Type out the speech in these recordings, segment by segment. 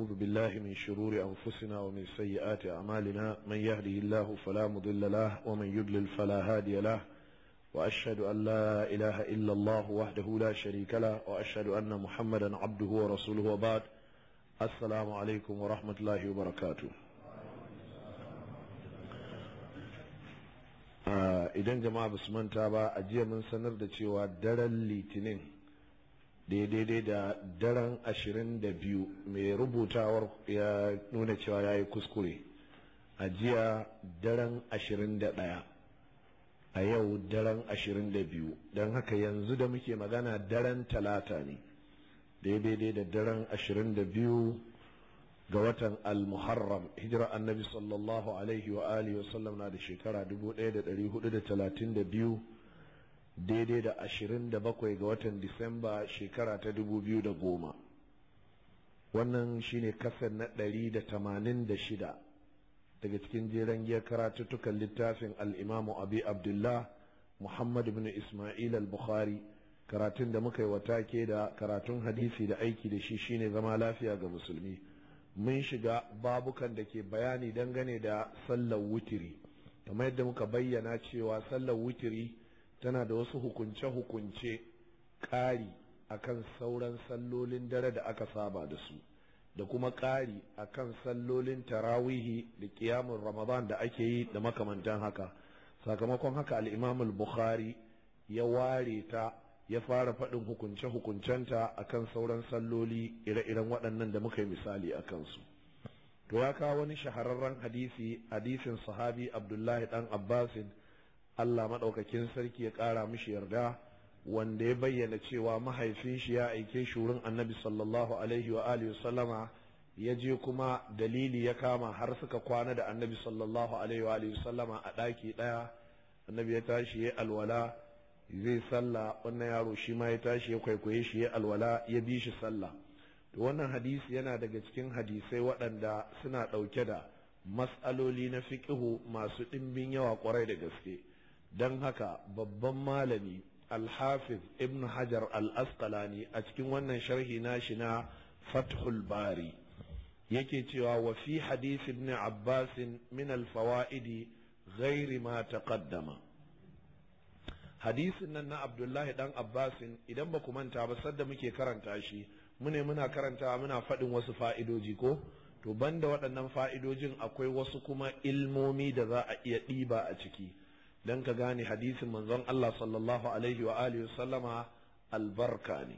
أعوذ بالله من شرور أنفسنا ومن سيئات أعمالنا من يهده الله فلا مضل له ومن يضلل فلا هادي له وأشهد أن لا إله إلا الله وحده لا شريك له وأشهد أن محمدا عبده ورسوله وبعد السلام عليكم ورحمة الله وبركاته idan jama'a basu manta ba a jiya mun sanar da cewa daren litinin daidai da daren ashirin da biyu mai rubutawar ya nuna cewa ya yi kuskure a jiya daren ashirin da ɗaya a yau daren ashirin da biyu don haka yanzu da muke magana daren talata ne daidai da daren ashirin da biyu ga watan al-muharram hijira annabi sallallahu alaihi wa alihi wasallam na da shekara 1432 daidai da ashirin da bakwai ga watan disamba shekara ta dubu biyu da goma wannan shine kasar na ɗari da tamanin da shida daga cikin jeren giyar karatuttukan littafin al'imamu abi abdullah muhammad bin ismail al-bukhari karatun da muka yi wata ke da karatun hadisi da aiki da shi shine zama lafiya ga musulmi mun shiga babukan da ke bayani dangane da sallar wutiri kamar yadda muka bayyana cewa sallar wutiri tana da wasu hukunce-hukunce ƙari kan sauran sallolin dare da aka saba da su da kuma ƙari kan sallolin tarawihi da ƙiyamun ramadan da ake yi da makamantan haka sakamakon haka al'imamul bukhari ya ware ta ya fara faɗin hukunce-hukuncenta a kan sauran salloli ire-iren waɗannan da muka yi misali a kansu to ya kawo wani shahararren hadisi hadisin sahabi abdullahi ɗan abbasin Allah maɗaukakin sarki ya ƙara mishi yarda wanda ya bayyana cewa mahaifin shi ya aike shurin annabi sallallahu alaihi wa alihi sallama ya je kuma dalili ya kama har suka kwana da annabi sallallahu alaihi wa alihi sallama a ɗaki ɗaya annabi ya tashi ya alwala zai sallah wannan yaro shi ma ya tashi ya kwaikwaye shi ya alwala ya bi shi sallah to wannan hadisi yana daga cikin hadisai waɗanda suna ɗauke da mas'aloli na fiƙihu masu ɗimbin yawa ƙwarai da gaske don haka babban malami alhafiz ibn hajar al-asqalani a cikin wannan sharhi nashi na fathul bari yake cewa wa fi hadith ibn abbas min al ghairi ma taqaddama hadisin nan na abdullahi dan abbasin idan ba ku manta ba sadda muke karanta shi mune muna karanta muna faɗin wasu fa'idoji ko to banda waɗannan fa'idojin akwai wasu kuma ilmomi da za a iya ɗiba a ciki dan ka gane hadisin manzon Allah sallallahu alaihi wa alihi sallama albarka ne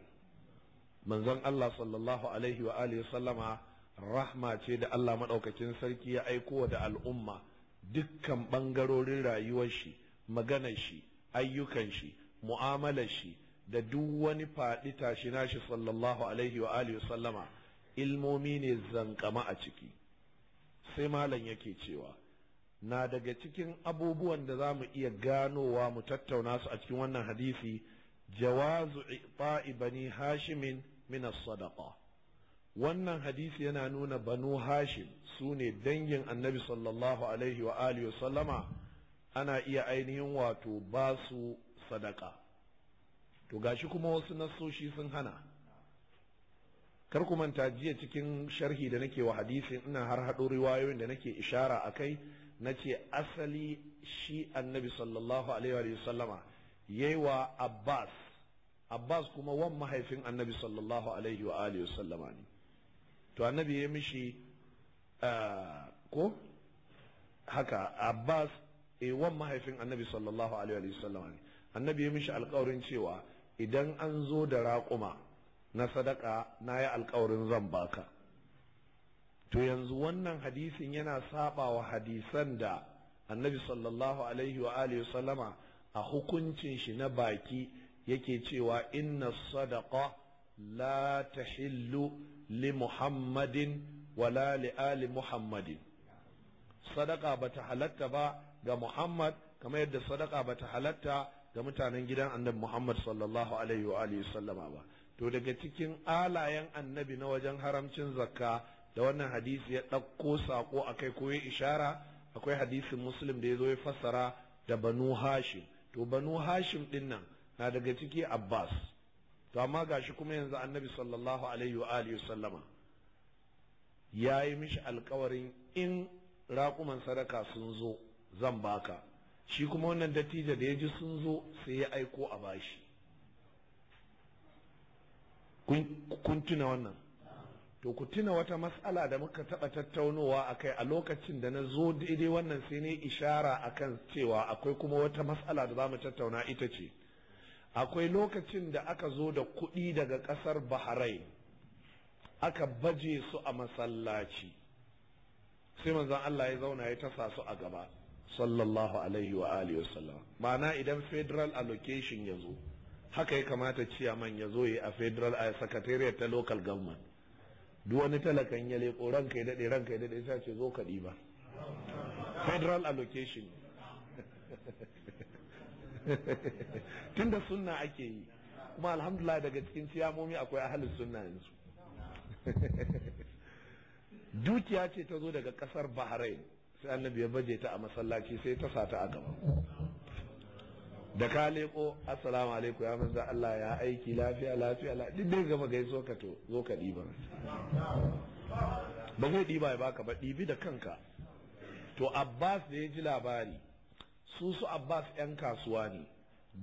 manzon Allah sallallahu alaihi wa alihi sallama rahma ce da Allah madaukakin sarki ya aiko da al'umma dukkan bangarorin rayuwar shi maganar shi ayyukan shi mu'amalar shi da duk wani faɗi tashi nashi sallallahu alaihi wa alihi sallama ilmomi ne zankama a ciki sai malam yake cewa na daga cikin abubuwan da za mu iya ganowa mu tattauna su a cikin wannan hadisi jawazu ifa'i bani hashimin min sadaqa wannan hadisi yana nuna banu hashim su ne dangin annabi sallallahu alaihi wa alihi sallama ana iya ainihin wato ba su sadaka to gashi kuma wasu nasoshi sun hana kar ku manta jiya cikin sharhi da nake wa hadisi ina har haɗo riwayoyin da nake ishara a kai na ce asali shi annabi sallallahu alaihi wa sallama yayi wa abbas abbas kuma wan mahaifin annabi sallallahu alaihi wa alihi sallama ne to annabi ya mishi ko haka abbas e wan mahaifin annabi sallallahu alaihi wa sallama ne annabi ya mishi alƙawarin cewa idan an zo da raƙuma na sadaka na yi alƙawarin zan baka to yanzu wannan hadisin yana saba wa hadisan da annabi sallallahu alaihi wa alihi sallama a hukuncin shi na baki yake cewa inna sadaqa la tahillu li muhammadin wala li ali muhammadin sadaka bata halatta ba ga muhammad kamar yadda sadaka bata halatta ga mutanen gidan annabi muhammad sallallahu alaihi wa alihi sallama ba to daga cikin alayen annabi na wajen haramcin zakka da wannan hadisi ya ɗauko saƙo a kai ko ya ishara akwai hadisin muslim da ya zo ya fassara da banu hashim to banu hashim ɗin nan na daga ciki abbas to amma shi kuma yanzu annabi sallallahu alaihi wa alihi sallama ya yi mishi alkawarin in raƙuman sadaka sun zo zan baka shi kuma wannan dattijo da ya ji sun zo sai ya aiko a bashi kun tuna wannan to ku tuna wata matsala da muka taɓa tattaunowa a kai a lokacin da na zo daidai wannan sai ne ishara akan cewa akwai kuma wata matsala da za mu tattauna ita ce akwai lokacin da aka zo da kuɗi daga ƙasar Bahrain aka baje su a masallaci sai manzon Allah ya zauna ya tasa su a gaba sallallahu alaihi wa alihi sallam ma'ana idan federal allocation ya zo haka ya kamata ciyaman ya zo ya a federal a secretariat ta local government duk wani talakan ya leko ranka ya daɗe ranka ya daɗe sai ce zo ka ɗiba federal allocation tunda sunna ake yi kuma alhamdulillah daga cikin siyamomi akwai ahalin sunna yanzu dukiya ce ta zo daga ƙasar bahrain sai annabi ya baje ta a masallaci sai ta sata a gaba da ka leko assalamu alaikum ya manzo Allah ya aiki lafiya lafiya duk dai gama gaiso ka to zo ka diba ba zai diba ya baka ba dibi da kanka to Abbas da ya ji labari su su Abbas yan kasuwa ne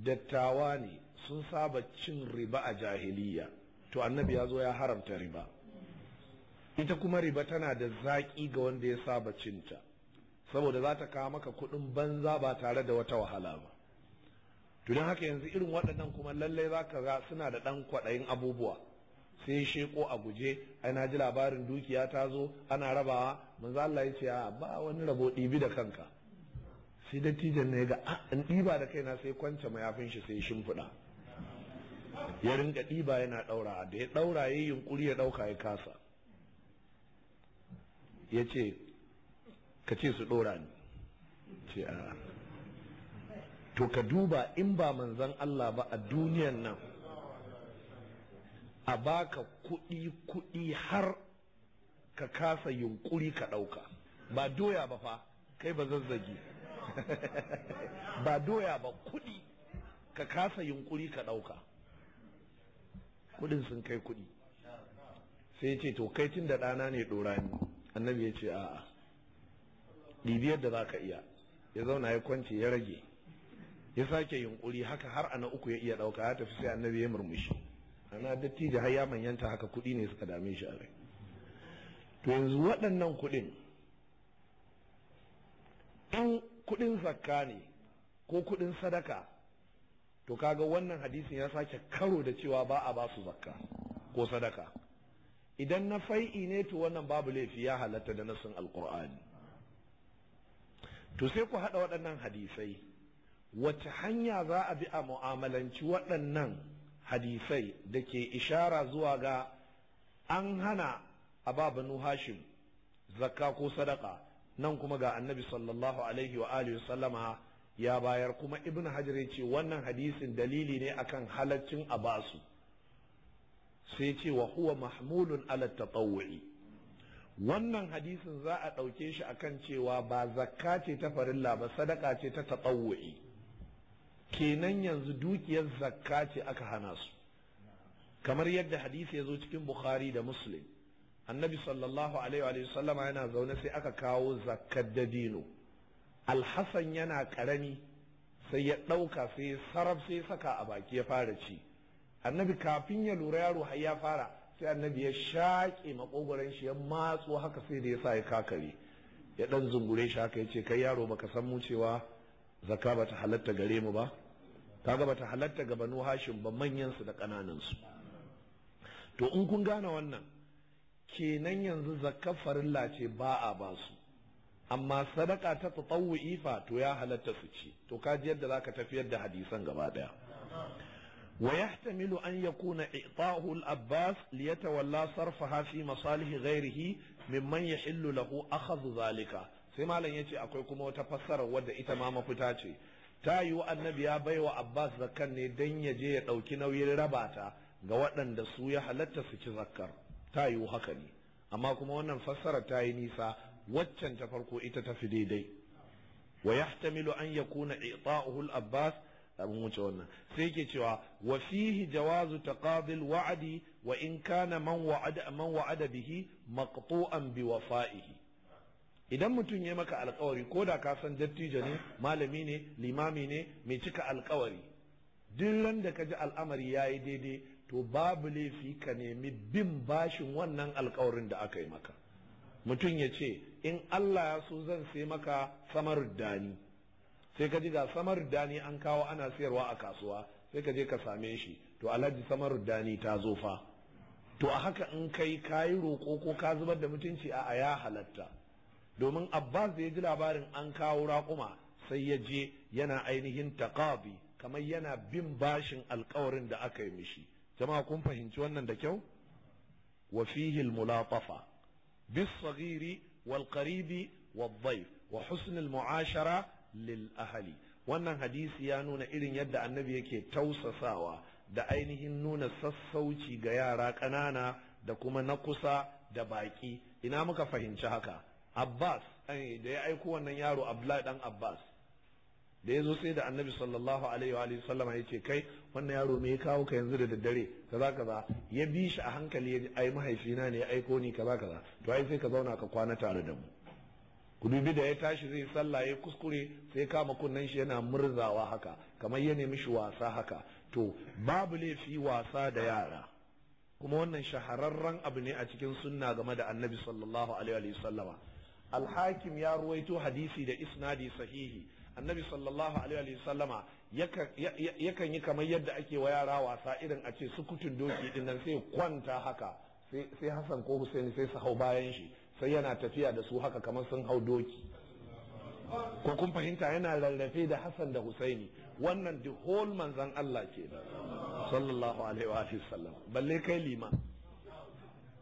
dattawa ne sun saba cin riba a jahiliya to annabi ya zo ya haramta riba ita kuma riba tana da zaƙi ga wanda ya saba cinta saboda za ta kawo maka kuɗin banza ba tare da wata wahala ba to don haka yanzu irin waɗannan kuma lallai za ka ga suna da ɗan kwaɗayin abubuwa sai sheko a guje ai na ji labarin dukiya ta zo ana rabawa manzo Allah ya ce a ba wani rabo ɗibi da kanka sai dattijan ne ga in ɗiba da kaina sai kwance mayafin shi sai shimfiɗa ya ringa ɗiba yana ɗaura da ya ɗaura ya yi yunƙuri ya ɗauka ya kasa ya ce ka ce su ɗora ni ce a to ka duba in ba manzan Allah ba a duniyan nan a baka kuɗi kuɗi har ka kasa yunkuri ka ɗauka ba doya ba fa kai ba zazzagi ba doya ba kuɗi ka kasa yunkuri ka ɗauka kuɗin sun kai kuɗi sai ce to kai tun da ɗana ne ɗora ni annabi ya ce a'a ɗibiyar da za ka iya ya zauna ya kwance ya rage ya sake yunkuri haka har ana uku ya iya dauka ya tafi sai annabi ya murmushi ana dattijo har ya manyanta haka kuɗi ne suka dame shi a rai to yanzu waɗannan kuɗin in kuɗin zakka ne ko kuɗin sadaka to kaga wannan hadisin ya sake karo da cewa ba a ba su zakka ko sadaka idan na fai'i ne to wannan babu laifi ya halatta da nasin alkur'ani to sai ku haɗa waɗannan hadisai wace hanya za a bi a mu'amalanci waɗannan hadisai da ke ishara zuwa ga an hana a ba banu hashim zakka ko sadaka nan kuma ga annabi sallallahu alaihi wa alihi sallama ya bayar kuma ibn hajar ya ce wannan hadisin dalili ne akan halaccin a basu sai ce wa huwa mahmulun ala tatawwi wannan hadisin za a ɗauke shi a kan cewa ba zakka ce ta farilla ba sadaka ce ta tatawwi kenan yanzu dukiyar zakka ce aka hana su kamar yadda hadisi ya zo cikin bukhari da muslim annabi sallallahu alaihi wa sallama yana zaune sai aka kawo zakkar dabino alhassan yana karami sai ya ɗauka sai ya sarraf sai saka a baki ya fara ci annabi kafin ya lura yaro har ya fara sai annabi ya shaƙe makogoran shi ya matso haka sai da ya sa ya kakare ya ɗan zungure shi haka ya ce kai yaro baka san mu cewa zaka bata halatta gare mu ba kaga bata halatta ga banu hashim ba manyan su da kananan su to in kun gane wannan kenan yanzu zakka farilla ce ba a ba su amma sadaka ta tatawu ifa to ya halatta su ci to kaji yadda zaka tafiyar da hadisan gaba daya wa yahtamilu an yakuna i'ta'u al-abbas liyatawalla sarfaha fi masalihi ghairihi mimman yahillu lahu akhadhu zalika sai malam yace akwai kuma wata fassara wadda ita ma mafita ce ta yi wa annabi ya bai wa abbas zakar ne don ya je ya ɗauki nauyin raba ta ga waɗanda su ya halatta su ci zakkar ta yi haka ne amma kuma wannan fassara ta yi nisa waccan ta farko ita ta fi daidai wa yahtamilu an yakuna i'ta'uhu al-abbas abin wuce wannan sai yake cewa wa fihi jawazu taqadil wa'adi, wa in kana man wa'ada man wa'ada bihi maqtu'an bi wafa'ihi idan mutum ya maka alkawari ko da ka san dattijo ne malami ne limami ne mai cika alkawari duk randa da ka ji al'amari ya yi daidai to babu laifi ka nemi bin bashin wannan alkawarin da aka yi maka mutum ya ce in Allah ya so zan sai maka samar dani sai ka ji ga samar dani an kawo ana sayarwa a kasuwa sai ka je ka same shi to alhaji samar dani ta zo fa to a haka in kai kayi roko ko ka zubar da mutunci a ya halatta domin abbas da ya ji labarin an kawo raƙuma sai ya je yana ainihin taqabi kamar yana bin bashin alkawarin da aka yi mishi jama'a kun fahimci wannan da kyau wa fihi almulatafa bis saghiri wal qaribi dhayf wa husn al mu'ashara lil ahli wannan hadisi ya nuna irin yadda annabi yake tausasawa da ainihin nuna sassauci ga yara ƙanana da kuma na kusa da baki ina muka fahimci haka abbas da ya aiko wannan yaro abdullahi dan abbas da ya zo sai da annabi sallallahu alaihi wa sallama ya ce kai wannan yaro me ya kawo ka yanzu da daddare kaza kaza ya bi shi a hankali ya ai mahaifina ne ya aiko ni kaza kaza to ai sai ka zauna ka kwana tare da mu ku dubi da ya tashi zai sallah ya kuskure sai kama kunnan shi yana murzawa haka kamar ya mishi wasa haka to babu laifi wasa da yara kuma wannan shahararren abu ne a cikin sunna game da annabi sallallahu alaihi wa sallama alhakim ya ruwaito hadisi da isnadi sahihi annabi sallallahu alaihi wa sallama yakan yi kamar yadda ake wa yara wasa irin a ce sukutun doki din nan sai kwanta haka sai Hassan ko Hussein sai su hau bayan shi sai yana tafiya da su haka kamar sun hau doki ko kun fahimta yana rarrafe da Hassan da Husaini wannan the whole manzan Allah ke sallallahu alaihi wa sallam balle kai lima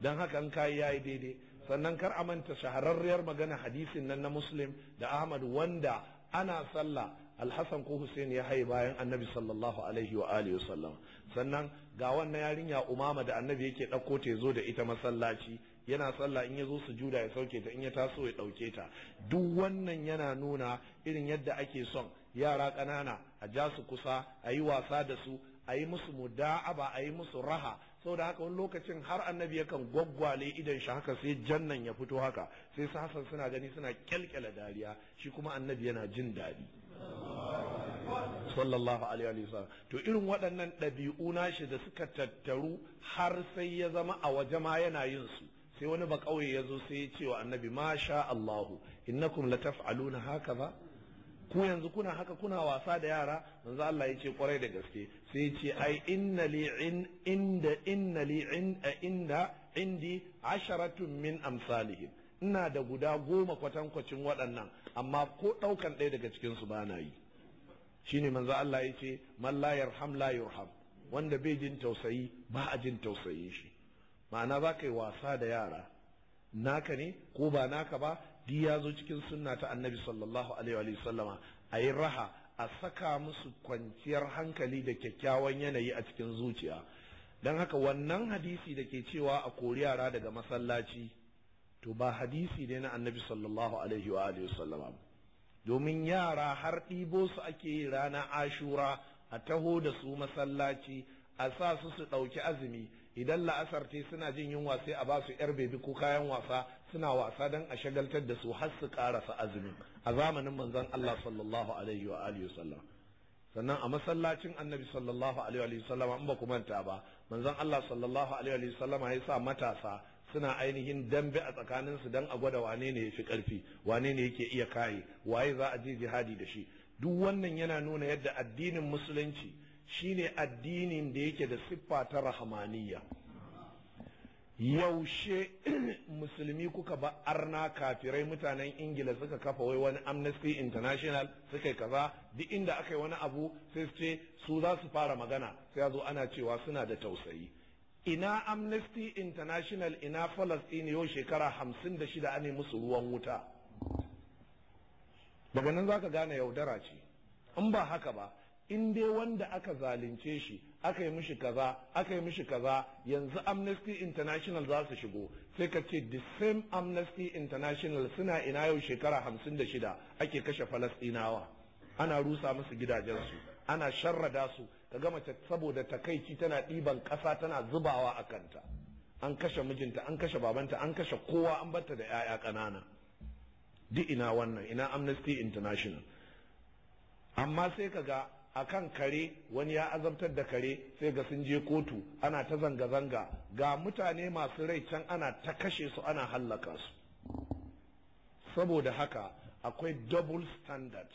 dan haka in kai yayi daidai sannan kar a manta shahararriyar magana hadisin nan na muslim da ahmad wanda ana sallah alhassan ko hussein ya haye bayan annabi sallallahu alaihi wa alihi sallam sannan ga wannan yarinya umama da annabi yake ɗauko ta zo da ita masallaci yana sallah in yazo zo juda ya sauke ta in ya taso ya ɗauke ta duk wannan yana nuna irin yadda ake son yara ƙanana a ja su kusa a yi wasa da su a yi musu muda'aba a yi musu raha da haka wani lokacin har annabi yakan gwaggwale idan shi haka sai jannan ya fito haka sai su Hassan suna gani suna kyalkyala dariya shi kuma annabi yana jin daɗi sallallahu alaihi wa sallam to irin waɗannan ɗabi'u shi da suka tattaru har sai ya zama a waje ma yana yin su sai wani ba kauye ya zo sai ya ce wa annabi ma sha Allahu innakum lataf'aluna hakaza ku yanzu kuna haka kuna wasa da yara manzo Allah ce kwarai da gaske sai ce ai inna li in inda inna li in a inda indi asharatun min amsalihim ina da guda goma kwatankwacin waɗannan amma ko ɗaukan ɗaya daga cikin su ba na yi shine manzo Allah yace man la yarham la yurham wanda bai jin tausayi ba a jin tausayin shi ma'ana za ka wasa da yara naka ne ko ba naka ba duk ya zo cikin sunna ta annabi sallallahu alaihi wa sallama a yi raha a saka musu kwanciyar hankali da kyakkyawan yanayi a cikin zuciya don haka wannan hadisi da ke cewa a kori yara daga masallaci to ba hadisi ne na annabi sallallahu alaihi wa sallama domin yara har ɗibo su ake yi rana ashura a taho da su masallaci a sa su su ɗauki azumi idan la'asar ce suna jin yunwa sai a ba su yar bebi ko kayan wasa suna wasa dan a shagaltar da su har su karasa azumin a zamanin manzon Allah sallallahu alaihi wa alihi wasallam sannan a masallacin annabi sallallahu alaihi wa sallama in ba ku manta ba manzon Allah sallallahu alaihi wa sallama ya sa matasa suna ainihin dambe a tsakanin su dan a gwada wane ne fi karfi wane ne yake iya kai waye za a je jihadi da shi duk wannan yana nuna yadda addinin musulunci shine addinin da yake da siffa ta rahmaniyya yaushe musulmi kuka ba arna kafirai mutanen ingila suka kafa wai wani amnesty international suka kaza duk inda aka yi wani abu sai su ce su za su fara magana sai ya zo ana cewa suna da tausayi ina amnesty international ina falastini yau shekara hamsin da shida ne musu ruwan wuta daga nan za ka gane yaudara ce in ba haka ba in dai wanda aka zalunce shi aka yi mishi kaza aka yi mishi kaza yanzu amnesty international za su shigo sai ka ce the same amnesty international suna ina yau shekara hamsin da shida ake kashe falastinawa ana rusa musu gidajensu ana sharrada su ka gama saboda takaici tana ɗiban ƙasa tana zubawa a kanta an kashe mijinta an kashe babanta an kashe kowa an batta da 'ya'ya ƙanana duk ina wannan ina amnesty international amma sai ka ga akan kare wani ya azabtar da kare sai ga sun je kotu ana ta zanga-zanga ga mutane masu rai can ana ta kashe su ana hallaka su saboda haka akwai double standards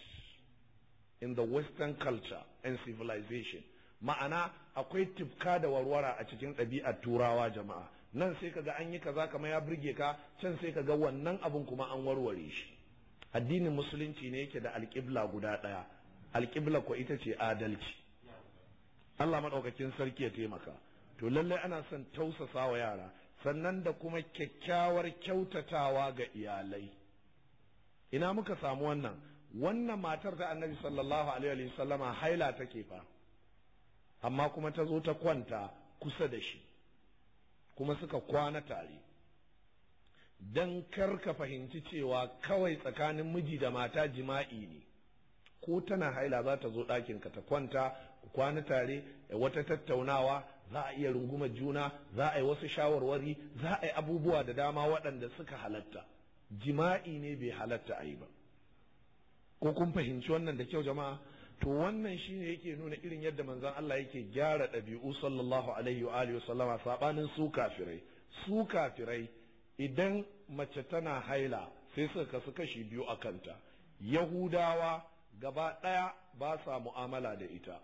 in the western culture and civilization ma'ana akwai tifka da warwara a cikin ɗabi'ar turawa jama'a nan sai kaga an yi kaza kama ya burge ka can sai kaga wannan abin kuma an warware shi addinin musulunci ne yake da alƙibla guda ɗaya alƙibla ko ita ce adalci Allah maɗaukakin sarki ya taimaka to lallai ana son tausasa wa yara sannan da kuma kyakkyawar kyautatawa ga iyalai ina muka samu wannan wannan matar da annabi sallallahu alaihi wa sallama haila take fa amma kuma ta zo ta kwanta kusa da shi kuma suka kwana tare dan kar ka fahimci cewa kawai tsakanin miji da mata jima'i ne ko tana haila za ta zo ɗakin ka ta kwanta kwana tare eh, wata tattaunawa za a iya runguma juna za a yi wasu shawarwari za a yi abubuwa da dama waɗanda suka halatta jima'i ne bai halatta a yi ba ko kun fahimci wannan da kyau jama'a to wannan shine yake nuna irin yadda manzon Allah yake gyara ɗabi'u sallallahu alaihi wa alihi sallama sabanin su kafirai su kafirai idan mace tana haila sai suka kasu kashi biyu a kanta yahudawa gaba ɗaya ba sa mu'amala da ita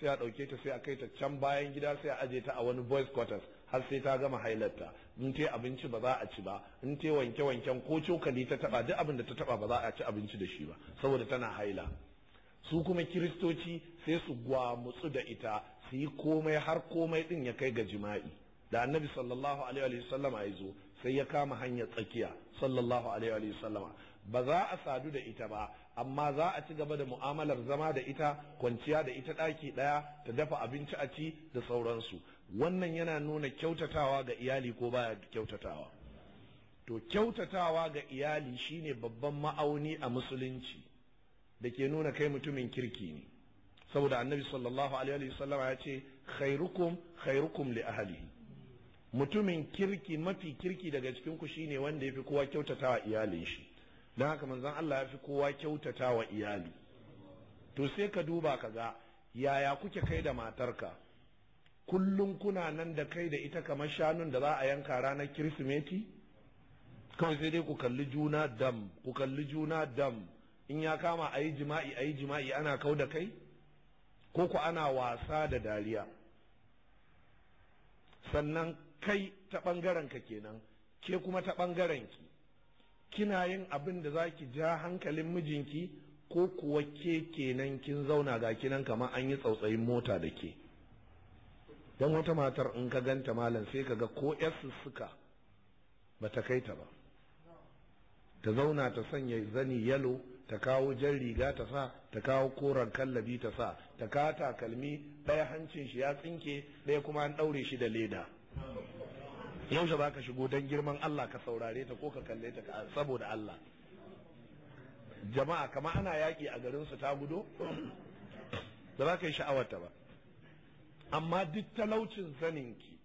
sai a ɗauke ta sai a kai ta can bayan gida sai a aje ta a wani boys quarters har sai ta gama hailarta in te abinci ba za a ci ba in te wanke wanken ko cokali ta taba duk abin da ta taba ba za a ci abinci da shi ba saboda tana haila su kuma kiristoci sai su gwamutsu da ita su yi komai har komai din ya kai ga jima'i da annabi sallallahu alaihi wa sallama ya zo sai ya kama hanyar tsakiya sallallahu alaihi wa sallama ba za a sadu da ita ba amma za a ci gaba da mu'amalar zama da ita kwanciya da ita ɗaki ɗaya ta dafa abinci a ci da sauransu wannan yana nuna kyautatawa ga iyali ko baya kyautatawa to kyautatawa ga iyali shine babban ma'auni a musulunci da ke nuna kai mutumin kirki ne saboda annabi sallallahu alaihi wasallam ya ce khairukum khairukum li ahlihi mutumin kirki mafi kirki daga cikin ku shine wanda yafi kowa kyautatawa iyalin shi don haka manzon Allah ya fi kowa kyautata wa iyali to sai ka duba ka ga, yaya kuke kai da matarka kullum kuna nan da kai da ita kamar shanun da za a yanka ranar kirsimeti kawai sai dai ku kalli juna dam ku kalli juna dam in ya kama a yi jima'i a yi jima'i ana kau da kai ko ku ana wasa da dariya sannan kai ta ɓangaren ka kenan ke kuma ta ɓangaren ki kina yin abin da zaki ja hankalin mijinki ko kuwa ke kenan kin zauna ga kinan kamar an yi tsautsayin mota da ke don wata matar in ka ganta malam sai ka ga ko suka ba ta kai ta ba ta zauna ta sanya zani yalo ta kawo jan riga ta sa ta kawo koren kallabi ta sa ta kawo takalmi ɗaya hancin shi ya tsinke ɗaya kuma an ɗaure shi da leda yaushe za ka shigo don girman Allah ka saurare ta ko ka kalle ta saboda Allah jama'a kama ana yaƙi a garin su ta gudo da za ka yi sha'awarta ba amma duk talaucin zaninki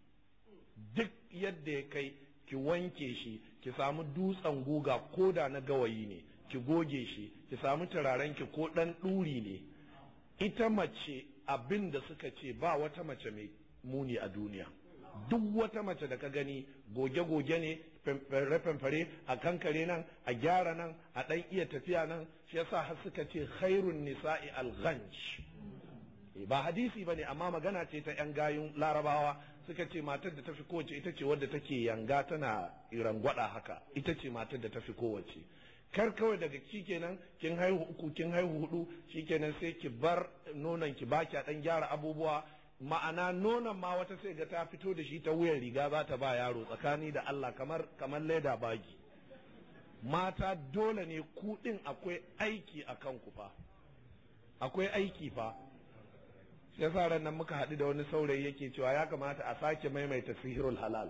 duk yadda ya kai ki wanke shi ki samu dutsen guga ko da na gawayi ne ki goge shi ki samu turaren ki ko ɗan ɗuri ne ita mace abin da suka ce ba wata mace mai muni a duniya duk wata mace da ka gani goge-goge ne fare a kankare nan a gyara nan a ɗan iya tafiya nan shi yasa har suka ce khairun nisa'i al al-ghanj eh, ba hadisi bane amma magana ce ta yan gayun larabawa suka ce matar da tafi kowace ita ce wadda take yanga tana gwada haka ita ce matar da tafi kowace kar kawai daga shikenan kin haihu uku kin haihu hudu shikenan sai ki bar nonon ki baki a dan gyara abubuwa ma'ana nonon ma wata sai ga ta fito da shi ta wuyan riga za ta ba yaro tsakani da Allah kamar kamar leda bagi mata dole ne kuɗin akwai aiki a kanku fa akwai aiki fa sai sa nan muka haɗu da wani saurayi yake cewa ya kamata a sake maimaita sihirul halal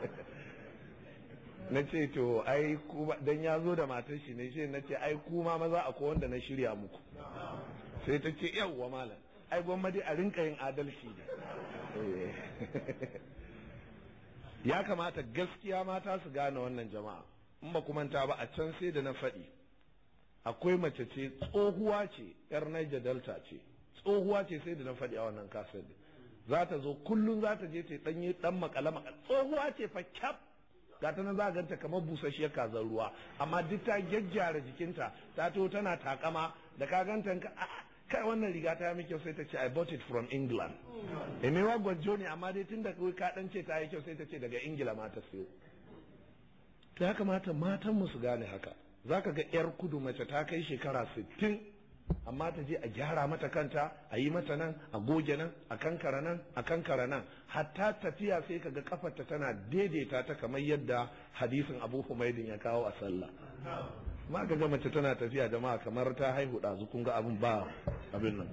na ce to ai dan ya zo da matar shi ne shi na ce ai kuma maza akwai wanda na shirya muku sai ta ce wa malam ai dai a rinka yin adalci ne eh. ya kamata gaskiya mata su gane wannan jama'a in ba manta ba a can sai da na faɗi akwai mace ce tsohuwa ce yar Niger Delta ce tsohuwa ce sai da na faɗi a wannan kasar za ta zo kullum za ta je ta ɗanye ɗan makala makala tsohuwa ce fa kyaf ga ta nan za ganta kamar busasshiyar kazan ruwa amma duk ta gyaggyara jikinta ta to tana takama da ka ganta ka kai wannan riga ta yi kyau sai ta ce I bought it from England e me wa ne amma dai tun da ka dan ce ta yi kyau sai ta ce daga Ingila ma ta siyo to ya kamata matan mu su gane haka zaka ga yar kudu mace ta kai shekara sittin amma ta je a gyara mata kanta a yi mata nan a goge nan a kankara nan a kankara nan hatta tafiya sai kaga kafarta tana daidaita ta kamar yadda hadisin abu humaidin ya kawo a sallah ma ka ga mace tana tafiya jama'a kamar ta haihu ɗazu kun ga abin ba abin nan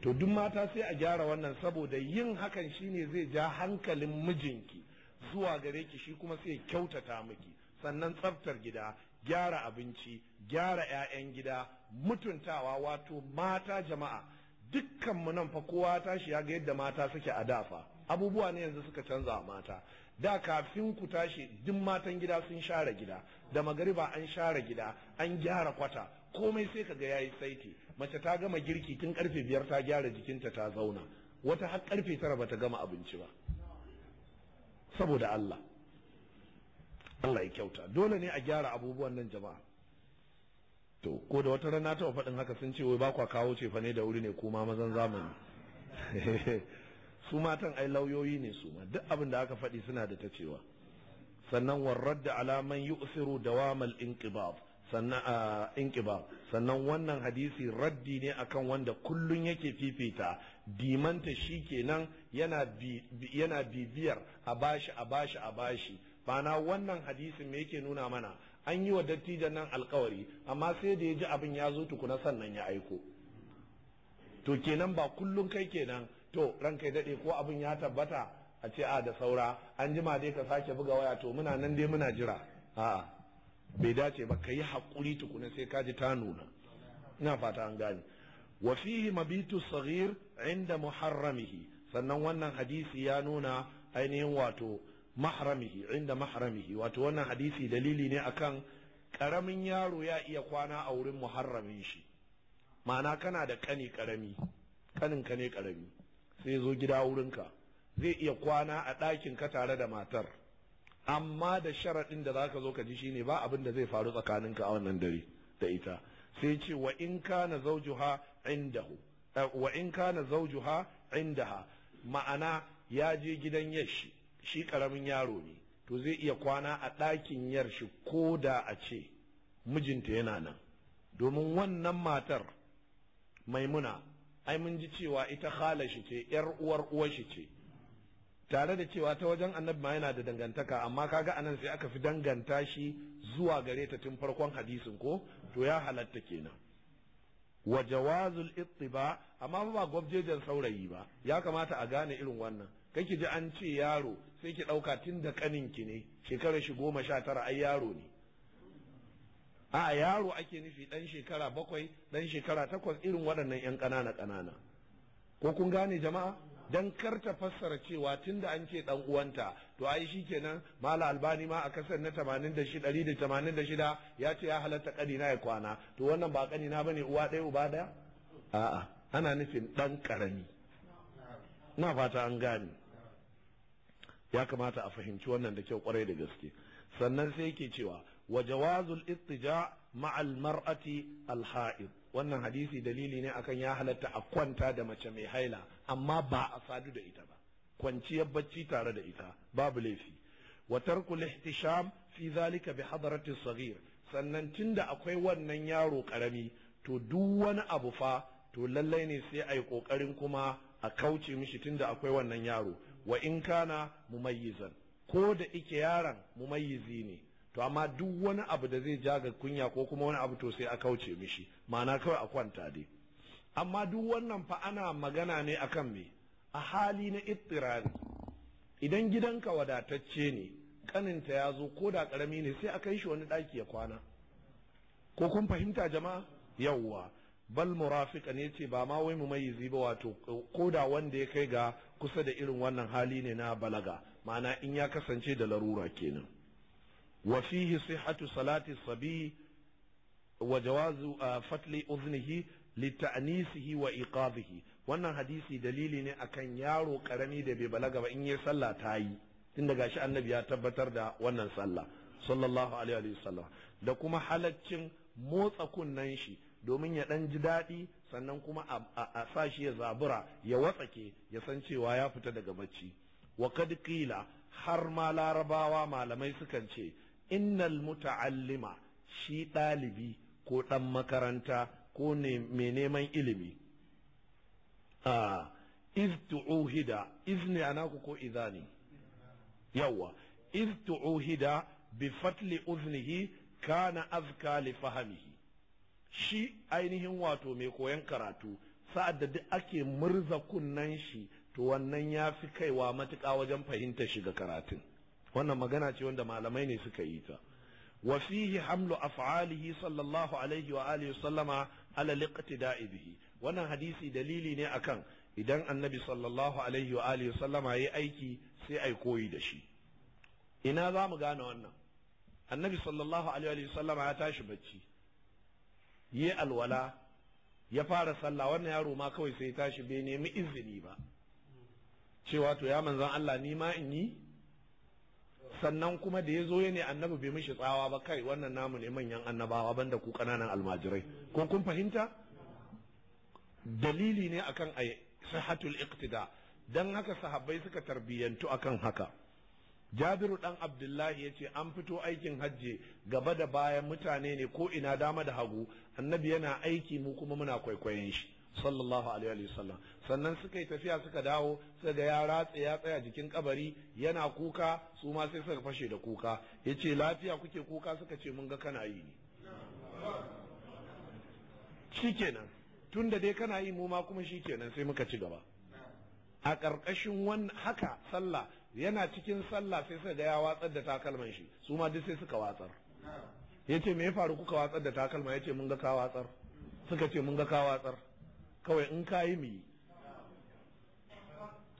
to duk mata sai a gyara wannan saboda yin hakan shine zai ja hankalin mijinki zuwa gare ki shi kuma sai kyautata miki sannan tsaftar gida gyara abinci gyara 'ya'yan gida mutuntawa wato mata jama'a dukkan mu nan fa kowa tashi ya ga yadda mata suke a dafa abubuwa ne yanzu suka canza mata da kafin ku tashi duk matan gida sun share gida da magariba an share gida an gyara kwata komai sai ka kaga yayi saiti mace ta gama girki tun karfe biyar ta gyara jikinta ta zauna wata har karfe tara bata gama abinci ba saboda Allah Allah ya kyauta dole ne a gyara abubuwan nan jama'a to ko da wata rana ta faɗin haka sun ce wai ba kwa kawo ce fa ne da wuri ne kuma mazan zamani su matan ai lauyoyi ne su ma duk abin da aka faɗi suna da ta cewa sannan warrar da alaman yi usiru dawamal inqibab sannan inqibab sannan wannan hadisi raddi ne akan wanda kullun yake fifita dimanta shi kenan yana yana bibiyar a bashi a bashi a bashi bana wannan hadisin me yake nuna mana an yi wa dattijan nan alkawari amma sai da ya ji abin ya zo tukuna sannan ya aiko to kenan ba kullun kai kenan to ranka ya daɗe ko abin ya tabbata a ce a da saura an jima dai ka sake buga waya to muna nan dai muna jira a bai dace ba ka yi haƙuri tukuna sai ka ji ta nuna ina fata an gane wa fihi mabitu saghir inda muharramihi sannan wannan hadisi ya nuna ainihin wato mahramihi inda mahramihi wato wannan hadisi dalili ne akan karamin yaro ya iya kwana a wurin muharramin shi ma'ana kana da kani karami kanin ka ne karami sai zo gida wurinka zai iya kwana a ɗakin ka tare da matar amma da sharaɗin da za ka zo ka ji shine ba abin da zai faru tsakaninka a wannan dare da ita sai ce wa in kana zawjuha indahu eh, wa in kana zawjuha indaha ma'ana ya je gidan yashi shi karamin yaro ne to zai iya kwana a ɗakin yarshi, ko da a ce mijinta yana nan domin wannan matar maimuna ai mun ji cewa ita khala shi ce yar uwar uwar shi ce tare da cewa ta wajen annabi ma yana da dangantaka amma kaga anan sai aka fi danganta shi zuwa gare ta tun farkon hadisin ko to ya halatta kenan wa jawazul ittiba amma ba gwabjejen saurayi ba ya kamata a gane irin wannan kake ji an ce yaro sai ki dauka tun da kaninki ne shekarar shi goma sha tara ai yaro ne a yaro ake nufi ɗan shekara bakwai ɗan shekara takwas irin waɗannan yan ƙanana ƙanana ko kun gane jama'a dan kar ta fassara cewa tunda an ce dan uwanta to ai shikenan mala albani ma a kasar na 86 shida ya ce ya halatta kanina ya kwana to wannan ba kanina bane uwa ɗaya uba ɗaya a'a ana nufin dan karami na fata an gane ya kamata a fahimci wannan da kyau kwarai da gaske sannan sai yake cewa wa jawazul ittija ma'al mar'ati wannan hadisi dalili ne akan ya halatta a kwanta da mace mai haila amma ba a sadu da ita ba kwanciyar bacci tare da ita babu laifi wa tarkul ihtisham fi zalika bi hadarati saghir sannan tunda akwai wannan yaro karami to duk wani abu fa to lallai ne sai ai kokarin kuma a kauce mishi tunda akwai wannan yaro wa in kana mumayyizan ko da ike yaron mumayyizi ne to amma duk wani abu da zai ja ga kunya ko kuma wani abu to sai a kauce mishi ma'ana kawai a kwanta dai amma duk wannan fa ana magana ne akan me a hali na ittirari idan gidanka wadatacce ne kaninta ya zo ko da karami ne sai a kai shi wani daki ya kwana ko kun fahimta jama'a yawwa bal murafika ne ce ba ma wai mu mayizi ba wato ko da wanda ya kai ga kusa da irin wannan hali ne na balaga ma'ana in ya kasance da larura kenan Wafihi fihi sihhatu salati sabi wa jawazu uh, fatli uznihi lita'nisihi wa iqadhihi wannan hadisi dalili ne akan yaro ƙarami da bai balaga ba in yi sallah ta yi tunda gashi annabi ya tabbatar da wannan sallah sallallahu alaihi wasallam da kuma halaccin motsa kunnen shi domin ya dan ji daɗi sannan kuma a sa shi ya zabura ya watsake ya san cewa ya fita daga bacci wa kad har ma larabawa malamai sukan ce innal muta'allima shi ɗalibi ko ɗan makaranta ko mai neman ilimi a ah, iz tu'uhida izni anaku ko idani yawa iz bi fatli uznihi kana azka li fahamihi shi ainihin wato mai koyan karatu sa'ad da duk ake murza kunnan shi to wannan ya fi kaiwa matuƙa wajen fahimtar shiga karatun wannan magana ce wanda malamai ne suka yi ta wa fihi hamlu af'alihi sallallahu alaihi wa alihi sallama ala liqtida'i bihi wannan hadisi dalili ne akan idan annabi sallallahu alaihi wa alihi sallama yayi aiki sai ai koyi da shi ina za mu gane wannan annabi sallallahu alaihi wa sallama ya tashi bacci yi alwala ya fara sallah wannan yaro ma kawai sai ya tashi bai nemi izini ba cewa to ya manzon Allah ni ma in yi sannan kuma da ya zo ya ne annabi bai mishi tsawa ba kai wannan namu ne manyan annabawa banda ku kananan almajirai ko kun fahimta dalili ne akan ay sahatul iqtida dan haka sahabbai suka tarbiyantu akan haka Jabiru dan Abdullahi ya ce an fito aikin hajji gaba da bayan mutane ne ko ina dama da hagu annabi yana aiki mu kuma muna kwaikwayon shi sallallahu alaihi wa sallam sannan suka yi tafiya suka dawo sai ga ya ratse ya tsaya jikin kabari yana kuka su ma sai suka fashe da kuka yace lafiya kuke kuka suka ce mun ga kana yi ne shikenan tunda dai kana yi mu ma kuma shikenan sai muka ci gaba a ƙarƙashin wani haka sallah yana cikin sallah sai suka ga ya watsar da takalman shi su ma duk sai suka watsar yace me ya faru kuka watsar da takalma yace mun ga ka watsar suka ce mun ga ka watsar kawai in kayi yi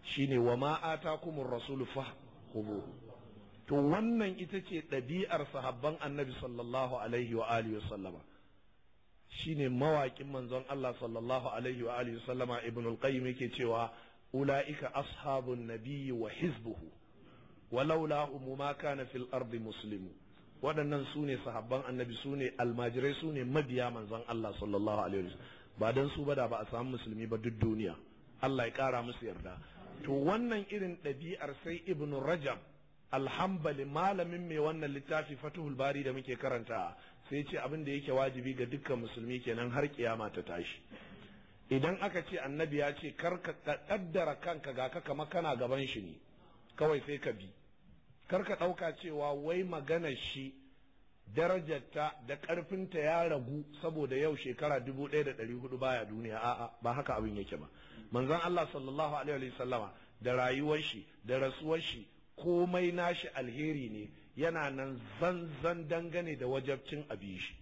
Shi ne wa ma kuma rasulu fakhudhu to wannan ita ce ɗabi'ar sahabban annabi sallallahu alaihi wa alihi wa sallama shine mawaƙin manzon Allah sallallahu alaihi wa alihi wa sallama ibn al-qayyim yake cewa ulaika ashabun nabiyyi wa hizbuhu walaula hum ma kana fil ardi muslimu waɗannan su ne sahabban annabi su ne almajirai su ne mabiya manzon Allah sallallahu alaihi wa sallam ba don su ba da ba a samu musulmi ba duk duniya Allah ya kara musu yarda to wannan irin ɗabi'ar sai ibn rajab alhambali malamin mai wannan littafi fatuhul bari da muke karanta sai ce abin da yake wajibi ga dukkan musulmi kenan har kiyama ta tashi idan aka ce annabi ya ce kar ka kaddara kanka ga ka kama kana gaban shi ne kawai sai ka bi kar ka ɗauka cewa wai maganar shi darajarta da ƙarfinta ya ragu saboda yau shekara dubu ɗaya da ɗari hudu baya duniya a'a ba haka abin yake ba manzon Allah sallallahu alaihi wasallama da rayuwar shi da rasuwar shi komai nashi alheri ne yana nan zanzan dangane da wajabcin abin shi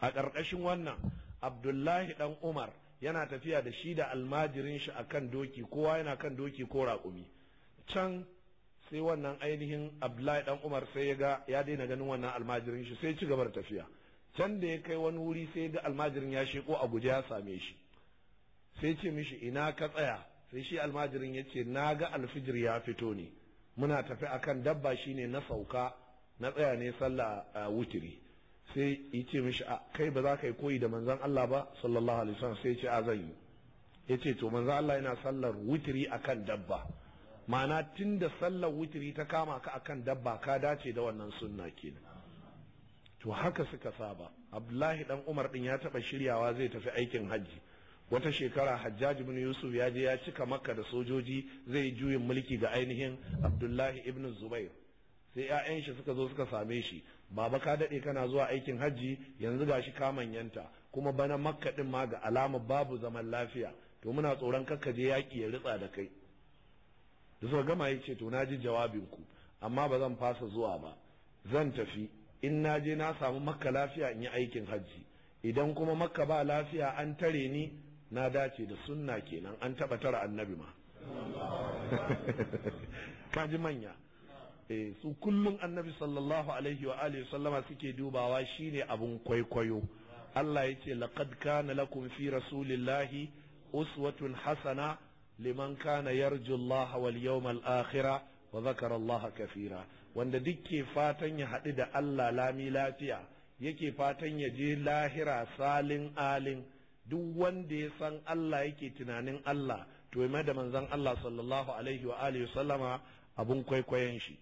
a ƙarƙashin wannan Abdullahi dan Umar yana tafiya da shi da almajirin shi akan doki kowa yana kan doki ko raƙumi can sai wannan ainihin Abdullahi dan Umar sai ya ga ya daina ganin wannan almajirin shi sai ci gaba da tafiya can da ya kai wani wuri sai ga almajirin ya sheko a guje ya same shi sai ce mishi ina ka tsaya sai shi almajirin ya ce na ga alfijir ya fito ne muna tafi akan dabba shi ne na sauka na tsaya ne sallah a wutiri sai ya ce mishi kai ba za ka yi koyi da manzon Allah ba sallallahu alaihi wasallam sai ya ce a zan yi ya ce to manzon Allah yana sallar wutiri akan dabba ma'ana tun da sallar wutiri ta kama ka a kan dabba ka dace da wannan sunna kenan to haka suka saba abdullahi dan umar din ya taba shiryawa zai tafi aikin hajji wata shekara hajjaji ibn yusuf ya je ya cika makka da sojoji zai yi juyin mulki ga ainihin abdullahi ibn zubair sai 'ya'yan shi suka zo suka same shi baba ka daɗe kana zuwa aikin hajji yanzu ga shi ka manyanta kuma bana makka din ma ga alamar babu zaman lafiya to muna tsoron kakka je yaƙi ya ritsa da kai da suka gama ya ce to na ji jawabinku amma ba zan fasa zuwa ba zan tafi in na je na samu makka lafiya in yi aikin hajji idan kuma makka ba lafiya an tare ni na dace da sunna kenan an taɓa tara annabi ma kaji manya eh su kullum annabi sallallahu alaihi wa alihi sallama suke dubawa shine abun kwaikwayo Allah ya ce laqad kana lakum fi rasulillahi uswatun hasana liman kana yarju Allah wal yawmal wa zakara Allah kafira wanda dukke fatan ya haɗu da Allah lami lafiya yake fatan ya je lahira salin alin duk wanda ya san Allah yake tunanin Allah to mai da manzon Allah sallallahu alaihi wa alihi sallama abun kwaikwayon shi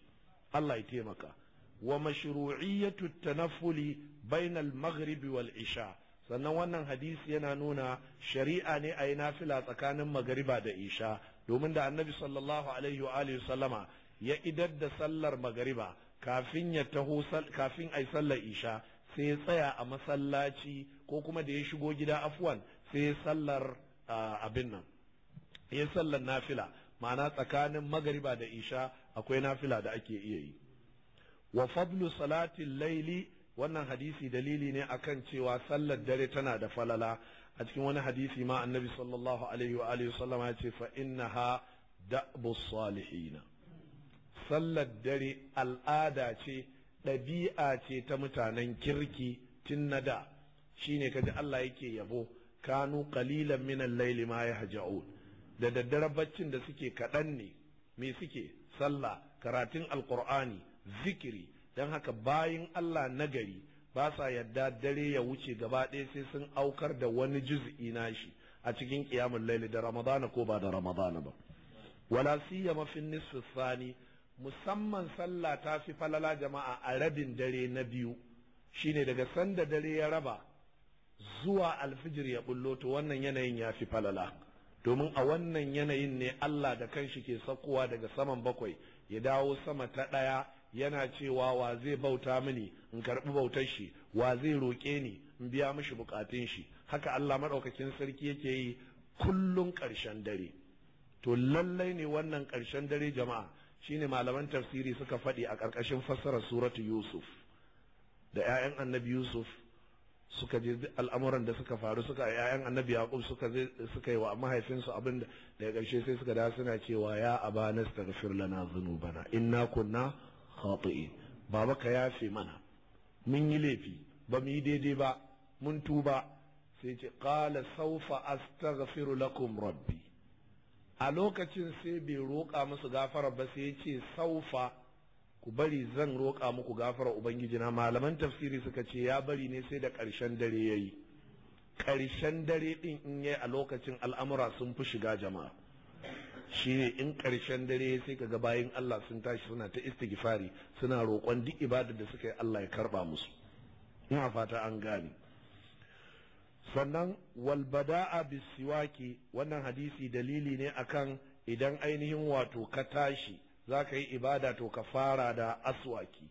Allah ya taimaka wa mashru'iyyatu tanaffuli bainal maghribi wal isha sannan wannan hadisi yana nuna shari'a ne a yi nafila tsakanin magariba da isha domin da annabi sallallahu alaihi wa alihi sallama ya idar da sallar magariba kafin ya taho kafin ai sallar isha sai ya tsaya a masallaci ko kuma da ya shigo gida afwan sai ya sallar abin nan ya sallar nafila ma'ana tsakanin magariba da isha akwai nafila da ake iya yi wa fadlu salatin laili wannan hadisi dalili ne akan cewa sallar dare tana da falala a cikin wani hadisi ma annabi sallallahu alaihi wa alihi sallama ya ce fa innaha da'bu salihina sallar dare al'ada ce ɗabi'a ce ta mutanen kirki tun na da shine kaji Allah yake yabo kanu qalilan min al-layli ma yahja'un da daddare baccin da suke kaɗan ne me suke sallah karatun alqur'ani zikiri don haka bayan Allah nagari ba sa yadda dare ya wuce gaba ɗaya sai sun aukar da wani juz'i shi a cikin kiyamun laili da ramadana ko ba da ramadana ba wala siya mafin nisfi sani musamman sallah ta fi falala jama'a a rabin dare na biyu shine daga sanda dare ya raba zuwa alfijir ya bullo to wannan yanayin ya fi falala domin a wannan yanayin ne Allah da kanshi ke sakowa daga saman bakwai ya dawo sama ta ɗaya yana cewa wa zai bauta mini in karɓi bautar shi wa zai roƙe ni in biya mishi buƙatun shi haka Allah maɗaukakin sarki yake yi kullum ƙarshen dare to lallai ne wannan ƙarshen dare jama'a shine malaman tafsiri suka faɗi a ƙarƙashin fassarar suratu Yusuf da 'ya'yan annabi Yusuf suka je al'amuran da suka faru suka yayan annabi yaqub suka suka yi wa mahaifinsu abin da daga ƙarshe sai suka da suna cewa ya abana astaghfir lana dhunubana inna kunna khati'i baba ka yafe mana mun yi laifi ba mu yi daidai ba mun tuba sai ce qala sawfa astaghfiru lakum rabbi a lokacin sai bai roƙa musu gafara ba sai ce saufa ku bari zan roƙa muku gafara na malaman tafsiri suka ce ya bari ne sai da ƙarshen dare yayi ƙarshen dare ɗin in yayi a lokacin al'amura sun fi shiga jama'a shine in ƙarshen dare sai ka ga bayan Allah sun tashi suna ta istighfari suna roƙon duk ibadar da suka yi Allah ya karɓa musu ina fata an gane sannan walbada'a bisiwaki wannan hadisi dalili ne akan idan ainihin wato ka tashi za ka yi ibada to ka fara da aswaki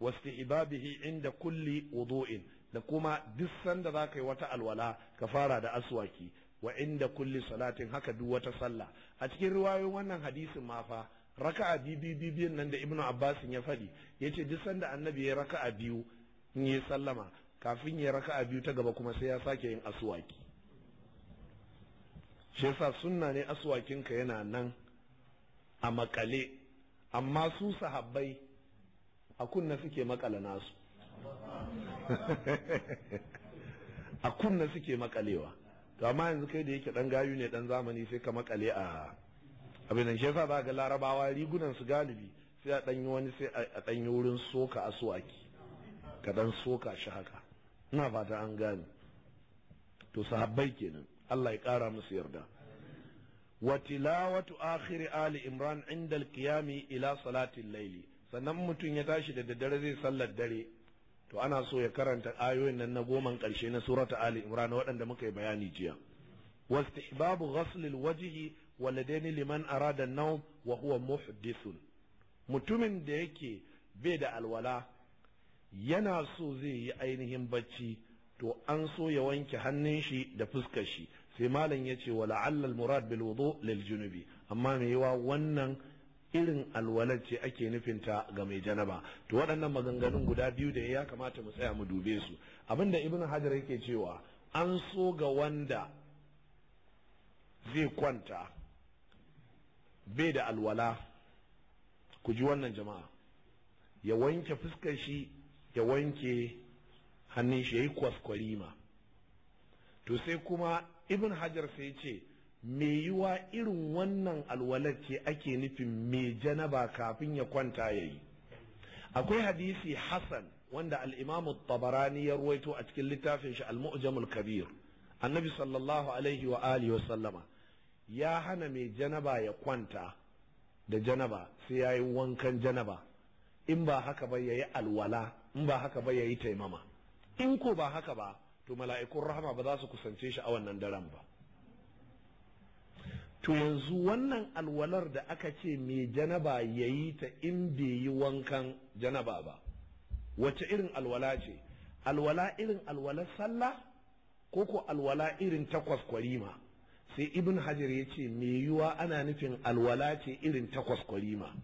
ibabihi inda kulli wudu'in da kuma duk sanda za ka yi wata alwala ka fara da aswaki wa inda kulli salatin haka duk wata sallah a cikin riwayoyin wannan hadisin ma fa raka'a biyu nan da ibnu abbas ya faɗi yace duk sanda annabi ya raka'a biyu in yi sallama kafin ya raka'a biyu ta gaba kuma sai ya sake yin aswaki shi yasa sunna ne aswakinka yana nan a makale amma su sahabbai a kunna suke makala nasu a kunna suke makalewa to amma yanzu kai da yake dan gayu ne dan zamani sai ka makale a abin nan shefa ba ga larabawa rigunan su galibi sai a danyi wani sai a danyi wurin soka asuwaki ka dan soka shi haka ina fata an gane to sahabbai kenan Allah ya kara musu yarda wa tilawatu akhir ali imran inda alqiyami ila salati al-layli sannan mutum ya tashi da daddare zai sallar dare to ana so ya karanta ayoyin nan na goman ƙarshe na surata ali imran waɗanda muka yi bayani jiya واستحباب غسل الوجه waladaini liman أراد النوم وهو محدث mutumin da yake bai da alwala yana so zai yi ainihin bacci to an so ya wanke hannun shi da fuskar shi sai malam ya ce wa la'allal murad bil wudu lil junubi amma me yawa wannan irin alwalar ce ake nufinta ga mai janaba to waɗannan maganganun guda biyu da ya kamata mu tsaya mu dube su da ibn hajar yake cewa an so ga wanda zai kwanta bai da alwala ku ji wannan jama'a ya wanke fuskar shi ya wanke hannun shi ya yi kwaskwarima to sai kuma ibn hajar sai ce me yiwa irin wannan alwalar ce ake nufin me janaba kafin ya kwanta ya yi akwai hadisi Hassan, wanda al'imamu tabarani ya ruwaito a cikin littafin shi al kabir annabi sallallahu alaihi wa alihi wa sallama ya hana mai janaba ya kwanta da janaba sai ya yi wankan janaba in ba haka ba ya yi alwala in ba haka ba ya yi taimama in ko ba haka ba to mala'ikun rahama ba za su kusance shi a wannan daren ba to yanzu wannan alwalar da aka ce mai janaba ya yi ta in bai yi wankan janaba ba wace irin alwala ce alwala irin alwalar sallah ko ko alwala irin takwas kwarima sai ibn hajar ya ce mai yiwuwa ana nufin alwala ce irin takwas kwarima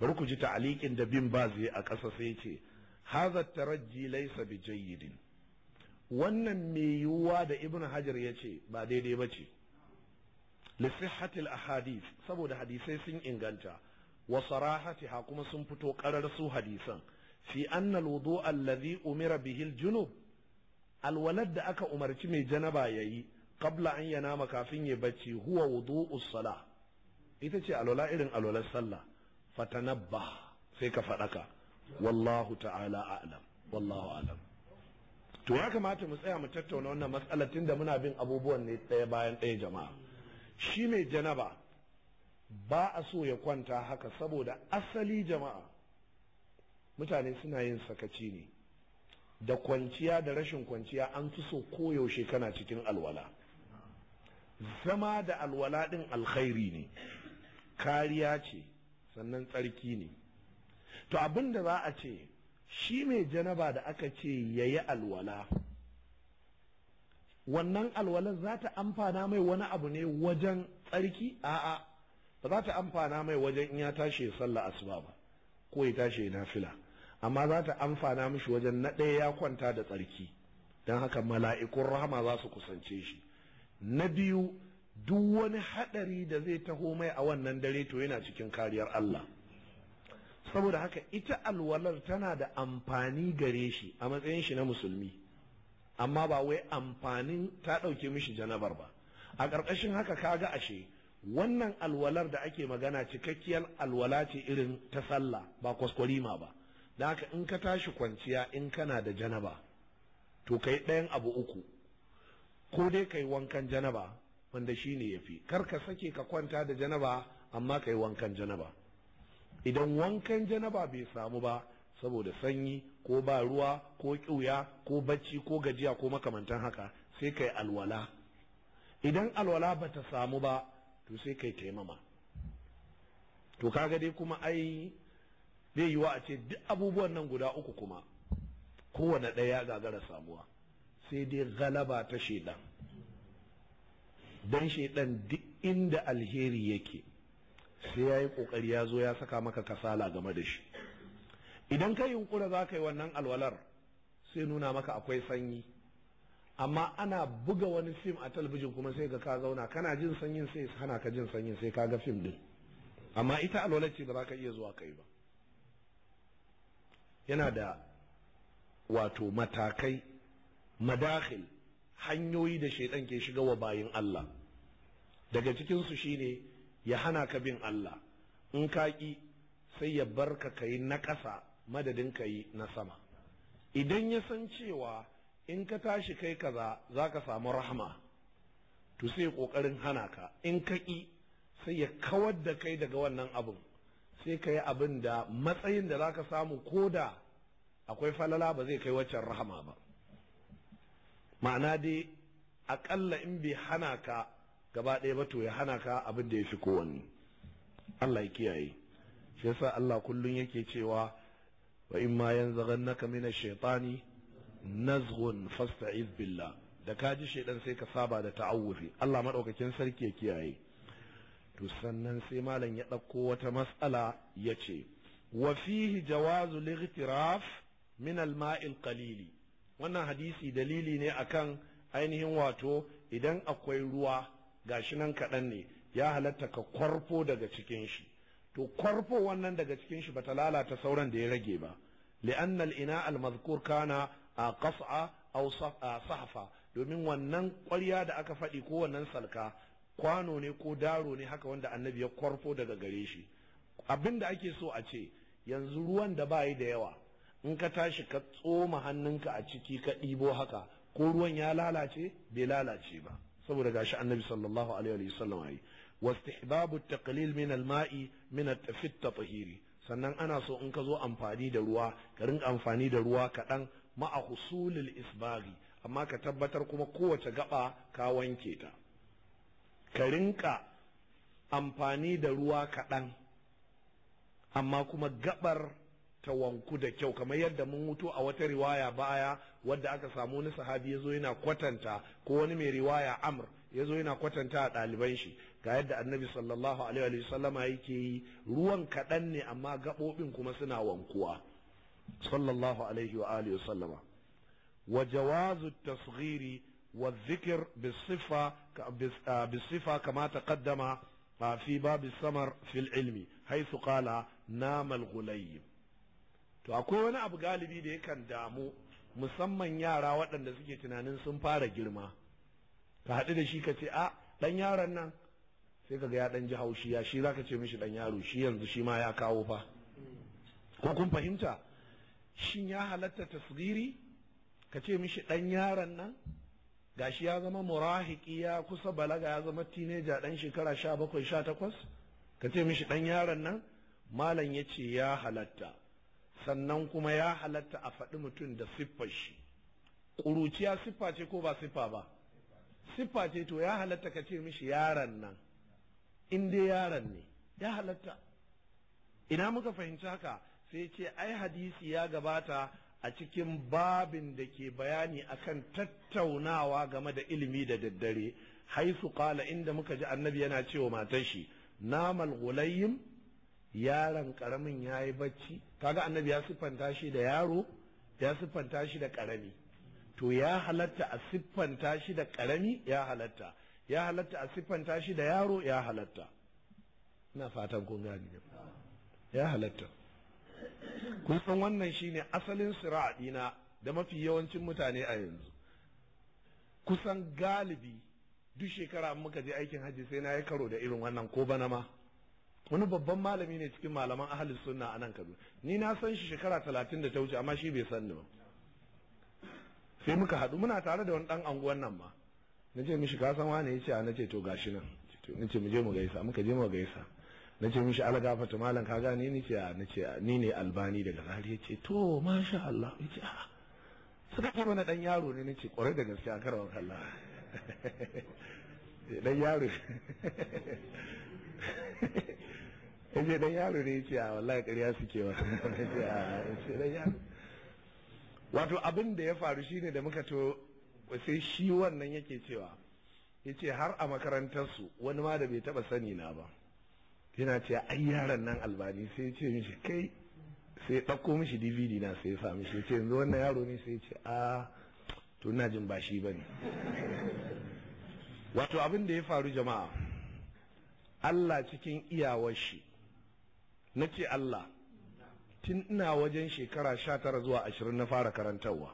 bari ku ji ta'alikin da bin ba zai a ƙasa sai ce hadha taraji laisa bi jayyidin wannan mai yiwuwa da ibn hajar ya ce ba daidai ba ce li sihhatil ahadith saboda hadisai sun inganta wa sarahatiha kuma sun fito karar su hadisan fi anna alwudu alladhi umira bihi aljunub alwalad da aka umarci mai janaba yayi qabla an yanama kafin ya bacci huwa wudu'us sala ita ce alwala irin alwalar sallah fatanabba sai ka fadaka wallahu ta'ala a'lam wallahu a'lam to ya kamata mu tsaya mu tattauna wannan matsalar tunda muna bin abubuwan ne ɗaya bayan ɗaya jama'a shi mai janaba ba a so ya kwanta haka saboda asali jama'a mutane suna yin sakaci ne da kwanciya da rashin kwanciya an fi so koyaushe kana cikin alwala zama da alwala ɗin alkhairi ne kariya ce sannan tsarki ne to abin da za a ce shi mai janaba da aka ce ya yi alwala wannan alwalar za ta amfana mai wani abu ne wajen tsarki a'a ba za ta amfana mai wajen in ya tashi ya sallah asuba ba ko ya tashi ya nafila amma za ta amfana mishi wajen na ɗaya ya kwanta da tsarki don haka mala'ikun rahama za su kusance shi na biyu duk wani haɗari da zai taho mai a wannan dare to yana cikin kariyar Allah saboda haka ita alwalar tana da amfani gare shi a matsayin shi na musulmi amma ba wai amfanin ta ɗauke mishi janabar ba a ƙarƙashin haka ka ga ashe wannan alwalar da ake magana cikakkiyar alwala ce irin ta sallah ba kwaskwarima ba da haka in ka tashi kwanciya in kana da janaba to kai ɗayan abu uku ko dai kai wankan janaba wanda shi ne ya fi kar ka sake ka kwanta da janaba amma ka yi wankan janaba idan wankan janaba bai samu ba saboda sanyi ko ba ruwa ko kyuya ko bacci ko gajiya ko makamantan haka sai kai alwala idan alwala ba ta samu ba to sai kai taimama to kaga dai kuma ai zai yiwa a ce duk abubuwan nan guda uku kuma kowane ɗaya ya gagara samuwa sai dai galaba ta shaidan dan shaidan duk inda alheri yake sai ya yi ƙoƙari ya zo ya saka maka kasala game da shi idan ka yunkura za ka yi wannan alwalar sai nuna maka akwai sanyi amma ana buga wani fim a talabijin kuma sai ga ka zauna kana jin sanyin sai hana ka jin sanyin sai ka ga fim din amma ita alwalar ce ba za ka iya zuwa kai ba yana da wato matakai madakhil hanyoyi da shaidan ke shiga wa bayin Allah daga cikinsu shine ya hana ka bin Allah in ka ƙi sai ya barka ka yi na ƙasa madadin ka yi na sama idan ya san cewa in ka tashi kai kaza za ka samu rahama to sai kokarin hana ka in ka ƙi sai ya kawar da kai daga wannan abin sai ka yi abin da matsayin da za ka samu ko da akwai falala ba zai kai waccan rahama ba ma'ana dai aƙalla in bai hana ka gaba ɗaya ba to ya hana ka abin da ya fi kowanne Allah ya kiyaye shi yasa Allah kullum yake cewa وإما ينزغنك ma الشيطان نزغ فاستعذ بالله da ka ji shaidan sai ka saba da ta'awufi Allah madaukakin sarki ya kiyaye to sannan sai malam ya ɗauko wata mas'ala ya ce wa fihi jawazu lightiraf min al qalili wannan hadisi dalili ne akan ainihin wato idan akwai ruwa gashi nan kaɗan ne ya halatta ka kwarfo daga cikin shi to kwarfo wannan daga cikin shi ba ta lalata sauran da ya rage ba li'anna al-ina al-madhkur kana a qas'a aw sahfa domin wannan ƙwarya da aka faɗi ko wannan salka kwano ne ko daro ne haka wanda annabi ya kwarfo daga gare shi abinda ake so a ce yanzu ruwan da bayi da yawa in ka tashi ka tsoma hannunka a ciki ka ɗibo haka ko ruwan ya lalace bai lalace ba saboda gashi annabi sallallahu alaihi wasallam yi واستحباب التقليل من الماء من في التطهير sannan ana so in ka zo amfani da ruwa ka rinka amfani da ruwa kaɗan ma'a husulul isbari amma ka tabbatar kuma kowace gaba ka wanke ta ka rinka amfani da ruwa kaɗan amma kuma gabar ta wanku da kyau kamar yadda mun mutu a wata riwaya baya wadda aka samu wani sahabi ya zo yana kwatanta ko wani mai riwaya amr ya zo yana kwatanta a ɗaliban shi ga yadda annabi sallallahu alaihi wa sallama yake yi ruwan kaɗan ne amma gaɓoɓin kuma suna wankuwa sallallahu alaihi wa alihi wa sallama wa jawazu tasghiri wa zikr bisifa kama taqaddama fi babi samar fil ilmi haythu qala namal ghulayb to akwai wani abu galibi da yakan damu musamman yara waɗanda suke tunanin sun fara girma ka haɗu da shi ka ce a ah, ɗan yaron nan sai kaga ya dan ji haushi ya shi zaka ce mishi dan yaro shi yanzu shi ma ya kawo fa ko kun fahimta shin ya halatta tasgiri ka ce mishi dan yaron nan gashi ya zama murahiki ya kusa balaga ya zama tineja dan shekara sha bakwai sha takwas ka ce mishi dan yaron nan malam ya ya halatta sannan kuma ya halatta a faɗi mutum da siffar shi ƙuruciya siffa ce ko ba siffa ba siffa ce to ya halatta ka ce mishi yaron nan in dai yaron ne ya halatta ina muka fahimci haka sai ce ai hadisi ya gabata a cikin babin da ke bayani akan tattaunawa game da ilimi da daddare haisu kala inda muka ji annabi yana cewa matar shi namal gulayyim yaron karamin ya yi bacci kaga annabi ya siffanta shi da yaro ya siffanta shi da karami to ya halatta a siffanta shi da karami ya halatta ya halatta a siffanta shi da yaro ya halatta ina fatan kun gani ya halatta kun san wannan shine asalin sira'a dina da mafi yawancin mutane a yanzu kusan galibi duk shekara muka je aikin hajji sai na yi karo da irin wannan ko bana ma wani babban malami ne cikin malaman ahli sunna anan nan kaduna ni na san shi shekara talatin da ta wuce amma shi bai san ni ba sai muka haɗu muna tare da wani ɗan anguwan nan ma na ce mishi ka san wane ya ce a na ce to gashi nan na ce mu je mu gaisa muka je mu gaisa na ce mishi ala malam ka gane ni ce na ce ni ne albani daga zari ya ce to masha Allah ya ce a suka ce mana dan yaro ne nace kwarai da gaske a karawan Allah dan yaro ce dan yaro ne yace a wallahi ƙarya suke wa yace dan yaro wato abin da ya faru shine da muka to sai shi wannan yake cewa ya ce har a makarantarsu wani ma da bai taba sani na ba yana ce ai yaran nan albani sai ce mishi kai sai ɗauko mishi dvd na sai ya sa ya ce yanzu wannan yaro ne sai ya ce a to ina jin ba shi ba ne. wato abin da ya faru jama'a Allah cikin iyawar shi ce Allah tun ina wajen shekara sha tara zuwa ashirin na fara karantarwa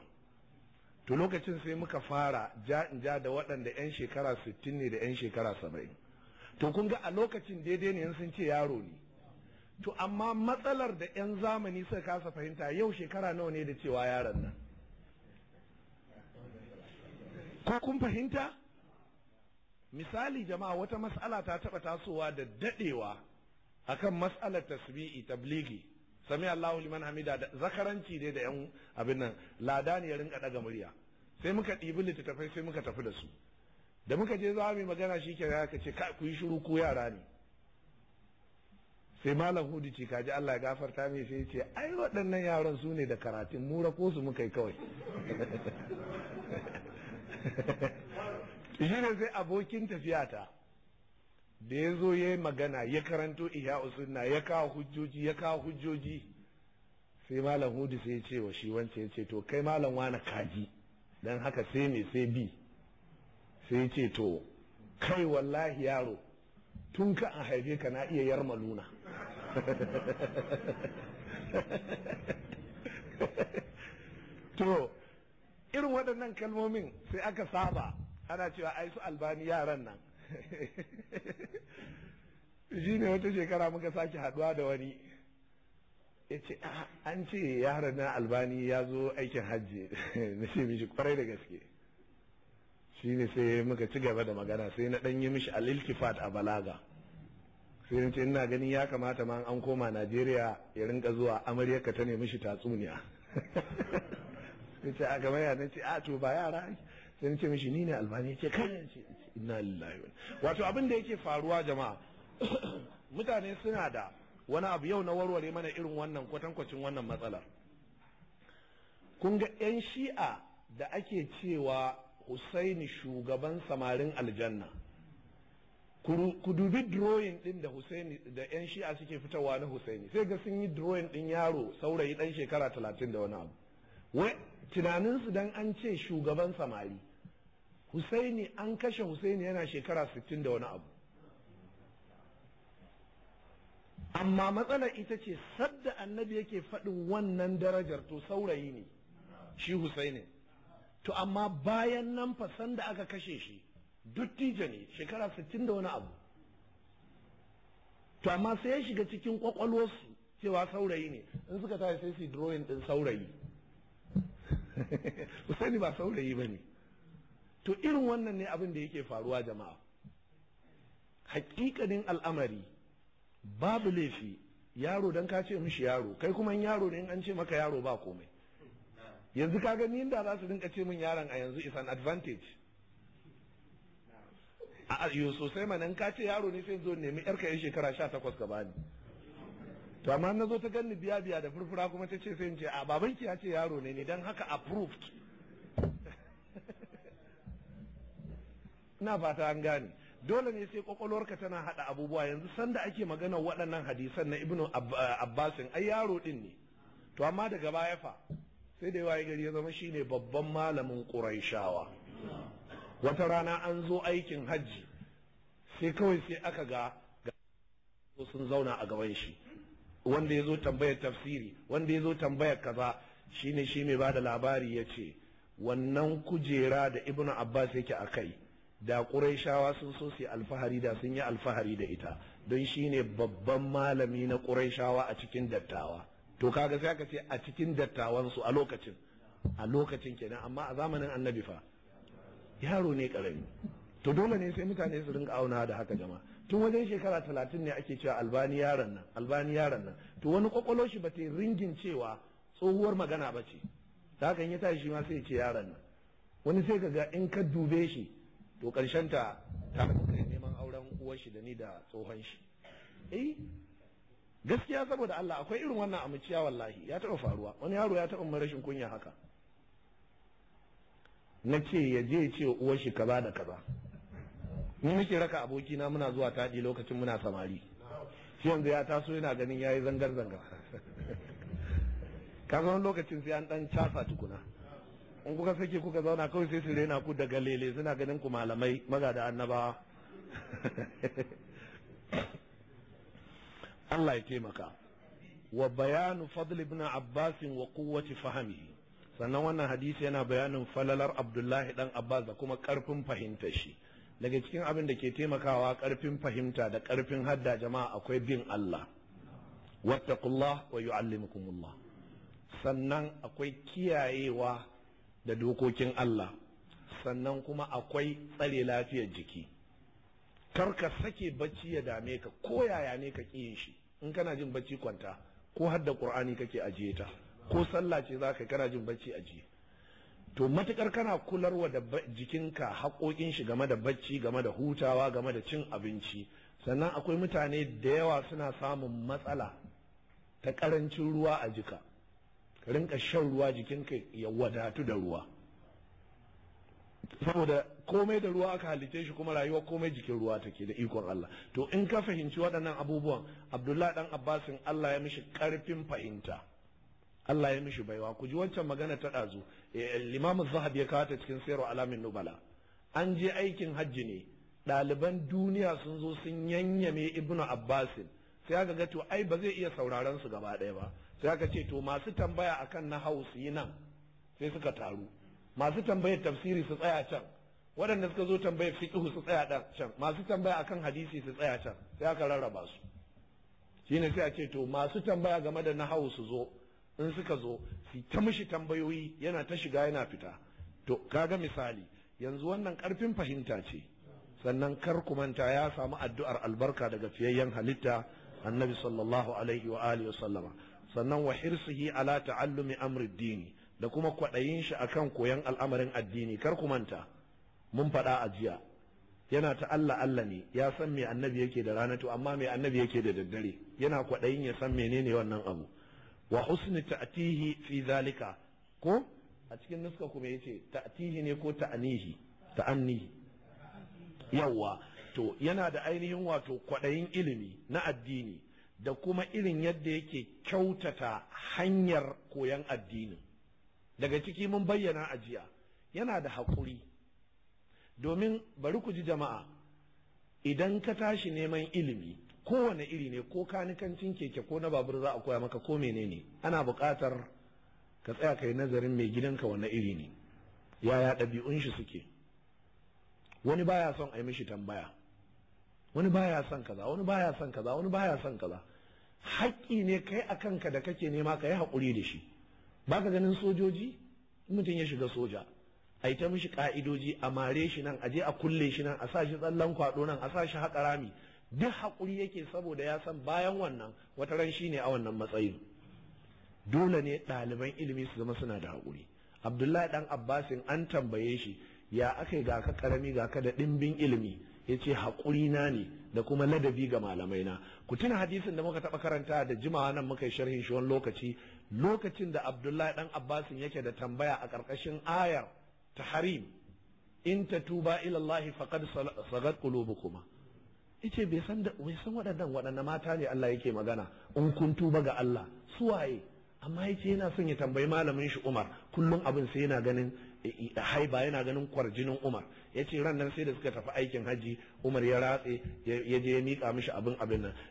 to lokacin sai muka fara ja in ja da waɗanda 'yan shekara 60 ne da 'yan shekara 70 to kun ga a lokacin daidai ne sun ce yaro ne to amma matsalar da 'yan zamani suka kasa fahimta yau shekara nawa ne da cewa yaron nan ko kun fahimta misali jama'a wata mas'ala ta taɓa tasowa da daɗewa akan mas'alar tasbi'i tabligi sami Allahu liman hamida da zakaranci dai da yan abin nan lada ne ya rinka daga murya sai muka ɗibi littattafai sai muka tafi da su da muka je za mu magana shi ke ka ce ka ku yi shiru ko yara ne sai malam hudu ce kaji Allah ya gafarta mai sai ce ai waɗannan yaran su ne da karatun mura ko su muka yi kawai shi ne sai abokin tafiyata da ya zo ya yi magana ya karanto iya usunna ya kawo hujjoji ya kawo hujjoji sai malam hudu sai ce wa shi wance ya ce to kai malam wani kaji don haka sai me sai bi sai ya ce to kai wallahi yaro tun ka an haife ka na iya yarmaluna? maluna to irin waɗannan kalmomin sai aka saba ana cewa ai su albani yaran nan shi ne wata shekara muka sake haduwa da wani ya ce an ce yaron na albani ya zo aikin hajji na ce mishi kwarai da gaske shi ne sai muka ci gaba da magana sai na ɗanyi mishi alilkifat a balaga sai na ce ina ganin ya kamata ma an koma najeriya ya rinka zuwa amaryarka ta ne mishi tatsuniya ya ce a gama yana ce a to ba yara sai na ce mishi ni ne albani ya ce kai ce inna lillahi wato abin da yake faruwa jama'a mutane suna da wani abu yau na warware mana irin wannan kwatankwacin wannan matsalar kun ga 'yan shi'a da ake cewa husaini shugaban samarin aljanna ku dubi drawing din da husaini da 'yan shi'a suke fitowa na husaini sai ga sun yi drawing din yaro saurayi dan shekara talatin da wani abu wai tunaninsu dan an ce shugaban samari husaini an kashe husaini yana shekara sittin da wani abu amma matsalar ita ce sadda annabi yake faɗin wannan darajar to saurayi ne shi husaini to amma bayan nan fasan da aka kashe shi dottijo ne shekara sittin da wani abu to amma sai ya shiga cikin kwakwalwarsu cewa saurayi ne in suka tashi sai su yi drawing ɗin saurayi husaini ba saurayi ba ne to irin wannan ne abin da yake faruwa jama'a hakikanin al'amari babu laifi yaro dan ka ce mishi yaro kai kuma yaro ne in an ce maka yaro ba komai yanzu ka gani inda za su dinka ce min yaron a yanzu is an advantage a yau sosai mana in ka ce yaro ne sai zo nemi ka yan shekara sha takwas ka bani to amma na zo ta ganni biya biya da furfura kuma ta ce sai in ce a babanki ya ce yaro ne ne dan haka approved ina fata an gane dole ne sai kwakwalwarka tana hada abubuwa yanzu sanda ake magana waɗannan hadisan na ibnu eh, abbasin ai yaro din ne to amma daga baya fa sai da yawa gari ya zama shine babban malamin quraishawa wata rana an zo aikin hajji sai kawai sai aka ga sun zauna a gaban shi wanda ya zo tambayar tafsiri wanda ya zo tambayar kaza shine shi mai bada labari ya ce wannan kujera da ibnu abbas yake a kai da ƙuraishawa sun so su alfahari da sun yi alfahari da ita don shi ne babban malami na ƙuraishawa a cikin dattawa to kaga sai aka ce a cikin dattawan a lokacin a lokacin kenan amma a zamanin annabi fa yaro ne karami to dole ne sai mutane su rinka auna da haka jama tun wajen shekara talatin ne ake cewa albani yaron nan albani yaron nan to wani kwakwalo shi ba bata ringin cewa tsohuwar magana ba ce ta hakan ya tashi ma sai ce yaron nan wani sai ka ga in ka dube shi to ƙarshen ta ta neman auren uwar shi da ni da tsohon shi eh gaskiya saboda Allah akwai irin wannan amuciya wallahi ya taɓa faruwa wani yaro ya taɓa rashin kunya haka na ce ya je ya ce uwar shi kaza da kaza ni muke raka abokina muna zuwa taɗi lokacin muna samari shi yanzu ya taso yana ganin yayi zangar zangar kaga wani lokacin sai an dan chafa tukuna in kuka sake kuka zauna kawai sai su rena ku daga lele suna ganin ku malamai maza da annabawa Allah ya taimaka wa bayanu fadl ibn Abbas wa quwwati fahmihi sannan wannan hadisi yana bayanin falalar Abdullahi dan Abbas da kuma karfin fahimta shi daga cikin abin da ke taimakawa karfin fahimta da karfin hadda jama'a akwai bin Allah wattaqullah wa yu'allimukumullah sannan akwai kiyayewa da dokokin Allah sannan kuma akwai tsare lafiyar jiki karka sake bacci ya dame ka ko yaya ne ka ƙi shi in kana jin bacci kwanta ko har da ƙur'ani kake ajiye ta ko sallah ce za ka kana jin bacci ajiye to matukar kana kularwa da jikinka haƙoƙin shi game da bacci game da hutawa game da cin abinci sannan akwai mutane da yawa suna samun matsala ta ƙarancin ruwa a jika ka rinka shan ruwa jikinka ya wadatu da ruwa saboda komai da ruwa aka halitta shi kuma rayuwa komai jikin ruwa take da ikon Allah to in ka fahimci waɗannan abubuwan Abdullah dan Abbasin Allah ya mishi karfin fahimta Allah ya mishi baiwa ku ji wancan magana ta ɗazu eh, Imam Zahabi ya kawo ta cikin Sayru Alamin Nubala an je aikin hajji ne ɗaliban duniya sun zo sun yanyame Ibnu Abbasin sai aka ga to ai ba zai iya sauraron su gaba ɗaya ba sai aka ce to masu tambaya akan na su yi nan sai suka taru masu tambayar tafsiri su tsaya can waɗanda suka zo tambayar fiƙihu su tsaya can masu tambaya akan hadisi su tsaya can sai aka rarraba su ne sai a ce to masu tambaya game da na su zo in suka zo su ta mishi tambayoyi yana ta shiga yana fita to kaga misali yanzu wannan karfin fahimta ce sannan kar ku manta ya samu addu'ar albarka daga fiyayyen halitta annabi sallallahu alaihi wa alihi wa sallama sannan wa hirsihi ala ta'allumi dini da kuma kwaɗayin shi a kan koyan al'amarin addini kar ku manta mun faɗa a jiya yana ta Allah Allah ne ya san me annabi yake da rana to amma me annabi yake da daddare yana kwaɗayin ya san menene wannan abu wa husni ta'tihi fi zalika ko a cikin nuska kuma yace ta'tihi ne ko ta'anihi ta'annihi yawa to yana da ainihin wato kwaɗayin ilimi na addini da kuma irin yadda yake kyautata hanyar koyon addini, daga ciki mun bayyana a jiya yana da haƙuri domin bari ku ji jama'a idan ka tashi neman ilimi kowane iri ne ko kanikancin keke ko na babur za a koya maka ko menene ana buƙatar ka tsaya kai nazarin mai gidanka wane iri ne yaya ɗabi'un shi suke wani baya son a yi mishi tambaya wani baya son kaza wani baya son kaza wani baya son kaza haƙƙi ne kai a kanka da kake nema ka yi haƙuri da shi ba ka ganin sojoji mutum ya shiga soja a yi ta mishi ƙa'idoji a mare shi nan a je a kulle shi nan a sa shi tsallan kwaɗo nan a sa shi haƙa rami duk haƙuri yake saboda ya san bayan wannan wata ran shi ne a wannan matsayin dole ne ɗaliban ilimi su zama suna da haƙuri abdullahi ɗan abbasin an tambaye shi ya aka ga ka ƙarami ga ka da ɗimbin ilimi ya ce haƙurina ne da kuma ladabi ga malamai na ku tuna hadisin da muka taɓa karanta da jimawa nan muka yi sharhin shi wani lokaci lokacin da abdullahi dan abbasin yake da tambaya a ƙarƙashin ayar ta harim in ta tuba ilallahi faqad sagat qulubukuma yace bai san bai san waɗannan waɗannan mata ne Allah yake magana in kun tuba ga Allah su waye amma yace yana son ya tambayi malamin shi Umar kullum abin sai yana ganin eh, eh, haiba yana ganin kwarjinin Umar ya ce ran nan sai da suka tafi aikin hajji umar ya ratse ya je ya miƙa mishi abin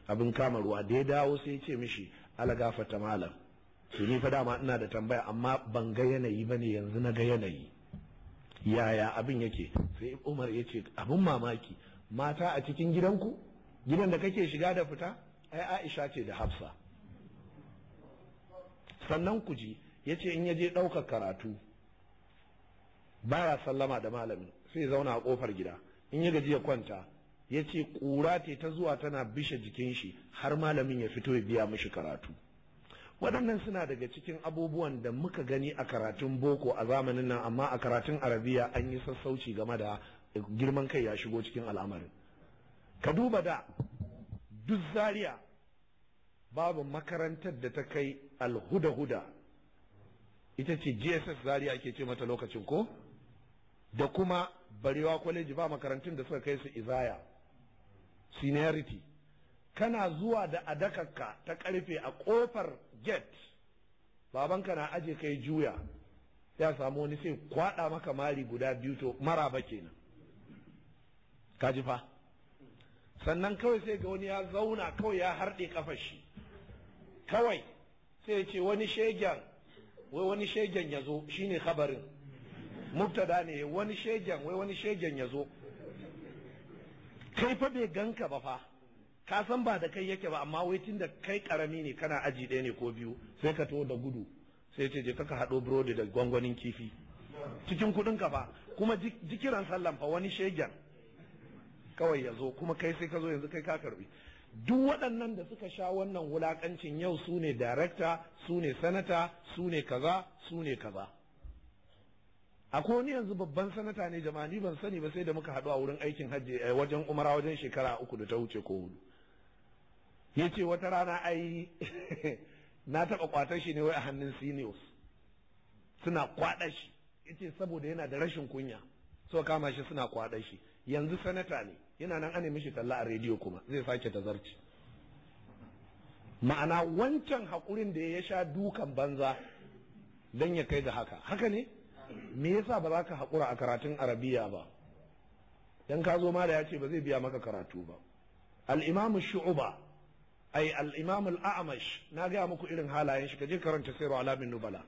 abin kama ruwa da ya dawo sai ya ce mishi ala gafata malam Su ni fa dama ina da tambaya amma ban ga yanayi ne yanzu na ga yanayi yaya abin yake sai umar ya ce abin mamaki mata a cikin gidanku gidan da kake shiga da fita ai aisha ce da hafsa sannan ku ji ya ce in ya je ɗaukar karatu ba sallama da malami. sai zauna a kofar gida in ya gaji ya kwanta ya ce ƙura ce ta zuwa tana bishe jikin shi har malamin ya fito ya biya mishi karatu waɗannan suna daga cikin abubuwan da muka gani a karatun boko a zamanin nan amma a karatun arabiya an yi sassauci game da girman kai ya shigo cikin al'amarin ka duba da duk zaria babu makarantar da ta kai alhuda-huda ita ce jss zaria ake ce mata lokacin ko da kuma barewa kwaleji ba makarantun da suka kai su izaya seniority kana zuwa da adakarka ta karfe a kofar gate babanka na aje kai juya ya samu wani sai kwada maka mari guda biyu to maraba kenan ka ji fa sannan kawai sai ga wani ya zauna kawai ya harɗe kafar shi kawai sai ya ce wani shegen wai wani shegen ya zo shine khabarin mubtada ne wani shegen wai wani shegen ya zo kai fa bai ganka ba fa ka san ba da kai yake ba amma wai tun da kai karami ne kana aji ɗaya ne ko biyu sai ka taho da gudu sai ce je kaka haɗo burodi da gwangwanin kifi cikin kuɗin ka fa kuma jikiran sallan fa wani shegen kawai ya zo kuma kai sai ka zo yanzu kai ka karbi duk waɗannan da suka sha wannan wulakancin yau su ne darakta su ne sanata su ne kaza su ne kaza akwai wani yanzu babban sanata ne jama'a ni ban sani ba sai da muka haɗu a wurin aikin hajji eh, wajen umara wajen shekara uku da ta wuce ko hudu ya ce wata rana ai na taɓa kwatar shi ne wai a hannun seniors suna kwaɗa shi ya ce saboda yana da rashin kunya so kama shi suna kwaɗa shi yanzu sanata ne yana nan an mishi talla a rediyo kuma zai sake tazarci ma'ana wancan haƙurin da ya sha dukan banza don ya kai da haka haka ne me yasa ba za ka haƙura a karatun arabiya ba dan ka zo ma ya ce ba zai biya maka karatu ba al-imamu shu'uba ai al Al'amash amash na gaya muku irin halayen shi kaje karanta "Ala bin nubala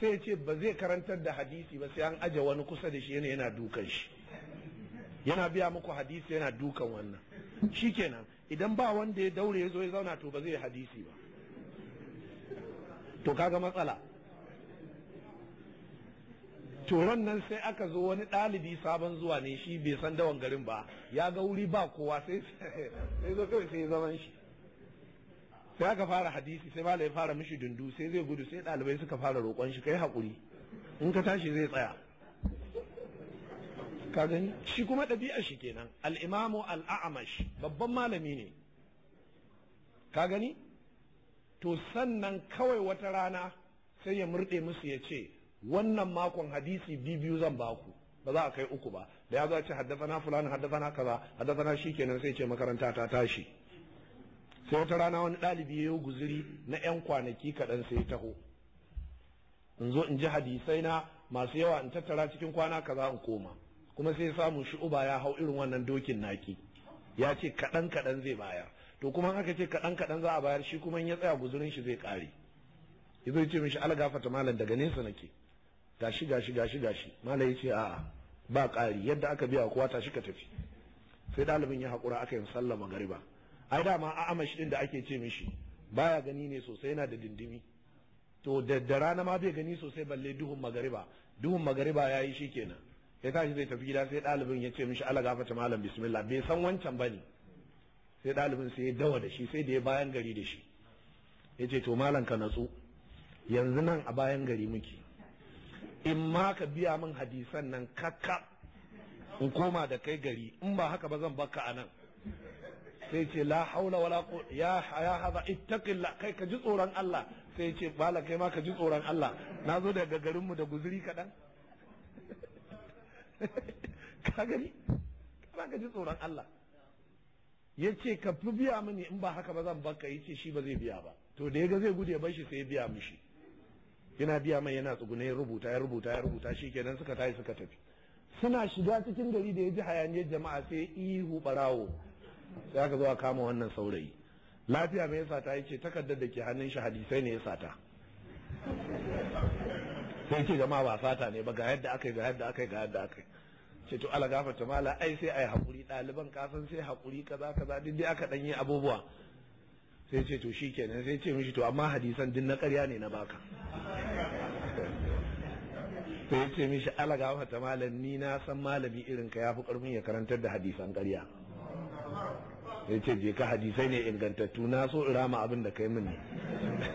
sai ce ba zai karantar da hadisi ba sai an aje wani kusa da shi yana yana dukan shi yana biya muku hadisi yana dukan wannan shikenan idan ba wanda ya daure ya zo ya zauna to ba zai hadisi ba to kaga matsala Toron nan sai aka zo wani ɗalibi sabon zuwa ne shi bai san dawan garin ba ya ga wuri ba kowa sai sai zo kawai sai zaman shi sai aka fara hadisi sai malai ya fara mishi dundu sai zai gudu sai ɗalibai suka fara roƙon shi kai haƙuri in ka tashi zai tsaya ka gani shi kuma ɗabi'ar shi kenan al-imamu al babban malami ne ka gani to sannan kawai wata rana sai ya murɗe musu ya ce wannan makon hadisi biyu zan baku ba za a kai uku ba da ya zace haddafa haddafana fulani haddafana kaza haddafana kenan sai ce makaranta ta tashi sai wata rana wani ɗalibi ya yi guziri na 'yan kwanaki kaɗan sai taho in zo in ji hadisai na masu yawa in tattara cikin kwana kaza in koma kuma sai samun shi uba ya hau irin wannan dokin naki ya ce kaɗan kaɗan zai bayar to kuma haka ce kaɗan kaɗan za a bayar shi kuma in ya tsaya guzurin shi zai ƙare ya ce mishi fata malam daga nesa nake gashi gashi gashi gashi malai yace a'a ba ƙari yadda aka biya kowa tashi ka tafi sai ɗalibin ya haƙura aka yi sallah magariba ai dama a amashi din da ake ce mishi baya gani ne sosai yana da dindimi to da rana ma bai gani sosai balle duhun magariba duhun magariba ya yi shi kenan ya tashi zai tafi gida sai ɗalibin ya ce mishi ala gafata malam bismillah bai san wancan ba ne sai ɗalibin sai ya dawa da shi sai da ya bayan gari da shi ya to malam ka natsu yanzu nan a bayan gari muke in ma ka biya min hadisan nan kakka in koma da kai gari in ba haka ba zan baka a nan sai ce la haula wala ya ya hada ittaqilla kai ka ji tsoron Allah sai ce bala kai ma ka ji tsoron Allah na zo daga garin mu da guzuri kaɗan ka gani ba ka ji tsoron Allah ya ce ka fi biya mini in ba haka ba zan baka ya ce shi ba zai biya ba to da ya ga zai gude bar shi sai ya biya mishi yana biya mai yana tsugune ya rubuta ya rubuta ya rubuta shi kenan suka tashi suka tafi suna shiga cikin gari da ya ji hayaniyar jama'a sai ihu barawo sai aka zo a kama wannan saurayi lafiya mai yasa ta yace takardar da ke hannun shi hadisai ne ya sata sai ce jama'a ba sata ne ba ga yadda aka yi ga yadda aka yi ga yadda aka yi ce to ala gafarta mala ai sai ai hakuri ɗaliban kasan sai hakuri kaza kaza duk dai aka ɗan abubuwa sai ce to shi kenan sai ce mishi to amma hadisan din na karya ne na baka sai ce mishi alaga wata malam ni na san malami irin ka yafi karfin ya karantar da hadisan karya. sai ce je ka hadisai ne ingantattu na so in rama abin da kai min ne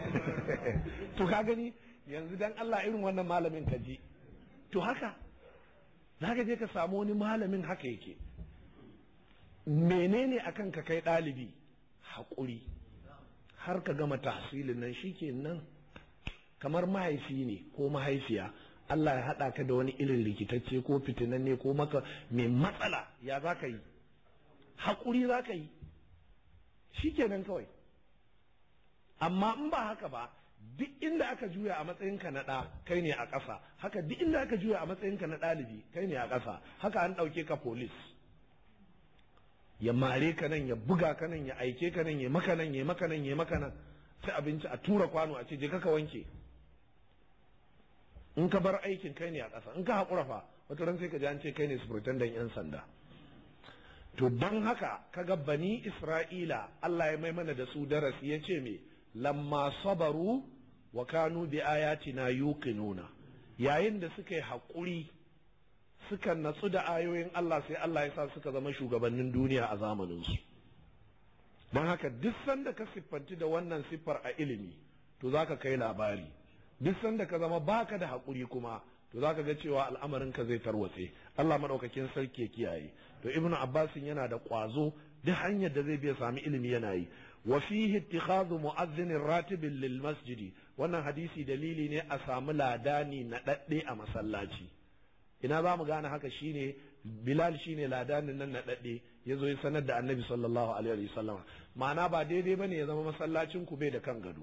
to ka gani yanzu dan Allah irin wannan malamin ka ji to haka za je ka samu wani malamin haka yake menene akan ka kai ɗalibi haƙuri har ka gama tahsilin nan shikenan kamar mahaifi ne ko mahaifiya Allah ya haɗa ka da wani irin rikitacce ko fitinanne ko maka mai matsala ya za ka yi haƙuri za ka yi shikenan kawai amma in ba haka ba duk inda aka juya a matsayinka na ɗa kai ne a ƙasa haka duk inda aka juya a matsayinka na ɗalibi kai ne a ƙasa haka an ɗauke ka police ya mare ka nan ya buga ka nan ya aike ka nan ya maka nan ya maka nan ya maka nan sai abinci a tura kwano a ce je ka wanke in ka bar aikin kai ne a ƙasa in ka haƙura fa wata ran sai ka ji an ce kai ne sufurtandan yan sanda to don haka kaga bani isra'ila Allah ya maimana da su darasi ya ce me lamma sabaru wa kanu bi ayatina yuqinuna yayin da suka yi haƙuri suka natsu da ayoyin Allah sai Allah ya sa suka zama shugabannin duniya a zamaninsu don haka duk sanda ka siffanci da wannan siffar a ilimi to za ka kai labari duk sanda ka zama baka da haƙuri kuma to za ka ga cewa al'amarin ka zai tarwatse Allah maɗaukakin sarki ya kiyaye to ibn abbas yana da ƙwazo duk hanyar da zai biya sami ilimi yana yi wa fihi ittikhadhu mu'adhdhin ratibin lil masjidi wannan hadisi dalili ne a samu ladani na ɗaɗɗe a masallaci ina za mu gane haka shine bilal shine ladanin nan na ɗaɗe ya zo ya sanar da annabi sallallahu alaihi wa sallama ma'ana ba daidai bane ya zama masallacin ku bai da kan gado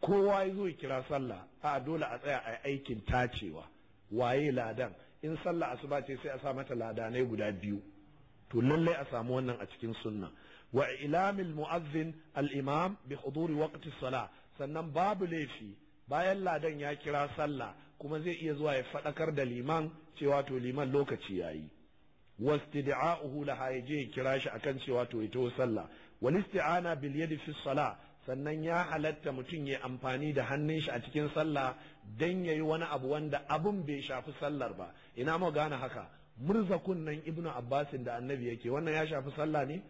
kowa ya zo ya kira sallah a dole a tsaya a aikin tacewa waye ladan in sallah asuba ce sai a sa mata ladanai guda biyu to lallai a samu wannan a cikin sunna wa ilamil mu'azzin al-imam bi huduri waqti salah sannan babu laifi bayan ladan ya kira sallah kuma zai iya zuwa ya faɗakar da liman cewa to liman lokaci yayi wastida'uhu laha yaje ya kira shi akan cewa to ita sallah wal isti'ana bil yadi fi salah sannan ya halatta mutum ya amfani da hannun shi a cikin sallah dan yayi wani abu wanda abun bai shafi sallar ba ina mu gane haka murza kunnan ibnu abbasin da annabi yake wannan ya shafi sallah ne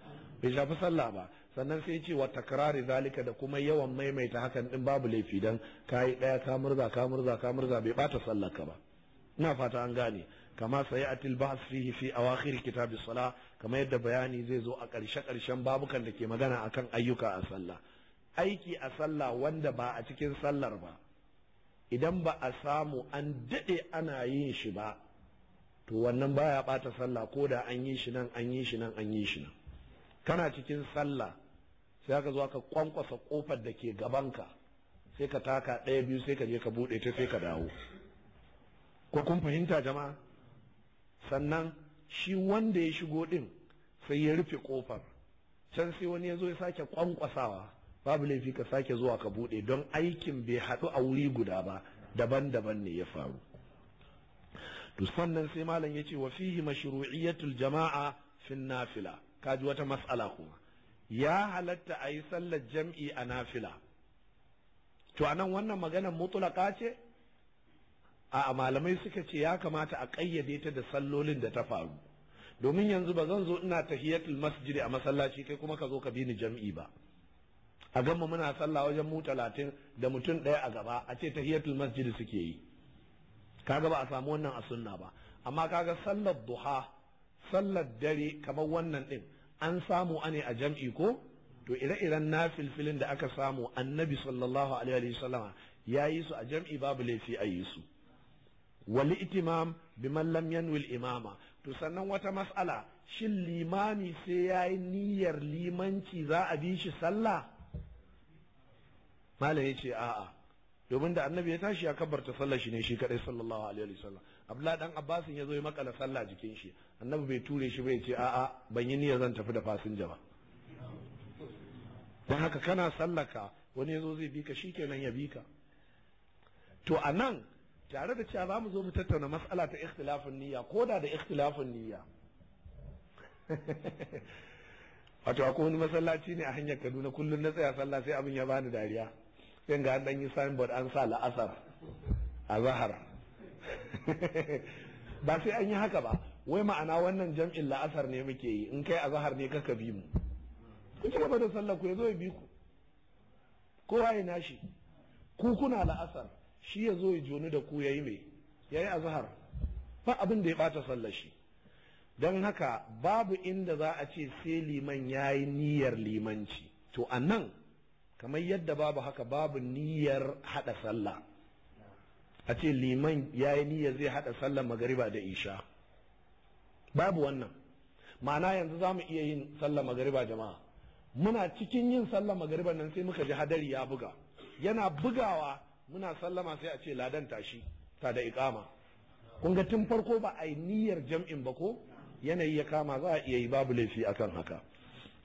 bai shafi sallah ba sannan sai ce wa takrari zalika da kuma yawan maimaita hakan din babu laifi dan kai ɗaya, ka murza ka murza ka murza bai bata sallar ka ba Ina fata an gane kama a bahs fihi fi awakhir kitabis sala kama yadda bayani zai zo a ƙarshe karshen babukan da ke magana akan ayyuka a sallah aiki a sallah wanda ba a cikin sallar ba idan ba a samu an daɗe ana yin shi ba to wannan baya bata sallah ko da an yi shi nan an yi shi nan an yi shi nan kana cikin sallah sai aka zo ka kwankwasa kofar da ke gabanka sai ka taka ɗaya biyu sai ka je ka buɗe ta sai ka dawo ko kun fahimta jama'a sannan shi wanda ya shigo din sai ya rufe kofar can sai wani ya zo ya sake kwankwasawa babu laifi ka sake zuwa ka bude don aikin bai haɗu a wuri guda ba daban-daban ne ya faru to sannan sai malam ya ce wa fihi mashru'iyatul jama'a fi nafila ji wata mas'ala kuma ya halatta a yi sallar jam'i a nafila to anan wannan magana mutulaka ce a malamai suka ce ya kamata a ƙayyade ta da sallolin da ta faru domin yanzu ba zan zo ina tahiyatul masjidi a masallaci kai kuma ka zo ka bi ni jam'i ba a gama muna sallah wajen mu talatin da mutum ɗaya a gaba a ce tahiyatul masjidi suke yi kaga ba a samu wannan a sunna ba amma kaga sallar duha sallar dare kamar wannan ɗin an samu ane a jam'i ko to ire-iren na filfilin da aka samu annabi sallallahu alaihi wasallama ya yi su a jam'i babu laifi a yi su wali itimam biman lam imama to sannan wata mas'ala shin limami sai ya yi niyyar limanci za a bi shi sallah malam ya ce a'a domin da annabi ya tashi ya kabbarta sallah shi ne shi kadai sallallahu alaihi wasallam abdullahi dan abbas ya zo ya makala sallah jikin shi annabi bai ture shi bai ce a'a ban yi niyyar zan tafi da fasinja ba don haka kana sallaka wani ya zo zai bi ka shikenan ya bi ka to anan tare da cewa za mu zo mu tattauna mas'ala ta ikhtilafin niyya ko da da ikhtilafin niyya wato akwai wani masallaci ne a hanyar kaduna kullum na tsaya sallah sai abin ya bani dariya sai ga dan yi signboard an sa la'asar a zahar ba sai an yi haka ba wai ma'ana wannan jam'in la'asar ne muke yi in kai a zahar ne kaka bi mu ku ci gaba da sallah ku ya zo ya bi ku kowa ya nashi ku kuna la'asar shi ya zo ya joni da ku yayi me yayi azhar ba abin da ya bata sallar shi don haka babu inda za a ce sai liman yayi niyyar limanci to nan kamar yadda babu haka babu niyyar hada sallah a ce liman yayi niyyar zai haɗa sallar magariba da isha babu wannan ma'ana yanzu za mu iya yin sallar magariba jama'a muna cikin yin sallar magariba nan sai muka ji hadari ya buga yana bugawa muna sallama sai a ce ladan tashi ta da ikama. kun ga tun farko ba a yi niyyar jam'in ba ko yanayi ya kama za a iya yi babu laifi akan haka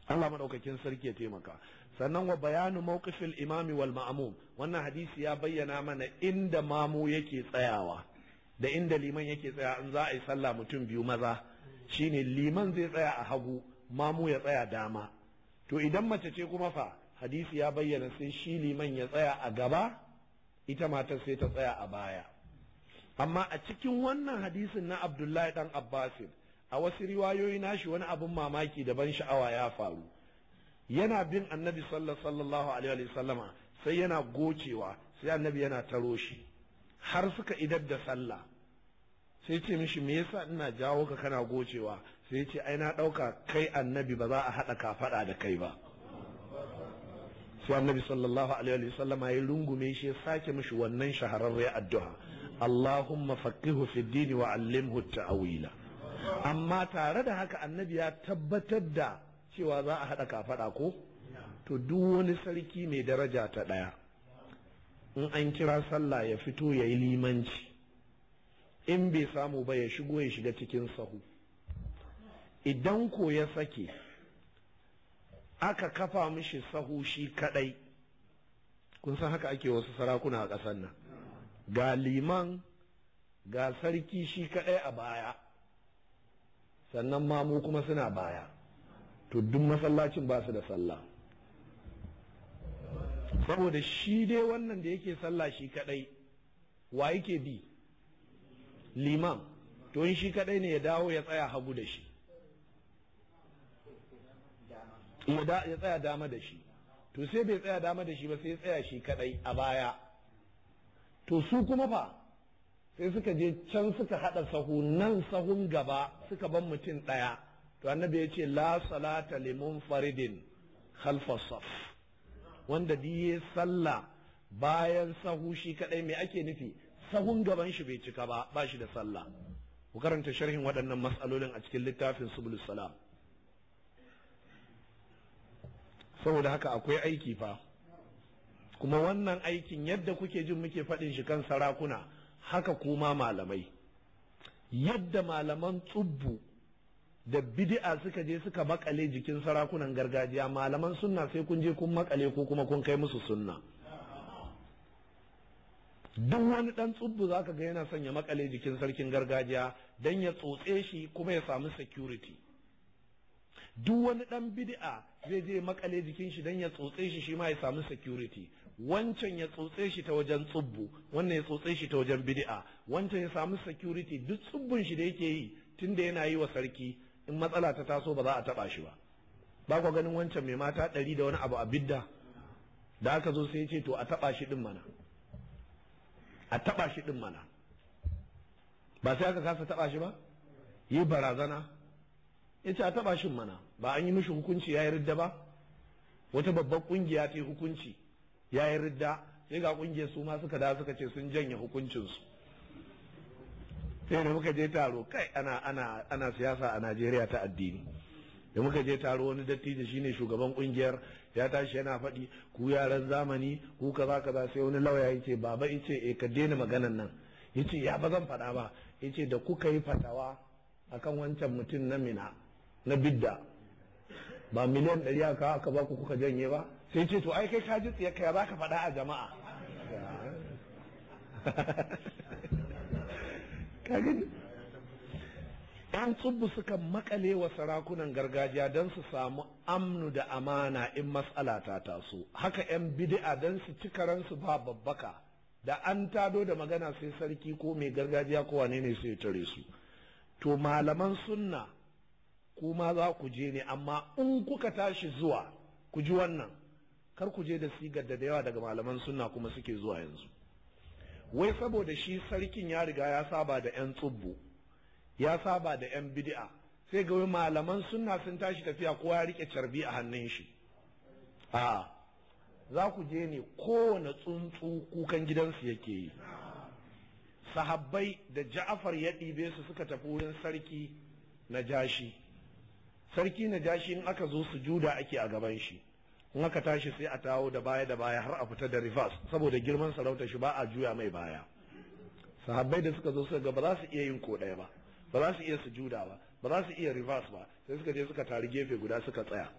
Allah madaukakin sarki ya taimaka sannan wa bayanu mawqifil imami wal ma'mum wannan hadisi ya bayyana mana inda mamu yake tsayawa da inda liman yake tsaya in za a yi sallah mutum biyu maza shine liman zai tsaya a hagu mamu ya tsaya dama to idan mace ce kuma fa hadisi ya bayyana sai shi liman ya tsaya a gaba ita matar sai ta tsaya a baya amma a cikin wannan hadisin na abdullahi dan abbasin a wasu riwayoyi nashi wani abin mamaki da ban sha'awa ya faru yana bin annabi sallallahu alaihi wa sallama sai yana gocewa sai annabi yana taro shi har suka idar da sallah sai ce mishi me yasa ina jawo ka kana gocewa sai ce ai na ɗauka kai annabi ba za a haɗa kafaɗa da kai ba sai annabi sallallahu alaihi wa sallam ya rungume shi ya sake mishi wannan shahararre addu'a Allahumma faqihu fi dini wa allimhu ta'wila amma tare da haka annabi ya tabbatar da cewa za a hada kafada ko to duk wani sarki mai daraja ta daya in an kira sallah ya fito ya yi limanci in bai samu ba ya shigo ya shiga cikin sahu idan ko ya sake aka kafa mishi sahu shi kadai kun san haka ake wasu sarakuna a ƙasar nan ga liman ga sarki shi kadai a baya sannan mamu kuma suna baya to duk masallacin ba su da sallah saboda shi dai wannan da yake sallah shi kadai wa yake bi liman to in shi kadai ne ya dawo ya tsaya hagu da shi wada ya tsaya dama da shi to sai bai tsaya dama da shi ba sai ya tsaya shi kadai a baya to su kuma fa sai suka je can suka haɗa sahu nan sahun gaba suka ban mutum ɗaya to annabi ya ce la salata limun faridin khalfa saf wanda diye sallah bayan sahu shi kadai me ake nufi sahun gaban shi bai cika ba ba shi da sallah ku karanta sharhin waɗannan matsalolin a cikin littafin subul salam saboda haka akwai aiki fa kuma wannan aikin yadda kuke jin muke faɗin shi kan sarakuna haka kuma malamai yadda malaman tsubbu da bid'a suka je suka makale jikin sarakunan gargajiya malaman sunna sai kun je kun makale ko kuma kun kai musu sunna duk wani dan tsubbu za ka ga yana son ya makale jikin sarkin gargajiya don ya tsotse shi kuma ya samu security duk wani dan bid'a zai je makale jikin shi dan ya tsotse shi shi ma ya samu security wancan ya tsotse shi ta wajen tsubbu wannan ya tsotse shi ta wajen bidi'a wancan ya samu security duk tsubbun shi da yake yi tunda yana yi wa sarki in matsala ta taso ba za a taba shi ba ba ku ganin wancan mai mata ɗari da wani abu a bidda da aka zo sai ya ce to a taba shi din mana a taba shi din mana ba sai aka kasa taba shi ba yi barazana ya ce a taɓa shin mana ba an yi mishi hukunci ya yi ridda ba wata babbar ƙungiya ta yi hukunci ya yi ridda sai ga ƙungiyar su ma suka da suka ce sun janye hukuncinsu sai da muka je taro kai ana siyasa a Najeriya ta addini da muka je taro wani dattijo shine shugaban kungiyar ya tashi yana faɗi ku yaran zamani ku kaza kaza sai wani lauya yace baba yace eh ka daina maganan nan yace ya ba zan faɗa ba yace da kuka yi fatawa akan wancan mutum na mina na bidda ba miliyan ɗari aka aka ba ku kuka janye ba sai ce to ai kai ka ji tsaye ya za ka faɗa a jama'a ka gani yan tsubbu suka makale wa sarakunan gargajiya don su samu amnu da amana in matsala ta taso haka yan bid'a don su ci karansu ba babbaka da an tado da magana sai sarki ko mai gargajiya ko wane ne sai ya tare su to malaman sunna kuma za ku je ne amma in kuka tashi zuwa ku ji wannan kar ku je da sigar da yawa daga malaman sunna kuma suke zuwa yanzu wai saboda shi sarkin ya riga ya saba da 'yan tsubbu ya saba da 'yan bid'a sai ga malaman sunna sun tashi tafiya kowa ya rike carbi a hannun shi a za ku je ne kowane tsuntsu kukan gidansu yake yi sahabbai da ja'afar ya ɗibe su suka tafi wurin sarki na jashi sarki na jashi in aka zo su juda ake a gaban shi in aka tashi sai a tawo da baya da baya har a fita da reverse saboda girman sarauta shi ba a juya mai baya sahabbai da suka zo suka ga ba za su iya yin ko ɗaya ba ba za su iya sujuda ba ba za su iya reverse ba sai suka je suka tari gefe guda suka tsaya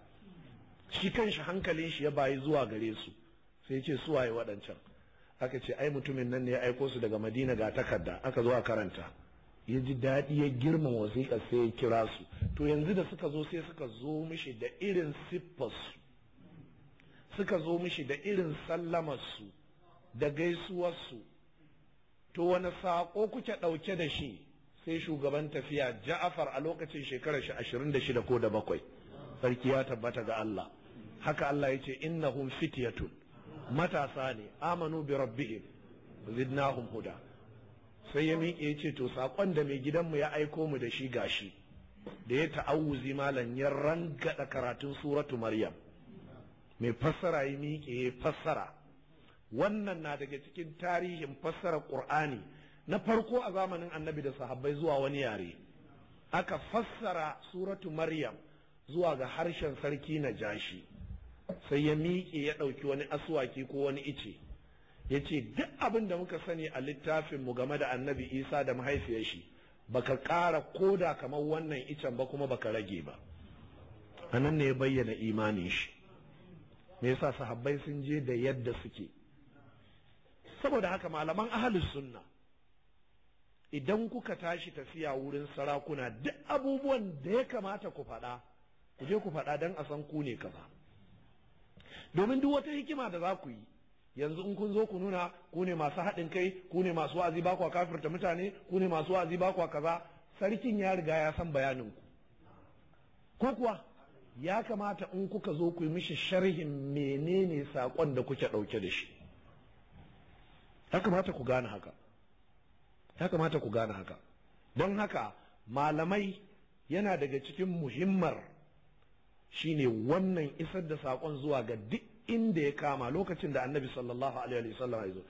shi kanshi hankalin shi ya bayi zuwa gare su sai ce su waye waɗancan aka ce ai mutumin nan ne ya aiko su daga madina ga takarda aka zo a karanta ya ji daɗi ya girma wasiƙa sai ya kira su to yanzu da suka zo sai suka zo mishi da irin siffarsu suka zo mishi da irin sallamarsu da gaisuwarsu to wani saƙo kuke ɗauke da shi sai shugaban tafiya ja'afar a lokacin shekarar shi ashirin da shida ko da bakwai sarki ya tabbata ga Allah haka Allah ya ce innahum fityatun matasa ne amanu bi rabbihim zidnahum huda sai ya miƙe ya ce to saƙon da mai gidanmu ya aiko mu da shi gashi da ya ta'awuzi malam ya rangada karatun suratu maryam mai fassara ya miƙe ya fassara wannan na daga cikin tarihin fassara ƙur'ani na farko a zamanin annabi da sahabbai zuwa wani yare aka fassara suratu maryam zuwa ga harshen sarki na jashi sai ya miƙe ya ɗauki wani aswaki ko wani ice Ya ce duk abin da muka sani a littafin mu game da annabi isa da mahaifiyar shi baka ƙara koda kamar wannan icen ba kuma baka rage ba A nan ne ya bayyana imanin shi me yasa sahabbai sun je da yadda suke saboda haka malaman ahalus sunna idan kuka tashi tafiya wurin sarakuna duk abubuwan da ya kamata ku faɗa ku je ku faɗa don a san ku ne kaza domin duk wata hikima da za ku yi yanzu in kun zo ku nuna ku ne masu haɗin kai ku ne masu wa'azi ba kwa kafirta mutane ku ne masu wa'azi ba kwa kaza sarkin ya riga ya san bayanin ku ko kuwa ya kamata in kuka zo ku yi mishi sharhin menene saƙon da kuke ɗauke da shi ya kamata ku gane haka ya kamata ku gane haka don haka malamai yana daga cikin muhimmar shine wannan isar da saƙon zuwa ga duk inda ya kama lokacin da annabi sallallahu alaihi wasallam ya zo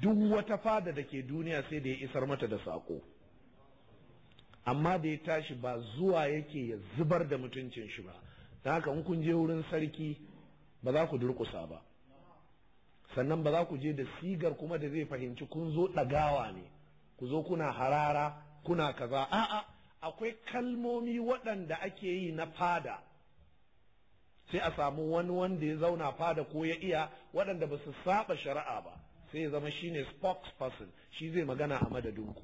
duk wata fada da ke duniya sai da ya isar mata da sako amma da ya tashi ba zuwa yake ya zubar da mutuncin shi ba don haka in kun je wurin sarki ba za ku durƙusa ba sannan ba za ku je da sigar kuma da zai fahimci kun zo ɗagawa ne ku zo kuna harara kuna kaza a'a akwai kalmomi waɗanda ake yi na fada sai a samu wani wanda ya zauna fada ko ya iya waɗanda ba su saba shari'a ba sai ya zama shine spokesperson shi zai magana a madadinku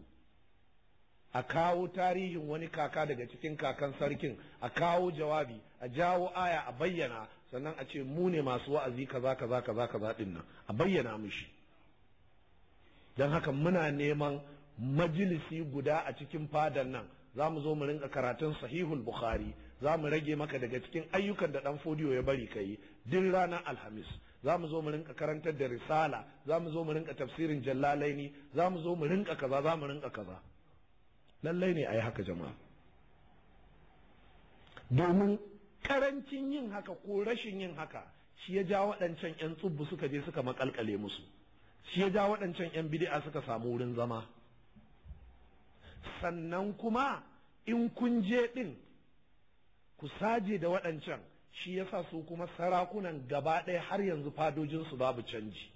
a kawo tarihin wani kaka daga cikin kakan sarkin a kawo jawabi a jawo aya a bayyana sannan a ce mu ne masu wa'azi kaza kaza kaza kaza din nan a bayyana mishi don haka muna neman majalisi guda a cikin fadan nan za mu zo mu rinka karatun sahihul bukhari za mu rage maka daga cikin ayyukan da ɗan fodiyo ya bari ka yi duk ranar alhamis za mu zo mu rinka karantar da risala za mu zo mu rinka tafsirin jallalaini za mu zo mu rinka kaza za mu rinka kaza lallai ne a yi haka jama'a domin karancin yin haka ko rashin yin haka shi ya ja waɗancan 'yan tsubbu suka je suka makalkale musu shi ya ja waɗancan 'yan bidi'a suka samu wurin zama sannan kuma in kun je ɗin ku saje da waɗancan shi ya sa su kuma sarakunan gaba ɗaya har yanzu fadojinsu babu canji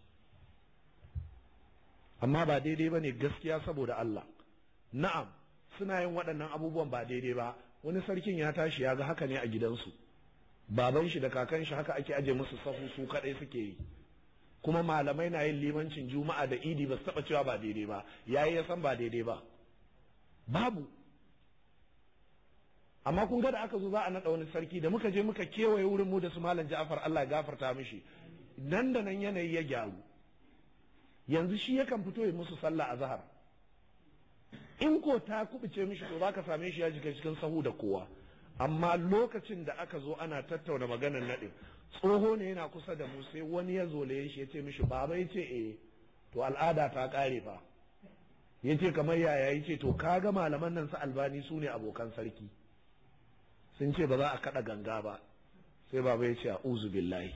amma ba daidai ba ne gaskiya saboda Allah na'am suna yin waɗannan abubuwan ba daidai ba wani sarkin ya tashi ya ga haka ne a gidansu baban shi da kakan shi haka ake aje musu sahu su kaɗai suke yi kuma malamai na yin limancin juma'a da idi ba su taɓa cewa ba daidai ba yayi ya san ba daidai ba babu amma kun ga da aka zo za a naɗa wani sarki da muka je muka kewaye wurin mu da su malam Ja'far Allah ya gafarta mishi nan da nan yanayi ya gyaru yanzu shi yakan fito ya musu sallah a zahar in ko ta kubuce mishi to zaka same shi ya jika cikin sahu da kowa amma lokacin da aka zo ana tattauna maganar naɗi. tsoho ne yana kusa da mu sai wani ya zolaye shi ya ce mishi baba ya ce eh to al'ada ta kare fa ya ce kamar yaya ya ce to kaga malaman nan su albani su ne abokan sarki sun ce ba za a kada ganga ba sai baba ya ce a uzu billahi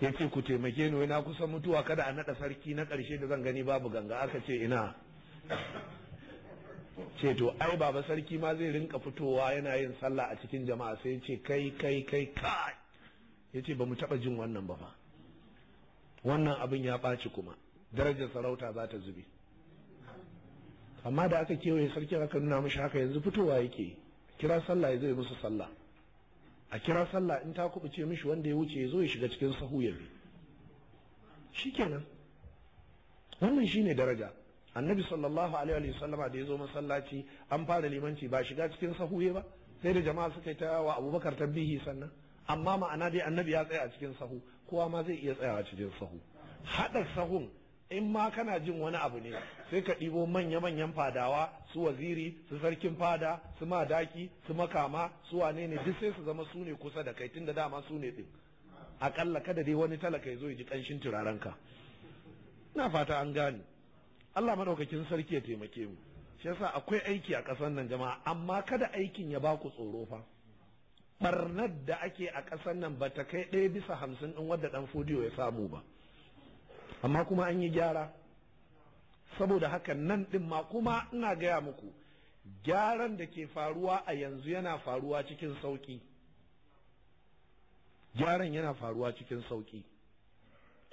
ya ce ku taimake ni na kusa mutuwa kada a naɗa sarki na ƙarshe da zan gani babu ganga aka ce ina ce to ai baba sarki ma zai rinka fitowa yana yin sallah a cikin jama'a sai ce kai kai kai kai ya ce ba mu taɓa jin wannan ba fa wannan abin ya ɓaci kuma darajar sarauta za ta zube amma da aka kewaye sarki aka nuna mashi haka yanzu fitowa yake yi kira sallah ya zai musu sallah a kira sallah in ta kubuce mishi wanda ya wuce ya zo ya shiga cikin sahu ya bi shikenan wannan shine daraja annabi sallallahu alaihi wa sallama da ya zo masallaci an fara limanci ba shiga cikin sahu ba sai da jama'a suka yi ta wa abubakar tabbihi sannan amma ma'ana dai annabi ya tsaya a cikin sahu kowa ma zai iya tsayawa cikin sahu haɗa sahun in ma kana jin wani abu ne sai ka ɗibo manya-manyan fadawa su waziri su sarkin fada su madaki su makama su wane ne duk sai su zama su ne kusa da kai tun da dama su ne ɗin aƙalla kada dai wani talaka ya zo ya ji ƙanshin turarenka na fata an gane Allah maɗaukakin sarki ya taimake mu shi yasa akwai aiki a ƙasar nan jama'a amma kada aikin ya baku tsoro fa barnar da ake a ƙasar nan ba ta kai ɗaya bisa hamsin ɗin wadda ɗan fodiyo ya samu ba amma kuma an yi gyara saboda haka nan ɗin ma kuma ina gaya muku gyaran da ke faruwa a yanzu yana faruwa cikin sauƙi gyaran yana faruwa cikin sauƙi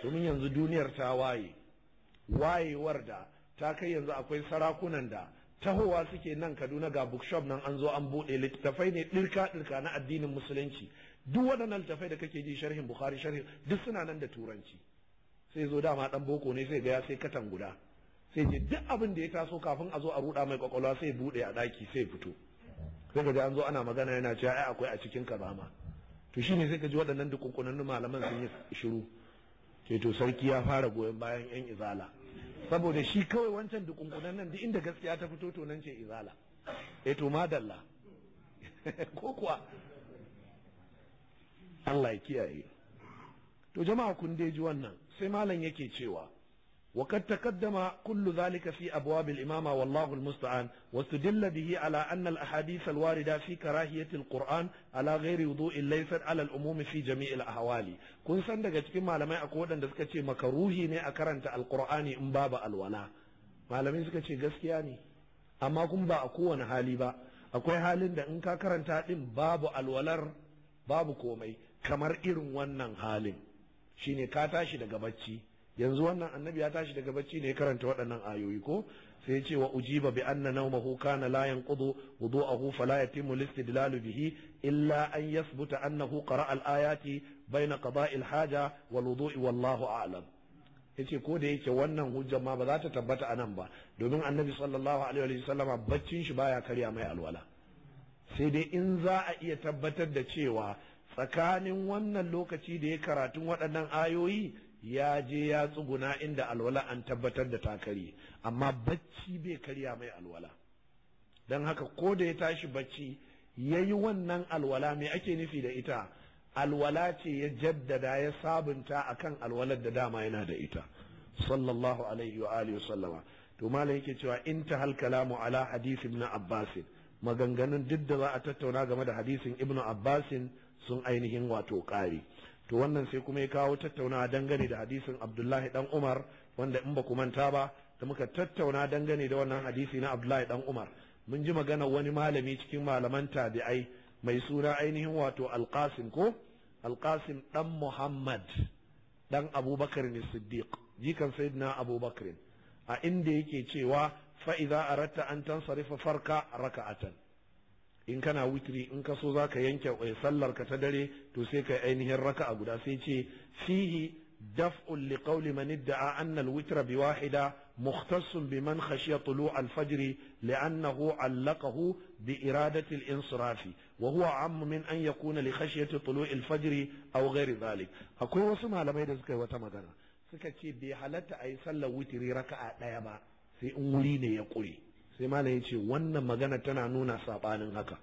domin yanzu duniyar ta waye wayewar da ta kai yanzu akwai sarakunan da tahowa suke nan kaduna ga bookshop nan an zo an buɗe littafai ne ɗirka ɗirka na addinin musulunci duk waɗannan littattafai da kake ji sharhin bukhari sharhin duk suna nan da turanci sai zo dama dan boko ne sai ga ya sai katan guda sai je duk abin da ya taso kafin a zo a ruda mai kwakwalwa sai bude a daki sai fito sai ga an zo ana magana yana cewa ai akwai a cikin ka bama to shine sai ka ji waɗannan dukunkunan malaman sun yi shiru ke to sarki ya fara goyon bayan yan izala saboda shi kawai wancan dukunkunan nan duk inda gaskiya ta fito to nan ce izala eh to madalla ko kuwa Allah ya kiyaye to jama'a kun dai ji wannan sai malam yake cewa وقد تقدم كل ذلك في أبواب الإمامة والله المستعان واستدل به على أن الأحاديث الواردة في كراهية القرآن على غير وضوء ليست على الأموم في جميع الأحوال كن سندق كما لما يقول أن تسكتي مكروهي ني أكرنت القرآن إن باب الولاء ما لم يسكتي قسكياني أما كن بأكون حالي با أكوي حالي إن كرنت باب الولر باب كومي كمر إرن ونن حالي shine ka tashi daga bacci yanzu wannan annabi ya tashi daga bacci ne karanta waɗannan ayoyi ko sai ce wa ujiba bi anna nawmahu kana la yanqudu wudu'ahu fala yatimu al-istidlalu bihi illa an yathbuta annahu qara'a al-ayati baina qada'i al-haja wal wudu'i wallahu a'lam yace ko da yake wannan hujja ma ba za ta tabbata anan ba domin annabi sallallahu alaihi wa sallam, baccin shi baya karya mai alwala sai dai in za a iya tabbatar da cewa tsakanin wannan lokaci da ya karatun waɗannan ayoyi ya je ya tsuguna inda alwala an tabbatar da takari amma bacci bai karya mai alwala don haka ko da ya tashi bacci ya yi wannan alwala mai ake nufi da ita alwala ce ya jaddada ya sabunta a kan alwalar da dama yana da ita sallallahu alaihi wa alihi sallama to malam yake cewa in ta hal kalamu ala na Abbasin? maganganun duk da za a tattauna game da hadisin ibnu Abbasin? sun ainihin wato ƙari to wannan sai kuma ya kawo tattaunawa dangane da hadisin abdullahi dan umar wanda in ba ku manta ba da muka tattauna dangane da wannan hadisi na abdullahi dan umar mun ji magana wani malami cikin malaman tabi'ai mai suna ainihin wato alqasim ko alqasim dan muhammad dan abubakar ne siddiq jikan sayyidina abubakar a inda yake cewa fa idza aratta an tansarifa farka raka'atan in kana witri in ka so za yanke sallar ka ta dare to sai ka ainihin raka'a guda sai ce fihi daf'un li qawli man idda'a anna al-witra bi wahida mukhtassun bi man khashiya tulu' al-fajr li'annahu 'allaqahu bi iradati al-insirafi wa huwa 'amm min an yakuna li khashiyati tulu' al-fajr aw ghairi dhalik akwai wasu malamai da suka yi wata magana suka ce bai halatta ayi sallar witri raka'a daya ba sai in wuri ne ya kure sai malam ya ce wannan magana tana nuna saɓanin haka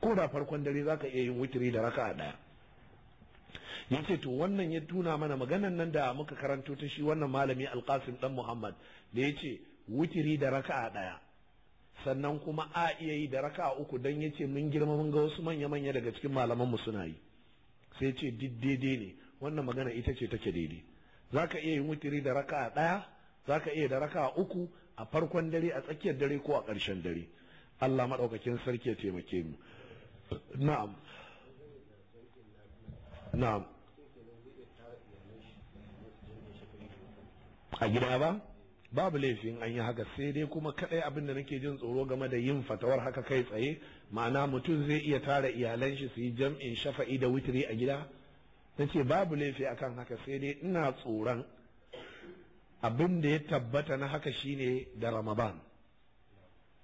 ko da farkon dare za ka iya yin wuturi da raka ɗaya ya ce to wannan ya tuna mana maganan nan da muka karanto ta shi wannan malami alkasim dan muhammad da ya ce da raka ɗaya sannan kuma a iya yi da raka uku don yace mun girma mun ga wasu manya-manya daga cikin malaman mu suna yi sai ce duk daidai ne wannan magana ita ce take daidai za ka iya yin wutiri da raka ɗaya za ka iya da raka uku a farkon dare a tsakiyar dare ko a ƙarshen dare Allah maɗaukakin sarki ya taimake mu na'am na'am a gida ba babu laifin an yi haka sai dai kuma kaɗai abin da nake jin tsoro game da yin fatawar haka kai tsaye ma'ana mutum zai iya tara iyalan shi su yi jam'in shafa'i da witiri a gida nace babu laifi akan haka sai dai ina tsoron abin da ya tabbata na haka shine da ramadan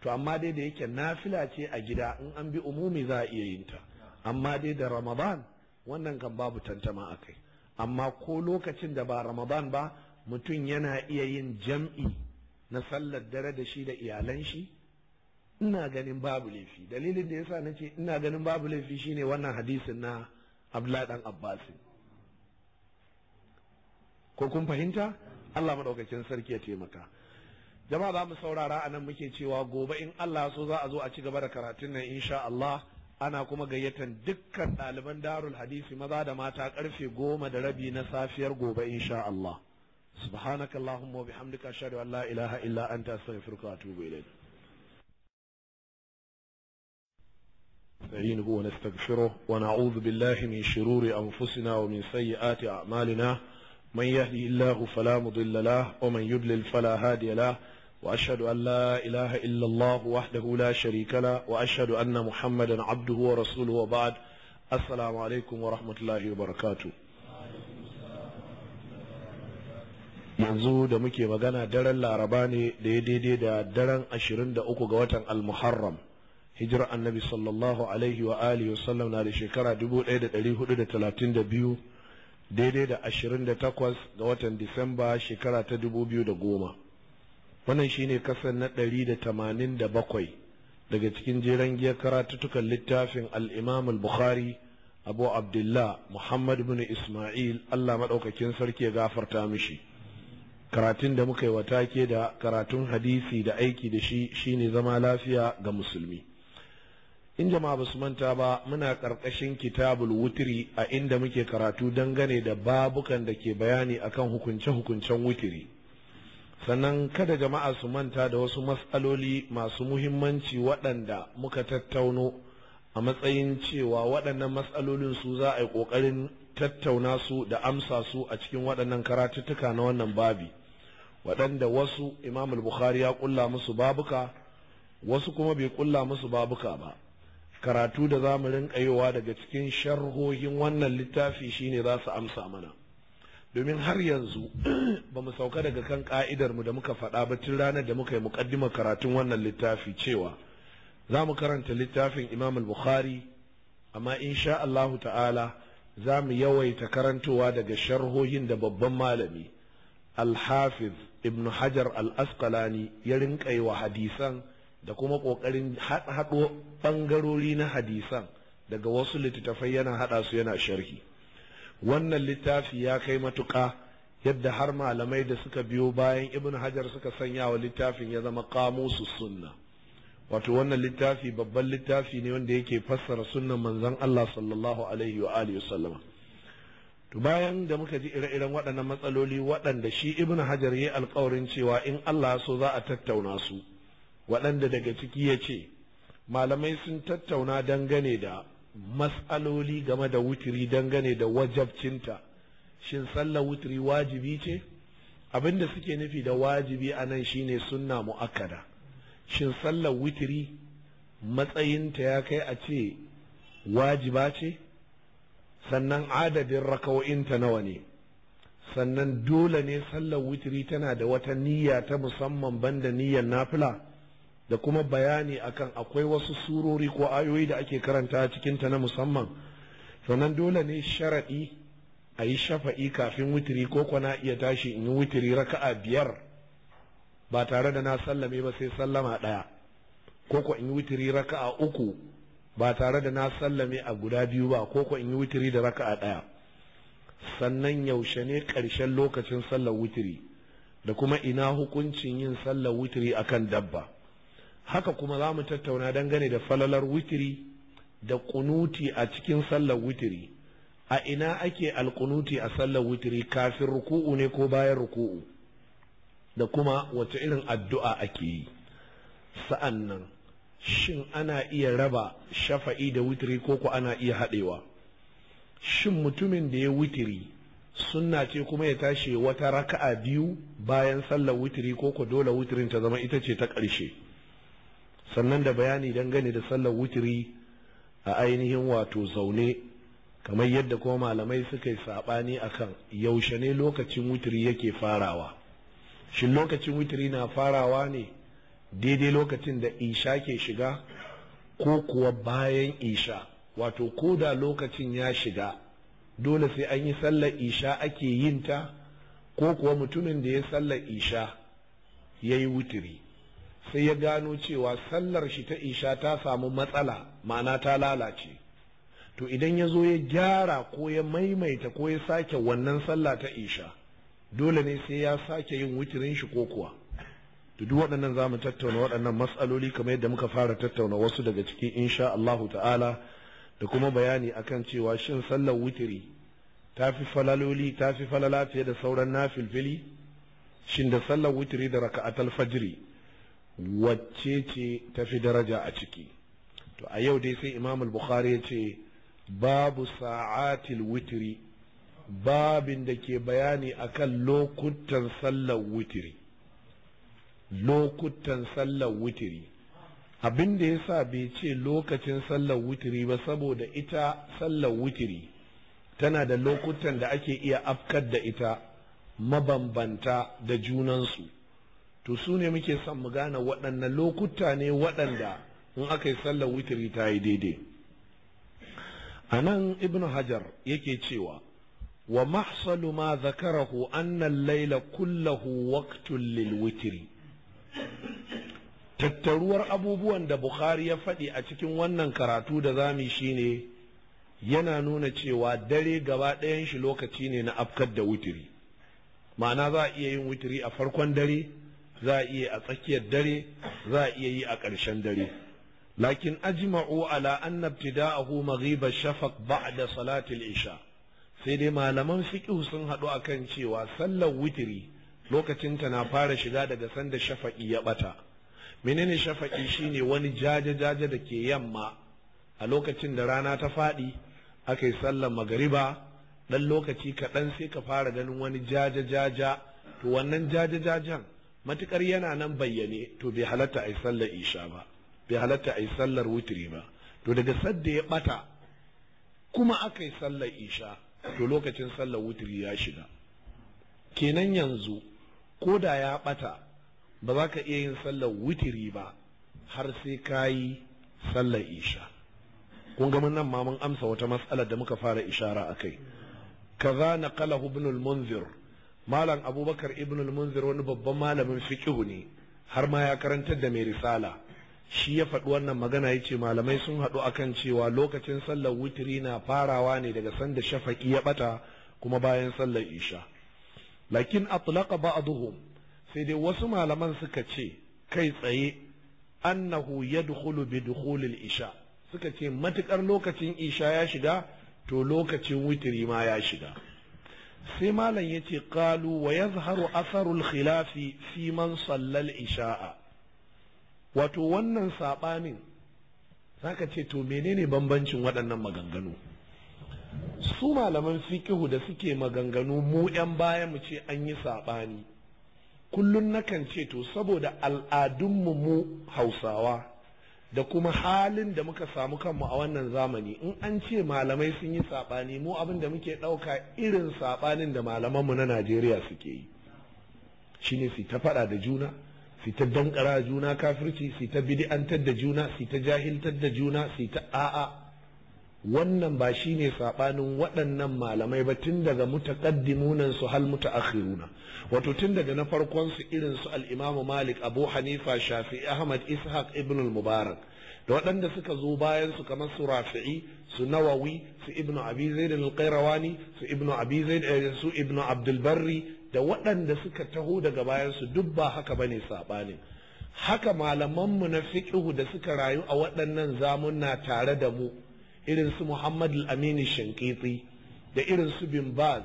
to amma dai da yake nafila ce a gida in an bi umumi za a iya yin ta amma dai da ramadan wannan kan babu tantama a kai amma ko lokacin da ba ramadan ba mutum yana iya yin jam'i na sallar dare da shi da iyalan shi ina ganin babu laifi dalilin da yasa na ce ina ganin babu laifi shine wannan hadisin na abdullahi dan abbasin ko kun fahimta Allah madaukakin sarki ya taimaka jama'a za mu saurara a nan muke cewa gobe in Allah so za a zo a ci gaba da karatun nan insha Allah ana kuma gayyatan dukkan ɗaliban darul hadisi maza da mata karfe goma da rabi na safiyar gobe insha Allah subhanakallahumma wa bihamdika ashhadu an la ilaha illa anta astaghfiruka wa atubu ilayk نستعينه ونستغفره ونعوذ بالله من شرور أنفسنا ومن سيئات أعمالنا من يهدي الله فلا مضل له ومن يضلل فلا هادي له وأشهد أن لا إله إلا الله وحده لا شريك له وأشهد أن محمدا عبده ورسوله وبعد السلام عليكم ورحمة الله وبركاته yanzu da muke magana daren laraba ne da ya daidai da daren ashirin da uku ga watan almuharram hijirar annabi sallallahu alaihi wa alihi wasallam na da shekara dubu da ɗari hudu da talatin da biyu daidai da 28 ga watan Disamba shekara ta 2010 wannan shine kasan na 187 daga cikin jeren giyar karatuttukan littafin al-Imam al-Bukhari Abu Abdullah Muhammad bin Ismail Allah madaukakin sarki ya gafarta mishi karatun da muka yi wa take da karatun hadisi da aiki da shi shine zama lafiya ga musulmi in jama'a ba su manta ba muna ƙarƙashin kitabul wutiri a inda muke karatu dangane da babukan da ke bayani akan hukunce-hukuncen wutiri sannan kada jama'a su manta da wasu matsaloli masu muhimmanci waɗanda muka tattauno a matsayin cewa waɗannan matsalolin su za a yi ƙoƙarin tattauna su da amsa su a cikin waɗannan karatuttuka na wannan babi waɗanda wasu imam bukhari ya ƙulla musu babuka wasu kuma bai ƙulla musu babuka ba karatu da za mu rinka daga cikin sharhohin wannan littafi shine za su amsa mana domin har yanzu ba mu sauka daga kan ka'idar mu da muka faɗa ba tun ranar da muka yi muƙaddima karatun wannan littafi cewa za mu karanta littafin imam bukhari amma insha Allahu ta'ala za mu yawaita karantowa daga sharhohin da babban malami al-hafiz ibn hajar al-asqalani ya rinka yi wa hadisan da kuma ƙoƙarin haɗo ɓangarori na hadisan daga wasu littattafai yana haɗa su yana sharhi wannan littafi ya kai matuƙa yadda har malamai da suka biyo bayan ibn hajar suka sanya wa littafin ya zama kamusu sunna wato wannan littafi babban littafi ne wanda yake fassara sunnan manzon Allah sallallahu alaihi wa alihi Sallama. to bayan da muka ji ire-iren waɗannan matsaloli waɗanda shi ibn hajar yayi alƙawarin cewa in Allah so za a tattauna su waɗanda daga ciki ya ce malamai sun tattauna dangane da matsaloli game da wutiri dangane da wajabcinta shin sallar wutiri wajibi ce abin suke nufi da wajibi a nan shine sunna mu'akkada shin sallar wutiri matsayinta ya kai a ce wajiba ce sannan adadin raka'o'inta nawa ne sannan dole ne sallar wutiri tana da wata niyya ta musamman banda niyyar nafila da kuma bayani akan akwai wasu surori ko ayoyi da ake karanta cikinta na musamman sannan dole ne sharaɗi a yi shafa'i kafin witiri ko kwana iya tashi in yi witiri raka'a biyar ba tare da na sallame ba sai sallama ɗaya ko ko in yi witiri raka'a uku ba tare da na sallame a guda biyu ba ko ko in yi witiri da raka'a ɗaya sannan yaushe ne ƙarshen lokacin sallar witiri da kuma ina hukuncin yin sallar wuturi akan dabba haka kuma za mu tattauna dangane da falalar witiri da kunuti a cikin sallar witiri a ina ake alkunuti a sallar witiri kafin ruku'u ne ko bayan ruku'u da kuma wace irin addu'a ake yi sa'an nan shin ana iya raba shafa'i da witiri ko ko ana iya haɗewa shin mutumin da ya witiri sunna ce kuma ya tashi wata raka'a biyu bayan sallar witiri ko ko dole witirin ta zama ita ce ta ƙarshe sannan da bayani dangane da sallar wuturi a ainihin wato zaune kamar yadda kuma malamai suka yi saɓani kan yaushe ne lokacin wutiri yake farawa shin lokacin wuturi na farawa ne daidai lokacin da isha ke shiga ko kuwa bayan isha wato ko da lokacin ya shiga dole sai an yi sallar isha ake yinta ko kuwa mutumin da ya sallar isha ya yi wuturi. sai ya gano cewa sallar shi ta isha ta samu matsala ma'ana ta lalace to idan ya zo ya gyara ko ya maimaita ko ya sake wannan sallah ta isha dole ne sai ya sake yin wuturin shi ko kuwa to duk waɗannan za mu tattauna waɗannan matsaloli kamar yadda muka fara tattauna wasu daga ciki insha Allahu ta'ala da kuma bayani akan cewa shin sallar wutiri ta fi falaloli ta fi falala fiye da sauran nafilfili shin da sallar wutiri da raka'atul fajri wacce ce ta fi daraja a ciki to a yau dai sai imam al-bukhari ya ce babu sa'atil witri babin da ke bayani akan lokutan sallar witri lokutan sallar witri abin da ya sa bai ce lokacin sallar witri ba saboda ita sallar witri tana da lokutan da ake iya afkar da ita mabambanta da junansu to su ne muke son mu gane waɗanne lokuta ne waɗanda in aka yi sallar witiri ta yi daidai a nan ibn hajar yake cewa wa mahsalu ma zakarahu annan laila kullahu waqtun lil witiri tattaruwar abubuwan da bukhari ya faɗi a cikin wannan karatu da zami shine yana nuna cewa dare gaba ɗayan shi lokaci ne na afkar da witiri ma'ana za a iya yin witiri a farkon dare za a iya a tsakiyar dare za a iya yi a ƙarshen dare lakin ajma'u ala anna ibtida'ahu maghib shafaq ba'da salati al-isha sai dai malaman fiqh sun haɗu akan cewa sallar witiri lokacin ta na fara shiga daga sanda shafaqi ya bata menene shafaqi shine wani jaje-jaje da ke yamma a lokacin da rana ta faɗi aka yi sallar magariba ɗan lokaci kaɗan sai ka fara ganin wani jaja-jaja to wannan jaja-jajan matukar yana nan bayyane to bai halatta a yi sallar isha ba bai halatta a yi sallar wutiri ba to daga sadda ya bata kuma aka yi sallar isha to lokacin sallar wutiri ya shiga kenan yanzu ko da ya ɓata, ba za ka iya yin sallar wutiri ba har sai ka yi sallar isha kun ga mun nan ma mun amsa wata matsalar da muka fara ishara akai kaza naqalahu ibn al-munzir malam abubakar ibn al-munzir wani babban malamin fiqhu ne har ma ya karantar da mai risala shi ya faɗi wannan magana ya ce malamai sun haɗu a kan cewa lokacin sallar witiri na farawa ne daga sanda shafaki ya ɓata kuma bayan sallar isha lakin atlaqa ba'dhum sai dai wasu malaman suka ce kai tsaye annahu ya yadkhulu bi dukhulil isha suka ce matukar lokacin isha ya shiga to lokacin witiri ma ya shiga sai malam ya ce kalu wa ya zaharu asarul khilafi fi man sallal isha'a wato wannan saɓanin za ka ce to menene bambancin waɗannan maganganu su malaman fikihu da suke maganganu mu 'yan baya mu ce an yi saɓani kullum nakan ce to saboda al'adunmu mu hausawa da kuma halin da muka samu kanmu a wannan zamani in an ce malamai sun yi saɓani mu abin da muke ɗauka irin saɓanin da malamanmu na najeriya suke yi shine su ta faɗa da juna su ta dankara juna kafirci su ta bid'antar da juna su ta jahiltar da juna su ta a'a wannan ba shi ne saɓanin waɗannan malamai ba tun daga mutaƙaddimunan su hal mutaakhiruna wato tun daga na farkon su irin su al-Imam Malik Abu Hanifa Shafi Ahmad Ishaq Ibn al-Mubarak da waɗanda suka zo bayan su kamar su Rafi'i su Nawawi su Ibn Abi Zaid al-Qayrawani su Ibn Abi Zaid eh, su Ibn Abdul Barri da waɗanda suka taho daga bayan su duk ba haka bane saɓanin haka malamanmu na fiqhu da suka rayu a waɗannan zamuna tare da mu irin su Muhammad al Shankiti da irin su Bin Baz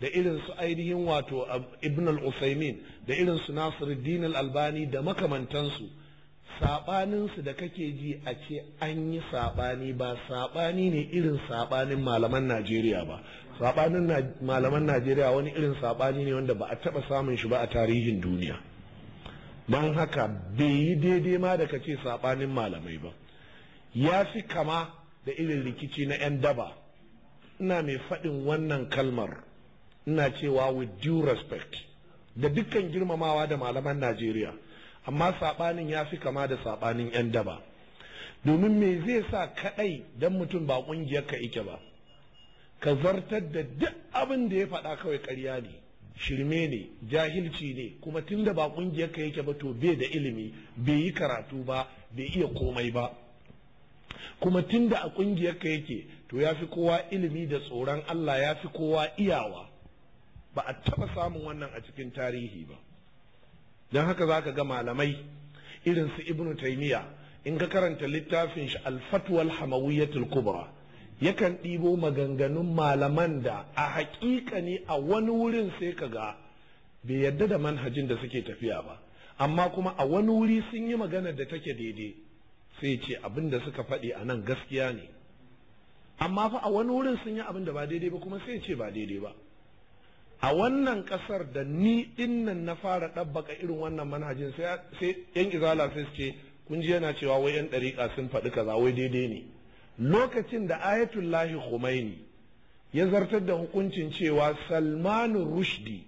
da irin su ainihin wato um, Ibn al usaimin da irin su Nasiruddin al-Albani da makamantansu sabanin su da kake ji a ce an yi sabani ba sabani ne irin sabanin malaman Najeriya ba sabanin malaman Najeriya wani irin saɓani ne wanda ba a taɓa samun shi ba a tarihin duniya don haka bai yi daidai ma da kace saɓanin malamai ba ya fi kama da irin rikici na 'yan daba ina mai faɗin wannan kalmar ina cewa with due respect da dukkan girmamawa da malaman najeriya amma saɓanin ya fi kama da saɓanin 'yan daba domin me zai sa kaɗai don mutum ba ƙungiyar ka ike ba ka zartar da duk abin da ya faɗa kawai ƙarya ne shirme ne jahilci ne kuma tunda ba ƙungiyar ka yake ba to bai da ilimi bai yi karatu ba bai iya komai ba kuma tunda a kungiyar ka yake to ya fi kowa ilimi da tsoron Allah ya fi kowa iyawa ba a taɓa samun wannan a cikin tarihi ba don haka za ka ga malamai irin su ibnu taimiya in ka karanta littafin shi alfatwal hamawiyatul kubra yakan ɗibo maganganun malaman da a haƙiƙa ne a wani wurin sai ka ga bai yadda da manhajin da suke tafiya ba amma kuma a wani wuri sun yi magana da take daidai sai ce abin da suka faɗi a nan gaskiya ne amma fa a wani wurin sun yi abin da ba daidai ba kuma sai ce ba daidai ba a wannan ƙasar da ni dinnan na fara ɗabbaka irin wannan manhajin sai yan izala sai su ce kun ji yana cewa wai yan ɗariƙa sun faɗi kaza wai daidai ne lokacin da ayatullahi khumaini ya zartar da hukuncin cewa salmanu rushdi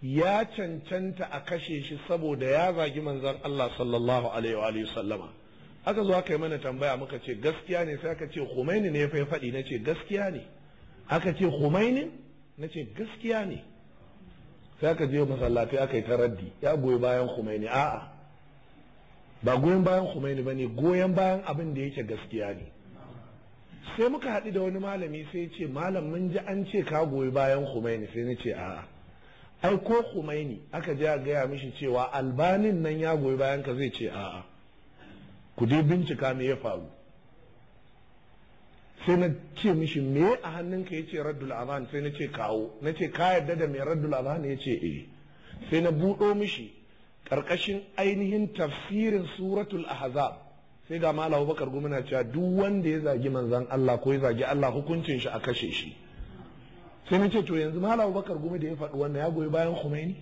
ya cancanta a kashe shi saboda ya zagi manzon Allah sallallahu alaihi wa sallama aka zo aka yi mana tambaya muka ce gaskiya ne sai aka ce Khumaini ne ya faɗi na ce gaskiya ne aka ce Khumaini na ce gaskiya ne sai aka je masallatai aka yi taraddi ya goyi bayan Khumaini a'a ba goyon bayan Khumaini ba ne goyon bayan abin da yake gaskiya ne sai muka haɗu da wani malami sai ya ce malam mun ji an ce ka goyi bayan Khumaini sai na ce a'a ai ko Khumaini aka je a gaya mishi cewa albanin nan ya goyi bayan ka zai ce a'a ku je bincika me ya faru sai na ce mishi me a hannunka ya ce raddul azan sai na ce kawo na ce ka yarda da me raddul azan ya ce eh sai na buɗo mishi ƙarƙashin ainihin tafsirin suratul ahzab sai ga mala bakar na cewa duk wanda ya zagi manzan Allah ko ya zagi Allah hukuncin shi a kashe shi sai na ce to yanzu malam bakar gumi da ya faɗi wannan ya goyi bayan Khomeini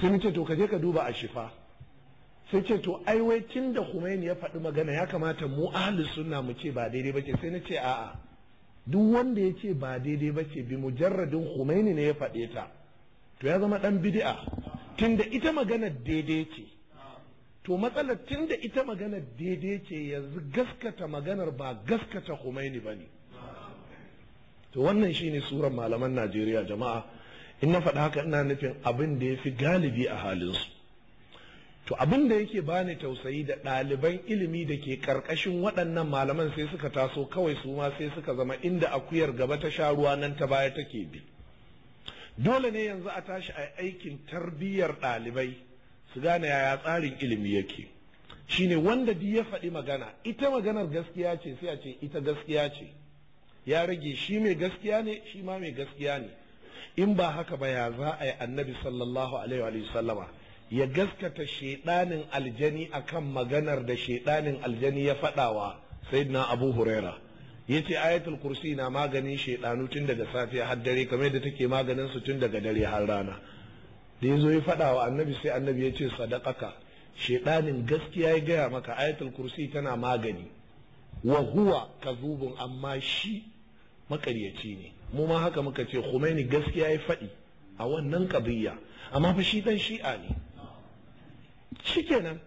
sai na ce to ka je ka duba a shifa sai ce to ai wai tun da Khomeini ya faɗi magana ya kamata mu ahli sunna mu ce ba daidai bace sai na ce a'a duk wanda ya ce ba daidai bace bi mujarradin Khomeini ne ya faɗe ta to ya zama dan bid'a tunda ita magana daidai ce to matsalar tunda ita magana daidai ce yanzu gaskata maganar ba gaskata Khomeini bane to wannan shine suran malaman Najeriya jama'a in na faɗi haka ina nufin abin da ya fi galibi a halinsu to abin da yake bani tausayi da ɗaliban ilimi da ke ƙarƙashin waɗannan malaman sai suka taso kawai su ma sai suka zama inda akuyar gaba ta sha ruwa nan ta baya take bi dole ne yanzu a tashi a aikin tarbiyyar ɗalibai su gane yaya tsarin ilimi yake ne wanda duk ya faɗi magana ita maganar gaskiya ce sai a ce ita gaskiya ce ya rage shi mai gaskiya ne shi ma mai gaskiya ne in ba haka ba ya za a yi annabi sallallahu alaihi wa sallama ya gaskata shaidanin aljani akan maganar da shaidanin aljani ya faɗawa sayyidina abu huraira yace ayatul kursi na maganin shaidanu tun daga safiya har dare kamar yadda take maganin su tun daga dare har rana da yazo ya faɗawa annabi sai annabi ya yace sadaqaka shaidanin gaskiya ya gaya maka ayatul kursi tana magani wa huwa kazubun amma shi makaryaci ne mu ma haka muka ce Khumaini gaskiya ya faɗi a wannan kabiya, amma fa shi dan shi'a ne kenan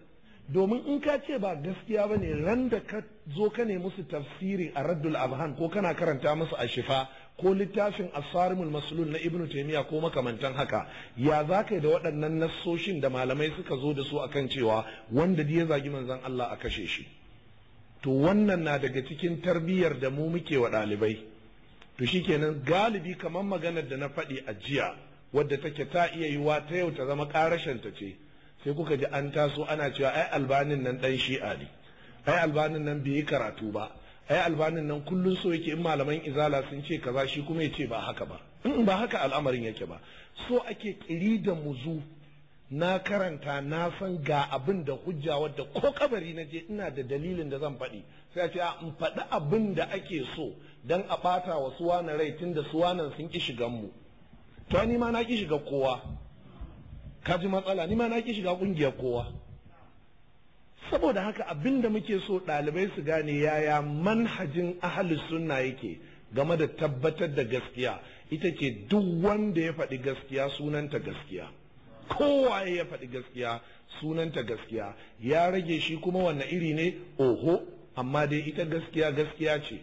domin in ka ce ba gaskiya ba ne ran da ka zo ka ne musu tafsiri a raddul abhan ko kana karanta musu a shifa ko littafin asarimul maslul na ibnu taimiya ko makamantan haka ya za ka yi da waɗannan nassoshin da malamai suka zo da su akan cewa wanda ya zagi manzon Allah a kashe shi to wannan na daga cikin tarbiyyar da mu muke wa ɗalibai to shikenan galibi kamar maganar da na faɗi a jiya wadda take ta iya yiwa ta yau ta zama ƙarashanta ce sai kuka ji an taso ana cewa ai albanin nan dan shi'a ne ai albanin nan bai yi karatu ba ai albanin nan kullun so yake in malaman izala sun ce kaza shi kuma ya ce ba haka ba in ba haka al'amarin yake ba so ake kiri da muzu na karanta na san ga abin da hujja wadda ko kabari na je ina da dalilin da zan faɗi sai a ce ah, in faɗi abin da ake so dan a ɓata wa suwana rai tun da suwanan sun ƙi shigan mu to ni ma na ƙi shiga kowa ka ji matsala ni ma na ki shiga kungiyar kowa saboda haka abin da muke so ɗalibai su gane yaya manhajin ahalus sunna yake game da tabbatar da gaskiya ita ce duk wanda ya faɗi gaskiya sunanta gaskiya kowaye ya faɗi gaskiya sunanta gaskiya ya rage shi kuma wanne iri ne oho amma dai ita gaskiya gaskiya ce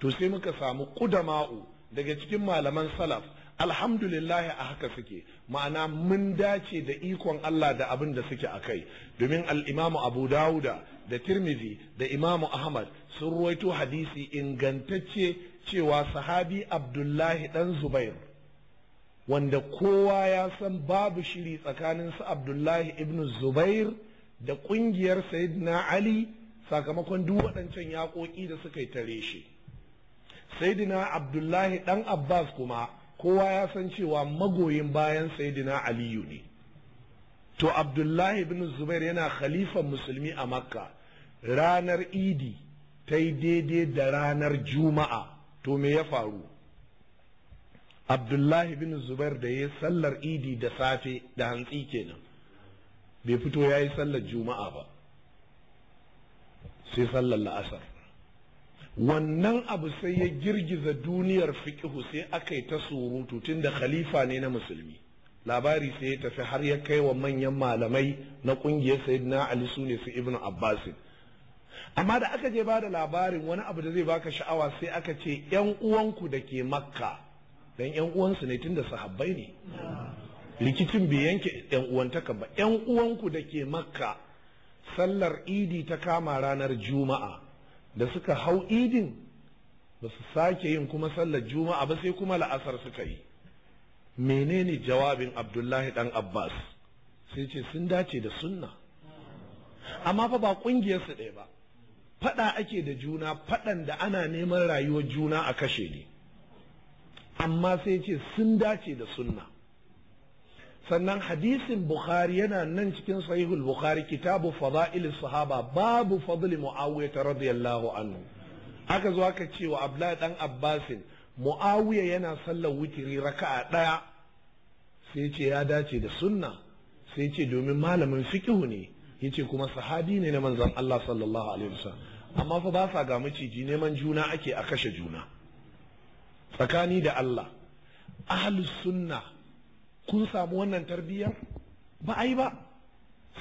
to sai muka samu ƙudama'u daga cikin malaman salaf alhamdulillah a haka suke ma'ana mun dace da ikon Allah da abin da suke a kai domin al'imamu abu dawuda da tirmizi da imamu ahmad sun ruwaito hadisi ingantacce cewa sahabi abdullahi dan zubair wanda kowa ya san babu shiri tsakanin su abdullahi ibn zubair da kungiyar sayyidina ali sakamakon duk waɗancan yaƙoƙi da suka yi tare shi sayyidina abdullahi dan abbas kuma kowa ya san cewa magoyin bayan saidina aliyu ne to abdullahi bin zubair yana khalifan musulmi a makka ranar idi ta yi daidai da ranar juma'a to me ya faru abdullahi bin zubair da ya sallar idi da safe da hantsi kenan bai fito ya yi sallar juma'a ba sai sallar la'asar wannan abu sai ya girgiza duniyar fiƙihu sai aka yi ta surutu tun da khalifa ne na musulmi labari sai ya tafi har ya kai wa manyan malamai na ƙungiyar sayyidina ali su ne su ibnu abbasin amma da aka je ba da labarin wani abu da zai baka sha'awa sai aka ce yan uwanku da ke makka dan yan uwansu ne tun su sahabbai ne rikicin bai yanke yan uwantaka ba yan uwanku da ke makka sallar idi ta kama ranar juma'a da suka hau idin ba su sake yin kuma sallar juma'a ba sai kuma la'asar suka yi menene jawabin abdullahi dan abbas sai ce sun dace da sunna amma fa ba kungiyar su ɗaya ba fada ake da juna fadan da ana neman rayuwar juna a kashe ne amma sai ce sun dace da sunna sannan hadisin bukhari yana nan cikin sahihul bukhari kitabu fada'il sahaba babu fadli muawiya radiyallahu anhu aka zo aka cewa wa abdullahi dan abbasin muawiya yana sallar wutiri raka'a daya sai ce ya dace da sunna sai ce domin malamin fikihu ne yace kuma sahabi ne na manzon Allah sallallahu alaihi wasallam amma fa ba sa ga maciji neman juna ake a kashe juna tsakani da Allah ahlus sunna kun samu wannan tarbiyyar ba a yi ba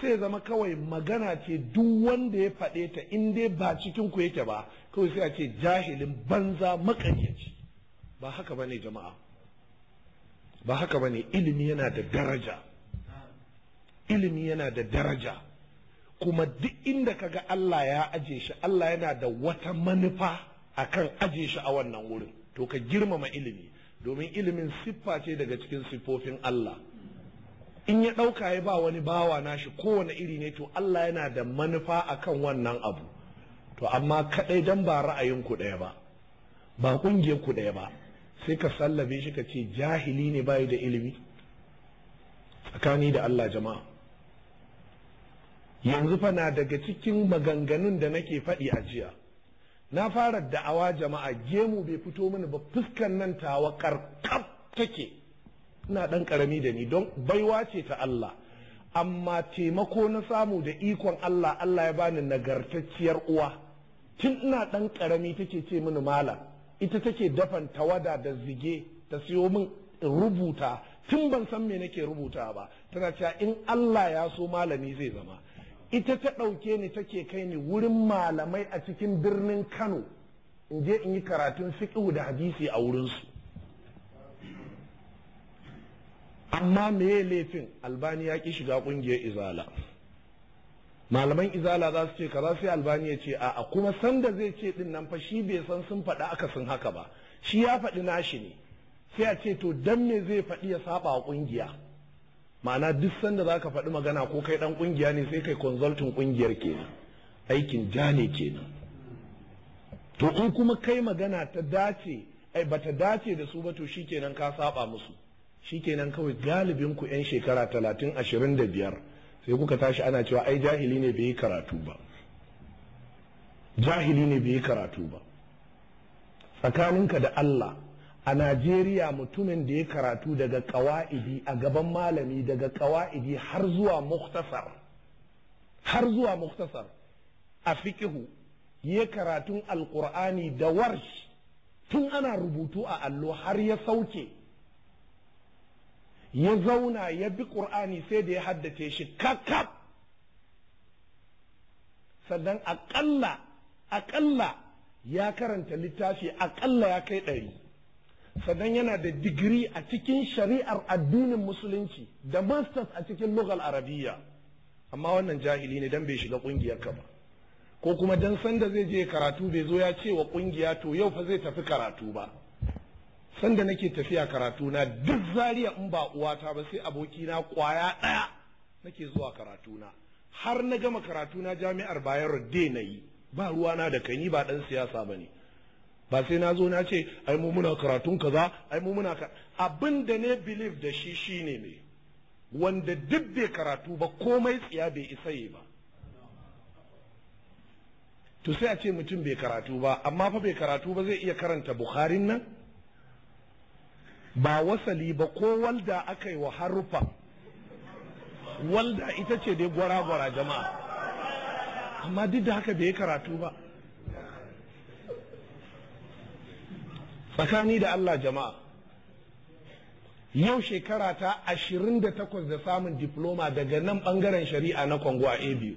sai zama kawai magana ce duk wanda ya faɗe ta in dai ba cikin ku yake ba kawai sai a ce jahilin banza makanyaci ba haka bane jama'a ba haka bane ilimi yana da daraja ilimi yana da daraja kuma duk inda ka ga Allah ya aje shi Allah yana da wata manufa akan aje shi a wannan wurin to ka girmama ilimi domin ilimin siffa ce daga cikin siffofin Allah in ya ɗauka ya ba wani bawa nashi kowane iri ne to Allah yana da manufa akan wannan abu to amma kaɗai don ba ra'ayin ku ɗaya ba ba ƙungiyar ku ɗaya ba sai ka sallabe shi ka ce jahili ne bayi da ilimi tsakani da Allah jama'a yanzu fana daga cikin maganganun da nake faɗi a jiya na fara da'awa jama'a gemu bai fito mini ba fuskan nan tawa karkar take ina dan karami da ni don baiwa ce ta Allah amma taimako na samu da ikon Allah Allah ya bani nagartacciyar uwa tun ina dan karami take ce mini malam ita take dafan tawada da zige ta siyo min rubuta tun ban san me nake rubuta ba tana cewa in Allah ya so malami zai zama ita ta ɗauke ni take kai ni wurin malamai a cikin birnin kano in je in yi karatun fiƙihu da hadisi a wurinsu amma meye laifin albani ya ƙi shiga ƙungiyar izala malaman izala za su ce ka za su yi albani ya ce a'a kuma sanda zai ce din nan fa shi bai san sun faɗi aka sun haka ba shi ya faɗi nashi ne sai a ce to dan me zai faɗi ya saba a ƙungiya ma'ana duk sanda za ka faɗi magana ko kai ɗan ƙungiya ne sai kai consulting ƙungiyar kenan aikin ja ne kenan to in kuma kai magana ta dace ai bata dace da su ba to shikenan ka saba musu shi shikenan kawai galibin ku yan shekara talatin ashirin da biyar sai kuka tashi ana cewa ai jahili ne bai yi karatu ba jahili ne bai yi karatu ba tsakaninka da Allah a Najeriya mutumin da ya karatu daga kawaidi a gaban malami daga kawaidi har zuwa muktasar har zuwa muktasar a fikihu ya karatun alƙur'ani da warsh tun ana rubutu a allo har ya sauke ya zauna ya bi ƙur'ani sai da ya haddace shi kakkab sannan aƙalla aƙalla ya karanta littafi aƙalla ya kai ɗari sannan yana da digiri a cikin shari'ar addinin musulunci da masters a cikin lugal arabiya amma wannan jahili ne dan bai shiga kungiyar ka ba ko kuma dan sanda zai je karatu bai zo ya ce wa kungiya to yau fa zai tafi karatu ba sanda nake tafiya karatu na duk zariya in ba uwata ba sai abokina kwaya ɗaya nake zuwa karatu na har na gama karatu na jami'ar bayero da na yi ba ruwana da ni ba dan siyasa ba ne ba sai na zo na ce ai mu muna karatun kaza ai mu muna abin da ne believe da shi shine ne wanda duk bai karatu ba komai tsiya bai isa yi ba to sai a ce mutum bai karatu ba amma fa bai karatu ba zai iya karanta bukharin nan ba wasali ba ko walda aka yi wa harufa walda ita ce dai gwara-gwara jama'a amma duk da haka bai karatu ba tsakani da Allah jama'a yau shekara ta ashirin da takwas da samun diploma daga nan bangaren shari'a na kwango a biyu.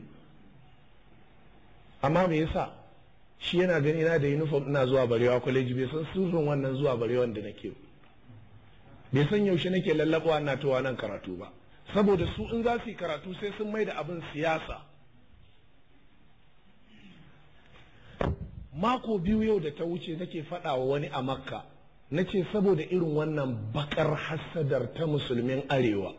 amma me yasa shi yana gani na da uniform ina zuwa barewa kwaleji bai san sirrin wannan zuwa barewan da nake bai san yaushe nake lallabawa na towa nan karatu ba saboda su in za su yi karatu sai sun mai da abin siyasa mako biyu yau da ta wuce nake faɗa wa wani a makka na ce saboda irin wannan bakar hassadar ta musulmin arewa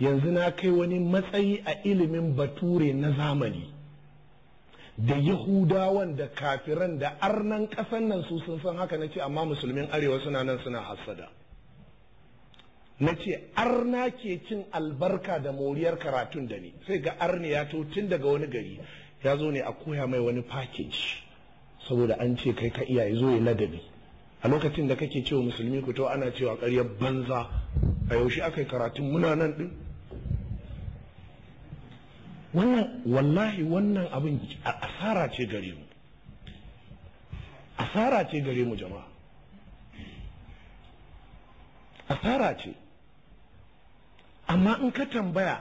yanzu na kai wani matsayi a ilimin bature na zamani da yahudawan da kafiran da arnan ƙasan nan su sun san haka na ce amma musulmin arewa suna nan suna hassada na ce arna ke cin albarka da moriyar karatun da ni sai ga arni ya to tun daga wani gari ya zo ne a koya mai wani package saboda an ce kai ka iya zo ya ladabi a lokacin da kake cewa musulmi ku to ana cewa ƙaryar banza a yaushe aka yi karatun muna nan din wannan wallahi wannan abin asara ce gare mu asara ce gare mu jama'a asara ce amma in ka tambaya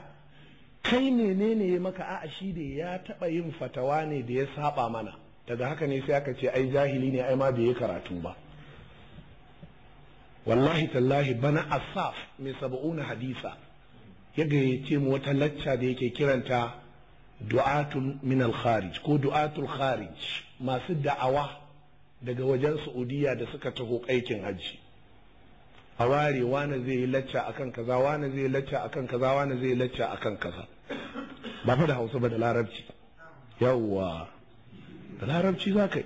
kai menene maka a'a shi da ya taɓa yin fatawa ne da ya saba mana daga haka ne sai aka ce ai jahili ne ai ma bai yi karatu ba wallahi tallahi bana asaf mai sab'una hadisa ya gayyace mu wata lacca da yake kiranta du'atul min al-kharij ko du'atul kharij masu da'awa daga wajen saudiya da suka taho aikin haji a ware wane zai yi lacca akan kaza wane zai yi lacca akan kaza wane zai yi lacca akan kaza ba fa da hausa ba da larabci yawwa da larabci za ka yi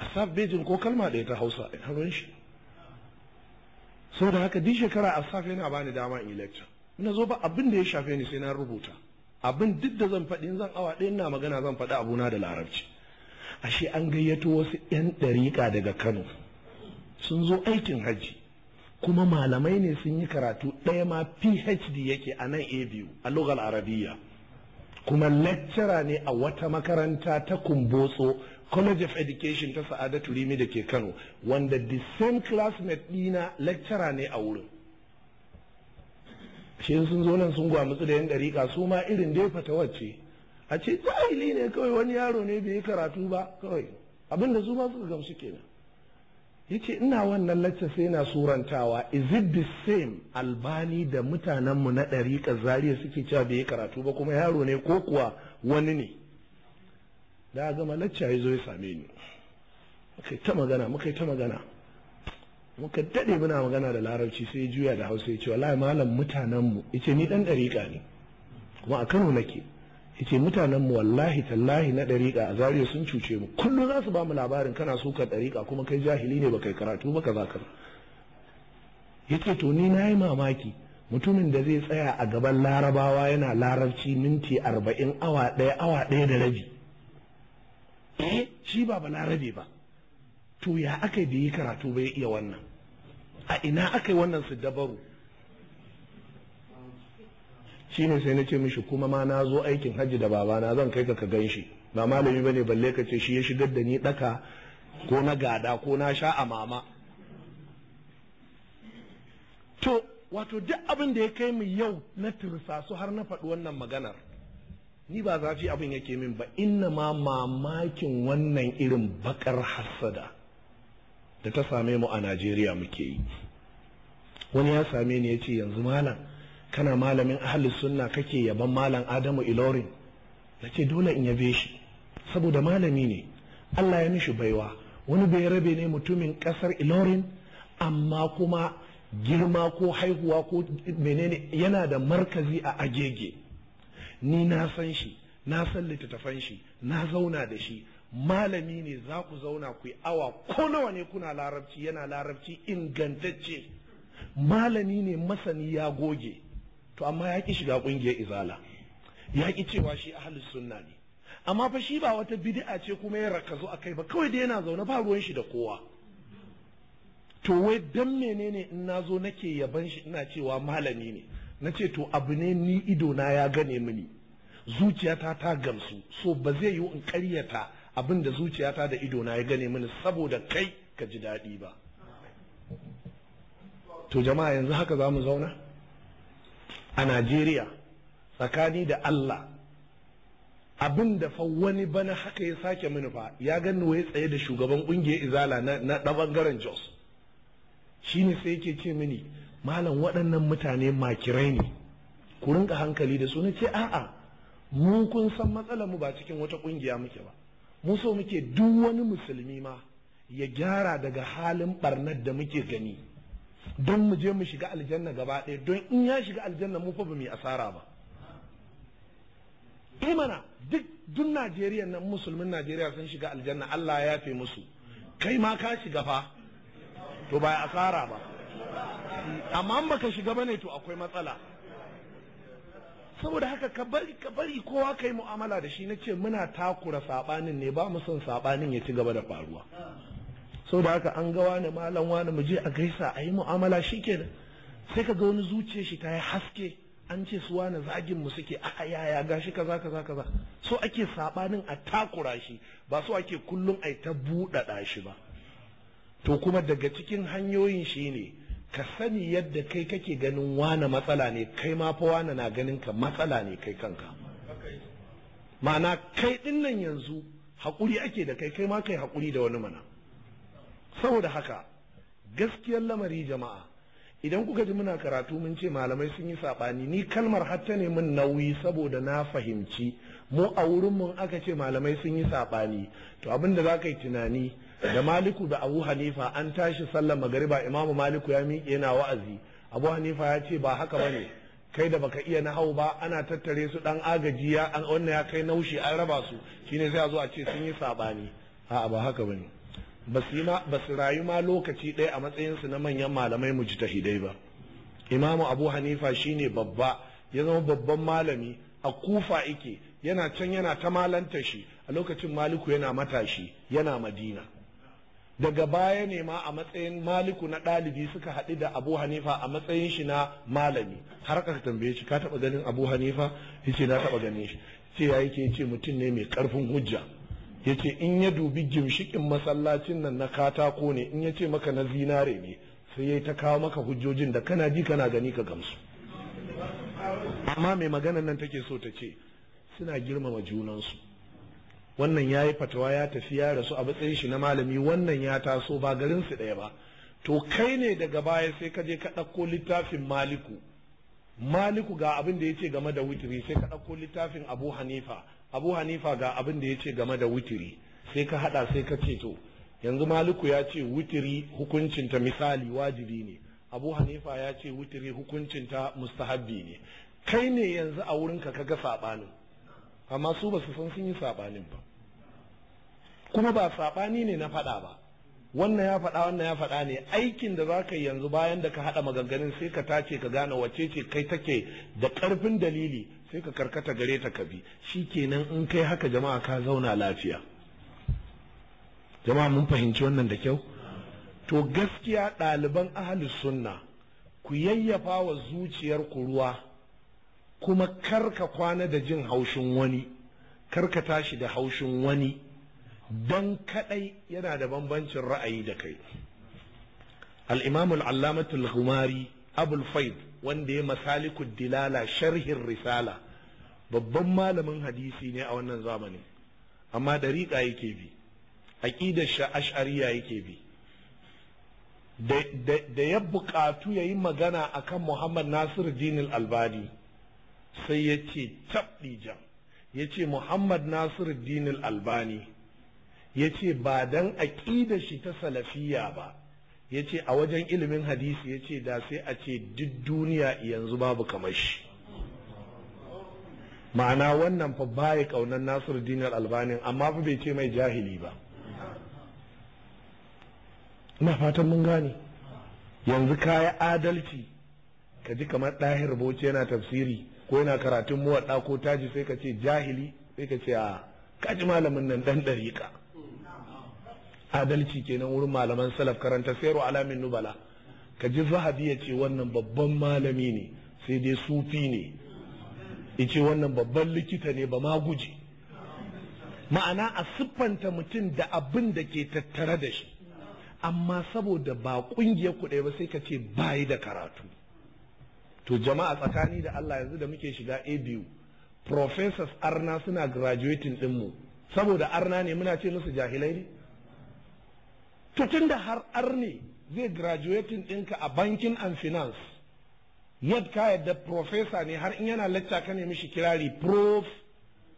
asaf bejin ko kalma ɗaya ta hausa in haruwan shi da haka duk shekara a safe yana bani dama in lecture ina zo ba abin da ya shafe ni sai na rubuta abin duk da zan faɗi zan awa ɗaya na magana zan faɗi abuna da larabci ashe an gayyato wasu 'yan ɗariƙa daga kano sun zo aikin hajji kuma malamai ne sun yi karatu ɗaya ma phd yake a nan a biyu a lugal arabiya kuma lecturer ne a wata makaranta ta kumbotso college of education ta sa'adatu turimi da ke kano wanda the same classmate dina lecturer ne a wurin shi sun zo nan sun gwamutsu da yan dariƙa su ma irin dai fata wacce a ce jahili ne kawai wani yaro ne bai yi karatu ba kawai abinda su ma suka gamsu kenan yace ina wannan lacca sai na surantawa is it the same albani da mutanenmu na ɗariƙa zariya suke cewa bai karatu ba kuma yaro ne ko kuwa wani ne da gama lacca ya zo ya same ni muka ta magana muka ta magana muka daɗe muna magana da larabci sai juya da hausa ya ce wallahi malam mu yace ni dan ɗariƙa ne kuma a kano nake yace mutanen mu wallahi tallahi na ɗariƙa, a zariya sun cuce mu kullum za su ba mu labarin kana ka ɗariƙa, kuma kai jahili ne ba kai karatu ba kaza kaza yace to ni nayi mamaki mutumin da zai tsaya a gaban larabawa yana larabci minti arba'in awa ɗaya awa ɗaya da rabi eh shi ba ba larabe ba to ya aka da yi karatu ya iya wannan a ina aka yi wannan su dabaru Shi ne sai na ce mishi kuma ma na zo aikin hajji da babana zan kai ka ka gan shi ba malami bane balle ka ce shi ya shigar da ni daka ko na gada ko na sha a mama to wato duk abin da ya kai mu yau na tursasu har na faɗi wannan maganar ni ba zafi abin yake min ba inna ma mamakin wannan irin bakar hassada da ta same mu a najeriya muke yi wani ya same ni ya ce yanzu malam kana malamin ahalin sunna kake yaban malam adamu ilorin na ce dole in yabe shi saboda malami ne allah ya mishi baiwa wani bai rabe ne mutumin kasar ilorin amma kuma girma ko haihuwa ko menene yana da markazi a agege ni na san shi na san littattafan shi na zauna da shi malami ne za ku zauna ku yi awa ko nawa ne kuna larabci yana larabci ingantacce malami ne masani ya goge to amma ya ki shiga kungiyar izala ya ki cewa shi ahlus sunna ne amma fa shi ba wata bidi'a ce kuma ya a kai ba kawai dai yana zaune ba ruwan shi da kowa to wai dan menene in zo nake yaban shi ina cewa malami ne nace to abu ne ni ido na ya gane mini zuciyata ta gamsu so ba zai yiwu in karyata abin da zuciyata da ido na ya gane mini saboda kai ka ji daɗi ba to jama'a yanzu haka za mu zauna a najeriya tsakani da allah abin da fa wani bana haka ya sake mini fa ya gani wai tsaye da shugaban kungiyar izala na na bangaren jos shi ne sai yake ce mini malam waɗannan mutane makirai ne ku rinka hankali da su na ce a'a mu kun san matsalar mu ba cikin wata kungiya muke ba mu so muke duk wani musulmi ma ya gyara daga halin barnar da muke gani don mu je mu shiga aljanna gaba ɗaya don in ya shiga aljanna mu fa ba mu yi asara ba imana eh duk dun Najeriya nan musulmin Najeriya sun shiga aljanna Allah ya fi musu kai ma ka shiga fa to ba asara ba amma in baka shiga bane to akwai matsala saboda haka ka bari ka bari kowa kai mu'amala da shi na ce muna takura sabanin ne ba mu son sabanin ya ci gaba da faruwa da haka an ga wani malam wani mu je a gaisa a yi mu'amala shi kenan sai ka ga wani zuciyar shi ta yi haske an ce su wani zagin mu suke a yaya ga shi kaza kaza kaza so ake sabanin a takura shi ba so ake kullum ai ta buɗaɗa shi ba to kuma daga cikin hanyoyin shi ne ka sani yadda kai kake ganin wani matsala ne kai ma fa wani na ganin ka matsala ne kai kanka ma'ana kai ɗinnan yanzu haƙuri ake da kai kai ma kai haƙuri da wani mana saboda haka gaskiyar lamari jama'a idan kuka ji muna karatu mun ce malamai sun yi saɓani ni kalmar hatta ne min nauyi saboda na fahimci mu a wurin mun aka ce malamai sun yi saɓani to abin da za ka yi tunani da maliku da abu hanifa an tashi sallar magariba imamu maliku ya miƙe yana wa'azi abu hanifa ya ce ba haka bane kai da baka iya nahau ba ana tattare su dan agaji ya wannan ya kai naushi an raba su shine sai a zo a ce sun yi saɓani? a'a ba haka bane ba su rayu ma lokaci ɗaya a matsayinsu na manyan malamai mujtahidai ba imamu abu hanifa shine babba ya zama babban malami a kufa ike yana can yana ta malanta shi a lokacin maliku yana matashi yana madina daga baya ne ma a matsayin maliku na ɗalibi suka haɗu da abu hanifa a matsayin shi na malami har ka tambaye shi ka taɓa ganin abu hanifa Ya ce na taɓa ganin shi ce ya yake ce mutum ne mai ƙarfin hujja ya ce in ya dubi gimshikin masallacin nan na katako ne in ya ce maka na zinare ne sai ya ta kawo maka hujjojin da kana ji kana gani ka gamsu amma mai maganan nan take so ta ce suna girmama junansu wannan ya yi fatawa ya tafi ya rasu a matsayin shi na malami wannan ya taso ba garin su ɗaya ba to kai ne daga baya sai ka je ka ɗauko littafin maliku maliku ga abin da ya ce game da witiri sai ka ɗauko littafin abu hanifa abu hanifa ga abin da ya ce game da wutiri sai ka hada sai ka ce to yanzu maliku ya ce wutiri hukuncinta misali wajibi ne abu hanifa ya ce wutiri hukuncinta mustahabbi ne kai ne yanzu a wurinka ka ga saɓanin amma su ba su san sun yi saɓanin ba kuma ba saɓani ne na faɗa ba wannan ya faɗa wannan ya faɗa ne aikin da zaka yi yanzu bayan da ka haɗa maganganun sai ka tace ka gane wacce ce kai take da ƙarfin dalili sai ka karkata gare ta ka bi kenan in kai haka jama'a ka zauna lafiya jama'a mun fahimci wannan da kyau to gaskiya ɗaliban ahalus sunna ku yayyafa wa zuciyar ku ruwa kuma kar ka kwana da jin haushin wani kar ka tashi da haushin wani don kadai yana da bambancin ra'ayi da kai al-imam al abul faid wanda ya masaliku dilala sharhin risala babban malamin hadisi ne a wannan zamani amma dariƙa yake bi aqidar sha ash'ariya yake bi da ya buƙatu ya yi magana a kan Muhammad Nasiru Dinin Albani sai ya ce tabdija ya ce Muhammad Nasiru Dinin Albani ya ce ba dan aƙida shi ta salafiya ba ya ce a wajen ilimin hadisi ya ce da sai a ce duk duniya yanzu babu kamar shi ma'ana wannan fa baya kaunar nasiru dinar albanin amma fa bai ce mai jahili ba ina fatan mun gane yanzu kaya adalci ka ji kamar ɗahir bauchi yana tafsiri ko yana karatun muwaɗa ko taji sai ka ce jahili sai ka ce a kaji malamin nan ɗan ɗariƙa adalci kenan wurin malaman salaf karanta sayarwa alamin nubala ka ji zahabi ya ce wannan babban malami ne sai dai sufi ne ya ce wannan babban likita ne ba ma guje ma'ana a siffanta mutum da abin da ke tattare da shi amma saboda ba kungiyar kuɗai ba sai ka ce bayi da karatu to jama'a tsakani da Allah yanzu da muke shiga a biyu professors arna suna graduating ɗinmu saboda arna ne muna ce musu jahilai ne tutun da har arne zai graduating ɗinka a bankin and finance yadda ka yadda professor ne har in yana lacca ka ne shi kirari prof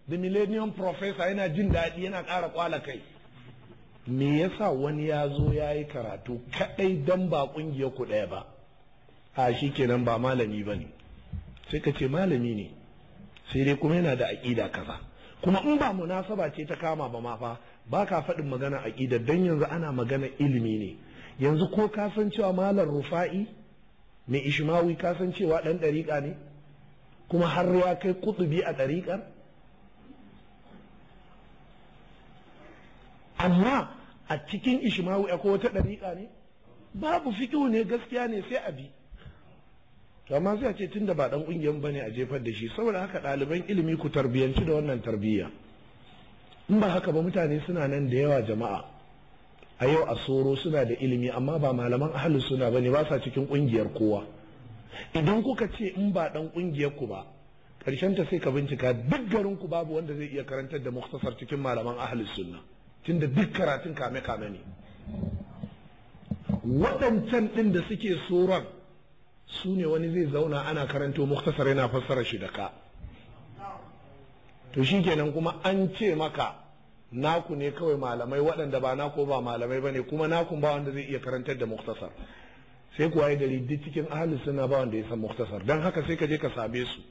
the millennium professor yana jin daɗi yana ƙara kwala kai me yasa wani ya zo ya yi karatu kaɗai don ba ƙungiyar ku ɗaya ba a shi kenan ba malami ba ne sai ka ce malami ne sai dai kuma yana da aƙida kaza kuma in ba munasaba ce ta kama ba ma fa ba ka faɗin magana aƙida don yanzu ana magana ilimi ne yanzu ko ka san cewa malar rufa'i mai ishmawi ka san cewa ɗan ɗariƙa ne kuma har ya kai kutubi a ɗariƙar amma a cikin ishmawi akwai wata ɗariƙa ne babu fikihu ne gaskiya ne sai a bi to amma sai a ce tunda ba ɗan ƙungiyar ba bane a jefar da shi saboda haka ɗaliban ilimi ku tarbiyanci da wannan tarbiyya in ba haka ba mutane suna nan da yawa jama'a a yau a soro suna da ilimi amma ba malaman ahalin suna ba ne ba sa cikin ƙungiyar kowa idan kuka ce in ba ɗan ƙungiyar ku ba karshen ta sai ka bincika duk garin ku babu wanda zai iya karantar da muktasar cikin malaman ahalin sunna tunda duk karatun kame kame ne waɗancan ɗin da suke soron su ne wani zai zauna ana karanto muktasar yana fassara shi da ka to shikenan kuma an ce maka naku ne kawai malamai waɗanda ba naku ba malamai bane kuma naku ba wanda zai iya karantar da muktasar sai kuwa ya gari duk cikin ahli suna ba wanda ya san muktasar dan haka sai ka je ka same su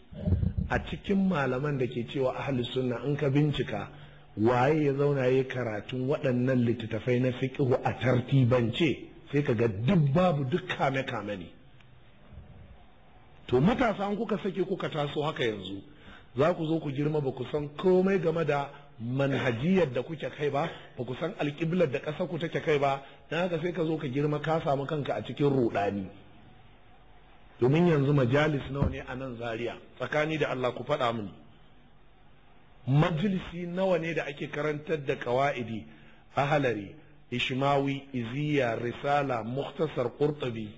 a cikin malaman da ke cewa ahli sunna in ka bincika waye ya zauna ya karatun waɗannan littattafai na fiqhu a tartibance sai ka ga duk babu duk kame kame ne to matasa an kuka sake kuka taso haka yanzu za ku zo ku girma ba ku san komai game da manhajiyar da kuke kai ba ba ku san alƙiblar da ƙasar ku take kai ba don haka sai ka zo ka girma ka samu kanka a cikin ruɗani domin yanzu majalis nawa ne a nan zaria tsakani da Allah ku faɗa mini majalisi nawa ne da ake karantar da kawa'idi ahalari ishmawi iziya risala muktasar qurtubi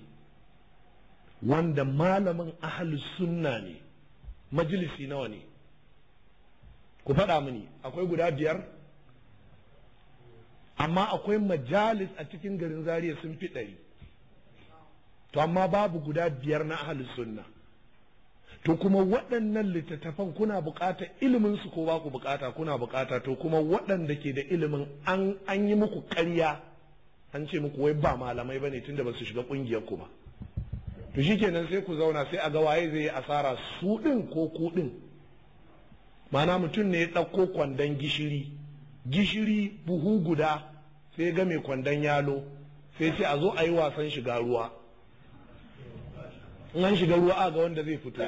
wanda malamin ahlus sunna ne majalisi nawa ne ku faɗa mini akwai guda biyar amma akwai majalis a cikin garin zariya sun fi ɗari to amma babu guda biyar na ahalus sunna to kuma waɗannan littattafan kuna bukata ilimin su ko ba ku bukata kuna bukata to kuma waɗanda ke da ilimin an yi muku karya an ce muku wai ba malamai ba ne tunda ba su shiga ƙungiyar ku ba to kenan sai ku zauna sai a ga waye zai yi asara su ɗin ko ku din mana mutum ne ya ɗauko kwandon gishiri gishiri buhu guda sai ga mai kwandon yalo sai ce a zo a yi wasan shiga ruwa in an shiga ruwa a ga wanda zai fito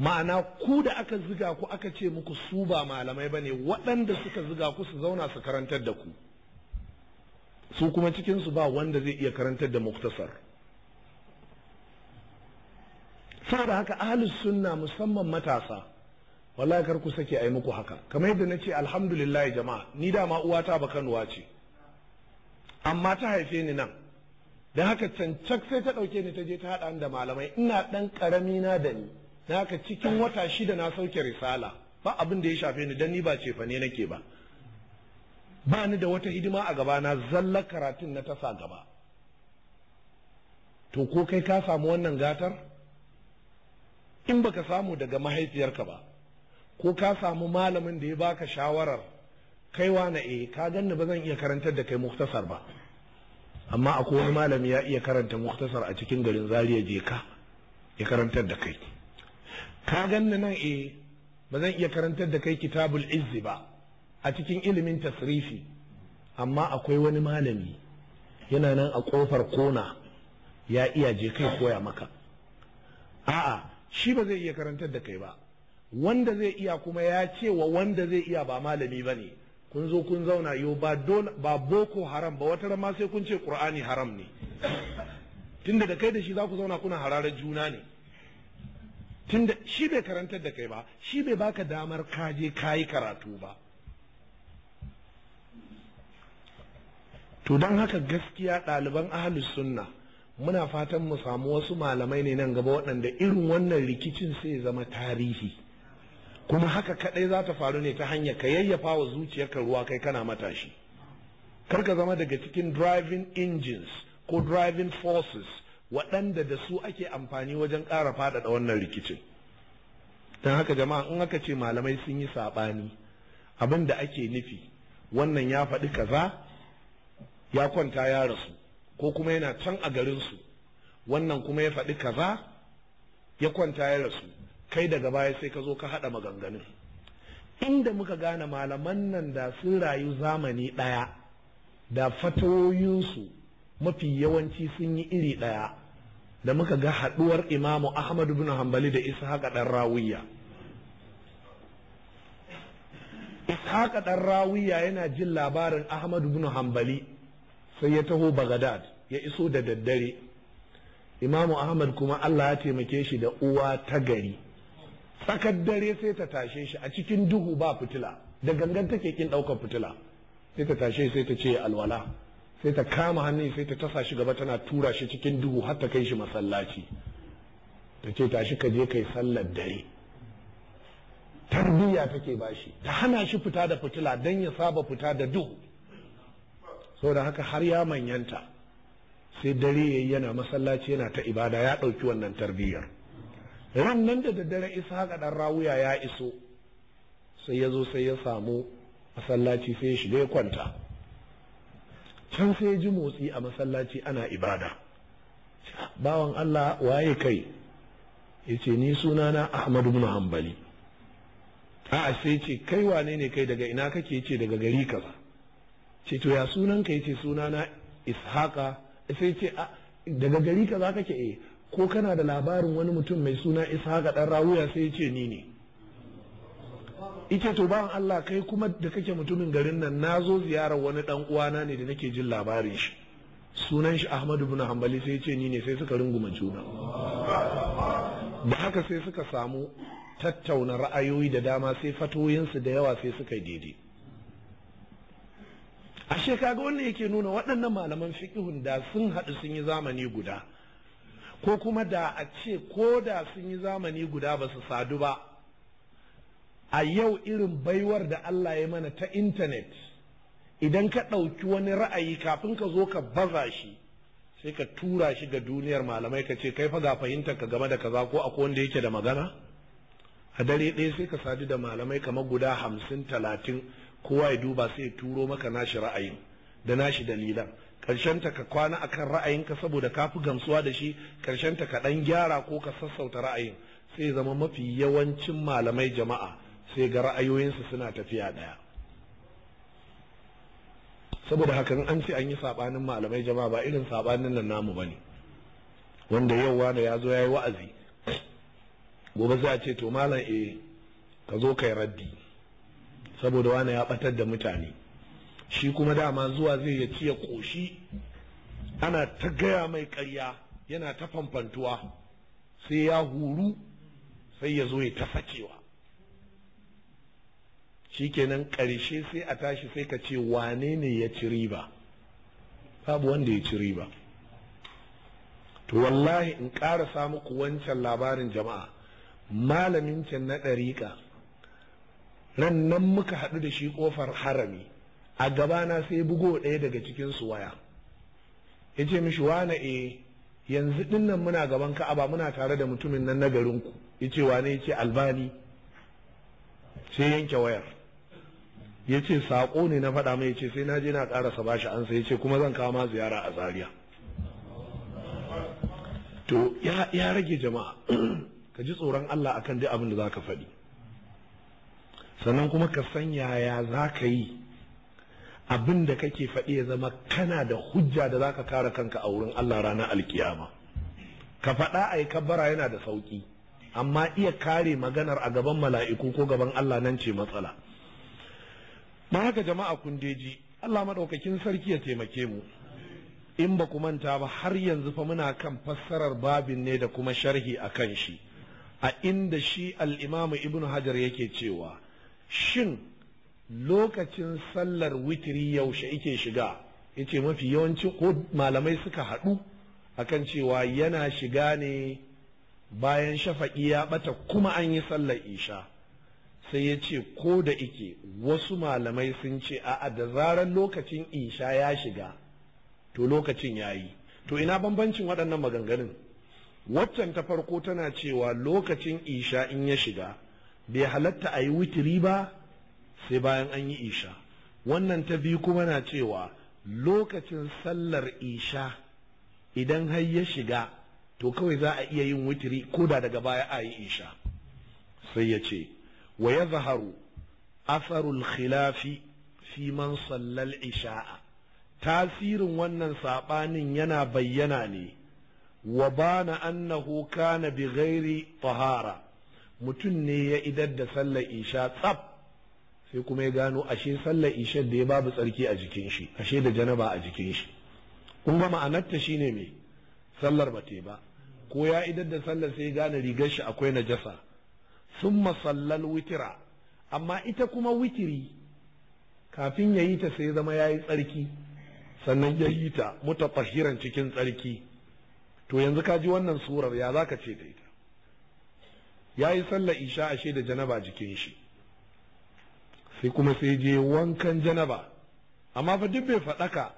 ma'ana ku da aka ziga ku aka ce muku su ba malamai ba ne waɗanda suka ziga ku su zauna su karantar da ku su kuma cikin su ba wanda zai iya karantar da muktasar saboda haka ahlus sunna musamman matasa wallahi kar ku sake ai muku haka kamar yadda nace alhamdulillah jama'a ni dama uwata ba kanuwa ce amma ta haife ni nan dan haka cancak sai ta dauke ni ta je ta hada da malamai ina dan karami na da ni dan haka cikin wata shida na sauke risala ba abin da ya shafe ni dan ni ba fa ne nake ba ba ni da wata hidima a gabana zalla karatun na tasa gaba to ko kai ka samu wannan gatar in baka samu daga mahaifiyarka ba ko ka samu malamin da ya baka shawarar kaiwa na eh ka ganni ba zan iya karantar da kai muktasar ba amma akwai wani malami ya iya karanta muktasar a cikin garin zariya je ka ya karantar da kai ka ganni nan eh ba zan iya karantar da kai kitabul izzi ba a cikin ilimin tasrifi amma akwai wani malami yana nan a kofar kona ya iya je kai koya maka a'a shi ba zai iya karantar da kai ba wanda zai iya kuma ya ce wa wanda zai iya ba malami ba ne kun zo kun zauna yau ba ba boko haram ba wata rama sai kun ce qur'ani haram ne tunda da kai da shi za ku zauna kuna hararar juna ne tunda shi bai karantar da kai ba shi bai baka damar kaje kayi karatu ba to don haka gaskiya ɗaliban ahalus sunna muna fatan mu samu wasu malamai ne nan gaba waɗanda irin wannan rikicin sai zama tarihi kuma haka kaɗai za ta faru ne ta hanyar ka yayyafa wa zuciyarka ruwa kai kana matashi kar ka zama daga cikin driving engines ko driving forces waɗanda da su ake amfani wajen ƙara faɗaɗa wannan rikicin don haka jama'a in aka ce malamai sun yi saɓani abin da ake nufi wannan ya faɗi kaza ya kwanta ya rasu ko kuma yana can a garinsu wannan kuma ya faɗi kaza ya kwanta ya rasu kai daga baya sai ka zo ka haɗa maganganun inda muka gane malaman nan da sun rayu zamani ɗaya da fatoyinsu mafi yawanci sun yi iri ɗaya da muka ga haɗuwar imamu ahmad bin hambali da haka ɗan rawiya haka ɗan rawiya yana jin labarin ahmad bin hambali sai ya taho bagadad ya iso da daddare imamu ahmad kuma allah ya taimake shi da uwa ta gari tsakar dare sai ta tashe shi a cikin duhu ba fitila da gangan take kin ɗaukar fitila sai ta tashe sai ta ce alwala sai ta kama hannun sai ta tasa shi gaba tana tura shi cikin duhu har ta kai shi masallaci ta ce tashi ka je kai sallar dare tarbiyya take bashi ta hana shi fita da fitila don ya saba fita da duhu da haka har ya manyanta sai dare yayi yana masallaci yana ta ibada ya ɗauki wannan tarbiyyar ran nan da daddare ishaqa ɗan rawuya ya iso sai ya zo sai ya samu masallaci sai ya shiga ya kwanta can sai ya ji motsi a masallaci ana ibada bawan Allah waye kai ya ce ni sunana Ahmadu bin Hanbali a'a sai ce kai wane ne kai daga ina kake ce daga gari kaza ce to ya sunan ka yace na ishaqa sai ce daga gari ka zaka ke eh, ko kana da labarin wani mutum mai suna ishaqa dan rawuya sai yace ni ne ita to ba Allah kai kuma da kake mutumin garin nan na zo ziyarar wani dan uwana ne da nake jin labarin shi sunan shi Ahmadu bin Hanbali sai ce ni ne sai suka runguma juna da haka sai suka samu tattauna ra'ayoyi da dama sai fatoyinsu da yawa sai suka yi daidai ashe kaga wannan yake nuna waɗannan malaman fiqhun da sun haɗu sun yi zamani guda ko kuma da a ce ko da sun yi zamani guda ba su sadu ba a yau irin baiwar da Allah ya mana ta intanet idan ka ɗauki wani ra'ayi kafin ka zo ka baza shi sai ka tura shi ga duniyar malamai ka ce kai fa ga fahimtar ka game da kaza ko a wanda yake da magana a dare ɗaya sai ka sadu da malamai kamar guda hamsin talatin kowa ya duba sai turo maka nashi ra'ayin da nashi dalilan ta ka kwana akan ra'ayinka saboda ka fi gamsuwa da shi ta ka ɗan gyara ko ka sassauta ra'ayin sai zama mafi yawancin malamai jama'a sai ga ra'ayoyinsu suna tafiya ɗaya saboda haka an ce an yi saɓanin malamai jama'a ba irin sabanin nan namu bane wanda yau wani ya zo ya yi wa'azi gobe za a ce to malam e ka zo kai raddi saboda wani ya batar da mutane shi kuma dama zuwa zai ya ci ya koshi ana ta gaya mai karya yana ta fanfantuwa sai ya huru sai ya zo ya ta sakewa shikenan ƙarshe sai a tashi sai ka ce wane ne ya ci riba babu wanda ya ci riba to wallahi in ƙarasa muku wancan labarin jama'a malamin can na ɗariƙa nan nan muka haɗu da shi ƙofar harami a gabana sai bugo ɗaya daga cikin su waya ya ce mishi wane e yanzu dinnan muna gaban ka'aba muna tare da mutumin nan na garinku ya ce wane ya ce albani sai yanke wayar ya ce saƙo ne na faɗa mai ya ce sai na je na ƙarasa bashi ansa ya ce kuma zan kama ziyara a Zariya. to ya rage jama'a ka ji tsoron allah akan duk abin da za ka faɗi sannan kuma ka san yaya za ka yi abin da kake faɗi ya zama kana da hujja da za ka kare kanka a wurin Allah ranar alkiyama ka faɗa a yi kabbara yana da sauƙi amma iya kare maganar a gaban mala'iku ko gaban Allah nan ce matsala ba haka jama'a kun deji Allah maɗaukakin sarki ya taimake mu in ba ku manta ba har yanzu fa muna kan fassarar babin ne da kuma sharhi a kan shi a inda shi al'imamu ibnu hajar yake cewa shin lokacin sallar witiri yaushe ike shiga yace mafi yawanci ko malamai suka haɗu akan cewa yana shiga ne bayan shafaƙi ya ɓata kuma an yi sallar isha sai ya ce ko da ike wasu malamai sun ce a'a da zarar lokacin isha ya shiga to lokacin ya yi to ina bambancin waɗannan maganganun waccan ta farko tana cewa lokacin isha in ya shiga bai halatta a yi witiri ba sai bayan an yi isha wannan ta biyu kuma na cewa lokacin sallar isha idan har ya shiga to kawai za a iya yin witiri ko da daga baya a yi isha sai ya ce wa ya zaharu asarul khilafi fi man sallal isha'a tasirin wannan saɓanin yana bayyana ne wa bana annahu kana bi ghairi tahara mutum ne ya idar da sallar isha tsaf sai kuma ya gano ashe sallar isha da ya babu tsarki a jikin shi ashe da janaba a jikin shi kun ga ma'anarta shine mai sallar ba te ba ko ya idar da sallar sai ya gane rigar shi akwai najasa summa sallal witira amma ita kuma witiri kafin ya yi ta sai zama ya yi tsarki sannan ya yi ta mutatahiran cikin tsarki to yanzu ka ji wannan surar ya za ka ce da ita ya yi sallar isha ashe da janaba jikin shi sai kuma sai je wankan janaba amma fa duk bai faɗaka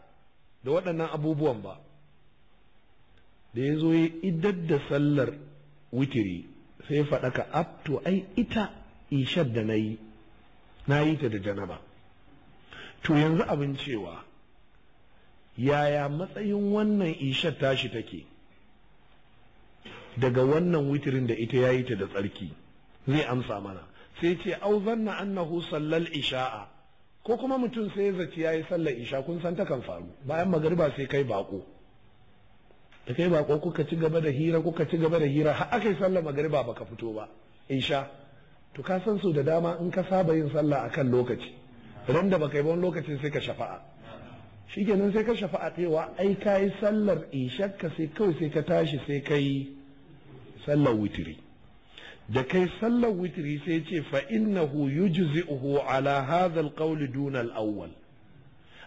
da waɗannan abubuwan ba da ya zo yi idar da sallar witiri sai faɗaka ab ai ita ishar da na yi na yi ta da janaba to yanzu abin cewa yaya matsayin wannan ishar tashi take daga wannan witirin da ita yayi ta da tsarki zai amsa mana sai ce au zanna annahu sallal isha'a ko kuma mutum sai zaci yayi sallar isha kun san takan faru bayan magariba sai kai bako da kai bako kuka ci gaba da hira kuka ci gaba da hira har akai sallar magariba baka fito ba isha to ka san su da dama in ka saba yin sallah akan lokaci ran da baka yi wani lokacin sai ka shafa'a kenan sai ka shafa'a cewa ai ka yi sallar ishakka sai kawai sai ka tashi sai ka yi sallar witiri da kai sallar witiri sai ce fa innahu yujzi'uhu ala hadha alqawl duna alawwal awwal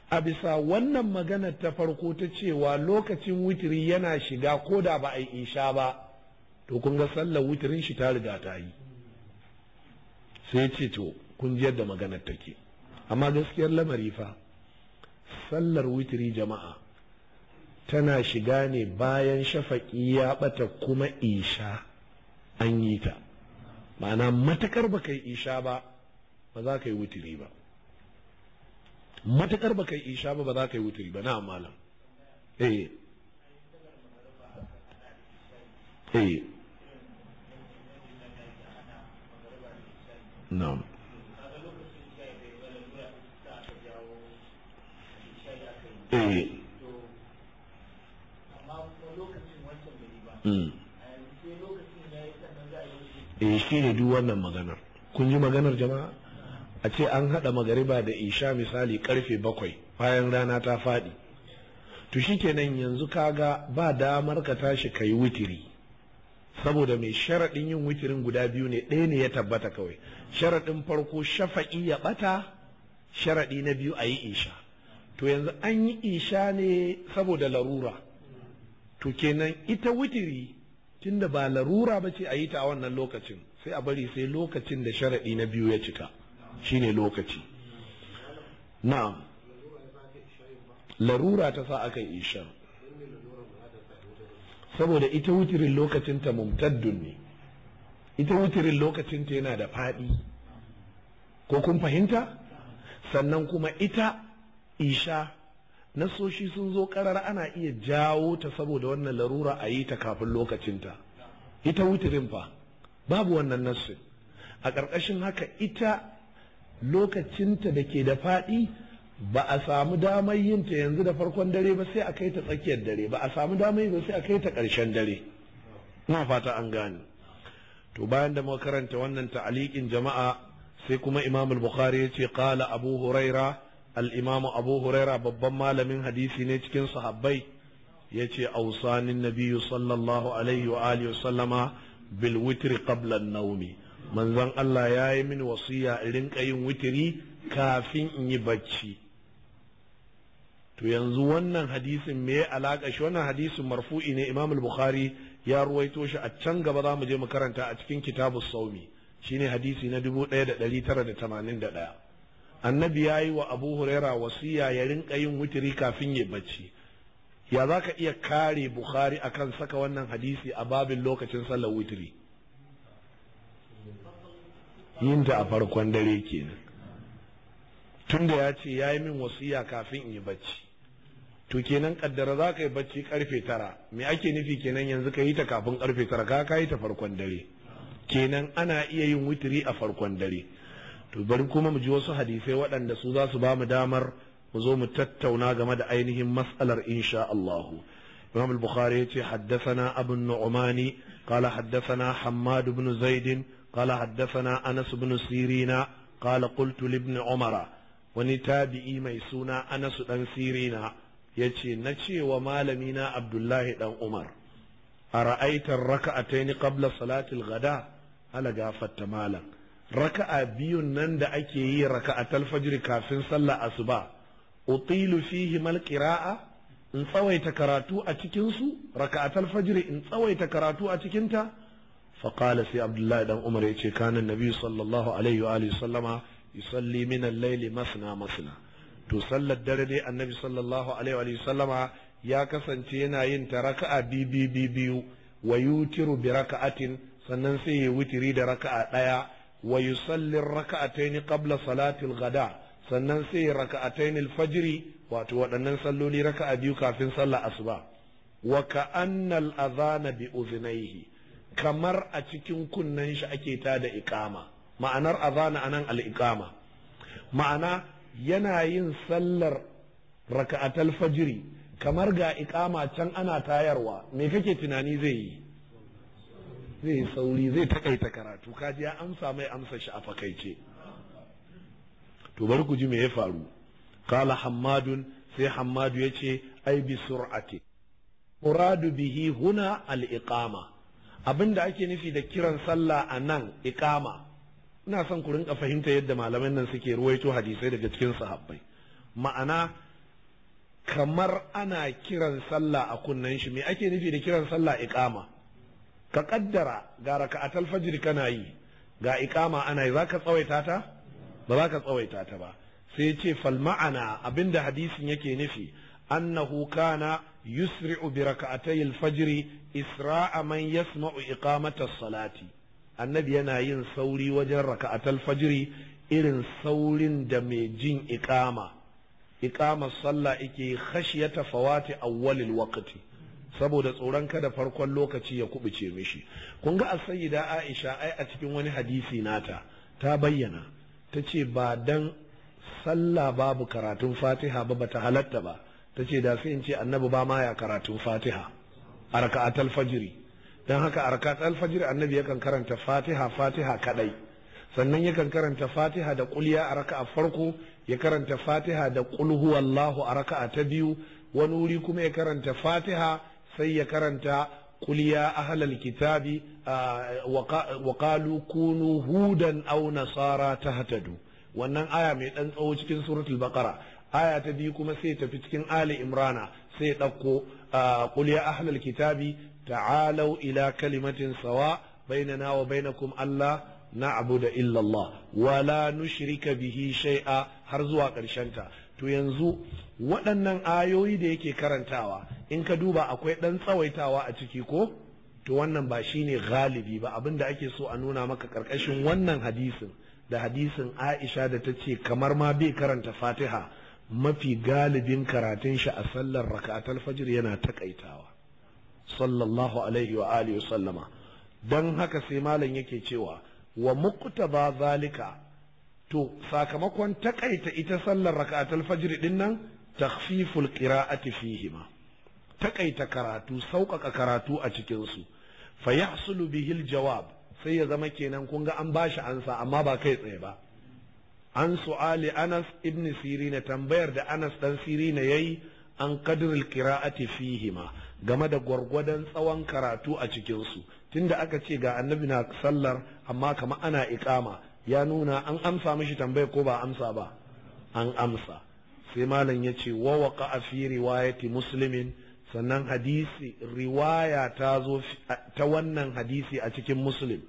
a bisa wannan magana ta farko ta cewa lokacin witiri yana shiga ko da ba a yi isha ba to kun ga sallar witirin shi ta riga ta yi sai ce to kun ji yadda maganar take amma gaskiyar lamari fa sallar witiri jama'a tana shiga ne bayan shafaƙi ya bata kuma isha an yi ta ma'ana matakar ba kai isha ba ba za ka yi wuturi ba matakar ba kai isha ba ba za ka yi wuturi ba na malam eh eh Na. eh Mm. eh shi ne duk wannan maganar kun ji maganar jama'a a ce an haɗa magariba da isha misali karfe bakwai bayan rana ta faɗi to shikenan yanzu kaga ba damar ka tashi kai witiri saboda mai sharaɗin yin witirin guda biyu ne ɗaya ne ya tabbata kawai sharaɗin farko shafa'i ya ɓata sharaɗi na biyu a yi isha to yanzu an yi isha ne saboda larura to kenan ita witiri tunda ba larura ba ce a yi ta a wannan lokacin sai a bari sai lokacin da sharaɗi na biyu ya cika shine lokaci na'am larura ta sa aka yi isha saboda ita wutirin lokacin ta mumtaddun ne ita wutirin lokacin ta yana da faɗi ko kun fahimta sannan kuma ita isha nasoshi sun zo karar ana iya jawo ta saboda wannan larura a yi ta kafin lokacinta ita wuturin fa babu wannan nasu. a ƙarƙashin haka ita lokacinta da ke da faɗi ba a samu damar yin ta yanzu da farkon dare ba sai a kai ta tsakiyar dare ba a samu damar yi ba sai a kai ta ƙarshen dare na fata an gane to bayan da muka wannan ta'aliƙin jama'a sai kuma Imamul bukhari ya ce qala abu huraira al'imamu abu huraira babban malamin hadisi ne cikin sahabbai ya ce ausanin nabiyu sallallahu alaihi wa alihi sallama bil witri qabla naumi manzon Allah ya yi mini wasiya in rinka yin witiri kafin in yi bacci to yanzu wannan hadisin me alaƙa shi wannan hadisin marfu'i ne imam al-bukhari ya ruwaito shi a can gaba za mu je mu karanta a cikin kitabu saumi shine hadisi na dubu ɗaya da da ɗari tara ɗaya. annabi ya yi wa abu huraira wasiya ya rinka yin wutiri kafin ya bacci ya za ka iya kare bukhari akan saka wannan hadisi a babin lokacin sallar wutiri yin ta a farkon dare kenan tunda ya ce ya yi min wasiya kafin in yi bacci to kenan kaddara za ka yi bacci karfe tara me ake nufi kenan yanzu ka yi ta kafin karfe tara ka ka yi ta farkon dare kenan ana iya yin wutiri a farkon dare to bari kuma mu ji wasu hadisai waɗanda su za su ba mu damar mu zo mu tattauna game da ainihin mas'alar insha Allahu Imam al-Bukhari yace haddathana Abu Nu'mani qala haddathana Hammad ibn Zaid qala haddathana Anas ibn Sirina qala qultu li ibn Umar wani tabi'i mai suna Anas dan Sirina yace na cewa malami na Abdullahi dan Umar ara'aita raka'ataini qabla salati al-ghada ala gafatta malam raka'a biyun nan da ake yi raka'atul fajiri kafin sallah asuba utilu fihi mal qira'a in tsawaita karatu a cikin su raka'atul fajr in tsawaita karatu a cikin ta fa qala sai abdullahi dan umar yace kana nabi sallallahu alaihi wa alihi sallama yusalli min al-layl masna masna to sallar dare dai annabi sallallahu alaihi wa alihi sallama ya kasance yana yin ta raka'a biyu biyu biyu wa yutiru bi raka'atin sannan sai ya wutiri da raka'a daya wa yusalli raka'atayn qabla salatil ghada sannan sai raka'atayn al-fajr wato waɗannan salloli raka'a biyu kafin sallar asuba wa ka'anna al-adhana bi udhnayhi kamar a cikin kunnen shi ake ta da iqama ma'anar adhana anan al-iqama ma'ana yana yin sallar raka'atal fajiri kamar ga iqama can ana tayarwa me kake tunani zai yi zai sauri zai takaita karatu kaji ya amsa mai amsa shi a fakaice to bari ku ji me ya faru kala hammadun sai hammadu ya ce ai bi sur'ati muradu bihi huna al iqama abinda ake nufi da kiran sallah a nan iqama ina son ku rinka fahimta yadda malaman nan suke ruwaito hadisai daga cikin sahabbai ma'ana kamar ana kiran sallah a kunnen shi me ake nufi da kiran sallah iqama ka kaddara ga raka'atul fajr kana yi ga iqama ana yi zaka tsawaita ta ba za ka tsawaita ta ba sai ce fal ma'ana abinda hadisin yake nufi annahu kana yusri'u bi raka'atay al-fajr isra'a man yasma'u iqamata salati annabi yana yin sauri wajen raka'atul fajr irin saurin da mai jin iqama iqamar sallah yake khashiyata fawati awwalil waqti saboda tsoron kada farkon lokaci ya kubuce mishi kun ga asayida sayyida Aisha ai a cikin wani hadisi nata ta bayyana ta ce ba dan sallah babu karatun Fatiha ba bata halatta ba ta ce da sai in ce annabi ba ma ya karatun Fatiha a raka'atul fajri dan haka a raka'atul fajri annabi yakan karanta Fatiha Fatiha kadai sannan yakan karanta Fatiha da kulya a raka'a farko ya karanta Fatiha da qul huwallahu a raka'a ta biyu wani wuri kuma ya karanta Fatiha sai ya karanta kuliya ahalal kitabi wa qalu kunu hudan ta nasara wannan aya mai ɗan tsawo cikin suratul baqara aya ta biyu kuma sai tafi cikin ali imrana sai dauko qul ahalal kitabi ta'alau ila kalimatin sawa bainana wa bainakum allah na illa allah illallah wala nushrika bihi shay'a har zuwa ƙarshen ta to yanzu waɗannan ayoyi da yake karantawa in ka duba akwai ɗan tsawaitawa a ciki ko to wannan ba shine galibi ba abin da ake so a nuna maka ƙarƙashin wannan hadisin da hadisin Aisha da ta ce kamar ma bai karanta Fatiha mafi galibin karatun shi a sallar raka'atul fajr yana takaitawa sallallahu alaihi wa alihi sallama dan haka sai malam yake cewa wa muqtaba zalika to sakamakon takaita ita sallar rak'atul fajr din nan takhfiful qira'ati fihima takaita karatu sauƙaƙa karatu a cikin su fa yahsulu bihil jawab sai ya zama kenan kun ga an bashi ansa amma ba kai tsaye ba an su'ali Anas ibn Sirina tambayar da Anas dan Sirina yayi an qadrul qira'ati fihima game da gwargwadon tsawon karatu a cikinsu tunda aka ce ga annabi na sallar amma kama ana iƙama ya nuna an amsa mishi tambayar ko ba amsa ba an amsa sai malam ya ce wa a fi riwayati muslimin sannan hadisi riwaya ta zo ta wannan hadisi a cikin muslim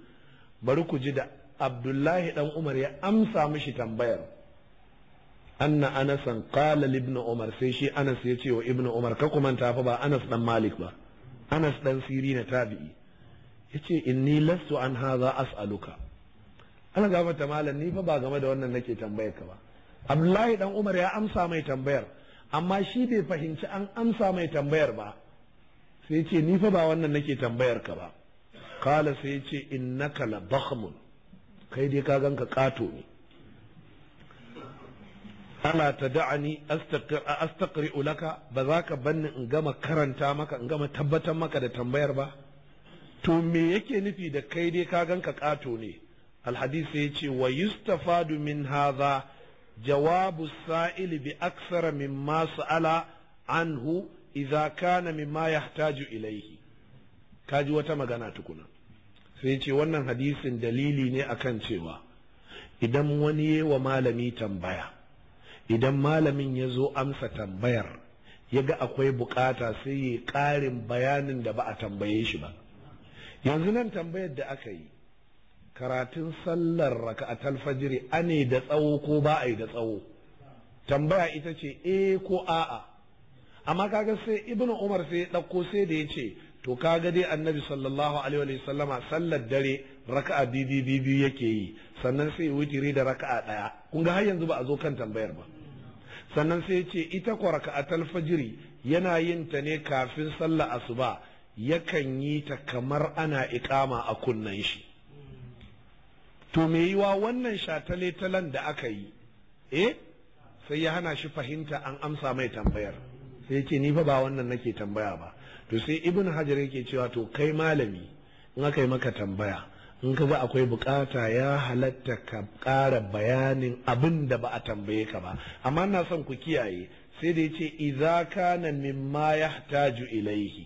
bari ku ji da abdullahi dan umar ya amsa mishi tambayar anna anasan qala ibn umar sai shi anas ya ce wa ibn umar ka kuma ta fa ba anas dan malik ba anas dan sirina tabi'i yace inni lastu an hadha as'aluka ana ga mata malam ni fa ba game da wannan nake tambayar ka ba abdullahi dan umar ya amsa mai tambayar amma shi bai fahimci an amsa mai tambayar ba sai ce ni fa ba wannan nake tambayar ka ba kala sai ce innaka la bakhmun kai dai ka ganka kato ne ana ta da'ani astaqri laka ba za ka banni in gama karanta maka in gama tabbatar maka da tambayar ba to me yake nufi da kai dai ka ganka kato ne alhadis ya ce wa yustafadu min hadha jawabu sa'il bi aksara mimma Ala? anhu idza kana mimma yahtaju ilaihi ji wata magana tukuna sai ce wannan hadisin dalili ne akan cewa idan wani yi wa malami tambaya idan malamin ya zo amsa tambayar ya ga akwai buƙata sai ya ƙarin bayanin da ba a tambaye shi ba yanzu nan tambayar da aka yi karatun sallar raka'atul fajiri ane da tsawo ko ba a yi da tsawo tambaya ita ce e ko a'a amma kaga sai ibnu umar sai ɗauko sai da ya ce to kaga dai annabi sallallahu alaihi wa sallama sallar dare raka'a bibi bibi yake yi sannan sai wujiri da raka'a ɗaya kun ga har yanzu ba a zo kan tambayar ba sannan sai ya ce ita kwa raka'atul yana yin ta ne kafin sallar asuba yakan yi ta kamar ana ikama a kunnen shi to me yi wa wannan shataletalen da aka yi eh sai ya hana shi fahimta an amsa mai tambayar sai yake ni fa ba wannan nake tambaya ba to sai ibn hajar yake cewa to kai malami in aka yi maka tambaya in ka ga akwai bukata ya halatta ka ƙara bayanin abin da ba a tambaye ka ba amma na son ku kiyaye sai da yace idza kana mimma yahtaju ilaihi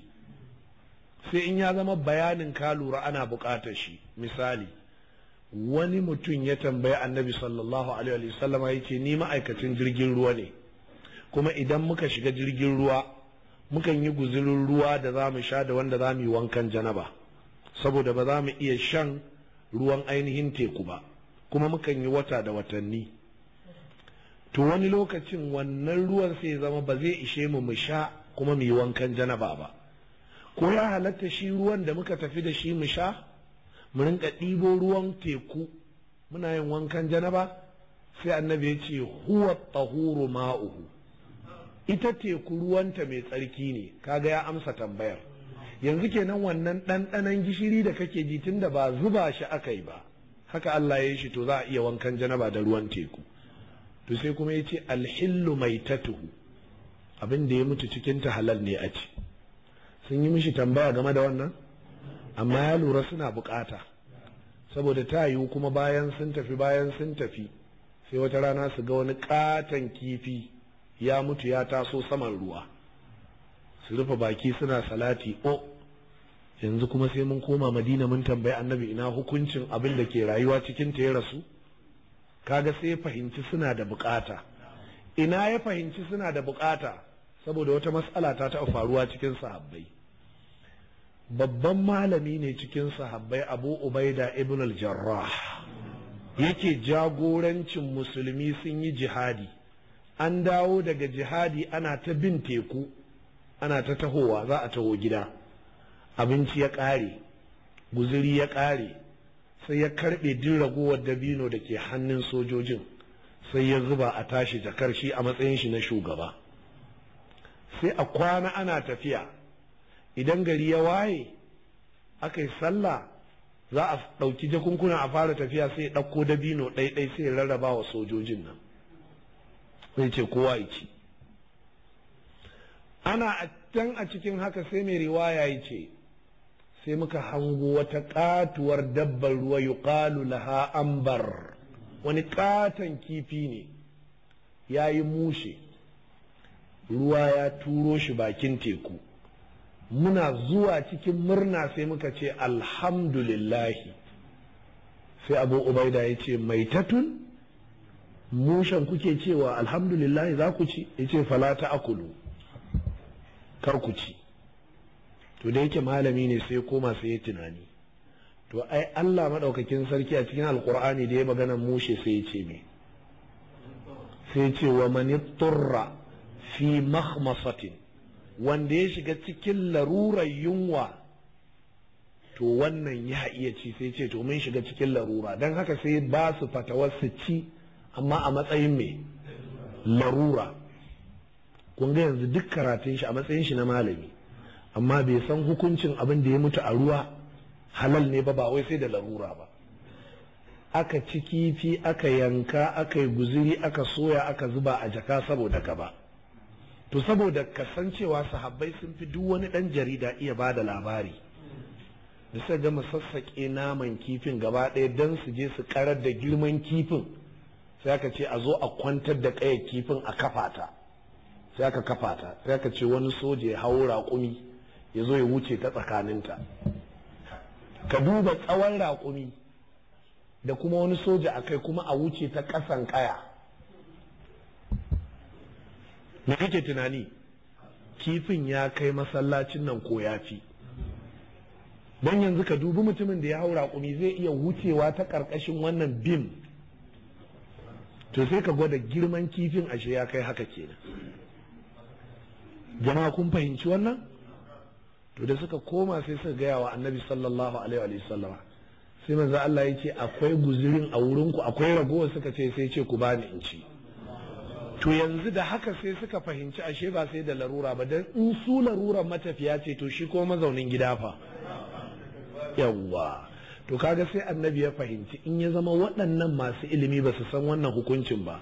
sai in ya zama bayanin ka lura ana bukatar shi misali wani mutum ya tambayi annabi sallallahu alaihi wasallama ya ce ni ma'aikacin jirgin ruwa ne kuma idan muka shiga jirgin ruwa mukan yi guzurin ruwa da za mu sha da wanda za mu yi wankan janaba saboda ba za mu iya shan ruwan ainihin teku ba kuma mukan yi wata da watanni to wani lokacin wannan ruwan sai zama ba zai ishe mu mu sha kuma mu yi wankan janaba ba ko ya halatta shi ruwan da muka tafi da shi mu sha mu rinka ɗibo ruwan teku muna yin wankan janaba sai annabi ya ce huwa tahuru ma'uhu ita teku ruwanta mai tsarki ne kaga ya amsa tambayar yanzu kenan wannan ɗanɗanan gishiri da kake ji tunda ba zuba shi aka yi ba haka Allah ya yi shi to za a iya wankan janaba da ruwan teku to sai kuma ya ce alhillu mai tuhu. abin da ya mutu cikin ta halal ne a ci sun yi mishi tambaya game da wannan amma ya lura suna bukata saboda ta yiwu kuma bayan sun tafi bayan sun tafi sai wata rana su ga wani katon kifi ya mutu ya taso saman ruwa su rufe baki suna salati o oh, yanzu kuma sai mun koma madina mun tambayi annabi ina hukuncin abin da ke rayuwa cikin ta ya rasu kaga sai fahimci suna da bukata ina ya fahimci suna da bukata saboda wata matsala ta taɓa faruwa cikin sahabbai babban malami ne cikin sahabbai abu ubaida ibn al-jarrah yake jagorancin musulmi sun yi jihadi an dawo daga jihadi ana ta bin teku ana ta tahowa za a taho gida abinci ya ƙare guziri ya ƙare sai ya karɓe din ragowar dabino da ke hannun sojojin sai ya zuba a tashi jakar shi a matsayin shi na shugaba sai a kwana ana tafiya idan gari ya waye aka yi sallah za a ɗauki jakunkuna a fara tafiya sai ɗauko dabino ɗaiɗai sai rarraba wa sojojin nan sai ce kowa ya ci ana can a cikin haka sai mai riwaya ya ce sai muka hango wata katuwar dabbar ruwa yuqalu laha ambar wani katon kifi ne ya yi mushe ruwa ya turo shi bakin teku muna zuwa cikin murna sai muka ce alhamdulillahi sai abu ubaida ya ce mai tatun mushen kuke cewa alhamdulillahi za ku ci ya ce falata akulu kar ku ci to da yake malami ne sai koma sai ya tunani to ai Allah maɗaukakin sarki a cikin alkur'ani da ya magana mushe sai ya ce me sai ce wa man fi mahmasatin wanda ya shiga cikin larurar yunwa to wannan ya iya ci sai ce to mun shiga cikin larura don haka sai ba su fatawar su ci amma a matsayin mai larura kun ga yanzu duk karatun shi a matsayin shi na malami amma bai san hukuncin abin da ya mutu a ruwa halal ne ba ba wai sai da larura ba aka ci kifi aka yanka aka yi guziri aka soya aka zuba a jaka saboda ka ba to saboda kasancewa sahabbai sun fi duk wani dan jarida iya ba da labari da sai gama sassaƙe naman kifin gaba ɗaya don su je su karar da girman kifin sai aka ce a zo a kwantar da ƙaya kifin a kafata sai aka kafata sai aka ce wani soja ya hau raƙumi ya zo ya wuce ta tsakaninta ka duba tsawon raƙumi da kuma wani soja a kai kuma a wuce ta ƙasan ƙaya me kake tunani kifin ya kai masallacin nan ko ya fi don yanzu ka dubi mutumin da ya hau raƙumi zai iya wucewa ta karkashin wannan bim to sai ka gwada girman kifin ashe ya kai haka kenan jama'a kun fahimci wannan to da suka koma sai suka gaya wa annabi sallallahu alaihi wa sallama sai manzo Allah ya akwai guzurin a wurinku akwai ragowar suka ce sai ce ku bani in ci to yanzu da haka sai suka fahimci ashe ba sai da larura ba don in su larurar matafiya ce to shi ko mazaunin gida fa yawwa to kaga sai annabi ya fahimci in ya zama waɗannan masu ilimi ba su san wannan hukuncin ba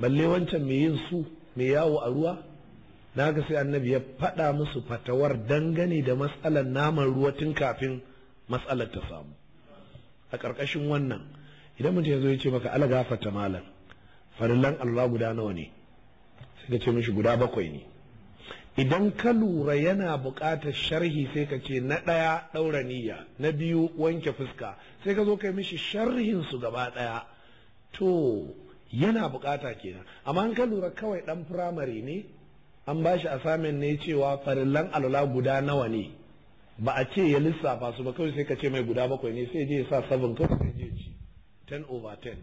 balle wancan mai yin su mai yawo a ruwa na ga sai annabi ya faɗa musu fatawar dangane da matsalar naman ruwa tun kafin matsalar ta samu a ƙarƙashin wannan idan mutum ya zo ya ce maka ala gafata malam farillan Allah guda nawa ne ka ce mishi guda bakwai ne idan ka lura yana buƙatar sharhi sai ka ce na ɗaya ɗaura niyya na biyu wanke fuska sai ka zo kai mishi sharhin su gaba ɗaya to yana buƙata kenan amma in ka lura kawai ɗan firamare ne an ba shi asamin ne cewa farillan alala guda nawa ne ba a ce ya lissafa su ba kawai sai ka ce mai guda bakwai ne sai je ya sa sabon kawai sai je ci 10 over 10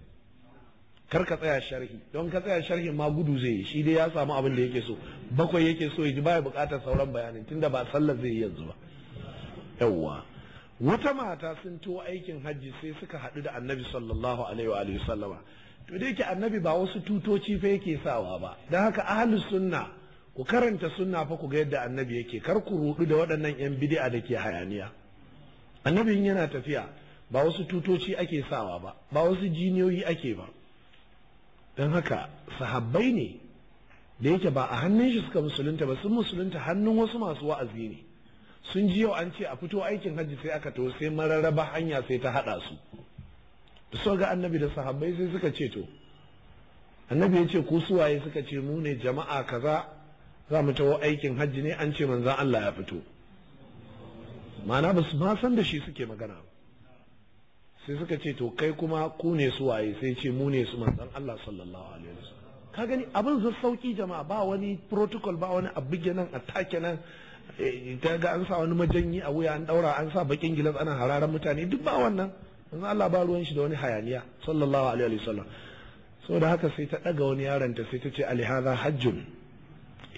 kar ka tsaya sharhi don ka tsaya sharhi ma gudu zai yi shi dai ya samu abin da yake so bakwai yake so ya baya bukatar sauran bayanin tunda ba sallar zai yi yanzu ba yawwa wata mata sun tuwo aikin hajji sai suka haɗu da annabi sallallahu alaihi wa sallama to da yake annabi ba wasu tutoci fa yake sawa ba dan haka ahlus sunna ku karanta sunna fa ku ga yadda annabi yake kar ku rudu da waɗannan yan bid'a da ke hayaniya Annabi yana tafiya ba wasu tutoci ake sawa ba ba wasu jiniyoyi ake ba don haka sahabbai ne da yake ba a hannun shi suka musulunta ba sun musulunta hannun wasu masu wa'azi ne sun ji yau an ce a fito aikin hajji sai aka to sai mararraba hanya sai ta haɗa su da so ga annabi da sahabbai sai suka ce to annabi ya ce ku suwaye suka ce mu ne jama'a kaza za mu taho aikin hajji ne an ce manzan Allah ya fito ma'ana ba su ma san da shi suke magana ba sai suka ce to kai kuma ku ne su waye sai ce mu ne su manzon Allah sallallahu alaihi wasallam ka gani abin zai sauki jama'a ba wani protocol ba wani abige nan take nan eh, ta ga an sa wani majanyi a wuya an daura an sa bakin gilas ana hararan mutane duk ba wannan manzon Allah ba ruwan shi da wani hayaniya sallallahu alaihi wasallam saboda haka sai ta daga wani yaron ta sai ta ce alihadha hajjun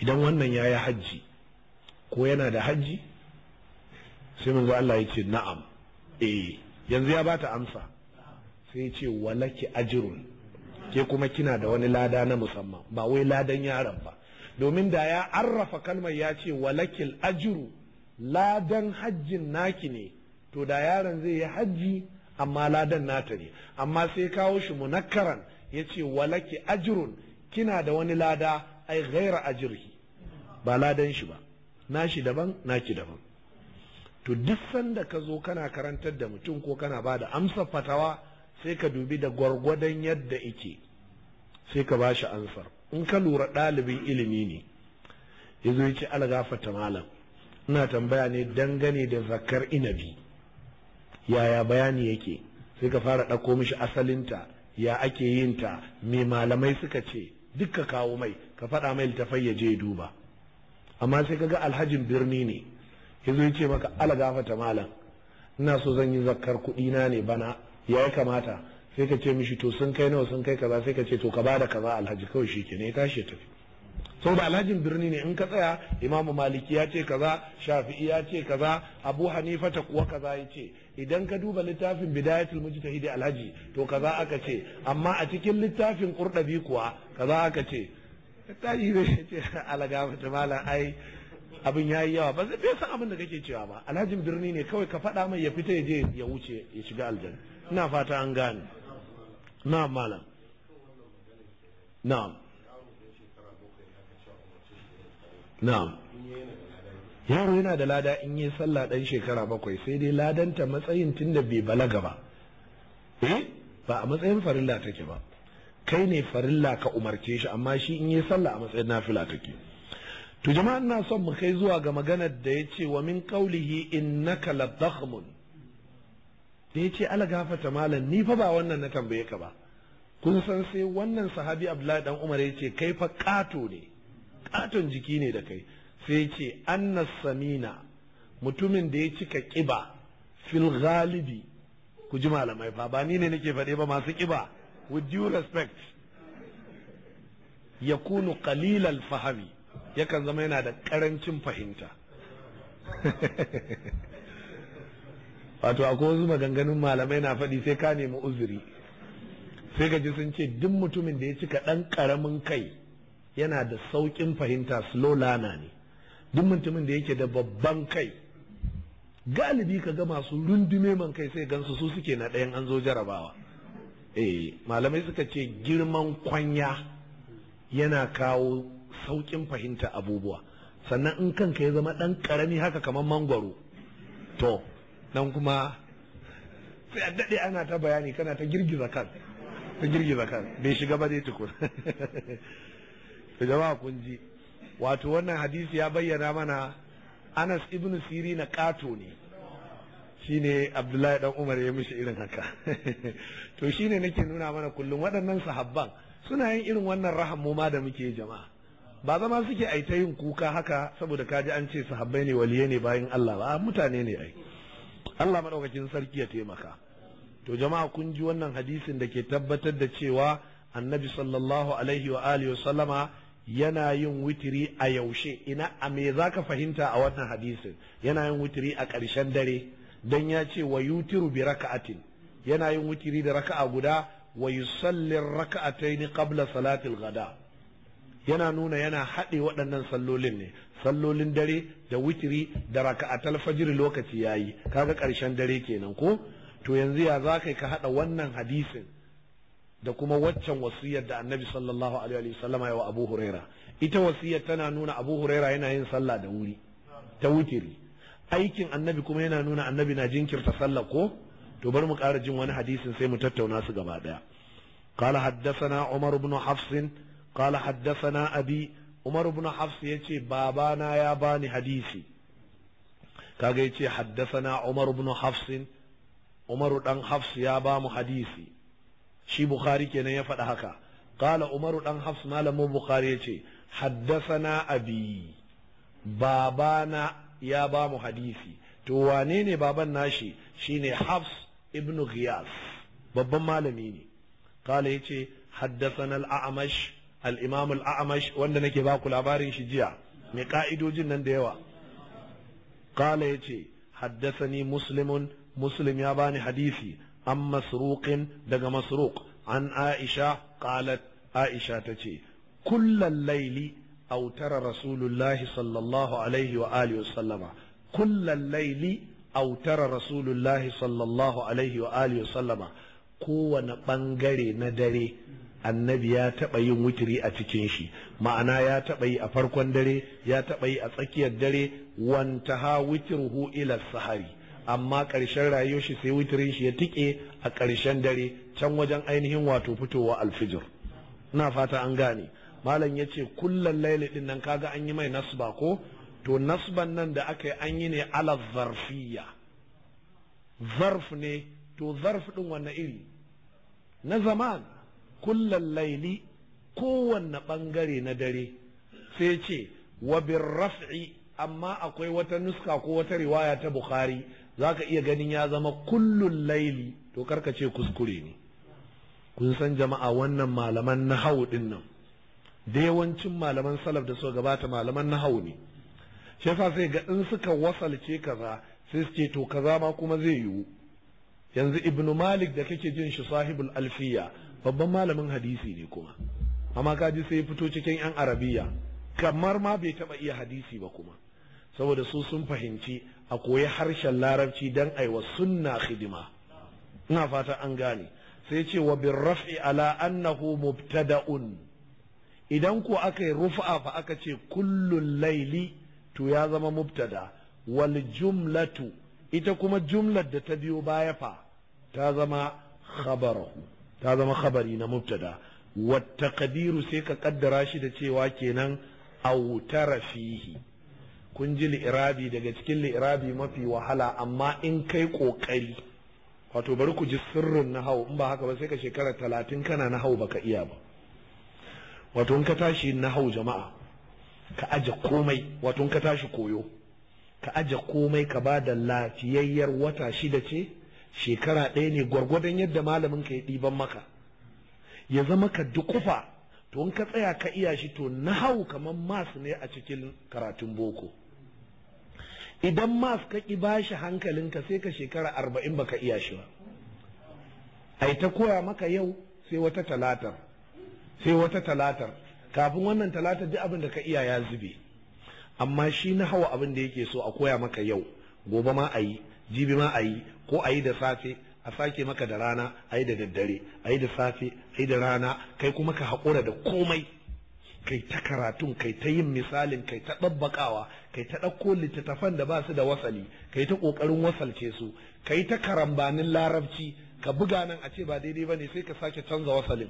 idan wannan yayi hajji ko yana da hajji sai manzo Allah ya ce na'am eh yanzu ya bata amsa sai ya ce walaki ajirun ke kuma kina da wani lada na musamman ba wai ladan yaron ba domin da ya arrafa kalmar ya ce walakil ajiru ladan hajjin naki ne to da yaron zai yi hajji amma ladan nata ne amma sai kawo shi munakkaran ya ce walaki ajirun kina da wani lada ai gaira ajirki ba ladan shi ba nashi daban naki daban to duk sanda ka zo kana karantar da mutum ko kana ba da amsa fatawa sai ka dubi da gwargwadon yadda ike sai ka ba shi ansar in ka lura ɗalibin ilimi ne ya zo ya ce algafata malam ina tambaya ne dangane da zakar inabi yaya bayani yake sai ka fara ɗauko mishi asalinta ya ake yin ta me malamai suka ce duk ka kawo mai ka faɗa mai littafai ya je duba amma sai kaga alhajin birni ne yazo ya ce maka ala malam ina so zan yi zakkar kuɗi na ne bana ya yi kamata sai ka ce mishi to sun kai nawa sun kai kaza sai ka ce to ka bada kaza alhaji kawai shi ke ne tashi tafi da alhajin birni ne in ka tsaya imamu maliki ya ce kaza shafi'i ya ce kaza abu hanifa ta kuwa kaza ya ce idan ka duba littafin bidayatul mujtahidi alhaji to kaza aka ce amma a cikin littafin qurdabi kuwa kaza aka ce tashi zai ce alaga mata malam ai abin ya yi yawa ba zai san abin da kake cewa ba alhajin birni ne kawai ka faɗa mai ya fita ya je ya wuce ya shiga aljanna ina fata an gane na malam na'am na'am yaro yana da lada in yi sallah dan shekara bakwai sai dai ladanta matsayin tunda bai balaga ba eh? ba a matsayin farilla take ba kai ne farilla ka umarce shi amma shi in yi sallah a matsayin nafila take to jama'an na son mu kai zuwa ga maganar da ya ce wa min qawlihi innaka ladakhmun da ya ce ala gafata malam ni fa ba wannan na tambaye ka ba kun san sai wannan sahabi abdullahi dan umar ya ce kai fa kato ne katon jiki ne da kai sai ya ce annas samina mutumin da ya cika kiba fil ghalibi ku ji malamai fa ba ni ne nake faɗe ba masu kiba with due respect yakunu qalilal fahmi yakan zama yana da ƙarancin fahimta wato akwai wasu maganganun malamai na faɗi sai ka nemi uzuri sai ka sun ce duk mutumin da ya cika ɗan ƙaramin kai yana da sauƙin fahimta slow learner ne duk mutumin da yake da babban kai galibi ka ga masu rundume man kai sai gansu su suke na ɗayan an zo jarabawa eh malamai suka ce girman kwanya yana kawo saukin fahimta abubuwa sannan in kanka ya zama dan karami haka kamar mangwaro to nan kuma sai a daɗe ana ta bayani kana ta girgiza kan ta girgiza kan bai shiga ba dai tukun to jama'a kun ji wato wannan hadisi ya bayyana mana Anas ibn Siri na kato ne shine Abdullahi dan Umar ya mishi irin haka to shine nake nuna mana kullum waɗannan sahabban suna yin irin wannan rahammu ma da muke jama'a ba zama suke ai ta yin kuka haka saboda ji an ce sahabbai ne waliye ne bayan Allah ba mutane ne ai Allah madaukakin sarki ya taimaka to jama'a kun ji wannan hadisin da ke tabbatar da cewa annabi sallallahu alaihi wa alihi sallama yana yin witiri a yaushe ina a me zaka fahimta a wannan hadisin yana yin witiri a ƙarshen dare dan ya ce wa yutiru bi raka'atin yana yin witiri da raka'a guda wa yusalli raka'ataini qabla salatil ghada yana nuna yana haɗe waɗannan sallolin ne sallolin dare da wutiri da raka'atal fajiri lokaci yayi kaga ƙarshen dare kenan ko to yanzu ya za ka ka haɗa wannan hadisin da kuma waccan wasiyar da annabi sallallahu alaihi wasallam ya wa abu huraira ita wasiyar tana nuna abu huraira yana yin sallah da wuri ta wutiri. aikin annabi kuma yana nuna annabi na jinkirta sallah ko to bar mu ƙara jin wani hadisin sai mu tattauna su gaba ɗaya قال حدثنا عمر بن حفص qala haddathana abi umar ibn hafs yace babana ya bani hadisi kaga yace haddathana umar ibn hafs umar dan hafs ya ba hadisi shi bukhari kenan ya faɗa haka qala Umaru dan hafs malamin bukhari yace haddathana abi babana ya bamu hadisi to wane ne baban nashi shine hafs Ibnu ghiyas babban malami ne qala yace haddathana al-a'mash Al'imamul imam amash wanda nake ba ku labarin shi jiya mai ka'idojin nan da yawa qala yace ni muslimun muslim ya bani hadisi an masruqin daga masruq an aisha qalat aisha ce kullan laili autara rasulullahi sallallahu alaihi wa alihi laili autara rasulullahi sallallahu alaihi wa alihi wasallama kowane bangare na dare annabi ya taɓa yin wutiri a cikin shi ma'ana ya taɓa yi a farkon dare ya taɓa yi a tsakiyar dare wantaha wutiruhu ila sahari amma ƙarshen rayuwar shi sai wutirin shi ya tike a ƙarshen dare can wajen ainihin wato fitowa alfijir ina fata an gane malam ya ce kullum laili din nan kaga an yi mai nasba ko to nasban nan da aka yi an yi ne ala zarfiya zarf ne to zarf ɗin wannan iri na zaman kullal laili kowanne ɓangare na dare sai ce wa raf'i amma akwai wata nuska ko wata riwaya ta bukhari zaka iya ganin ya zama kullun laili to karka ce kuskure ne kun san jama'a wannan malaman hau din nan da yawancin malaman salaf da suka gabata malaman na hau ne shi yasa sai ga in suka wasalce kaza sai su ce to kaza ma kuma zai yiwu yanzu ibnu malik da kake jin shi sahibul alfiya babban malamin hadisi ne kuma amma kaji sai fito cikin yan arabiya kamar ma bai taba iya hadisi ba kuma saboda su sun fahimci a koyi harshen larabci dan aiwa sunna hidima ina fata an gane sai ce wa bin raf'i ala annahu mubtada'un idan ko aka yi rufa fa aka ce kullun laili to ya zama mubtada wal jumlatu ita kuma jumlar da ta biyo baya fa ta zama khabarahu ta zama khabari na mubtada wa taqdiru sai ka kaddara shi da cewa kenan aw fihi kun ji li'irabi daga cikin li'irabi mafi wahala amma in kai kokari wato bari ku ji sirrin na hau in ba haka ba sai ka shekara talatin kana na hau baka iya ba wato in ka tashi na hau jama'a ka aje komai wato in ka tashi koyo ka aje komai ka ba da lafiyayyar wata shida ce shekara ɗaya ne gwargwadon yadda malamin ka ya ɗiban maka ya zama ka dukufa to in ka tsaya ka iya shi to na hau kamar mas ne a cikin karatun boko idan mas ka ƙi bashi hankalinka sai ka shekara arba'in baka iya shi ba ai ta koya maka yau sai wata talatar sai wata talatar kafin wannan talatar duk abin da ka iya ya zube amma shi na hawa abin da yake so a koya maka yau gobe ma a yi jibi ma a yi ko a yi da safe a sake maka da rana a yi da daddare a yi da safe a yi da rana kai kuma ka haƙura da komai kai ta karatun kai ta yin misalin kai ta ɗabbaƙawa kai ta ɗauko littattafan da ba su da wasali kai ta ƙoƙarin wasalce su kai ta karambanin larabci ka buga nan a ce ba daidai ba ne sai ka sake canza wasalin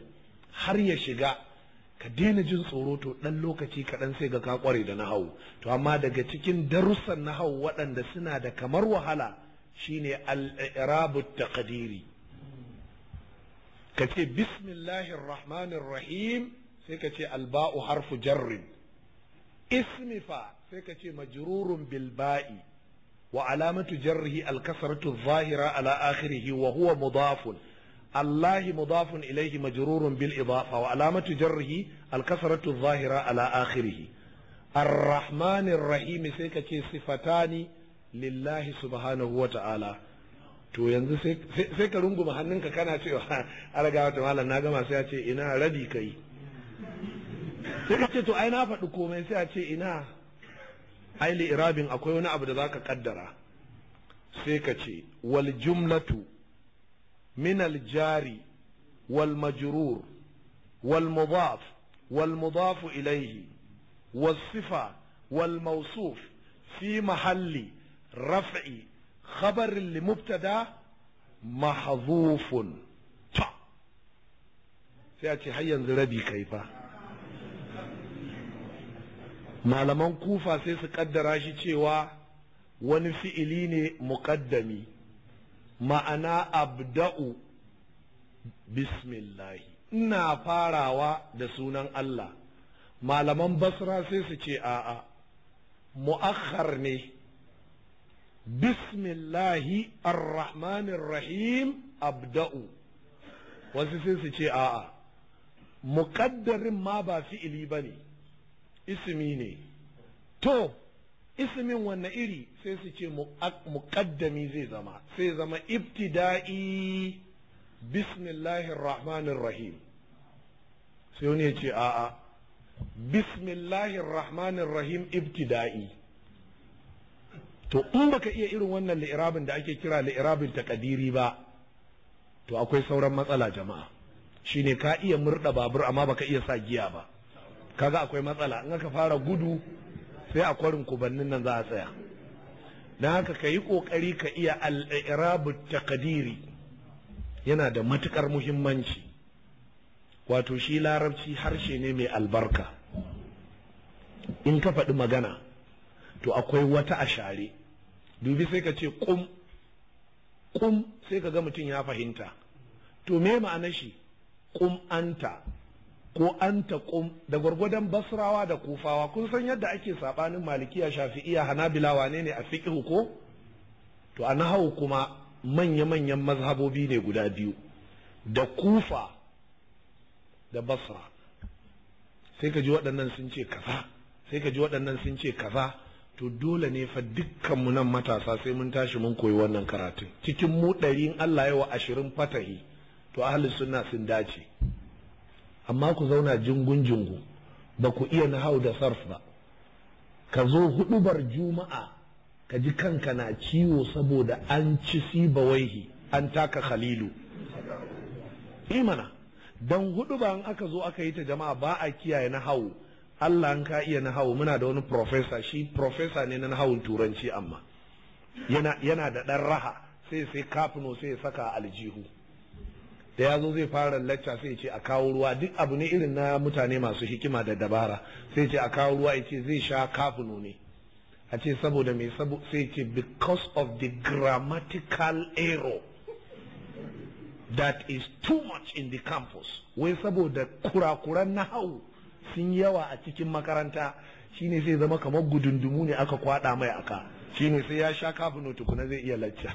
har ya shiga ka daina jin tsoro to ɗan lokaci kaɗan sai ga ka kware da nahawu to amma daga cikin darussan nahawu waɗanda suna da kamar wahala shine al-i'rabu Ka kace bismillahir rahmanir rahim sai kace alba'u harfu jarrin ismi fa sai kace majrurun bil ba'i wa alamatu jarrihi al-kasratu adh-dhahira ala akhirih wa huwa mudafun الله مضاف إليه مجرور بالإضافة وعلامة جره الكسرة الظاهرة على آخره الرحمن الرحيم سيكا صفتان lillahi subhanahu wa ta'ala to yanzu sai ka rungu hannunka kana cewa a raga wata malam na gama sai a ce ina radi ka yi sai ka ce to ai na faɗi komai sai a ce ina ai irabin akwai wani abu da za ka kaddara sai ka ce wal jumlatu min al jari wal majrur wal mudaf wal mudaf ilayhi was sifa wal mawsuf fi mahalli raf'i khabarin li mubtada mahzufun ta sai a ce har yanzu rabi kai fa malaman kufa sai su ƙaddara shi cewa wani fi'ili ne muqaddami ma'ana abda'u bismillahi ina farawa da sunan Allah malaman basra sai su ce a'a mu'akhar ne bismillahi arrahmanir rahim abda'u wasu sai su ce a'a muƙaddarin ma ba fi'ili ba ne ismi ne to ismin wanne iri sai su ce muƙaddami zai zama sai zama ibtida'i bismillahir rahmanir rahim ya ce a'a bismillahir rahmanir rahim ibtida'i to in baka iya irin wannan li'irabin da ake kira li'irabin takadiri ba to akwai sauran matsala jama'a shine ka iya murda babur amma baka iya sa giya ba kaga akwai matsala in aka fara gudu sai a kwarin kubannin nan za a tsaya dan haka ka yi kokari ka iya al-i'rabu takadiri yana da matukar muhimmanci wato shi larabci harshe ne mai albarka in ka faɗi magana to akwai wata a share dubi sai ka ce kum kum sai ka ga mutum ya fahimta to me ma'anar shi kum anta ko anta kum da gwargwadon basrawa da kufawa kun san yadda ake sabanin malikiya shafi'iya hanabila wane ne a fiqhu ko to a nahawu kuma manya-manyan mazhabobi ne guda biyu da kufa da basra sai ka ji waɗannan sun ce kaza sai ka ji waɗannan sun ce kaza to dole ne fa dukkan mu nan matasa sai mun tashi mun koyi wannan karatun cikin mu ɗari in Allah ya wa ashirin fatahi to ahlus sunna sun dace amma ku zauna jingun jingu ba ku iya na Hau da sarf ba ka zo hudubar juma'a ka ji kanka na ciwo saboda an ci siba waihi. an taka khalilu imana dan hudu ba aka zo aka yi ta jama'a ba a kiyaye na hau. Allah an ka iya nahawu muna da wani profesa shi profesa ne na nahawun turanci amma yana da ɗan raha sai sai kafino sai saka aljihu da ya zo zai fara lacca sai ce a kawo ruwa duk abu ne irin na mutane masu hikima da dabara sai ce a kawo ruwa ya ce zai sha kafino ne a ce saboda mai sai ce because of the grammatical error that is too much in the campus wai saboda kurakuran nahau sun yawa a cikin makaranta shine zai zama kamar gudundumu ne aka kwada mai aka shine sai ya sha kafin tukuna zai iya lacca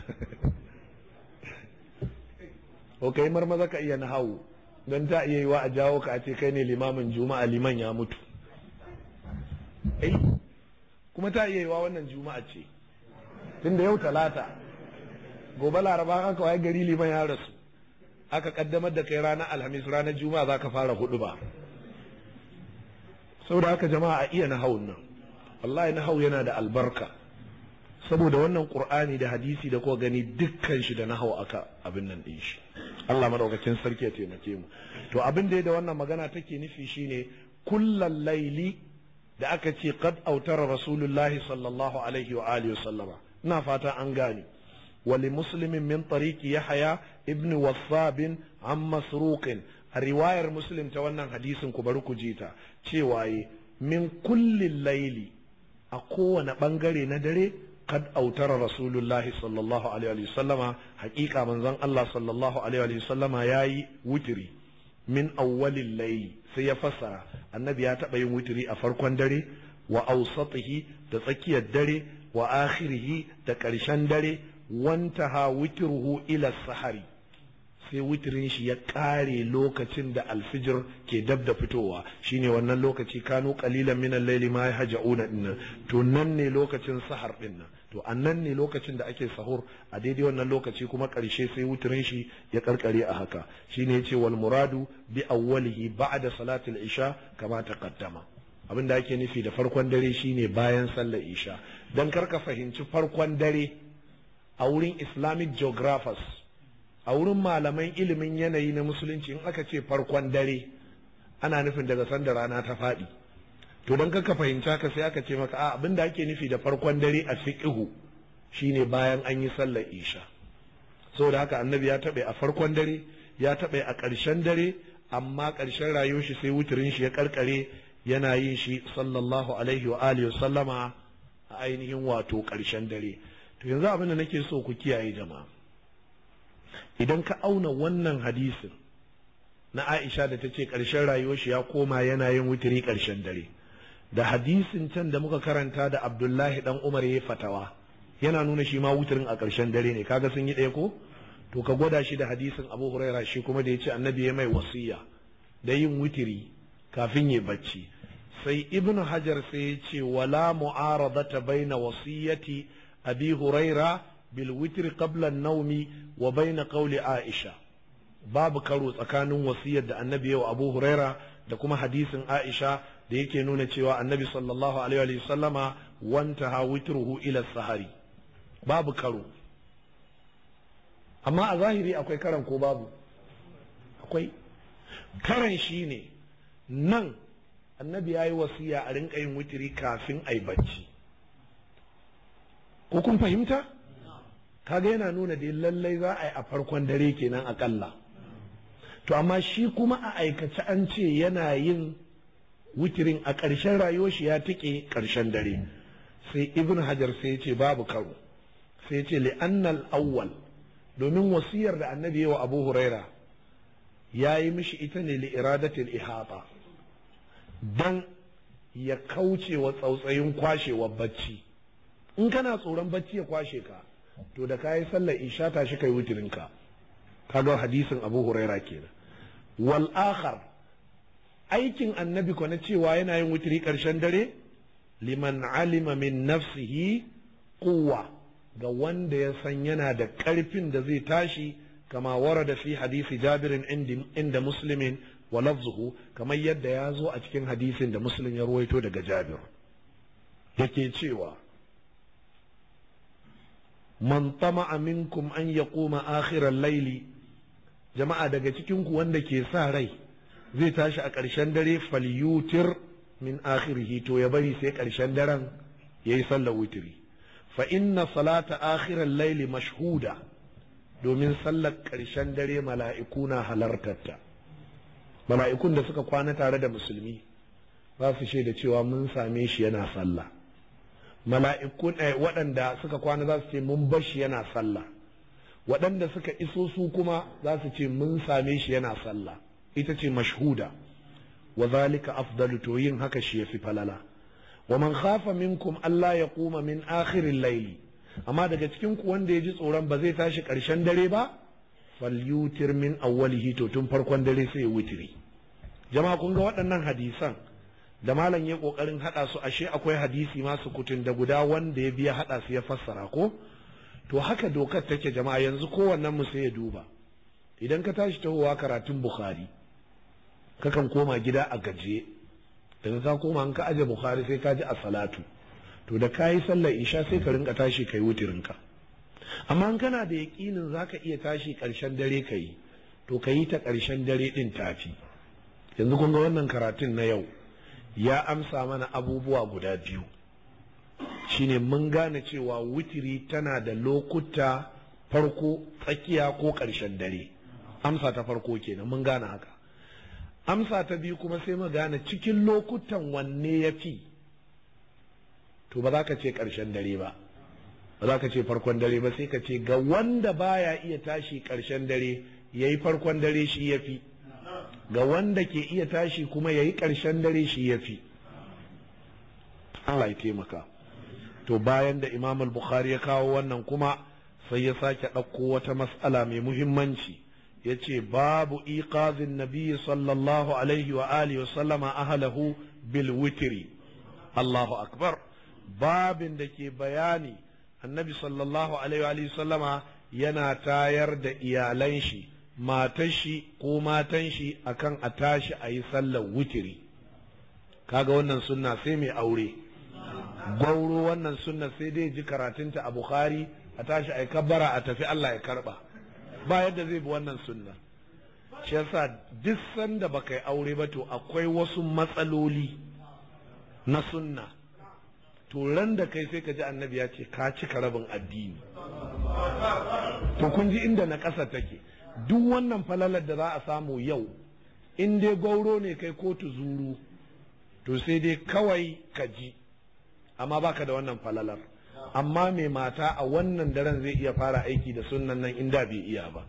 ok yi marmaza ka iya na hau don ta iya wa a jawo ka a ce kai ne limamin juma'a liman ya mutu eh, kuma ta iya wa wannan juma'a ce tunda yau talata gobe laraba an kawai gari liman ya rasu aka kaddamar da kai ranar alhamis ranar juma'a za ka fara hudu ba saboda haka jama'a a iya nahawun nan wallahi nahawu yana da albarka saboda wannan qur'ani da hadisi da kuka gani dukkan shi da nahawu aka abin nan din shi Allah madaukakin sarki ya taimake mu to abin da da wannan magana take nufi shine kullal laili da aka ce qad autara rasulullahi sallallahu alaihi wa alihi ina fata an gane muslimin min طريق yahya Ibn Wasabin, عن مسروق riwayar muslim ta wannan hadisin ku bari ku ji ta cewa min kullin laili a kowane bangare na dare kad autara rasulullahi sallallahu alaihi wasallama hakika manzon Allah sallallahu alaihi wasallama yayi wutiri min awwalil layli sai ya fassara annabi ya taba yin wutiri a farkon dare wa awsatihi da tsakiyar dare wa akhirihi da ƙarshen dare wantaha wuturhu ila sahari sai witirin shi ya kare lokacin da alfijir ke dab da fitowa shine wannan lokaci kanu qalilan min al-layli ma yahja'una din to nan ne lokacin sahar din nan to annan ne lokacin da ake sahur a daidai wannan lokaci kuma karshe sai wuturin shi ya karkare a haka shine yace wal muradu bi awwalihi ba'da salati al-isha kama taqaddama abin da ake nufi da farkon dare shine bayan sallar isha dan karka fahimci farkon dare a wurin islamic geographers a wurin malaman ilimin yanayi na musulunci in aka ce farkon dare ana nufin daga sanda rana ta faɗi to don kaka fahimci ka sai aka ce maka a abin da ake nufi da farkon dare a shi shine bayan an yi sallar isha saboda haka annabi ya taɓa a farkon dare ya taɓa a ƙarshen dare amma ƙarshen rayuwar shi sai wuturin shi ya karkare yana yin shi sallallahu alaihi wa alihi sallama a ainihin wato ƙarshen dare to yanzu abin da nake so ku kiyaye jama'a idan ka auna wannan hadisin na Aisha da ta ce ƙarshen rayuwar shi ya koma yana yin wutiri ƙarshen dare da hadisin can da muka karanta da Abdullahi dan Umar ya fatawa yana nuna shi ma wutirin a ƙarshen dare ne kaga sun yi ɗaya ko to ka gwada shi da hadisin Abu Huraira shi kuma da ya ce annabi ya mai wasiya da yin wutiri kafin ya bacci sai Ibn Hajar sai ya ce wala mu'aradata baina wasiyati Abi Huraira bil witri qabla naumi wa baina qawli aisha babu karo tsakanin wasiyar da annabi yau abu huraira da kuma hadisin aisha da yake nuna cewa annabi sallallahu alaihi wa sallama wanta wantaha witruhu ila sahari babu karo amma a zahiri akwai karan ko babu akwai karan shi ne nan annabi ya yi wasiya a rinka yin witiri kafin a yi bacci ko kun fahimta kaga yana nuna da lallai za a yi a farkon dare kenan akalla to amma shi kuma a aikace an ce yana yin wutirin a ƙarshen rayuwar shi ya tike ƙarshen dare sai ibn hajar sai ya ce babu karo sai ya ce li'annal awwal domin wasiyar da annabi wa abu huraira ya yi mishi ita ne li iradatil ihata dan ya kauce wa tsautsayin kwashewar bacci in kana tsoron bacci ya kwashe ka to da kayi sallar isha ta shi kai wutirin ka ga hadisin abu huraira kenan wal akhar aikin annabi ko na cewa yana yin wutiri karshen dare liman alima min nafsihi quwwa ga wanda ya san yana da karfin da zai tashi kama warada fi hadisi jabirin inda muslimin wa lafzuhu kamar yadda ya zo a cikin hadisin da muslim ya ruwaito daga jabir yake cewa man tama'a minkum an yaquma akhiral laili jama'a daga cikin wanda ke sa rai zai tashi a ƙarshen dare falyutir min akhirihi to ya bari sai ƙarshen daren yayi sallar wutiri fa inna salata akhiral laili mashhuda domin sallar ƙarshen dare mala'iku na halartarta mala'ikun da suka kwana tare da musulmi ba su shaida cewa mun same shi yana sallah mala'iku eh, waɗanda suka kwana za su ce mun bashi yana sallah waɗanda suka iso su kuma za su ce mun same shi yana sallah ita ce mashhuda wa zalika afdalu to yin haka shi yafi falala wa man khafa minkum Allah ya kuma min akhirin laili amma daga cikin ku wanda ya ji tsoron ba zai tashi ƙarshen dare ba Fal yutir min awwalihi to tun farkon dare sai ya wutiri jama'a kun ga waɗannan hadisan da malam ya kokarin hada su ashe akwai hadisi masu kutun da guda wanda ya biya hada su ya fassara ko to haka dokar take jama'a yanzu kowannen mu sai ya duba idan ka tashi tahowa karatun bukhari ka kan koma gida a gaje. daga ka koma in ka aje bukhari sai ka ji a salatu to da kayi sallar isha sai ka rinka tashi kai ka amma in kana da yaƙinin zaka iya tashi karshen dare ka to ka ta karshen dare din tafi yanzu kun ga wannan karatun na yau ya amsa mana abubuwa guda biyu shine mun gane cewa witiri tana da lokuta farko tsakiya ko ƙarshen dare amsa ta farko kenan mun gane haka amsa ta biyu kuma sai mu gane cikin lokutan wanne ya fi to ba za ka ce ƙarshen dare ba ba za ka ce farkon dare ba sai ka ce ga wanda baya iya tashi ƙarshen dare ya yi farkon dare shi ya fi ga wanda ke iya tashi kuma ya yi ƙarshen dare shi ya fi Allah ya taimaka to bayan da imam al-bukhari ya kawo wannan kuma sai ya sake ɗauko wata mas'ala mai muhimmanci ya ce babu iqazin nabi sallallahu alaihi wa alihi wa sallama ahalahu bil witri Allahu akbar babin da ke bayani annabi sallallahu alaihi wa sallama yana tayar da iyalan shi matar shi ko matan shi akan a tashi a yi sallar wutiri kaga wannan sunna sai mai aure gauro wannan sunna sai dai ji karatunta a bukhari a tashi a yi kabbara a tafi allah ya karba ba yadda zai bi wannan sunna shi yasa duk sanda ba kai aure ba to akwai wasu matsaloli na sunna to ran da kai sai ka ji annabi ya ce ka cika rabin addini to kun ji inda na ƙasa take duk wannan falalar da za a samu yau in dai gauro ne kai ko tuzuru to sai dai kawai ka ji amma baka da wannan falalar amma mai mata a wannan daren zai iya fara aiki da sunan nan inda bai iya ba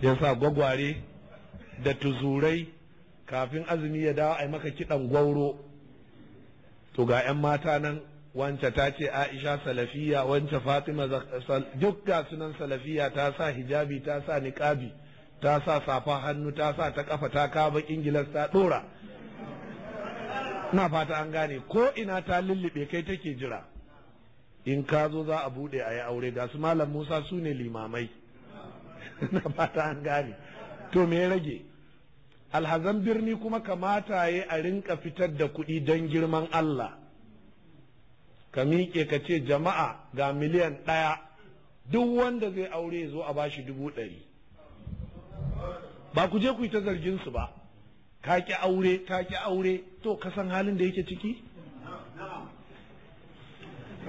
yasa gwagware da tuzurai kafin azumi ya dawo a maka kiɗan gwauro to ga 'yan mata nan wance ta ce aisha salafiya wance fatima duk ga sunan salafiya ta sa hijabi ta sa niqabi ta sa safa hannu ta sa ta kafa ta kaba ingilas ta dora na fata an gane ko ina ta lullube kai take jira in ka zo za a bude a yi aure ga su malam musa su ne limamai na fata an gane to me rage alhazan birni kuma kamata ya a rinka fitar da kuɗi don girman allah ka miƙe ka ce jama'a ga miliyan ɗaya duk wanda zai aure zo a bashi dubu ɗari ba ku je ku yi ta zargin su ba ka ki aure ka ki aure to ka san halin da yake ciki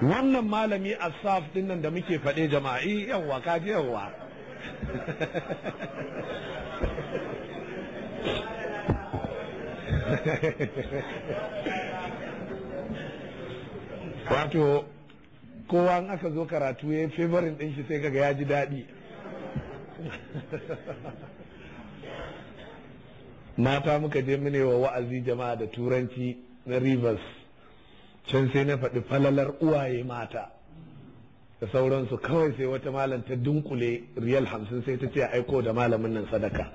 wannan malami asaf din nan da muke faɗe jama'i eh, yawwa ka ji yawwa wato kowa in aka zo karatu ya yi favorin ɗin shi sai kaga ya ji daɗi mata muka je mune wa wa'azi jama'a da turanci na rivers can sai na faɗi falalar uwaye mata da sauransu kawai sai wata malam ta dunkule riyal hamsin sai ta ce aiko da malamin nan sadaka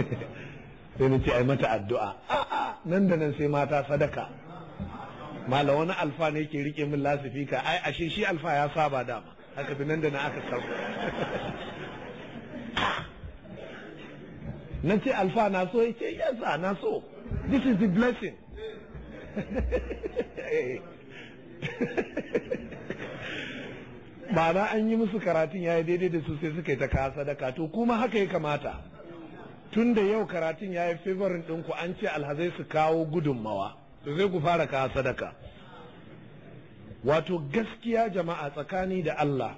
sai na ce ai mata addu'a a'a nan da nan sai mata sadaka mala wani alfa ne ke rike min ka ai ashe shi alfa ya saba dama haka bi nan da na aka sauka na ce alfa na so ya ce yes na so this is the blessing eh. na an yi musu karatun ya yi daidai da su sai suka yi ta kawo sadaka to kuma haka ya kamata tun da yau karatun ya yi favorin ɗinku an ce alhazai su kawo gudunmawa to zai ku fara ka sadaka wato gaskiya jama'a tsakani da Allah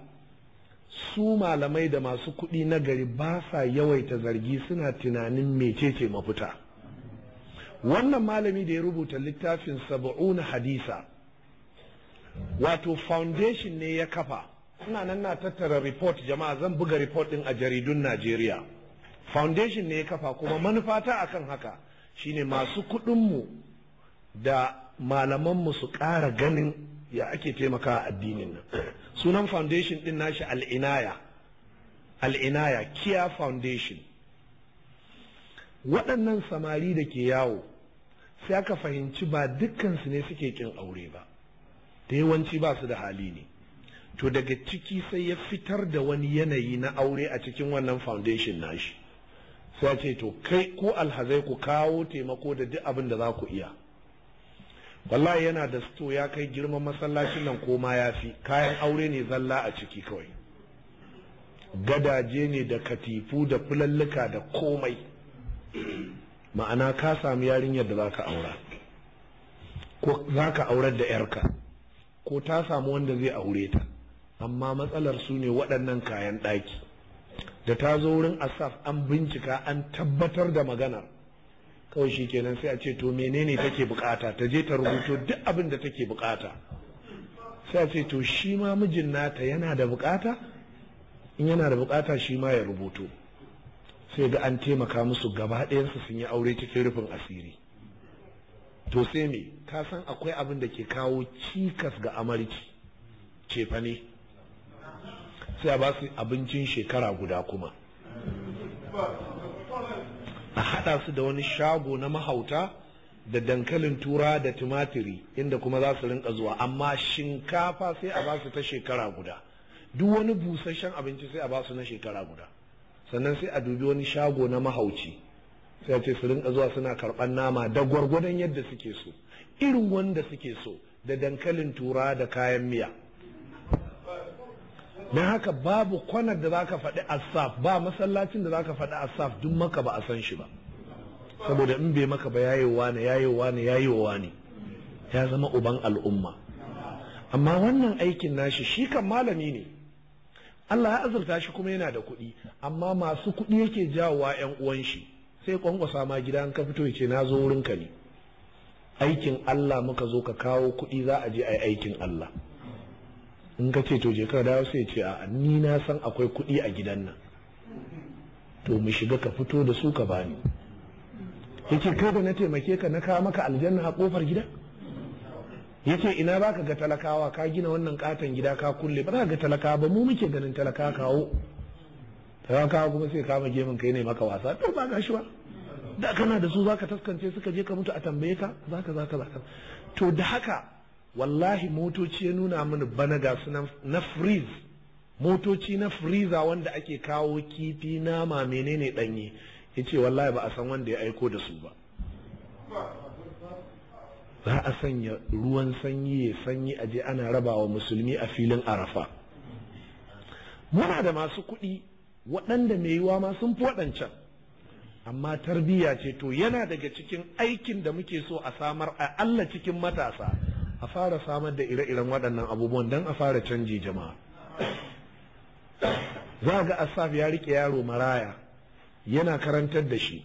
su malamai da masu kuɗi na gari ba sa yawaita zargi suna tunanin mecece mafuta wannan malami da ya rubuta littafin saba'una hadisa wato foundation ne ya kafa ina nan na tattara report jama'a zan buga report din a jaridun Najeriya foundation ne ya kafa kuma manufata akan haka shine masu kuɗinmu da malamanmu su ƙara ganin ya ake taimaka addinin nan sunan foundation din nashi al'inaya al'inaya kiya foundation waɗannan samari da ke yawo sai aka fahimci ba dukkansu ne suke ƙin aure ba da yawanci ba su da hali ne to daga ciki sai ya fitar da wani yanayi na aure a cikin wannan foundation nashi sai ce to kai ko alhazai ku kawo taimako da duk abin da za ku iya wallahi yana da sto ya kai girman masallacin nan koma ya fi kayan aure ne zalla a ciki kawai gadaje ne da katifu da fulalluka da komai ma'ana ka samu yarinyar da za ka aura ko za ka aurar da yarka ko ta samu wanda zai aure ta amma matsalar su ne waɗannan kayan ɗaki da ta zo wurin asaf an bincika an tabbatar da maganar kawai shi kenan sai a ce to menene take bukata ta je ta rubuto duk abin da take bukata sai a ce to shi ma mijin nata yana da bukata in yana da bukata shi ma ya rubuto sai ga an taimaka musu gaba ɗayansu sun yi aure cikin rufin asiri to sai me ka san akwai abin da ke kawo cikas ga amarki cefa ne sai a ba su abincin shekara guda kuma a haɗa su da wani shago na mahauta da dankalin tura da tumatiri inda kuma za su rinka zuwa amma shinkafa sai a ba su ta shekara guda duk wani busasshen abinci sai a ba su na shekara guda sannan sai a dubi wani shago na mahauci sai a ce su rinka zuwa suna karɓar nama da gwargwadon yadda suke so irin wanda suke so da dankalin tura da kayan miya don haka babu kwanar da zaka faɗi asaf ba masallacin da zaka faɗi asaf duk maka ba a san shi ba saboda in bai maka ba yayewa ne yayewa ne yayewa ne ya zama uban al'umma amma wannan aikin nashi shi kan malami ne Allah ya azurta shi kuma yana da kuɗi amma masu kuɗi yake jawowa 'yan uwan shi sai kwankwasa ma gida an ka fito ya ce na zo wurin ka ne aikin Allah muka zo ka kawo kuɗi za a je a yi aikin Allah in ka ce to je ka dawo sai ce a ni na san akwai kuɗi a gidan nan to mu shiga ka fito da su ka bani yace kai da na taimake ka na kawo maka aljanna a kofar gida yace ina baka ga talakawa ka gina wannan katon gida ka kulle ba za ga talakawa ba mu muke ganin talakawa kawo talakawa kuma sai kama gemin kai ne maka wasa to ba gashi ba da kana da su zaka taskance suka je ka mutu a tambaye ka zaka zaka zaka to da haka wallahi motoci ya nuna mini bana ga su na freeze motoci na freezer wanda ake kawo kifi nama menene ɗanye ya ce wallahi ba a san wanda ya aiko da su ba za a sanya ruwan sanyi ya sanyi a je ana raba wa musulmi a filin arafa muna da masu kuɗi waɗanda mai yiwa ma sun waɗancan amma tarbiyya ce to yana daga cikin aikin da muke so a samar a Allah cikin matasa a fara samar da ire-iren waɗannan abubuwan don a fara canji jama'a za a ga asaf ya rike yaro maraya yana karantar da shi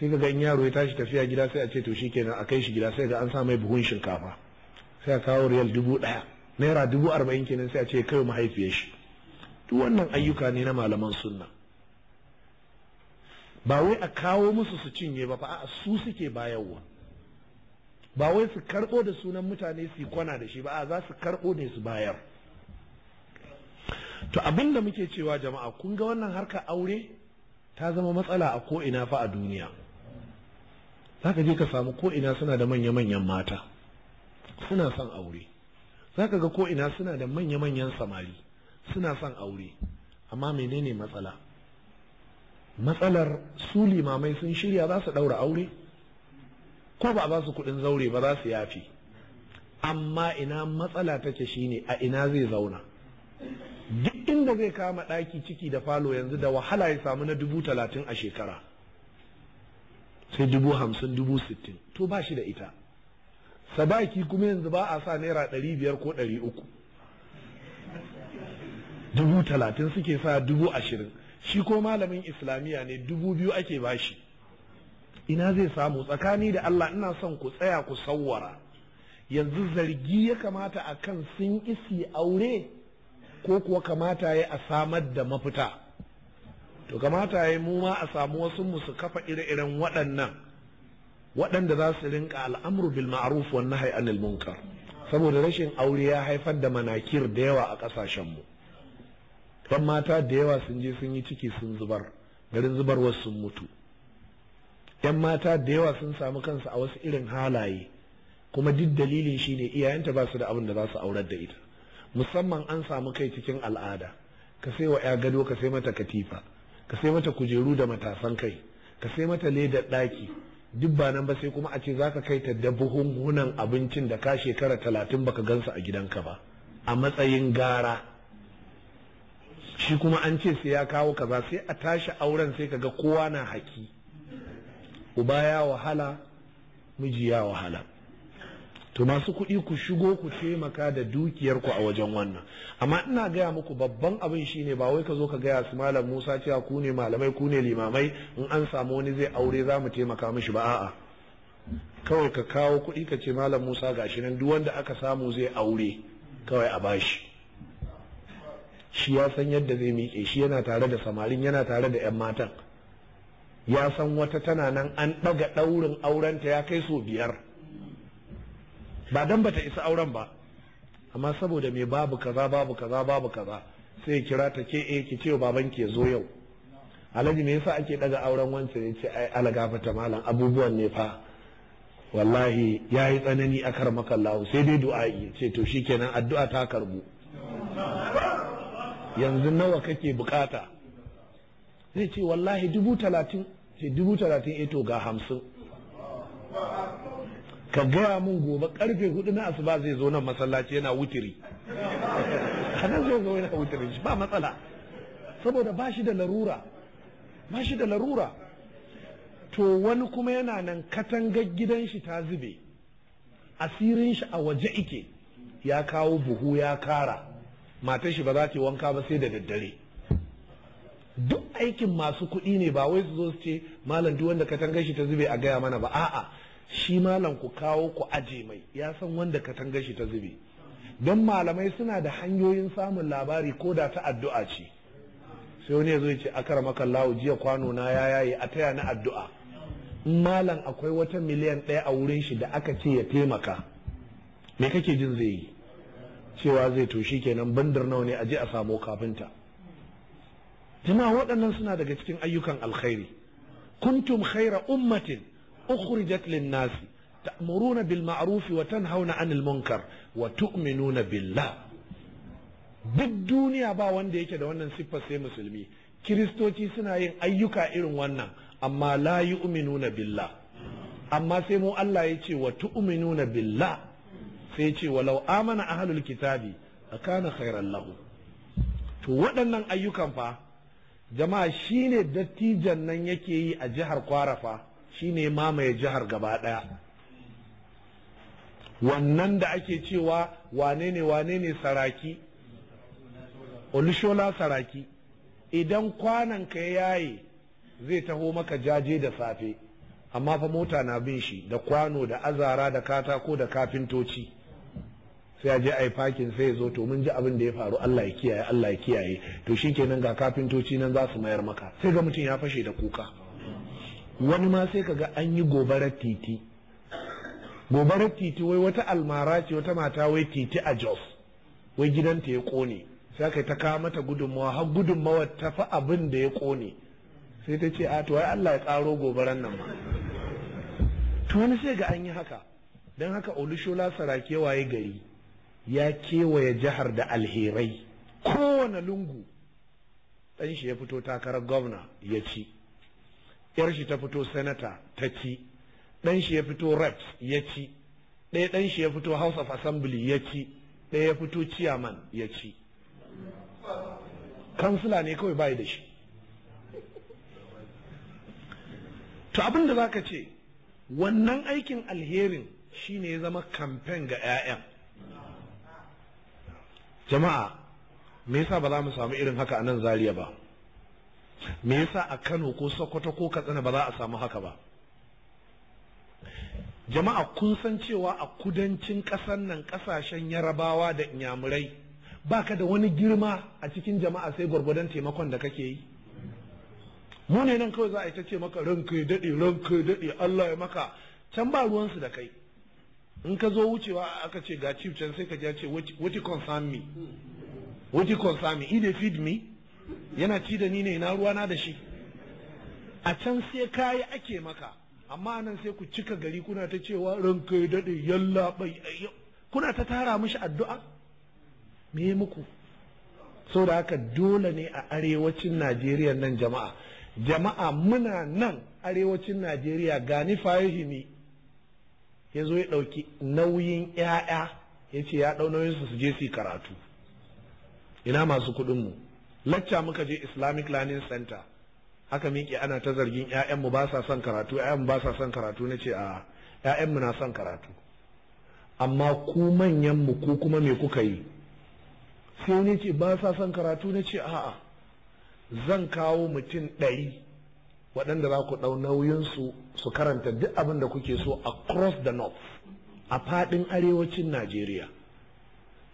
sai ga gan yaro ya tashi tafiya gida sai a ce to shikenan a kai shi gida sai ga an sa mai buhun shinkafa sai a kawo riyal dubu ɗaya naira dubu arba'in kenan sai a ce kai mahaifiyar shi duk wannan ayyuka ne na malaman sunna ba wai a kawo musu su cinye ba fa a su suke bayarwa ba wai su karɓo da sunan mutane su kwana da shi ba a za su karɓo ne su bayar to abin da muke cewa jama'a kun ga wannan harkar aure ta zama matsala a ko'ina fa a duniya za ka je ka samu ko'ina suna da manya-manyan mata suna son aure za ka ga ko'ina suna da manya-manyan samari suna son aure amma menene matsala matsalar su limamai sun shirya za su ɗaura aure ko ba a su kuɗin zaure ba za su yafi amma ina matsala take shine a ina zai zauna duk inda zai kama ɗaki ciki da falo yanzu da wahala ya samu na dubu talatin a shekara sai dubu hamsin dubu sittin to ba shi da ita sadaki kuma yanzu ba a sa naira ɗari biyar ko ɗari uku dubu talatin suke sa dubu ashirin shi ko malamin islamiyya ne dubu biyu ake bashi ina zai samu tsakani da Allah ina son ku tsaya ku sawwara yanzu zargi ya kamata a kan sun isi aure ko kuwa kamata ya a samar da mafita to kamata ya mu ma a samu wasu su kafa ire-iren waɗannan waɗanda za su rinka al'amru bil ma'ruf wan nahyi anil munkar saboda rashin aure ya haifar da manakir da yawa a ƙasashenmu dan mata da yawa sun je sun yi ciki sun zubar garin zubarwar sun mutu yan mata da yawa sun samu kansu a wasu irin halaye kuma duk dalilin shine iyayenta ba su da abin da za su aurar da ita musamman an samu kai cikin al'ada ka sai wa 'ya gado ka sai mata katifa ka sai mata kujeru da matasan kai ka sai mata ledar ɗaki duk ba nan ba sai kuma a ce za ka kai ta da buhunhunan abincin da ka shekara talatin baka gansu a gidanka ba a matsayin gara shi kuma an ce sai ya kawo kaza sai a tashi auren sai ka ga kowa na haki uba ya wahala miji ya wahala to masu kuɗi ku shigo ku taimaka da dukiyarku a wajen wannan amma ina gaya muku babban abin shine ba wai ka zo ka gaya su malam musa cewa ku ne malamai ku ne limamai in an samu wani zai aure za mu taimaka mishi ba a'a kawai ka kawo kuɗi ka ce malam musa gashi nan duk wanda aka samu zai aure kawai a bashi shi ya san yadda zai miƙe shi yana tare da samarin yana tare da 'yan matan ya san wata tana nan an ɗaga ɗaurin aurenta ya kai so biyar ba dan bata isa auren ba amma saboda mai babu kaza babu kaza babu kaza sai kira ta ke eh, ki ce baban ke zo yau alhaji me yasa ake ɗaga auren wancan ya ce ai alaga fata malam abubuwan ne fa wallahi ya yi tsanani a karmakallahu sai dai du'a'i ce to kenan addu'a ta karbu yanzu nawa kake bukata zai ce wallahi dubu talatin sai dubu talatin eto eh ga hamsin ka gaya min gobe karfe hudu na asuba zai zo nan masallaci yana wutiri kanan zai zo yana wutiri ba matsala saboda ba shi da larura ba shi da larura to wani kuma yana nan katangar gidan shi ta zube asirin shi a waje ike ya kawo buhu ya kara matar shi ba za ta yi wanka ba sai da daddare duk aikin masu kuɗi ne ba wai su zo su ce malam duk wanda tanga shi ta zube a gaya mana ba a'a shi malam ku kawo ku aje mai ya san wanda tanga shi ta zube don malamai suna da hanyoyin samun labari ko da ta addu'a ce sai wani ya zo a kara maka lawo jiya kwano na ya yaye a taya na addu'a in malam akwai wata miliyan ɗaya a wurin shi da aka ce ya taimaka me kake jin zai yi cewa zai to shi kenan bandar nawa ne a je a samo kafinta jama'a waɗannan suna daga cikin ayyukan alkhairi kuntum khaira ummatin ukhrijat lin-nas ta'muruna bil ma'ruf wa tanhauna 'anil munkar wa tu'minuna billah duk duniya ba wanda yake da wannan siffar sai musulmi kiristoci suna yin ayyuka irin wannan amma la yu'minuna billah amma sai mu Allah ya ce wa tu'minuna billah sai ya ce walau amana ahlul kitabi akana khairan lahu to waɗannan ayyukan fa jama'a shine dattijan nan yake yi a jihar kwarafa shine mamaye jihar gaba daya wannan da ake cewa wane ne wane ne saraki olushola saraki idan kwanonka ya yaye zai taho maka jaje da safe amma fa mota na bin shi da kwano da azara da katako da kafintoci sai ya je a yi fakin sai ya zo to mun ji abin da ya faru Allah ya kiyaye Allah ya kiyaye to shikenan ga kafintoci nan za su mayar maka sai ga mutum ya fashe da kuka wani ma sai kaga an yi gobarar titi gobarar titi wai wata almara ce wata mata wai titi a Jos wai gidanta ya kone sai aka ta kawo mata gudunmawa har gudunmawa ta fa abin da ya kone sai ta ce a to wai Allah ya karo gobaran nan ma to wani sai ga an yi haka don haka olushola sarakewa ya gari ya kewaye jihar da alherai kowane lungu ɗan shi ya fito takarar gwamna ya ci yar shi ta fito senata ta ci ɗan shi ya fito reps ya ci ɗaya ɗan shi ya fito house of assembly ya ci ɗaya ya fito chairman ya ci kansila ne kawai bai da shi to abin da za ka ce wannan aikin alherin shine ya zama kamfen ga 'ya'yan jama'a me yasa ba za mu samu irin haka a nan Zariya ba me yasa a Kano ko Sokoto ko Katsina ba za a samu haka ba jama'a kun san cewa a kudancin ƙasar nan ƙasashen yarabawa da inyamurai baka da wani girma a cikin jama'a sai gwargwadon taimakon da kake yi mu ne nan kawai za a yi ta ce maka ranka ya daɗe ranka ya daɗe Allah ya maka can ba ruwansu da kai in ka zo wucewa aka ce ga chief can sai ka ja ce what you concern me what you concern me he dey feed me yana ci da ni ne na ruwana da shi a can sai kayi ake maka amma nan sai ku cika gari kuna ta cewa ranka ya daɗe yalla bai kuna ta tara mishi addu'a me muku so da haka dole ne a arewacin najeriya nan jama'a jama'a muna nan arewacin najeriya gani fahimi ya zo ya ɗauki nauyin 'ya'ya ya ce ya ɗau nauyinsu su je su karatu ina masu kuɗin mu lacca muka je islamic learning center haka miƙe ana ta zargin 'ya'yanmu ba sa son karatu 'ya'yanmu ba sa son karatu na ce a 'ya'yanmu na son karatu amma ku manyanmu ku kuma me kuka yi sai ne ce ba sa son karatu na ce a'a zan kawo mutum ɗari waɗanda za ku ɗau nauyinsu su karanta duk abin da kuke so across the north a faɗin arewacin najeriya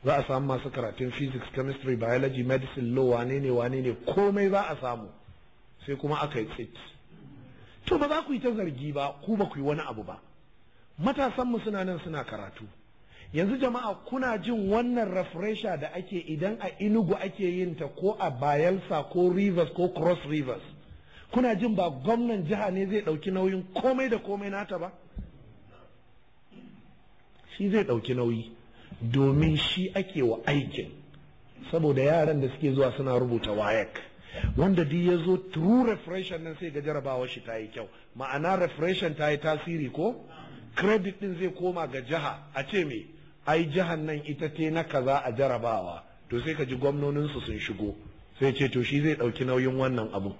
za a samu masu karatun physics chemistry biology medicine law wane ne wane ne komai za a samu sai kuma aka yi tsit to ba za ku yi ta zargi ba ku ba ku yi wani abu ba matasanmu suna nan suna karatu yanzu jama'a kuna jin wannan refresher da ake idan a inugu ake yin ta ko a bayelsa ko rivers ko cross rivers kuna jin ba gwamnan jiha ne zai ɗauki nauyin komai da komai nata ba shi zai ɗauki nauyi domin shi ake wa aikin saboda yaran da suke zuwa suna rubuta wayak wanda duk ya zo true refreshen nan sai ga jarabawar shi ta yi kyau ma'ana refreshen ta yi tasiri ko credit din zai koma ga jiha a ce me ai jihar nan ita ce na kaza a jarabawa to sai ka ji gwamnoninsu sun shigo sai ce to shi zai ɗauki nauyin wannan abu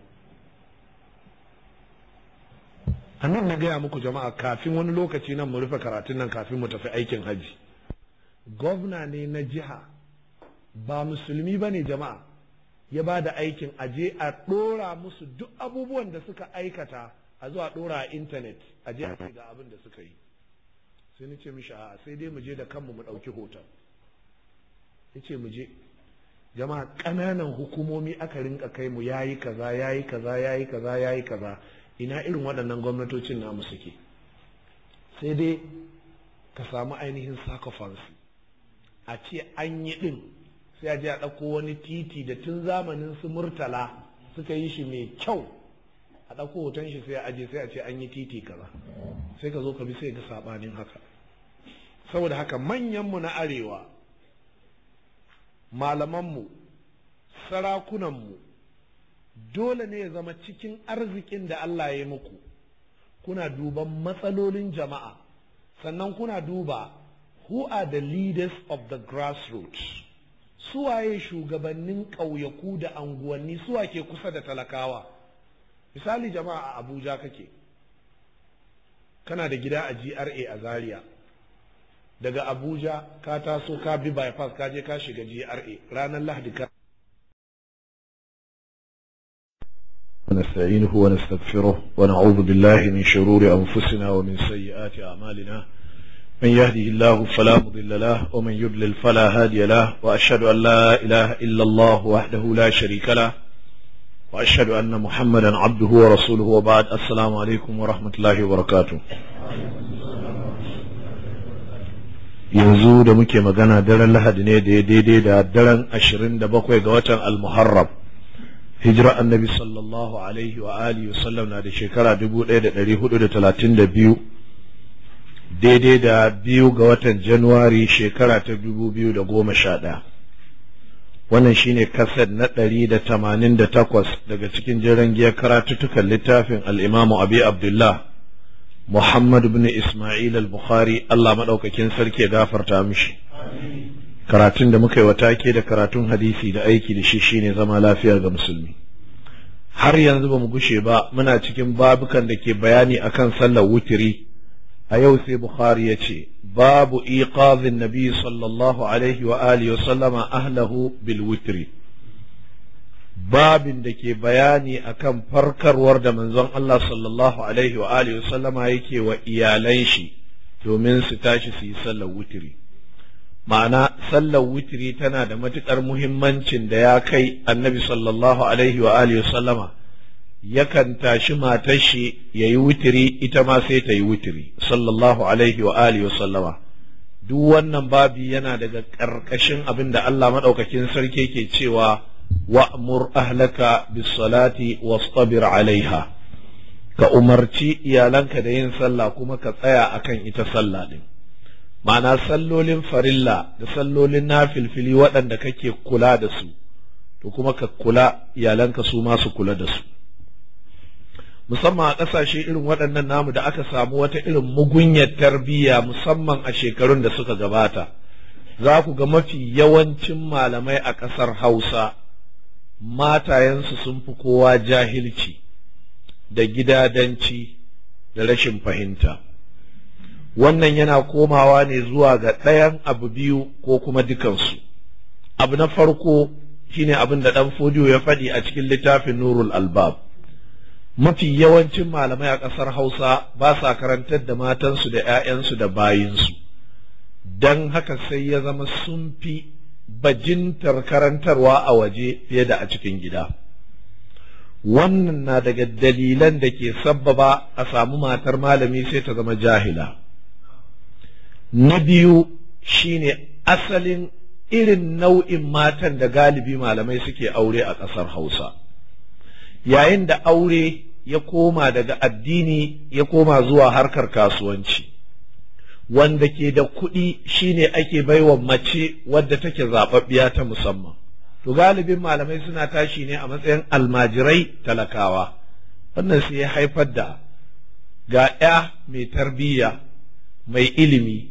a na gaya muku jama'a kafin wani lokaci nan mu rufe karatun nan kafin mu tafi aikin hajji gwamna ne na jiha ba musulmi ba ne jama'a ya ba da aikin aje a ɗora musu duk abubuwan da suka aikata a zuwa ɗora a intanet aje a ga abin da suka yi sai ni ce mishi a sai dai mu je da kanmu mu ɗauki hoton ni ce mu je jama'a ƙananan hukumomi aka rinka kai mu yayi kaza yayi kaza yayi kaza yayi kaza ina irin waɗannan gwamnatocin namu suke sai dai ka samu ainihin sacrifice a ce an yi ɗin sai a je a ɗauko wani titi da tun zamanin su murtala suka yi shi mai kyau a ɗauko hoton shi sai a aje sai a ce an yi titi kaza sai ka zo ka bi sai ga saɓanin haka saboda haka manyanmu na arewa malamanmu sarakunanmu dole ne ya zama cikin arzikin da Allah ya yi muku kuna duban matsalolin jama'a sannan kuna duba who are the leaders of the grassroots suwaye shugabannin ƙauyaku da anguwanni suwa ke kusa da talakawa misali jama'a a abuja kake kana da gida a gra a zaria daga abuja ka taso ka bi bypass ka je ka shiga gra ranar lahadi ka ونستعينه ونستغفره ونعوذ بالله من شرور أنفسنا ومن سيئات أعمالنا من يهده الله فلا مضل له ومن يضلل فلا هادي له وأشهد أن لا إله إلا الله وحده لا شريك له وأشهد أن محمدا عبده ورسوله وبعد السلام عليكم ورحمة الله وبركاته yanzu da muke magana daren lahadi ne daidai da daren 27 ga watan al-muharram hijira annabi sallallahu alaihi wa alihi wasallam na da shekara 1432 daidai da biyu ga watan januwari shekara ta 2011 wannan shine kased na 188 daga cikin jiran giyar karatutukan littafin al'imamu abi abdullah muhammad bin ismail al-bukhari allah maɗaukakin sarki ya gafarta mishi karatun da muka yi wata ke da karatun hadisi da aiki da shi shine zama lafiya ga musulmi har yanzu ba mu gushe ba muna cikin babukan da ke bayani akan sallar wutiri a yau sai bukhari ya ce babu iqazin nabi sallallahu alaihi wa alihi wa sallama ahlahu bil wutri babin da ke bayani akan farkarwar da manzon Allah sallallahu alaihi wa alihi wa sallama yake wa iyalan shi domin su tashi su yi sallar wutiri ma'ana sallar witiri tana da matuƙar muhimmancin da ya kai annabi sallallahu alaihi wa alihi sallama yakan tashi matar shi ya yi witiri ita ma sai ta yi witiri sallallahu alaihi wa alihi sallama duk wannan babi yana daga ƙarƙashin abin da Allah maɗaukakin sarki ke cewa wa'mur ahlaka bis salati wastabir alaiha ka umarci iyalanka da yin sallah kuma ka tsaya akan ita sallah din ma'ana sallolin farilla da sallolin na filfili waɗanda kake kula da su to kuma ka kula iyalanka su masu kula da su musamman a ƙasashe irin waɗannan namu da aka samu wata irin mugunyar tarbiyya musamman a shekarun da suka gabata za ku ga mafi yawancin malamai a ƙasar hausa matayensu sun fi kowa jahilci da gidadanci da rashin fahimta wannan yana komawa ne zuwa ga ɗayan abu biyu ko kuma dukansu abu na farko shine abin da ɗan fodiyo ya faɗi a cikin littafin nurul albab mafi yawancin malamai a ƙasar hausa ba sa karantar da matansu da 'ya'yansu da bayinsu don haka sai ya zama sun fi bajintar karantarwa a waje fiye da a cikin gida wannan na daga dalilan da ke sabbaba a samu matar malami sai ta zama jahila na biyu shine asalin irin nau'in matan da galibi malamai suke aure a ƙasar hausa yayin da aure ya koma daga addini ya koma zuwa harkar kasuwanci wanda ke da kuɗi shine ake baiwa mace wadda take zaɓaɓɓiya ta musamman to galibin malamai suna tashi ne a matsayin almajirai talakawa wannan sai ya haifar da ga 'ya mai tarbiyya mai ilimi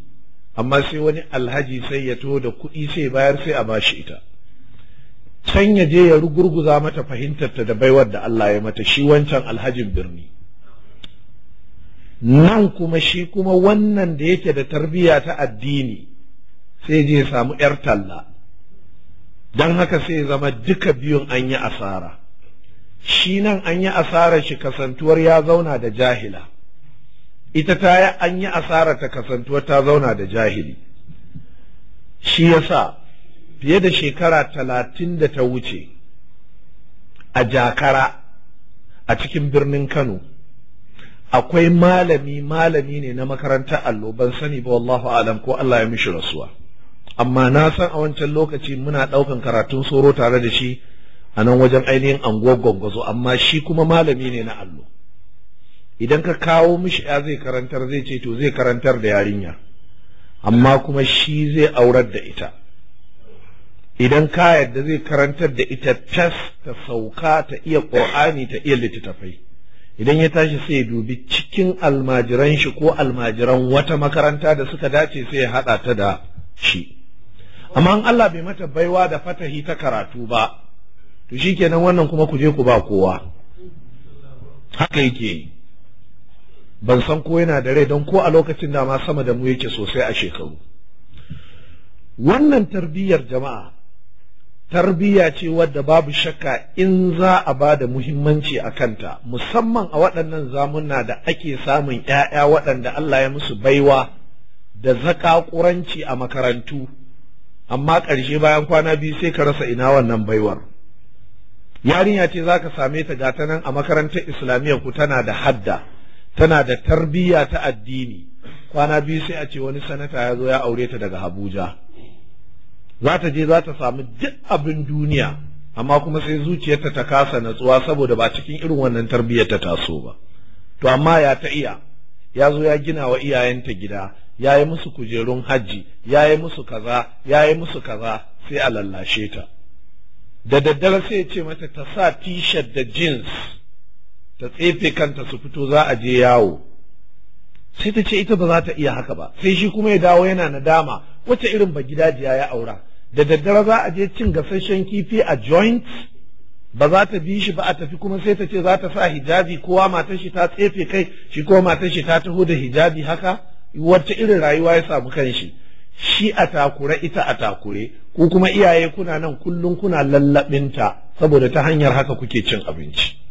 amma sai wani alhaji sai ya to da kuɗi sai bayar sai a ba shi ita can ya je ya rugurguza mata fahimtarta da baiwar da Allah ya mata shi wancan alhajin birni nan kuma shi kuma wannan da yake da tarbiyya ta addini sai je ya samu yar talla don haka sai zama duka biyun an yi asara shi nan an yi asarar shi kasantuwar ya zauna da jahila ita ta yi an yi asara ta kasantuwa ta zauna da jahili shi yasa fiye da shekara talatin da ta wuce a jakara a cikin birnin kano akwai malami malami ne na makarantar allo ban sani ba wallahu alam ko allah ya mishi rasuwa amma na san a wancan lokaci muna ɗaukan karatun soro tare da shi a nan wajen ainihin anguwar gwangwazo amma shi kuma malami ne na allo idan ka kawo mishi ya zai karantar zai ce to zai karantar da yarinya amma kuma shi zai aurar da ita idan ka yadda zai karantar da ita tas ta sauka ta iya ƙur'ani ta iya littattafai idan ya tashi sai ya dubi cikin almajiran shi ko almajiran wata makaranta da suka dace sai ya haɗa ta da shi amma in Allah bai mata baiwa da fatahi ta karatu ba to shikenan wannan kuma ku je ku ba kowa haka yake yi ban san ko yana da rai don ko a lokacin da ma sama da mu yake sosai a shekaru wannan tarbiyyar jama'a tarbiyya ce wadda babu shakka in za a ba da muhimmanci a kanta musamman a waɗannan zamuna da ake samun 'ya'ya waɗanda Allah ya musu baiwa da ƙuranci a makarantu amma ƙarshe bayan kwana biyu sai ka rasa ina wannan baiwar yarinya ce za ka same ta gata nan a makarantar islamiyya ku tana da hadda tana da tarbiyya ta addini kwana biyu sai a ce wani sanata ya zo ya aure ta daga Abuja za ta je za ta samu duk abin duniya amma kuma sai zuciyarta ta kasa natsuwa saboda ba cikin irin wannan tarbiyyar ta taso ba to amma ya ta iya ya zo ya gina wa iyayenta gida ya yi musu kujerun hajji ya yi musu kaza ya yi musu kaza sai a lallashe ta da daddare sai ya ce mata ta sa t-shirt da jeans ta tsefe kanta su fito za a je yawo sai ta ce ita ba za ta iya haka ba sai shi kuma ya dawo yana nadama wace irin ba gida ya aura da daddare za a je cin gasasshen kifi a joint ba za ta bi shi ba a tafi kuma sai ta ce za ta sa hijabi kowa matar shi ta tsefe kai shi kuma matar shi ta taho da hijabi haka wacce irin rayuwa ya samu kan shi shi a takure ita a takure ku kuma iyaye kuna nan kullum kuna lallaɓinta saboda ta hanyar haka kuke cin abinci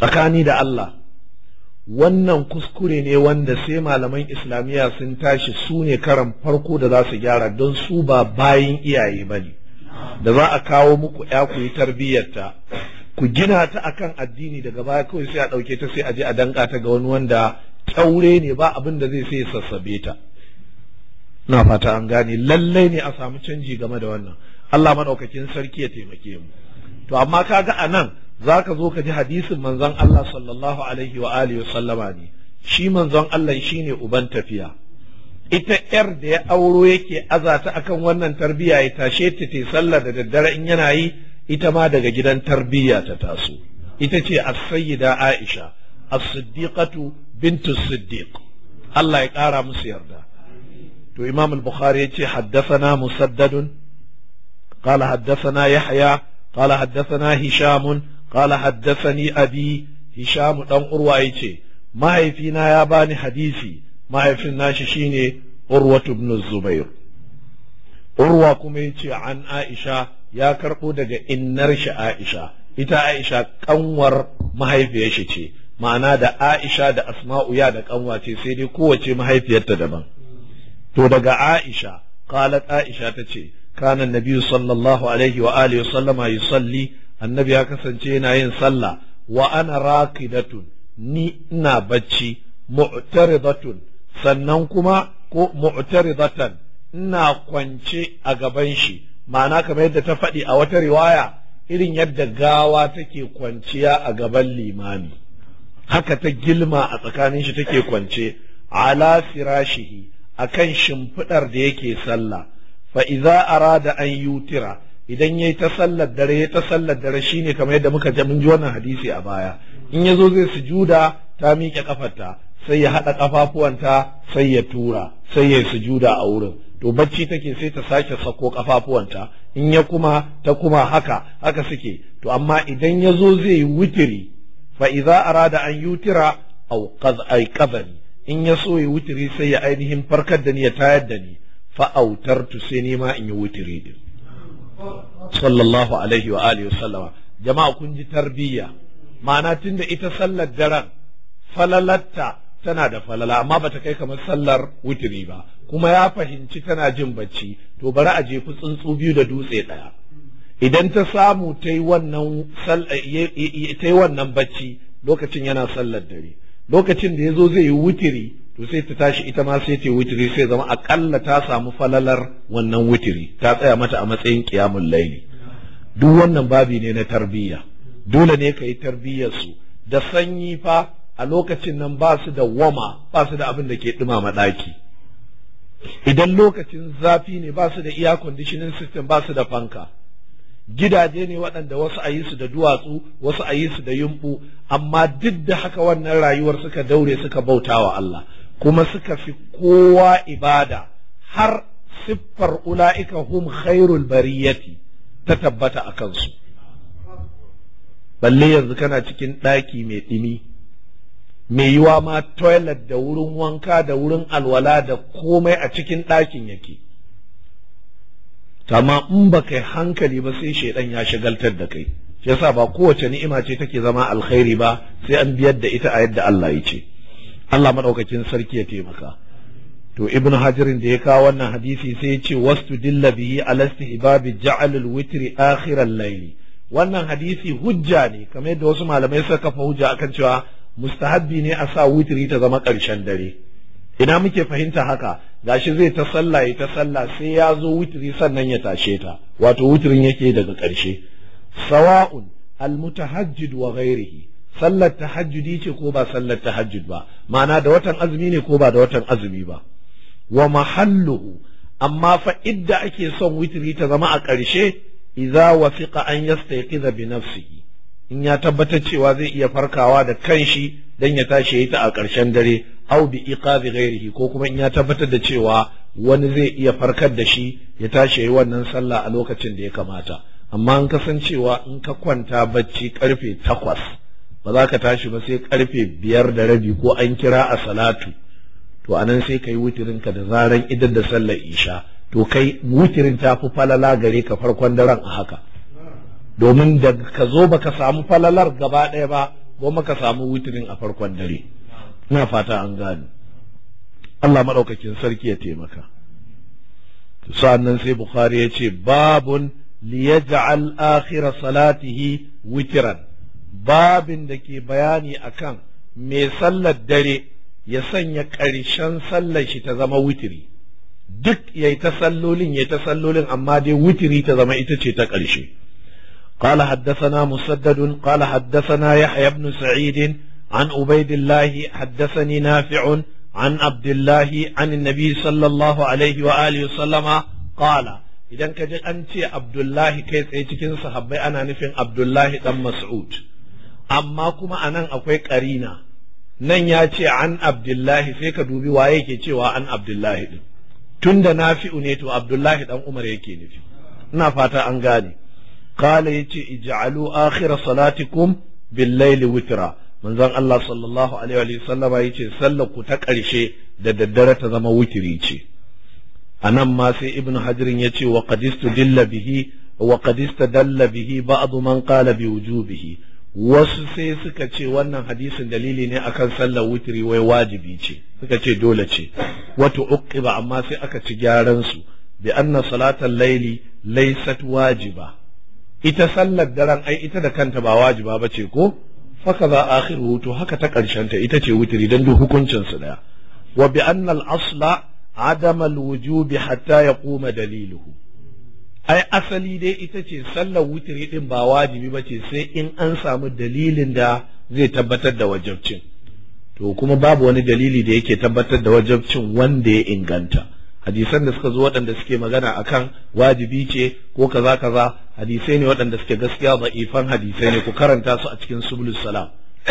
tsakani da Allah wannan kuskure ne wanda sai malaman islamiyya sun tashi su ne karan farko da za su gyara don su ba bayin iyaye ba ne da za a kawo muku ya ku yi tarbiyyarta ku gina ta akan addini daga baya kawai sai a ɗauke ta sai a je a danka ta ga wani wanda kyaure ne ba abin da zai sai sassabe ta na fata an gane lallai ne a samu canji game da wannan Allah maɗaukakin sarki ya taimake mu to amma kaga a nan. zaka zo ka ji hadisin manzon Allah sallallahu alaihi wa alihi sallama ne shi manzon Allah shine uban tafiya ita yar da ya auro yake azata akan wannan tarbiyya ya tashe ta ta sallah da daddare in yana yi ita ma daga gidan tarbiyya ta taso ita ce as-sayyida Aisha as-siddiqatu bintu siddiq Allah ya kara musu yarda to Imam al-Bukhari yace haddathana musaddadun قال حدثنا يحيى قال حدثنا هشام qala haddathani abi hisham dan urwa yace mahaifina ya bani hadisi mahaifin nashi shine urwa ibn zubair urwa kuma yace an aisha ya karɓo daga innar shi aisha ita aisha ƙanwar mahaifiyar shi ce ma'ana da aisha da asma'u ya da kanwa ce sai dai kowace mahaifiyarta daban to daga aisha qalat aisha tace kana nabi sallallahu alaihi wa alihi sallama yusalli annabi ya kasance yana yin sallah wa ana raqidatun ni ina bacci mu'taridatun sannan kuma ko mu'taridatan ina kwance a gaban shi ma'ana kamar yadda ta faɗi a wata riwaya irin yadda gawa take kwanciya a gaban limami haka ta gilma a tsakanin shi take kwance ala firashihi akan shimfidar da yake sallah fa idza arada an yutira idan yayi ta sallar dare ya ta sallar dare shine kamar yadda muka ji mun ji wannan hadisi a baya in ya zo zai sujuda ta miƙe kafarta sai ya haɗa kafafuwanta sai ya tura sai ya sujuda a wurin to bacci take sai ta sake sako kafafuwanta in ya kuma ta kuma haka haka suke to amma idan ya zo zai yi wutiri fa idza arada an yutira aw qadhani in ya so ya wutiri sai ya ainihin farkar da ni ya tayar da ni fa autartu sai ni ma in yi wutiri din sallallahu alaihi wa alihi wa sallama jama'a kun ji tarbiyya ma'ana tunda ita sallar daren falalatta tana da falala amma bata kai kamar sallar wutiri ba kuma ya fahimci tana jin bacci to bari a jefi tsuntsu biyu da dutse ɗaya idan ta samu ta yi eh, wannan bacci lokacin yana sallar dare lokacin da ya zo zai yi wutiri to sai ta tashi ita ma sai ta wuturi sai zama aƙalla ta samu falalar wannan wuturi. ta tsaya mata a matsayin kiyamun laili duk wannan babi ne na tarbiyya dole ne ka yi tarbiyyar su da sanyi fa a lokacin nan ba su da wama ba su da abin da ke dumama daki idan lokacin zafi ne ba su da iya conditioning system ba su da fanka gidaje ne waɗanda wasu a yi su da duwatsu wasu a yi su da yumɓu amma duk da haka wannan rayuwar suka daure suka bauta wa Allah kuma suka fi kowa ibada har siffar ula'ika hum khairul bariyati ta tabbata a kansu balle yanzu kana cikin ɗaki mai ɗimi mai yiwa ma toilet da wurin wanka da wurin alwala da komai a cikin ɗakin yake tama in ba kai hankali ba sai shaidan ya shagaltar da kai shi yasa ba kowace ni'ima ce take zama alkhairi ba sai an biyar da ita a yadda Allah ya ce Allah madaukakin sarki ya taimaka to ibnu hajarin da ya kawo wannan hadisi sai ya ce wastu dilla bihi ala istihbabi ja'al al-witri akhir al-layl wannan hadisi hujja ne kamar yadda wasu malamai suka kafa hujja akan cewa mustahabbi ne a sa witri ta zama ƙarshen dare ina muke fahimta haka gashi zai ta sallah ya ta sallah sai ya zo witri sannan ya tashe ta wato witrin yake daga ƙarshe sawa'un al-mutahajjid wa ghairihi sallar tahajjudi ce ko ba sallar tahajjud ba ma'ana da watan azumi ne ko ba da watan azumi ba wa mahalluhu amma fa idda ake son witiri ta zama a ƙarshe idza wasiqa an yastayqiza bi nafsihi in ya tabbatar cewa zai iya farkawa da kanshi dan ya tashi yayi ta a ƙarshen dare au bi iqazi ghairihi ko kuma in ya tabbatar da cewa wani zai iya farkar da shi ya tashi yayi wannan sallah a lokacin da ya kamata amma an kasancewa in ka kwanta bacci karfe takwas ba za ka tashi ba sai karfe biyar da rabi ko an kira a salatu to anan sai ka yi wutirin ka da zaran idan da sallar isha to kai wutirin ta fi falala gare ka farkon daren a haka domin da ka zo ba ka samu falalar gaba ɗaya ba goma ka samu wutirin a farkon dare ina fata an gane Allah maɗaukakin sarki ya taimaka sa'an nan sai Bukhari ya ce babun liyaj'al akhira salatihi witran babin da ke bayani akan mai sallar dare ya sanya ƙarshen sallar shi ta zama witiri duk ya yi ta sallolin ya yi ta sallolin amma dai witiri ta zama ita ce ta ƙarshe قال حدثنا مسدد قال حدثنا يحيى بن سعيد عن عبيد الله حدثني نافع عن عبد الله عن النبي صلى الله عليه وآله وسلم قال إذا كجد أنت عبد الله كيف أيتكين صحابي أنا نفهم عبد الله بن مسعود amma kuma anan akwai karina nan ya ce an abdullahi sai ka dubi waye ke cewa an abdullahi din tunda nafi'u ne to abdullahi dan umar yake nufi ina fata an gane qala yace ij'alu akhir salatikum bil-laili witra manzon Allah sallallahu alaihi wa sallama yace sallar ku ta ƙarshe da daddare ta zama wutiri ce anan ma sai ibn hajirin yace wa qad dilla bihi wa qad istadalla bihi ba'd man qala bi wujubihi wasu sai suka ce wannan hadisin dalili ne akan sallar wutiri wai wajibi ce suka ce dole ce wato ba amma sai aka ci gyaran su bi anna laili laysat wajiba ita sallar daren ai ita da kanta ba wajiba bace ko faka za akhiru to haka ta karshen ta ita ce wutiri dan duk hukuncin su daya wa bi anna al asla adam al wujubi hatta yaquma daliluhu ai asali dai ita ce sallar wutiri din ba wajibi ba ce sai in an samu dalilin da zai tabbatar da wajabcin to kuma babu wani dalili da yake tabbatar da wajabcin wanda ya inganta hadisan da suka zo waɗanda suke magana akan wajibi ce ko kaza kaza hadisai ne waɗanda suke gaskiya ifan hadisai ne ku karanta su a cikin sublus salam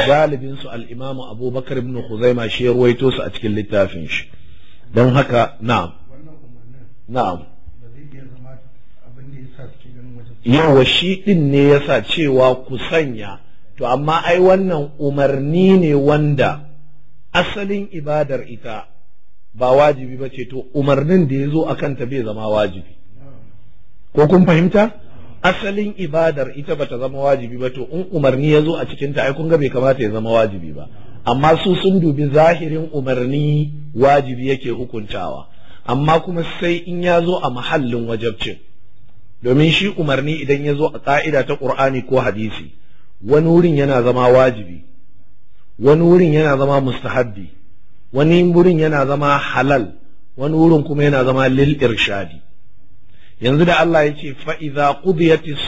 galibin su al abubakar ibn khuzaima shi ya ruwaito su a cikin littafin shi don haka na'am na'am yawa shi ɗin ne yasa cewa ku sanya to amma ai wannan umarni ne wanda asalin ibadar ita ba wajibi ba ce to umarnin da ya zo a kanta bai zama wajibi ko kun fahimta asalin ibadar ita ba ta zama wajibi ba to in umarni ya zo a cikinta ai kun ga bai kamata ya zama wajibi ba amma su sun dubi zahirin umarni wajibi yake hukuntawa amma kuma sai in ya zo a mahallin wajabcin domin shi umarni idan ya zo a ƙa'ida ta ƙur'ani ko hadisi wani wurin yana zama wajibi wani wurin yana zama mustahabbi wani wurin yana zama halal wani wurin kuma yana zama lil irshadi yanzu da Allah ya ce fa idza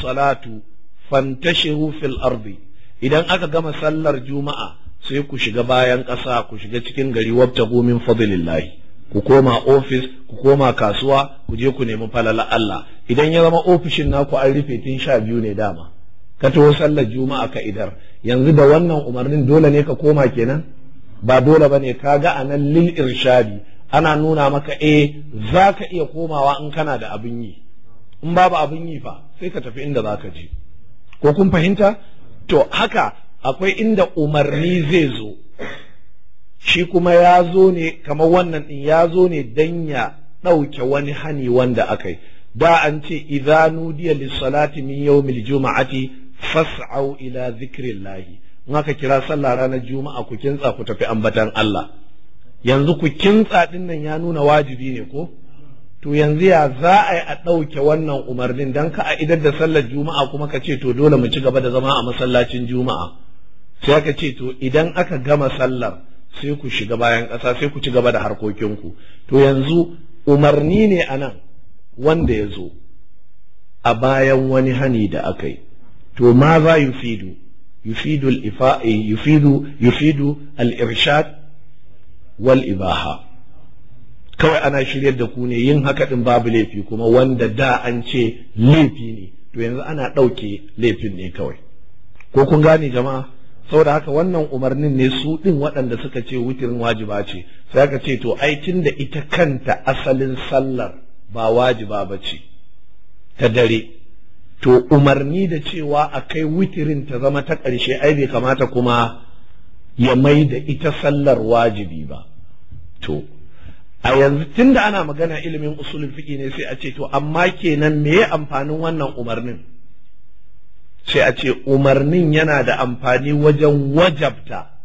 salatu fantashiru fil ardi idan aka gama sallar juma'a sai ku shiga bayan ƙasa ku shiga cikin gari wabtagu min fadlillahi ku koma ofis ku koma kasuwa ku je ku nemi falala Allah idan ya zama ofishin naku an rufe tun sha biyu ne dama ka taho sallar juma'a ka idar yanzu da wannan umarnin dole ne ka koma kenan ba dole ba ne ka ga a nan lil irshadi ana nuna maka eh za ka iya komawa in kana da abin yi in babu abin yi fa sai ka tafi inda za ka je ko kun fahimta to haka akwai inda umarni zai zo shi kuma ya zo ne kamar wannan ɗin ya zo ne dan ya ɗauke wani hani wanda aka yi da an ce idanu diya lis-salati min yawmil juma'ati fas'au ila zikrillahi in aka kira sallah ranar juma'a ku kintsa ku tafi ambatan Allah yanzu ku kintsa din nan ya nuna wajibi ne ko to yanzu ya za a yi a ɗauke wannan umarnin dan ka a idar da sallar juma'a kuma ka ce to dole mu ci gaba da zama a masallacin juma'a sai ka ce to idan aka gama sallar sai ku shiga bayan ƙasa sai ku ci gaba da harkokinku to yanzu umarni ne a nan wanda ya zo a bayan wani hani da aka yi to ma za yufidu yufidu eh, yufidu yufidu al-irshad wal ibaha kawai ana shiryar da ku ne yin haka din babu laifi kuma wanda da an ce laifi ne to yanzu ana ɗauke laifin ne kawai ko kun gane jama'a saboda haka wannan umarnin ne su ɗin waɗanda suka ce wutirin wajiba ce sai aka ce to ai tun da ita kanta asalin sallar ba wajiba ba ce ta dare to umarni da cewa a kai witirin ta zama ta ƙarshe ai bai kamata kuma ya mai da ita sallar wajibi ba to a yanzu tun da ana magana ilimin usulun fiƙi ne sai a ce to amma kenan me amfanin wannan umarnin sai a ce umarnin yana da amfani wajen wajabta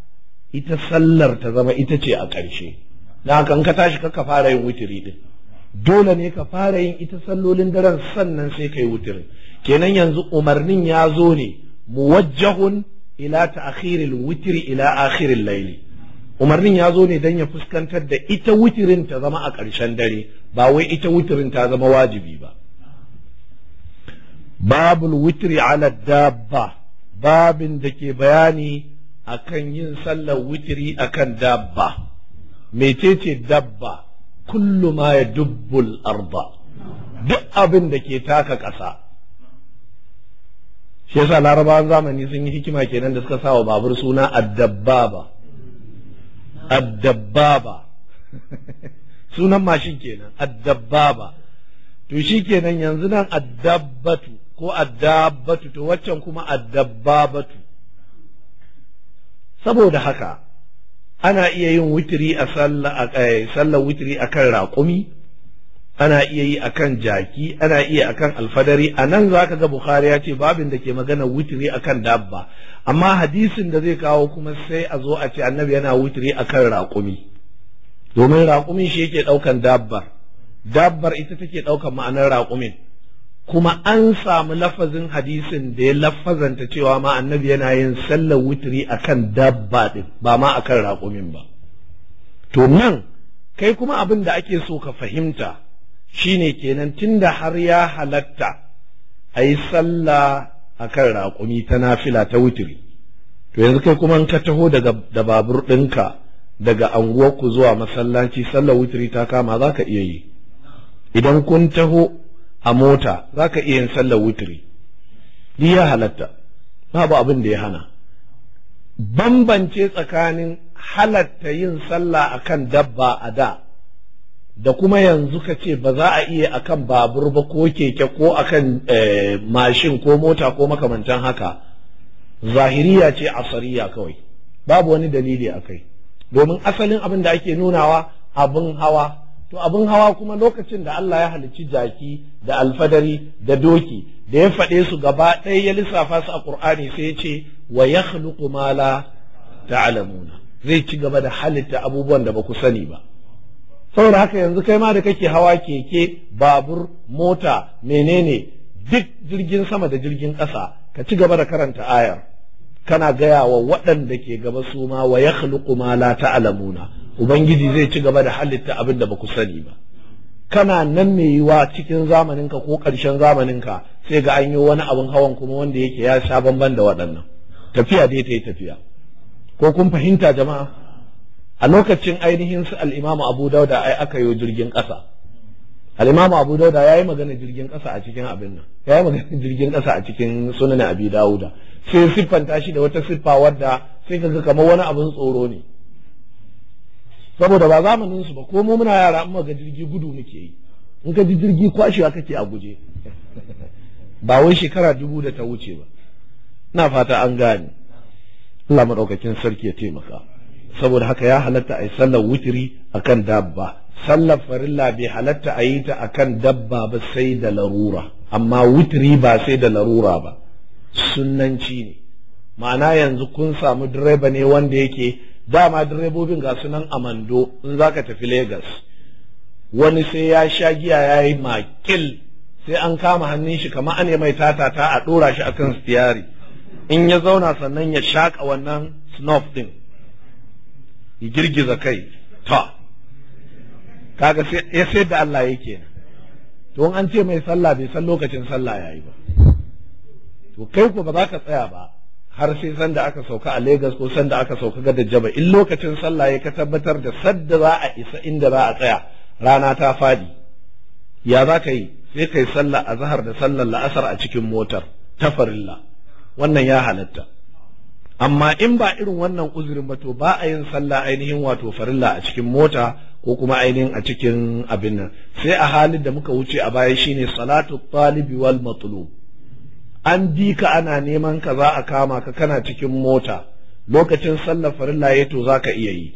ita sallar ta zama ita ce a ƙarshe na haka ka tashi ka fara yin wutiri din dole ne ka fara yin ita sallolin daren sannan sai ka yi kenan yanzu umarnin ya zo ne muwajjahun ila ta'khiril witri ila akhiril layli umarnin ya zo ne don ya fuskantar da ita wutirin ta zama a ƙarshen dare ba wai ita wutirin ta zama wajibi ba babul witri ala dabba babin da ke bayani akan yin sallar witri akan dabba mecece dabba kullu ya dubbul arba duk abin da ke taka ƙasa shi yasa zamani sun yi hikima kenan da suka sawa babur suna addabbaba addabbaba sunan mashin kenan addabbaba to shi kenan yanzu nan addabbatu ko addabbatu to waccan kuma addabbabatu saboda haka ana iya yin witiri a eh, sallar witiri akan kan raƙumi ana iya yi a jaki ana iya a alfadari anan zaka ga bukhari ya ce babin da ke magana witiri akan dabba amma hadisin da zai kawo kuma sai a zo a ce annabi yana witiri akan raƙumi domin raƙumin shi yake ɗaukan dabbar dabbar ita take ɗaukan ma'anar raƙumin kuma an samu lafazin hadisin da ya lafazanta cewa ma annabi yana yin sallar wuturi akan dabba ɗin ba ma akan raƙumin ba to nan kai kuma abin da ake so ka fahimta shine kenan tunda har ya halatta a yi sallah akan raƙumi ta nafila ta wuturi to yanzu kai kuma nka ka taho daga da babur ɗinka daga anguwarku zuwa masallaci sallar wuturi ta kama za ka iya yi idan kun taho a mota za ka iya yin sallar wutiri duk ya halatta babu abin da ya hana bambance tsakanin halatta yin sallah akan dabba a da da kuma yanzu ka ce ba za a iya akan babur ba ko keke ko akan eh, mashin ko mota ko makamantan haka zahiriya ce asariya kawai babu wani dalili a kai domin asalin abin da ake nunawa abin hawa to abin hawa kuma lokacin da Allah ya halicci jaki da alfadari da doki da ya faɗe su gaba ɗaya ya lissafa su a ƙur'ani sai ya ce wa yakhluqu ma ta'lamuna zai ci gaba da halitta abubuwan da ba ku sani ba saboda haka yanzu kai ma da kake hawa keke babur mota menene duk jirgin sama da jirgin ƙasa ka ci gaba da karanta ayar kana gaya wa waɗanda ke gaba su ma wa yakhluqu ma ta'lamuna ubangiji zai ci gaba da halitta abin da ba ku sani ba kana nan mai yiwa cikin zamaninka ko ƙarshen zamaninka sai ga an yi wani abin hawan kuma wanda yake ya sha bamban da waɗannan tafiya dai ta yi tafiya ko kun fahimta jama'a a lokacin ainihin su al'imamu abu dauda ai aka yi jirgin ƙasa al'imamu abu dauda ya yi magana jirgin ƙasa a cikin abin nan ya yi magana jirgin ƙasa a cikin sunan abi dawuda sai siffanta shi da wata siffa wadda sai ka ga kamar wani abin tsoro ne saboda ba zamanin su ba ko mu muna yara amma ga jirgi gudu muke yi in ka ji jirgi kwashewa kake a guje ba wai shekara dubu da ta wuce ba ina fata an gane Allah madaukakin sarki ya taimaka saboda haka ya halatta a yi sallar wutiri akan dabba sallar farilla bai halatta a yi ta akan dabba ba sai da larura amma wutiri ba sai da larura ba sunnanci ne ma'ana yanzu kun samu direba ne wanda yake dama direbobin ga sunan amando in za ka tafi Legas wani sai ya sha giya ya yi makil sai an kama hannun shi kamar an mai tatata a ɗora shi a kan stiyari in ya zauna sannan ya shaƙa wannan snuff ɗin ya girgiza kai ta kaga ya sai da Allah yake to an ce mai sallah bai san lokacin sallah ya yi ba to kai ko ba za ka tsaya ba har sai sanda aka sauka a Legas ko sanda aka sauka ga Dajjaba in lokacin sallah ya ka tabbatar da sadda za a isa inda za a tsaya rana ta fadi ya za ka yi sai kai sallah a zahar da sallar la'asar a cikin motar ta farilla wannan ya halatta amma in ba irin wannan uzurin ba to ba a yin sallah ainihin wato farilla a cikin mota ko kuma ainihin a cikin abin nan sai a halin da muka wuce a baya shine salatu talibi wal matlub an bi ka ana neman ka za a kama ka kana cikin mota lokacin sallar farilla ya to za ka iya yi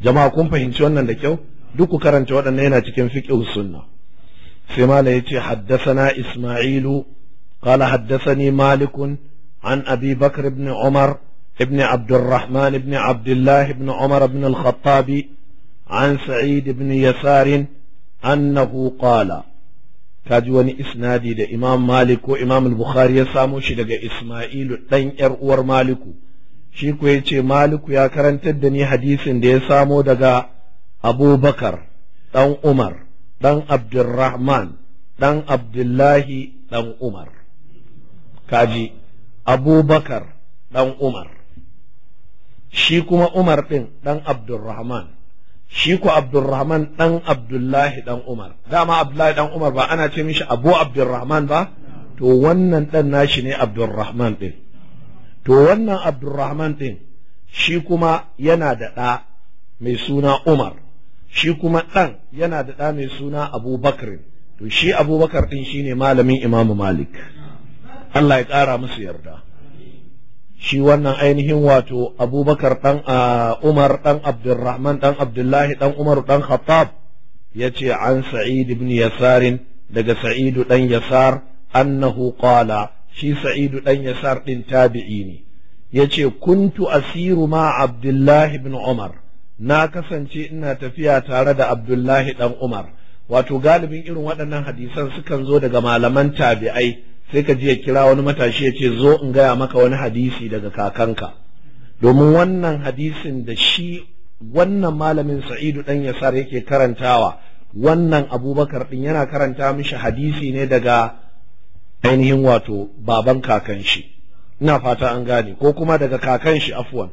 jama'a kun fahimci wannan da kyau duk ku karanta waɗannan yana cikin fiqh sunna sai mala yace haddasana isma'ilu qala haddasani malikun an abi bakr ibn umar ابن عبد الرحمن بن عبد Umar بن عمر بن عن سعيد بن يسار أنه قال ka ji wani isnadi da imam malik ko imam bukhari ya samo shi daga isma'ilu ɗan yar uwar maliku shi ko ya ce maliku ya karantar da ni hadisin da ya samo daga abubakar ɗan umar dan abdurrahman dan abdullahi dan umar kaji abubakar dan umar shi kuma umar ɗin ɗan abdurrahman shi ku Abdulrahman ɗan Abdullahi ɗan Umar dama Abdullahi ɗan Umar ba ana ce mishi Abu Abdulrahman ba to wannan dan nashi ne Abdulrahman ɗin to wannan Abdulrahman ɗin shi kuma yana da ɗa mai suna Umar shi kuma ɗan yana da ɗa mai suna Abubakar to shi Abubakar shi shine malamin imamu Malik Allah ya ƙara musu yarda shi wannan ainihin wato abubakar ɗan umar ɗan abdulrahman ɗan abdullahi ɗan Umar, ɗan khattab ya ce an sa'id ibn yasarin daga sa'idu ɗan yasar annahu qala shi sa'idu ɗan yasar ɗin tabi'i ne ya ce kuntu asiru ma abdullahi ibn umar na kasance ina tafiya tare da abdullahi ɗan umar wato galibin irin waɗannan hadisan sukan zo daga malaman tabi'ai sai ka je kira wani matashi ya ce zo in gaya maka wani hadisi daga kakanka domin wannan hadisin da shi wannan malamin sa'idu ɗan yasar yake karantawa wannan abubakar ɗin yana karanta mishi hadisi ne daga ainihin wato baban kakan shi ina fata an gane ko kuma daga kakan shi afwan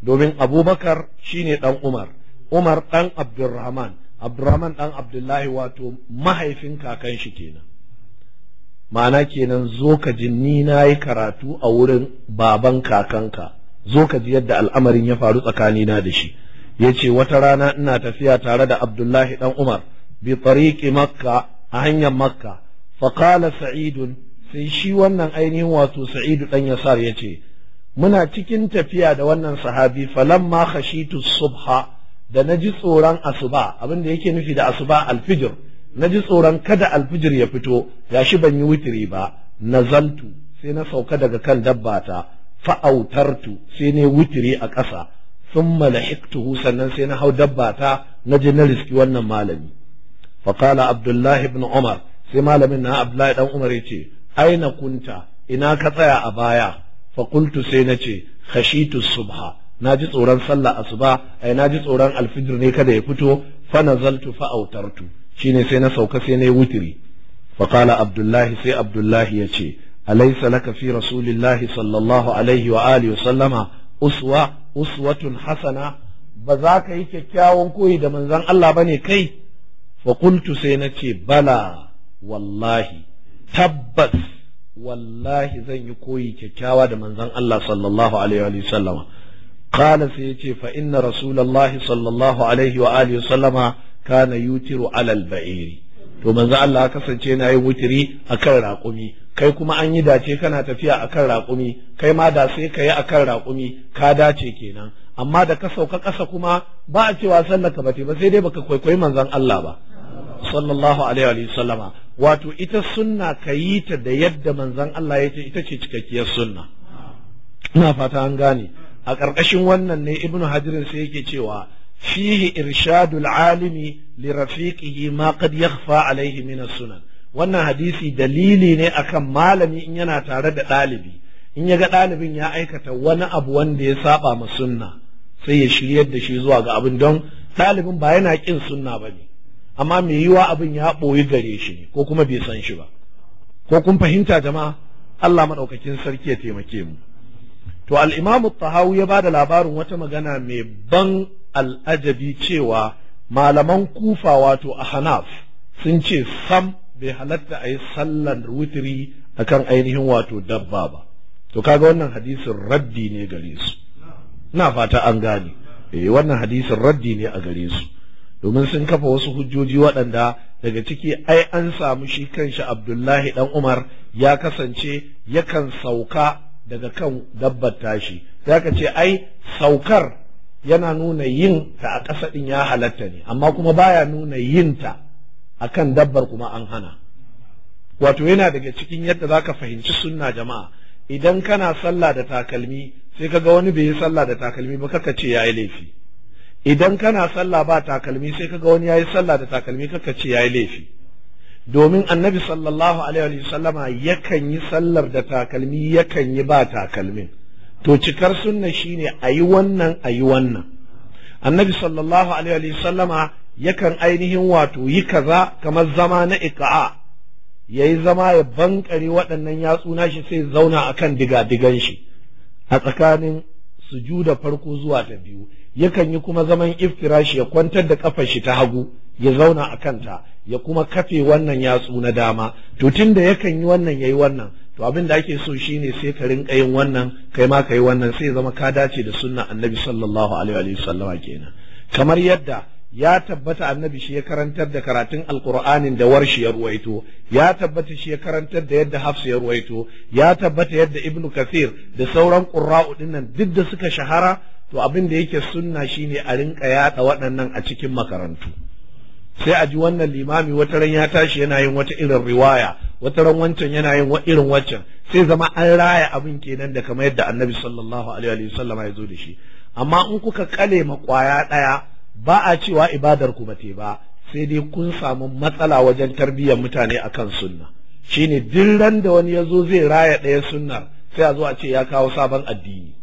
domin abubakar shine ɗan umar umar ɗan abdurrahman abdurrahman ɗan abdullahi wato mahaifin kakan shi kenan ma'ana kenan zo ka ji ni na yi karatu a wurin baban kakanka zo ka ji yadda al'amarin ya faru tsakanina da shi ya ce wata rana ina tafiya tare da abdullahi dan umar bi tariqi makka a hanyar makka faƙala sa'idun sai shi wannan ainihin wato sa'idu dan yasar ya ce muna cikin tafiya da wannan sahabi falamma khashitu subha da na ji tsoron asuba abin da yake nufi da asuba alfijir na ji tsoron kada alfijir ya fito gashi ban yi witiri ba nazaltu sai na sauka daga kan dabbata fa'autartu sai ne witiri a ƙasa thumma lahiktuhu sannan sai na hau dabbata na je na riski wannan malami fa qala abdullahi ibn umar sai malamin na abdullahi dan umar yace aina kunta ina ka tsaya a baya fa qultu sai na ce khashitu subha na ji tsoron sallah asuba ai na ji tsoron alfijir ne kada ya fito fa nazaltu fa'autartu. autartu shine sai na sauka sai na yi wutiri faƙala abdullahi sai abdullahi ya ce alaisa laka fi rasulillahi sallallahu alaihi wa alihi sallama uswa uswatun hasana ba za ka yi kyakkyawan koyi da manzon Allah ba ne kai Faƙuntu sai na ce bala wallahi tabbas wallahi zan yi koyi kyakkyawa da manzon Allah sallallahu alaihi wa sallama qala sai ya ce fa inna rasulullahi sallallahu alaihi wa alihi sallama kana yutiru alal ba'iri to manzo Allah kasance na yi wutiri akan raƙumi kai kuma an yi dace kana tafiya akan raƙumi kai ma da sai ka akan raƙumi ka dace kenan amma da ka sauka ƙasa kuma ba a cewa sallaka ba bace ba sai dai baka kwaikwayi manzon Allah ba sallallahu alaihi wa sallama wato ita sunna ka ta da yadda manzon Allah ya ce ita ce cikakkiyar sunna ina fata an gane a ƙarƙashin wannan ne ibnu hajirin sai yake cewa فيه irshadul alimi li ما ma يخفى عليه alaihi السنن sunan wannan hadisi dalili ne akan malami in yana tare da ɗalibi in ya ga ɗalibin ya aikata wani abu wanda ya saba ma sunna sai ya shiryar da shi zuwa ga abin don ɗalibin ba yana kin sunna ba ne amma mai yiwa abin ya ɓoyi gare shi ne ko kuma bai san shi ba ko kun fahimta jama'a Allah maɗaukakin sarki ya taimake mu to al-imamu tahawi ya ba da labarin wata magana mai ban al'ajabi cewa malaman kufa wato a hanaf sun ce sam bai halatta a yi sallan wutiri kan ainihin wato dabba ba to kaga wannan hadisin raddi ne gare su na fata an gane eh wannan hadisin raddi ne a gare su domin sun kafa wasu hujjoji waɗanda daga ciki ai an samu shi kanshi Abdullahi ɗan Umar ya kasance yakan sauka daga kan dabbar tashi zaka ce ai saukar yana nuna yin ta a ƙasa ɗin ya halatta ne amma kuma baya nuna yin ta a kan dabbar kuma an hana wato yana daga cikin yadda za ka fahimci sunna jama'a idan kana sallah da takalmi sai ka ga wani bai yi sallah da takalmi ba kaka ce ya yi laifi idan kana sallah ba takalmi sai ka ga wani ya yi sallah da takalmi kaka ce ya yi laifi domin annabi sallallahu alaihi wa sallama yakan yi sallar da takalmi yakan yi ba takalmin to cikar sunna shine a yi wannan a yi wannan annabi sallallahu alaihi wa sallama yakan ainihin wato yi kaza kamar zama na ika'a yayi zama ya bankare waɗannan yatsu na shi sai zauna akan diga-digan shi a tsakanin sujuda farko zuwa ta biyu yakan yi kuma zaman iftirashi ya kwantar da kafar shi ta hagu ya zauna a kanta ya kuma kafe wannan yatsu na dama to tunda yakan yi wannan yayi wannan to abin da ake so shine sai ka rinka yin wannan kai ma kai yi wannan sai zama ka dace da sunna annabi sallallahu alaihi wa sallama kenan kamar yadda ya tabbata annabi shi ya karantar da karatun alqur'anin da warshi ya ruwaito ya tabbata shi ya karantar da yadda hafsu ya ruwaito ya tabbata yadda ibnu kathir da sauran qurra'u dinnan duk da suka shahara to abin da yake sunna shine a rinka yada waɗannan a cikin makarantu sai a ji wannan limami wata ran ya tashi yana yin wata irin riwaya wata ran wancan yana yin irin wancan sai zama an raya abin kenan da kamar yadda annabi sallallahu alaihi wasallam ya zo da shi amma in kuka kale ma kwaya daya ba a cewa ibadar ku bate ba sai dai kun samu matsala wajen tarbiyyar mutane akan sunna shine duk ran da wani ya zo zai raya ɗaya sunnar sai a zo a ce ya kawo sabon addini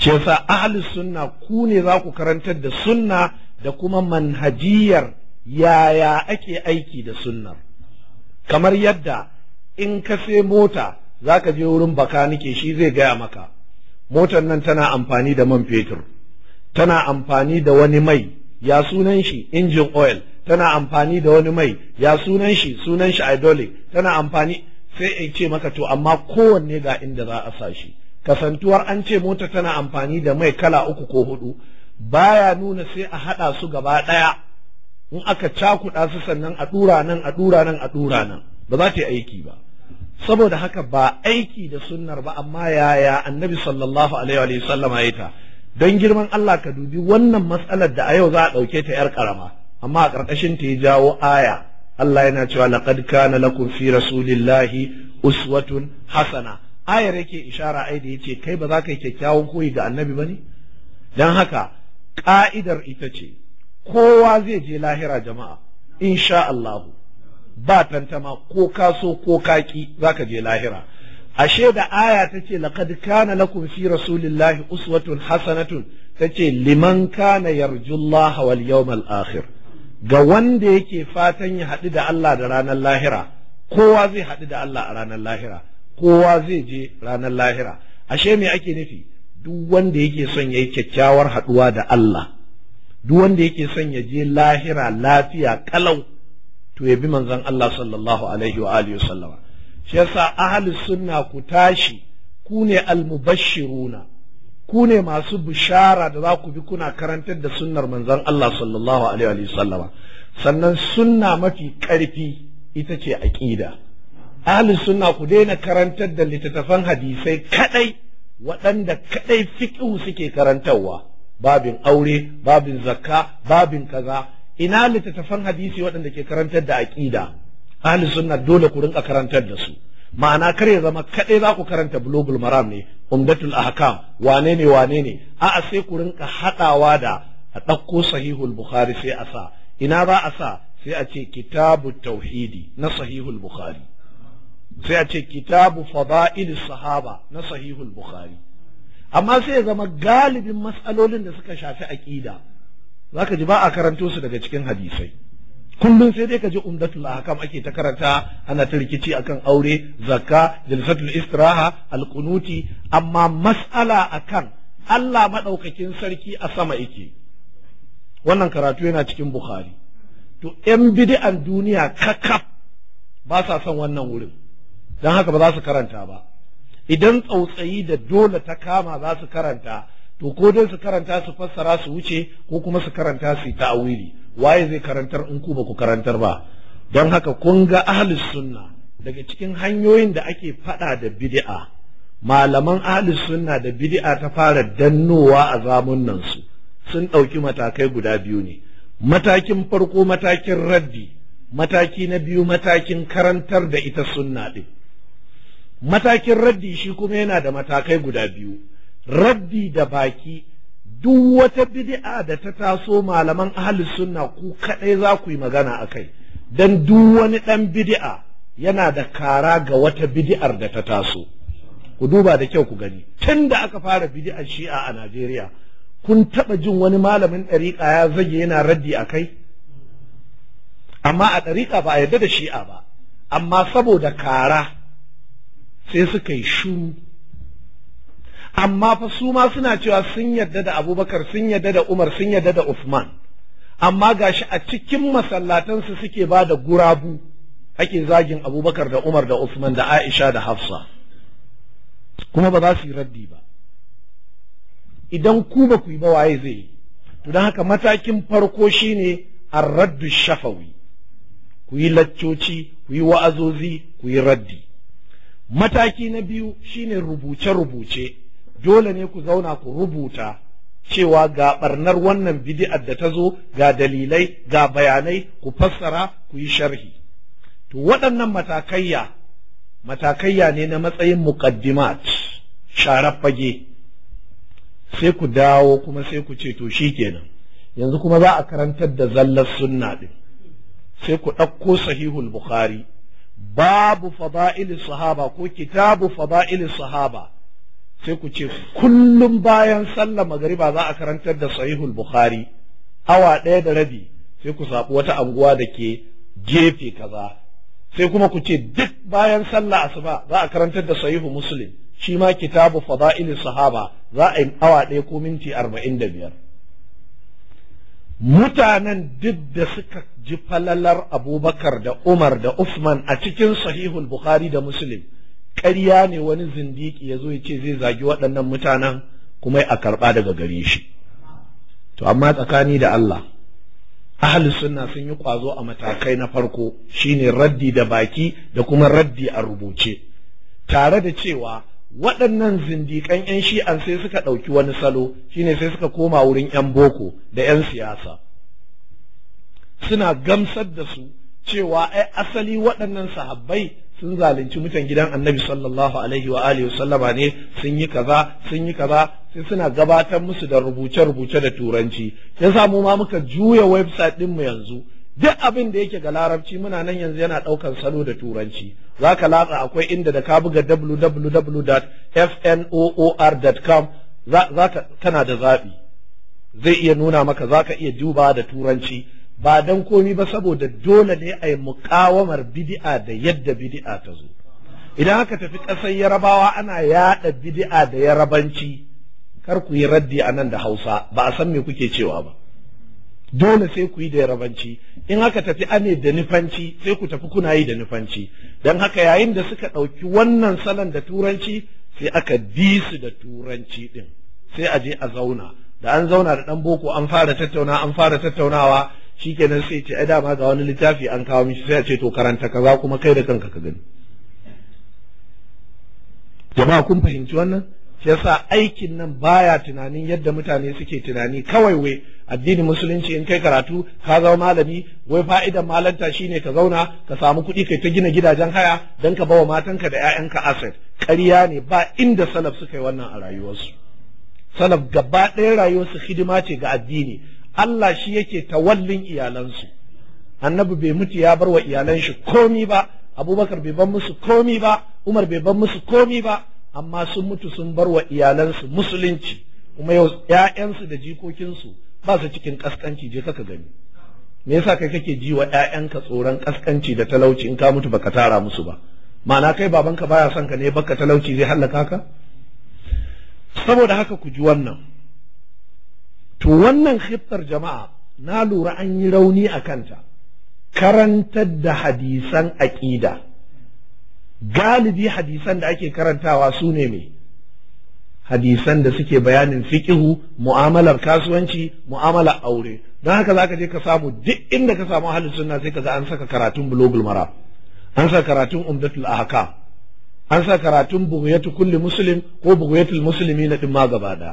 ce sa ahli sunna ku ne za ku karantar da sunna da kuma manhajiyar yaya ake aiki da sunnar kamar yadda in ka sai mota za ka je wurin bakanike shi zai gaya maka motar nan tana amfani da man fetur tana amfani da wani mai ya sunan shi injin oil tana amfani da wani mai ya sunan shi sunan shi idolic tana amfani sai in ce maka to amma kowanne ga inda za a sa shi kasantuwar an ce mota tana amfani da mai kala uku ko hudu baya nuna sai a haɗa su gaba ɗaya in aka cakuda su sannan a ɗura nan a ɗura nan a ɗura nan ba za ta yi aiki ba saboda haka ba aiki da sunnar ba amma yaya annabi sallallahu alaihi wa sallam ya ta don girman Allah ka dubi wannan matsalar da a yau za a ɗauke ta yar karama amma a ƙarƙashin ta ya jawo aya Allah yana cewa laqad kana lakum fi rasulillahi uswatun hasana ayar yake ishara ai da yace kai ba za ka yi kyakkyawan koyi ga annabi bane dan haka ka'idar ita ce kowa zai je lahira jama'a insha Allah ba tantama ko ka so ko ka ki zaka je lahira ashe da aya ta ce laqad kana lakum fi rasulillahi uswatun hasanatun ta ce liman kana yarjullaha wal yawmal akhir ga wanda yake fatan ya haɗu da Allah da ranar lahira kowa zai haɗu da Allah a ranar lahira kowa zai je ranar lahira ashe me ake nufi duk wanda yake son ya yi kyakkyawar haɗuwa da Allah duk wanda yake son ya je lahira lafiya kalau to ya bi manzon Allah sallallahu alaihi wa alihi sallama shi yasa ahli sunna ku tashi ku ne almubashiruna ku ne masu bishara da za ku bi kuna karantar da sunnar manzon Allah sallallahu alaihi wa sallama sannan sunna mafi karfi ita ce aqida ahli sunna ku daina karantar da littattafan hadisai kadai waɗanda kaɗai fiƙihu suke karantarwa babin aure babin zakka babin kaza ina littattafan hadisi waɗanda ke karantar da aƙida ahli sunna dole ku rinka karantar da su ma'ana kar ya zama kaɗai za ku karanta bulugul maram ne umdatul ahkam wane ne wane ne a'a sai ku rinka haɗawa da a ɗauko sahihul bukhari sai a sa ina za a sa sai a ce kitabu tauhidi na sahihul bukhari sai a ce kitabu fada'il sahaba na sahihul bukhari amma sai ya zama galibin matsalolin da suka shafi aqida zaka ji ba a karanto su daga cikin hadisai kullum sai dai ka ji umdatul ahkam ake ta karanta ana ta rikici akan aure zakka jalsatul istiraha alqunuti amma mas'ala akan Allah madaukakin sarki a sama yake wannan karatu yana cikin bukhari to yan bid'an duniya kakaf ba sa son wannan wurin don haka ba za su karanta ba idan tsautsayi da dole ta kama za su karanta to ko don su karanta su fassara su wuce ko kuma su karanta su ta'awili waye zai karantar in ku ba ku karantar ba don haka kun ga ahlus sunna daga cikin hanyoyin da ake fada da bid'a malaman ahlus sunna da bid'a ta fara dannowa a zamunan su sun ɗauki matakai guda biyu ne matakin farko matakin raddi mataki na biyu matakin karantar da ita sunna ɗin matakin raddi shi kuma yana da matakai guda biyu raddi da baki duk wata bidi'a da ta taso malaman ahlus sunna ku kadai za ku yi magana akai dan duk wani dan bidi'a yana da kara ga wata bidi'ar da ta taso ku duba da kyau ku gani tun da aka fara bidi'ar shi'a a Najeriya kun taba jin wani malamin ɗariƙa ya zage yana raddi a kai? amma a ɗariƙa ba a yarda da shi'a ba amma saboda kara sai suka yi shuru amma fa su ma suna cewa sun yadda da abubakar sun yadda da umar sun yadda da usman amma gashi a cikin masallatansu suke ba da gurabu ake zagin abubakar da umar da usman da aisha da hafsa kuma ba za su yi raddi ba idan ku ba ku yi ba waye zai yi to don haka matakin farko shine ar raddu shafawi ku yi laccoci ku yi wa'azozi ku yi raddi mataki na biyu shine rubuce-rubuce dole ne ku zauna ku rubuta cewa ga ɓarnar wannan bidi'ar da ta zo ga dalilai ga bayanai ku fassara ku yi sharhi to waɗannan matakayya matakayya ne na matsayin muƙaddimat sharar fage sai ku dawo kuma sai ku ce to shi kenan. yanzu kuma za a karantar da zallar sunna din sai ku ɗauko sahihul bukhari babu fada'ilin sahaba ko kitabu fada'ilin sahaba sai ku ce kullum bayan Sallah magariba za a karantar da sahihul bukhari awa ɗaya da rabi sai ku zaɓi wata anguwa da ke gefe kaza sai kuma ku ce duk bayan sallah asuba za a karantar da sahihul muslim shi ma kitabu fada'ilin sahaba za a yi awa ɗaya ko minti arba'in da biyar mutanen duk da suka ji falalar abubakar da umar da usman a cikin sahihul bukhari da muslim ƙarya ne wani zindiki ya zo ya ce zai zagi waɗannan mutanen kuma a karɓa daga gare shi to amma tsakani da Allah ahli sunna sun yi ƙwazo a matakai na farko shine raddi da baki da kuma raddi a rubuce tare da cewa waɗannan zindikan 'yan shi'an sai suka ɗauki wani salo shine sai suka koma wurin 'yan boko da 'yan siyasa suna gamsar da su cewa ai asali waɗannan sahabbai sun zalunci mutan gidan annabi sallallahu alaihi wa alihi sallama ne sun yi kaza sun yi kaza sai suna gabatar musu da rubuce rubuce da turanci ya mu ma muka juya website din mu yanzu duk abin da yake ga larabci muna nan yanzu yana ɗaukar salo da turanci za ka latsa akwai inda da ka buga www.fnoor.com za ka kana da zaɓi zai iya nuna maka za ka iya duba da turanci ba dan komi ba saboda dole ne a yi mukawamar bidi'a da yadda bidi'a ta zo idan aka tafi ƙasar yarabawa ana yada bidi'a da yarabanci kar ku yi raddi a nan da hausa ba a san me kuke cewa ba dole sai ku yi da yarabanci in haka tafi ane da nufanci sai ku tafi kuna yi da nufanci don haka yayin da suka ɗauki wannan salon da turanci sai aka bi su da turanci ɗin sai a je a zauna da an zauna da ɗan boko an fara tattauna an fara tattaunawa shikenan sai ce ai dama ga wani littafi an kawo mishi sai a ce to karanta kaza kuma kai da kanka ka gani jama'a kun fahimci wannan shi yasa aikin nan baya tunanin yadda mutane suke tunani kawai wai addini musulunci in kai karatu ka zama malami wai fa'idan malanta shine ka zauna ka samu kuɗi kai ta gina gidajen haya don ka bawa matanka da 'ya'yanka asset ƙarya ne ba inda salaf suka yi wannan a rayuwarsu salaf gaba ɗaya rayuwarsu hidima ce ga addini Allah shi yake tawallin iyalansu annabi bai mutu ya bar wa iyalan shi komi ba abubakar bai ban musu komi ba umar bai ban musu komi ba amma sun mutu sun bar wa iyalansu musulunci kuma yau ‘ya'yansu da jikokinsu ba su cikin ƙasƙanci je kaka gani me yasa kai kake ji wa ‘ya'yanka tsoron ƙasƙanci da talauci in ka mutu baka tara musu ba ma'ana kai babanka baya son ka ne baka talauci zai hallaka ka saboda haka ku ji wannan to wannan khittar jama'a na lura an yi rauni a kanta karantar da hadisan aƙida galibi hadisan da ake karantawa su ne mai hadisan da suke bayanin fiƙihu mu'amalar kasuwanci mu'amalar aure don haka za ka je ka samu duk inda ka samu ahalin sunna sai ka ga an saka karatun bulogul mara an saka karatun umdatul ahka an sa karatun bughyatu kulli muslim ko bughyatul muslimin din ma gaba da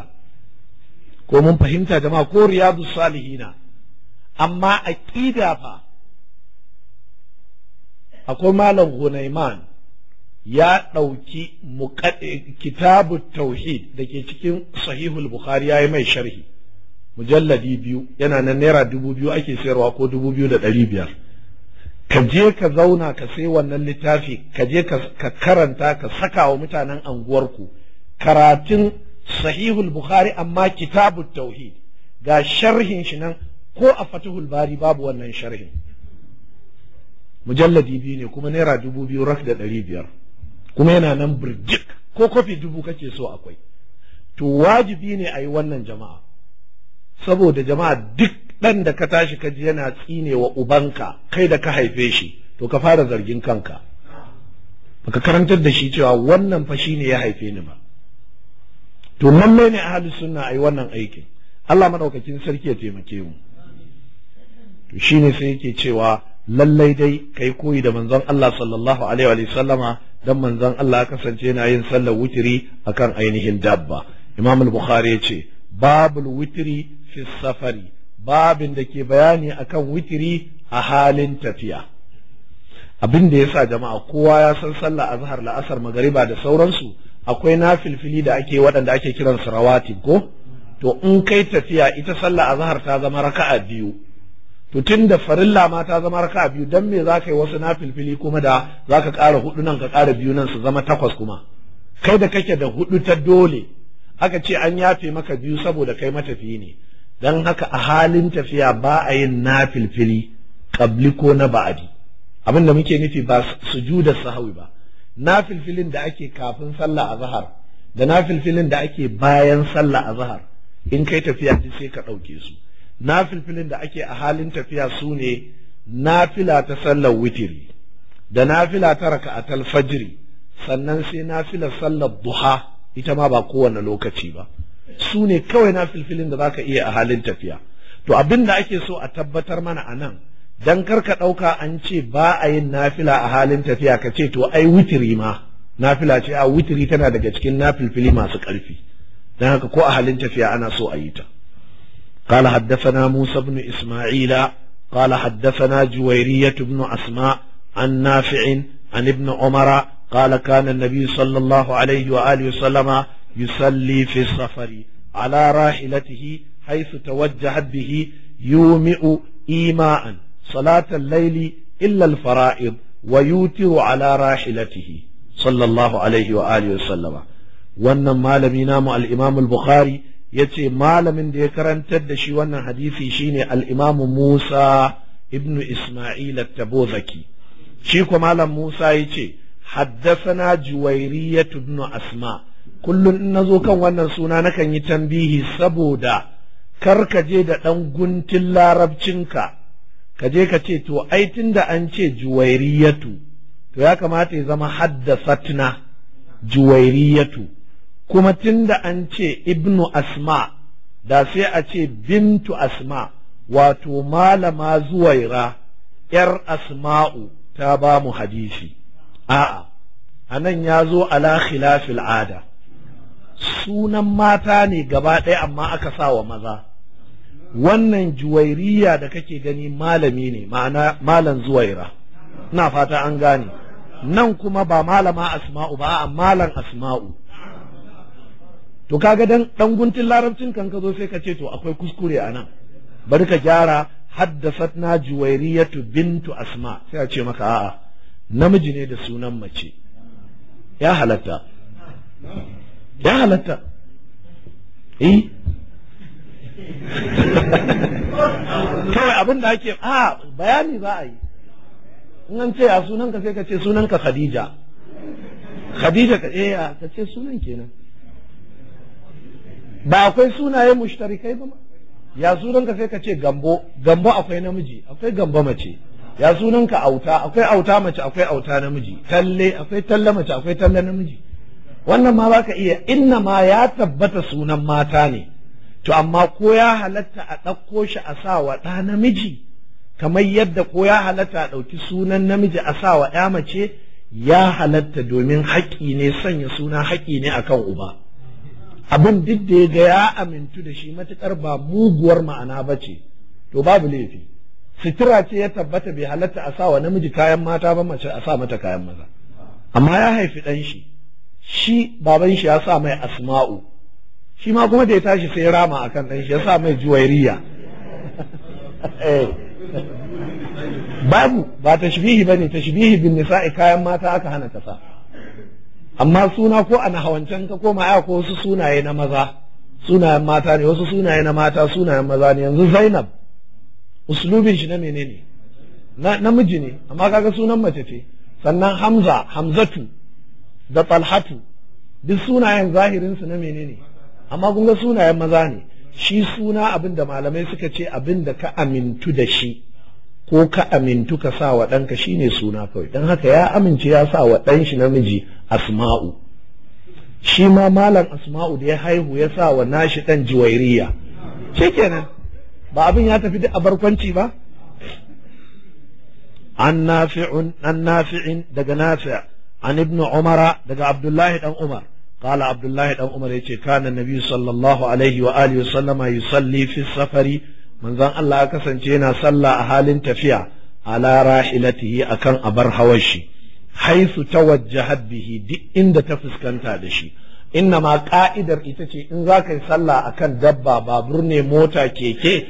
ko mun fahimta ma ko riyadu salihina amma aqida fa akwai malam Hunayman ya ɗauki kitabu tauhid da ke cikin sahihul bukhari ya mai sharhi mujalladi biyu yana nan naira dubu biyu ake sayarwa ko dubu biyu da ɗari biyar ka je ka zauna ka sai wannan littafi ka je ka karanta ka saka wa mutanen anguwarku karatun sahihul bukhari amma Kitabu tauhid ga sharhin shi nan ko a fatihul bari babu wannan sharhin mujalladi biyu ne kuma naira dubu biyu rak da ɗari biyar kuma yana nan birjik ko kwafi dubu kake so akwai to wajibi ne a yi wannan jama'a saboda jama'a duk ɗan da ka tashi ka ji yana tsinewa ubanka kai da ka haife shi to ka fara zargin kanka baka karantar da shi cewa wannan fa ne ya haife ni ba to lallai ne ahli sunna ai wannan aikin Allah madaukakin sarki ya taimake mu to shine sai yake cewa lallai dai kai koyi da manzon Allah sallallahu alaihi wa sallama dan manzon Allah ya kasance yana yin sallar witiri akan ainihin dabba Imam al-Bukhari ya ce babul witiri fi safari babin da ke bayani akan witiri a halin tafiya abin da sa jama'a kowa ya san sallah a zahar la'asar magariba da sauransu akwai nafilfili da ake waɗanda ake kiran su rawatib ko to in kai tafiya ita sallah azhar ta zama raka'a biyu to tun da farilla ma ta zama raka'a biyu dan me za ka yi wasu nafilfili kuma da za ka ƙara hudu nan ka ƙara biyu nan su zama takwas kuma kai da kake da hudu ta dole aka ce an yafe maka biyu saboda kai matafiyi ne dan haka a halin tafiya ba a yin nafilfili kabli ko na ba'adi abinda muke nufi ba sujudar sahawi ba nafilfilin da ake kafin sallah azhar da nafilfilin da ake bayan sallah azhar in kai tafiya duk sai ka ɗauke su nafilfilin da ake a halin tafiya su ne nafila ta sallar witiri da nafila ta raka'atal fajri sannan sai nafila sallar duha ita ma ba kowane lokaci ba su ne kawai nafilfilin da zaka iya a halin tafiya to abin da ake so a tabbatar mana a nan dan karka ɗauka an ce ba a yin nafila a halin tafiya ka ce to ai witiri ma nafila ce a witiri tana daga cikin nafilfili masu ƙarfi dan haka ko a halin tafiya ana so a yi ta قال حدثنا موسى بن إسماعيل قال حدثنا جويرية بن أسماء عن نافع عن ابن عمر قال كان النبي صلى الله عليه وآله وسلم يصلي في السفر على راحلته حيث توجهت به يومئ إيماء صلاة الليل إلا الفرائض ويوتر على راحلته صلى الله عليه وآله وسلم wannan malami namu al-Imam al-Bukhari yace malamin da ya karantar da shi wannan hadisi shine al Musa ibnu Isma'il at-Tabuzaki shi ko malam Musa yace haddathana Juwairiyyah ibn Asma Kullum in nazo kan wannan suna nakan yi tambihi saboda kar ka je da ɗan guntun larabcinka ka je ka ce to ai tunda an ce juwairiyatu to ya kamata ya zama haddasatna juwairiyatu kuma tunda an ce ibnu asma da sai a ce bintu asma wato malama zuwaira yar asma'u ta ba mu hadisi a'a anan ya zo ala khilafil ada sunan mata ne gaba ɗaya amma aka sa wa maza wannan juwairiya da kake gani malami ne ma'ana malam zuwaira na fata an gane nan kuma ba malama asma'u ba a malam asma'u to kaga dan dan guntun larabcin kan ka zo sai ka ce to akwai kuskure a nan bari ka gyara haddathatna juwairiyatu bintu asma sai a ce maka a'a namiji ne da sunan mace ya halatta ya halatta eh kawai abin da ake a bayani za a yi in an ce a ka sai ka ce sunanka khadija khadija ka eh ka ce sunan kenan ba akwai sunaye mushtarikai ba ya sunanka sai ka ce gambo gambo akwai namiji akwai gambo mace ya sunanka auta akwai auta mace akwai auta namiji talle akwai talle mace akwai talle namiji wannan ma baka iya inna ma ya tabbata sunan mata ne to amma ko ya halatta a ɗauko shi a sa wa ɗa namiji kamar yadda ko ya halatta a ɗauki sunan namiji a sa wa ɗa mace ya halatta domin haƙƙi ne sanya suna haƙƙi ne akan uba abin duk da ya ga ya amintu da shi matuƙar ba muguwar ma'ana ba ce to babu laifi sitira ce ya tabbata bai halatta a sa wa namiji kayan mata ba mace a sa mata kayan maza amma ya haifi ɗan shi shi baban shi ya sa mai asma'u shi ma kuma da ya tashi sai rama akan kan shi ya sa mai juwairiya eh. babu ba ta tashbihi bane shibihi bin nisa'i kayan mata aka hana ta sa amma suna ko a nahawancen ka ko ma'a ko wasu sunaye na maza sunayen mata ne wasu sunaye na mata sunayen maza ne yanzu Zainab uslubin shi na menene na namiji ne amma kaga sunan mace ce sannan Hamza Hamzatu da Talhatu duk sunayen zahirinsu su na menene amma kun ga sunayen maza ne shi suna abin da malamai suka ce abin da ka amintu da shi ko ka amintu ka sa wa ɗanka shine suna kawai don haka ya amince ya sa wa ɗan shi namiji asma'u shi ma malam asma'u da ya haihu ya sa wa nashi ɗan jiwairiya. ce kenan ba abin ya tafi a barkwanci ba an nafi'in daga nafi'a an ibn umara daga abdullahi Ɗan umar قال عبد الله بن عمر يتي كان النبي صلى الله عليه وآله وسلم يصلي في السفر من ذن الله أكسن جينا صلى أهال تفيع على راحلته أكن أبر هوشي حيث توجهت به دي إند تفسكن تادشي إنما قائدر إتتي إن ذاك صلى أكن دبا بابرني موتا كيكي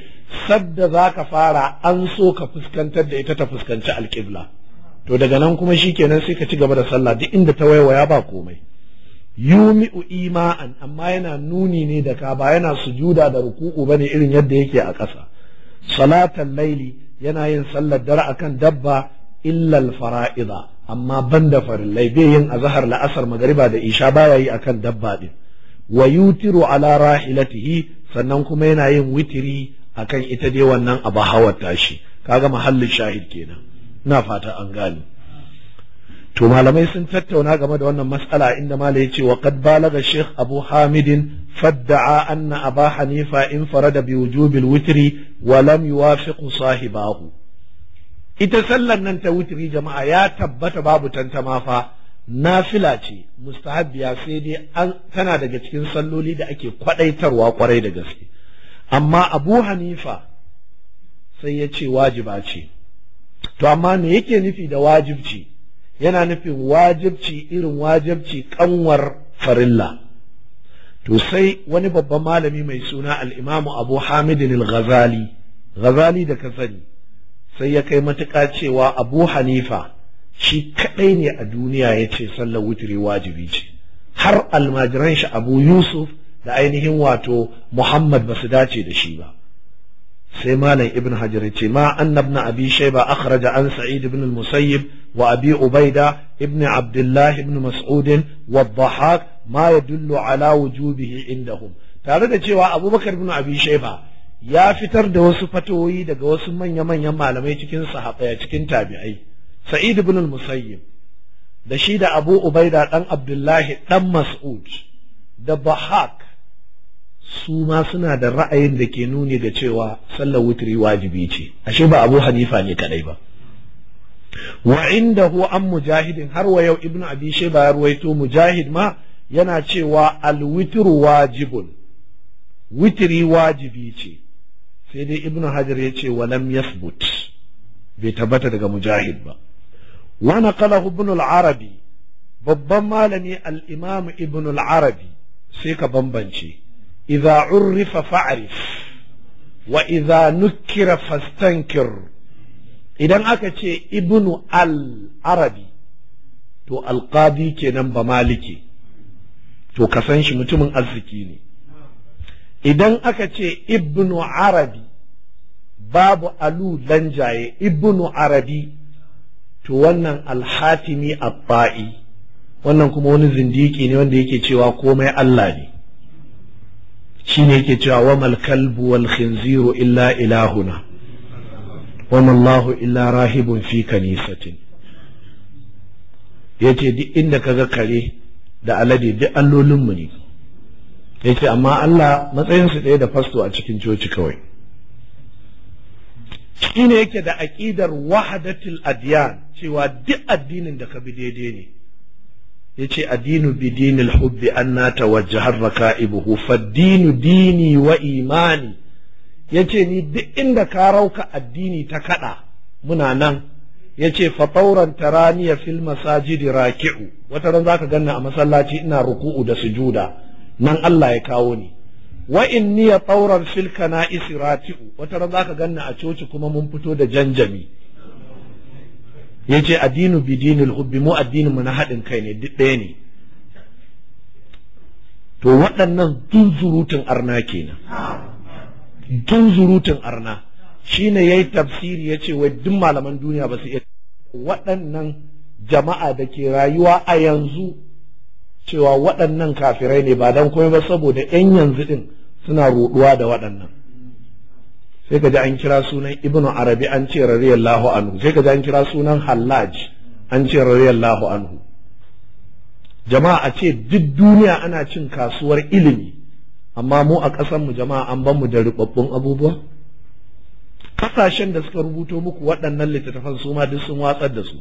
سد ذاك فارا أنسو كفسكن تد إتتا فسكن تأل كبلا to daga nan kuma shikenan sai ka ci gaba da sallah duk inda ta waiwaya ba komai yumi'u ima'an amma yana nuni ne da ka ba yana sujuda da ruku'u bane irin yadda yake a ƙasa salatan laili yana yin sallar dare akan dabba illal fara'ida amma banda farillai bai yin azhar la'asar magariba da isha baya yi akan dabba din wa yutiru ala rahilatihi sannan kuma yana yin witiri akan ita dai wannan abu bahawar tashi kaga mahallin shahid kenan na fata an gane to malamai sun tattauna game da wannan matsala inda mala ya ce wa qad balaga sheikh abu hamidin fadda'a anna aba hanifa in farada bi wujubil witri wa lam yuwafiqu sahibahu ita sallar nan ta witri jama'a ya tabbata babu tantama fa nafila ce mustahabbiya sai dai tana daga cikin salloli da ake kwadaitarwa kwarai da gaske amma abu hanifa sai ya ce wajiba ce to amma me yake nufi da wajibci yana nufin wajibci irin wajibci kanwar farilla to sai wani babban malami mai suna al'imamu abu hamidin al-ghazali ghazali da ka sani sai ya kai matuƙa cewa abu hanifa shi kaɗai ne a duniya ya ce sallar wutiri wajibi ce har almajiran shi abu yusuf da ainihin wato muhammad ba su dace da shi ba sai malam ibn hajar ce ma annabna abi shayba akhraja an sa'id ibn al-musayyib wa abi ubaida ibn abdullah ibn mas'ud wa dhahak ma yadullu ala wujubihi indahum tare da cewa abubakar ibn abi shayba ya fitar da wasu fatoyi daga wasu manya-manyan malamai cikin sahabbai cikin tabi'ai sa'id ibn al-musayyib da shi da abu ubaida dan abdullahi dan mas'ud da bahak su ma suna da ra'ayin da ke nuni da cewa sallar wutri wajibi ce ashe ba abu hanifa ne kadai ba wa inda hu an mujahidin har wa yau ibnu abi shayba ya ruwaito mujahid ma yana cewa alwitr wajibun witri wajibi ce sai dai ibnu hajar ya ce wa lam yasbut bai tabbata daga mujahid ba wa naqalahu ibn al-arabi babban malami al-imam ibn al-arabi sai ka bambance إذا عرف فاعرف وإذا نكر فاستنكر إذا أكتش ابن arabi to alƙadi kenan ba maliki to ka san shi mutumin arziki ne idan aka ce ibnu arabi babu alu lanjaye ibnu arabi to wannan alhatimi bai. wannan kuma wani zindiki ne wanda yake cewa komai Allah ne shine yake cewa wa mal kalbu khinziru illa ilahuna wa mallahu illa rahibun fi kanisatin yace duk inda kaga kare da alade duk allolinmu ne yace amma Allah matsayinsu ɗaya da fasto a cikin coci kawai shine yake da aƙidar wahadatul adiyan cewa duk addinin da ka bi daidai ne yace addinu bi dinil hubbi anna tawajjaha raka'ibuhu faddinu dini wa imani yace ni duk inda ka rauka addini ta kada muna nan yace fa tauran taraniya fil masajidi raki'u wata ran zaka ganna a masallaci ina ruku'u da sujuda nan Allah ya kawo ni wa inni ya tauran fil kana'is rati'u wata ran zaka ganna a coci kuma mun fito da janjami Yace ce addinu bi dinil hubbi mu addinin mu na haɗin kai ne duk ɗaya ne to waɗannan zurutun arna kenan zurutun arna shine yayi tafsiri yace wai duk malaman duniya ba su iya waɗannan jama'a da ke rayuwa a yanzu cewa waɗannan kafirai ne ba don komai ba saboda 'yan yanzu ɗin suna roɗuwa da waɗannan sai ka an kira sunan ibnu arabi an ce radiyallahu anhu sai ka an kira sunan hallaj an ce radiyallahu anhu jama'a a ce duk duniya ana cin kasuwar ilimi amma mu a ƙasar mu jama'a an ban mu da rubabbun abubuwa kasashen da suka rubuto muku waɗannan littattafan su ma duk sun watsar da su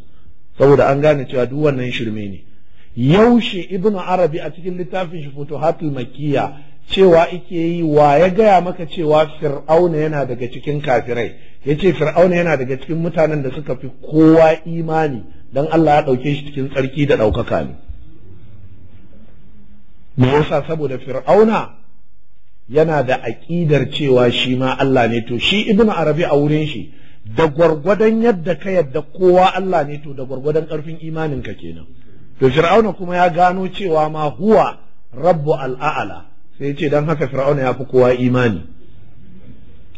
saboda an gane cewa duk wannan shirme ne yaushe ibnu arabi a cikin littafin shi fotohatul makiyya cewa ike yi wa ya gaya maka cewa fir'auna yana daga cikin kafirai ya ce fir'auna yana daga cikin mutanen da suka fi kowa imani don Allah ya ɗauke shi cikin tsarki da ɗaukaka ne me yasa saboda fir'auna yana da aƙidar cewa shi ma Allah ne to shi ibn arabi a wurin shi da gwargwadon yadda ka yadda kowa Allah ne to da gwargwadon ƙarfin imaninka kenan to fir'auna kuma ya gano cewa ma huwa rabbu al'a'ala sai ce don haka fir'auna ya fi kowa imani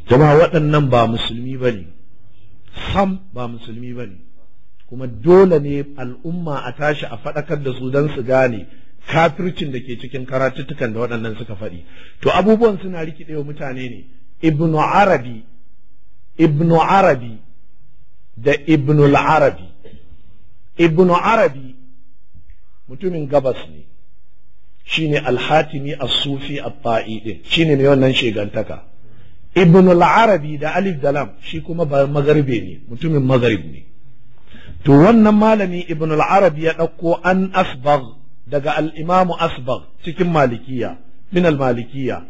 jama'a waɗannan ba musulmi ba ne, sam ba musulmi ba ne. kuma dole ne al'umma a tashi a faɗakar da su don su gane kafircin da ke cikin karatuttukan da waɗannan suka faɗi to abubuwan suna wa mutane ne ibnu arabi ibnu arabi da ibnu arabi ibnu arabi mutumin gabas ne shine al-hatimi as-sufi at-ta'i din shine ne wannan shegantaka ibn al-arabi da alif da shi kuma ba magharibi ne mutumin magharib ne to wannan malami ibn al-arabi ya ɗauko an asbagh daga al-imam asbagh cikin malikiya min al-malikiya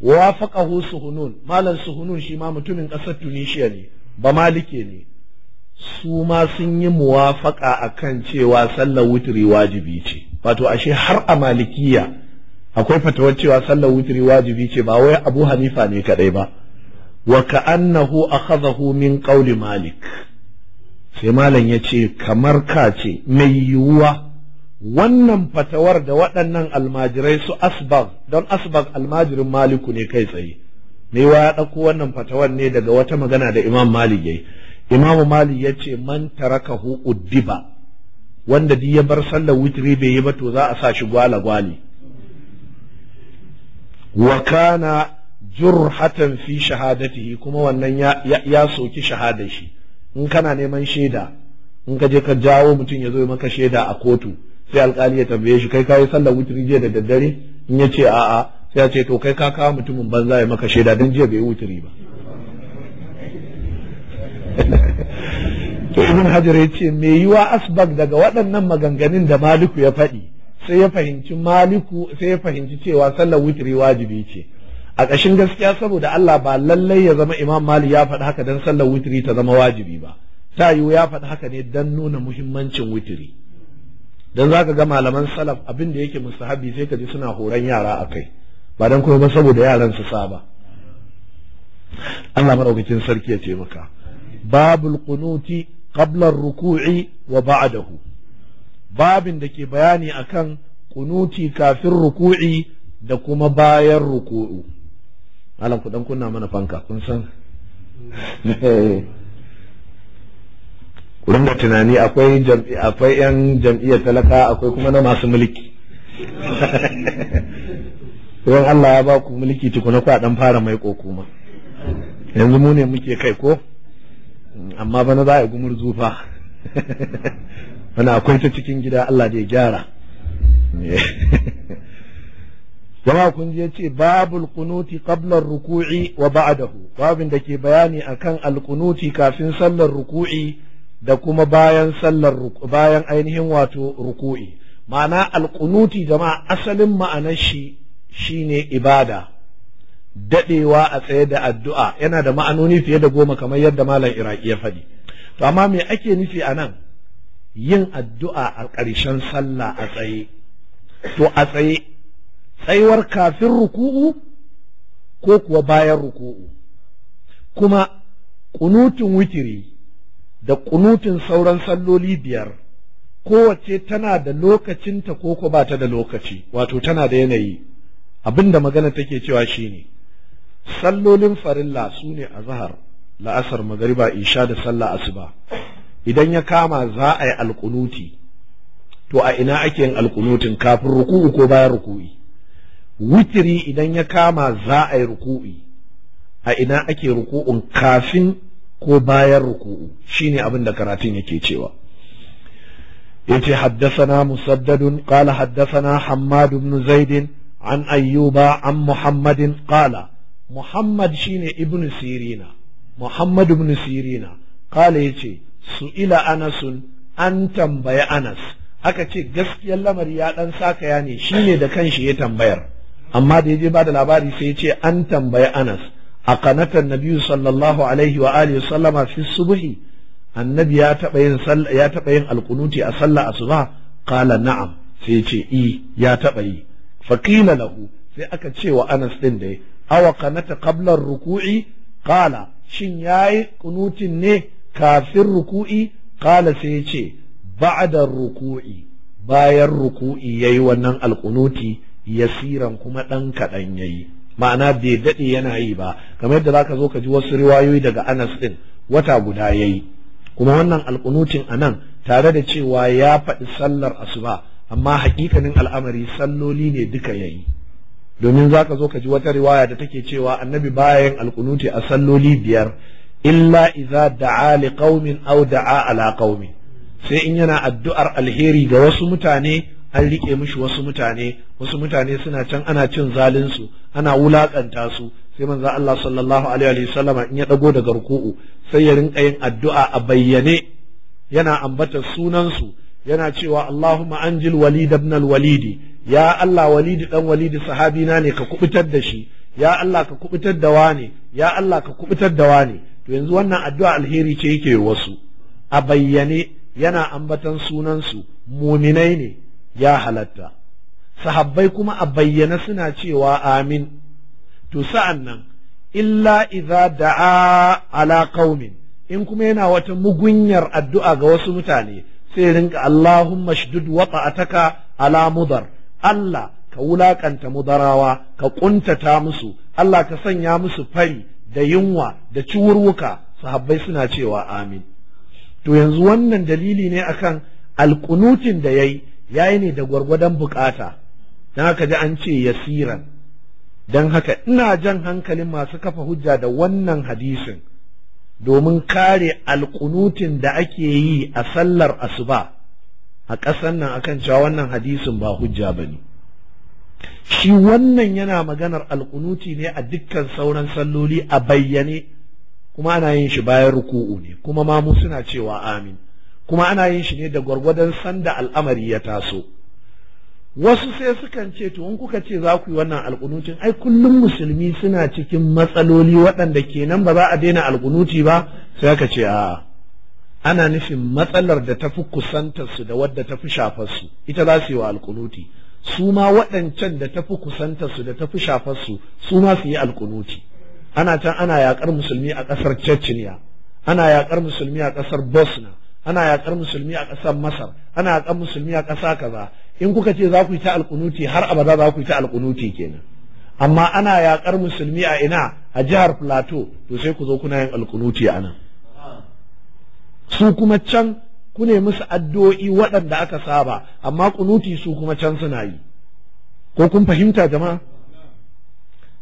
wafaqahu suhunun malam suhunun shi ma mutumin ƙasar tunisia ne ba malike ne su ma sun yi muwafaƙa a kan cewa sallar wuturi wajibi ce wato ashe har a malikiya akwai fatawar cewa sallar witri wajibi ce ba wai abu hanifa ne kadai ba wa annahu akhadhahu min qawli malik sai malam ya ce kamar ka ce mai yiwuwa wannan fatawar da waɗannan almajirai su asbag don asbag almajirin maliku ne kai tsaye Me wa ya ɗauko wannan fatawar ne daga wata magana da imam malik yayi imam malik yace ce man tarakahu uddiba wanda duk ya bar sallar witri bai yi ba to za a sa shi gwala gwali wa kana jurhatan fi shahadatihi kuma wannan ya soki shahadar shi in kana neman shaida in ka je ka jawo mutum ya zo maka shaida a kotu sai alkali ya tambaye shi kai kayi sallar witiri jiya da daddare in ya ce a'a sai ya ce to kai ka kawo mutumin banza ya maka shaida don jiya bai wuturi ba to ibn hajar ya ce me yiwa asbak daga waɗannan maganganun da maliku ya faɗi sai ya fahimci maliku sai ya fahimci cewa sallar witri wajibi ce a ƙashin gaskiya saboda Allah ba lallai ya zama imam mali ya faɗi haka don sallar witri ta zama wajibi ba ta yiwu ya faɗi haka ne don nuna muhimmancin witri za ka ga malaman salaf abin da yake mustahabi sai ka ji suna horon yara a kai ba don kuma ba saboda yaran su sa ba Allah maɗaukacin sarki ya taimaka babul qunuti qabla ruku'i wa ba'dahu babin da ke bayani akan kunuti kafin ruku'i da kuma bayan ruku'u malam ku dan kunna mana fanka kun san ku dinga tunani akwai jam'i, akwai yan jam'iyyar talaka akwai kuma na masu mulki Ruwan Allah ya ba ku mulki tukuna ku a dan fara mai kokuma yanzu mu ne muke kai ko amma bana za a gumur zufa. Bana akwai ta cikin gida Allah da ya gyara jama'a kun ji yace babul qunuti qabla ruku'i wa ba'dahu babin da ke bayani akan al-qunuti kafin sallar ruku'i da kuma bayan sallar bayan ainihin wato ruku'i ma'ana al-qunuti jama'a asalin ma'anar shi shine ibada dadewa a tsaye da addu'a yana da ma'anoni fiye da goma kamar yadda malam iraki ya faɗi to amma me ake nufi a nan yin addu'a a ƙarshen sallah a tsaye to a tsaye tsayuwar kafin ruku'u ko kuwa bayan ruku'u kuma kunutun witiri da kunutun sauran salloli biyar kowace tana da lokacinta ko ko ba ta da lokaci wato tana da yanayi abinda magana take cewa shine sallolin farilla su ne a zahar la'asar magariba isha da sallah asuba idan ya kama za a yi alkunuti to a ina ake yin alkunutin kafin ruku'u ko bayan ruku'i witiri idan ya kama za a yi ruku'i a ina ake ruku'un kafin ko bayan ruku'u shine abin da karatun yake cewa yace haddathana musaddadun qala haddathana hammad ibn zaid an ayyuba an muhammadin qala Muhammad shine ibn Sirina Muhammad ibn Sirina kala yace su ila Anasun an tambayi Anas aka ce gaskiyar lamari ya dan saka ya ne da kanshi ya tambayar amma da yaje ba da labari sai ya ce an tambayi Anas a kanatan Nabi sallallahu alaihi wa alihi sallama fi subhi annabi ya taba yin ya taba yin alqunuti a sallah asuba na'am sai ya ce i e, ya taba yi faqila lahu sai aka ce wa Anas din da awa kanata qablar ruku'i qala shin yayi kunutin ne kafin ruku'i qala sai ce ba'da ruku'i bayan ruku'i yayi wannan alqunuti yasiran kuma dan kadan yayi ma'ana bai dade yana yi ba kamar yadda ka zo ka ji wasu riwayoyi daga Anas ɗin, wata guda yayi kuma wannan alkunutin nan, tare da cewa ya faɗi sallar asuba amma hakikanin al'amari salloli ne duka yayi domin za ka zo ka ji wata riwaya da take cewa annabi baya yin alkunuti a salloli biyar illa iza da'a li qaumin aw da'a ala qaumi sai in yana addu'ar alheri ga wasu mutane an rike mishi wasu mutane wasu mutane suna can ana cin zalinsu ana wulakanta su sai manzo Allah sallallahu alaihi wa in ya dago daga ruku'u sai ya rinka yin addu'a a bayyane yana ambata sunansu yana cewa Allahumma anjil walid ibn al-walidi ya Allah walidi dan walidu sahabina ne ka kubutar da shi ya Allah ka kubutar da wani ya Allah ka kubutar da wani to yanzu wannan addu'a alheri ce yake wasu a bayyane yana ambatan sunansu muminai ne ya halatta sahabbai kuma a bayyane suna cewa amin to sa'an nan illa idza da'a ala qaumin in kuma yana wata mugunyar addu'a ga wasu mutane sai rinka Allahumma shdud wata'ataka ala mudar Allah ka wulaƙanta mudarawa ka ƙuntata musu Allah ka sanya musu fari da yunwa da ciwurwuka sahabbai suna cewa amin to yanzu wannan dalili ne akan alkunutin da yayi yayi ne da gwargwadon bukata dan haka ji an ce yasiran dan haka ina jan hankalin masu kafa hujja da wannan hadisin domin kare alkunutin da ake yi a sallar asuba a ƙasar nan akan cewa wannan hadisin ba hujja ba ne shi wannan yana maganar alƙunuti ne a dukkan sauran salloli a bayyane kuma ana yin shi bayan ruku'u ne kuma ma mu suna cewa amin kuma ana yin shi ne da gwargwadon sanda al'amari ya taso wasu sai sukan ce to in kuka ce za ku yi wannan alƙunutin ai kullum musulmi suna cikin matsaloli waɗanda kenan ba za a daina alƙunuti ba sai aka ce a'a ana nufin matsalar da tafi kusantar su da wadda tafi shafar su ita za su yi wa alkunuti su ma waɗancan da tafi kusantar su da tafi shafar su su ma su yi alkunuti ana can ana yaƙar musulmi a ƙasar Chechnya ana yaƙar musulmi a ƙasar Bosna ana yaƙar musulmi a ƙasar Masar ana yaƙar musulmi a ƙasa kaza in kuka ce za ku yi ta alkunuti har abada za ku yi ta alkunuti kenan amma ana yaƙar musulmi a ina a jihar Plateau to sai ku zo kuna yin alkunuti a nan su kuma can ku ne musu addu'o'i waɗanda aka saba amma kunuti su kuma can suna yi ko kun fahimta jama'a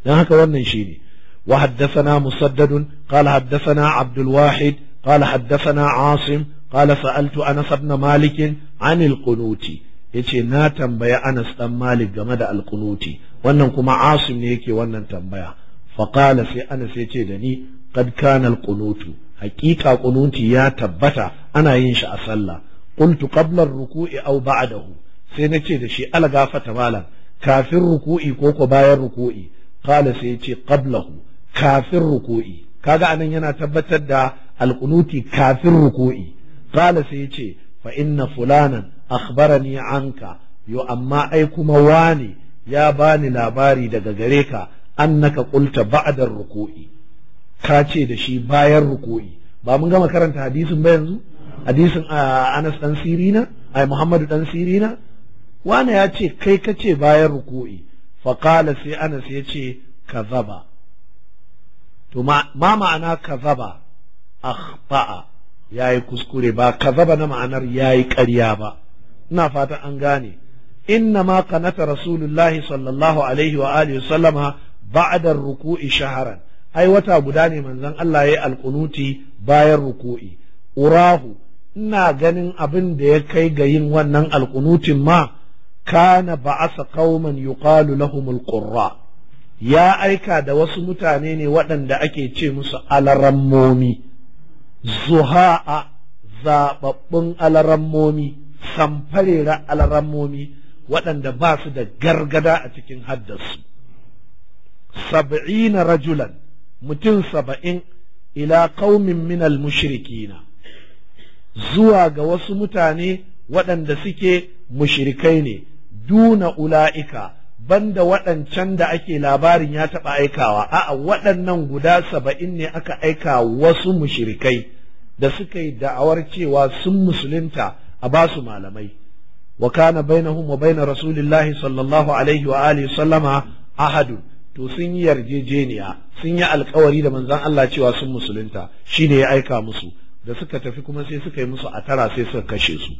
dan haka wannan shine wa haddathana musaddad qala haddathana abdul wahid qala haddathana asim qala sa'altu anas ibn malik an qunuti yace na tambaya anas dan malik game da alkunuti. wannan kuma asim ne yake wannan tambaya fa sai anas yace da ni qad kana al-qunutu ya tabbata ana yin shi a sallah qultu qabla rukui au ba'adahu sai nace da shi algafata malam kafin ruku'i ko ko bayan ruku'i qala sai yace qablahu kafin ruku'i kaga anan yana tabbatar da al kafin ruku'i qala sai yace fa inna fulanan akhbarani anka yau amma ai kuma wani ya bani labari daga gare ka an naka qulta ba'da ruku'i ka ce da shi bayan ruku'i ba mun gama karanta hadisin ba yanzu hadisin Anas dan Sirina ai Muhammadu dan Sirina wani ya ce kai ka ce bayan ruku'i faƙala sai Anas ya ce kazaba to ma ma'ana kazaba akhta'a yayi kuskure ba kazaba na ma'anar yayi ƙarya ba ina fatan an gane إنما قنت رسول الله صلى الله عليه wa وسلم بعد ruku'i shaharan. ai wata guda ne manzon Allah ya alkunuti bayan ruku'i urahu ina ganin abin da ya kai ga yin wannan alkunutin ma kana ba'asa qauman yuqalu lahumul qurra ya aika da wasu mutane ne waɗanda ake ce musu alarammomi zuha'a zababbun alarammomi samfarera alarammomi waɗanda ba su da gargada a cikin haddasu sab'ina rajulan mutum saba'in ila kaumin minal mushrikina zuwa ga wasu mutane waɗanda suke mushrikai ne duna ula'ika banda waɗancan da ake labarin ya taɓa aikawa a'a waɗannan guda saba'in ne aka aika wasu mushrikai da suka yi da'awar cewa sun musulunta a basu malamai wa kana bainahum wa bain rasulillahi sallallahu alaihi wa alihi sallama ahadun to sun yi yarjejeniya sun yi alkawari da manzon Allah cewa sun musulunta shine ya aika musu da suka tafi kuma sai suka yi musu a tara sai suka kashe su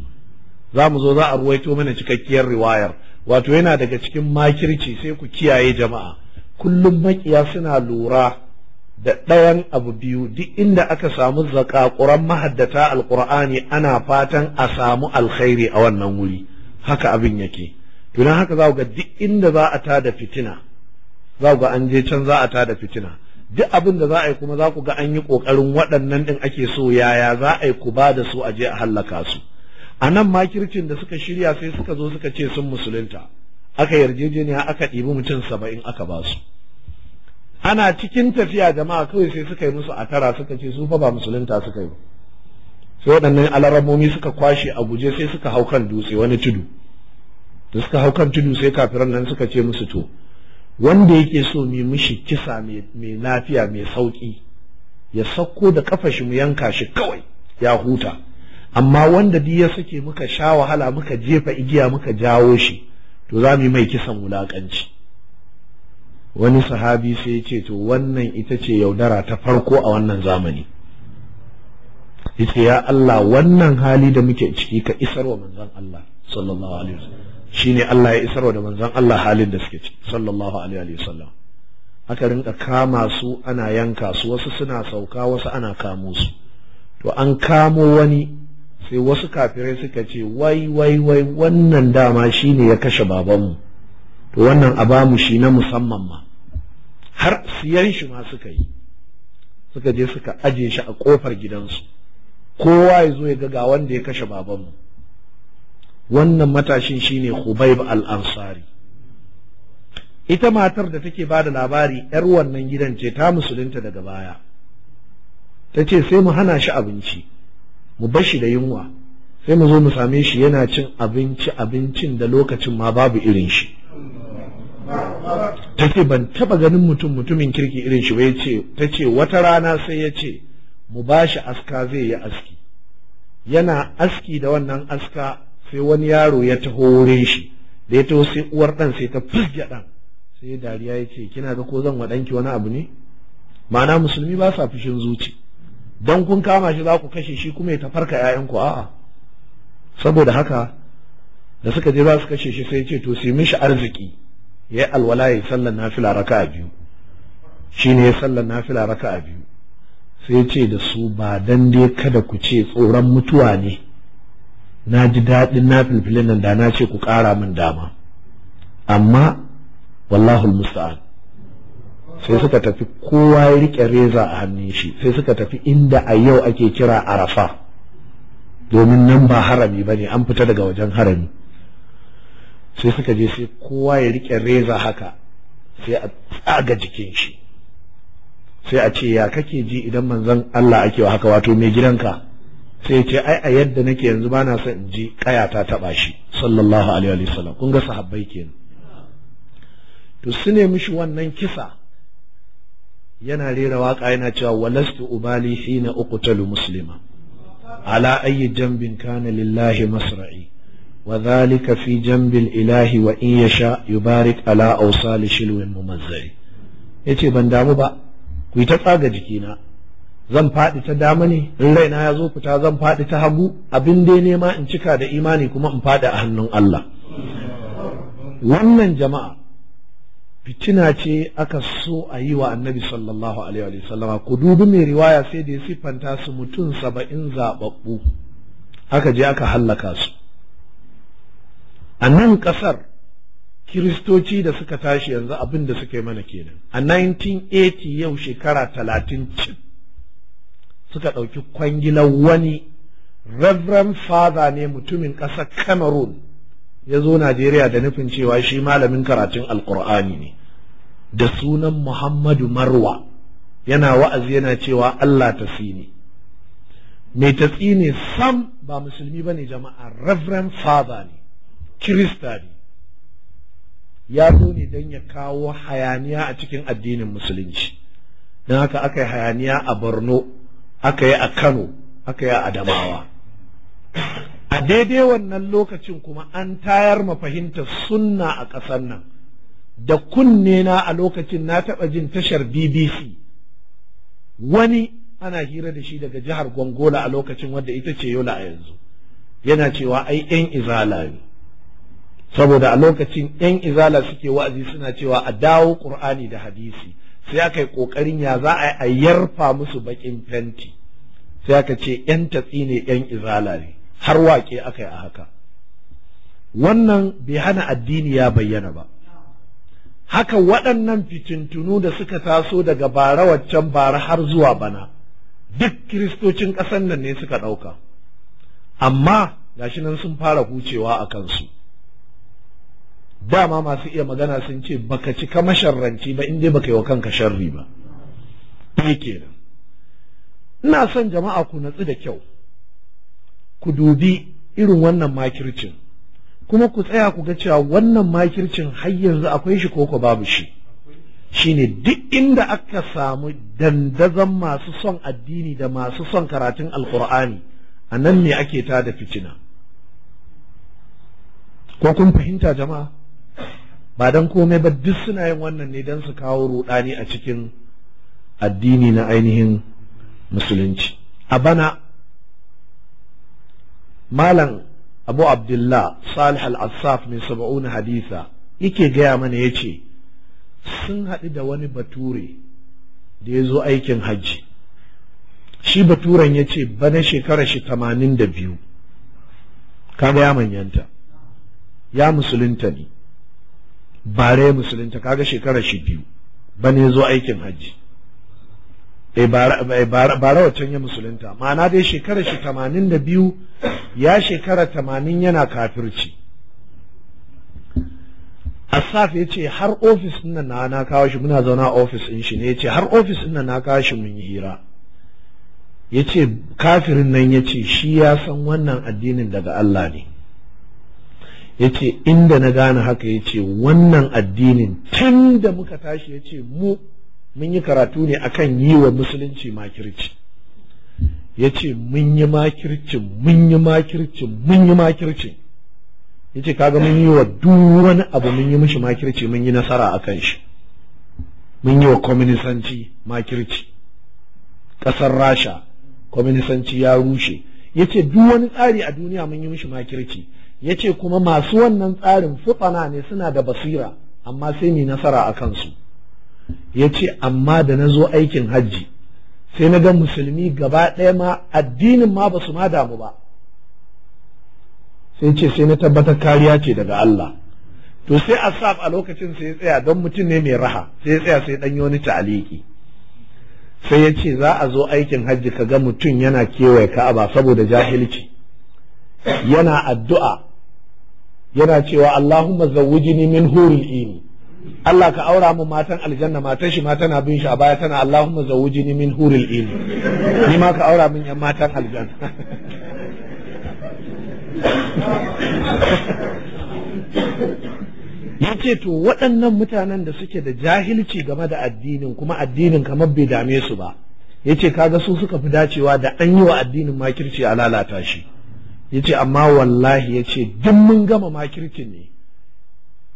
za mu zo za a ruwaito mana cikakkiyar riwayar wato yana daga cikin makirci sai ku kiyaye jama'a kullum makiya suna lura da ɗayan abu biyu duk inda aka samu zakakuran mahaddata alkur'ani ana fatan a samu alkhairi a wannan wuri haka abin yake to haka za ku ga duk inda za a tada fitina za ku ga an je can za a tada fitina duk abin da za a yi kuma za ku ga an yi ƙoƙarin waɗannan ɗin ake so yaya za a yi ku ba da su a je a hallaka su a nan makircin da suka shirya sai suka zo suka ce sun musulunta aka yarjejeniya aka ɗibi mutum saba'in aka ba su ana cikin tafiya jama'a kawai sai suka yi musu a tara suka ce su fa ba musulunta suka yi sai waɗannan alarabomi suka kwashe a guje sai suka hau kan dutse wani tudu da suka hau kan tudu sai kafiran nan suka ce musu to wanda yake so mu mishi kisa mai lafiya mai sauki ya sauko da kafa shi mu yanka shi kawai ya huta amma wanda duk ya sake muka sha wahala muka jefa igiya muka jawo shi to za mu yi mai kisan wulaƙanci. wani sahabi sai ya ce to wannan ita ce yaudara ta farko a wannan zamani yace ya Allah wannan hali da muke ciki ka isar wa manzon Allah sallallahu alaihi wasallam shine Allah ya isarwa da manzon Allah halin da suke ci sallallahu alaihi wasallam aka rinka kama su ana yanka su wasu suna sauka wasu ana kamo su to an kamo wani sai wasu kafirai suka ce wai wai wai wannan dama shine ya kashe babanmu to wannan a bamu shi na musamman ma har siyan shi ma suka yi suka je suka aje shi a kofar gidansu kowa ya zo ya ga ga wanda ya kashe babanmu wannan matashin shine Khubayb al-Ansari ita matar da take bada labari yar wannan gidan ce ta musulunta daga baya ta ce sai mu hana shi abinci mu bar shi da yunwa sai mu zo mu same shi yana cin abinci abincin da lokacin ma babu irin shi ta ce ban taba ganin mutum mutumin kirki irin shi ya ce ta ce wata rana sai ya ce mu ba shi aska zai yi aski yana aski da wannan aska sai wani yaro ya taho wurin shi da ya taho sai uwar ɗan sai ta fusge ɗan sai dariya ya ce kina ga ko zan wa ɗanki wani abu ne ma'ana musulmi ba sa fushin zuci don kun kama shi za ku kashe shi kuma ya tafarka ‘ya'yanku a'a saboda haka da suka je za su kashe shi sai ce to sai mishi arziki ya yi alwala ya sallan nafila raka a biyu shi ne ya sallan nafila raka a biyu sai ce da su ba dan dai kada ku ce tsoron mutuwa ne na ji daɗin na filfilin nan da na ce ku ƙara min dama amma wallahul musta'an sai suka tafi kowa ya riƙe reza a hannun shi sai suka tafi inda a yau ake kira arafa domin nan ba harami ba ne an fita daga wajen harami sai suka je sai kowa ya rike reza haka sai a tsaga jikin shi sai a ce ya kake ji idan manzon Allah ake wa haka wato mai gidanka sai ce ai a yadda nake yanzu ba na son in ji kaya ta taɓa shi sallallahu alaihi wa sallam kun ga sahabbai kenan to su ne mishi wannan kisa yana rera waka yana cewa walastu ubali hina uqtalu muslima ala ayyi jambin kana lillahi masra'i وذلك في ilahi الإله وإن يشاء يبارك على أوصال شلو ممزعي yace ban damu ba ku yi ta tsaga jikina zan faɗi ta dama ne in raina ya zo fita zan faɗi ta hagu abin dai nema in cika da imani kuma in faɗi a hannun Allah wannan jama'a fitina ce aka so a yi wa annabi sallallahu alaihi wa sallama ku dubi mai riwaya sai da ya siffanta su mutum saba'in zaɓaɓɓu aka je aka hallaka su a nan ƙasar kiristoci da suka tashi yanzu abin da suka yi mana kenan a 1980 yau shekara talatin suka ɗauki kwangilan wani Reverend Father ne mutumin ƙasar Cameroon ya zo Najeriya da nufin cewa shi malamin karatun Alƙur'ani ne da sunan Muhammadu Marwa yana wa'azi yana cewa Allah ta mai ta sam ba musulmi ba ne jama'a Reverend Father ne Kirista ne ya zo ne don ya kawo hayaniya a cikin addinin musulunci don haka aka yi hayaniya a Borno aka yi a Kano aka yi a Adamawa a daidai wannan lokacin kuma an tayar ma fahimtar sunna a ƙasar nan da kunne na a lokacin na taɓa jin tashar BBC wani ana hira da shi daga jihar Gongola a lokacin wadda ita ce Yola a yanzu yana cewa ai 'yan izala ne saboda a lokacin 'yan izala suke wa'azi suna cewa a dawo ƙur'ani da hadisi sai aka yi ƙoƙarin ya za a yarfa musu baƙin fenti sai aka ce ‘yan tatsi ne ‘yan izala ne har waƙe aka yi a haka wannan bai hana addini ya bayyana ba haka waɗannan fitintunu da suka taso daga bara waccan bara har zuwa bana duk kiristocin ƙasan nan ne suka ɗauka amma gashi nan sun fara hucewa a kansu dama masu iya magana sun ce baka cika masharranci ba inda baka yi wa kanka sharri ba ne ina son jama'a ku natsu da kyau ku dubi irin wannan makircin kuma ku tsaya ku ga cewa wannan makircin har yanzu akwai shi ko ku babu shi shine duk inda aka samu dandazon masu son addini da masu son karatun alkur'ani a nan ne ake tada fitina ko kun fahimta jama'a ba don komai ba duk suna yin wannan ne don su kawo rudani a cikin addini na ainihin musulunci a bana malam abu abdullah salih al-assaf mai saba'una haditha yake gaya mana ya ce sun haɗu da wani bature da ya zo aikin hajji shi baturen ya ce bana shekara shi tamanin da biyu kaga ya manyanta ya musulunta ne bare musulunta kaga shekarar shi biyu ne zo aikin hajji eh, bara eh, wacan ya musulunta ma'ana dai shekarar shi tamanin da biyu ya shekara tamanin yana kafirci asaf ya ce har ofis ɗin na na kawo shi muna zauna a ofis in shi ne ya ce har ofis ɗin na kawo shi mun yi hira ya ce kafirin nan ya ce shi ya san wannan addinin daga Allah ne Yace inda na gane haka ya ce wannan addinin tun da muka tashi ya ce mu mun yi karatu ne akan yi wa musulunci makirci ya ce mun yi makircin mun yi makircin mun yi makircin ya ce kaga mun yi wa duk abu mun yi mishi makirci mun yi nasara a kan shi mun yi wa kwaminisanci makirci ƙasar rasha kwaminisanci ya rushe ya ce duk wani tsari a duniya mun yi mishi makirci Ya ce kuma masu wannan tsarin fitana ne suna da basira amma sai ni nasara a kansu Ya ce amma da na zo aikin hajji sai na ga musulmi gaba ɗaya ma addinin ma ba su ma damu ba sai ce sai na tabbatar kariya ce daga Allah to sai asaf a lokacin sai ya tsaya don mutum ne mai raha sai ya tsaya sai dan wani ta'aliki sai ya ce za a zo aikin hajji ka ga mutum yana kewaye ka'aba saboda jahilci yana addu'a yana cewa Allahumma zawwijni min huril ini Allah ka aura mu matan aljanna matan shi ma tana bin shi a baya tana Allahumma zawwijni min huril ini ni ma ka aura min yan matan aljanna ya ce to waɗannan mutanen da suke da jahilci game da addinin kuma addinin kamar bai dame su ba ya ce kaga su suka fi dacewa da an yi wa addinin makirci a lalata shi yace amma wallahi yace duk mun gama makircin ne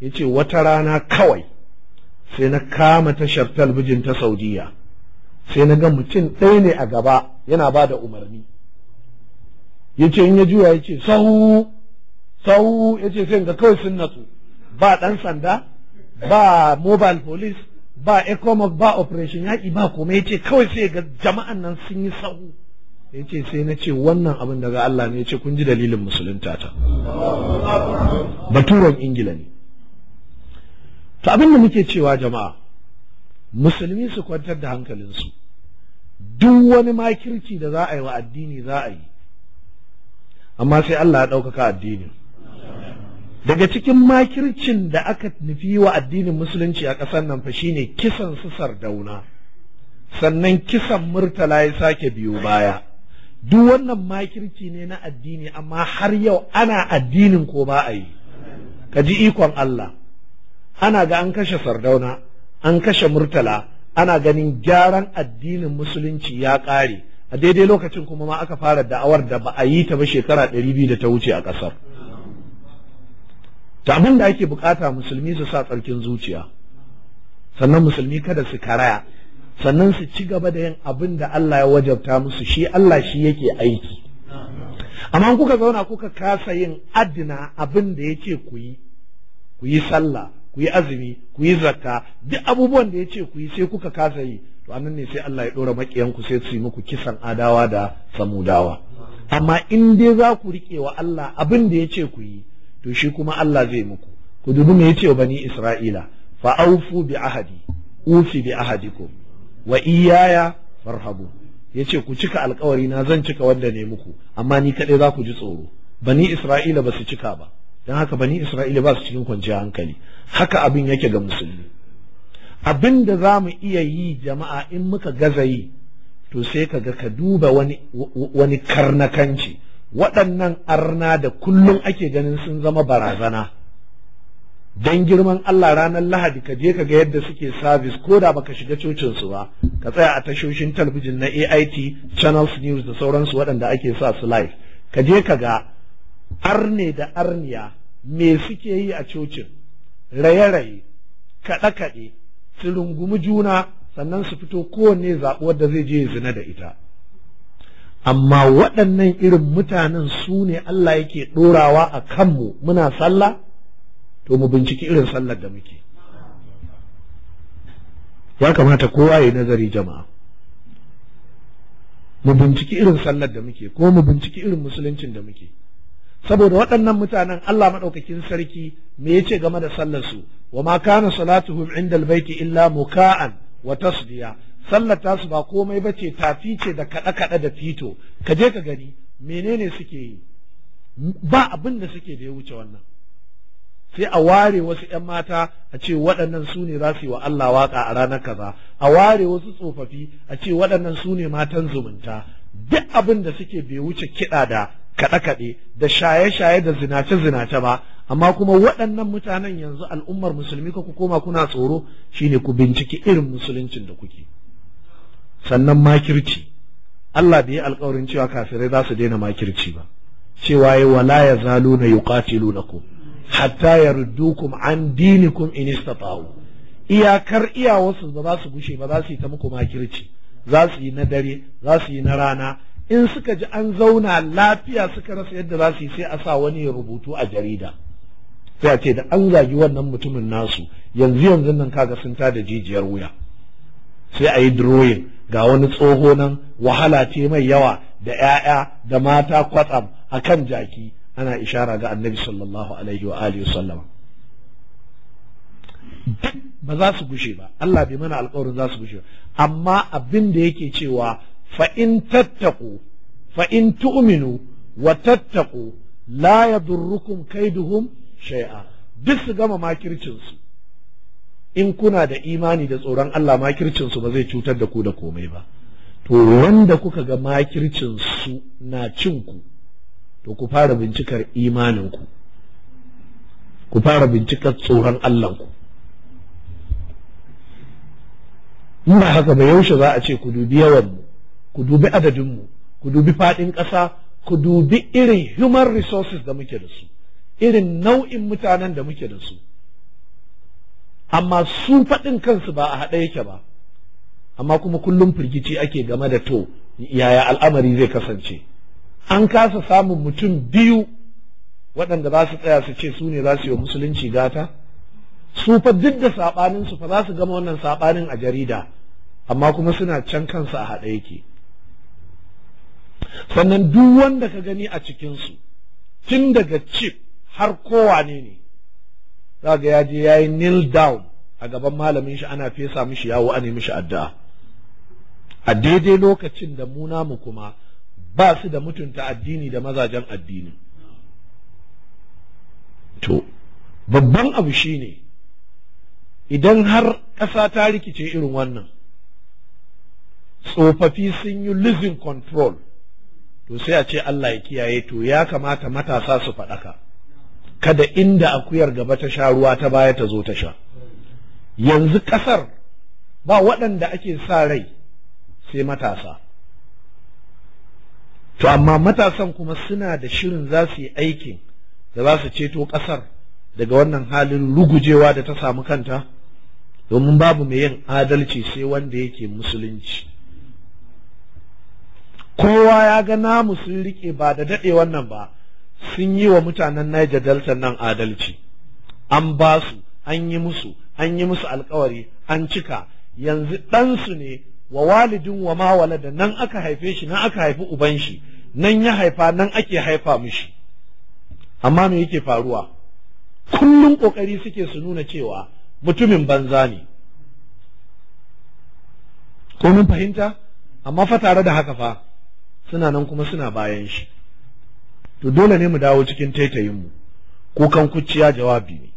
yace wata rana kawai sai na kama tashar talbijin ta Saudiya sai na ga mutum ɗaya ne a gaba yana ba da umarni yace in ya juya yace sahu sahu yace sai ga kawai sun natsu ba ɗan sanda ba mobile police ba ecomog ba operation yaƙi ba kuma yace kawai sai ga jama'an nan sun yi sahu ya ce sai na ce wannan abin daga Allah ne ya ce kun ji dalilin musulunta ta baturan ingila ne to abin da muke cewa jama'a musulmi su kwantar da hankalinsu duk wani makirci da za a yi wa addini za a yi amma sai Allah ya ɗaukaka addinin daga cikin makircin da aka nufi wa addinin musulunci a ƙasar nan fa shine kisan su sardauna sannan kisan murtala ya sake biyo baya duk wannan makirci ne na addini amma har yau ana addinin ko ba a yi ka ji ikon Allah ana ga an kashe sardauna an kashe murtala ana ganin gyaran addinin musulunci ya ƙare a daidai lokacin kuma ma aka fara da'awar da ba a yi ta ba shekara ɗari biyu da ta wuce a ƙasar ta abin da ake bukata musulmi su sa tsarkin zuciya sannan musulmi kada su karaya sannan su ci gaba da yin abin da Allah ya wajabta musu shi Allah shi yake aiki amma kuka zauna kuka kasa yin adina abin da ya ce ku yi ku yi sallah ku yi azumi ku yi zakka duk abubuwan da yace ce ku yi sai kuka kasa yi to anan ne sai Allah ya ɗora ku sai su yi muku kisan adawa da samudawa amma in dai za ku riƙe wa Allah abin da ya ce ku yi to shi kuma Allah zai muku ku dubi me ya ce wa bani Isra'ila fa aufu bi ahadi ufi bi ahadi ahadikum wa iyaya farhabu yace ku cika alkawari na zan cika wanda ne muku amma ni kadai za ku ji tsoro bani isra'ila ba su cika ba don haka bani isra'ila ba su cikin kwanciyar hankali haka abin yake ga musulmi abin da za mu iya yi jama'a in muka gaza yi to sai ka ga ka duba wani, wani karnakanci waɗannan arna da kullum ake ganin sun zama barazana dan girman Allah ranar Lahadi ka je ka ga yadda suke service ko da baka shiga cocin su ba ka tsaya a tashoshin talabijin na AIT Channels News da sauransu waɗanda ake sa su live ka je ka ga arne da arniya me suke yi a cocin raye-raye kaɗe-kaɗe su juna sannan su fito kowanne zaɓuwar da zai je zina da ita amma waɗannan irin mutanen su ne Allah yake ɗorawa a kanmu muna sallah to mu binciki irin sallar da muke ya kamata kowa ya nazari jama'a mu binciki irin sallar da muke ko mu binciki irin musuluncin da muke saboda waɗannan mutanen Allah maɗaukakin sarki me yace game da sallar su wa ma kana salatuhum inda albayti illa muka'an wa tasdiya sallar ta su ba komai ba ce tafi ce da kaɗe kaɗe da fito ka je ka gani menene suke yi ba abin da suke da ya wuce wannan sai a ware wasu 'yan mata a ce waɗannan su ne za su yi wa Allah waka a ranar kaza a ware wasu tsofaffi a ce waɗannan su ne matan zumunta duk abin da suke bai wuce kiɗa da kaɗe-kaɗe da shaye-shaye da zinace-zinace ba amma kuma waɗannan mutanen yanzu al'ummar musulmi ku koma kuna tsoro shine ku binciki irin musuluncin da kuke sannan makirci Allah bai yi alƙawarin cewa kafirai za su daina makirci ba cewa ya wala ya na ku. hatta yaruddukum an dinikum in istata'u iyakar iyawarsu ba za su gushe ba za su yi ta muku makirci za su yi na dare za su yi na rana in suka ji an zauna lafiya suka rasa yadda za su yi sai a sa wani ya rubutu a jarida sai a ce da an zagi wannan mutumin nasu yanzu yanzu nan kaga sun tada jijiyar wuya sai a yi drawing ga wani tsoho nan wahala ce mai yawa da 'ya'ya da mata kwatsam akan jaki ana ishara ga annabi sallallahu alaihi wa alihi sallama ba za su gushe ba Allah bai mana alƙawarin za su gushe amma abin da yake cewa fa in tattaku fa in tu'minu wa tattaku la yadurrukum kaiduhum shay'a duk su gama makircin su in kuna da imani da tsoron Allah makircin su ba zai cutar da ku da komai ba to wanda kuka ga makircin su na cin ku to ku fara bincikar imaninku ku fara bincikar tsoron Allahnku in ba haka ba yaushe za a ce ku dubi yawanmu ku dubi adadinmu ku dubi faɗin ƙasa ku dubi irin human resources da muke da su irin nau'in mutanen da muke da su amma su faɗin kansu ba a haɗe yake ba amma kuma kullum firgici ake game da to yaya al'amari zai kasance an kasa samun mutum biyu waɗanda za su tsaya su ce su ne za su yi musulunci gata su fa duk da saɓanin su fa za su gama wannan saɓanin a jarida amma kuma suna can kansu a haɗe yake sannan duk wanda ka gani a cikinsu tun daga cif har kowa ne za ga ya je ya yi kneel down a gaban malamin shi ana fesa mishi yawo a mishi addu'a a daidai lokacin da mu namu kuma ba su da mutunta addini da mazajen addini to babban abu shine idan har ƙasa ta rikice irin wannan tsofaffi sun yi losing control to sai a ce Allah ya kiyaye to ya kamata matasa su faɗaka kada inda akuyar gaba ta sha ruwa ta baya ta zo ta sha yanzu ƙasar ba waɗanda ake sa rai sai matasa to amma matasan kuma suna da shirin za su yi aikin da za su ceto ƙasar daga wannan halin rugujewa da ta samu kanta domin babu mai yin adalci sai wanda yake musulunci kowa ya ga namu sun rike ba da daɗe wannan ba sun yi wa mutanen Niger Delta nan adalci an ba su an yi musu an yi musu alkawari an cika yanzu ɗansu ne wa walidin wa ma walada nan aka haife shi nan aka haifi uban shi nan ya haifa nan ake haifa mishi amma me yake faruwa kullum kokari suke su nuna cewa mutumin banza ne ko mun fahimta amma fa tare da haka fa suna nan kuma suna bayan shi to dole ne mu dawo cikin taitayin taitayinmu kukan kuciya jawabi ne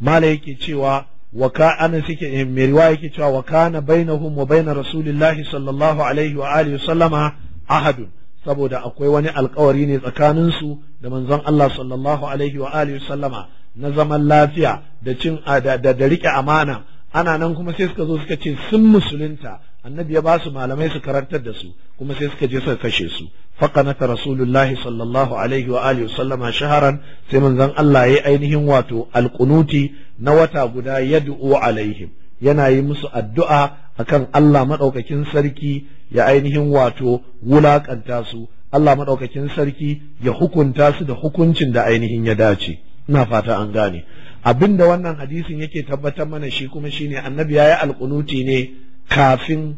mala yake cewa wa ka anas yake eh, mai riwaya yake cewa wa kana bainahum wa bainar rasulillah sallallahu alaihi wa alihi sallama ahadun saboda akwai wani alkawari ne tsakanin su da manzon Allah sallallahu alaihi wa alihi sallama na zaman lafiya da cin da da rike amana ana nan kuma sai suka zo suka ce sun musulunta annabi ya ba su malamai su karantar da su kuma sai suka je suka kashe su faqanata rasulullahi sallallahu alaihi wa alihi sallama shaharan sai manzon Allah yayi ainihin wato alqunuti na wata guda yad'u alaihim yana yi musu addu'a akan Allah madaukakin sarki ya ainihin wato wulakanta su Allah madaukakin sarki ya hukunta su da hukuncin da ainihin ya dace ina fata an gane abinda wannan hadisin yake tabbatar mana shi kuma shine annabi yayi alqunuti ne kafin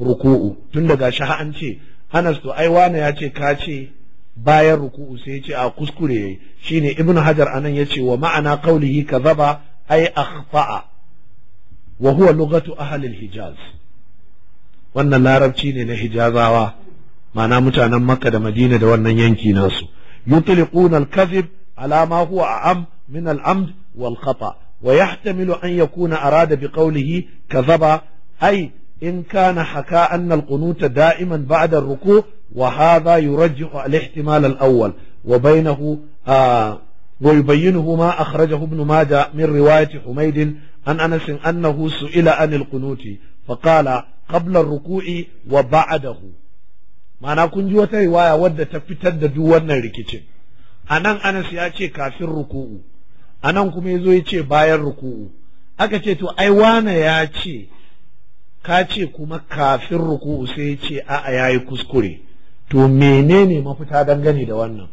ruku'u tun daga shi an ce Anas to ai wane ya ce ka ce bayan ruku'u sai ya ce a kuskure yayi shine Ibn Hajar anan ya ce wa ma'ana qawlihi kadhaba ai akhfa'a wa huwa lughatu ahli al-Hijaz wannan larabci ne na Hijazawa ma'ana mutanen Makka da Madina da wannan yanki nasu yutliquna al-kadhib ala ma huwa a'am min al-amd wal khata' ويحتمل أن يكون أراد بقوله كذب أي إن كان حكى أن القنوت دائما بعد الركوع وهذا يرجح الاحتمال الأول وبينه آه ويبينه ما أخرجه ابن ماجه من رواية حميد عن أن أنس أنه سئل عن القنوت فقال قبل الركوع وبعده ma'ana kun ji wata riwaya wadda ta fitar da duk wannan rikicin a nan anas ya ce kafin ruku'u a nan kuma ya zo ya ce bayan ruku'u aka ce to ai wane ya ce ka ce kuma kafin ruku'u sai ce a'a yi kuskure to menene mafita dangane da wannan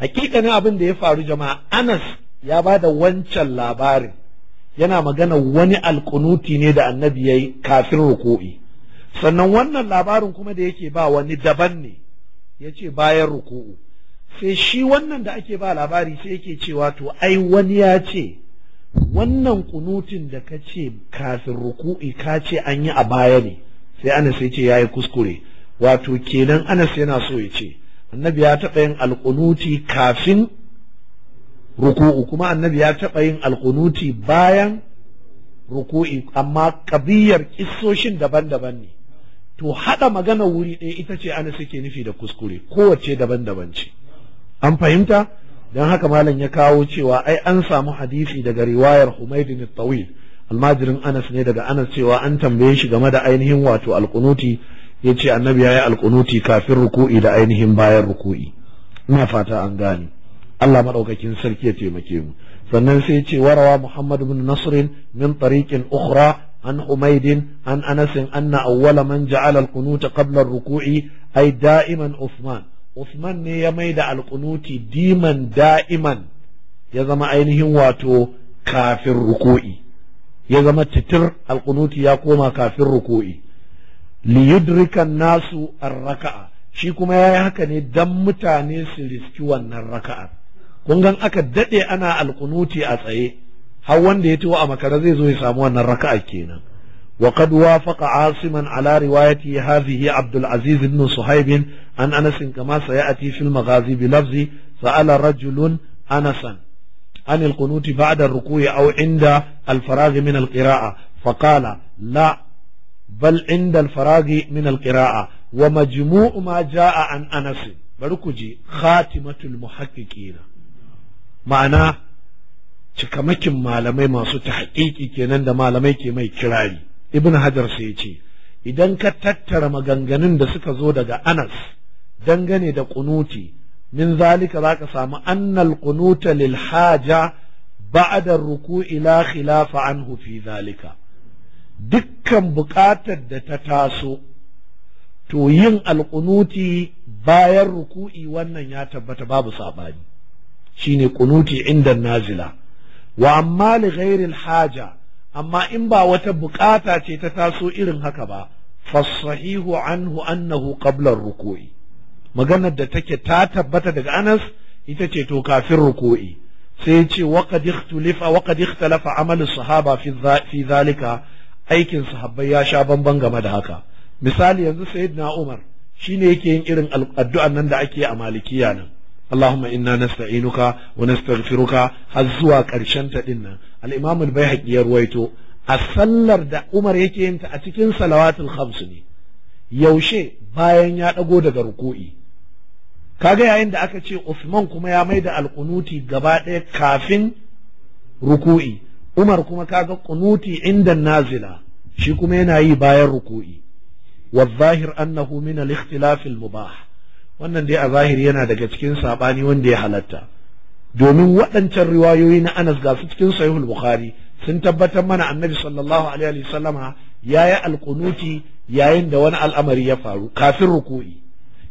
hakikanin abin da ya faru jama'a Anas ya ba da wancan labarin yana magana wani alkunuti ne da annabi ya yi kafin ruku'i sannan wannan labarin kuma da yake ba wani daban ne ya ce bayan ruku'u sai shi wannan da ake ba labari sai yake cewa to ai wani ya ce wannan kunutin da ka ce kafin ruku'i ka ce an yi a baya ne sai anas ya ce ya yi kuskure wato kenan anas yana so ya ce annabi ya taɓa yin alkunuti kafin ruku'u kuma annabi ya taɓa yin alkunuti bayan ruku'i amma ƙabiyar kissoshin daban-daban ne to haɗa magana wuri ɗaya ita ce anas yake nufi da kuskure kowace daban-daban ce an fahimta dan haka malam ya kawo cewa ai an samu hadisi daga riwayar Humayd bin Tawil almajirin Anas ne daga Anas cewa an tambaye shi game da ainihin wato alqunuti yace annabi yayi alqunuti kafin ruku'i da ainihin bayan ruku'i ina fata an gane Allah madaukakin sarki ya taimake mu sannan sai ce warawa Muhammad bin Nasr min tariqin ukhra an حميد an أنس anna أول من جعل القنوت قبل ruku'i. Ai da'iman عثمان Usman ne ya mai da alƙunuti diman da'iman ya zama ainihin wato kafin rukoi. ya zama titir alƙunuti ya koma kafin ruku'i liyudrikan nasu raka'a. shi kuma ya yi haka ne don mutane su riski wannan raka'a kun gan aka daɗe ana alƙunuti a tsaye har wanda ya tuwo a makara zai zo ya samu wannan raka'a kenan وقد وافق asiman ala riwayati هذه Abdul العزيز بن صهيب an anas kama sa ya ati fil magazi bi lafzi sa'ala rajulun anasan an al qunut ba'da al ruku' aw inda al faragh min al qira'a fa qala la bal inda al faragh min al qira'a wa majmu'u ma ja'a an anas bari ku ji khatimatu al muhaqqiqin ma'ana cikamakin malamai masu tahqiqi kenan da malamai ke mai kirari ibn hajar sai ya ce idan ka tattara maganganun da suka zo daga anas dangane da kunuti min zalika za ka samu annal kunuta lil haja ruku'i la khilafa anhu fi zalika dukkan buƙatar da ta taso to yin alƙunuti bayan ruku'i wannan ya tabbata babu saɓani shine ƙunuti inda nazila wa amma li ghairil haja amma in ba wata buƙata ce ta taso irin haka ba fasahihu anhu annahu qabla ruku'i maganar da take ta tabbata daga Anas ita ce to kafin ruku'i sai ya ce waqad ikhtulifa waqad ikhtalafa amalu sahaba fi fi zalika aikin sahabbai ya sha bamban game da haka misali yanzu sayyidina Umar shine yake yin irin addu'an nan da ake a malikiya nan اللهم إنا نستعينك ونستغفرك هزوا كرشن تدنا الإمام da يرويتو yake دا عمر cikin salawatul صلوات ne. Yaushe يوشي باين يا أقود ركوئي kaga yayin da aka ce Usman kuma ya maida alkunuti gaba ɗaya kafin ruku'i Umar kuma kaga kunuti inda nazila shi kuma yana yi bayan ruku'i والظاهر أنه من الاختلاف المباح wannan dai a zahiri yana daga cikin sabani wanda ya halatta domin waɗancan riwayoyi na Anas ga su cikin sahihul Bukhari sun tabbatar mana Annabi sallallahu alaihi wasallama yayi alkunuti yayin da wani al'amari ya faru kafin ruku'i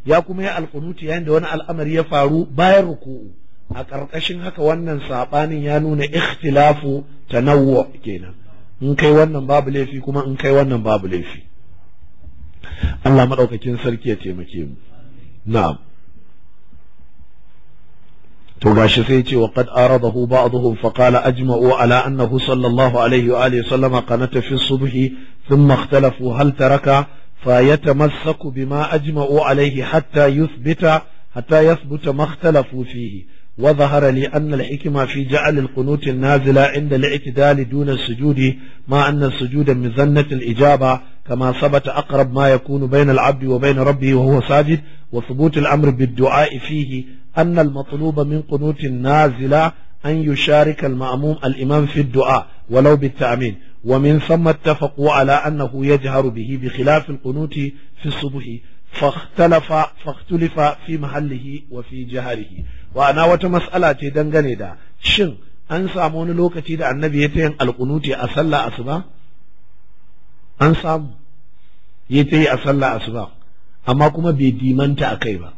ya kuma yi alkunuti yayin da wani al'amari ya faru bayan ruku'u a ƙarƙashin haka wannan saɓanin ya nuna ikhtilafu tanawwu kenan in kai wannan babu laifi kuma in kai wannan babu laifi Allah maɗaukakin sarki ya taimake mu na'am to gashi sai ce wa qad aradahu ba'dhum fa qala ajma'u ala annahu sallallahu alaihi wa alihi sallama qanata fi subhi thumma ikhtalafu hal taraka فيتمسك بما أجمعوا عليه حتى يثبت حتى يثبت ما اختلفوا فيه وظهر لي أن الحكمة في جعل القنوت النازلة عند الاعتدال دون السجود ما أن السجود مزنة الإجابة كما ثبت أقرب ما يكون بين العبد وبين ربه وهو ساجد وثبوت الأمر بالدعاء فيه أن المطلوب من قنوت النازلة أن يشارك المأموم الإمام في الدعاء ولو بالتأمين ومن ثم اتفقوا على أنه يجهر به بخلاف القنوت في الصبح فاختلف فاختلف في محله وفي جهره وأنا وتمسألة دنغني دا شن an samu wani lokaci da annabi ya ta yin alƙunuti a sallah asuba an samu ya ta yi asuba amma kuma bai dimanta a kai ba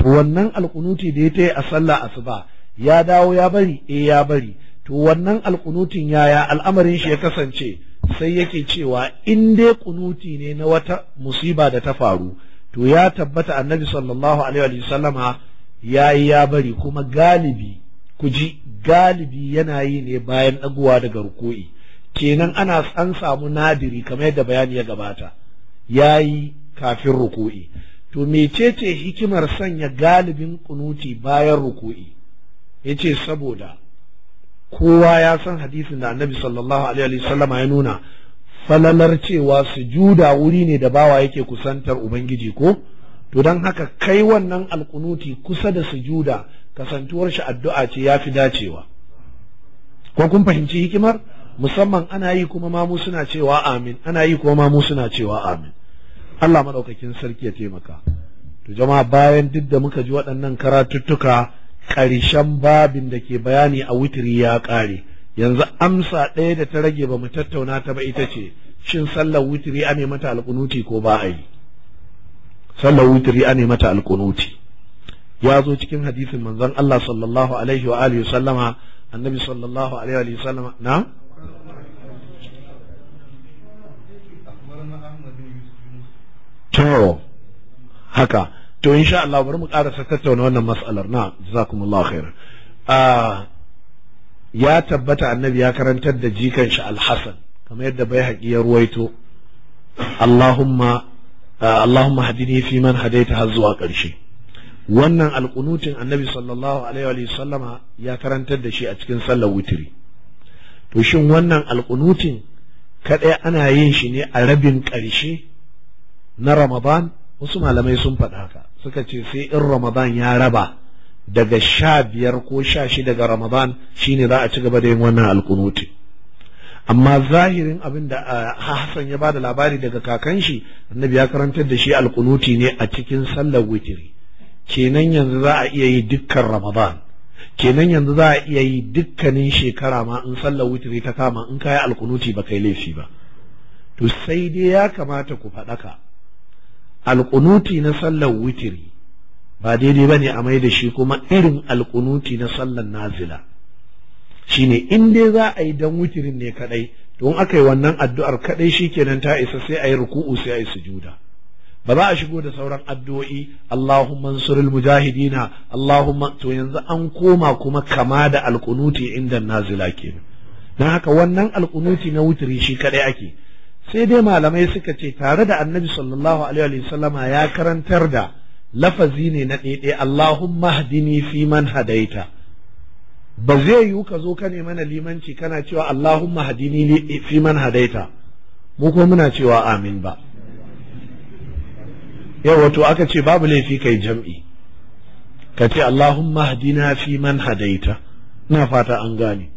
to wannan alƙunuti da ya ta a asuba ya dawo ya bari eh ya bari to wannan alkunutin yaya al'amarin shi ya kasance sai yake cewa in dai kunuti ne na wata musiba da ta faru to ya tabbata annabi sallallahu alaihi wa ya yi ya bari kuma galibi ku galibi yana yi ne bayan ɗaguwa daga ruku'i kenan ana an samu nadiri kamar yadda bayani ya gabata ya yi kafin ruku'i to mecece hikimar sanya galibin kunuti bayan ruku'i yace saboda kowa ya san hadisin da annabi sallallahu alaihi wasallam ya nuna falalar cewa sujuda wuri ne da bawa yake kusantar ubangiji ko to don haka kai wannan alkunuti kusa da sujuda kasantuwar shi addu'a ce ya fi dacewa ko kun fahimci hikimar musamman ana yi kuma mamu suna cewa amin ana yi kuma mamu suna cewa amin Allah madaukakin sarki ya taimaka to jama'a bayan duk da muka ji waɗannan karatuttuka ƙarshen babin da ke bayani a witiri ya ƙare yanzu amsa ɗaya da ta rage ba mu tattauna ta ba ita ce shin sallar witiri ane mata alƙunuti ko ba a yi sallar witiri ane mata alƙunuti ya zo cikin hadisin manzon Allah sallallahu alaihi wa alihi sallama annabi sallallahu alaihi wa sallama na to haka to insha Allah bari mu karasa tattauna wannan mas'alar na jazakumullahu khairan ah, ya tabbata annabi ya karantar da jikan shi alhassan kamar yadda bai haƙi ya ruwaito Allahumma ah, Allahumma hadini fi man hadaita har zuwa ƙarshe wannan alƙunutin annabi sallallahu alaihi wa sallama ya karantar da shi a cikin sallar witiri to shin wannan alƙunutin kaɗai ana yin shi ne a rabin ƙarshe na ramadan wasu malamai sun faɗa haka suka ce sai in ramadan ya raba daga sha biyar ko sha shida ga ramadan shine za a ci gaba da yin wannan alkunuti amma zahirin abin da ah, hassan ya ba da labari daga kakan shi annabi ya karantar da shi alkunuti ne a cikin sallar witiri kenan yanzu za a iya yi dukkan ramadan kenan yanzu za a iya yi dukkanin shekara ma in sallar witiri ta kama in kayi alkunuti ba kai laifi ba to sai dai ya kamata ku faɗaka Alkunuti na sallar witiri ba daidai ba ne a mai da shi kuma irin alkunuti na sallar nazila shine in dai za a yi dan witirin ne kadai to in aka yi wannan addu'ar kadai shikenan ta isa sai a yi ruku'u sai a yi sujuda ba za a shigo da sauran addu'o'i Allahumma ansuril mujahidina Allahumma to yanzu an koma kuma kama da alkunuti inda nazila kenan dan haka wannan alkunuti na wutiri shi kadai ake sai dai malamai suka ce tare da annabi sallallahu alaihi wasallama ya karantar da lafazi ne na ɗaiɗai Allahumma hadini fi man hadaita ba zai yiwu ka zo ka mana limanci kana cewa Allahumma hadini fi man hadaita mu ko muna cewa amin ba yau wato aka ce babu laifi kai jam'i ka ce Allahumma hadina fi man hadaita Ina fata an gane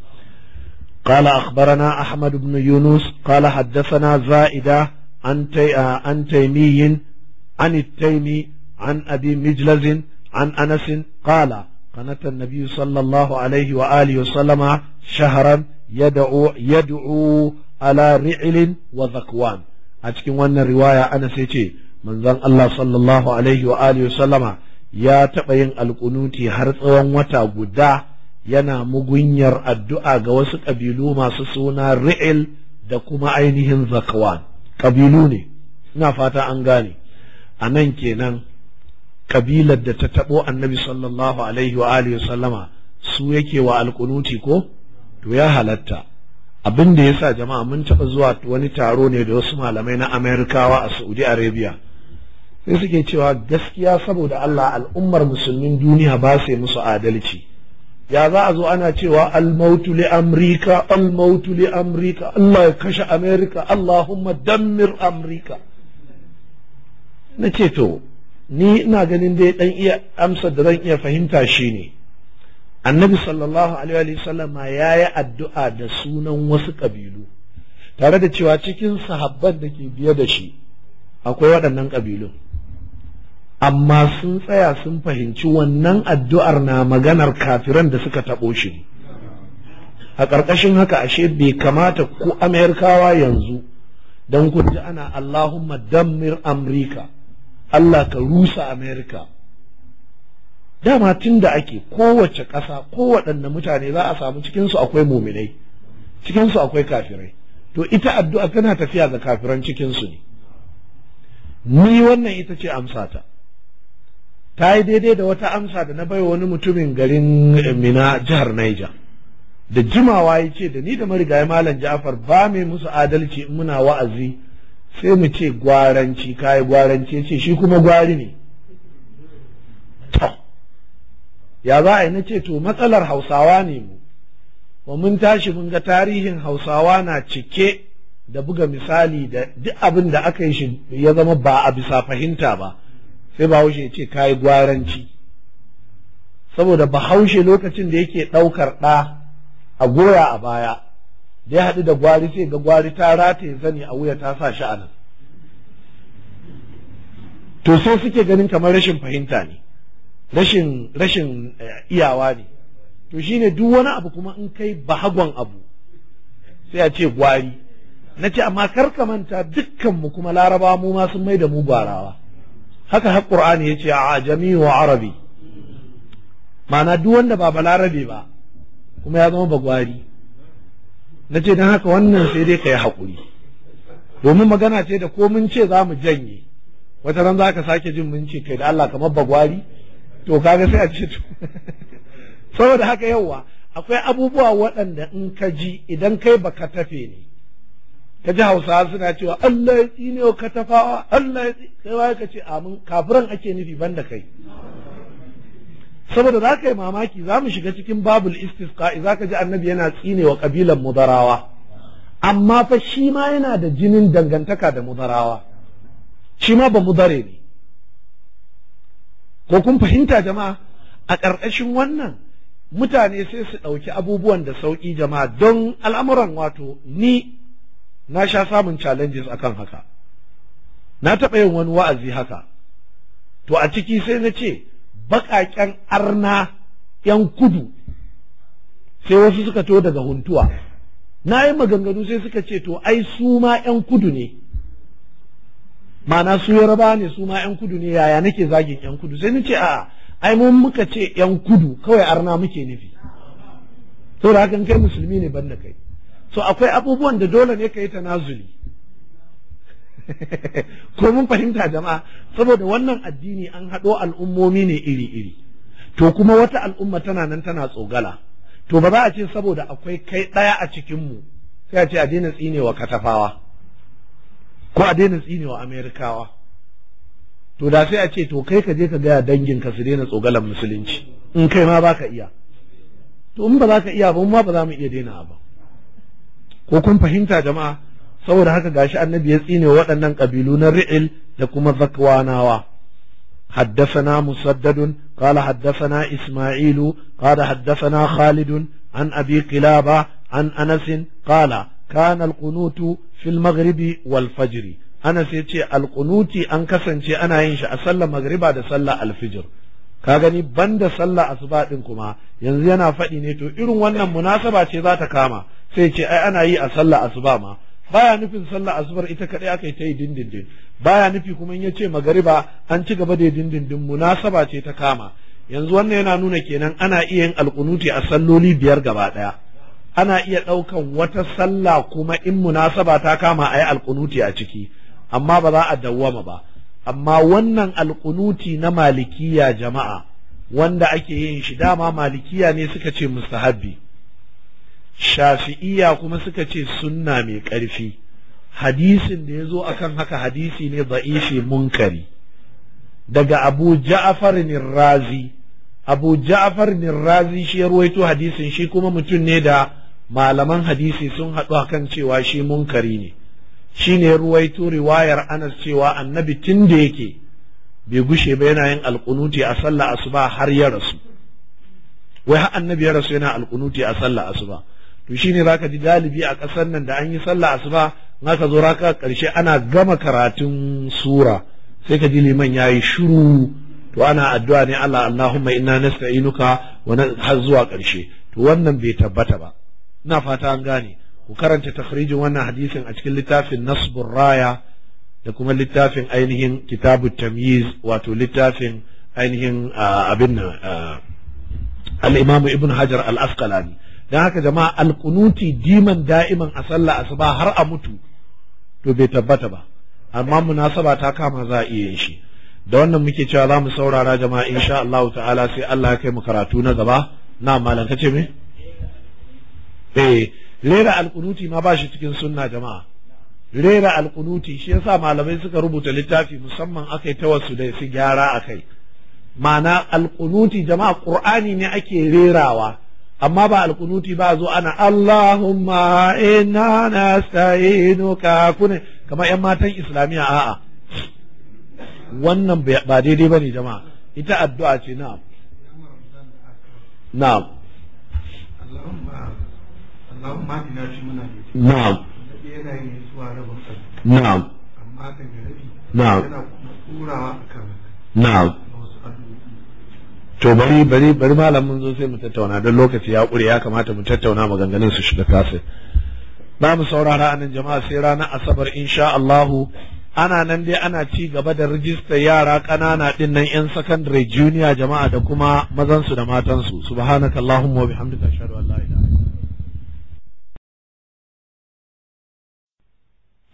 قال أخبرنا أحمد بن يونس قال حدثنا زائدة عن, تي... عن تيمي عن التيمي عن أبي مجلز عن أنس قال قنت النبي صلى الله عليه وآله وسلم شهرا يدعو يدعو على رعل وذكوان أتكي وانا رواية أنا سيتي من ذن الله صلى الله عليه وآله وسلم يا تبين القنوتي هرت وتا قدا yana mugunyar addu'a ga wasu ƙabilu masu suna ri'il da kuma ainihin zakwan ƙabilu ne ina fata an gane a nan kenan ƙabilar da ta taɓo annabi sallallahu alaihi wa alihi sallama su yake wa alƙunuti ko to ya halatta abin da yasa jama'a mun taɓa zuwa wani taro ne da wasu malamai na amerikawa a saudi arabia sai suke cewa gaskiya saboda allah al'ummar musulmin duniya ba sai musu adalci ya za a zo ana cewa almautu li amrika almautu li amrika Allah ya kashe amerika Allahumma dammir amrika na ce to ni ina ganin dai dan iya amsa da zan iya fahimta shine annabi sallallahu alaihi wasallam ya yi addu'a da sunan wasu kabilu tare da cewa cikin sahabban da ke biye da shi akwai waɗannan kabilun amma sun tsaya sun fahimci wannan addu'ar na maganar kafiran da suka taɓo shi a ƙarƙashin haka ashe bai kamata ku amerikawa yanzu don kun ji ana allahumma dammir amurka allah ka rusa amerika dama tun da ake kowace ƙasa kowaɗanne mutane za a samu cikinsu akwai muminai cikinsu akwai kafirai to ita addu'a tana tafiya ga kafiran cikinsu ne ni wannan ita ce amsata ta yi daidai da wata amsa da na bai wani mutumin garin eh, mina jihar Naija da jimawa ya ce da ni da marigayi malam Ja'far ba mai musu adalci in muna wa'azi sai mu ce gwaranci kayi gwaranci ya ce shi kuma gwari ne ya za a yi na ce to matsalar hausawa ne mu Ba mun tashi mun ga tarihin hausawa na cike da buga misali da duk abin da aka yi shi ya zama ba a bisa fahimta ba sai bahaushe ya ce yi gwaranci saboda bahaushe lokacin da yake ɗaukar ɗa a goya a baya da ya haɗu da gwari sai ga gwari ta rataye zani a wuya ta sa shi a nan to sai suke ganin kamar rashin fahimta ne rashin rashin eh, iyawa ne to shine duk wani abu kuma in kai bahagon abu sai a ce gwari na ce amma kar ka manta dukkanmu kuma larabawa mu ma sun mai da mu gwarawa haka har ya ce a ajami wa arabi ma'ana duk wanda ba balarabe ba kuma ya zama bagwari na ce don haka wannan sai dai ka yi haƙuri domin magana ce da ko mun ce za mu janye wata ran za ka sake jin mun ce kai da Allah kamar bagwari to kaga sai a ce to saboda haka yawa akwai abubuwa waɗanda in ka ji idan kai baka tafe ne ka ji hausawa suna cewa Allah ya tsine wa katafawa Allah ya kai waye ka ce amin kafiran ake nufi ban da kai saboda za ka yi mamaki za mu shiga cikin babul istisqa za ka ji annabi yana tsine wa kabilan mudarawa amma fa shi ma yana da jinin dangantaka da mudarawa shi ma ba mudare ne ko kun fahimta jama'a a ƙarƙashin wannan mutane sai su ɗauki abubuwan da sauƙi jama'a don al'amuran wato ni na sha samun challenges akan haka na taɓa yin wani wa'azi haka to a ciki sai na ce baƙaƙen arna 'yan kudu sai wasu suka to daga huntuwa na yi maganganu sai suka ce to ai su ma 'yan kudu ne ma'ana su yarba ne su ma 'yan kudu ne yaya nake zagin 'yan kudu sai ce a ai mun muka ce 'yan kudu kawai arna muke nufi saboda hakan kai musulmi ne ban da kai so akwai abubuwan da dole ne ka yi ta nazuli? ko mun fahimta jama'a saboda wannan addini an haɗo al'ummomi ne iri-iri to kuma wata al'umma tana nan tana tsogala to ba za a ce saboda akwai kai ɗaya a cikinmu sai a ce a daina tsinewa katafawa ko a daina tsinewa amerikawa to da sai a ce to kai ka je ka gaya danginka su daina tsogalan musulunci in kai ma ba ka iya to in ba za ka iya ba ma ba za mu iya daina ba ko kun fahimta jama'a saboda haka gashi annabi ya tsine waɗannan ƙabilu na ri'il da kuma zakwanawa حدثنا مسدد قال حدثنا إسماعيل قال حدثنا خالد عن أبي قلابة عن أنس قال كان القنوت في المغرب والفجر أنس يتي القنوت أنكسن أنا ينشأ أصلى مغرب هذا صلى الفجر ka gani banda sallah asuba din kuma yanzu yana faɗi ne to irin wannan munasaba ce za ta kama sai ce ai ana yi a sallah asuba ma baya nufin sallah asubar ita kadai aka yi ta yi dindindin baya nufi kuma in ya ce magariba an ci gaba da dindindin munasaba ce ta kama yanzu wannan yana nuna kenan ana iya yin alkunuti a salloli biyar gaba ɗaya. ana iya ɗaukan wata sallah kuma in munasaba ta kama a yi alkunuti a ciki amma ba za a dawwama ba amma wannan alkunuti na malikiya jama'a wanda ake yin shi dama malikiya ne suka ce mustahabbi shafi'iya kuma suka ce sunna mai ƙarfi hadisin da ya zo a kan haka hadisi ne za'ishi munkari daga abu ja'afar razi abu ja'afar razi shi ya ruwaito hadisin shi kuma mutum ne da malaman hadisi sun haɗu a kan cewa shi munkari ne shi ne ruwaito riwayar anas cewa annabi tun da yake bai gushe ba yana yin alƙunuti a sallah asuba har ya rasu wai har annabi ya rasu yana alƙunuti a sallah asuba to shine zaka ji galibi a ƙasar nan da an yi sallah asuba in ka zo raka ƙarshe ana gama karatun sura sai ka ji liman yayi shiru to ana addu'a ne Allah Allahumma inna nasta'inuka wa har zuwa ƙarshe to wannan bai tabbata ba ina fata an gane ku karanta takhrijin wannan hadisin a cikin littafin Nasbur Raya da kuma littafin ainihin kitabu tamyiz wato littafin ainihin ah, abin nan ah, al-Imam Ibn Hajar al-Asqalani don haka jama'a alkunuti diman da'iman a sallah asuba har a mutu to bai tabbata ba amma munasaba ta kama za a iya yin shi da wannan muke cewa za mu saurara jama'a insha Allah ta'ala sai Allah ya kai mu karatu na gaba na malam kace me eh rera alkunuti ma ba shi cikin sunna jama'a rera alkunuti shi yasa malamai suka rubuta littafi musamman akai wasu da su gyara akai ma'ana alkunuti jama'a qur'ani ne ake rerawa amma ba alkunuti ba zo ana Allahumma inna nasta'inuka kune kamar yan matan islamiya a'a wannan ba daidai ba ne jama'a ita addu'a ce na na'am na'am na'am na'am na'am to bari bari bari malam mun zo sai mu tattauna don lokaci ya ƙure ya kamata mu tattauna maganganun su shiga kasa ba mu saurara anan jama'a sai ranar asabar insha Allahu ana nan dai ana ci gaba da rijista yara ƙanana din nan 'yan sakandare junior jama'a da kuma mazansu da matansu subhanakallahumma wa bihamdika ashhadu an la ilaha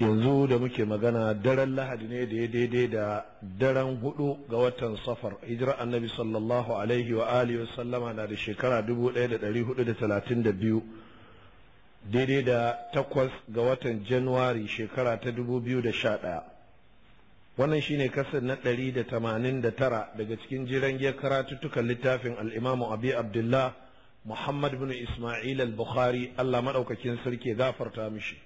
yanzu da muke magana daren lahadi ne da ya daidai da daren hudu ga watan safar hijira annabi sallallahu alaihi wa alihi wa sallama na da shekara 1432 daidai da takwas ga watan januwari shekara ta 2011 wannan shine kasar na 189 daga cikin jiran ya karatuttukan littafin al'imamu abi abdullah muhammad bin ismail al-bukhari allah maɗaukakin sarki gafarta mishi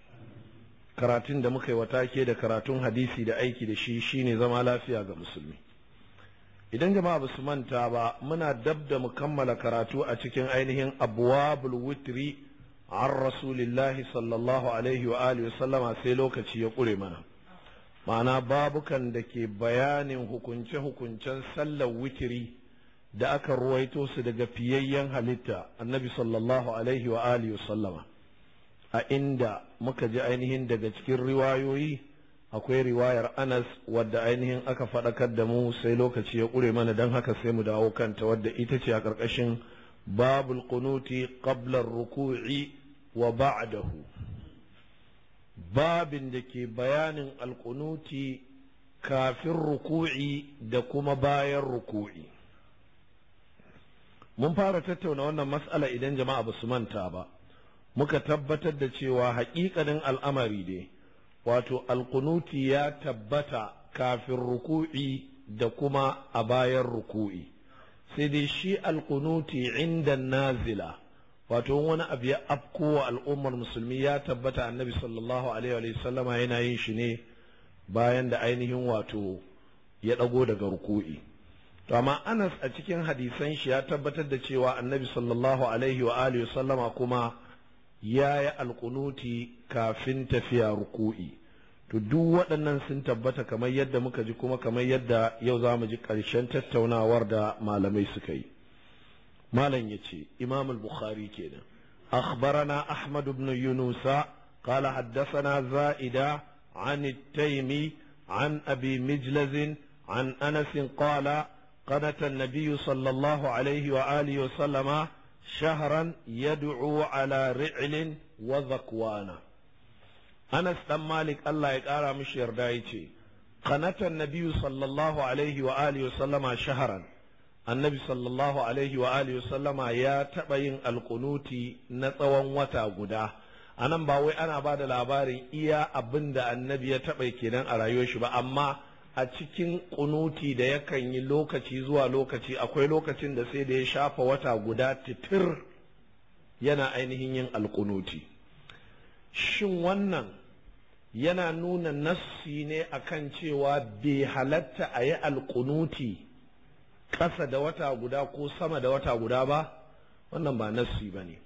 karatun da muka yi watake da karatun hadisi da aiki da shi shine zama lafiya ga musulmi idan jama'a ba su manta ba muna dab da mu kammala karatu a cikin ainihin abwabul witri an rasulillahi sallallahu alaihi wa alihi sallama sai lokaci ya kure mana ma'ana babukan da ke bayanin hukunce-hukuncen sallar witiri da aka ruwaito su daga fiyayyen halitta annabi sallallahu alaihi wa alihi sallama a inda muka ji ainihin daga cikin riwayoyi akwai riwayar anas wadda ainihin aka faɗakar da mu sai lokaci ya ƙure mana don haka sai mu dawo kanta wadda ita ce a ƙarƙashin babul ƙunuti qablar ruku'i wa ba'dahu babin da ke bayanin alkunuti kafin ruku'i da kuma bayan ruku'i mun fara tattauna wannan mas'ala idan jama'a ba su manta ba muka tabbatar da cewa haƙiƙanin al'amari ne wato alkunuti ya tabbata kafin ruku'i da kuma a bayan ruku'i sai dai shi alkunuti inda nazila wato wani abu ya wa al'ummar musulmi ya tabbata annabi sallallahu alaihi wa sallama yana yin shi ne bayan da ainihin wato ya ɗago daga ruku'i to amma anas a cikin hadisan shi ya tabbatar da cewa annabi sallallahu alaihi wa alihi sallama kuma ya yi alƙunuti kafin tafiya ruku'i to duk waɗannan sun tabbata kamar yadda muka ji kuma kamar yadda yau za mu ji ƙarshen tattaunawar da malamai suka yi malam ya ce imam bukhari kenan akhbarana ahmad ibn yunusa قال حدثنا za'ida عن An عن An Anasin عن أنس قال قنت النبي صلى الله عليه وآله وسلم shahran yad'u ala ri'lin wa zakwana Anas ɗan Malik Allah ya ƙara mishi yarda yace qanatan nabiyyu sallallahu alaihi wa alihi wa sallama shahran annabi sallallahu alaihi wa alihi sallama ya taɓa yin alkunuti na tsawon wata guda a nan ba wai ana ba da labarin iya abinda annabi ya taɓa kenan a rayuwar shi ba amma a cikin kunuti da yakan yi lokaci zuwa lokaci akwai lokacin da sai da ya shafa wata guda titir yana ainihin yin alkunuti shin wannan yana nuna nassi ne akan cewa bai halatta a yi alkunuti ƙasa da wata guda ko sama da wata guda ba wannan ba nassi ba ne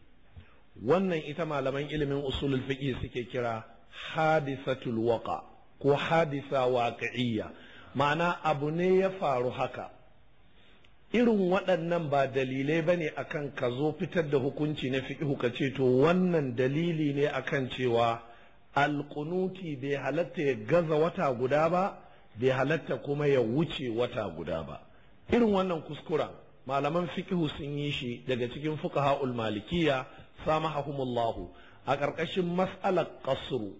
wannan ita malaman ilimin usulul fiƙi suke kira hadisatul waqa ko hadisa waƙi'iyya ma'ana abu ne ya faru haka irin waɗannan ba dalilai ba ne akan ka zo fitar da hukunci na fiƙihu ka ce to wannan dalili ne akan cewa alƙunuti bai halatta ya gaza wata guda ba bai halatta kuma ya wuce wata guda ba irin wannan kuskuren malaman fiƙihu sun yi shi daga cikin fuqaha'ul malikiya samahahumullahu a ƙarƙashin mas'alar ƙasuru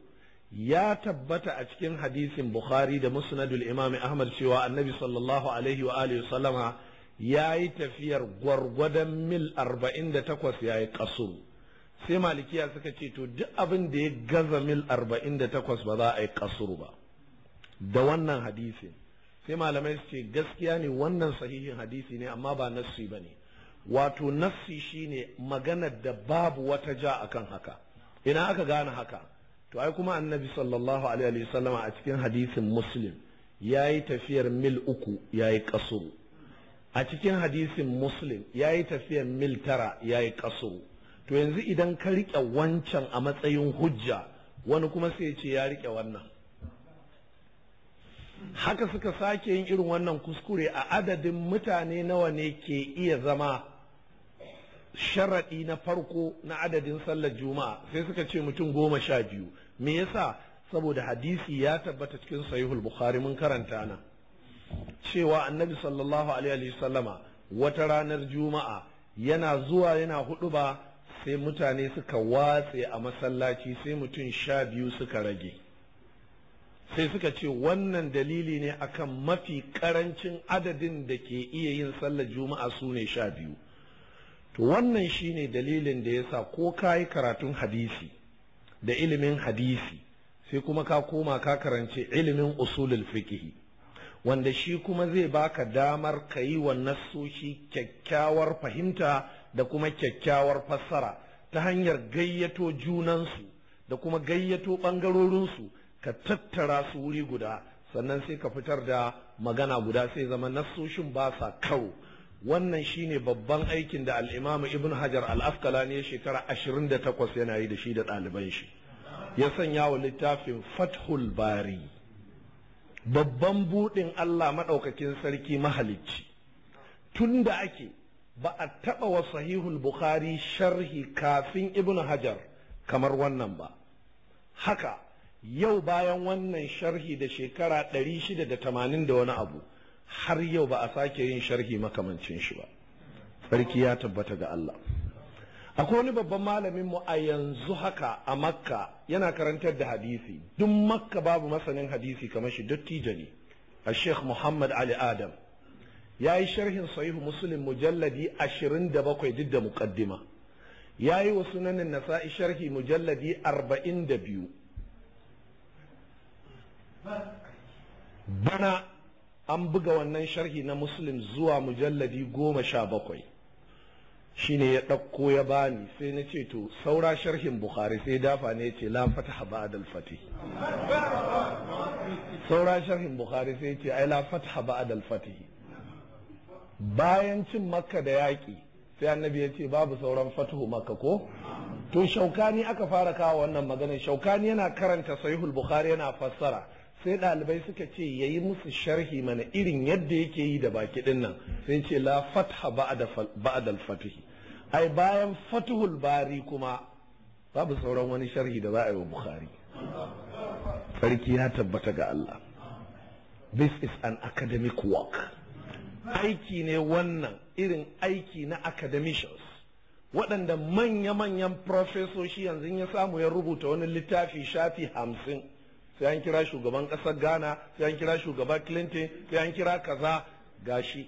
ya tabbata a cikin hadisin bukhari da musnadul imam ahmad cewa annabi sallallahu alaihi wa alihi sallama ya yi tafiyar gwargwadon mil arba'in da takwas ya yi kasuru sai malikiya suka ce to duk abin da ya gaza mil arba'in da takwas ba za a yi kasuru ba da wannan hadisin sai malamai su ce gaskiya ne wannan sahihin hadisi ne amma ba nassi ba ne wato nassi shine maganar da babu wata ja akan haka ina aka gane haka to ai kuma annabi sallallahu alaihi wasallam a cikin hadisin muslim yayi tafiyar mil uku yayi kasuru a cikin hadisin muslim yayi tafiyar mil tara yayi kasuru to yanzu idan ka rike wancan a matsayin hujja wani kuma sai ya ce ya rike wannan haka suka sake yin irin wannan kuskure a adadin mutane nawa ne ke iya zama sharaɗi na farko na adadin sallar juma'a sai suka ce mutum goma sha biyu me yasa saboda hadisi ya tabbata cikin sahihul bukhari mun karanta na cewa annabi sallallahu alaihi sallama wata ranar juma'a yana zuwa yana hudu ba sai mutane suka watse a masallaci sai mutum sha biyu suka rage sai suka ce wannan dalili ne akan mafi karancin adadin da ke iya yin sallar juma'a su ne sha biyu to wannan shine dalilin da ya sa ko ka yi karatun hadisi da ilimin hadisi sai kuma ka koma ka karance ilimin usulul fikihi, wanda shi kuma zai baka damar ka yi wa nassoshi kyakkyawar fahimta da kuma kyakkyawar fassara ta hanyar gayyato junansu da kuma gayyato ɓangarorinsu ka tattara su wuri guda sannan sai ka fitar da magana guda sai zama nassoshin ba sa karo wannan shine babban aikin da al'imamu ibn hajar al-afqalani ya shekara 28 yana yi da shi da ɗaliban shi ya sanya wa littafin fathul bari babban buɗin allah maɗaukakin sarki mahalicci tun da ake ba a taɓa wa sahihul bukhari sharhi kafin ibn hajar kamar wannan ba haka yau bayan wannan sharhi da shekara 680 da wani abu har yau ba a sake yin sharhi makamancin shi ba sarki ya tabbata ga Allah akwai wani babban malamin mu a yanzu haka a makka yana karantar da hadisi duk makka babu masanin hadisi kamar shi dattijo ne a sheikh muhammad ali adam ya yi sharhin sahihu muslim mujalladi 27 duk da muqaddima ya yi wa sunanin nasa'i sharhi mujalladi 42 bana an buga wannan sharhi na muslim zuwa mujalladi goma sha bakwai Shi ne ya ɗauko ya bani sai na ce to saura sharhin bukhari sai dafa ne ce Lafata fataha ba'dal Fati, saura sharhin bukhari sai ya ce ai Lafata fataha ba'dal Fati, bayan cin makka da yaƙi sai annabi ya ce babu sauran fatuhu Makka ko to shaukani aka fara kawo wannan magana shaukani yana karanta sahihul bukhari yana fassara sai ɗalibai suka ce ya yi musu sharhi mana irin yadda yake yi da baki ɗin nan sai ce la fatha ba'dal fatihi ai bayan fatuhul bari kuma babu sauran wani sharhi da za a yi wa bukhari sarki ya tabbata ga Allah this is an academic work aiki ne wannan irin aiki na academicians waɗanda manya-manyan profesoshi yanzu ya samu ya rubuta wani littafi shafi hamsin sai an kira shugaban ƙasar ghana sai an kira shugaban clinton sai an kira kaza gashi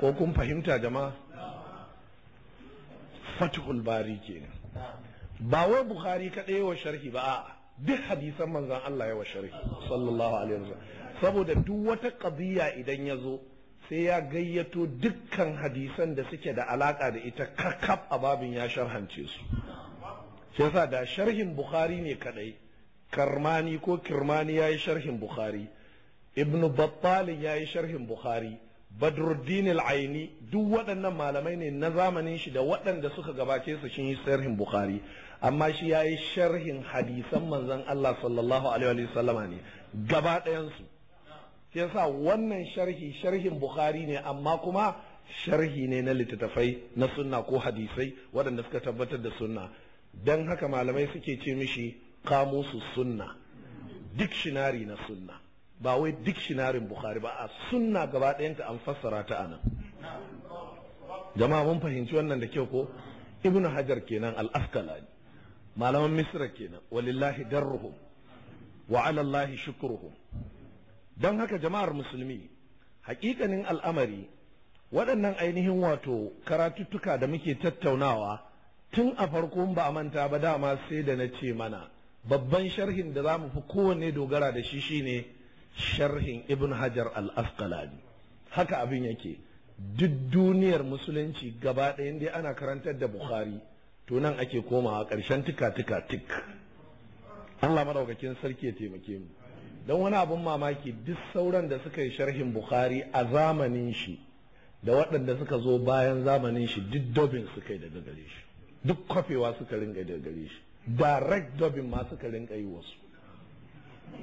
ko kun fahimta jama'a fatihul bari kenan ba wai bukhari kaɗai wa sharhi ba a'a duk hadisan manzan Allah ya sharhi sallallahu alaihi wasallam saboda duk wata ƙabiya idan ya zo sai ya gayyato dukkan hadisan da suke da alaka da ita kakaf a babin ya sharhance su shi yasa da sharhin bukhari ne kaɗai karmani ko kirmani ya yi sharhin bukhari ibnu battalin ya yi sharhin bukhari badruddin al duk waɗannan malamai ne na zamanin shi da waɗanda suka gabace su shi sharhin bukhari amma shi ya yi sharhin hadisan manzon Allah sallallahu alaihi sallama ne gaba ɗayansu sai wannan sharhi sharhin bukhari ne amma kuma sharhi ne na littattafai na sunna ko hadisai waɗanda suka tabbatar da sunna don haka malamai suke ce mishi kamo su sunna dictionary na sunna ba wai dictionary bukhari ba a sunna gaba ɗayanta an fassara ta anan jama'a mun fahimci wannan da kyau ko ibnu hajar kenan al-asqalani malaman misra kenan walillahi darruhum wa ala allahi shukruhum don haka jama'ar musulmi hakikanin al'amari waɗannan ainihin wato karatuttuka da muke tattaunawa tun a farkon ba a manta ba dama sai da na ce mana babban sharhin da za mu fi kowanne dogara da shi shine sharhin ibn hajar al-asqalani haka abin yake duk duniyar musulunci gaba ɗayan dai ana karantar da bukhari to nan ake komawa ƙarshen tuka tuka tik Allah madaukakin sarki ya taimake mu don wani abin mamaki duk sauran da suka yi sharhin bukhari a zamanin shi da waɗanda suka zo bayan zamanin shi duk dobin suka yi daga gare shi duk kwafewa suka ringa daga gare shi direct dubbing masu suka wasu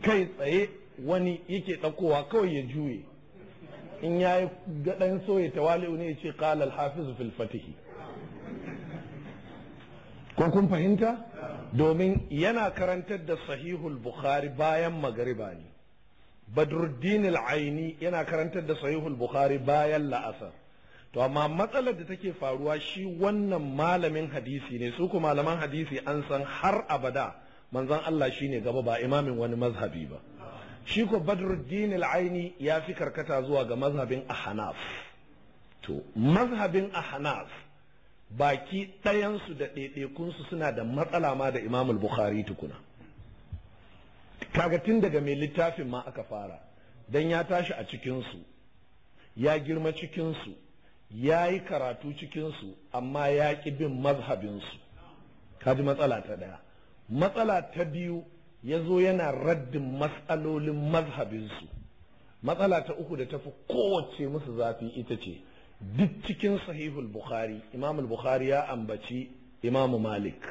kai tsaye wani yake ɗaukowa kawai ya juye in ya yi gaɗan so ya tawali'u ne ya ce qala Hafizu fil fatihi ko kun fahimta domin yana karantar da sahihul bukhari bayan magariba ne badruddin al-aini yana karantar da sahihul bukhari bayan la'asar to amma matsalar da take faruwa shi wannan malamin hadisi ne su kuma malaman hadisi an san har abada manzon Allah shine gaba ba imamin wani mazhabi ba shi ko Badruddin al-Aini ya fi karkata zuwa ga mazhabin Ahnaf to mazhabin Ahnaf baki ɗayansu da su suna da matsala ma da Imam Bukhari tukuna kaga tun daga mai littafin ma aka fara dan ya tashi a cikinsu ya girma cikinsu ya yi karatu cikinsu amma ya ƙi bin mazhabinsu kaji matsala ta ɗaya matsala ta biyu ya zo yana raddin matsalolin mazhabinsu matsala ta uku da ta fi kowace musu zafi ita ce duk cikin sahihul bukhari imamul bukhari ya ambaci imamu malik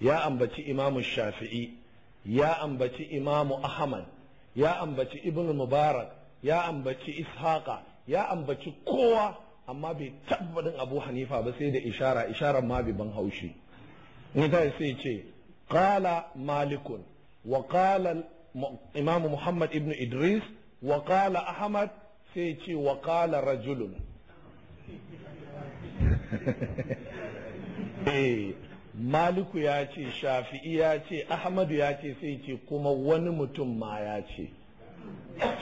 ya ambaci imamu shafi'i ya ambaci imamu ahmad ya ambaci ibn mubarak ya ambaci ishaqa ya ambaci kowa amma bai tabbatin abu hanifa ba sai da ishara isharar ma bai ban haushi ne ta sai ce kala malikun wa kala imam muhammad ibn idris wa kala ahmad sai ce wa kala rajulun eh maliku ya ce shafi'i ya ce ahmadu ya ce sai ce kuma wani mutum ma ya ce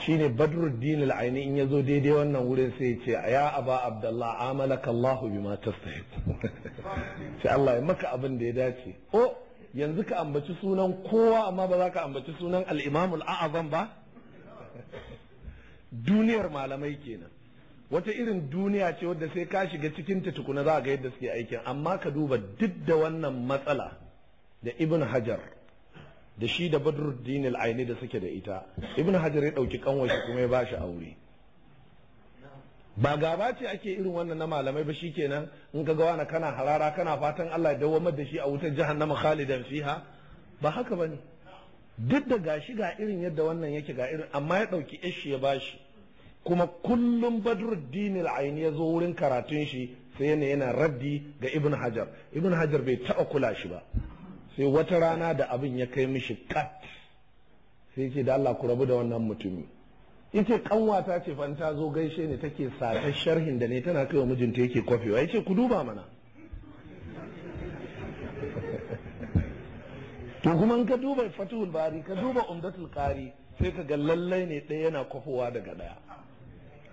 shine badruddin al'aini in in yazo daidai wannan wurin sai ya ce ya aba abdullah amalaka allah bima tastahib sai allah ya maka abin da ya dace oh yanzu ka ambaci sunan kowa amma ba za ka ambaci sunan Al'imamul imam al ba duniyar malamai kenan wata irin duniya ce wadda sai ka shiga cikin ta tukuna za ga yadda suke aikin amma ka duba duk da wannan matsala da ibn hajar da shi da badruddin al-aini da suke da ita ibnu hajar ya dauki kanwashi kuma ya bashi aure ba gaba ce ake irin wannan na malamai ba shikenan in ka ga wani kana harara kana fatan Allah ya dawwamar da shi a wutar jahannama khalidan fiha ba haka bane duk da gashi ga irin yadda wannan yake ga irin amma ya dauki ishi ya bashi kuma kullum badruddin al-aini ya zo wurin karatun shi sai yana yana raddi ga ibn hajar ibn hajar bai taɓa kula shi ba sai wata rana da abin ya kai mishi kat sai ce da Allah ku rabu da wannan mutumi yace kanwata ce fanta ta zo gaishe ne take sata sharhin da ne tana kai wa mijinta yake kwafewa yace ku duba mana to kuma ka duba fatuhul bari ka duba umdatul qari sai ka ga lallai ne ɗaya yana kofowa daga ɗaya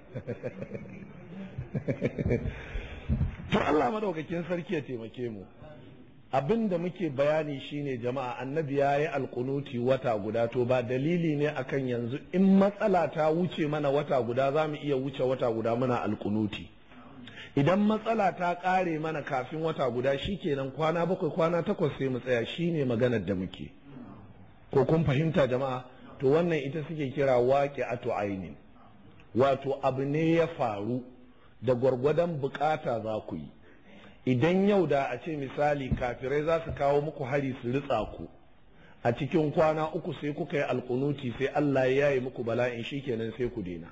to Allah madaukakin sarki ya taimake mu abin da muke bayani shine jama'a annabi ya yi alkunuti wata guda to ba dalili ne akan yanzu in matsala ta wuce mana wata guda za mu iya wuce wata guda muna alkunuti idan matsala ta ƙare mana kafin wata guda shi kenan kwana bakwai kwana takwas sai mu tsaya shine maganar da muke ko kun fahimta jama'a to wannan ita suke kira waƙe ato ainin wato abu ne ya faru da gwargwadon bukata za ku yi idan yau da a ce misali kafirai za su kawo muku hari su ritsa ku a cikin kwana uku sai kuka yi alkunuti sai Allah ya yi muku bala'in shikenan sai ku dena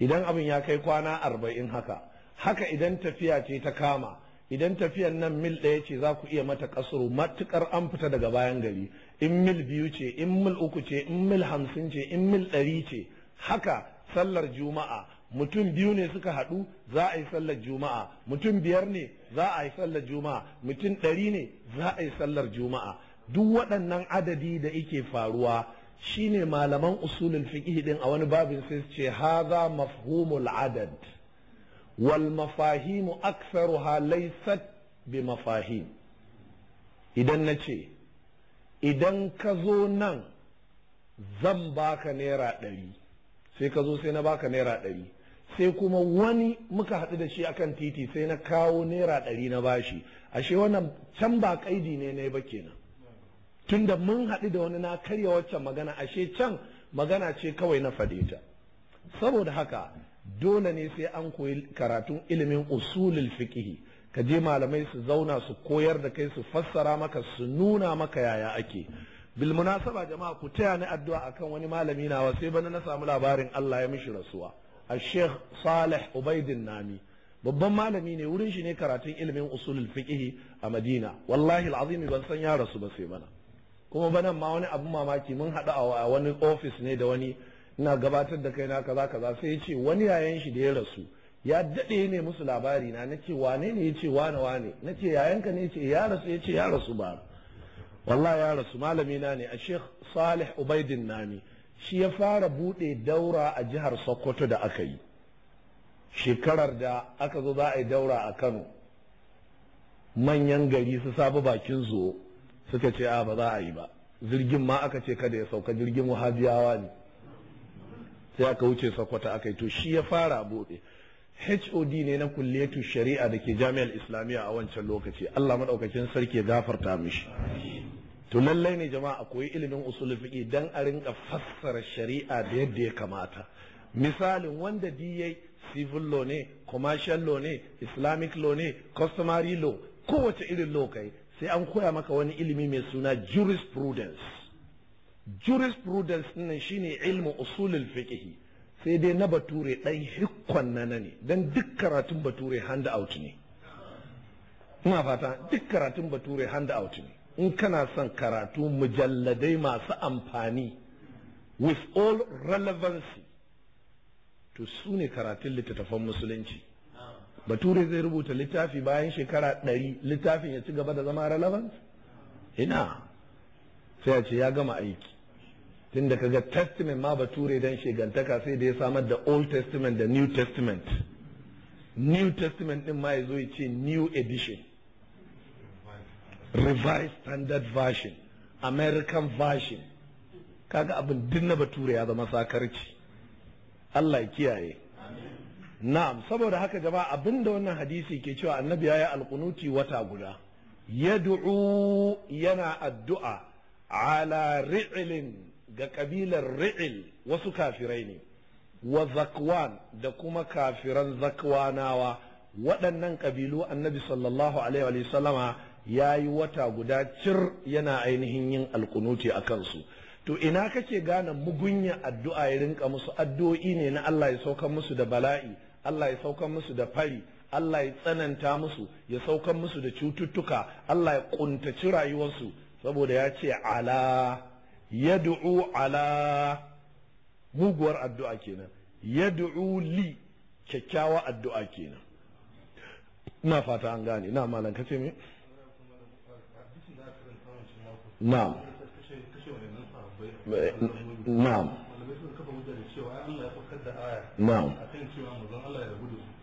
idan abin ya kai kwana arba'in haka haka idan tafiya ce ta kama idan tafiyan nan mil ɗaya ce za ku iya mata kasuru matukar an fita daga bayan gari in mil biyu ce in mil uku ce in mil hamsin ce in mil ɗari ce haka sallar juma'a mutum biyu ne suka haɗu za a yi sallar juma'a mutum biyar ne za a yi sallar juma'a mutum ɗari ne za a yi sallar juma'a duk waɗannan adadi da yake faruwa shine malaman usulin fiqh din a wani babin sai ce haza mafhumul adad wal mafahimu aktharuha laysat bi mafahim idan na ce idan ka zo nan zan baka naira ɗari sai ka zo sai na baka naira ɗari sai kuma wani muka haɗu da shi akan titi sai na kawo naira ɗari na bashi ashe wannan can ba kaidi ne na ba kenan tunda mun haɗu da wani na karya waccan magana ashe can magana ce kawai na faɗe ta saboda haka dole ne sai an koyi karatun ilimin usulul fiqhi ka je malamai su zauna su koyar da kai su fassara maka su nuna maka yaya ake bil munasaba jama'a ku taya ni addu'a akan wani malami nawa sai bana na samu labarin Allah ya mishi rasuwa a sheikh salih ubaidin nami babban malami ne wurin shi ne karatun ilimin usulul fiqh a madina wallahi alazim ban san ya rasu ba sai mana. kuma banan ma wani abin mamaki mun haɗu a wani ofis ne da wani ina gabatar da kaina kaza kaza sai ya ce wani yayan shi da ya rasu ya daɗe ne musu labari na na ce wane ne ya ce wane wane na ce yayanka ne ya ce ya rasu ya rasu ba wallahi ya rasu malami na ne a sheikh salih ubaidin nami shi ya fara buɗe daura a jihar sokoto da aka yi shekarar da aka zo za a yi daura a kano manyan gari su sabu bakin zo suka ce a ba za a yi ba jirgin ma aka ce kada ya sauka jirgin wahabiyawa ne sai aka wuce sokoto aka yi to shi ya fara buɗe HOD ne na kulletu shari'a da ke jami'ar islamiyya a wancan lokaci Allah maɗaukakin sarki ya gafarta mishi to lallai ne jama'a a koyi ilimin usulul fiqi dan a rinka fassara shari'a da yadda ya kamata misalin wanda da civil law ne commercial law ne islamic law ne customary law kowace irin law kai sai an koya maka wani ilimi mai suna jurisprudence jurisprudence nan shine ilmu usulul fiqi sai dai na bature ɗan hikkon na ne don duk karatun bature hand out ne ina fata duk karatun bature hand out ne in kana son karatu mujalladai masu amfani with all relevancy to su karatun littattafan musulunci bature zai rubuta littafi bayan shekara ɗari littafin ya ci gaba da zama relevant ina sai ce ya gama aiki tun da kaga testament ma bature don shegantaka sai da ya samar da old testament da new testament new testament din ma ya zo ya ce new edition revised standard version american version kaga abin duk na bature ya zama sakarci Allah ya kiyaye na'am saboda haka jama'a abinda wannan hadisi ke cewa annabi ya yi wata guda yad'u yana addu'a ala ri'ilin ga kabilar ri'il wasu kafirai ne wa zakwan da kuma kafiran zakwanawa waɗannan ƙabilu annabi sallallahu alaihi wa sallama ya yi wata guda cir yana ainihin yin alkunuti a kansu to ina kake gane mugunya addu'a ya rinka musu addu'o'i ne na Allah ya saukan musu da bala'i Allah ya saukan musu da fari Allah ya tsananta musu ya saukan musu da cututtuka Allah ya kuntaci rayuwarsu saboda ya ce ala yad'u ala muguwar addu'a kenan yad'u li kyakkyawa addu'a kenan ina fata an gane ina malan ce me na'am na'am na'am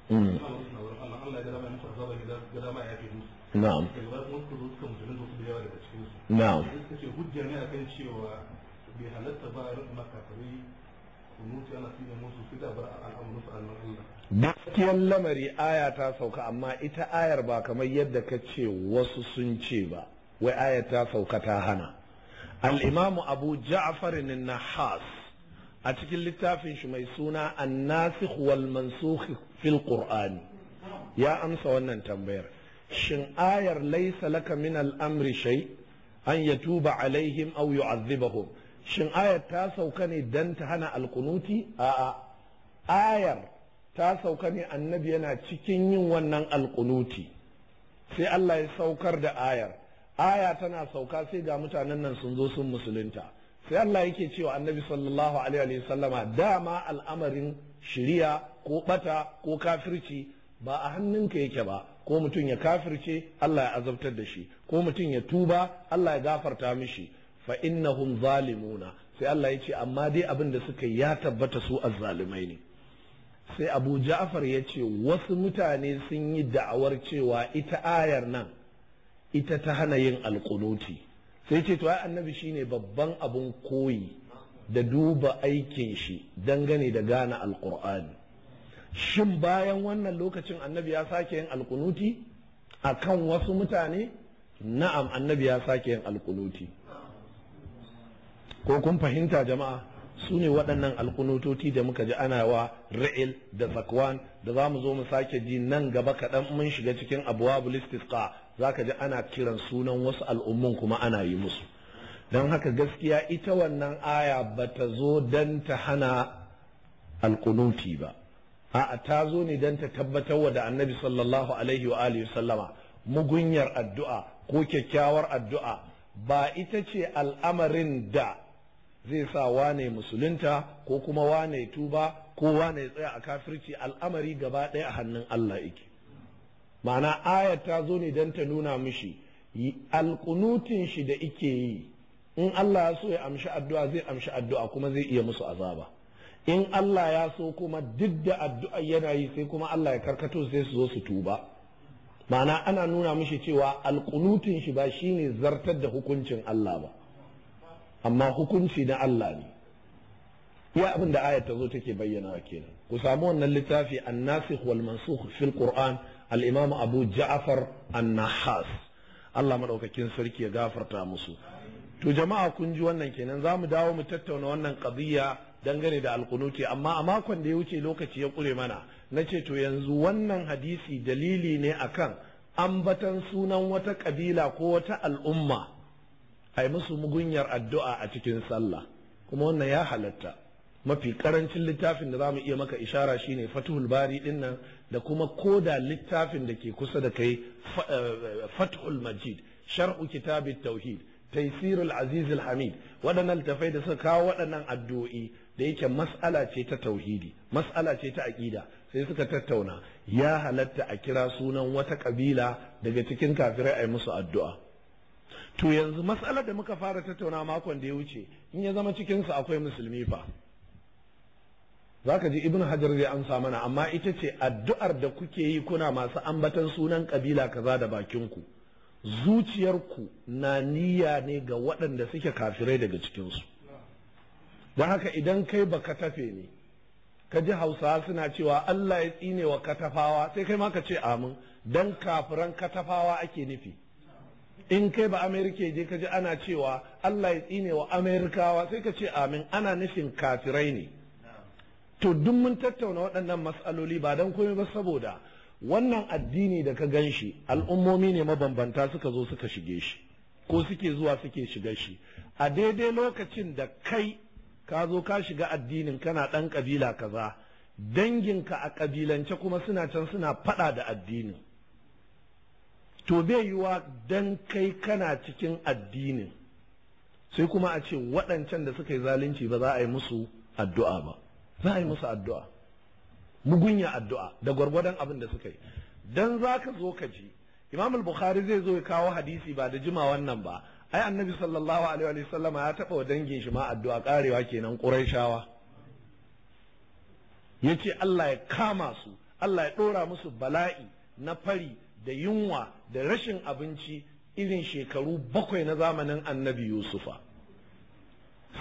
mm. na'am bai gaskiyar lamari aya ta sauka amma ita ayar ba kamar yadda ka ce wasu sun ce ba wai ayar ta sauka ta hana Al'imamu abu ja'far nahas a cikin littafin shi mai suna an wal mansukh fil ya amsa wannan tambayar shin ayar laysa laka min al-amri shay an yatuba alaihim aw yu'adhibahum shin ayar ta sauka ne dan ta hana alkunuti a'a ayar ta sauka ne annabi yana cikin yin wannan alkunuti sai Allah ya saukar da ayar aya tana sauka sai ga mutanen nan sun zo sun musulunta sai Allah yake cewa annabi sallallahu alaihi wa sallama dama al'amarin shiriya ko bata ko kafirci ba a hannunka yake ba ko mutum ya kafirce Allah ya azabtar da shi ko mutum ya tuba Allah ya gafarta mishi fa innahum zalimuna sai Allah ya ce amma dai abin da suka ya tabbata su azzalimai ne sai Abu Ja'far ya ce wasu mutane sun yi da'awar cewa ita ayar nan ita ta hana yin alkunuti sai ce to ai annabi shine babban abun koyi da duba aikin shi dangane da gane alkur'ani shin bayan wannan lokacin annabi ya sake yin alkunuti akan wasu mutane na'am annabi ya sake yin alkunuti ko kun fahimta jama'a su ne waɗannan alkunutoti da muka ji ana wa ra'il da zakwan da za mu zo mu sake ji nan gaba kaɗan mun shiga cikin abuwa zaka ji ana kiran sunan wasu al'ummun kuma ana yi musu don haka gaskiya ita wannan aya ba ta zo don ta hana alkunuti ba a'a ta zo ne don ta tabbatar wa da annabi sallallahu alaihi wa sallama mugunyar addu'a ko kyakkyawar addu'a ba ita ce al'amarin da zai sa wane musulunta ko kuma wane tuba ko wane tsaya a kafirci al'amari gaba ɗaya a hannun Allah yake ma'ana ayat ta zo ne don ta nuna mishi alkunutin shi da ike yi in Allah ya so ya amshi addu'a zai amshi addu'a kuma zai iya musu azaba in Allah ya so kuma duk da addu'a yana yi sai kuma Allah ya karkato sai su zo su tuba ma'ana ana nuna mishi cewa alkunutin shi ba shi ne zartar da hukuncin Allah ba amma hukunci na Allah ne ya abin da ayat ta zo take bayyana kenan ku samu wannan littafi an-nasikh wal mansukh fil qur'an al-imam abu ja'far an-nahas Allah maɗaukakin sarki ya gafarta musu to jama'a kun ji wannan kenan za mu dawo mu tattauna wannan qadiyya dangane da alƙunuti amma a makon da ya wuce lokaci ya ƙure mana na ce to yanzu wannan hadisi dalili ne akan ambatan sunan wata ƙabila ko wata al'umma a yi musu mugunyar addu'a a cikin sallah kuma wannan ya halatta mafi karancin littafin da za mu iya maka ishara shine fatuhul bari din nan da kuma koda littafin da ke kusa da kai eh, eh, fatuhul majid shar'u kitabi tauhid taisirul azizul hamid waɗannan tafai da suka kawo waɗannan addu'o'i da yake mas'ala ce ta tauhidi mas'ala ce ta aƙida sai suka tattauna ya halatta a kira sunan wata kabila daga cikin kafirai a yi musu addu'a to yanzu mas'alar da muka fara tattauna makon da ya wuce in ya zama cikinsu akwai musulmi fa zaka ji ibnu hajar zai amsa mana amma ita ce addu'ar da kuke yi kuna masu ambatan sunan kabila kaza da bakinku zuciyarku na niyya ne ga waɗanda suke kafirai daga cikinsu don haka idan kai ba tafe ne ka ji hausawa suna cewa Allah ya tsine wa katafawa sai kai ma ka ce amin don kafiran katafawa ake nufi in kai ba amerika je ka ji ana cewa Allah ya tsine wa amerikawa sai ka ce amin ana nufin kafirai ne to duk mun tattauna waɗannan matsaloli ba don komai ba saboda wannan addini da ka gan shi al'ummomi ne mabambanta suka zo suka shige shi ko suke zuwa suke shiga shi a daidai lokacin da kai ka zo ka shiga addinin kana ɗan ƙabila kaza danginka a ƙabilance kuma suna can suna faɗa da addinin to bai yiwa dan kai kana cikin addinin sai kuma a ce waɗancan da suka yi zalunci ba za a yi musu addu'a ba za a yi musu addu'a mugunya addu'a da gwargwadon abin da suka yi dan za ka zo ka ji imam al-bukhari zai zo ya kawo hadisi ba da jima wannan ba ai annabi sallallahu alaihi wa sallama ya taba dangin shi ma addu'a karewa kenan quraishawa yace Allah ya kama su Allah ya dora musu bala'i na fari da yunwa da rashin abinci irin shekaru bakwai na zamanin annabi yusufa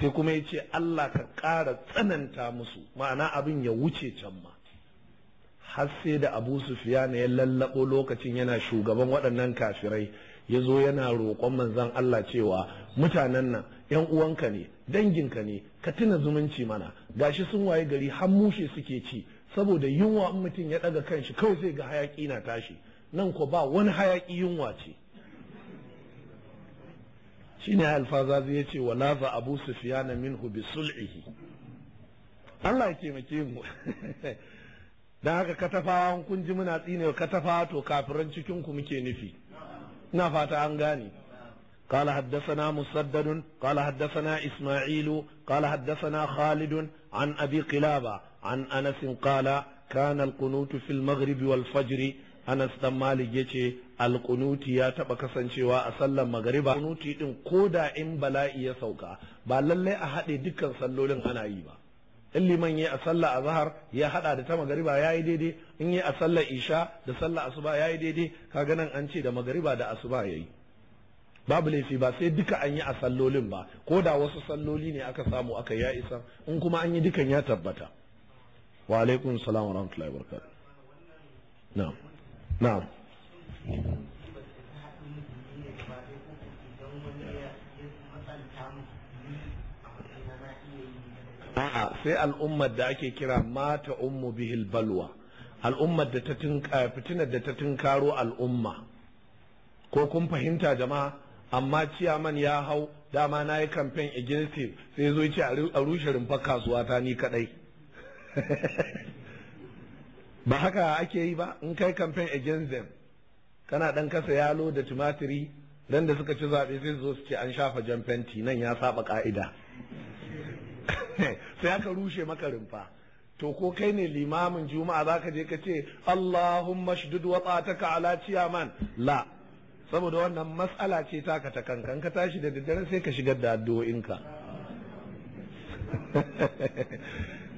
sai kuma ya ce Allah ka ƙara tsananta musu ma'ana abin ya wuce can ma har sai da abu na ya lallaɓo lokacin yana shugaban waɗannan kafirai ya zo yana roƙon manzan Allah cewa mutanen nan yan uwanka ne danginka ne ka tuna zumunci mana gashi sun waye gari har mushe suke ci saboda yunwa in mutum ya ɗaga kanshi kawai zai ga hayaƙi na tashi nan ko ba wani hayaƙi yunwa ce shine alfazazi yace wala za abu sufiyana minhu bi sul'ihi Allah ya taimake mu dan haka katafawa kun kunji muna tsine katafawa to kafiran cikin ku muke nufi ina fata an gane قال حدثنا مسدد قال حدثنا إسماعيل قال حدثنا خالد عن أبي قلابة عن أنس قال كان القنوت في المغرب والفجر أنس تمالي alƙunuti ya taɓa kasancewa a sallar magariba alƙunuti ɗin ko da in bala'i ya sauka ba lallai a haɗe dukkan sallolin ana yi ba in liman ya a sallar zahar ya haɗa da ta magariba ya yi daidai in ya a sallar isha da sallar asuba ya yi daidai kaga nan an ce da magariba da asuba ya yi babu laifi ba sai duka an yi a sallolin ba ko da wasu salloli ne aka samu aka ya isa in kuma an yi dukan ya tabbata wa alaikun salam wa rahmatullahi wa barakatuh na'am na'am a'a sai al'ummar da ake kira mata ummu bihil balwa al'ummar da ta eh, fitinar da ta tunkaro al'umma ko kun fahimta jama'a amma man ya hau dama na yi kamfen against sai zo ce a rushe rumfar kasuwa ta ni kadai ba haka ake yi ba in kai kamfen against kana ɗan kasa yalo da tumatiri dan da suka ci zaɓe sai zo su ce an shafa jan fenti nan ya saba ka'ida sai aka rushe maka rumfa to ko kai ne limamin juma'a zaka je ka ce Allahumma shdud wata'ataka ala ciyaman la saboda wannan matsala ce taka ta kankan ka tashi da daddare sai ka shigar da addu'o'inka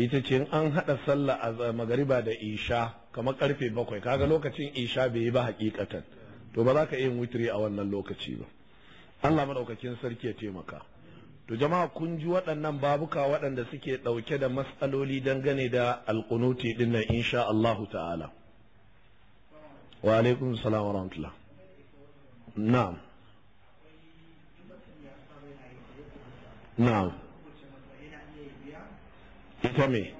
ita ce an haɗa sallah a magariba da isha kamar karfe bakwai kaga lokacin isha bai yi ba hakikatan to ba za ka yin witiri a wannan lokaci ba Allah madaukakin sarki ya taimaka to jama'a kun ji waɗannan babuka waɗanda suke ɗauke da matsaloli dangane da alƙunuti ɗin nan insha Allahu ta'ala wa alaikum salam wa na'am na'am ita me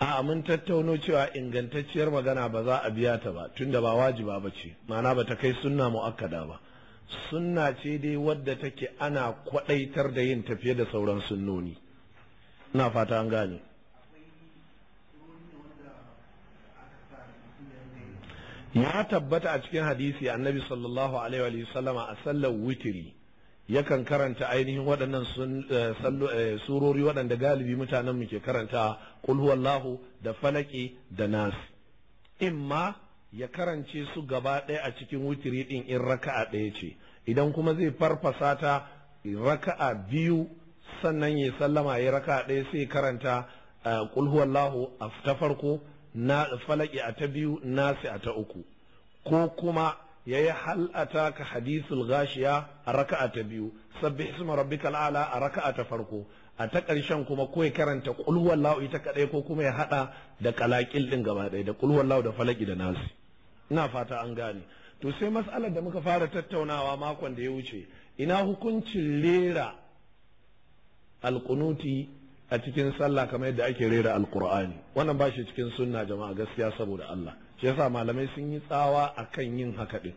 a mun tattauno cewa ingantacciyar magana ba za a biya ta ba tunda ba wajiba ba ce ma'ana ba ta kai sunna mu'akkada ba sunna ce dai wadda take ana kwadaitar da yin tafiye da sauran sunnoni ina fata an gane ya tabbata a cikin hadisi annabi sallallahu alaihi wa sallama a sallar witiri yakan karanta ainihin waɗannan eh, eh, surori waɗanda galibi mutanenmu ke karanta qul huwallahu da falaki da nas imma ya karance su gaba ɗaya a cikin wutiri ɗin in raka'a ɗaya ce idan kuma zai farfasa ta raka'a biyu sannan ya sallama ya raka'a ɗaya sai karanta eh, qul huwallahu a ta farko na falaki a ta biyu nasi a ta uku ko kuma ya yi hal'ata taka hadisul gashiya a raka'a ta biyu sabbi isma rabbikal a'la a raka'a ta farko a ta ƙarshen kuma ko ya karanta kulwar lau ita kadai ko kuma ya haɗa da kalakil ɗin gaba ɗaya da qul lau da falaki da nasi ina fata an gane to sai matsalar da muka fara tattaunawa makon da ya wuce ina hukuncin rera alkunuti a cikin sallah kamar yadda ake rera Alkur'ani wannan ba shi cikin sunna jama'a gaskiya saboda Allah shi yasa malamai sun yi tsawa akan yin haka din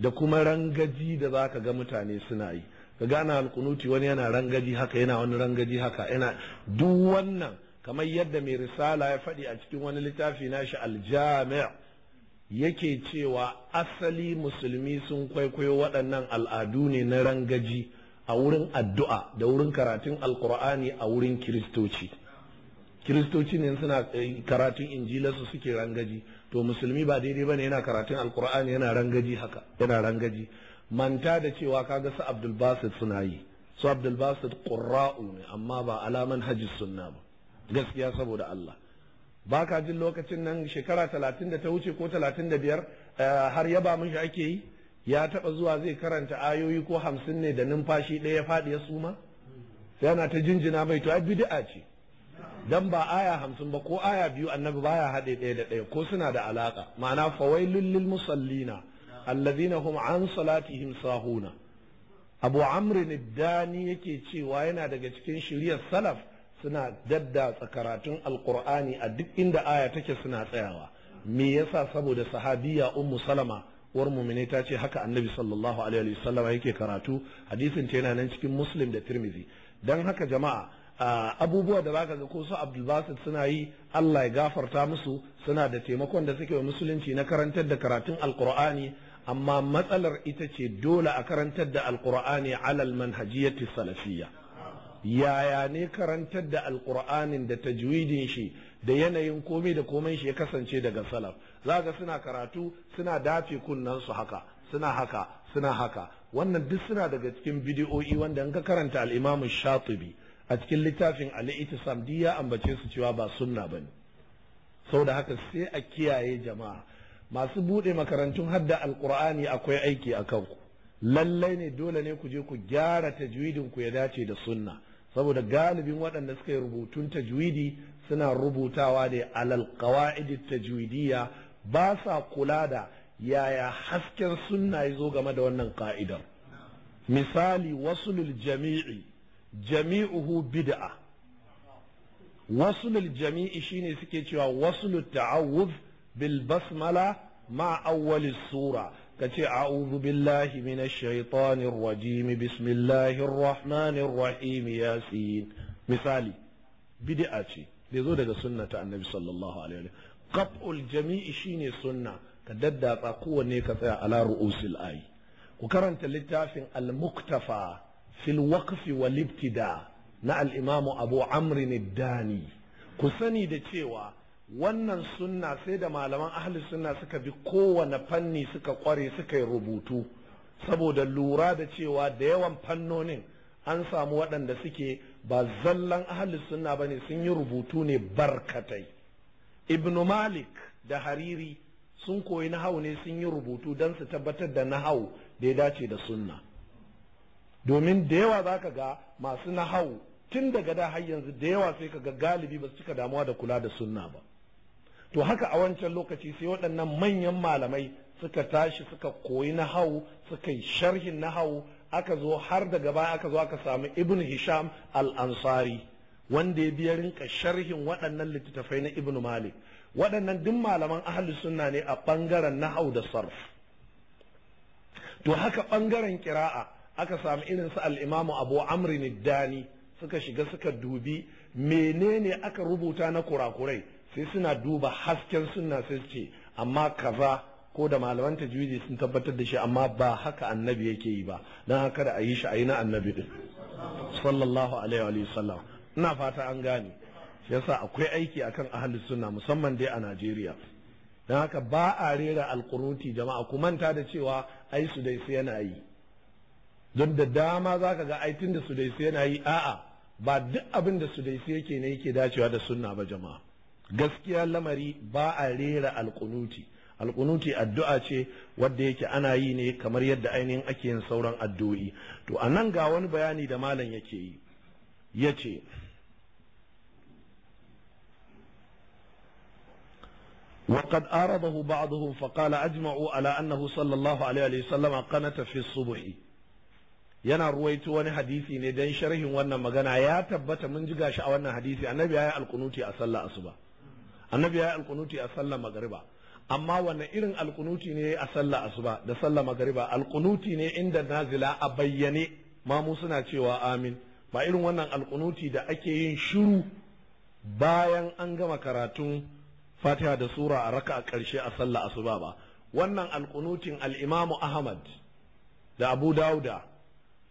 da kuma rangaji da za ka ga mutane suna yi ka gane alkunuti wani yana rangaji haka yana wani rangaji haka yana duk wannan kamar yadda mai risala ya faɗi a cikin wani littafi na nashi aljami'a yake cewa asali musulmi sun kwaikwayo waɗannan al'adu ne na rangaji a wurin addu'a da wurin karatun alkur'ani a wurin kiristoci kiristoci ne suna eh, karatun injila suke rangaji to musulmi ba daidai bane yana karatun alkur'ani yana rangaji haka yana rangaji manta da cewa kaga su abdul basit suna yi su abdul basit qurra'u ne amma ba alaman hajji sunna ba gaskiya saboda Allah ba ka jin lokacin nan shekara talatin da ta wuce ko talatin da biyar eh, har yaba shi ake yi ya taba zuwa zai karanta ayoyi ko hamsin ne da numfashi ɗaya ya faɗi ya suma Yana ta jinjina mai to ai bid'a ce dan ba aya hamsin ba ko aya biyu annabi baya haɗe ɗaya da ɗaya ko suna da alaƙa ma'ana fawailul lil musallina alladhina hum an salatihim sahuna abu amr dani yake cewa yana daga cikin shiriyar salaf suna daddatsa karatun alqur'ani a duk inda aya take suna tsayawa me yasa saboda sahabiya ummu salama uwar mumine ta ce haka annabi sallallahu alaihi wasallam yake karatu hadisin ta yana nan cikin muslim da tirmidhi dan haka jama'a abubuwa da zaka ga ko su Abdul Basit suna yi Allah ya gafarta musu suna da taimakon da suke wa musulunci na karantar da karatun alkur'ani amma matsalar ita ce dole a karantar da alkur'ani alal manhajiyyati salafiyya yaya ne karantar da Alqur'anin da tajwidin shi da yanayin komai da komai shi ya kasance daga salaf zaka suna karatu suna dace kunnen su haka suna haka suna haka wannan duk suna daga cikin bidiyo'i wanda in ka karanta al-Imam Shatibi a cikin littafin Ali samdi ya ambace su cewa ba sunna ba ne. Sau da haka sai a kiyaye jama'a masu buɗe makarantun hadda alƙur'ani akwai aiki a kanku lallai ne dole ne ku je ku gyara tajwidin ku ya dace da sunna saboda galibin waɗanda suka yi rubutun tajwidi suna rubutawa ne alal ƙawa'idin tajwidiya, ba sa kula da yaya hasken sunna ya zo game da wannan ka'idar misali wasulul jami'i jami'uhu bid'a wasulul jami'i shine suke cewa wasulu ta'awuz bil basmala ma awwali sura kace a'udhu billahi minash shaitanir rajim bismillahir rahmanir rahim yasin misali bid'a ce da zo daga sunna ta annabi sallallahu alaihi wasallam qat'ul jami'i shine sunna ka daddatsa kowanne ka tsaya ala ru'usil ayi ku karanta littafin al-muktafa في الوقف والابتداء ibtida na al عمرو الداني كسني dani ku sani da cewa wannan sunna sai da malaman ahli sunna suka bi kowane fanni suka kware suka yi rubutu saboda lura da cewa da yawan fannonin an samu waɗanda suke ba zallan ahli sunna ba ne sun yi rubutu ne barkatai ibnu malik da hariri sun koyi nahau ne sun yi rubutu don su tabbatar da nahau da ya dace da sunna domin da yawa za ka ga masu nahawu tun daga da har yanzu da yawa sai ka ga galibi ba su cika damuwa da kula da sunna ba to haka a wancan lokaci sai waɗannan manyan malamai suka tashi suka koyi nahawu suka yi sharhin nahawu aka zo har daga baya aka zo aka samu ibn hisham al-ansari wanda ya biya rinka sharhin waɗannan littattafai na ibn malik waɗannan duk malaman ahli sunna ne a ɓangaren nahau da sarf to haka ɓangaren kira'a aka samu irin su al'imamu abu amrin dani suka shiga suka dubi menene aka rubuta na kurakurai sai suna duba hasken sunna sai ce amma kaza ko da malaman tajwidi sun tabbatar da shi amma ba haka annabi yake yi ba don haka da a yi shi a yi na annabi din sallallahu alaihi wa sallam ina fata an gane shi yasa akwai aiki akan ahli sunna musamman dai a Najeriya don haka ba a rera alkunuti jama'a ku manta da cewa ai su dai sai yana yi don da dama za ka ga aitin da sudaisi yana yi a'a ba duk abin da sudaisi yake ne yake dacewa da sunna ba jama'a gaskiya lamari ba a rera alƙunuti alƙunuti addu'a ce wadda yake ana yi ne kamar yadda ainihin ake yin sauran addu'o'i to a nan ga wani bayani da malam yake yi ya ce وقد أعرضه بعضهم فقال أجمعوا على أنه صلى الله عليه وسلم قنت في الصبح yana ruwaito wani hadisi ne dan sharhin wannan magana ya tabbata mun ji gashi a wannan hadisi annabi yayi alkunuti a sallah asuba annabi yayi alkunuti a sallah magriba amma wannan irin alkunuti ne a sallah asuba da sallah magriba alkunuti ne inda nazila a bayyane ma mu suna cewa amin ba irin wannan alkunuti da ake yin shiru bayan an gama karatun fatiha da sura a raka a ƙarshe a sallah asuba ba wannan alkunutin al'imamu ahmad da abu dauda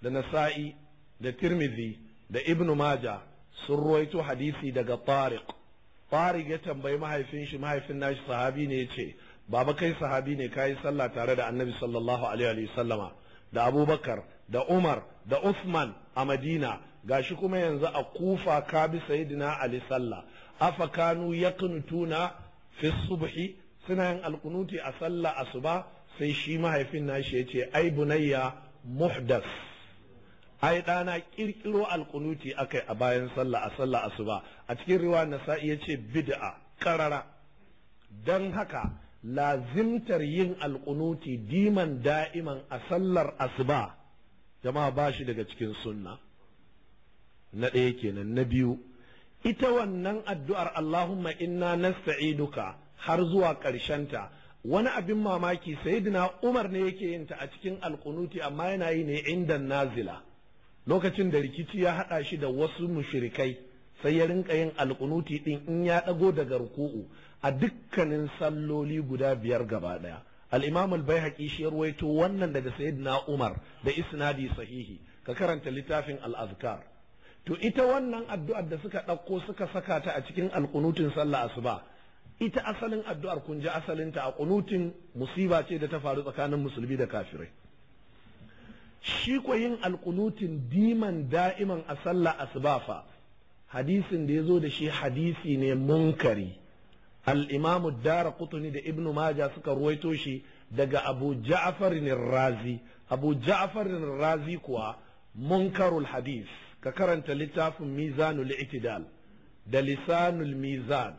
da nasa'i da tirmidhi da ibn maja sun ruwaito hadisi daga tariq tariq ya tambayi mahaifin shi mahaifin nashi sahabi ne ya ce baba kai sahabi ne kayi sallah tare da annabi sallallahu alaihi wa sallama da abubakar da umar da usman a madina gashi kuma yanzu a kufa ka bi sayyidina ali sallah afa kanu yaqnutuna fi subhi suna yin alkunuti a sallah asuba sai shi mahaifin nashi ya ce ai bunayya muhdas ai ɗana kirkiro alkunuti akai a bayan sallah a sallah asuba a cikin riwa nasa'i ya ce bid'a karara dan haka lazimtar yin alkunuti diman da'iman a sallar asuba jama'a bashi daga cikin sunna na ɗaya kenan na biyu ita wannan addu'ar Allahumma inna nasta'iduka har zuwa ta wani abin mamaki sayyidina Umar ne yake yin ta a cikin alkunuti amma yana yi ne inda nazila lokacin da rikici ya haɗa shi da wasu mushrikai sai ya rinka yin alkunuti din in ya ɗago daga ruku'u a dukkanin salloli guda biyar gaba ɗaya al-imam al-baihaqi shi ruwaito wannan daga sayyidina umar da isnadi sahihi ka karanta littafin al-azkar to ita wannan addu'ar da suka ɗauko suka saka ta a cikin alkunutin sallah asuba ita asalin addu'ar kun ji asalinta a kunutin musiba ce da ta faru tsakanin musulmi da kafirai shi yin alkunutin diman da'iman a sallah asuba hadisin da ya zo da shi hadisi ne munkari alimamu dara kutuni da ibnu maja suka ruwaito shi daga abu ja'farin razi abu ja'farin razi kuwa munkarul hadis ka karanta littafin mizanul itidal da lisanul mizan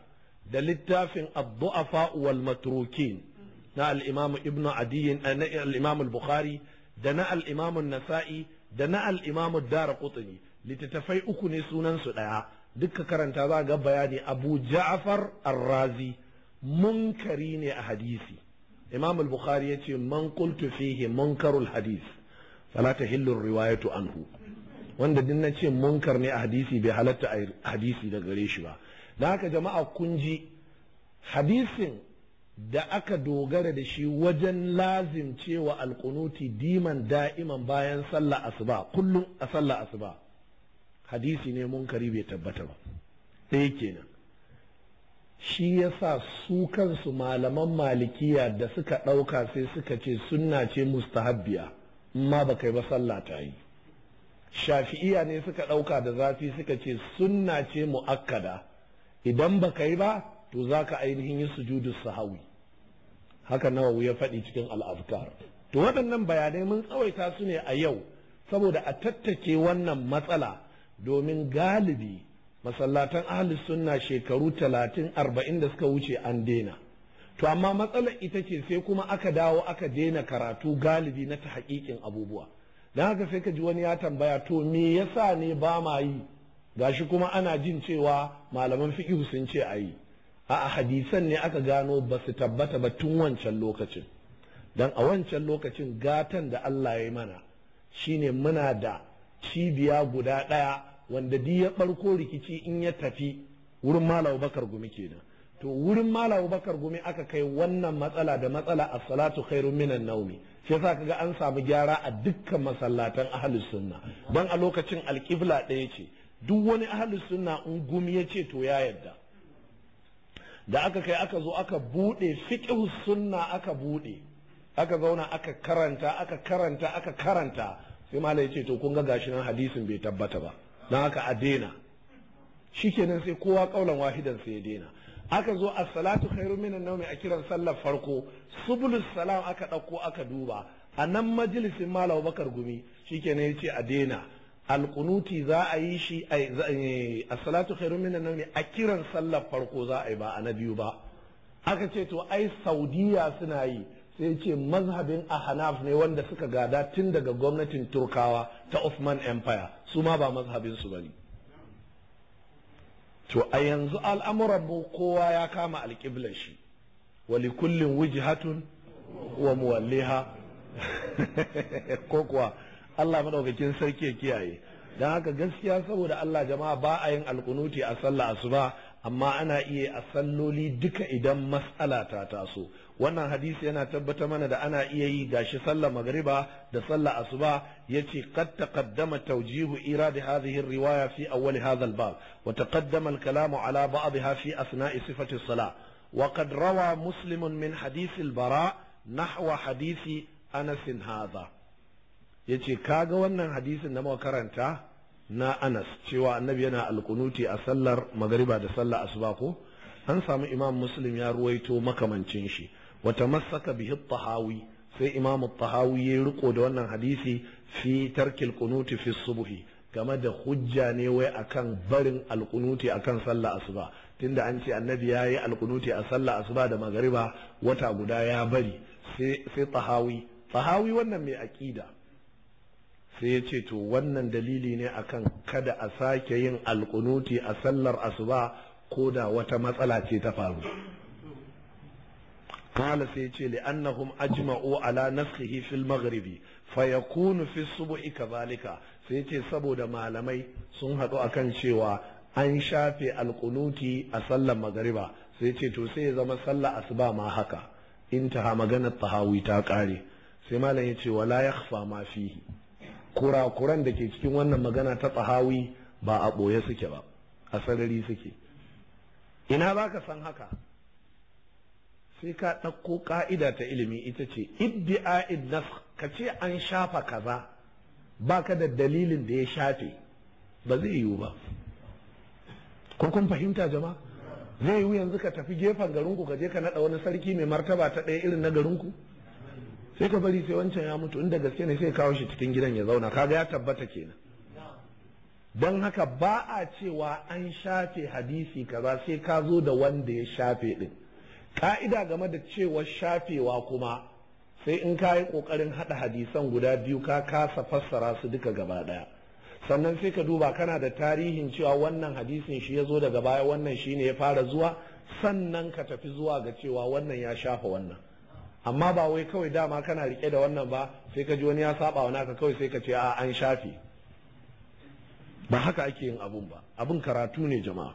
da littafin abdu'afa wal matrukin na al ibnu adiyin eh, na al-bukhari da na al'imamun nasa'i da na al'imamun dara kutuni littattafai uku ne sunansu ɗaya duka karanta za ga bayani abu ja'afar arrazi munkari ne a hadisi imam al-bukhari ya ce man qultu fihi munkarul hadis fala tahillu riwayatu anhu wanda din na ce munkar ne a hadisi bai halatta a hadisi da gare shi ba da haka jama'a kun ji hadisin da aka dogara da shi wajen lazim cewa alkunuti diman da'iman bayan sallah asuba kullum a sallah asuba hadisi ne munkari bai tabbata ba ɗaya kenan shi yasa su kansu malaman malikiya da suka ɗauka sai suka ce sunna ce mustahabbiya ma ba kai ba sallah ta yi shafi'iya ne suka ɗauka da zafi suka ce sunna ce mu'akkada idan ba kai ba to za ka ainihin yi sujudu sahawi haka nawawi ya faɗi cikin al'afkar to waɗannan bayanai mun tsawaita su ne a yau saboda a tattake wannan matsala domin galibi masallatan ahli sunna shekaru talatin arba'in da suka wuce an daina to amma matsalar ita ce sai kuma aka dawo aka daina karatu galibi na ta haƙiƙin abubuwa don haka sai ka ji wani ya tambaya to me yasa ne ba ma yi gashi kuma ana jin cewa malaman fiƙihu sun ce a yi a hadisan ne aka gano ba su tabbata ba tun wancan lokacin don a wancan lokacin gatan da Allah ya yi mana shine muna da cibiya guda ɗaya wanda duk ya ɓarko rikici in ya tafi wurin Malam Bakar Gumi kenan to wurin Malam Bakar Gumi aka kai wannan matsala da matsala a salatu khairun minan naumi sai sa kaga an samu gyara a dukkan masallatan ahlus sunna dan a lokacin alkibla ɗaya ce duk wani ahlus sunna in gumi ya ce to ya yadda da aka kai aka zo aka buɗe fiqhus sunna aka buɗe aka zauna aka karanta aka karanta aka karanta sai malai ya ce to kun ga gashi nan hadisin bai tabbata ba dan haka a dena shikenan sai kowa kaulan wahidan sai ya daina aka zo a salatu khairu minan nawmi a kiran sallar farko subulus salam aka ɗauko aka duba a nan majalisin malam bakar gumi shikenan ya ce a daina alkunuti za a yi shi a eh, salatu khairun minan nawmi a kiran sallar farko za a yi ba a na biyu ba aka ce to ai saudiya suna yi sai ce mazhabin ahanaf ne wanda suka gada tun daga gwamnatin turkawa ta Osman empire su ma ba mazhabin su bane to a yanzu al'amuran mu kowa ya kama alƙiblar shi wali kullin wujhatun wa muwalliha ko kuwa Allah madaukakin sarki ya kiyaye don haka gaskiya saboda Allah jama'a ba a yin alkunuti a sallah asuba amma ana iya a salloli duka idan mas'ala ta taso wannan hadisi yana tabbata mana da ana iya yi gashi sallah magriba da sallah asuba yace qad taqaddama tawjihu irad hadhihi riwaya fi awwal hadha al-bab wa taqaddama al-kalamu ala ba'dha fi asna'i sifati as-salah wa qad rawa muslimun min hadith al-bara nahwa hadisi anas hadha ya ce kaga wannan hadisin da muka karanta na anas cewa annabi yana alkunuti a sallar magariba da sallar asuba ko an samu imam muslim ya ruwaito makamancin shi wata masaka bihi tahawi sai imam tahawi ya riko da wannan hadisi fi tarkil kunuti fi subhi game da hujja ne wai akan barin alkunuti akan sallar asuba tunda an ce annabi ya yi alkunuti a sallar asuba da magariba wata guda ya bari sai tahawi tahawi wannan mai aƙida sai ya ce to wannan dalili ne akan kada a sake yin alƙunuti a sallar asuba ko da wata matsala ce ta faru kala sai ce li'annahum ajma'u ala naskihi fil maghribi fa yakunu fi subhi kadhalika sai ce saboda malamai sun haɗu akan cewa an shafe alƙunuti a sallar magariba sai ce to sai ya zama sallar asuba ma haka intaha maganar tahawi ta ƙare sai malam ya ce wala yakhfa ma fihi kurakuran da ke cikin wannan magana ta tsahawi ba a ɓoye suke ba a sarari suke ina ba ka san haka sai ka ɗauko ƙa'ida ta ilimi ita ce iddi'a ka ce an shafa kaza ba ka da dalilin da ya shafe ba zai yiwu ba ko kun fahimta jama'a zai yiwu yanzu ka tafi gefen garinku ka je ka naɗa wani sarki mai martaba ta ɗaya irin na garinku sai ka bari sai wancan ya mutu inda gaske ne sai kawo shi cikin gidan ya zauna kaga ya tabbata kenan don haka ba a cewa an shafe hadisi kaza sai ka zo da wanda ya shafe din ka'ida game da cewa shafewa kuma sai in ka yi ƙoƙarin haɗa hadisan guda biyu ka kasa fassara su duka gaba ɗaya sannan sai ka duba kana da tarihin cewa wannan hadisin shi ya zo daga baya wannan shi ne ya fara zuwa sannan ka tafi zuwa ga cewa wannan ya shafa wannan amma ba wai kawai dama kana rike da wannan ba sai ka ji wani ya saba wa naka kawai sai ka ce a an shafe ba haka ake yin abun ba abun karatu ne jama'a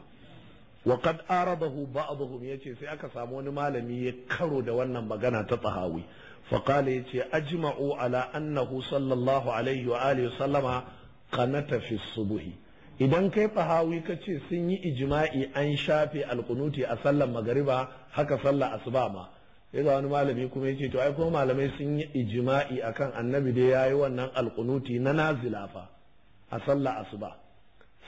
wa qad arabahu ba'dhum yace sai aka samu wani malami ya karo da wannan magana ta tsahawi fa qala yace ajma'u ala annahu sallallahu alaihi wa alihi sallama qanata fi subhi idan kai tsahawi ka ce sun yi ijma'i an shafe alqunuti a sallar magariba haka sallar asuba ma sai ga wani malami kuma ya ce to ai kuma malamai sun yi ijima'i akan annabi dai yayi wannan alkunuti na nazila fa a sallah asuba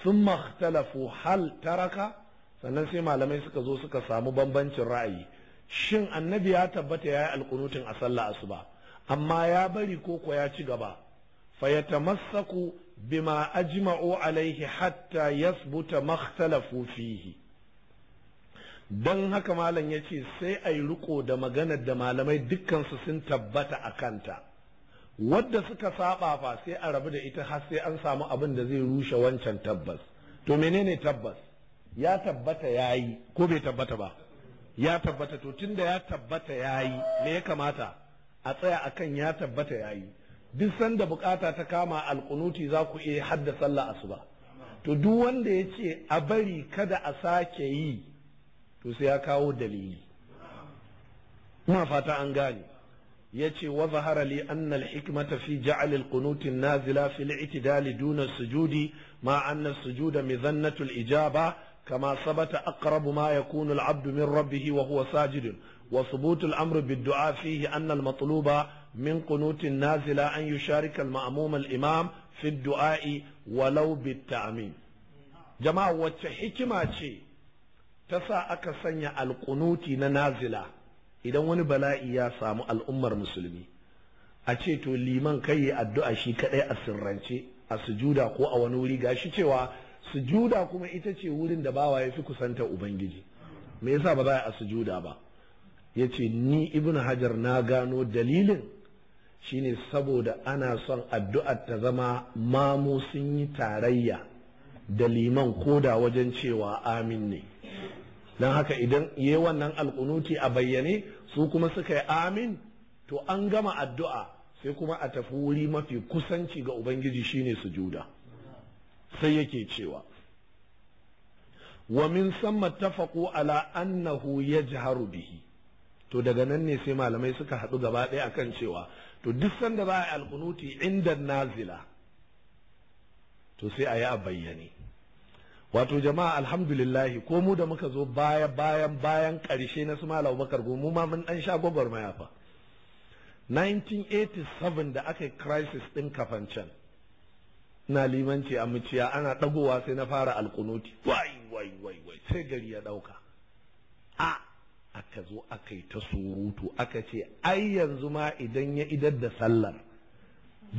sun ikhtalafu hal taraka sannan sai malamai suka zo suka samu bambancin ra'ayi shin annabi ya tabbata yayi alqunutin a sallah asuba amma ya bari koko ya ci gaba tamassaku bima ajma'u alaihi hatta yasbuta makhtalafu fihi don haka malam ya ce sai a yi riko da maganar da malamai dukkansu sun tabbata a kanta wadda suka saba fa sai a rabu da ita har sai an samu abin da zai rushe wancan tabbas to menene tabbas ya tabbata ya yi ko bai tabbata ba ya tabbata to tun da ya tabbata ya yi me ya kamata a tsaya akan ya tabbata ya yi duk sanda bukata ta kama alkunuti za ku iya hadda sallah asuba to duk wanda ya ce a bari kada a sake yi to sai ya kawo dalili ina fata an gane yace wa zahara li anna al hikmata fi ja'al al qunut an nazila fi al i'tidal dun as sujudi ma anna as sujuda mizannatu al ijaba kama sabata aqrabu ma yakunu al abdu min rabbihi wa huwa sajid wa thubut al amr bid du'a fihi anna al matluba min qunut an nazila an yusharika al ma'mum al imam fi ad du'a walau bit ta'min jama'a wacce hikima ce ta sa aka sanya alƙunuti na nazila idan wani bala'i ya samu al'ummar musulmi a ce to liman kai yi addu'a shi kaɗai a sirrance a sujuda ko a wani wuri gashi cewa sujuda kuma ita ce wurin da bawa ya fi kusanta ubangiji me yasa ba za a sujuda ba ya ce ni Ibn hajar na gano dalilin shine saboda ana son addu'ar ta zama mamu sun yi tarayya da liman koda wajen cewa amin ne don haka idan yi wannan alkunuti a bayyane su kuma suka yi amin to an gama addu'a sai kuma a tafi wuri mafi kusanci ga ubangiji shine sujuda sai yake cewa wa min samma tafaqu ala annahu yajharu bihi to daga nan ne sai malamai suka haɗu gaba ɗaya akan cewa to duk sanda ba a yi alkunuti inda nazila to sai a yi a bayyane wato jama'a alhamdulillahi ko mu da muka zo baya bayan bayan karshe na su malam bakar mu ma mun dan sha gwagwarmaya mayafa 1987 da aka yi crisis din kafancan na limanci a muciya ana ɗagowa sai na fara alkunuti wai wai wai wai sai gari ya ɗauka a aka zo aka yi ta surutu aka ce ai yanzu ma idan ya idar da sallar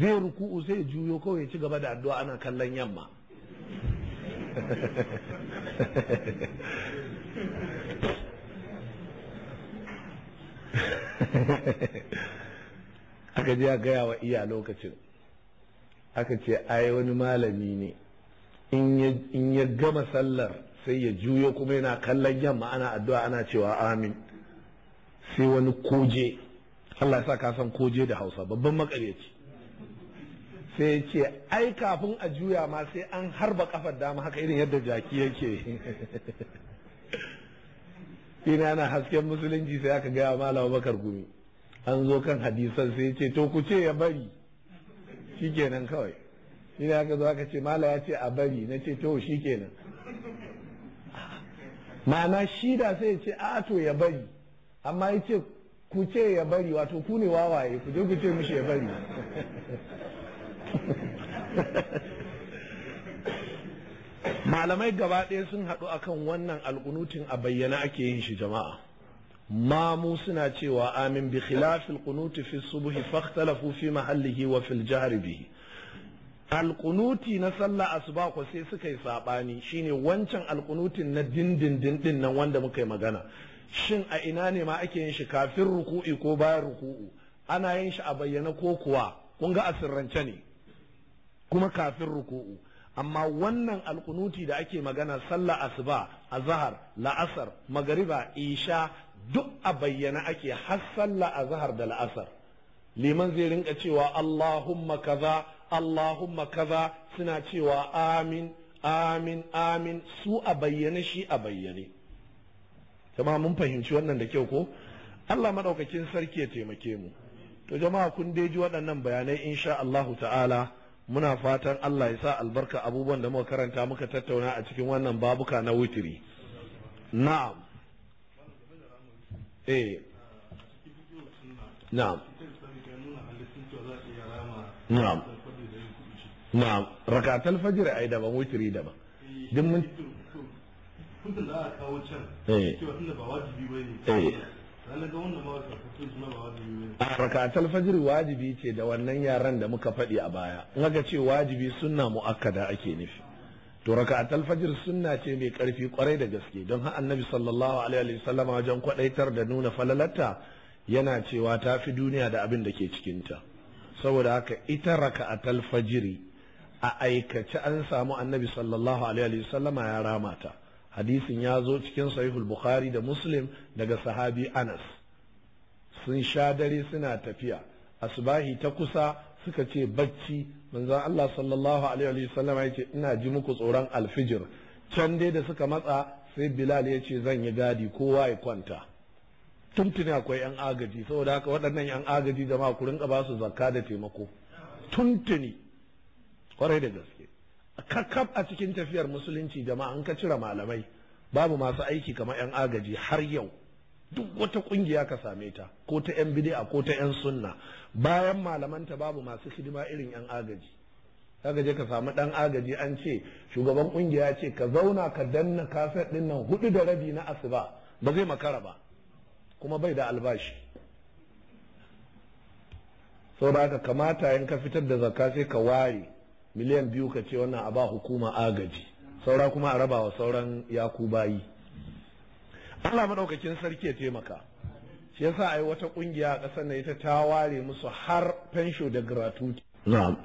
zai ruku'u sai juyo kawai ya ci gaba da addu'a ana kallon yamma aka je a gaya wa iya lokacin aka ce ai wani malami ne in ya gama sallar sai ya juyo kuma yana kallon yamma ana addu'a ana cewa amin sai wani koje Allah ya sa ka san koje da Hausa babban makaryaci sai ya ce ai kafin a juya ma sai an harba kafar dama haka irin yadda jaki yake ina na hasken musulunci sai aka gaya malam bakar gumi an zo kan hadisan sai ce to ku ce ya bari shikenan kawai ina aka zo aka ce malam ya ce a bari na ce to shikenan ma'ana shida sai ya ce a to ya bari amma ya ce ku ce ya bari wato ku ne wawaye ku je ku ce mishi ya bari malamai gaba ɗaya sun haɗu akan wannan alƙunutin a bayyana ake yin shi jama'a mamu suna cewa amin bi khilafil qunuti fi subhi fakhtalafu fi mahallihi wa fil jahri bihi na sallah asuba ko sai suka yi saɓani shine wancan al'kunutin na dindindin din nan wanda muka yi magana shin a ina ne ma ake yin shi kafin ruku'i ko bayan ruku'u ana yin shi a bayyana ko kuwa kun ga asirrance ne kuma kafin ruku'u amma wannan alkunuti da ake magana sallah asuba azhar la'asar magariba isha duk a bayyana ake har sallah azhar da la'asar liman zai rinka cewa allahumma kaza allahumma kaza suna cewa amin amin amin su a bayyane shi a bayyane jama'a mun fahimci wannan da kyau ko Allah madaukakin sarki ya taimake mu to jama'a kun dai ji waɗannan bayanai insha Allahu ta'ala muna fatan Allah ya sa albarka abubuwan da muka karanta muka tattauna a cikin wannan babuka na witiri na'am eh na'am na'am na'am rakatul fajr ai daban witiri daban duk mun eh. eh. da aka kawo can eh. cewa tunda ba wajibi bane rakatar fajir wajibi ce da wannan yaran da muka faɗi a baya in ce wajibi sunna mu'akkada ake nufi to rakatar fajir sunna ce mai ƙarfi ƙwarai da gaske don har annabi sallallahu alaihi wasallam wajen kwadaitar da nuna falalata yana cewa ta fi duniya da abin da ke cikinta saboda haka ita rakatar fajiri a aikace an samu annabi sallallahu alaihi wasallama ya rama ta hadisin ya zo cikin sahihul bukhari da muslim daga sahabi anas sun sha dare suna tafiya Asubahi ta kusa suka ce bacci manzon Allah sallallahu alaihi sallam ya ce ina ji muku tsoron alfijir can dai da suka matsa sai bilal ya ce zan yi gadi kowa ya kwanta tuntuni akwai yan agaji saboda haka waɗannan yan agaji jama'a ku rinka ba su zakka da taimako tuntuni kwarai da gaske kakkab a cikin tafiyar musulunci jama'a an ka cire malamai babu masu aiki kamar 'yan agaji har yau duk wata kungiya ka same ta ko ta 'yan bidi'a ko ta 'yan sunna bayan malamanta babu masu hidima irin 'yan agaji kaga je ka samu dan agaji an ce shugaban kungiya ce ka zauna ka danna kaset din nan hudu da rabi na asuba ba zai makara ba kuma bai da albashi saboda haka kamata in ka fitar da zakka sai ka ware miliyan biyu ka ce wannan a ba hukuma agaji saura kuma a raba wa sauran yaku bayi Allah maɗaukakin sarki ya taimaka shi ya yasa ai wata ƙungiya a ƙasar na ita ta ware musu har fensho da gratuity na'am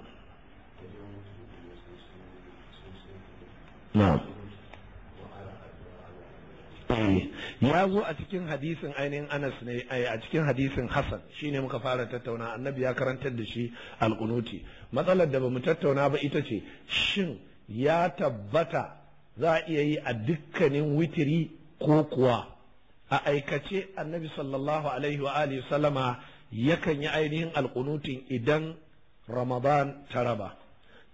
na'am Eh, ya zo a cikin hadisin ainihin Anas ne eh, a cikin hadisin Hassan shi ne muka fara tattauna annabi ya karantar da shi alkunuti matsalar da bamu tattauna ba ita ce shin ya tabbata za a iya yi a dukkanin witiri ko kuwa a aikace annabi sallallahu alaihi wa alihi sallama yakan yi ainihin alkunutin idan Ramadan ta raba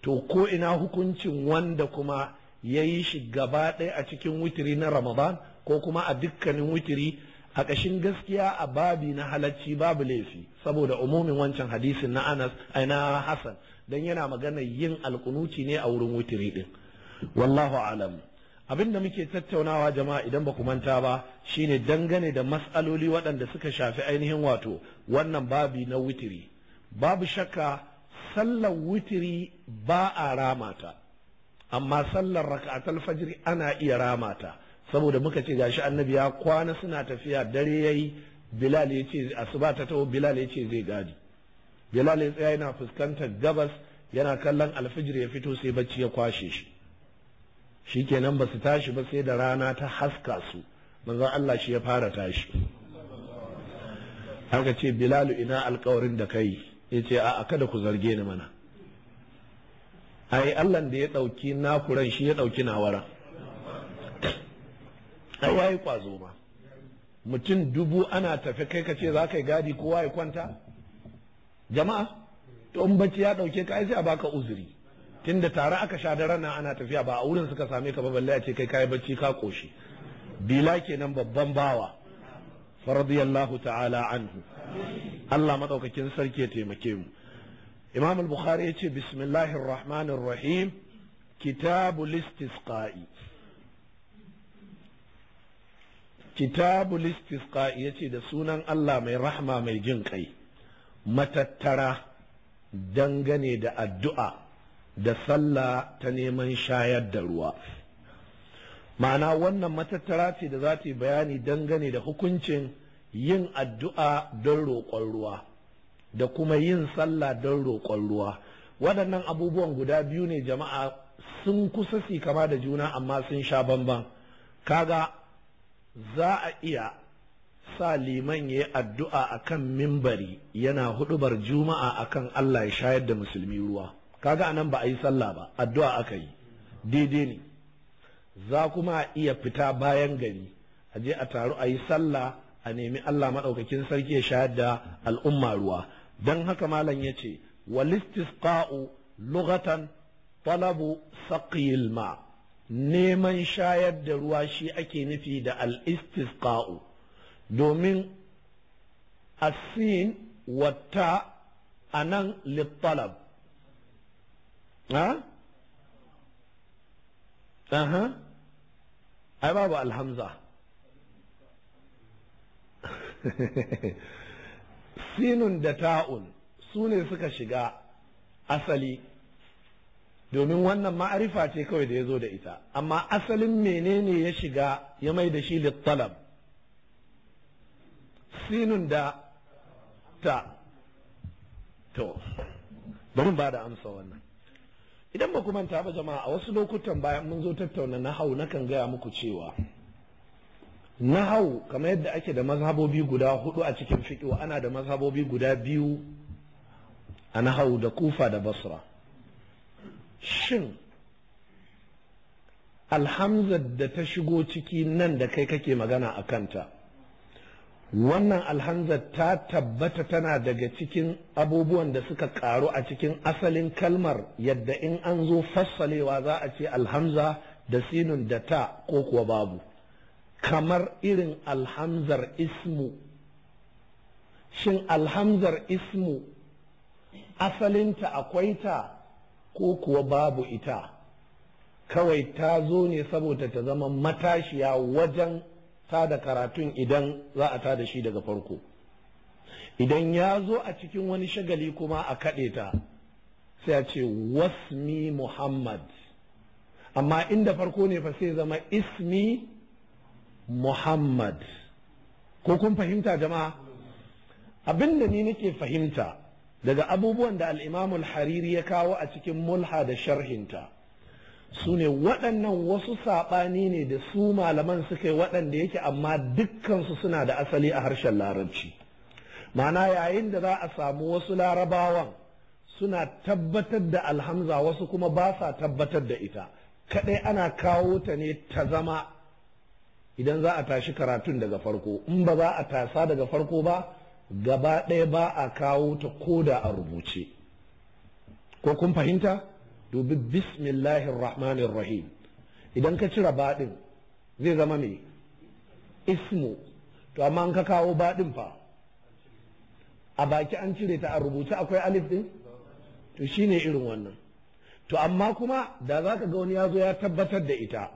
to ko ina hukuncin wanda kuma ya yi shi gaba ɗaya a cikin witiri na Ramadan ko kuma a dukkanin witiri a ƙashin gaskiya a babi na halacci babu laifi saboda umumin wancan hadisin na Anas na Hassan dan yana magana yin alkunuci ne a wurin witiri din wallahu alam abin da muke tattaunawa jama'a idan ba ku manta ba shine dangane da matsaloli waɗanda suka shafi ainihin wato wannan babi na witiri babu shakka sallar witiri ba a ramata amma sallar raka'atul fajr ana iya ramata saboda muka ce gashi annabi ya kwana suna tafiya dare yayi bilal ya ce asuba ta taho bilal ya ce zai gadi bilal ya tsaya yana fuskantar gabas yana kallon alfijir ya fito sai bacci ya kwashe shi shikenan ba su tashi ba sai da rana ta haska su manzon Allah shi ya fara tashi Haka ce bilal ina alƙawarin da kai ya ce a'a kada ku zarge ni mana ai Allah da ya ɗauki nakuran shi ya ɗauki nawara ai yayi kwazo ma mutum dubu ana tafi kai ka ce za ka yi gadi ko waye kwanta jama'a to in bacci ya dauke ka sai a baka uzuri tunda tare aka sha da rana ana tafiya ba a wurin suka same ka ba balle a ce kai kai bacci ka koshi bila kenan babban bawa faradiyallahu ta'ala anhu Allah madaukakin sarki ya taimake mu Imam al-Bukhari ya ce bismillahir rahmanir rahim kitabul istisqa'i Kitabu kitabul ya ce da sunan Allah mai rahma mai jin kai matattara dangane da addu'a da sallah ta neman shayar da ruwa ma'ana wannan matattara ce da za ta yi bayani dangane da hukuncin yin addu'a don roƙon ruwa da kuma yin sallah don roƙon ruwa waɗannan abubuwan guda biyu ne jama'a sun kusa si kama da juna amma sun sha bamban kaga za a iya sa liman ya yi addu'a a kan mimbari yana hudubar juma'a a kan Allah ya shayar da musulmi ruwa kaga anan ba a yi sallah ba addu'a aka yi daidai ne za kuma a iya fita bayan gari a je a taru a yi sallah a nemi Allah maɗaukakin sarki ya shayar da al'umma ruwa don haka malam ya ce walistisqa'u lughatan talabu saqil neman shayar da ruwa shi ake nufi da al-istisqa'u domin asin wata a nan littalab ha? aha ai babu alhamza sinun da ta'un su ne suka shiga asali domin wannan ma'arifa ce kawai da ya zo da ita amma asalin menene ya shiga ya mai da shi littalab sinun da ta to bari ba da amsa wannan idan ba kuma ba jama'a a wasu lokutan bayan mun zo tattauna na kan gaya muku cewa nahau kamar yadda ake da mazhabobi guda hudu a cikin fiƙo ana da mazhabobi guda biyu a hau da kufa da basra shin alhamzar da ta shigo ciki nan da kai kake magana a kanta wannan alhamzar ta tabbata tana daga cikin abubuwan da suka karu a cikin asalin kalmar yadda in an zo fassalewa za a ce alhamza da sinun da ta ko kuwa babu kamar irin alhamzar ismu shin alhamzar ismu asalinta akwai ta ko kuwa babu ita kawai ta zo ne saboda ta zama matashiya wajen tada karatun idan za a tada shi daga farko idan ya zo a cikin wani shagali kuma a kaɗe ta sai a ce wasmi muhammad amma inda farko ne fa sai zama ismi muhammad ko kun fahimta jama'a abinda ni nake fahimta daga abubuwan da al'imamul hariri ya kawo a cikin mulha da sharhinta su ne waɗannan wasu saɓani ne da su malaman suka yi waɗanda yake amma dukkansu suna da asali a harshen larabci ma'ana yayin da za a samu wasu larabawan suna tabbatar da alhamza wasu kuma ba sa tabbatar da ita kaɗai ana kawo ta ne ta zama idan za a tashi karatun daga farko in ba za a tasa daga farko ba gaba ɗaya ba a kawo ta koda a rubuce ko kun fahimta dubi bismillahir rahmanir rahim idan ka cira baɗin zai zama mai ismu to amma an ka kawo baɗin fa a baki an cire ta a rubuce akwai alif ɗin to shine irin wannan to amma kuma da za ka ga wani ya zo ya tabbatar da ita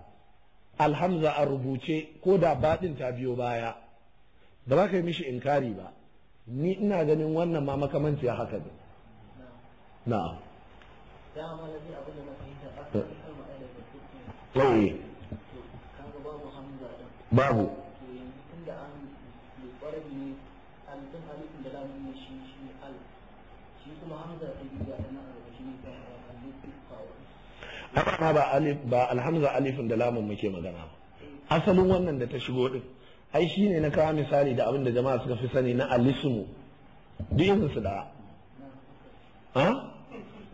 alhamza a rubuce ko da baɗin ta biyo baya ba za ka yi mishi inkari ba ni ina ganin wannan ma makamanci ya haka ne na'am yauye babu ba alif ba alhamza alifin da lamun muke magana eh. asalin wannan da ta shigo din ai shi ne na kawo misali da abin da jama'a suka fi sani na alisunu duk su da ha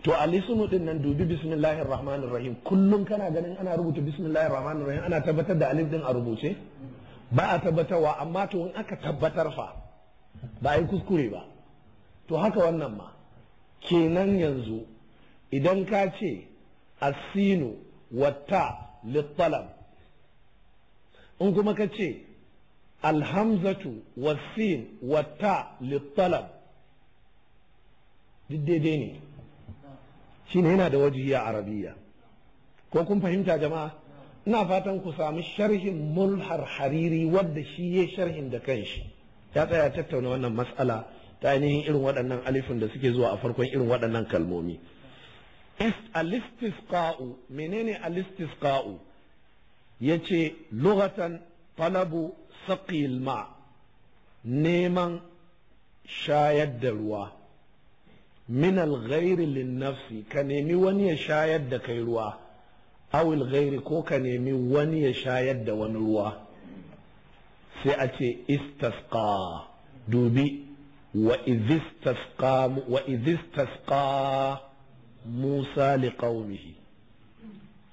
to alisunu din nan dubi bismillahir rahmanir rahim kullum kana ganin ana rubuta bismillahir rahmanir rahim ana tabbatar da alif din a rubuce ba a tabbatarwa amma to in aka tabbatar fa ba a yi kuskure ba to haka wannan ma kenan yanzu idan ka ce asinu wata littalab in kuma ka ce alhamzatu wasin wata littalab duk daidai ne shine yana da wajihi a arabiya ko kun fahimta jama'a ina fatan ku samu sharhin mulhar hariri wadda shi ya sharhin da kanshi ya tsaya tattauna wannan matsala ta ainihin irin waɗannan alifin da suke zuwa a farkon irin waɗannan kalmomi alistisqa'u menene Ya ce lughatan talabu سقي الماء نيما شايد دلوا من الغير للنفس يمي وني شايد دكيلوا أو الغير كو يمي وني شايد دوانوا سيأتي استسقى دوبي وإذ استسقى وإذ استسقى موسى لقومه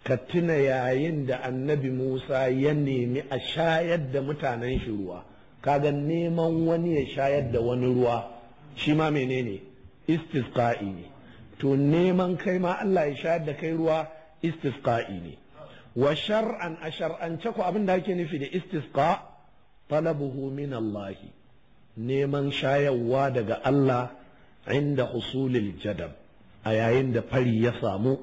ka tuna yayin da annabi Musa ya nemi a shayar da mutanen shi ruwa kaga neman wani ya shayar da wani ruwa shi ma menene istisqa'i ne to neman kai ma Allah ya shayar da kai ruwa istisqa'i ne wa shar'an a sharan ku abin da ake nufi da istisqa talabuhu min Allah neman shayarwa daga Allah inda husulil jadab a yayin da fari ya samu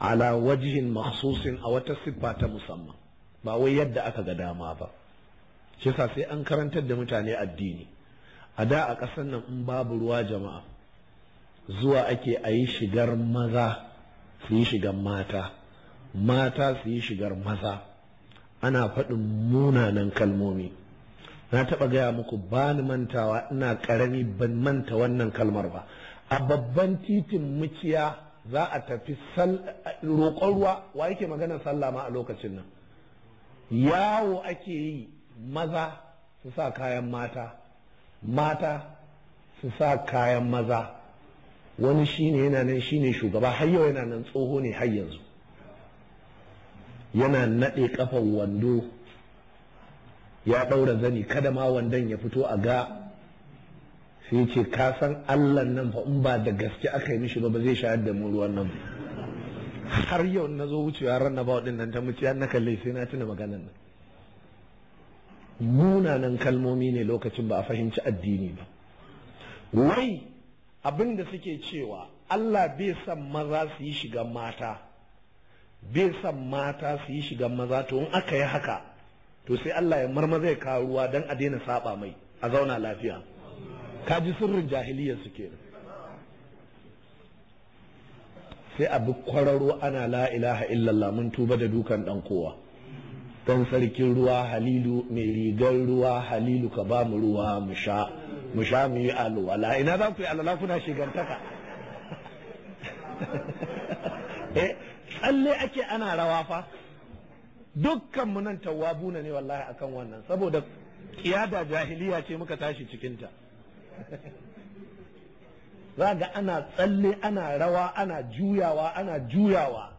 ala wajihin mahsusin a wata siffa ta musamman ba wai yadda aka ga dama ba shi sa sai an karantar da mutane addini a da a ƙasar nan in babu ruwa jama'a zuwa ake a yi shigar maza su yi shigar mata mata su yi shigar maza ana faɗin munanan kalmomi na taɓa gaya muku ba ni mantawa ina ƙarami ban manta wannan kalmar ba a babban titin muciya. za a tafi roƙon ruwa wa yake maganar sallah ma a lokacin nan yawo ake yi maza su sa kayan mata mata su sa kayan maza wani shine yana nan shine shugaba har yana nan tsoho ne har yanzu yana naɗe kafan wando ya ɗaura zani kada ma wandon ya fito a ga sai ce ka san Allah nan fa in ba da gaske aka yi mishi ba ba zai shayar da mu ruwan nan har yau na zo wucewa ran na bawa nan ta mace na kalle sai na tuna maganar nan munanan kalmomi ne lokacin ba a fahimci addini ba wai abin da suke cewa Allah bai san maza su yi shigan mata bai san mata su yi shiga maza to in aka yi haka to sai Allah ya marmaza ya kawo ruwa don a daina saba mai a zauna lafiya ka ji sirrin jahiliyar su Sai sai abu kwararo ana la ilaha illallah mun tuba da dukan dan kowa don sarkin ruwa halilu mai rigar ruwa halilu ka ba mu ruwa mu sha mu sha mu yi alwala ina za ku yi alwala kuna shigantaka eh tsalle ake ana rawa fa dukkan mu nan tawabuna ne wallahi akan wannan saboda kiyada jahiliya ce muka tashi cikinta za ga ana tsalle ana rawa ana juyawa ana juyawa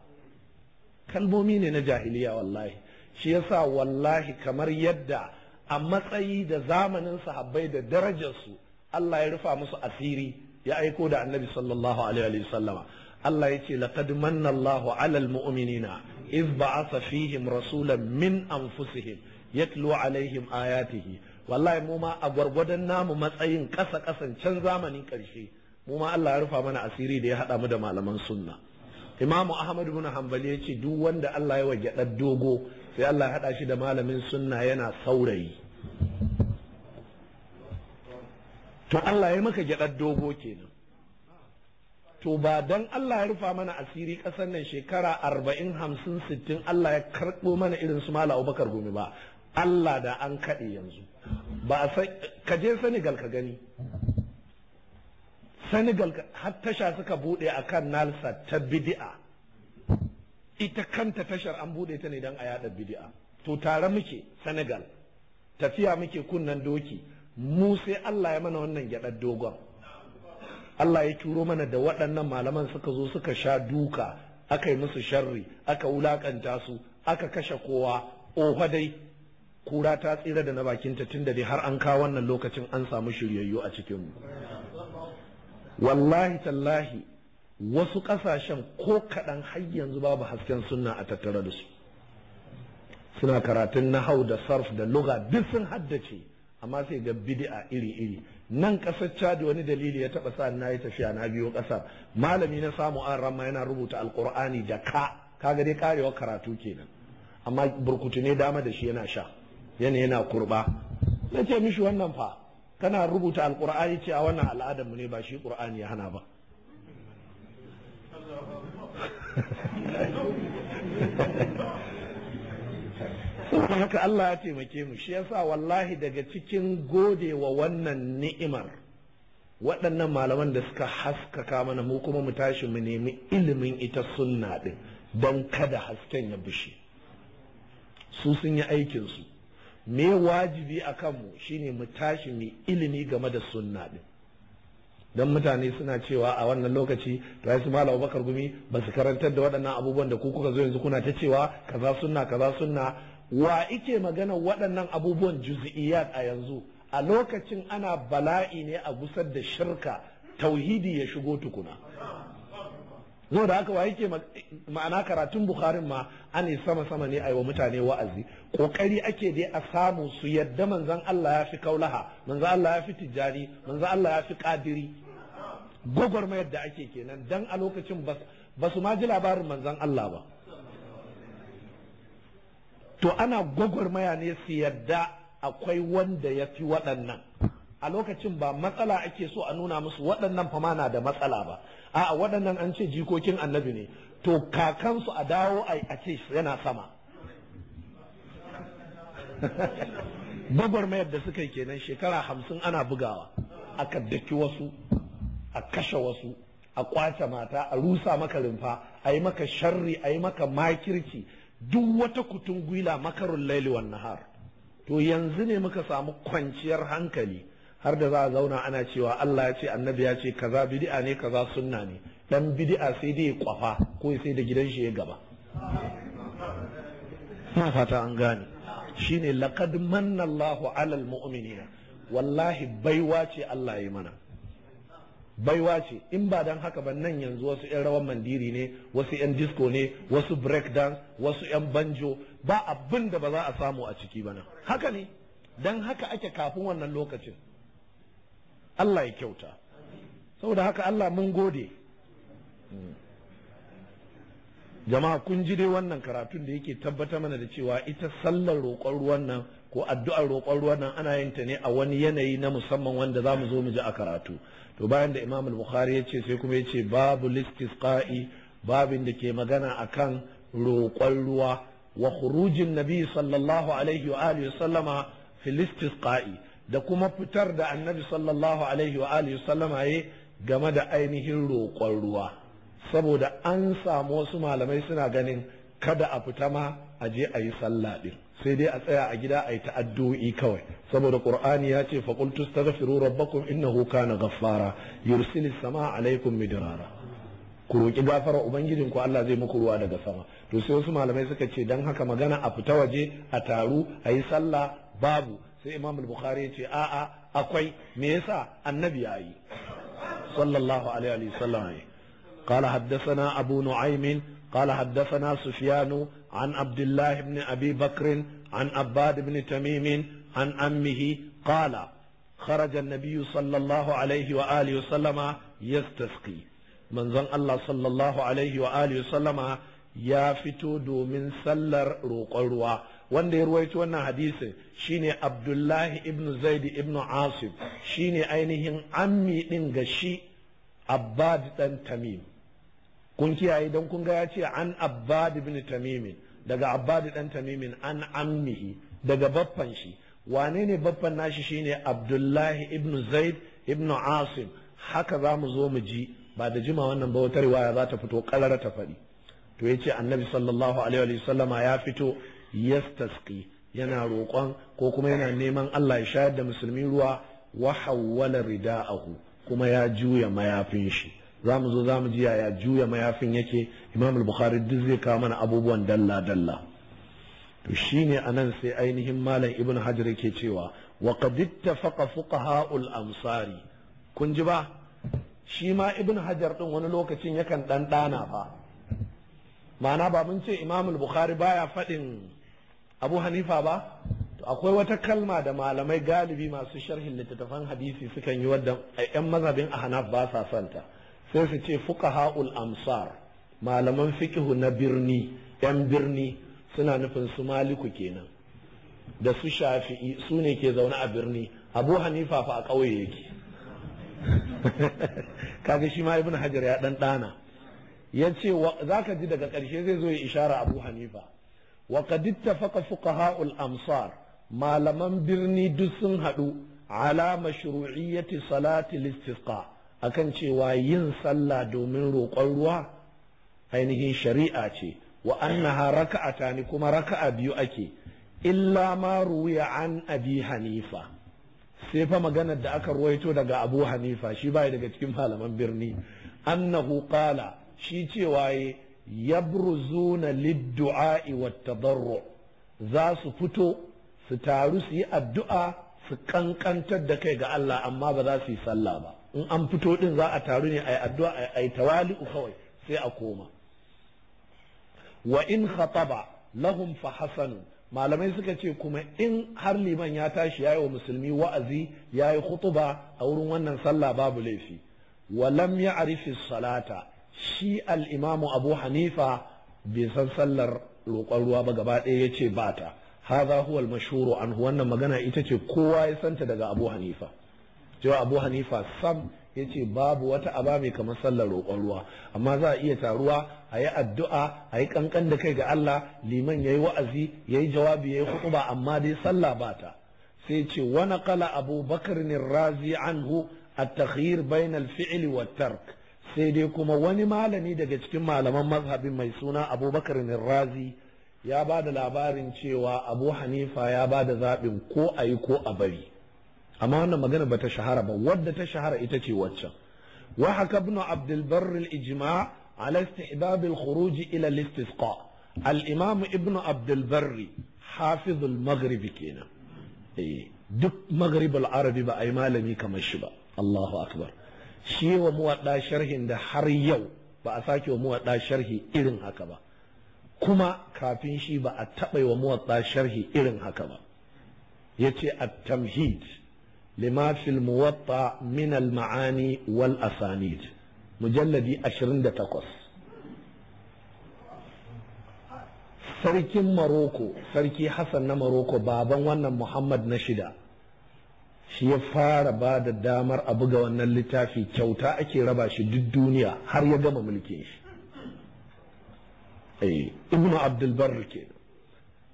kalmomi ne na jahiliya wallahi shi yasa wallahi kamar yadda a matsayi da zamanin sahabbai da darajarsu Allah ya rufa musu asiri ya aiko da annabi sallallahu alaihi wa sallama Allah ya ce laqad manna Allahu alal mu'minina iz ba'atha fihim rasulan min anfusihim yatlu alaihim ayatihi wallahi mu ma a gwargwadon namu matsayin ƙasa ƙasan can zamanin ƙarshe mu ma Allah ya rufa mana asiri da ya haɗa mu da malaman sunna Imam Ahmad ibn Hanbali ya ce duk wanda Allah ya waje dogo sai Allah ya haɗa shi da malamin sunna yana saurayi to Allah ya maka gyaɗar dogo kenan to ba dan Allah ya rufa mana asiri ƙasar nan shekara arba'in hamsin sittin Allah ya karɓo mana irin su mala Abubakar Gumi ba Allah da an kaɗe yanzu ba a san ka je Senegal ka gani Senegal har tasha suka bude akan Nalsa ta bid'a ita kanta tashar an bude ta ne don a yada bidia. to tare muke Senegal tafiya muke kunnan doki mu sai Allah ya mana wannan gyadar dogon Allah ya turo mana da waɗannan malaman suka zo suka sha duka aka yi musu sharri aka wulaƙanta su aka kashe kowa ofa dai kura ta tsira da na bakinta tun da dai har an kawo wannan lokacin an samu shiryayyu a cikinmu wallahi tallahi wasu ƙasashen ko kaɗan har yanzu babu hasken sunna a tattare da su suna karatun nahau da sarf da luga duk sun haddace amma sai ga bid'a iri-iri nan ƙasar cadi wani dalili ya taɓa sa na yi tafiya na biyo ƙasar malami na samu an ramma yana rubuta alƙur'ani da ka kaga dai karewar karatu kenan amma burkutu ne dama da shi yana sha yana yana kurba na ce mishi wannan fa kana rubuta alkur'ani ce a wannan al'adar mu ne ba shi ƙur'ani ya hana ba saboda haka Allah ya taimake mu shi yasa wallahi daga cikin gode wa wannan ni'imar waɗannan malaman da suka haskaka mana mu kuma mu tashi mu nemi ilimin ita sunna ɗin don kada hasken ya bushe su sun yi aikinsu me wajibi a kanmu shine mu tashi mu ilimi game da sunna din don mutane suna cewa a wannan lokaci to su malam Abubakar Gumi ba su karantar da waɗannan abubuwan da kuka zo yanzu kuna ta cewa kaza sunna kaza sunna wa ike magana waɗannan abubuwan juz'iyat a yanzu a lokacin ana bala'i ne a gusar da shirka tauhidi ya shigo tukuna zo da haka waye ke ma'ana karatun bukharin ma an sama sama ne wa mutane wa'azi kokari ake dai a samu su yadda manzon Allah ya fi kaulaha manzon Allah ya fi tijjani manzon Allah ya fi kadiri gwagwarmayar da ake kenan dan a lokacin ba su ma ji labarin manzon Allah ba to ana maya ne su yadda akwai wanda ya fi waɗannan a lokacin ba matsala ake so a nuna musu waɗannan fama na da matsala ba a'a waɗannan an ce jikokin annabi ne to kakansu a dawo a ce yana sama gwagwarmayar da suka yi kenan shekara hamsin ana bugawa aka daki wasu a kashe wasu a kwace mata a rusa maka rumfa a yi maka sharri a yi maka makirki, duk wata kutun gwila makarun laili nahar to yanzu ne muka samu kwanciyar hankali har da za a zauna ana cewa Allah ya ce annabi ya ce kaza bidi'a ne kaza sunna ne dan bidi'a sai dai kwafa ko sai da gidan shi ya gaba na fata an gane shine laqad manna Allahu alal mu'minina wallahi baiwa ce Allah ya mana baiwa ce in ba dan haka ba nan yanzu wasu 'yan rawan mandiri ne wasu 'yan disco ne wasu break dance wasu 'yan banjo ba abin da ba za a samu a ciki ba nan haka ne dan haka ake kafin wannan lokacin Allah ya kyauta saboda haka Allah mun gode jama'a kun ji dai wannan karatun da yake tabbata mana da cewa ita sallar roƙon ruwan nan ko addu'ar roƙon ruwan nan ana yin ta ne a wani yanayi na musamman wanda za mu zo mu ji a karatu to bayan da imam al-bukhari ya ce sai kuma ya ce babu listisqa'i babin da ke magana akan roƙon ruwa wa khurujin nabi sallallahu alaihi wa alihi wa sallama listis ƙa'i. da kuma fitar da annabi sallallahu alaihi wa alihi sallama ya game da ainihin roƙon ruwa saboda an samu wasu malamai suna ganin kada a fita ma a je a yi sallah din sai dai a tsaya a gida a yi ta'addu'i kawai saboda qur'ani ya ce fa qultu astaghfiru rabbakum innahu kana ghaffara yursilis samaa alaikum midrara ku roki gafara ubangijin ku Allah zai muku ruwa daga sama to sai wasu malamai suka ce dan haka magana a fita waje a taru a yi sallah babu sai imam al-bukhari ya ce a'a akwai me yasa annabi ya yi sallallahu alaihi wa sallam قال حدثنا أبو نعيم قال حدثنا سفيان عن عبد الله بن أبي بكر عن عباد بن تميم عن أمه قال خرج النبي صلى الله عليه وآله وسلم يستسقي من زن الله صلى الله عليه وآله وسلم يا فتو من سلر روق الروا wanda ya ruwaito wannan hadisin shine abdullahi ibn zaid ibn asib shine ainihin ammi din ga shi abbad dan tamim kun kiyaye dan kun ga ya ce an abbad ibn tamim daga abbad dan tamim an ammihi daga baffan shi wane ne baffan nashi shine abdullahi ibn zaid ibn asim haka za mu zo mu ji ba da jima wannan ba wata riwaya za ta fito kalara ta faɗi to ya ce annabi sallallahu alaihi wa sallama ya fito yastasqi yana roƙon ko kuma yana neman Allah ya shayar da musulmi ruwa wa hawwala rida'ahu kuma ya juya mayafin shi za mu zo za mu ji ya juya mayafin yake Imam al-Bukhari duk zai kawo mana abubuwan dalla dalla to shine anan sai ainihin malam Ibn Hajar yake cewa wa qad ittafaqa fuqaha'ul amsari kun ji ba shi ma Ibn Hajar din wani lokacin yakan dan dana fa ma'ana ba mun ce Imam al-Bukhari baya faɗin abu hanifa ba to akwai wata kalma da malamai galibi masu sharhin littattafan hadisi sukan yi wadda yan mazhabin ahnaf ba sa santa sai su ce fuqaha'ul amsar malaman fikihu na birni yan birni suna nufin su maliku kenan da su shafi'i su ne ke zaune a birni abu hanifa fa a ƙauye yake kaga shi ma ibn hajar ya dan dana ya ce ji daga ƙarshe zai zo ya ishara abu hanifa wa qad ittafaqa fuqaha'ul amsar malaman birni duk sun haɗu ala mashru'iyyati salati istisqa akan cewa yin sallah domin roƙon ruwa ainihin shari'a ce wa annaha raka'ata ne kuma raka'a biyu ake illa ma ruwiya an abi hanifa sai fa maganar da aka ruwaito daga abu hanifa shi bai daga cikin malaman birni annahu qala shi cewa yabruzuna lid-du'a'i wat-tadarru za su fito su taru su yi addu'a su kankantar da kai ga Allah amma ba za su yi sallah ba in an fito din za a taru ne ayi addu'a ayi tawali'u kawai sai a koma wa in khataba lahum fa hasanu malamai suka ce kuma in har liman ya tashi yayi wa musulmi wa'azi yayi khutuba a wurin wannan sallah babu laifi wa lam ya'rifi salata shi al'imamu abu hanifa bai san sallar roƙon ruwa ba gaba ɗaya ya ce ba ta haza huwal mashuru an wannan magana ita ce kowa ya santa daga abu hanifa cewa abu hanifa sam ya ce babu wata aba mai kamar sallar roƙon ruwa amma za a iya taruwa a yi addu'a a yi ƙanƙan da kai ga Allah liman ya yi wa'azi ya yi jawabi ya yi ba amma dai sallah ba ta sai ce wani kala abu bakar razi anhu a takhir bainal fi'ili wa tark sai dai kuma wani malami daga cikin malaman mazhabin mai suna abubakar razi ya ba da labarin cewa abu hanifa ya ba da zaɓin ko a yi ko a bari amma wannan magana ba ta shahara ba wadda ta shahara ita ce waccan wa haka ibn abdul barr al ijma ala istihbab al khuruj ila al istisqa al imam ibnu abdul barr hafiz al maghrib kenan eh, duk maghrib al arabi ba ai malami kamar shi ba Allahu akbar shi wa muwaɗa sharhin da har yau ba a sake wa muwadda sharhi irin haka ba kuma kafin shi ba a taɓa wa muwadda sharhi irin haka ba yace a tamhid lima fil muwatta min al-ma'ani wal asanid mujalladi 28 sarkin Maroko, sarki Hassan na Maroko baban wannan Muhammad na shida, shi ya fara ba da damar a buga wannan littafi kyauta ake raba shi duk duniya har ya gama mulkin shi eh, ibnu abdulbar ke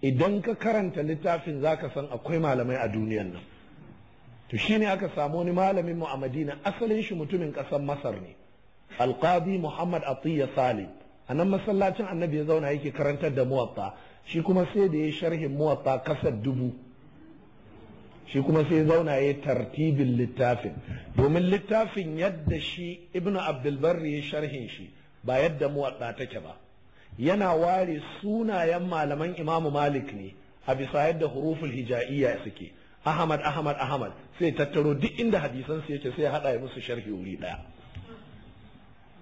idan ka karanta littafin zaka san akwai malamai a duniyan nan to shi ne aka samu wani malamin mu a madina asalin shi mutumin ƙasar masar ne alkabi muhammad atiya salim a nan masallacin annabi ya zauna yake karantar da muwatta shi kuma sai da ya sharhin muwatta kasar dubu shi kuma sai zauna ya tartibin littafin domin littafin yadda shi ibnu abdulbarri ya sharhin shi ba yadda muwadda take ba yana ware sunayen malaman imamu malik ne a bisa yadda huruful hija'iyya suke ahmad ahmad ahmad sai tattaro duk inda hadisan su yake sai ya hada ya musu sharhi wuri daya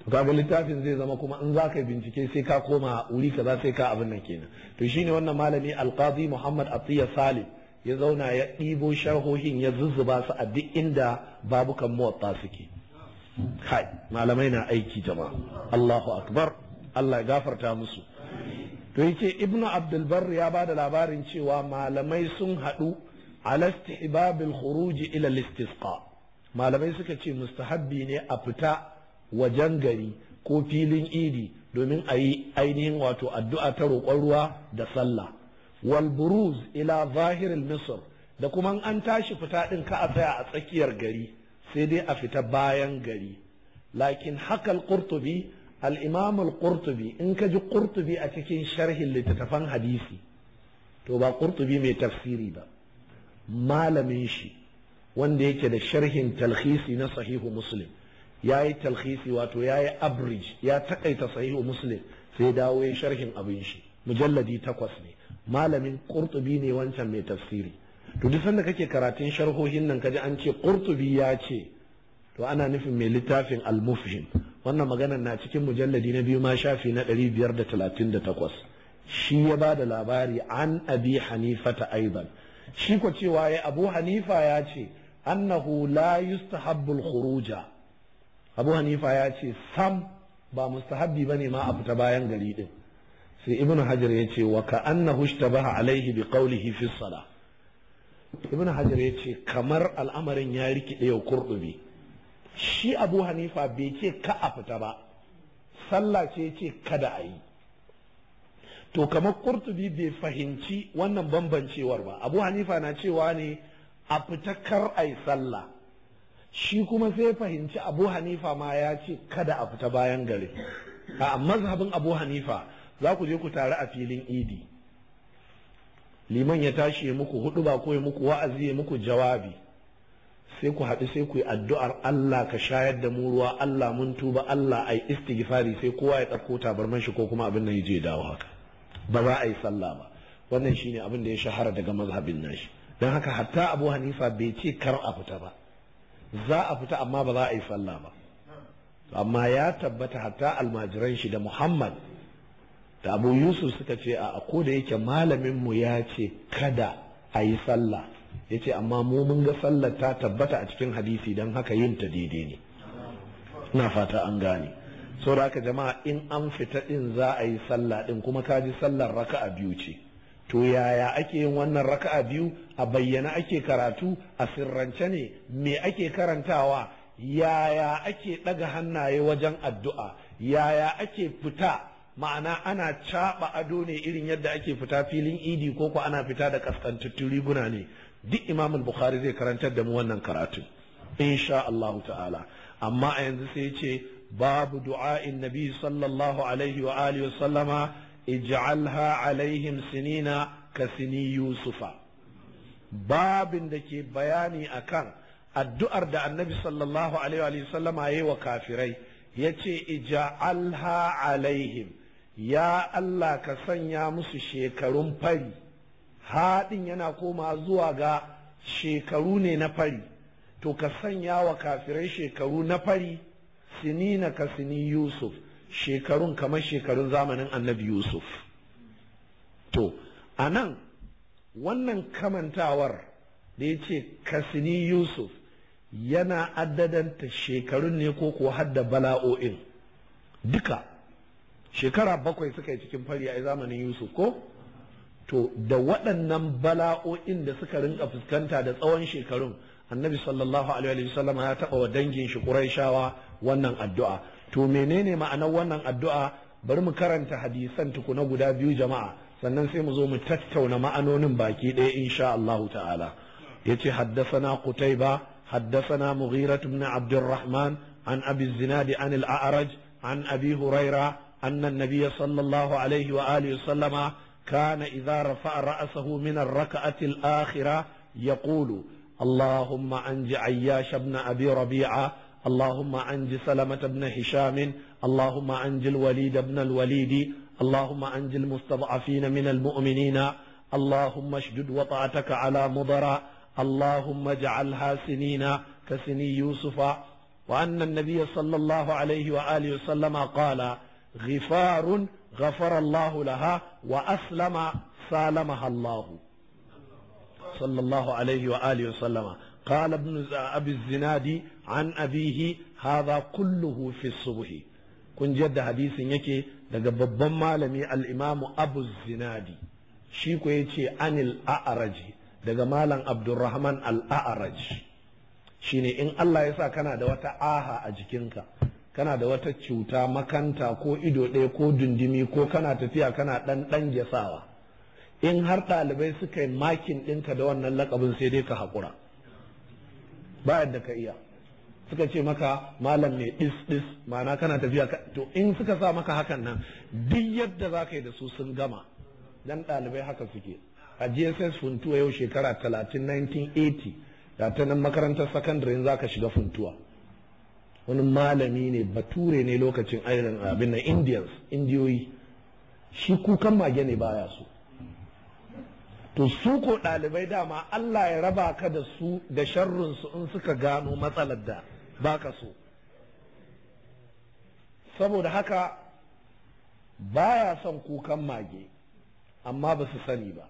kaga littafin zai zama kuma in zaka bincike sai ka koma wuri kaza sai ka abin nan kenan to shine wannan malami alqazi muhammad atiya salim ya zauna ya ɗibo shahohin ya zuzzuba su a duk inda babukan muwatta suke kai malamai na aiki jama'a Allahu akbar Allah ya gafarta musu to yace ibnu abdul ya ya da labarin cewa malamai sun haɗu ala istihbabil khuruj ila istisqa malamai suka ce mustahabbi ne a fita wajen gari ko filin idi domin a yi ainihin wato addu'a ta roƙon ruwa da sallah wal buruz ila zahiril Misir da kuma an tashi fita din ka a tsaya a tsakiyar gari sai dai a fita bayan gari lakin haka al-qurtubi al-imam al-qurtubi in ka ji qurtubi a cikin sharhin littattafan hadisi to ba qurtubi mai tafsiri ba malamin shi wanda yake da sharhin talhisi na sahihu muslim ya yi talhisi wato ya yi average ya takaita sahihu muslim sai dawo ya sharhin abin shi mujalladi takwas ne malamin qurtubi ne wancan mai tafsiri to duk sanda kake karatun sharhohin nan kaji an ce qurtubi ya ce to ana nufin mai littafin al-mufhim wannan maganar na cikin mujalladi na biyu ma shafi na 538 shi ya ba da labari an abi hanifata aidan shi ko cewa ya abu hanifa ya ce annahu la yustahabbul khuruja abu hanifa ya ce sam ba mustahabbi bane ma a fita bayan gari din sai ibnu hajar ya ce wa ka annahu ishtabaha alaihi bi qawlihi fi salah ibnu hajar ya ce kamar al'amarin ya rikide ya kurdubi shi abu hanifa bai ce ka a fita ba sallah ce ce kada a yi to kamar kurtubi bai fahimci wannan bambancewar ba abu hanifa na cewa ne a fita kar a yi sallah shi kuma sai fahimci abu hanifa ma ya ce kada a fita bayan gari a mazhabin abu hanifa za ku je ku taru a filin idi liman ya tashi ya muku hudu ba ko ya muku wa'azi ya muku jawabi sai ku haɗu sai ku yi addu'ar Allah ka shayar da mu ruwa Allah mun tuba Allah ai istighfari sai kowa ya ɗauko tabarman shi ko kuma abin nan ya je dawo haka ba za a yi sallah ba wannan shine abin da ya shahara daga mazhabin nashi don haka hatta Abu Hanifa bai ce kar a fita ba za a fita amma ba za a yi sallah ba amma ya tabbata hatta almajiran shi da Muhammad da abu yusuf suka ce a ko da yake malamin mu ya ce kada a yi sallah ya ce amma mu mun ga sallah ta tabbata a cikin hadisi don haka yin ta daidai ne ina fata an gane sauraka haka jama'a in an fita din za a yi sallah din kuma ka ji sallar raka'a biyu ce to yaya ake yin wannan raka'a biyu a bayyana ake karatu a sirrance ne me ake karantawa yaya ake ɗaga hannaye wajen addu'a yaya ake fita ma'ana ana caɓa ado ne irin yadda ake fita filin idi ko ko ana fita da kaskantattun riguna ne duk imamul bukhari zai karantar da mu wannan karatu insha Allah ta'ala amma a yanzu sai ce babu du'a'in nabi sallallahu alaihi wa alihi wa sallama ij'alha alaihim sinina ka sini yusufa babin da ke bayani akan addu'ar da annabi sallallahu alaihi wa sallama yayi wa kafirai yace ij'alha alaihim ya Allah ka sanya musu shekarun fari haɗin yana koma zuwa ga shekaru ne na fari to ka sanya wa kafirai shekaru na fari sinina ka sini yusuf shekarun kamar shekarun zamanin annabi yusuf to a nan wannan kamantawar da ya ce kasini yusuf yana addadanta shekarun ne ko kuwa hadda bala'o'in duka shekara bakwai suka yi cikin fari a zamanin yusuf ko to da waɗannan bala'o'in da suka rinka fuskanta da tsawon shekarun annabi sallallahu alaihi sallam, ya taɓa wa dangin shi ƙuraishawa wannan addu'a to menene ma'anar wannan addu'a bari mu karanta hadisan tukuna guda biyu jama'a sannan sai mu zo mu tattauna ma'anonin baki ɗaya insha Allah ta'ala yace haddathana qutayba haddathana mughirah ibn abdurrahman an abi zinadi an al-a'raj an abi huraira أن النبي صلى الله عليه وآله وسلم كان إذا رفع رأسه من الركعة الآخرة يقول اللهم أنج عياش بن أبي ربيعة اللهم أنج سلمة بن هشام اللهم أنج الوليد بن الوليد اللهم أنج المستضعفين من المؤمنين اللهم اشدد وطأتك على مضر اللهم اجعلها سنين كسني يوسف وأن النبي صلى الله عليه وآله وسلم قال Rifarun ghafara laha wa aslama salamaha Allahu صلى الله عليه وآله وسلم قال ابن أبي الزنادي عن أبيه هذا كله في الصبح kun jadda hadisin yake daga babban malami al'imamu abu zinadi shi ku ya ce anil a'araji daga malam abdurrahman al'a'araji shi ne in Allah yasa kana da wata aha a jikinka kana da wata cuta makanta ko ido ɗaya ko dundumi ko kana tafiya kana ɗan ɗan gyasawa in har ɗalibai suka yi makin ɗinka da wannan lakabin sai dai ka haƙura ba yadda ka iya suka ce maka malam ne ɗis ɗis ma'ana kana tafiya to in suka sa maka hakan nan duk yadda za ka yi da su sun gama dan ɗalibai haka suke a gss funtuwa yau shekara 1980 da ta nan makarantar sakandare za ka shiga funtuwa wani malami ne bature ne lokacin ainihin abin na indians indiyoyi shi kukan mage ne baya so to su ko ɗalibai dama Allah ya raba ka da su da sharrunsu in suka gano matsalar da baka so saboda haka baya son kukan mage amma ba su sani ba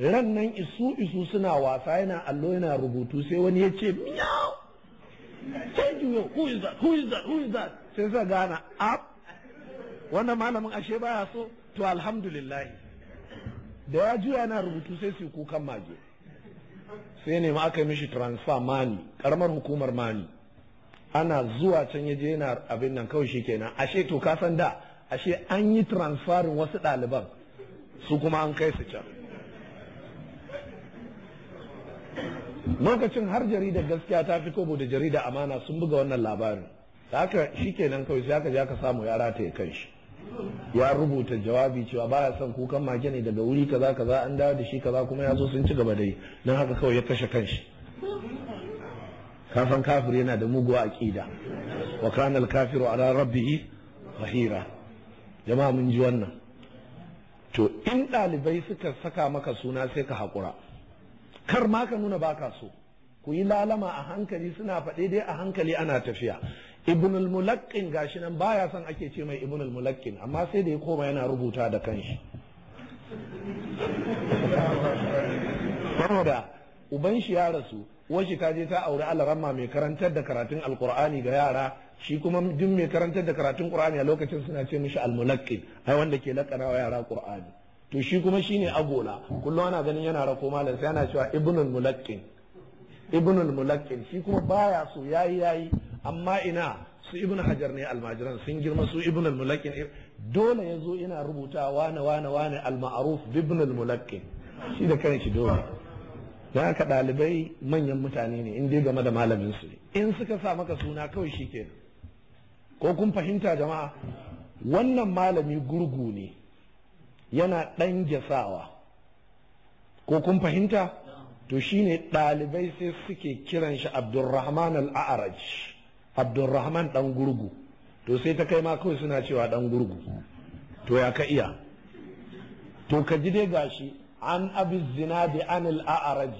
ran nan isu isu suna wasa yana allo yana rubutu sai wani ya ce miyau sai juyo who is that who is that who is that sai sai gana ab ah, wannan malamin ashe baya so to alhamdulillah da ya juya yana rubutu sai su kukan mage sai ne ma aka yi mishi transfer mani karamar hukumar mani ana zuwa can ya je yana abin nan kawai shikenan ashe to ka san da ashe an yi transferin wasu ɗaliban su kuma an kai su can lokacin har jaridar gaskiya ta fi kobo da jarida amana sun buga wannan labarin da haka shikenan kawai sai aka je aka samu yara ta kan shi ya rubuta jawabi cewa baya son kukan mage ne daga wuri kaza kaza an dawo da shi kaza kuma ya zo sun ci gaba da yi don haka kawai ya kashe shi. kafan kafir yana da muguwa aqida wa kana al kafiru ala rabbihi rahira jama'a mun ji wannan to in ɗalibai suka saka maka suna sai ka hakura kar ma ka nuna baka so ku yi lalama a hankali suna faɗe dai a hankali ana tafiya ibn al-mulaqqin gashi nan baya son ake ce mai ibn al amma sai da ya koma yana rubuta da kanshi saboda uban shi ya rasu washi ta je ta auri alaramma mai karantar da karatun alqur'ani ga yara shi kuma duk mai karantar da karatun qur'ani a lokacin suna ce mishi almulaqqin ai wanda ke lakarawa yara qur'ani to shi kuma shi ne agola kullum ana ganin yana rako malam sai ana cewa ibnul mulaqqin ibnul mulaqqin shi kuma baya so yayi yayi amma ina su ibn hajar ne almajiran sun girma su ibnul mulakin dole ya zo ina rubuta wane wane wane al ibnul mulakin shi da kanshi dole dan haka dalibai manyan mutane ne in dai game da malamin su in suka sa maka suna kawai shi ke ko kun fahimta jama'a wannan malami gurgu ne yana ɗan gyasawa ko kun fahimta to shine ɗalibai sai suke kiran shi abdurrahman al'araj abdurrahman ɗan gurgu to sai ta kai ma kawai suna cewa ɗan gurgu to ya ka iya to ka ji dai gashi an abu zinadi an al'araj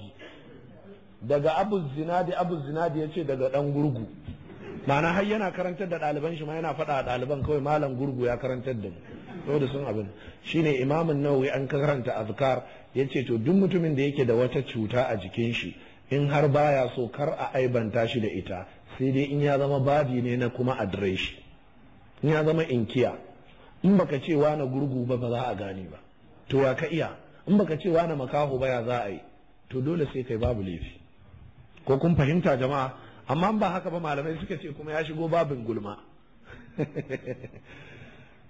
daga abu zinadi abu zinadi ya ce daga ɗan gurgu ma'ana har yana karantar da ɗaliban shi ma yana faɗa a ɗaliban kawai malam gurgu ya karantar da mu da sun abin Shi ne imamin nawawi an karanta azkar ya ce to duk mutumin da yake da wata cuta a jikin shi in har baya so kar a aibanta shi da ita sai dai in ya zama badi ne na kuma adireshi in ya zama inkiya in baka ce na gurgu ba ba za a gane ba to wa ka iya in baka ce na makaho ba ya za a yi to dole sai kai babu laifi ko kun fahimta jama'a amma ba haka ba malamai suka ce kuma ya shigo babin gulma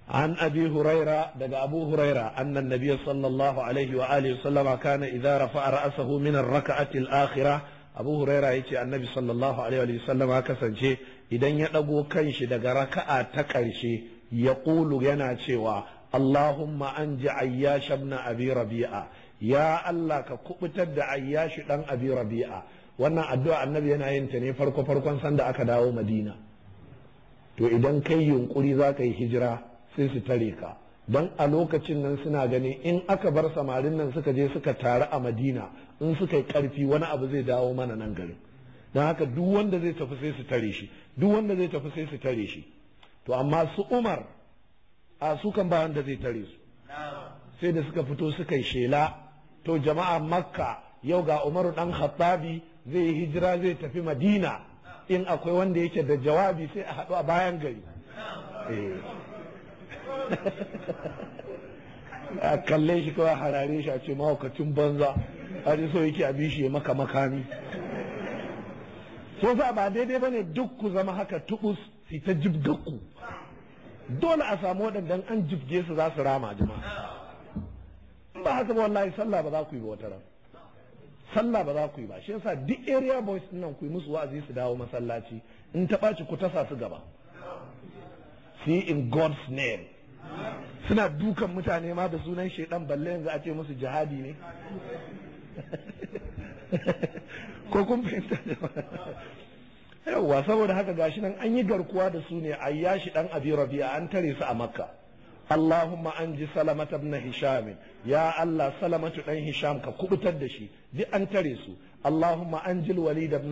عن أبي هريرة دقى أبو هريرة أن النبي صلى الله عليه وآله وسلم كان إذا رفع رأسه من الركعة الآخرة أبو هريرة يتي النبي صلى الله عليه وآله وسلم هكذا إذا يدقو كنش دقى ركعة تكرشي يقول ينا شوى اللهم أنج عياش ابن أبي ربيعة يا الله كقبتد عياش ابن أبي ربيعة وانا أدعى النبي أنا ينتني فرقو فرقو سند أكداو مدينة to idan kai yunkuri za ka yi hijira sai su tare ka don a lokacin nan suna ganin in aka bar samarin nan suka je suka taru a madina in suka yi karfi wani abu zai dawo mana nan garin don haka duk wanda zai tafi sai su tare shi duk wanda zai tafi sai su tare shi to amma su umar a su kan ba wanda zai tare su sai da suka fito suka yi shela to jama'a makka yau ga umaru dan khattabi zai yi hijira zai tafi madina in akwai wanda yake da jawabi sai a haɗu a bayan gari eh. a kalle shi kawai harare shi a ce mahaukacin banza a ji so yake abin shi ya maka makami so sa ba daidai bane duk ku zama haka tubus su ta jibga ku dole a samu waɗanda an jibge su za su rama jima'a. ba haka ba wallahi sallah ba za ku yi ba wata ran sallah ba za ku yi ba shi yasa duk area boys nan ku yi musu wa'azi su dawo masallaci in ta ɓaci ku tasa su gaba see in God's name suna dukan mutane ma da sunan shaidan balle yanzu a ce musu jihadi ne ko kun fahimta da yawwa saboda haka gashi nan an yi garkuwa da su ne a yashi dan abi rabi'a an tare su a makka Allahumma an ji salamata ibn hisham ya Allah salamatu dan hisham ka kubutar da shi duk an tare su Allahumma an ji walid ibn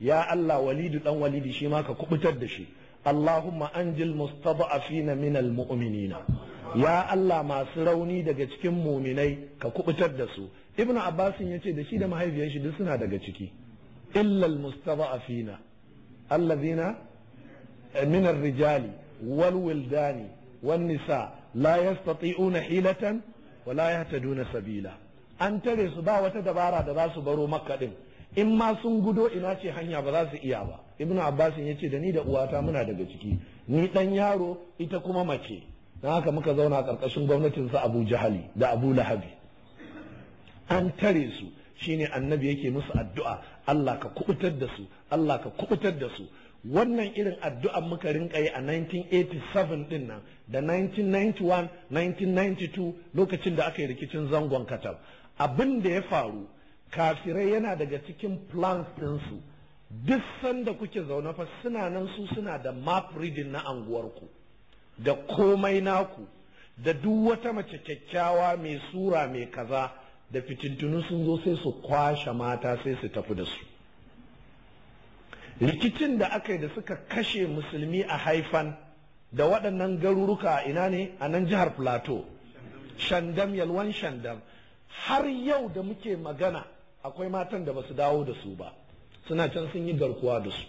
ya Allah walidu dan walidi shi ma ka kubutar da shi Allahumma anjil mustada'afina minal mu'minina ya Allah masu rauni daga cikin muminai ka kubutar da su ibnu abbasin ce da shi da mahaifiyar shi duk suna daga ciki illal mustada'afina allazina eh, min ar-rijali wal wildani wan nisa la yastati'una hilatan wa la yahtaduna sabila an tare su ba wata dabara da za su baro makka din in ma sun gudo ina ce hanya ba za su iya ba ibnu abbas ya ce da ni da uwata muna daga ciki ni dan yaro ita kuma mace na haka muka zauna karkashin gwamnatin su abu jahali da abu lahabi an tare su shine annabi yake musu addu'a Allah ka kubutar da su Allah ka kubutar da su wannan irin addu'a muka rinka yi a 1987 din nan da 1991 1992 lokacin da aka yi rikicin zangon katab abin da ya faru kafirai yana daga cikin plans ɗinsu duk sanda kuke zaune fa suna nan su suna da map reading na anguwarku da komai naku da duk wata mace kyakkyawa mai sura mai kaza da fitintunu sun zo sai su kwashe mata sai su tafi da su rikicin da aka yi da suka kashe musulmi a haifan da waɗannan garuruka ina ne a nan jihar plateau shandam yalwan shandam har yau da muke magana akwai matan da ba su dawo da su ba suna can sun yi garkuwa da su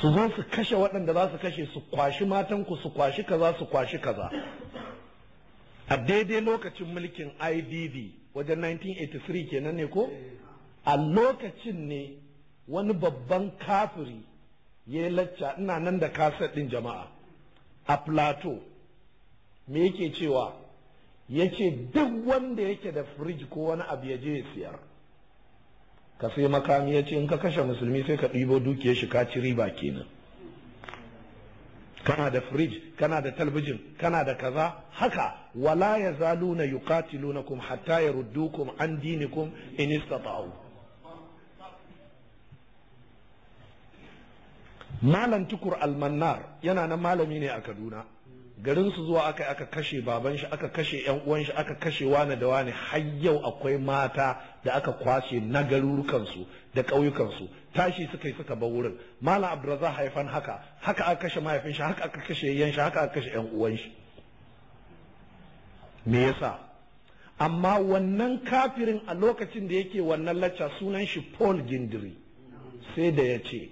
su zo su kashe waɗanda za su kashe su kwashi matanku su kwashi kaza su kwashi kaza a daidai lokacin mulkin idd wajen 1983 kenan ne ko a lokacin ne wani babban kafiri ya yi lacca ina nan da kasar ɗin jama'a a plateau me yake cewa ya ce duk wanda yake da firij ko wani abu ya je ya siyar ka sai makami ya ce in ka kashe musulmi sai ka ɗibo dukiya shi ka ci riba kenan kana da firij kana da talbijin kana da kaza haka wala ya na yuqatilunakum hatta yaruddukum an dinikum in istata'u malam tukur almannar yana nan malami ne a kaduna garin su zuwa aka aka kashe baban shi aka kashe yan uwan shi aka kashe wani da wani har yau akwai mata da aka kwashe na garurukan su da ƙauyukan su tashi suka yi suka bar wurin malam abdurrazza haifan haka haka aka kashe mahaifin shi haka aka kashe yan shi haka aka kashe yan uwan shi me yasa amma wannan kafirin a lokacin da yake wannan lacca sunan shi Paul Gindiri sai da ya ce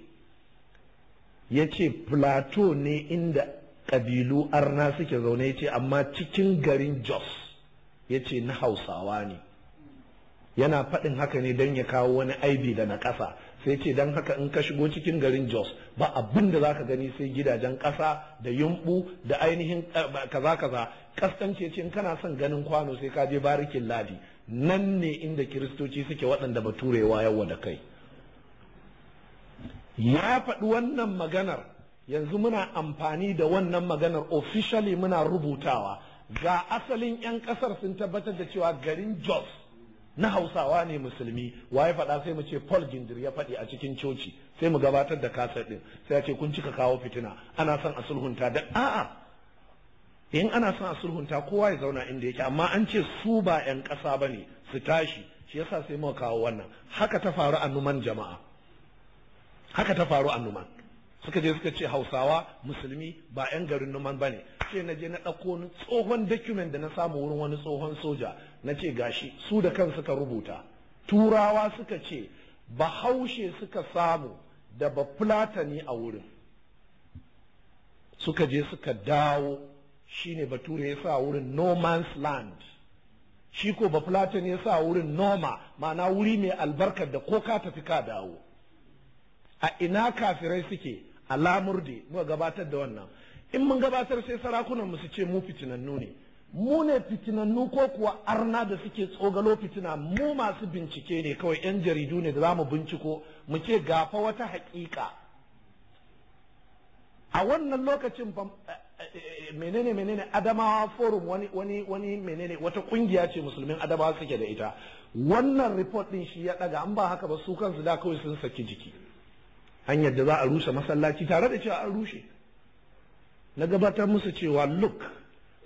ya ce plateau ne inda ƙabilu arna suke zaune ya ce amma cikin garin jos ya ce na hausawa ne yana faɗin haka ne don ya kawo wani aibi da na ƙasa sai ce don haka in ka shigo cikin garin jos ba abin da za ka gani sai gidajen ƙasa da yumɓu da ainihin eh, kaza kaza kaskance ce in kana son ganin kwano sai ka je barikin ladi nan ne inda kiristoci suke waɗanda ba turewa yawa da kai ya faɗi wannan maganar yanzu muna amfani da wannan maganar officially muna rubutawa ga asalin 'yan kasar sun tabbatar da cewa garin jos na hausawa ne musulmi waye faɗa sai mu ce paul gindir ya faɗi a cikin coci sai mu gabatar da kasar ɗin sai ce kun cika kawo fitina ana son a sulhunta da a'a in ana son a sulhunta kowa ya zauna inda yake amma an ce su ba 'yan ƙasa ba ne su tashi shi yasa sai muka kawo wannan haka ta faru a numan jama'a haka ta faru a numan suka je suka ce hausawa musulmi ba 'yan garin numan ba ne ce na je na ɗauko wani tsohon document da na samu wurin wani tsohon soja na ce gashi su da kan suka rubuta turawa suka ce bahaushe suka samu da ba fulatani a wurin suka je suka dawo shine bature ya sa wurin no man's land shi ko ba fulatani ya sa wurin noma ma'ana wuri mai albarkar da ko ka tafi ka dawo a ina kafirai suke a lamurde muka gabatar da wannan in mun gabatar sai sarakunan mu su ce mu fitinannu ne mu ne fitinannu ko kuwa arna da suke tsogalo fitina mu masu bincike ne kawai yan jaridu ne da za mu binciko mu ce gafa wata haƙiƙa a wannan lokacin eh, eh, eh, menene menene adamawa forum wani wani wani menene wata kungiya ce musulmin adamawa suke da ita wannan report din shi ya daga an ba haka ba su kansu da kawai sun saki jiki Hanyar da za a rusa masallaci tare da cewa an rushe na gabatar musu cewa look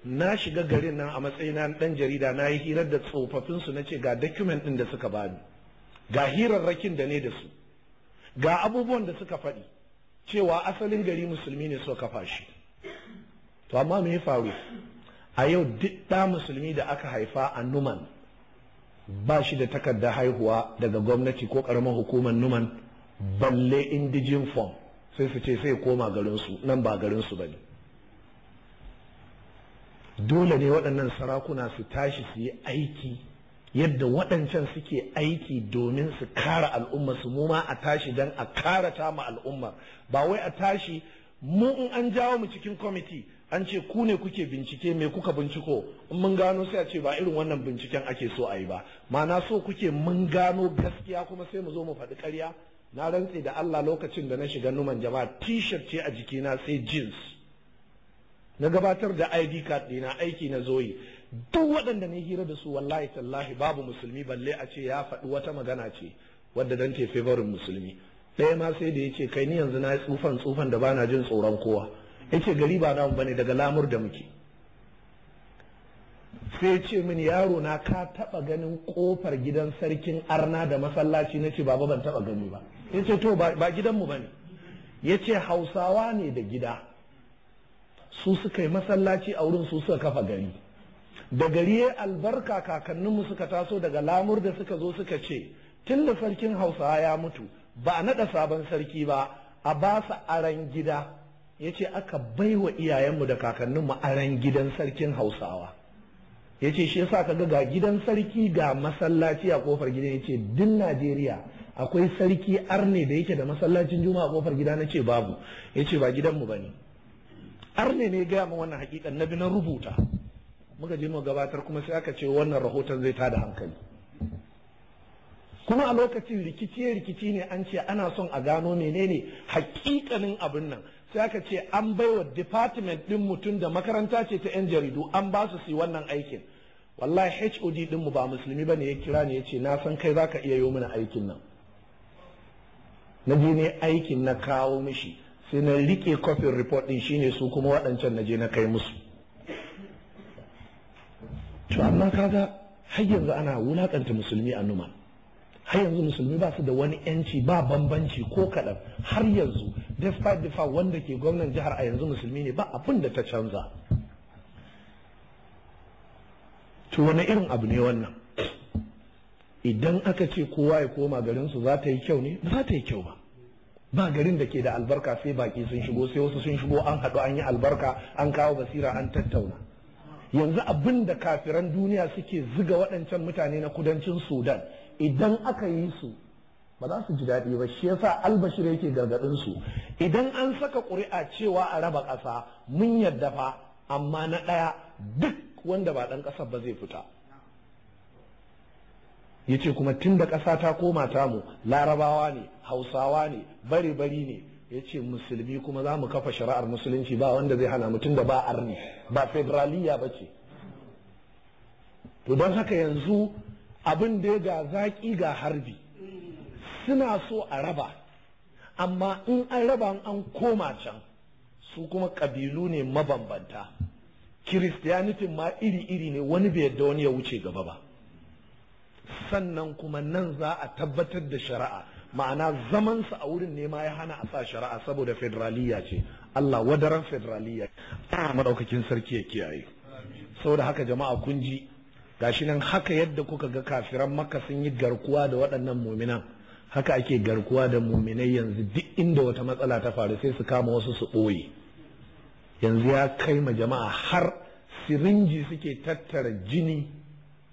na shiga garin nan a matsayin dan jarida na yi hirar da tsofaffin su ce ga document din da suka bani ga hirarrakin da ne da su ga abubuwan da suka faɗi cewa asalin gari musulmi ne suka kafa shi to amma me ya faru a yau duk da musulmi da aka haifa a numan ba shi da takardar haihuwa daga gwamnati ko ƙaramar hukumar numan balle indijin form sai su ce sai koma garinsu nan ba garinsu ba ne dole ne waɗannan sarakuna su tashi su yi aiki yadda waɗancan suke aiki domin su kara al'umma su mu ma a tashi don a kara ta ma al'ummar ba wai a tashi mu in an jawo mu cikin kwamiti an ce ku ne kuke bincike me kuka binciko in mun gano sai a ce ba irin wannan binciken ake so a yi ba ma'ana so kuke mun gano gaskiya kuma sai mu zo mu faɗi karya. na rantse da Allah lokacin da na shiga numan jama'a t-shirt ce a jikina sai jeans na gabatar da ID card dina aiki na zoyi duk waɗanda na hira da su wallahi tallahi babu musulmi balle a ce ya faɗi wata magana ce wadda dan ke favorin musulmi ɗaya ma sai da yace kai ni yanzu na yi tsufan tsufan da bana jin tsoron kowa yace gari ba namu bane daga lamur da muke sai ce mini yaro na ka taba ganin kofar gidan sarkin arna da masallaci na ce baba ban taba gani ba ya ce to ba gidanmu ba ne ya ce hausawa ne da gida su suka yi masallaci a wurin su suka kafa gari da gari ya albarka kakanninmu suka taso daga lamur da suka zo suka ce tun da sarkin hausawa ya mutu ba a naɗa sabon sarki ba a ba su aran gida ya ce aka baiwa iyayenmu da kakanninmu aran gidan sarkin hausawa ya ce shi yasa kaga ga gidan sarki ga masallaci a kofar gidan ya ce din najeriya akwai sarki arne da yake da masallacin juma'a a kofar gida na ce babu ya ce ba gidanmu ba ne arne ne gaya ma wannan hakikan na na rubuta muka je mu gabatar kuma sai aka ce wannan rahoton zai tada hankali kuma a lokacin rikici rikici ne an ce ana son a gano menene hakikanin abin nan sai aka ce an baiwa department din mutum da makaranta ce ta 'yan jaridu an ba su su wannan aikin wallahi hod din mu ba musulmi ba ne ya kira ne ya ce na san kai zaka iya yi mana aikin nan na je ne aikin na kawo mishi sai na rike kofin report din shine su kuma waɗancan na je na kai musu to amma kaga har yanzu ana wulakanta musulmi a numan har yanzu musulmi ba su da wani yanci ba bambanci ko kaɗan har yanzu despite the fact wanda ke gwamnan jihar a yanzu musulmi ne ba abin da ta canza to wani irin abu ne wannan idan aka ce kowa ya koma garinsu za ta yi kyau ne ba za ta yi kyau ba ba garin da ke da albarka sai baki sun shigo sai wasu sun shigo an haɗu an yi albarka an kawo basira an tattauna yanzu abin da kafiran duniya suke ziga waɗancan mutane na kudancin sudan idan aka yi su ba za su ji daɗi ba shi yasa albashir yake gargaɗin su idan an saka ƙuri'a cewa a raba ƙasa mun yadda fa amma na ɗaya duk wanda ba ɗan ƙasar ba zai fita Ya ce kuma tun da ƙasa ta koma tamu larabawa ne hausawa ne bari bari ne Ya ce musulmi kuma za mu kafa shari'ar musulunci ba wanda zai hana mutum da ba arni ba federaliya ba ce to don haka yanzu abin da ga zaƙi ga harbi suna so a raba amma in an raba an koma can su kuma ƙabilu ne mabambanta kiristiyanitin ma iri-iri ne wani bai yadda wani ya wuce gaba ba sannan kuma nan za a tabbatar da shari'a ma'ana zamansa a wurin ne ma ya hana a sa shari'a saboda federaliyya ce Allah wadaran federaliyya a madaukakin sarki ya kiyaye saboda haka jama'a kun ji gashi nan haka yadda kuka ga kafiran makka sun yi garkuwa da waɗannan muminan haka ake garkuwa da muminai yanzu duk inda wata matsala ta faru sai su kama wasu su ɓoye yanzu ya kai ma jama'a har sirinji suke tattara jini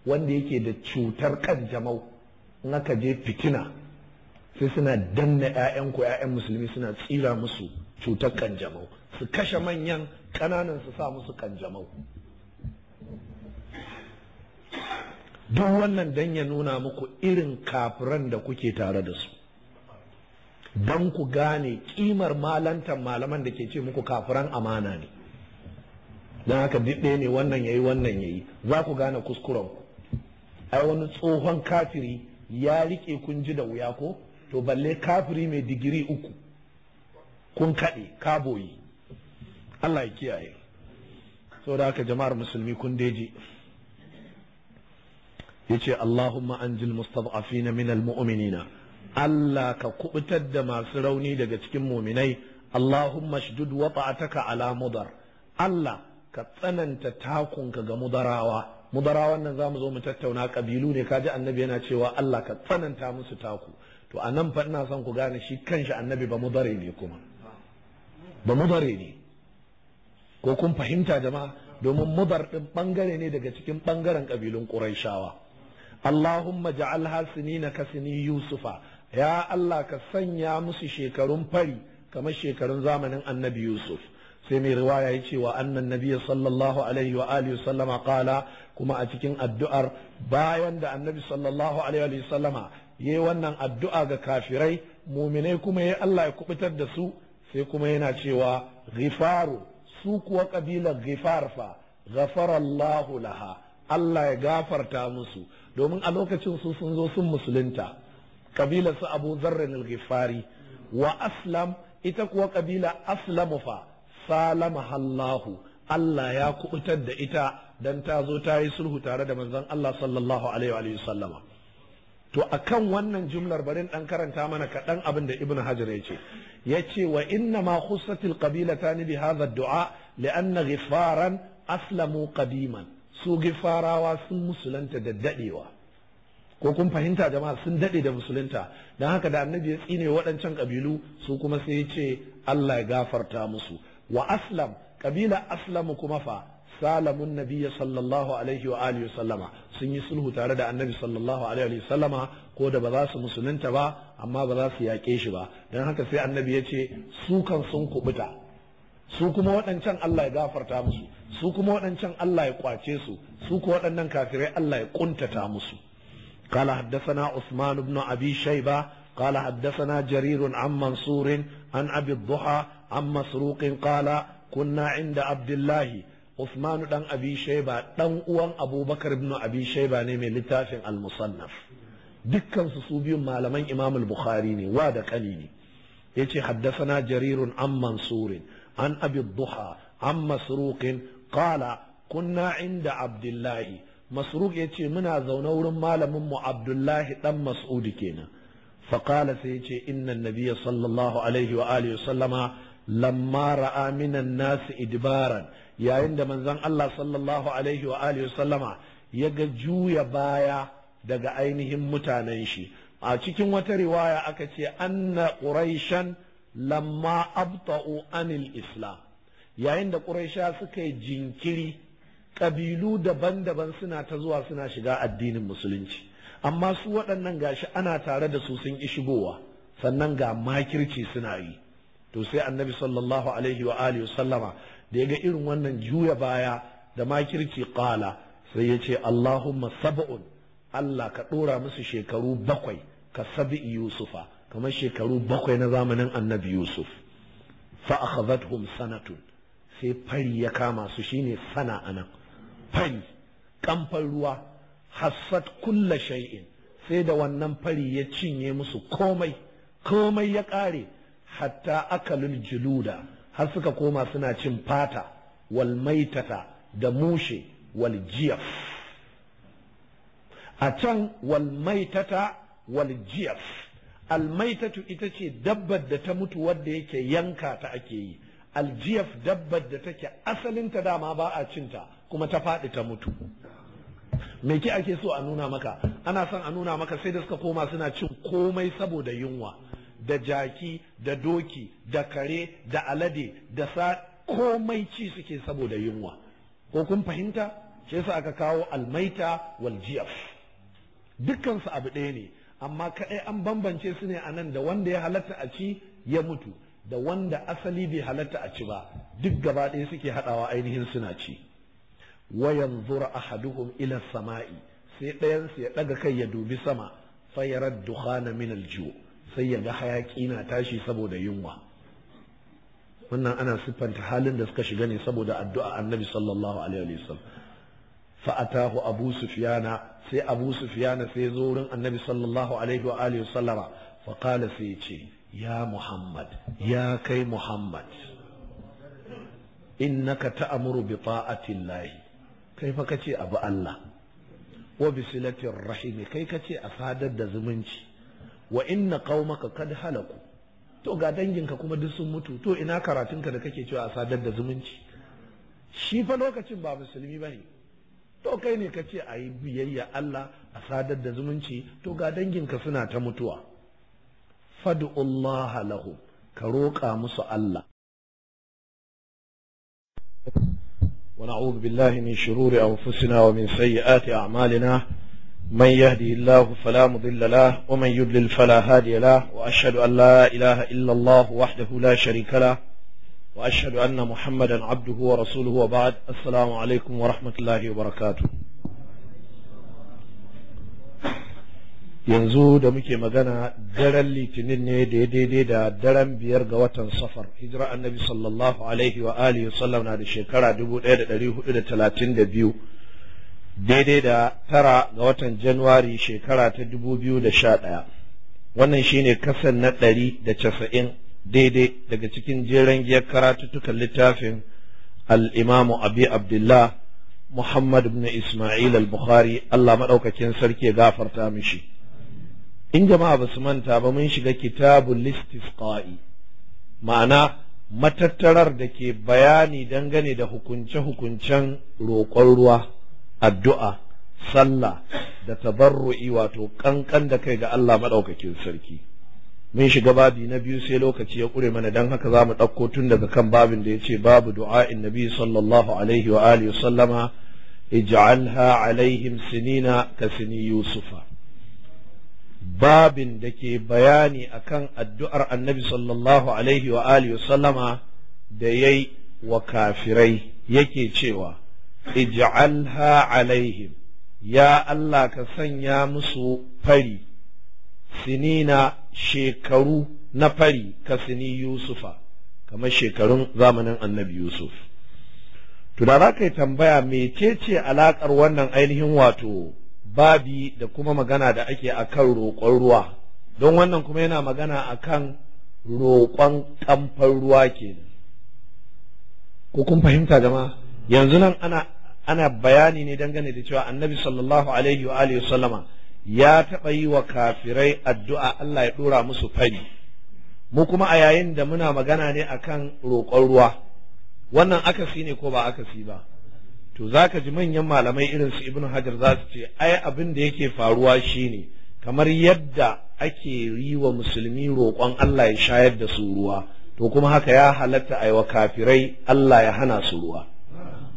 wanda yake da cutar kanjamau in aka je fitina sai suna danna 'ya'yan ku 'ya'yan musulmi suna tsira musu cutar kan jamau, su kashe manyan ƙananan su sa musu kanjamau duk wannan dan ya nuna muku irin kafiran da kuke tare da su don ku gane kimar malantan malaman da ke ce muku kafiran amana ne don haka ɗaya ne wannan yayi wannan yayi za ku gane kuskuren ku ai wani tsohon kafiri ya rike kun ji da wuya ko to balle kafiri mai digiri uku kun kaɗe kaboyi Allah ya kiyaye saboda haka jama'ar musulmi kun daji yace Allahumma anjil mustad'afina minal mu'minina Allah ka kubutar da masu rauni daga cikin muminai Allahumma shdud wata'ataka ala mudar Allah ka tsananta takunka ga mudarawa mudarawan nan zamu zo mu tattauna kabilu ne kaji annabi yana cewa Allah ka tsananta musu taku to a nan fa ina son ku gane shi kanshi annabi ba mudare ne kuma ba mudare ne ko kun fahimta jama'a domin mudar ɗin ɓangare ne daga cikin bangaren kabilun Qurayshawa Allahumma ja'alha sinina ka sini Yusufa ya Allah ka sanya musu shekarun fari kamar shekarun zamanin Annabi Yusuf sai mai rawa ya ce wa annan nabiya sallallahu alaihi wa alihi sallama kala kuma a cikin addu'ar bayan da annabi sallallahu alaihi wa sallama yayi wannan addu'a ga kafirai muminai kuma yayi Allah ya kubutar da su sai kuma yana cewa rifaru su kuwa kabilar ghifar fa ghafarallahu laha Allah ya gafarta musu domin a lokacin su sun zo sun musulunta kabilar su abu zarrin al-ghifari wa aslam ita kuwa kabila aslamu fa salama hallahu Allah ya kubutar da ita dan ta zo ta yi sulhu tare da manzon Allah sallallahu alaihi wa sallama to akan wannan jumlar barin dan karanta mana kaɗan abin da ibnu hajar ya ce ya ce wa inna ma khussatil qabilatani bi hadha du'a li'anna ghifaran aslamu qadiman su gifarawa sun musulunta da dadewa ko kun fahimta jama'a sun dade da musulunta don haka da annabi ya tsine waɗancan kabilu su kuma sai ya ce Allah ya gafarta musu wa aslam kabila aslamu kuma fa salamun Nabiya sallallahu alaihi wa alihi sallama sun yi sulhu tare da annabi sallallahu alaihi wa sallama ko da ba za su musulunta ba amma ba za su yaƙe shi ba don haka sai annabi ya ce su kan sun kubuta su kuma waɗancan Allah ya gafarta musu su kuma waɗancan Allah ya kwace su su kuma waɗannan kafirai Allah ya kuntata musu قال حدثنا عثمان بن أبي شيبة قال حدثنا جرير عن منصور عن أبي الضحى عن مسروق قال كنا عند عبد الله عثمان بن أبي شيبة دن أوان أبو بكر بن أبي شيبة نمي لتاف المصنف دكا سسوبي مالمين إمام البخاري وادا كليني يتي حدثنا جرير عن منصور عن أبي الضحى عن مسروق قال كنا عند عبد الله مسروق يتي منا زونور مال مم عبد الله دم مسعود كينا فقال سيتي إن النبي صلى الله عليه وآله وسلم لما رأى من الناس إدبارا يا عند من زن الله صلى الله عليه وآله وسلم يجو يبايا daga ainihin mutanen shi a cikin wata riwaya aka ce anna quraishan lamma abta'u anil islam yayin da quraisha suka yi jinkiri ƙabilu daban-daban suna ta zuwa suna shiga addinin musulunci amma su waɗannan gashi ana tare da su sun ishigowa sannan ga makirci suna yi to sai annabi sallallahu alaihi wa alihi sallama da ya ga irin wannan juya baya da makirci ƙala sai ya ce allahumma sab'un allah ka ɗora musu shekaru bakwai ka sabi yusufa kamar shekaru bakwai na zamanin annabi yusuf fa akhadhatuhum sanatun sai fari ya kama su shine sana anan fari kamfan ruwa hassat kulla shay'in sai da wannan fari ya cinye musu komai komai ya kare hatta akalul juluda har suka koma suna cin fata wal maitata da mushe wal jiyaf a can wal maitata wal jiyaf almaitatu ita ce dabbar da ta mutu wadda yake yanka ta ake yi aljiyaf dabbar da take asalinta dama ba a cinta kuma ta faɗi ta mutu me ke ake so a nuna maka ana son a nuna maka sai da suka koma suna cin komai saboda yunwa da jaki da doki da kare da alade da sa komai ci suke saboda yunwa ko kun fahimta ke sa aka kawo almaita waljiyaf jiyaf dukkansu abu ɗaya ne amma kaɗai an bambance su ne a nan da wanda ya halatta a ci ya mutu da wanda asali bai halatta a ci ba duk gaba ɗaya suke haɗawa ainihin suna ci wayan zura ahaduhum ila sama'i sai ɗayansu ya ɗaga kai ya dubi sama fayarar duhana min aljiwo sai ya ga hayaƙi na tashi saboda yunwa wannan ana siffanta halin da suka shiga ne saboda addu'a annabi sallallahu alaihi wasallam fa'atahu abu Sufiyana. sai abu sufyana sai zo wurin annabi sallallahu alaihi wa alihi sallama fa sai ce ya muhammad ya kai muhammad innaka ta'muru bi ta'atillahi kai fa kace abu Allah wa bi rahimi kai kace a sadar da zumunci wa kau maka kad halaku to ga danginka kuma duk sun mutu to ina karatunka da kake cewa a sadar da zumunci shi fa lokacin ba musulmi bane to ne ka ce a yi biyayya Allah a sadar da zumunci to ga danginka suna ta mutuwa fad'ullaha lahu, ka roƙa musu Allah wa na'udhu billahi min shururi anfusina wa min sayyiati a'malina من يهده الله فلا مضل له ومن يضلل فلا هادي له واشهد ان لا اله الا الله وحده لا شريك له وأشهد أن محمدا عبده ورسوله وبعد السلام عليكم ورحمة الله وبركاته yanzu da muke magana daren litinin ne da ya daidai da daren biyar ga watan safar hijira annabi sallallahu alaihi wa alihi sallam na da shekara 1432 daidai da tara ga watan januwari shekara ta 2011 wannan shine kasan na 190 daidai daga cikin jeren giyar karatuttukan littafin al'imamu abi abdullah muhammad ibn ismail al-bukhari allah maɗaukakin sarki ya gafarta mishi in jama'a ba su manta ba mun shiga kitabul listisqa'i ma'ana matattarar da ke bayani dangane da hukunce-hukuncen roƙon ruwa addu'a sallah da tabarru'i wato ƙanƙan da kai ga allah maɗaukakin sarki mun shiga babi na biyu sai lokaci ya ƙure mana don haka za mu ɗauko tun daga kan babin da ya ce babu du'a'in nabi sallallahu alaihi wa alihi sallama ij'alha alaihim sinina ka sini yusufa babin da ke bayani akan addu'ar annabi sallallahu alaihi wa alihi sallama da yayi wa kafirai yake cewa ij'alha alaihim ya Allah ka sanya musu fari sinina shekaru na fari kasini yusufa kamar shekarun zamanin annabi yusuf to da za ka yi tambaya mecece alaƙar wannan ainihin wato babi da kuma magana da ake akan roƙon ruwa don wannan kuma yana magana akan roƙon kamfan ruwa kenan ko kun fahimta jama'a yanzu nan ana bayani ne dangane da cewa annabi sallallahu alaihi wa alihi sallama ya taɓa yi wa kafirai addu'a Allah ya ɗora musu fari mu kuma a yayin da muna magana ne a kan roƙon ruwa wannan akasi ne ko ba akasi ba to za ka ji manyan malamai irin su Ibn hajar za su ce ai abin da yake faruwa shine kamar yadda ake yi wa musulmi roƙon Allah ya shayar da su ruwa to kuma haka ya halatta a yi wa kafirai Allah ya hana su ruwa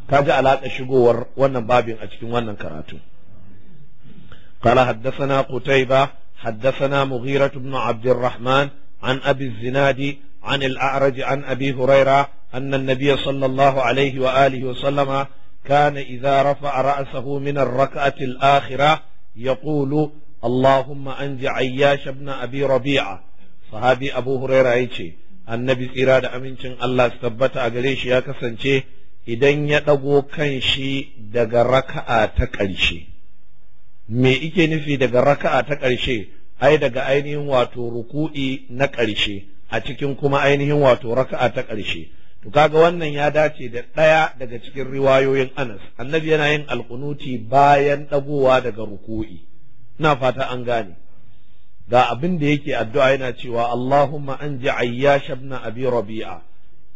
ka ji alaƙa shigowar wannan babin a cikin wannan karatu قال حدثنا قتيبة حدثنا مغيرة بن عبد الرحمن عن أبي الزناد عن الأعرج عن أبي هريرة أن النبي صلى الله عليه وآله وسلم كان إذا رفع رأسه من الركعة الآخرة يقول اللهم أنج عياش بن أبي ربيعة صحابي أبو هريرة يتشي النبي إرادة أمين الله استبت أقليش يا كسنشي إذن يدقو كنشي دقرك آتك أنشي me ike nufi daga raka'a ta ƙarshe ai daga ainihin wato ruku'i na ƙarshe a cikin kuma ainihin wato raka'a ta ƙarshe to kaga wannan ya dace da ɗaya daga cikin riwayoyin Anas annabi yana yin alkunuti bayan ɗagowa daga ruku'i ina fata an gane ga abin da yake addu'a yana cewa Allahumma anji ayyash ibn abi rabi'a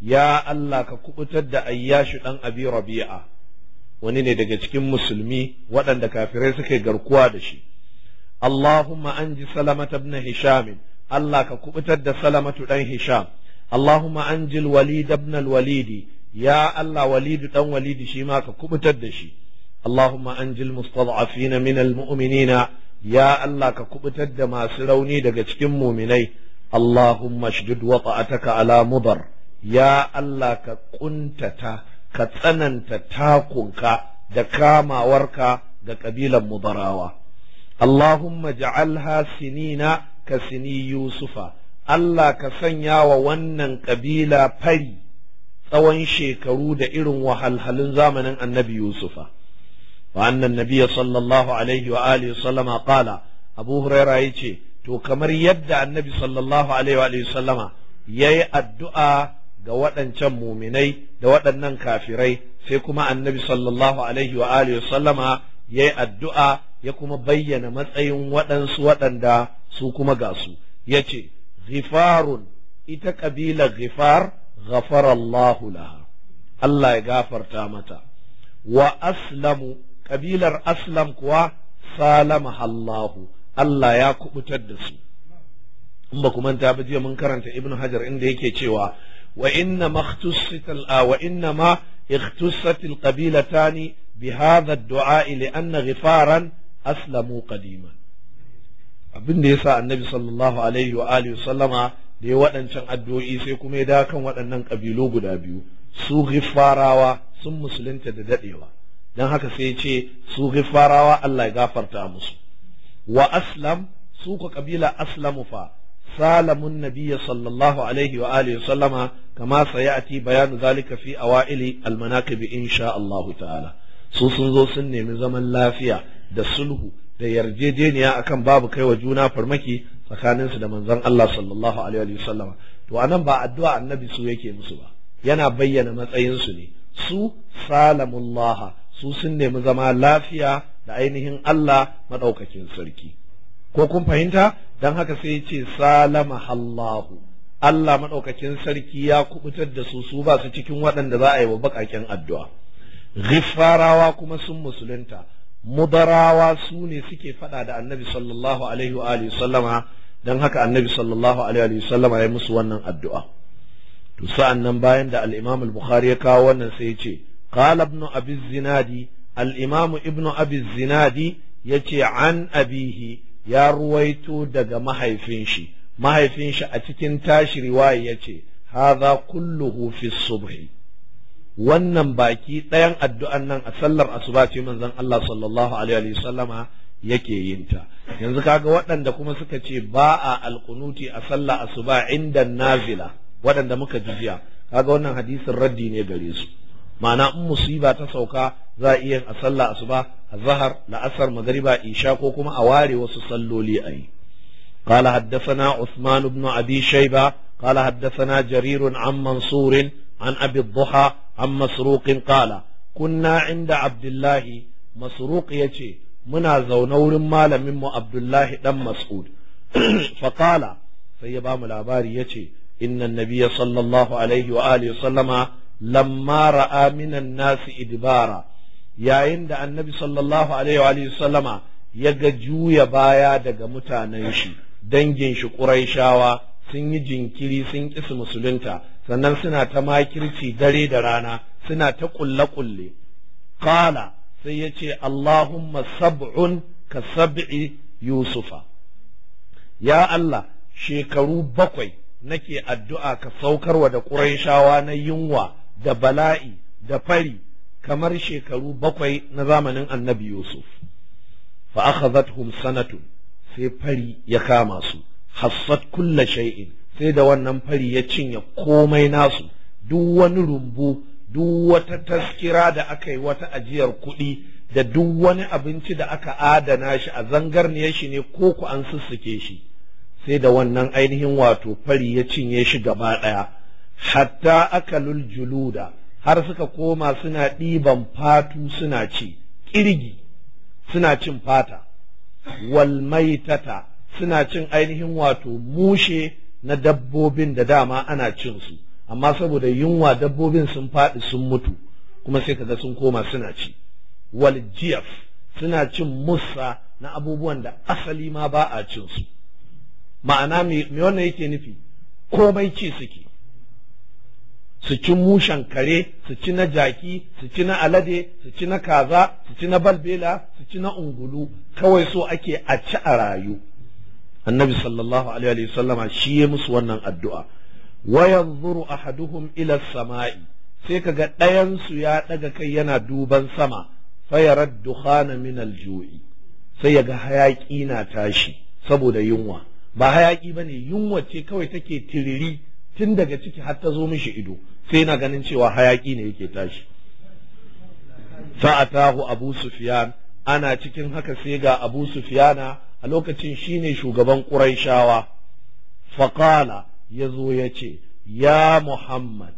ya Allah ka kubutar da Ayyashu ɗan abi rabi'a wani ne daga cikin musulmi waɗanda kafirai suka garkuwa da shi Allahumma an ji salamata ibn hisham Allah ka kubutar da salamatu dan hisham Allahumma an ji walid ibn walidi ya Allah walidu dan walidi shi ma ka kubutar da shi Allahumma an ji mustad'afina min almu'minina ya Allah ka kubutar da masu rauni daga cikin muminai Allahumma shdud wata'ataka ala mudar ya Allah ka kuntata ka tsananta takunka da kamawarka ga ƙabilan mudarawa Allahumma ja'alha sinina ka sini Yusufa Allah ka sanya wa wannan ƙabila fari tsawon shekaru da irin wahalhalun zamanin annabi Yusufa wa annan nabiya sallallahu alaihi wa alihi sallama qala Abu Huraira ce, to kamar yadda annabi sallallahu alaihi wa sallama ya yayi addu'a ga waɗancan muminai da waɗannan kafirai sai kuma annabi sallallahu alaihi wa alihi sallama ya yi addu'a ya kuma bayyana matsayin waɗansu waɗanda su kuma ga su ya ce ghifarun ita ƙabila ghifar ghafarallahu laha Allah ya gafarta mata wa aslamu ƙabilar aslam kuwa salama Allahu Allah ya kubutar da su in ba ku manta ba jiya mun karanta ibnu hajar inda yake cewa وإنما اختصت وإنما اختصت القبيلتان بهذا الدعاء لأن غفارا أسلموا قديما abin da yasa annabi sallallahu alaihi wa alihi sallama da ya waɗancan addu'o'i sai kuma ya dawo kan waɗannan ƙabilu guda biyu su gifarawa sun musulunta da daɗewa don haka sai ya ce su gifarawa Allah ya gafarta musu wa aslam su ku ƙabila aslamu fa salamun nabiyya sallallahu alaihi wa alihi wa sallama kama sayati bayanu zalika fi awaili almanaqib insha Allah ta'ala su sun zo sun nemi zaman lafiya da sulhu da yarjejeniya akan babu kaiwa juna farmaki tsakaninsu da manzon Allah sallallahu alaihi wa sallama to anan ba addu'a annabi su yake musu ba yana bayyana matsayinsu ne su salamullaha su sun nemi zama lafiya da ainihin Allah maɗaukakin sarki ko kun fahimta dan haka sai ce salama Allahu Allah maɗaukacin sarki ya kubutar da su su ba su cikin waɗanda za a yi wa baƙaƙen addu'a ghifarawa kuma sun musulunta mudarawa su ne suke faɗa da annabi sallallahu alaihi wa alihi sallama Don haka annabi sallallahu alaihi wa sallama ya musu wannan addu'a to sa'an nan bayan da al-imam al-bukhari ya kawo wannan sai ya ce qala ibn abi zinadi al-imam ibn abi zinadi yace an abihi ya ruwaito daga mahaifin shi mahaifin shi a cikin tashi riwaya ya ce haza kulluhu fi subhi wannan baki ɗayan addu'an nan a sallar asuba ce manzon Allah sallallahu alaihi wasallama yake yin ta yanzu kaga waɗanda kuma suka ce ba a alkunuti a sallar asuba inda nazila waɗanda muka jiya kaga wannan hadisin raddi ne gare su ma'ana in musiba ta sauka za a iya a sallah asuba azhar la'asar magariba isha ko kuma a ware wasu salloli a yi قال حدثنا عثمان بن أبي شيبة قال حدثنا جرير عن منصور عن أبي الضحى عن مسروق قال كنا عند عبد الله مسروق يتي منا زونور مال من عبد الله دم مسعود فقال فيبام العباري يتي إن النبي صلى الله عليه وآله وسلم lamma ra'a minan nasi idbara yayin da annabi sallallahu alaihi wa sallama ya ga juya baya daga mutanen shi dangin shi ƙuraishawa sun yi jinkiri sun ƙi musulunta sannan suna ta makirci dare da rana suna ta ƙulle-ƙulle Qala sai ya ce Allahumma sab'un ka sab'i Yusufa ya Allah shekaru bakwai nake addu'a ka saukarwa da ƙuraishawa na yunwa da bala'i da fari kamar shekaru bakwai na zamanin annabi yusuf fa hum sanatun sai fari ya kama su hassat kulla shay'in sai da wannan fari ya cinye komai nasu duk wani rumbu duk wata taskira da aka yi wata ajiyar kuɗi da duk wani abinci da aka adana shi a zangarniyar shi ne ko ku an sussuke shi sai da wannan ainihin wato fari ya cinye shi gaba ɗaya hatta akalul juluda har suka koma suna ɗiban fatu suna ci ƙirgi suna cin fata walmaitata suna cin ainihin wato mushe na dabbobin da dama ana cin su amma saboda yunwa dabbobin sun faɗi sun mutu kuma sai ka ga sun koma suna ci Waljiyaf suna cin musa na abubuwan da asali ma ba a cin su ma'ana me wannan yake nufi komai ci suke su ci mushen kare su ci na jaki su ci na alade su ci na kaza su ci na balbela su ci na ungulu kawai so ake a ci a rayu annabi sallallahu alaihi sallama shi ya musu wannan addu'a zuru zuru ahaduhum ilar samai sai kaga ɗayan su ya ɗaga kai yana duban sama fayarar duhana min sai yaga hayaƙi na tashi saboda yunwa ba hayaƙi ba ne, yunwa ce kawai take tiriri tun daga ciki har ta zo mishi ido sai na ganin cewa hayaki ne yake tashi sa'atahu abu sufyan ana cikin haka sai ga abu sufyana a lokacin shine shugaban quraishawa Faƙala yazo yace ya muhammad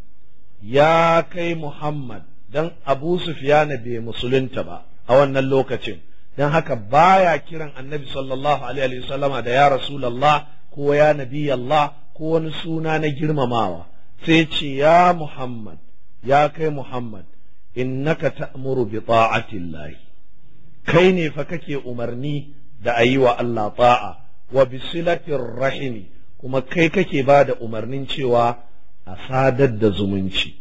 ya kai muhammad dan abu sufyana bai musulunta ba a wannan lokacin dan haka baya kiran annabi sallallahu alaihi wasallama da ya Rasulallah, ko ya nabiyallah ko wani suna na girmamawa sai ce ya Muhammad ya kai Muhammad innaka ta'muru bi ta'atillahi kai ne fa kake umarni da a yi wa Allah ta'a wa bi silatir rahimi kuma kai kake ba da umarnin cewa a sadar da zumunci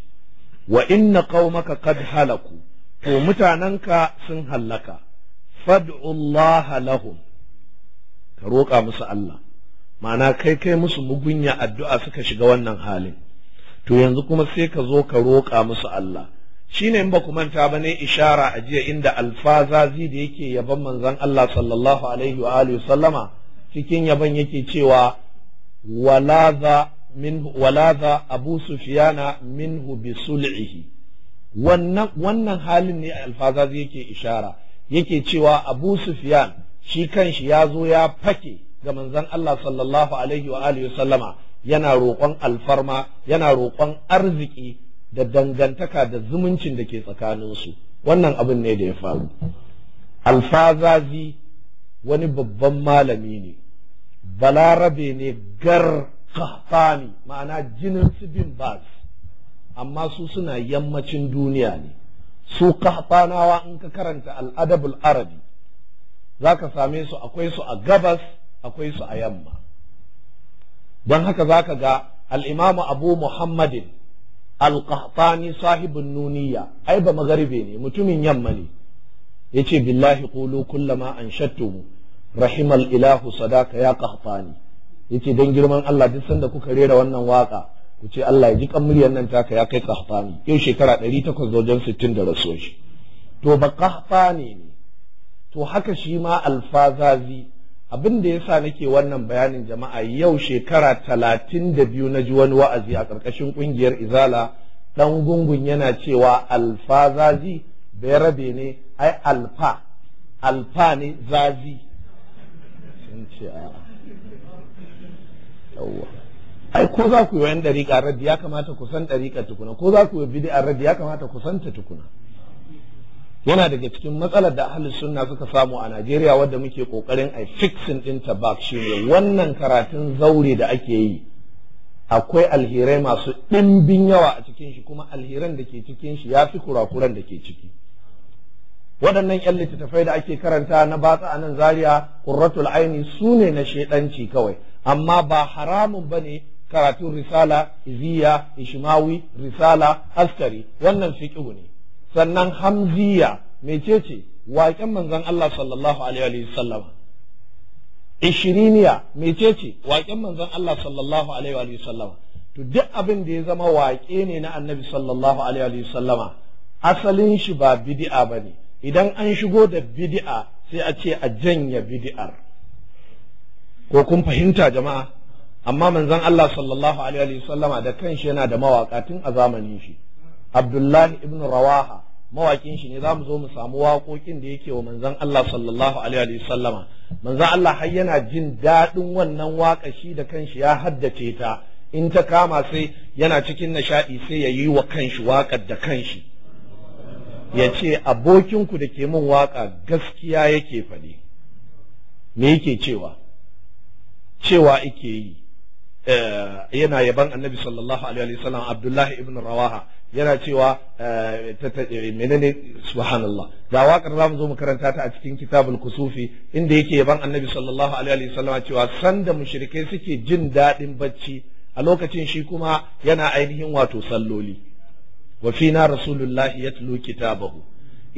wa inna qaumaka qad halaku to mutananka sun hallaka fad'u Allah lahum ka roƙa musu Allah ma'ana kai kai musu mugunya addu'a suka shiga wannan halin to yanzu kuma sai ka zo ka roƙa musu Allah Shi ne in ba ku manta ba ne ishara a jiya inda alfazazi da yake yaban manzon Allah sallallahu alaihi wa alihi sallama cikin yaban yake cewa walaza min walaza abu sufyana minhu bi sul'ihi wannan wannan halin ne alfazazi yake ishara yake cewa abu Sufiyan shi kanshi ya zo ya fake ga manzon Allah sallallahu alaihi wa alihi sallama yana roƙon alfarma yana roƙon arziki da dangantaka da zumuncin da ke tsakaninsu wannan abin ne da ya faru alfazazi wani babban malami ne balarabe ne gar kahfani ma'ana jinin su bin bas amma su suna yammacin duniya ne su kahfanawa in ka karanta al'adabul arabi za ka same su akwai su a gabas akwai su a yamma don haka za ka ga al'imamu abu muhammadin alƙahtani sahibin nuniya ai ba magaribe ne mutumin yamma ne ya ce billahi kulu kullama an shattumu rahimal ilahu sadaka ya ƙafani. ya ce don girman Allah duk sanda kuka rera wannan waka ku ce Allah ya ji kan muryar nan taka ya kai ƙafani. yau shekara ɗari takwas wajen sittin da rasuwa shi to ba ƙafani ne to haka shi ma alfazazi abin da sa nake wannan bayanin jama'a yau shekara talatin da biyu na ji wani wa'azi a ƙarƙashin ƙungiyar izala ɗan gungun yana cewa alfa zazi bai rabe ne ai alfa alfa ne zazi sun ce ai ko za ku yi wayan ɗariƙa raddi ya kamata ku san ɗariƙa tukuna ko za ku yi bidi'a raddi ya kamata ku san ta tukuna yana daga cikin matsalar da ahalin sunna suka samu a Najeriya wadda muke kokarin a fixin din ta back shine wannan karatun zaure da ake yi akwai alherai masu ɗimbin yawa a cikin shi kuma alheran da ke cikin shi ya fi kurakuran da ke ciki waɗannan ƴan littattafai da ake karanta na batsa a nan zaria qurratul aini su ne na shaidanci kawai amma ba haramun ba ne karatun risala iziya ishmawi risala askari wannan fiqhu ne sannan hamziya mecece waƙen manzon Allah sallallahu alaihi wa sallam ishiriniya mecece waƙen manzon Allah sallallahu alaihi wa sallam to duk abin da ya zama waƙe ne na annabi sallallahu alaihi wa sallama asalin shi ba bid'a bane idan an shigo da bid'a sai a ce a janya bid'ar ko kun fahimta jama'a amma manzon Allah sallallahu alaihi wa sallama da kanshi yana da mawaka tun a zamanin shi abdullahi ibn rawaha mawakin shi ne za mu zo mu samu waƙoƙin da yake wa manzon Allah sallallahu alaihi wa sallama manzon Allah har yana jin daɗin wannan waƙa shi da kanshi ya haddace ta in ta kama sai yana cikin nishaɗi sai ya yi wa kanshi waƙar da kanshi ya ce abokinku da ke min waƙa gaskiya yake faɗi me yake cewa cewa ike yi Eh, yana yaban annabi sallallahu alaihi wa sallam abdullahi ibn rawaha yana cewa eh, eh, menene subhanallah ga wakar zamu zo mu karanta ta a cikin kitabul kusufi inda yake yaban annabi sallallahu alaihi wa sallam cewa sanda mushrikai suke jin dadin bacci a lokacin shi kuma yana ainihin wato salloli wa fina rasulullahi yatlu kitabahu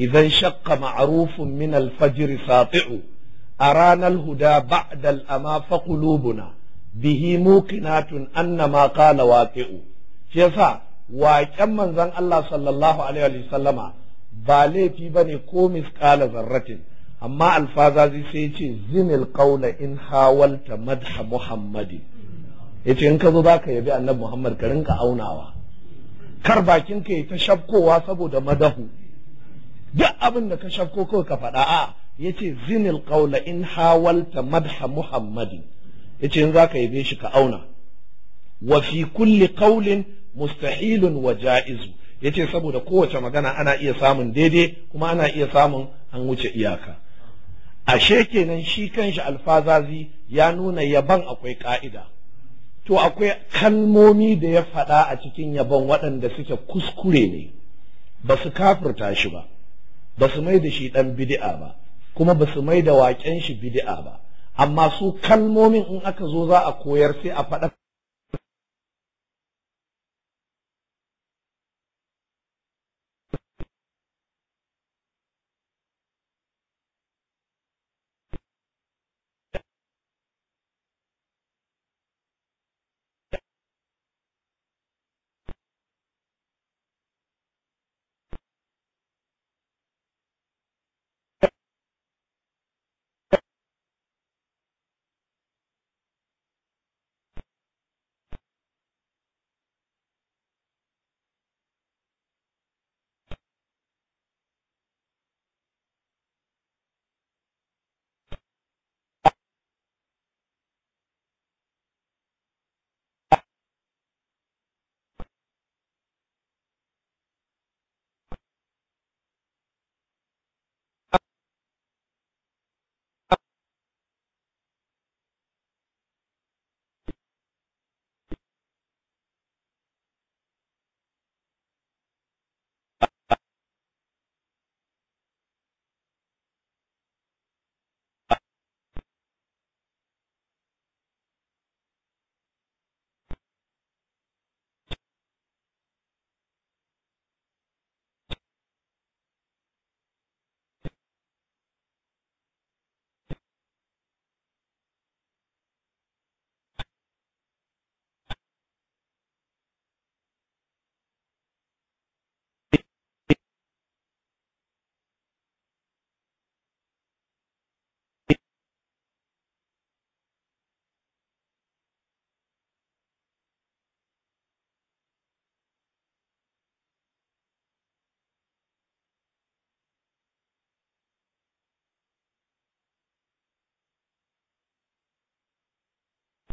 idan shaqqa ma'rufun min al-fajr sati'u أرانا الهدى بعد الأما فقلوبنا bihi muqinatun annama qala waqi'u shi yasa waƙen manzon Allah sallallahu alaihi wa sallama ba laifi bane ko misqala zarratin amma alfazazi sai ce zinil qawla in hawalta madha muhammadin yace in ka zo zaka yabi annabi muhammad ka rinka aunawa kar bakin ka ta shafkowa saboda madahu duk abin da ka shafko kawai ka faɗa a yace zinil qawla in hawalta madha muhammadin yace in zaka yabe shi ka auna wa fi kulli qawlin mustahilun wa ja'izu yace saboda kowace magana ana iya samun daidai kuma ana iya samun an wuce iyaka ashe kenan shi kanshi alfazazi ya nuna yaban akwai ka'ida to akwai kalmomi da ya faɗa a cikin yaban waɗanda suke kuskure ne ba su kafirta shi ba ba su mai da shi ɗan bidi'a ba kuma ba su mai da waƙen shi bidi'a ba amma su kalmomin in aka zo za a koyar sai a faɗa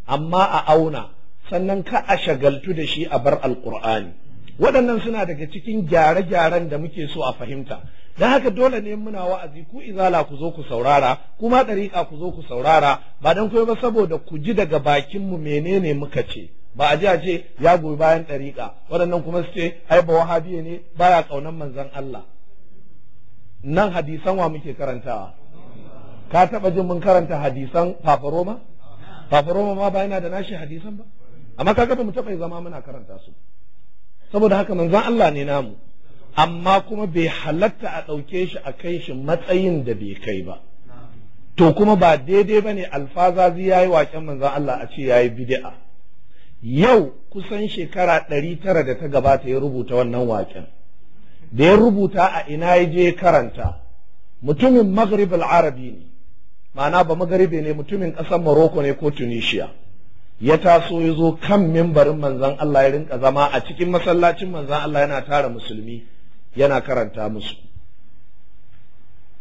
amma a auna sannan ka a shagaltu da shi a bar alkur'ani waɗannan suna daga cikin gyare-gyaren da muke so a fahimta don haka dole ne muna wa'azi ku izala ku zo ku saurara kuma ɗariƙa ku zo ku saurara ba don kai ba saboda ku ji daga bakin mu menene muka ce ba a ji a ce ya goyi bayan ɗariƙa waɗannan kuma su ce ai ba wahabiya ne baya ƙaunar manzon Allah nan hadisan wa muke karantawa ka taɓa jin mun karanta hadisan fafaroma kafin ma ba yana da nashi hadisan ba amma kaga ba mu taɓa zama muna karanta su saboda haka manzan Allah ne namu amma kuma bai halatta a ɗauke shi a kai shi matsayin da bai kai ba to kuma ba daidai ba ne alfazazi ya yi waken manzan Allah a ce ya yi bid'a yau kusan shekara ɗari tara da ta gabata ya rubuta wannan waken da ya rubuta a ina ya je karanta mutumin maghrib arabi ne ma'ana ba magaribe ne mutumin ƙasar Morocco ne ko Tunisia ya taso ya zo kan mimbarin manzan Allah ya rinka zama a cikin masallacin manzan Allah yana tara musulmi yana karanta musu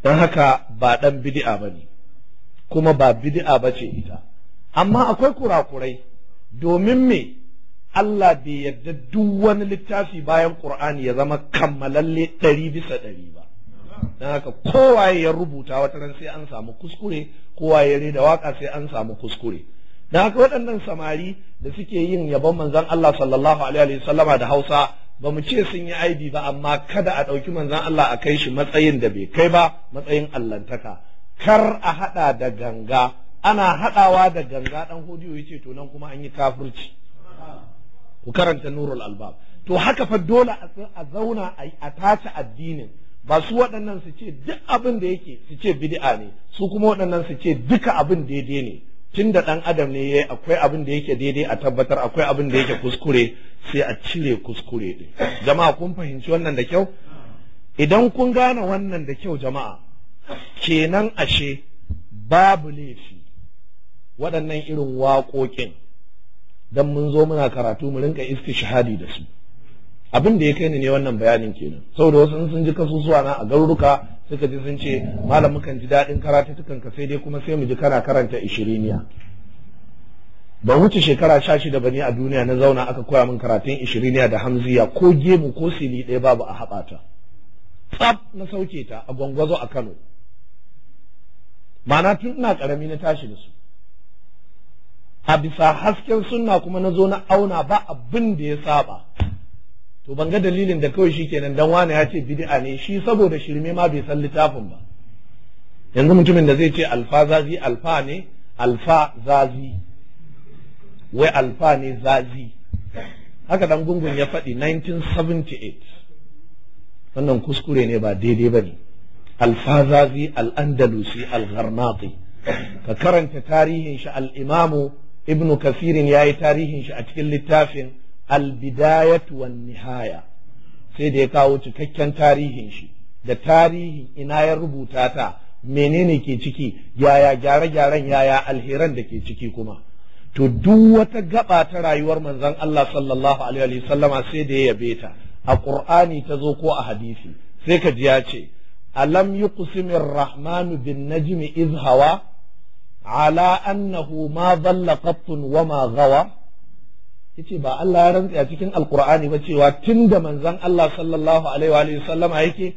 don haka ba ɗan bid'a ba ne kuma ba bidi'a ba ce ita amma akwai kurakurai domin me Allah bai yarda duk wani littafi bayan Qur'ani ya zama kammalalle ɗari bisa ɗari ba don haka kowaye ya rubuta wata ran sai an samu kuskure kowaye ya da waka sai an samu kuskure don haka waɗannan samari da suke yin yabon manzon Allah sallallahu alaihi sallama da Hausa ba mu ce sun yi aibi ba amma kada a ɗauki manzon Allah a kai shi matsayin da bai kai ba matsayin allantaka kar a haɗa da ganga ana haɗawa da ganga ɗan hodiyo ya ce to nan kuma an yi kafirci ku karanta nurul albab to haka fa dole a zauna a tace addinin Ba su waɗannan su ce duk abin da yake su ce bid'a ne su kuma waɗannan su ce duka abin daidai ne tun da ɗan adam ne yi akwai abin da yake daidai a tabbatar akwai abin da yake kuskure sai a cire kuskure ɗin jama'a kun fahimci wannan da kyau idan kun gane wannan da kyau jama'a kenan ashe babu laifi waɗannan irin waƙoƙin don mun zo muna karatu mu rinka iska shahadi da su abin da ya kai ni ne wannan bayanin kenan saboda wasu sun ji kasusuwa na a garuruka suka ji sun ce malam kan ji daɗin tukan ka sai dai kuma sai mu ji kana karanta ishiriniya ban wuce shekara sha shida ba ne a duniya na zauna aka koya min karatun ishiriniya da hamziya ko gemu ko sili ɗaya babu a haɓata tsaf na sauke ta a gwangwazo a kano Mana tun ina ƙarami na tashi da su a bisa hasken sunna kuma na zo na auna ba abin da ya saba to ban ga dalilin da kawai shi kenan dan wani ya ce bid'a ne shi saboda shirme ma bai san littafin ba yanzu mutumin da zai ce alfa zazi alfa ne alfa zazi wai alfa ne zazi haka dan gungun ya faɗi 1978 wannan kuskure ne ba daidai ba ne alfa zazi al-andalusi al ka karanta tarihin shi al'imamu ibnu kasirin ya yi tarihin shi a cikin littafin albidayat wan nihaya sai da ya kawo cikakken tarihin shi da tarihin ina ya rubuta ta menene ke ciki yaya gyare-gyaren yaya alheran da ke ciki kuma to duk wata gaba ta rayuwar manzon Allah sallallahu alaihi wasallama sai da ya yabe ta a Qur'ani ta zo ko a hadisi sai ka ji ya ce alam yuqsimir rahmanu bin najmi iz hawa ala annahu ma dhalla qattun wa ma ghawa yace ba Allah ya rantsa a cikin alqur'ani ba cewa da manzon Allah sallallahu alaihi wa sallama yake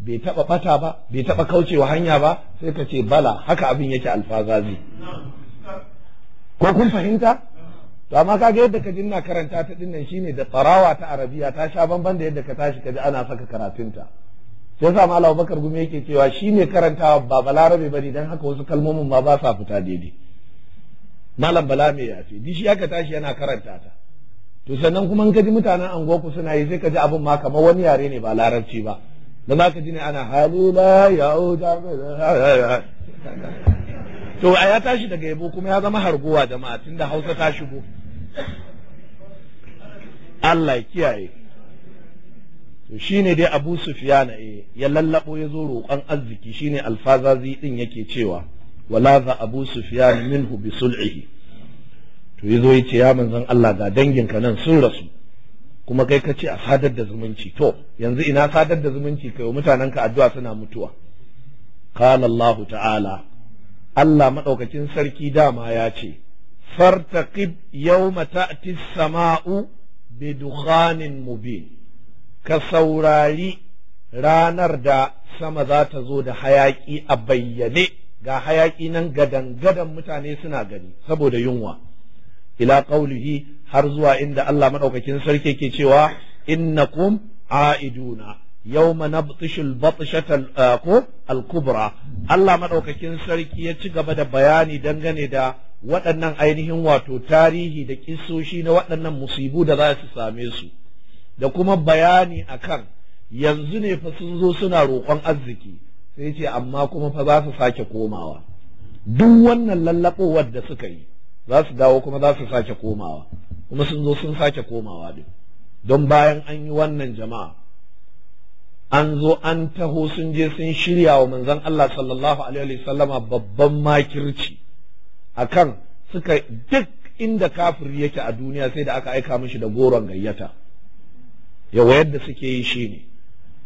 bai taba bata ba bai taba kaucewa hanya ba sai ka ce bala haka abin yake alfazazi ko kun fahimta to amma kaga yadda ka jinna karanta ta dinnan shine da tsarawa ta arabiya ta sha bamban da yadda ka tashi ka ji ana saka karatunta sai sa malamu Bakar Gumi yake cewa shine karantawa ba balarabe bane dan haka wasu kalmomin ma ba sa fita daidai malam bala me ya ce dishi aka tashi yana karanta ta to sannan kuma in ka ji mutanen angoku suna yi sai ka ji abin ma kamar wani yare ne ba larabci ba da za ka ji ne ana halula ya to a ya tashi daga yabo kuma ya zama harguwa jama'a tunda hausa ta shigo Allah ya kiyaye to shine dai Abu Sufyan eh ya lallabo ya zo roƙon arziki shine alfazazi din yake cewa wala za Abu Sufyan minhu bi sul'ihi to ya zo ya ce ya manzan Allah ga danginka nan sun rasu kuma kai ka ce a sadar da zumunci to yanzu ina sadar da zumunci kai mutanen ka addu'a suna mutuwa qala Allah ta'ala Allah madaukakin sarki dama ya ce fartaqib yawma ta'ti as-sama'u bi dukhanin mubin ka saurari ranar da sama za ta zo da hayaki a bayyane ga hayaki nan gadan gadan mutane suna gani saboda yunwa ila qawlihi har zuwa inda Allah madaukakin sarki yake cewa innakum aiduna yawma nabtishul batshata uh, ko al-kubra Allah madaukakin sarki ya ci gaba da bayani dangane da waɗannan ainihin wato tarihi da kissoshi na waɗannan musibu da za su same su da kuma bayani akan yanzu ne fa sun zo suna roƙon arziki sai ce amma kuma fa za su sake komawa duk wannan lallabowar da suka yi za su dawo kuma za su sake komawa kuma sun zo sun sake komawa din don bayan an yi wannan jama'a an zo an taho sun je sun shirya wa manzon Allah sallallahu alaihi wasallama babban makirci akan suka duk inda kafiri yake a duniya sai da aka aika mishi da goron gayyata yawa yadda suke yi shine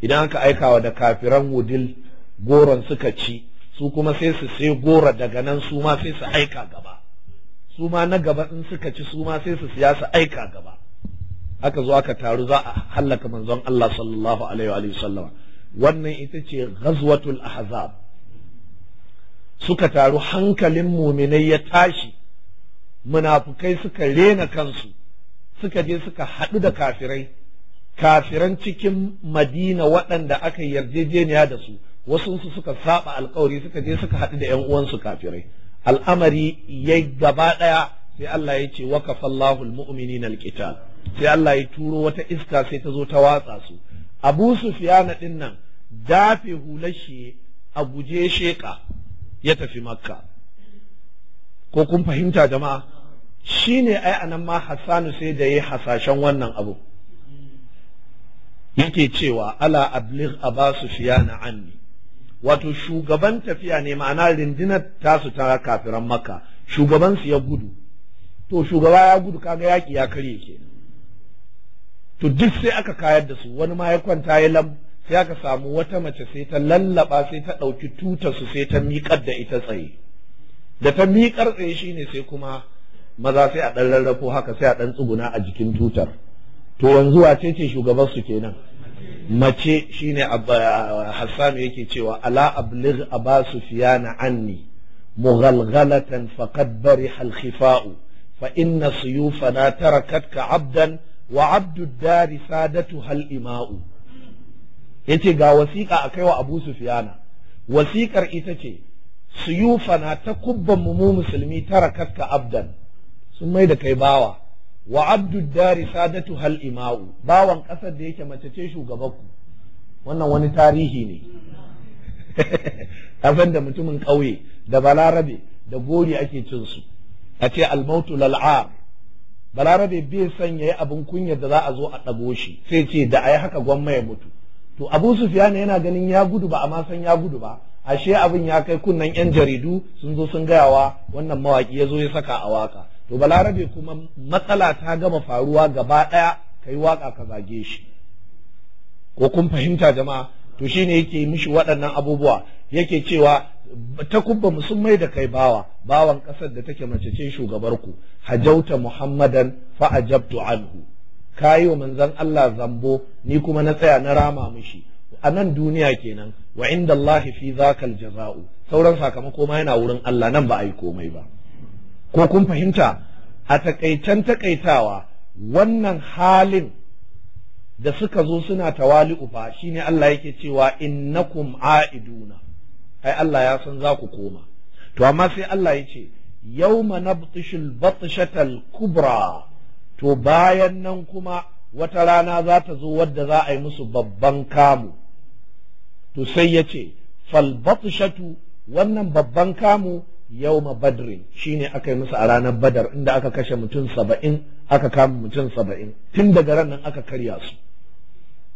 idan aka aika wa da kafiran wudil goron suka ci su kuma sai su sai goro daga nan su ma sai su aika gaba su ma na gaba in suka ci su ma sai su siya su aika gaba aka zo aka taru za a hallaka manzon Allah sallallahu alaihi wa sallama wannan ita ce ghazwatul ahzab suka taru hankalin muminai ya tashi munafukai suka rena kansu suka je suka haɗu da kafirai kafiran cikin madina waɗanda aka yarjejeniya da su wasunsu suka saba alkawari suka je suka haɗu da 'yan uwansu kafirai al'amari ya gaba ɗaya sai Allah ya ce waka fallahu na alqital sai Allah ya turo wata iska sai ta zo ta watsa su Abu Sufiyana ɗin nan dafe hulashi a guje sheƙa ya tafi Makka ko kun fahimta jama'a Shi ne ai anan ma Hassanu sai da ya hasashen wannan abu yake cewa ala abasu aba na anni wato shugaban tafiya ne ma'ana rindinar tasu ta kafiran makka shugabansu ya gudu to shugaba ya gudu kaga yaki ya karye ke. to duk sai aka kayar da su wani ma ya kwanta ya lam sai aka samu wata mace sai ta lallaba sai ta ɗauki tutar su sai ta miƙar da ita tsaye da ta miƙar tsaye shine sai kuma maza sai a ɗan rarrafo haka sai a ɗan tsuguna a jikin tutar to yanzu wace ce shugaban su kenan mace shine ah, Hassan yake cewa ala abligh aba sufiyana anni mughalghalatan faqad bariha al-khifa'u fa inna suyufana tarakatka 'abdan wa 'abdu Sadatu dari sadatuha al-ima'u yace ga a kai wa Abu Sufiyana. wasiqar ita ce suyufana ta kubban mu musulmi tarakatka 'abdan sun mai da kai bawa wa abdud sadatu hal ima'u bawan kasar da yake mace ce shugabanku wannan wani tarihi ne abin da mutumin ƙauye da balarabe da gori ake cin su a ce almautu lal'ar balarabe bai son yayi abin kunya da za a zo a ɗago shi sai ce da a yi haka gwamma ya mutu to abu Sufiyana yana ganin ya gudu ba amma san ya gudu ba ashe abin ya kai kunnan yan jaridu sun zo sun gayawa wannan mawaki ya zo ya saka a waka to balarabe kuma matsala ta gama faruwa gaba ɗaya Ka yi waƙa ka zage shi ko kun fahimta jama'a to shi ne yake mishi waɗannan abubuwa yake cewa ta kubba sun mai da kai bawa bawan ƙasar da take mace ce shugabar ku hajauta muhammadan fa ajabtu anhu kayi wa manzon Allah zambo ni kuma na tsaya na rama mishi a nan duniya kenan wa inda Allah fi zakal jaza'u sauran sakamako ma yana wurin Allah nan ba a yi komai ba ko kun fahimta a takaitan takaitawa wannan halin da suka zo suna tawali'u ba shine Allah yake cewa innakum aiduna ai Allah ya san za ku koma to amma sai Allah ya ce yawma nabtishul batshatal kubra to bayan nan kuma wata rana za ta zo wadda za a yi musu babban kamu to sai ya ce fal batshatu wannan babban kamu Yau badrin shine aka yi musu a ranar badar inda aka kashe mutum saba'in aka kama mutum saba'in tun daga ranar aka karya su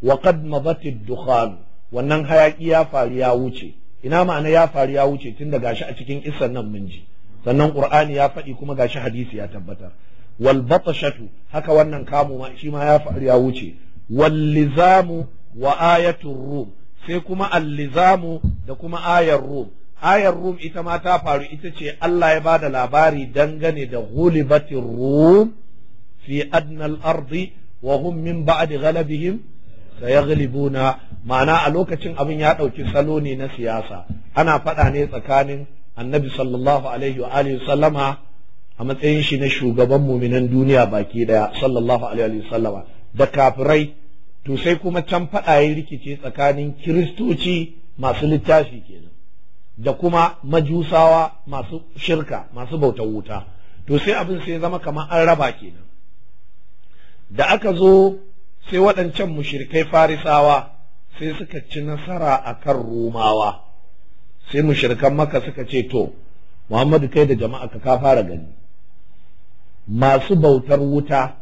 wa qad mabatid dukhan wannan hayaki ya faru ya wuce ina ma'ana ya faru ya wuce tun da gashi a cikin isan nan mun ji sannan qur'ani ya faɗi kuma gashi hadisi ya tabbatar wal batashatu haka wannan kamo ma shi ma ya faru ya wuce wal lizamu wa ayatun rum sai kuma al lizamu da kuma ayar rum ayar rum ita ma ta faru ita ce Allah ya ba da labari dangane da ghulibatir rum fi adnal ardi wa hum min ba'di ghalabihim sayaghlibuna ma'ana a lokacin abin ya dauki salo ne na siyasa ana faɗa ne tsakanin annabi sallallahu alaihi wa alihi sallama a matsayin shi na shugaban muminan duniya baki daya sallallahu alaihi wa sallama da kafirai to sai kuma can faɗa rikici rikice tsakanin kiristoci masu littafi kenan da kuma majusawa masu shirka masu bautar wuta to sai abin sai zama kamar an raba kenan da aka zo sai waɗancan mushirkai farisawa sai suka ci nasara a kan rumawa sai mushirkan maka suka ce to muhammadu kai da jama'a ka fara gani masu bautar wuta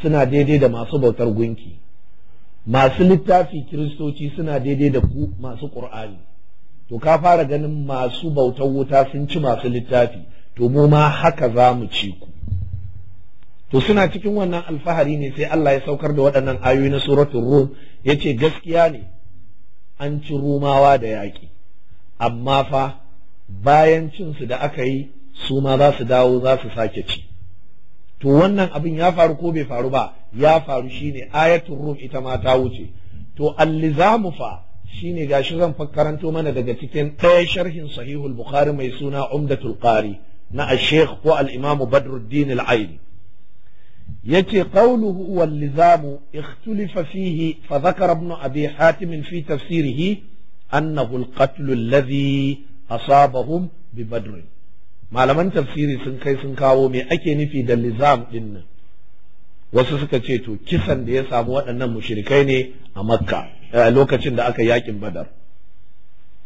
suna daidai da masu bautar gunki masu littafi kiristoci suna daidai da ku masu ƙur'ani to ka fara ganin masu bautar wuta sun ci masu littafi to mu ma haka za mu ci ku to suna cikin wannan alfahari ne sai Allah ya saukar da waɗannan ayoyi na suratul rum yace gaskiya ne an ci rumawa da yaƙi amma fa bayan cinsu da aka yi su ma za su dawo za su sake ci to wannan abin ya faru ko bai faru ba ya faru shine ayatul rum ita ma ta wuce to allizamu fa shine gashi zan karanto mana daga cikin ɗaya sharhin sahihul bukhari mai suna umdatul qari na ash-shaykh ko al imamu badruddin al-aini yace qawluhu wal lizam ikhtalafa fihi fa dhakara ibn abi hatim fi tafsirihi annahu al-qatl alladhi asabahum bi badr malaman tafsiri sun kai sun kawo me ake nufi da lizam din nan wasu suka ce to kisan da ya samu waɗannan mushrikai ne a makka eh, lokacin da aka yakin badar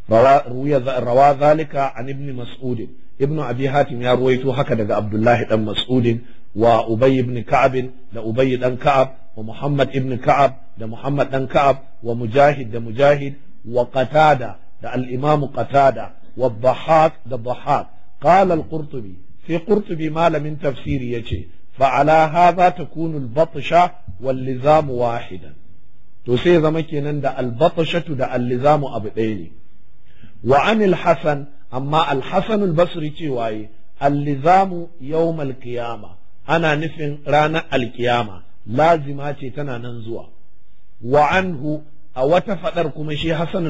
rawa zalika an ibn Mas'udin. ibn abi hatim ya ruwaito haka daga abdullahi dan Mas'udin wa ubay ibn ka'ab da ubay dan ka'ab wa muhammad ibn ka'ab da muhammad dan ka'ab wa mujahid da mujahid wa qatada da al-imam qatada wa dhahak da dhahak qala al-qurtubi sai qurtubi malamin tafsiri yace فعلى هذا تكون البطشة واللزام واحدا to sai zama kenan da albatashatu da allizamu abu ɗaya ne Wa'anil Hassan, amma alhasan albasri ce waye allizamu yawmal qiyama ana nufin ranar alkiyama lazima ce tana nan zuwa Wa'anhu a wata faɗar kuma shi hasan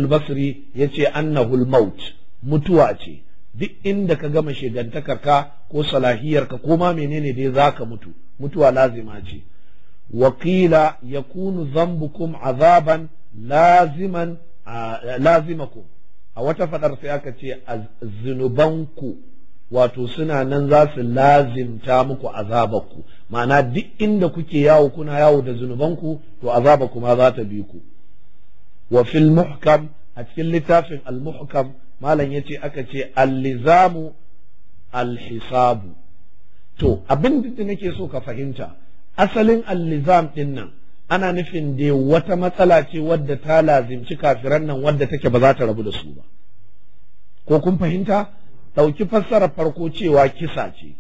ya ce annahu almaut mutuwa ce duk inda ka gama shigantakar ka ko salahiyar ka ko ma menene dai ka mutu mutuwa lazima ce wakila yakunu zambukum azaban laziman lazimakum a wata faɗar sai aka ce zunubanku wato suna nan za su lazimta muku azabanku. ma'ana duk inda kuke yawo kuna yawo da zunubanku to azaba ma za ta bi ku wa fil muhkam a cikin littafin al-muhkam malam yace aka ce al alhisabu. to abin da nake so ka fahimta asalin al-lizam din nan ana nufin da wata matsala ce wadda ta lazimci kafiran nan wadda take ba za ta rabu da su ba ko kun fahimta ɗauki fassarar farko cewa kisa ce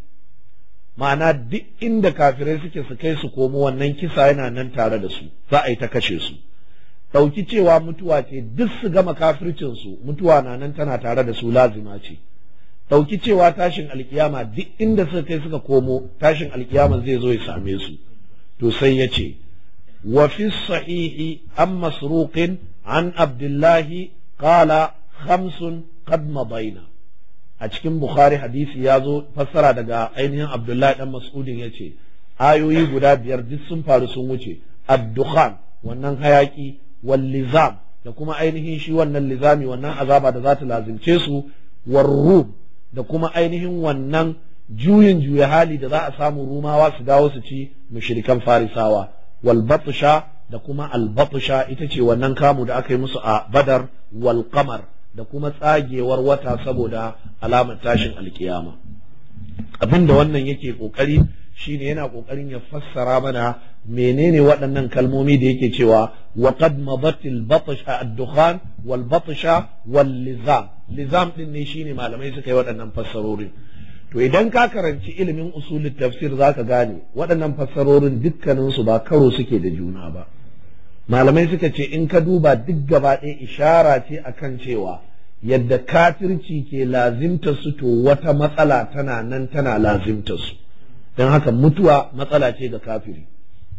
ma'ana duk inda kafirai suke su kai su komo wannan kisa yana nan tare da su za a yi ta kashe su ɗauki cewa mutuwa ce duk su gama kafircinsu mutuwa na nan tana tare da su lazima ce ɗauki cewa tashin alkiyama duk inda suka kai suka komo tashin alkiyama zai zo ya same su to sai ya ce wa fi sahihi an masruqin an abdullahi qala khamsun qad mabaina a cikin bukhari hadisi ya zo fassara daga ainihin abdullahi dan mas'udin ya ce ayoyi guda biyar duk sun faru sun wuce ad wannan hayaki wal da kuma ainihin shi wannan lizami wannan azaba da za ta lazimce su war da kuma ainihin wannan juyin juya hali da za a samu rumawa su dawo su ci mushirikan farisawa wal batsha da kuma al batsha ita ce wannan kamu da aka yi musu a badar wal da kuma tsagewar wata saboda alamar tashin alkiyama abinda wannan yake kokari shine yana kokarin ya fassara mana menene waɗannan kalmomi da yake cewa wa qad madatil batsha ad-dukhan wal batsha wal lizam lizam din ne shine malamai suka yi waɗannan fassarorin to idan ka karanci ilimin usulul tafsir zaka gane waɗannan fassarorin dukkaninsu ba karo suke da juna ba malamai suka ce in ka duba duk gaba ɗaya ishara ce akan cewa yadda kafirci ke lazimta su to wata matsala tana nan tana lazimta su don haka mutuwa matsala ce ga kafiri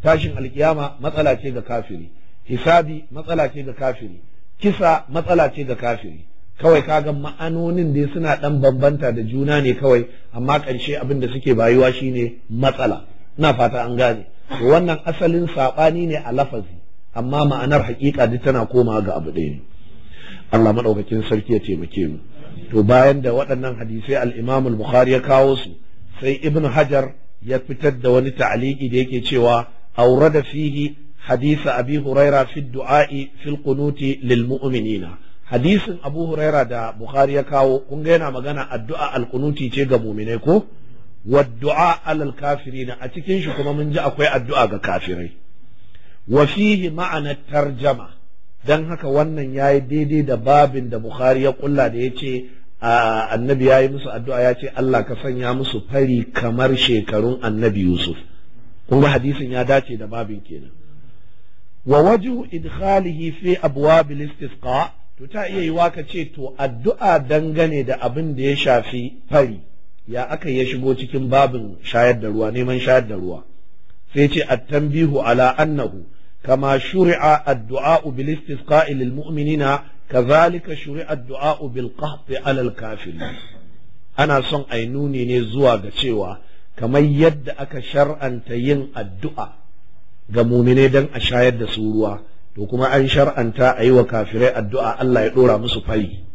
tashin alkiyama matsala ce ga kafiri hisabi matsala ce ga kafiri kisa matsala ce ga kafiri kawai kaga ma'anonin dai suna dan bambanta da juna ne kawai amma ƙarshe abin da suke bayuwa shine matsala ina fata an gane wannan asalin saɓani ne a lafazi amma ma'anar hakika duk tana koma ga abu ɗaya ne Allah madaukakin sarki ya taimake mu to bayan da waɗannan hadisai al-Imam al-Bukhari ya kawo su sai Ibn Hajar ya fitar da wani ta'aliki da yake cewa أورد فيه حديث أبي هريرة في الدعاء في القنوت للمؤمنين حديث أبو هريرة دا بخاري كاو كنغينا مغانا الدعاء القنوت تيغا مؤمنيكو والدعاء على الكافرين أتكين شكما من جاء كوي الدعاء كافرين وفيه معنى الترجمة dan haka wannan ya yi daidai da babin da Bukhari ya kulla da ya ce annabi ya yi musu addu'a ya ce Allah ka sanya musu fari kamar shekarun annabi Yusuf kun ga hadisin ya dace da babin kenan wa wajhu idkhalihi fi abwabil istisqa to ta iya yiwa ka ce to addu'a dangane da abin da ya shafi fari ya aka ya shigo cikin babin shayar da ruwa neman shayar da ruwa sai ce at-tanbihu ala annahu kama shuri'a addu'a bil istisqa'i lil mu'minina kazalika shuri'a addu'a bil qahti ala al kafirin ana son ai nuni ne zuwa ga cewa kamar yadda aka shar'anta yin addu'a ga mumine don a shayar da su ruwa to kuma an shar'anta a yi wa kafirai addu'a Allah ya ɗora musu fari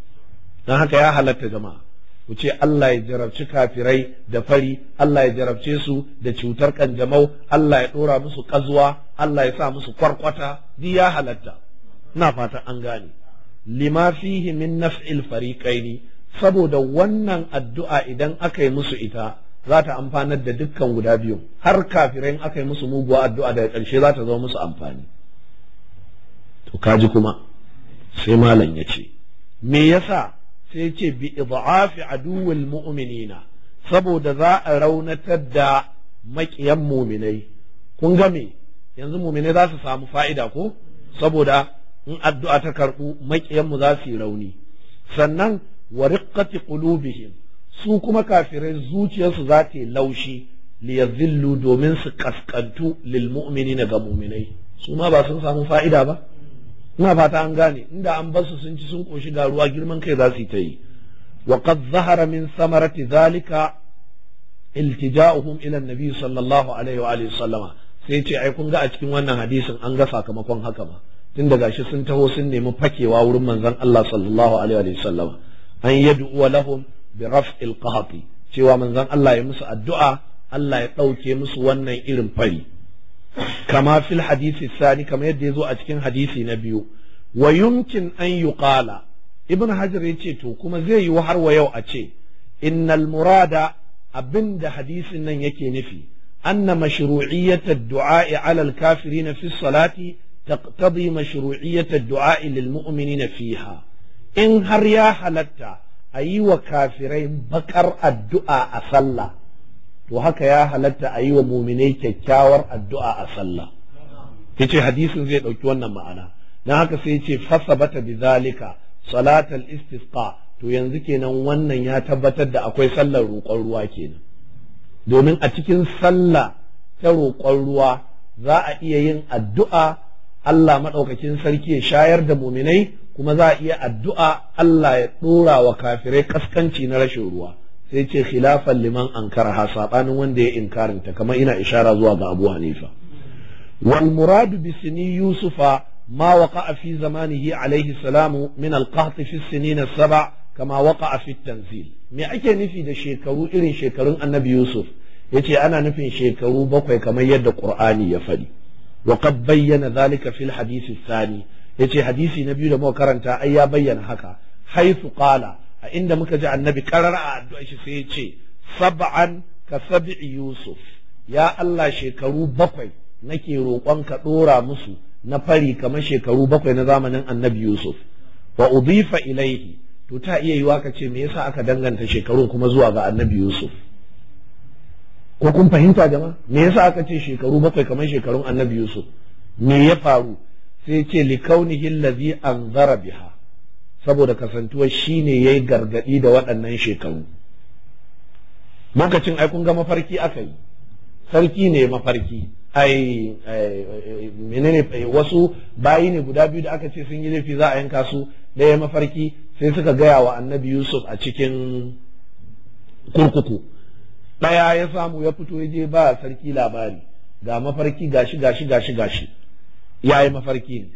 don haka ya halatta jama'a ku ce Allah ya jarabci kafirai da fari Allah ya jarabce su da cutar kanjamau Allah ya ɗora musu ƙazuwa Allah ya sa musu kwarkwata duk ya halatta na fatan an gane lima fihi fari kai fariqaini saboda wannan addu'a idan aka yi musu ita za ta amfanar da dukkan guda biyu har kafirai aka yi musu muguwa addu'a daga ƙarshe za ta zama musu amfani to kaji kuma sai malam ya ce me yasa sai ya ce bi idhafi aduwwil mu'minina saboda za a raunatar da maƙiyan muminai kun ga me yanzu muminai za su samu fa'ida ko saboda in addu'a ta karɓu mu za su yi rauni sannan wa riqqati qulubihim su kuma kafirai zuciyarsu za ta yi laushi liyazillu domin su kaskantu lil na ga mu'minai su ma ba sun samu fa'ida ba ina fata an gane inda an basu sun ci sun koshi ga ruwa girman kai za su yi ta yi wa qad zahara min samarati zalika iltija'uhum ila nabi sallallahu alaihi wa alihi sallama sai ce ai kun ga a cikin wannan hadisin an ga sakamakon haka ma tun gashi sun taho sun nemi fakewa wurin manzon Allah sallallahu alaihi wa sallama an yad'u lahum bi raf'il qahati cewa manzon Allah ya musu addu'a Allah ya ɗauke musu wannan irin fari kama fil hadisi sani kama yadda ya zo a cikin hadisi na biyu wa yumkin an yuqala ibn hajar ya ce to kuma zai yi har wa yau a ce innal murada abinda hadisin nan yake nufi anna mashru'iyyat ad-du'a 'ala al-kafirin fi salati taqtadi mashru'iyyat ad-du'a lil mu'minina fiha in har ya halatta a yi wa kafirai bakar addu'a a sallah to haka ya halatta a yi wa muminai kyakkyawar addu'a a sallah ce hadisin zai ɗauki wannan ma'ana na haka sai ce fasa bata bizalika salatal istisqa to yanzu kenan wannan ya tabbatar da akwai sallar roƙon ruwa kenan domin a cikin sallah ta roƙon ruwa za a iya yin addu'a Allah maɗaukakin sarki ya shayar da muminai kuma za a iya addu'a Allah ya ɗora wa kafirai kaskanci na rashin ruwa sai ce khilafan liman ankara ha saɓanin wanda ya inkarinta kamar ina ishara zuwa ga Abu Hanifa wal muradu bi sini yusufa ma a fi zamanihi alaihi salamu min al fi sinin saba kama a fi tanzil me ake nufi da shekaru irin shekarun annabi yusuf Ya ce ana nufin shekaru bakwai kamar yadda ƙur'ani ya faɗi wa qad bayyana zalika fil hadith thani yace hadisi na biyu da muka karanta ai ya bayyana haka haythu kala. a inda muka ji annabi karar a addu'a shi sai yace sab'an ka sab'i yusuf ya Allah shekaru bakwai nake roƙon ka dora musu na fari kamar shekaru bakwai na zamanin annabi yusuf wa udifa ilaihi to ta iya yiwa ka ce me yasa aka danganta shekarun kuma zuwa ga annabi yusuf ko kun fahimta jama'a me yasa aka ce shekaru bakwai kamar shekarun annabi yusuf me ya faru sai ce likaunihi allazi anzara biha saboda kasantuwa shine yayi gargadi da waɗannan shekaru lokacin ai kun ga mafarki aka yi sarki ne mafarki ai menene wasu bayi ne guda biyu da aka ce sun yi laifi za a yanka su ɗaya mafarki sai suka gaya wa annabi yusuf a cikin kurkuku ɗaya ya samu ya fito ya je ba sarki labari ga mafarki gashi gashi gashi gashi ya yi mafarki ne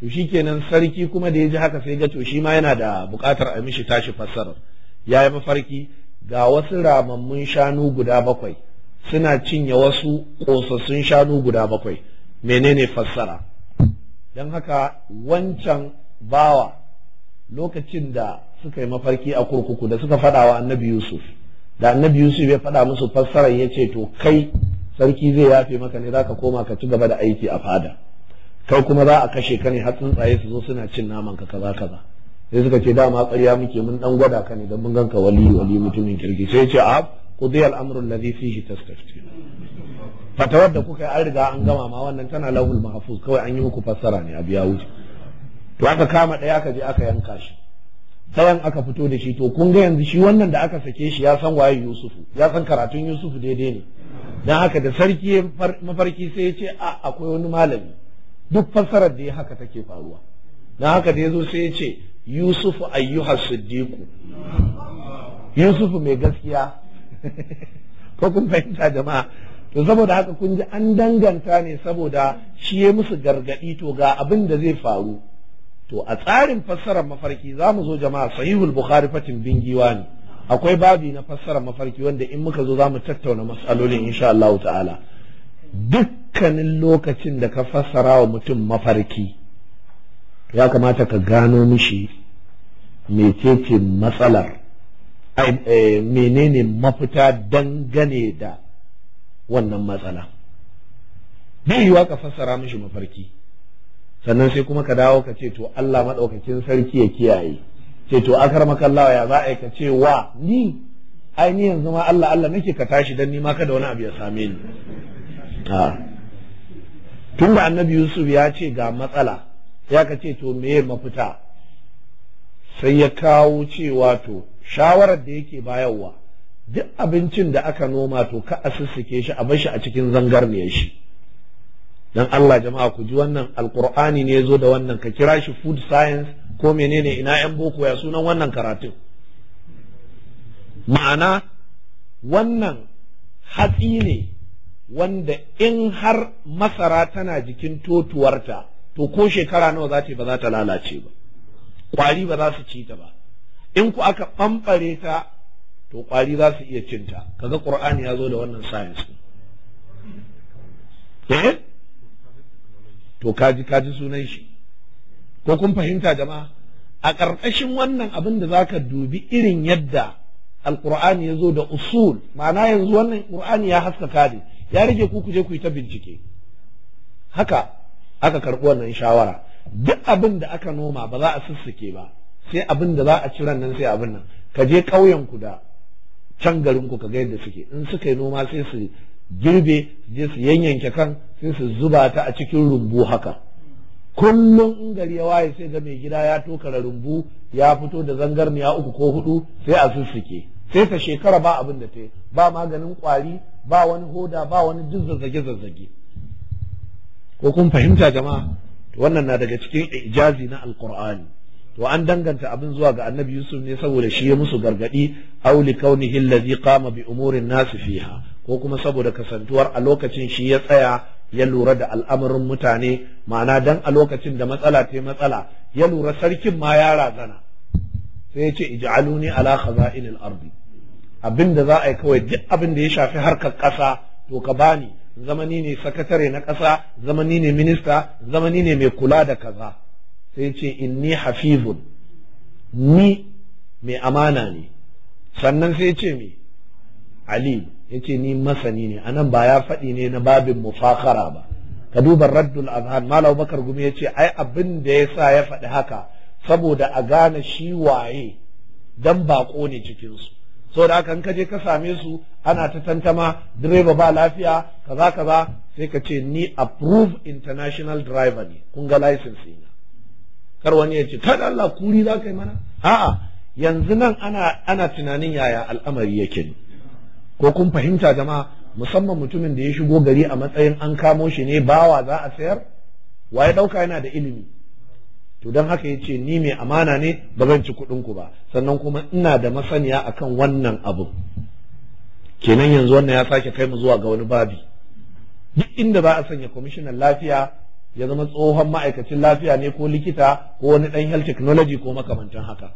to shi kenan sarki kuma da ya ji haka sai ga to shi ma yana da buƙatar a mishi tashi fassarar ya yi mafarki ga wasu ramammun shanu guda bakwai suna cinye wasu ƙosassun shanu guda bakwai menene fassara don haka wancan bawa lokacin da suka yi mafarki a kurkuku da suka faɗawa annabi yusuf da annabi yusuf ya faɗa musu fassarar ya ce to kai sarki zai yafe maka ne za ka koma ka ci gaba da aiki a fada kai kuma za a kashe ka ne har tsuntsaye su zo suna cin naman ka kaza kaza sai suka ce dama ƙarya muke mun dan gwada ka ne don mun ganka wali wali mutumin kirki sai ce a qudiya al-amru alladhi fihi tastafti fatawar da kuka yi an riga an gama ma wannan tana lahul mahfuz kawai an yi muku fassara ne a biya wuce to aka kama ɗaya aka je aka yanka shi ɗayan aka fito da shi to kun ga yanzu shi wannan da aka sake shi ya san waye yusufu ya san karatun yusufu daidai ne dan haka da sarki mafarki sai ya ce a akwai wani malami duk fassarar da ya haka take faruwa dan haka da yazo sai ya ce yusufu ayyuhas siddiqu yusufu mai gaskiya ko kun fahimta jama'a to saboda haka kun ji an danganta ne saboda shi ya musu gargadi to ga abin da zai faru to a tsarin fassarar mafarki za mu zo jama'a sahihul bukhari fatin bin giwa ne akwai babi na fassarar mafarki wanda in muka zo za mu tattauna matsalolin insha Allah ta'ala dukkanin lokacin da ka fassara wa mutum mafarki ya kamata ka gano mishi mecece matsalar eh, menene mafita dangane da wannan matsala bai yiwa ka fassara mishi mafarki sannan sai kuma ka dawo ka ce to Allah maɗaukakin sarki ya kiyaye ce to akar makallawa ya za a yi ka ce wa ni ai ni yanzu ma Allah Allah nake ka tashi dan ni ma kada wani abu ya same ni a tun da annabi Yusuf ya ce ga matsala ya ka ce to meye mafita sai ya kawo cewa to shawarar da yake bayarwa duk abincin da aka noma to ka a sussuke shi a bar shi a cikin zangar zangarniyar shi dan Allah jama'a ku ji wannan alqur'ani ne yazo da wannan ka kira shi food science ko menene ina yan boko ya sunan wannan karatun ma'ana wannan hatsi ne wanda in har masara tana jikin totuwarta to ko shekara nawa za ta ba za ta lalace ba kwari ba za su ci ta ba in ku aka bambare ta to kwari za su iya cinta kaga qur'ani ya zo da wannan science eh to kaji kaji sunan shi ko kun fahimta jama'a a ƙarƙashin wannan abin da zaka dubi irin yadda alqur'ani ya zo da usul ma'ana yanzu wannan qur'ani ya haskaka ne ya rage ku kuje ku yi ta bincike haka aka karɓi wannan shawara duk abin da aka noma ba za a sussuke ba sai abin da za a ci nan sai abin nan ka je ƙauyen ku da can garin ku ka ga yadda suke in suka yi noma sai su girbe je su yanyanke kan sai su zuba ta a cikin rumbu haka kullum in gari ya waye sai ga mai gida ya tokara rumbu ya fito da zangarniya uku ko hudu sai a sussuke sai ta shekara ba abin da ta yi ba maganin kwari ba wani hoda ba wani duk zazzage zazzage ko kun fahimta jama'a wannan na daga cikin ijazi na alqur'ani to an danganta abin zuwa ga annabi yusuf ne saboda shi ya musu gargadi auli kaunihi allazi qama bi umurin nasu fiha ko kuma saboda kasantuwar a lokacin shi ya tsaya ya lura da al'amarin mutane ma'ana dan a lokacin da matsala ta matsala ya lura sarkin ma ya razana sai ya ce ij'aluni ala al ardi abinda za a yi kawai duk abin da ya shafi harkar ƙasa to ka bani zamani ne sakatare na ƙasa zamani ne minista zamani ne mai kula da kaza sai ya ce inni hafizun ni mai amana ne sannan sai ya ce me ali yace ni masani ne anan ba ya faɗi ne na babin mufakara ba ka duba raddul azhan malam bakar gumi yace ai abin da yasa ya faɗi haka saboda a gane shi waye dan bako ne cikin su saboda haka in ka je ka same su ana ta tantama direba ba lafiya kaza kaza sai ka ce ni approve international driver ne kun ga license ina kar wani yace ce ta Allah kuri za ka yi mana a'a yanzu nan ana ana tunanin yaya al'amari yake ne ko kun fahimta jama'a musamman mutumin da ya shigo gari a matsayin an kamo shi ne bawa za a sayar waye ɗauka yana da ilimi to don haka ya ce ni mai amana ne ba zan ci kuɗin ku ba sannan kuma ina da masaniya akan wannan abu kenan yanzu wannan ya sake kai mu zuwa ga wani babi duk inda za a sanya kwamishinan lafiya ya zama tsohon ma'aikacin lafiya ne ko likita ko wani ɗan health technology ko makamantan haka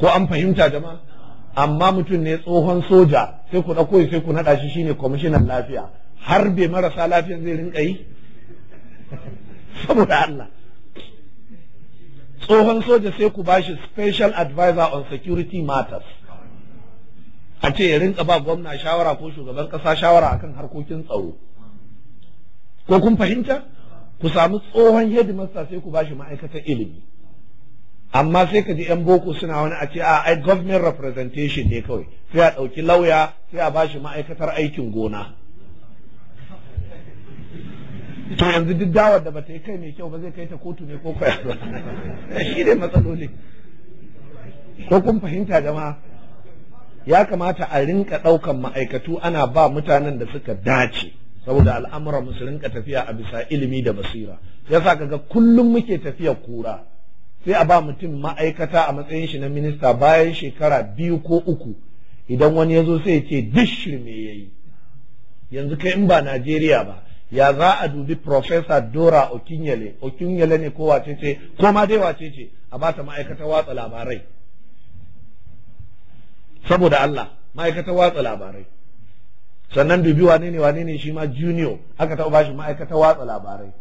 ko an fahimta jama'a amma mutum ne tsohon soja sai ku ɗauko sai ku naɗa shi shine kwamishinan lafiya har bai marasa lafiyan zai rinka yi saboda Allah tsohon soja sai ku bashi special advisor on security matters a ce ya rinka ba gwamna shawara ko shugaban ƙasa, shawara akan harkokin tsaro ko kun fahimta ku samu tsohon headmaster sai ku bashi ma'aikatan ilimi amma sai ka ji yan boko suna wani a ce a ah, ai government representation ne kawai sai a ɗauki lauya sai a bashi ma'aikatar aikin gona to yanzu duk dawar da bata yi kai mai kyau ba zai kai ta kotu ne ko kwaya shi ne matsaloli ko kun fahimta jama'a ya kamata a rinka ɗaukan ma'aikatu ana ba mutanen da suka dace saboda al'amuran musu rinka tafiya a bisa ilimi da basira yasa kaga kullum muke tafiya kura sai a ba mutum ma'aikata a matsayin shi na minista bayan shekara biyu ko uku idan wani ya zo sai ya ce dish me ya yi yanzu kai in ba najeriya ba ya za a dubi Profesa dora okinyele okinyele ne ko wace ce ko ma dai wace ce a ta ma'aikatar watsa labarai saboda allah ma'aikatar watsa labarai sannan dubi wane ne wane ne shi ma junior aka taɓa shi ma'aikatar watsa labarai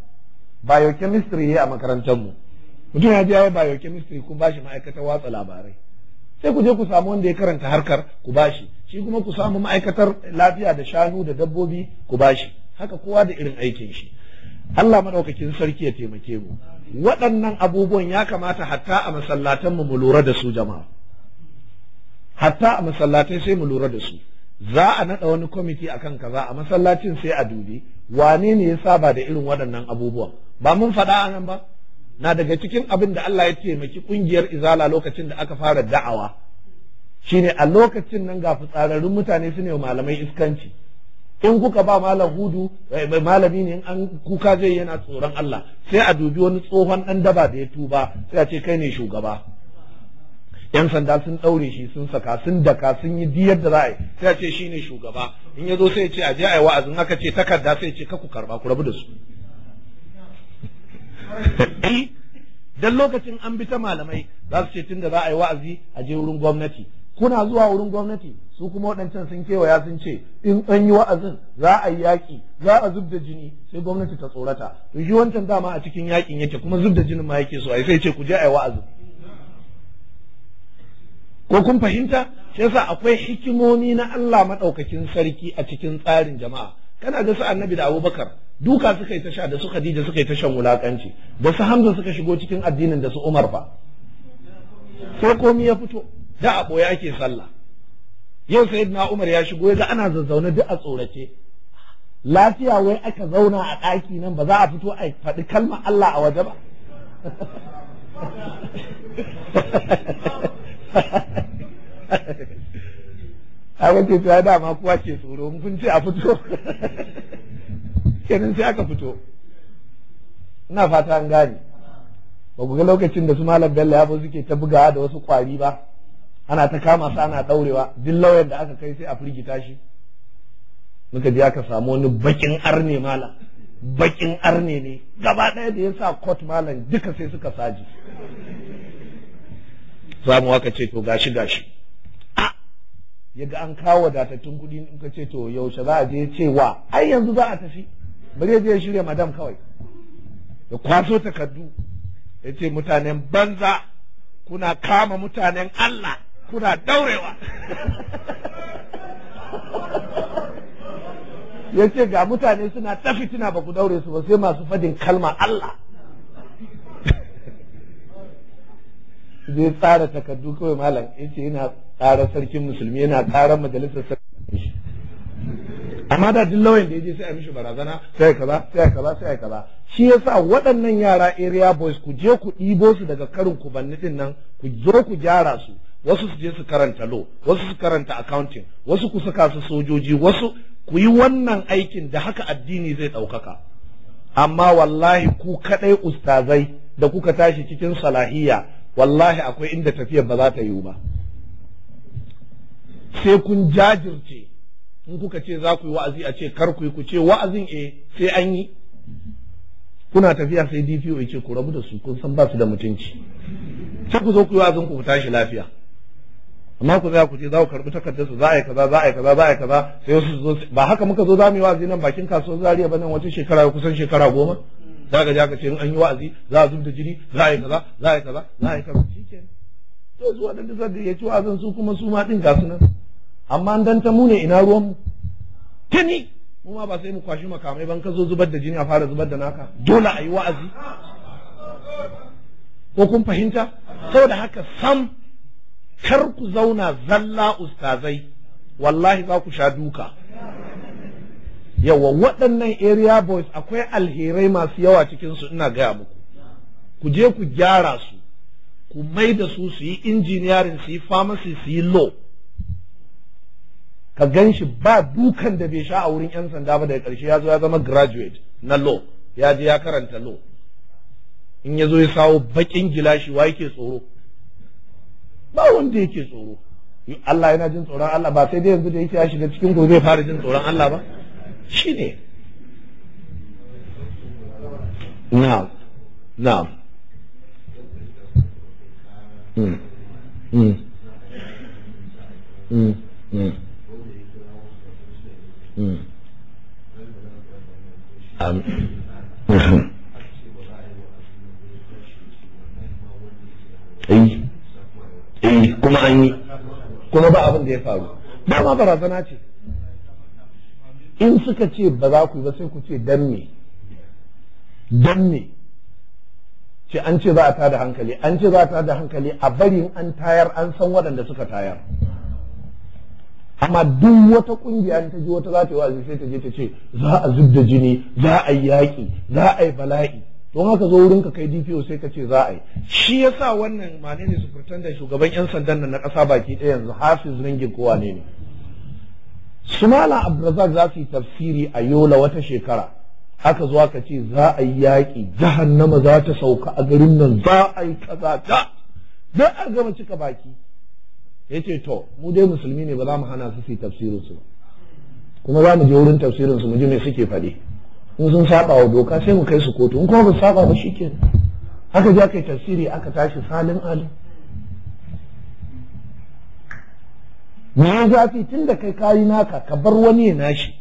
biochemistry ne a makarantar mu mutum ya je ya biochemistry ku bashi ma'aikatar watsa labarai sai ku je ku samu wanda ya karanta harkar ku bashi shi kuma ku samu ma'aikatar lafiya da shanu da dabbobi ku bashi haka kowa da irin aikin shi Allah madaukakin sarki ya taimake mu waɗannan abubuwan ya kamata hatta a masallatan mu lura da su jama'a hatta a masallatai sai mu lura da su za a naɗa wani kwamiti akan kaza a masallacin sai a dubi wane ne ya saba da irin waɗannan abubuwan ba mun faɗa a nan ba na daga cikin abin da Allah ya taimaki kungiyar izala lokacin da aka fara da'awa shine a lokacin nan ga fitsararrun mutane su ne malamai iskanci in kuka ba malam hudu eh, mai malami ne an kuka zai yana tsoron Allah sai a dubi wani tsohon dan daba da ya tuba sai a ce kai ne shugaba yan sanda sun ɗaure shi sun saka sun daka sun yi diyar da za sai a ce shine shugaba in ya zo sai ya ce a je a yi wa'azin aka ce takarda sai ya ce ka ku karba ku rabu da su Eh? dan lokacin an bi ta malamai za su ce tun da za a yi wa'azi a je wurin gwamnati kuna zuwa wurin gwamnati su kuma waɗancan sun kewaya sun ce in an yi wa'azin za a yi yaƙi za a zub da jini sai gwamnati ta tsorata to shi wancan dama a cikin yaƙin yake kuma zub da jinin ma yake so ai sai ce ku je a yi wa'azin ko kun fahimta shi yasa akwai hikimomi na Allah madaukakin sarki a cikin tsarin jama'a kana ga su annabi da abubakar duka suka yi ta sha da su khadija suka yi ta shan wulakanci da su hamza suka shigo cikin addinin da su umar fa sai komi ya fito da a boye ake sallah yau sayyidina umar ya shigo ya ga ana zazzaune duk a tsorace lafiya wai aka zauna a ɗaki nan ba za a fito a faɗi kalmar Allah a waje ba aka ce ta dama kowa ke tsoro kun ce a fito kenan sai aka fito ina fata an gane ba ku ga lokacin da su malam bello ya suke ta bugawa da wasu kwari ba ana ta kama su ana daurewa duk lauyan da aka kai sai a firgita shi muka biya aka samu wani bakin arne malam bakin arne ne gaba ɗaya da ya sa kot malam duka sai suka saji samu aka ce to gashi gashi ya ga an kawo wadatattun kuɗi in ka ce to yaushe za a je cewa ai yanzu za a tafi bari ya je shirya madam kawai ya kwaso takardu ya ce mutanen banza kuna kama mutanen Allah kuna daurewa ya ce ga mutane suna ta fitina ba ku daure su ba sai masu fadin kalma Allah zai tsara takardu kawai malam in ce yana tsara sarkin musulmi yana tsara majalisar sarkin shi amma da duk lauyan da ya je sai a mishi barazana sai kaza sai kaza sai kaza shi yasa waɗannan yara area boys ku je ku ɗibo su daga karin ku bannitin nan ku zo ku gyara su wasu su je su karanta law wasu su karanta accounting wasu ku saka su sojoji wasu ku yi wannan aikin da haka addini zai ɗaukaka amma wallahi ku kaɗai ustazai da kuka tashi cikin salahiyya wallahi akwai inda tafiyar ba za ta yiwu ba sai kun jajirce in kuka ce za ku yi wa'azi a ce kar ku yi ku ce wa'azin eh sai an yi kuna tafiya sai DPO ya ce ku rabu da su kun san ba su da mutunci sai ku zo ku yi wa'azin ku tashi lafiya amma ku za ku ce za ku karbi takardar su za a yi kaza za a yi kaza za a yi kaza sai wasu zo ba haka muka zo za mu yi wa'azi nan bakin kasuwar Zariya ba nan wata shekara kusan shekara goma za ka ka ce in an yi wa'azi za a zubta jini za a yi kaza za a yi kaza za a yi kaza ke to zuwa da duk da ya ci wa'azin su kuma su ma ɗin ga su nan amma an danta mu ne ina ruwan mu ni. mu ma ba sai mu kwashi makamai ban ka zo zubar da jini a fara zubar da naka dole a yi wa'azi ko kun fahimta da haka sam kar ku zauna zalla ustazai wallahi za ku sha duka yawa waɗannan area boys akwai alherai masu yawa cikinsu ina gaya muku ku je ku gyara su ku mai da su su yi engineering su yi pharmacy su yi law ka gan shi ba dukan da bai sha a wurin 'yan sanda ba daga ƙarshe ya zo ya zama graduate na law ya je ya karanta law in ya zo ya sawo baƙin gilashi wa yake tsoro ba wanda yake tsoro Allah yana jin tsoron Allah ba sai dai yanzu da yake ya shiga cikin gobe fara jin tsoron Allah ba shi ne na'am na'am hmm. Hmm. Hmm. Eh. Eh, kuma an yi kuma ba abin da ya faru dama barazana ce in suka ce ba za ku yi ba sai ku ce dan me dan me ce an ce za a tada hankali an ce za a tada hankali a bari an tayar an san waɗanda suka tayar amma duk wata kungiya ta ji wata za ta yi wa sai ta je ta ce za a zub da jini za a yi yaƙi za a yi bala'i don haka zo wurin ka kai DPO sai ka ce za a yi shi yasa wannan manene su sufurtan da shugaban yan sandan nan na ƙasa baki ɗaya yanzu hafiz ringin kowa ne ne su malam abdulrazak za su yi tafsiri a yola wata shekara aka zuwa ka ce za a yi yaƙi jahannama za ta sauka a garin nan za a yi kaza ta don a gama cika baki ya ce to mu dai musulmi ne ba za mu hana su su yi tafsirinsu ba kuma za mu je wurin tafsirinsu mu ji me suke faɗi in sun saba wa doka sai mu kai su kotu in kuma ba saba ba shi haka ja kai tafsiri aka tashi salin alin me ya zafi tun da kai kayi naka ka bar wani ya nashi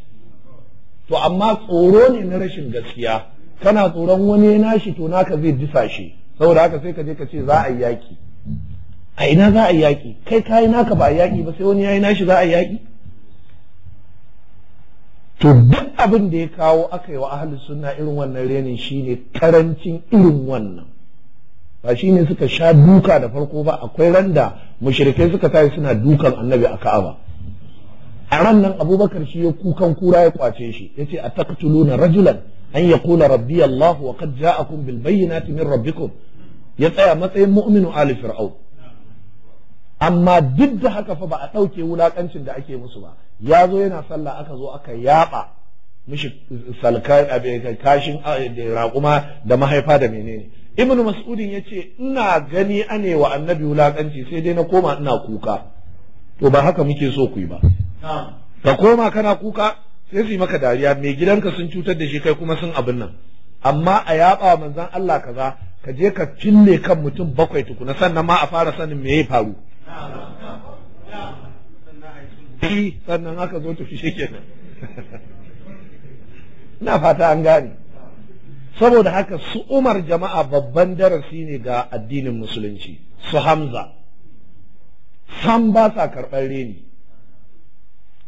to amma tsoro ne na rashin gaskiya kana tsoron wani ya nashi to naka zai disa shi saboda haka sai ka je ka ce za a yi yaƙi a ina za a yi yaƙi kai kayi naka ba a yaƙi ba sai wani ya yi nashi za a yi yaƙi to duk abin da ya kawo aka yi wa ahalus sunna irin wannan renin shine karancin irin wannan ba shi ne suka sha duka da farko ba akwai ran da mushrikai suka tashi suna dukan annabi a ka'aba a ran nan abubakar shi ya kukan kura ya kwace shi ya ce a taqtuluna rajulan an yaqula rabbi allah wa qad ja'akum bil bayyinati min rabbikum ya tsaya matsayin mu'minu ali firau. amma duk da haka fa ba a ɗauke wulakancin da ake musu ba ya zo yana sallah aka zo aka yaɓa mishi salka kashin eh, raƙuma da mahaifa da menene ibn mas'udin ya ce ina gani ane wa annabi wulakanci sai dai na koma ina kuka to ba haka muke so ku yi ba ka koma kana kuka sai su yi maka dariya mai gidanka sun cutar da shi kai kuma sun abin nan amma a yaba manzon Allah kaza ka je ka cille kan mutum bakwai tukuna sannan ma a fara sanin me ya faru sannan aka zo tafi shi kenan ina fata an gane saboda haka su umar jama'a babban darasi ne ga addinin musulunci su hamza sam ba sa karɓar reni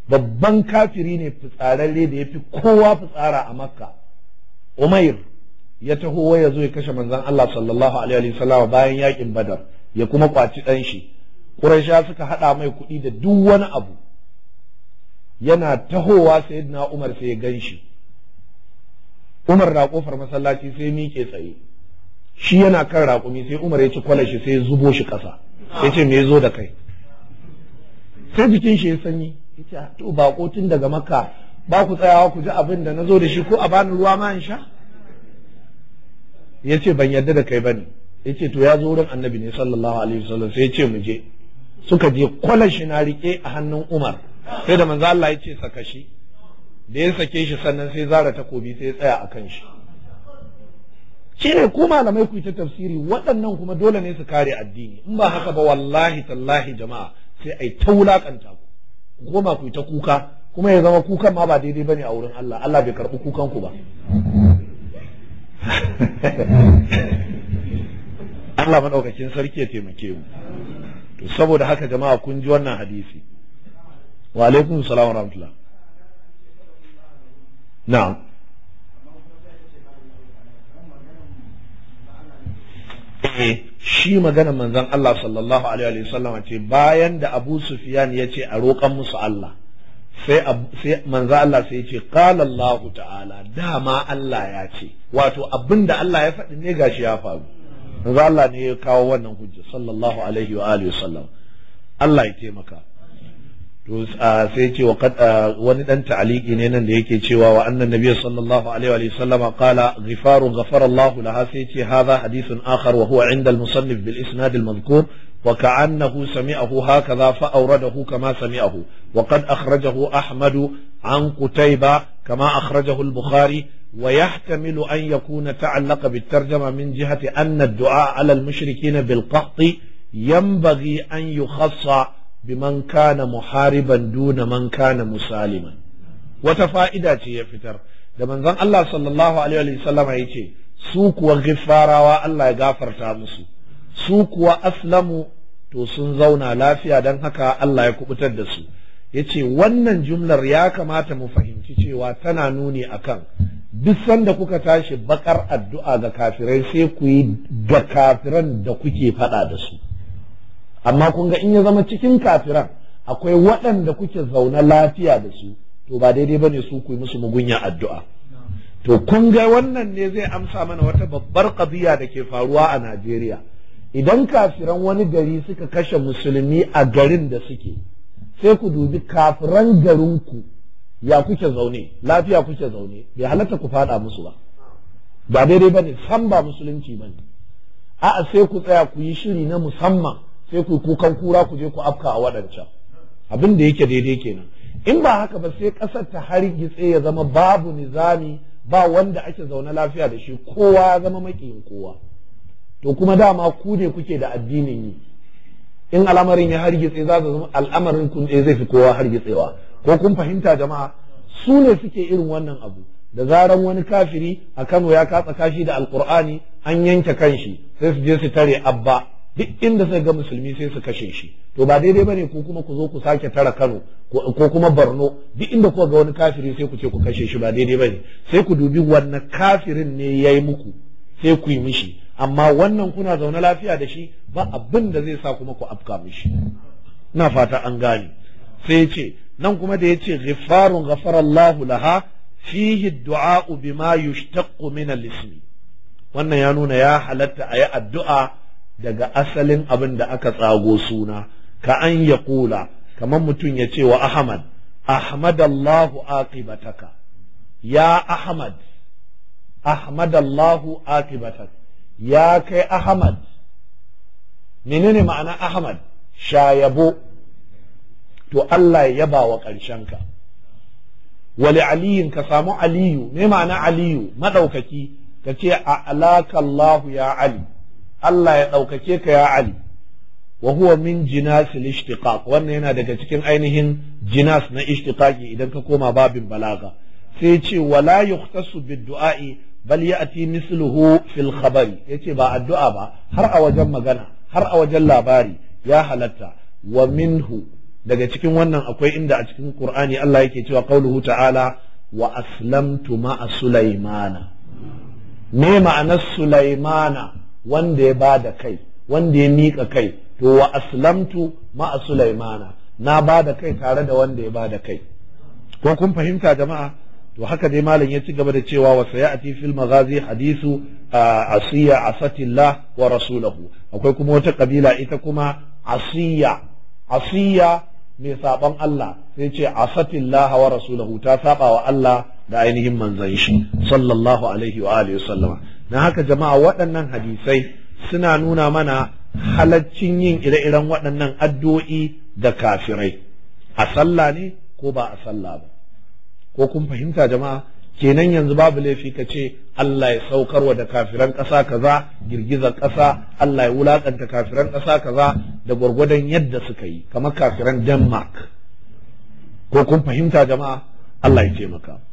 babban kafiri ne fitsararre da ya fi kowa fitsara a makka umair ya taho ya zo ya kashe manzan Allah sallallahu alaihi wasallam bayan yakin badar ya kuma kwaci dan shi quraisha suka haɗa mai kuɗi da duk wani abu yana tahowa sayyidina umar sai ya ganshi umar na kofar masallaci sai miƙe tsaye shi yana kan raƙumi sai umar ya ci kwalashi sai zubo shi ƙasa ya ce me zo da kai sai jikin shi ya sanyi ya ce to ba tun daga maka ba ku tsayawa ku ji abin da na zo da shi ko a bani ruwa ma in sha ya ce ban yarda da kai ba ne ya ce to ya zo wurin annabi ne sallallahu alaihi wasallam sai ya ce mu je suka je kwalashi na riƙe a hannun umar sai da manzo Allah ya ce saka shi da ya sake shi sannan sai zara takobi sai tsaya a kan shi shi ne ku malamai ku ta tafsiri waɗannan kuma dole ne su kare addini in ba haka ba wallahi tallahi jama'a sai ai ta wulakanta ku goma ku ta kuka kuma ya zama kukan ma ba daidai ba bane a wurin Allah Allah bai karɓi kukan ku ba Allah madaukakin sarki ya taimake mu to saboda haka jama'a kun ji wannan hadisi wa alaikum salam wa rahmatullah na'am eh, shi maganar manzon Allah sallallahu alaihi wa sallam ce bayan da Abu Sufyan ya ce a roƙan musu Allah sai manzon Allah sai ya ce qala Allah ta'ala dama Allah ya ce wato abinda Allah ya faɗi ne gashi ya faru manzon Allah ne ya kawo wannan hujja sallallahu alaihi wa sallam Allah ya taimaka وقد وند أنت علي وأن النبي صلى الله عليه وسلم قال غفار غفر الله لها سيتي هذا حديث آخر وهو عند المصنف بالإسناد المذكور وكأنه سمعه هكذا فأورده كما سمعه وقد أخرجه أحمد عن قتيبة كما أخرجه البخاري ويحتمل أن يكون تعلق بالترجمة من جهة أن الدعاء على المشركين بالقحط ينبغي أن يخص biman kana muhariban duna man kana musaliman wata fa'ida ce ya fitar da manzon Allah sallallahu alaihi wa sallama yace su kuwa gifarawa Allah ya gafarta musu su kuwa aslamu to sun zauna lafiya don haka Allah ya kubutar da su yace wannan jumlar ya kamata mu fahimci cewa tana nuni akan duk sanda kuka tashi bakar addu'a ga kafirai sai ku yi kafiran da kuke faɗa da su amma kun ga in ya zama cikin kafiran akwai waɗanda kuke zauna lafiya da su to ba daidai bane su ku yi musu mugunya addu'a to kun ga wannan ne zai amsa mana wata babbar qadiya da ke faruwa a Najeriya idan kafiran wani gari suka kashe musulmi a garin da suke sai ku dubi kafiran garin ku ya kuke zaune lafiya kuke zaune bai halatta ku fada musu ba ba daidai bane san ba musulunci bane a'a sai ku tsaya ku yi shiri na musamman sai ku kukan kura ku je ku afka a waɗancan abin da yake daidai kenan in ba haka ba sai ƙasar ta har gitse ya zama babu nizami ba wanda ake zaune lafiya da shi kowa ya zama makiyin kowa to kuma dama ku ne kuke da addinin yi in al'amarin ya hargitse za su zama al'amarin kun ɗaya eh, zai fi kowa hargitsewa ko kun fahimta jama'a su ne suke irin wannan abu da zaran wani kafiri a Kano ya katsa kashi da alkur'ani an yanke kanshi sai su je su tare abba duk inda suka ga musulmi sai su kashe shi to ba daidai bane ko kuma ku zo ku sake tara Kano ko kuma Borno duk inda kuka ga wani kafiri sai ku ce ku kashe shi ba daidai bane sai ku dubi wannan kafirin ne yayi muku sai ku yi mishi amma wannan kuna zaune lafiya da shi ba abin da zai sa kuma ku afka mishi na fata an gane sai ce nan kuma da yace ghifarun ghafarallahu laha fihi du'a bima yushtaqu min al-ismi wannan ya nuna ya halatta ayi addu'a daga asalin abin da aka tsago suna ka an ya kula kamar mutum ya ce wa ahmad Ahmad Allahu aqibataka ya ahmad Ahmad Allahu aqibataka ya kai ahmad menene ma'ana ahmad sha yabo to Allah ya yaba wa ƙarshenka wali aliyin ka samu aliyu ne ma'ana aliyu maɗaukaki ka ce a alaka alakallahu ya ali Allah ya ɗaukake ka ya Ali wa huwa min jinas al wannan yana daga cikin ainihin jinas na ishtiqaqi idan ka koma babin balaga sai ce wala yuhtasu bid bal ya'ti misluhu fil khabari yace ba addu'a ba har a wajen magana har a wajen labari ya halatta wa minhu daga cikin wannan akwai inda a cikin Qur'ani Allah yake cewa qauluhu ta'ala wa aslamtu ma'a sulaimana me ma'anar sulaimana wanda ya ba da kai wanda ya miƙa kai to wa aslamtu ma'a sulaimana na ba da kai tare da wanda ya ba da kai ko kun fahimta jama'a to haka dai malam ya ci gaba da cewa wa sayati fil maghazi hadisu asiya asatillah wa rasulahu akwai kuma wata kabila ita kuma asiya asiya mai saban Allah sai ce asatillah wa rasulahu ta saba wa Allah da ainihin manzon shi sallallahu alaihi wa alihi sallama na haka jama'a waɗannan hadisai suna nuna mana halaccin yin ire-iren waɗannan addu'o'i da kafirai a sallah ne ko ba a sallah ba ko kun fahimta jama'a kenan yanzu babu laifi ka ce Allah ya saukar wa da kafiran ƙasa kaza girgizar ƙasa Allah ya wulaƙanta kafiran ƙasa kaza da gwargwadon yadda suka yi kamar kafiran Denmark ko kun fahimta jama'a Allah ya taimaka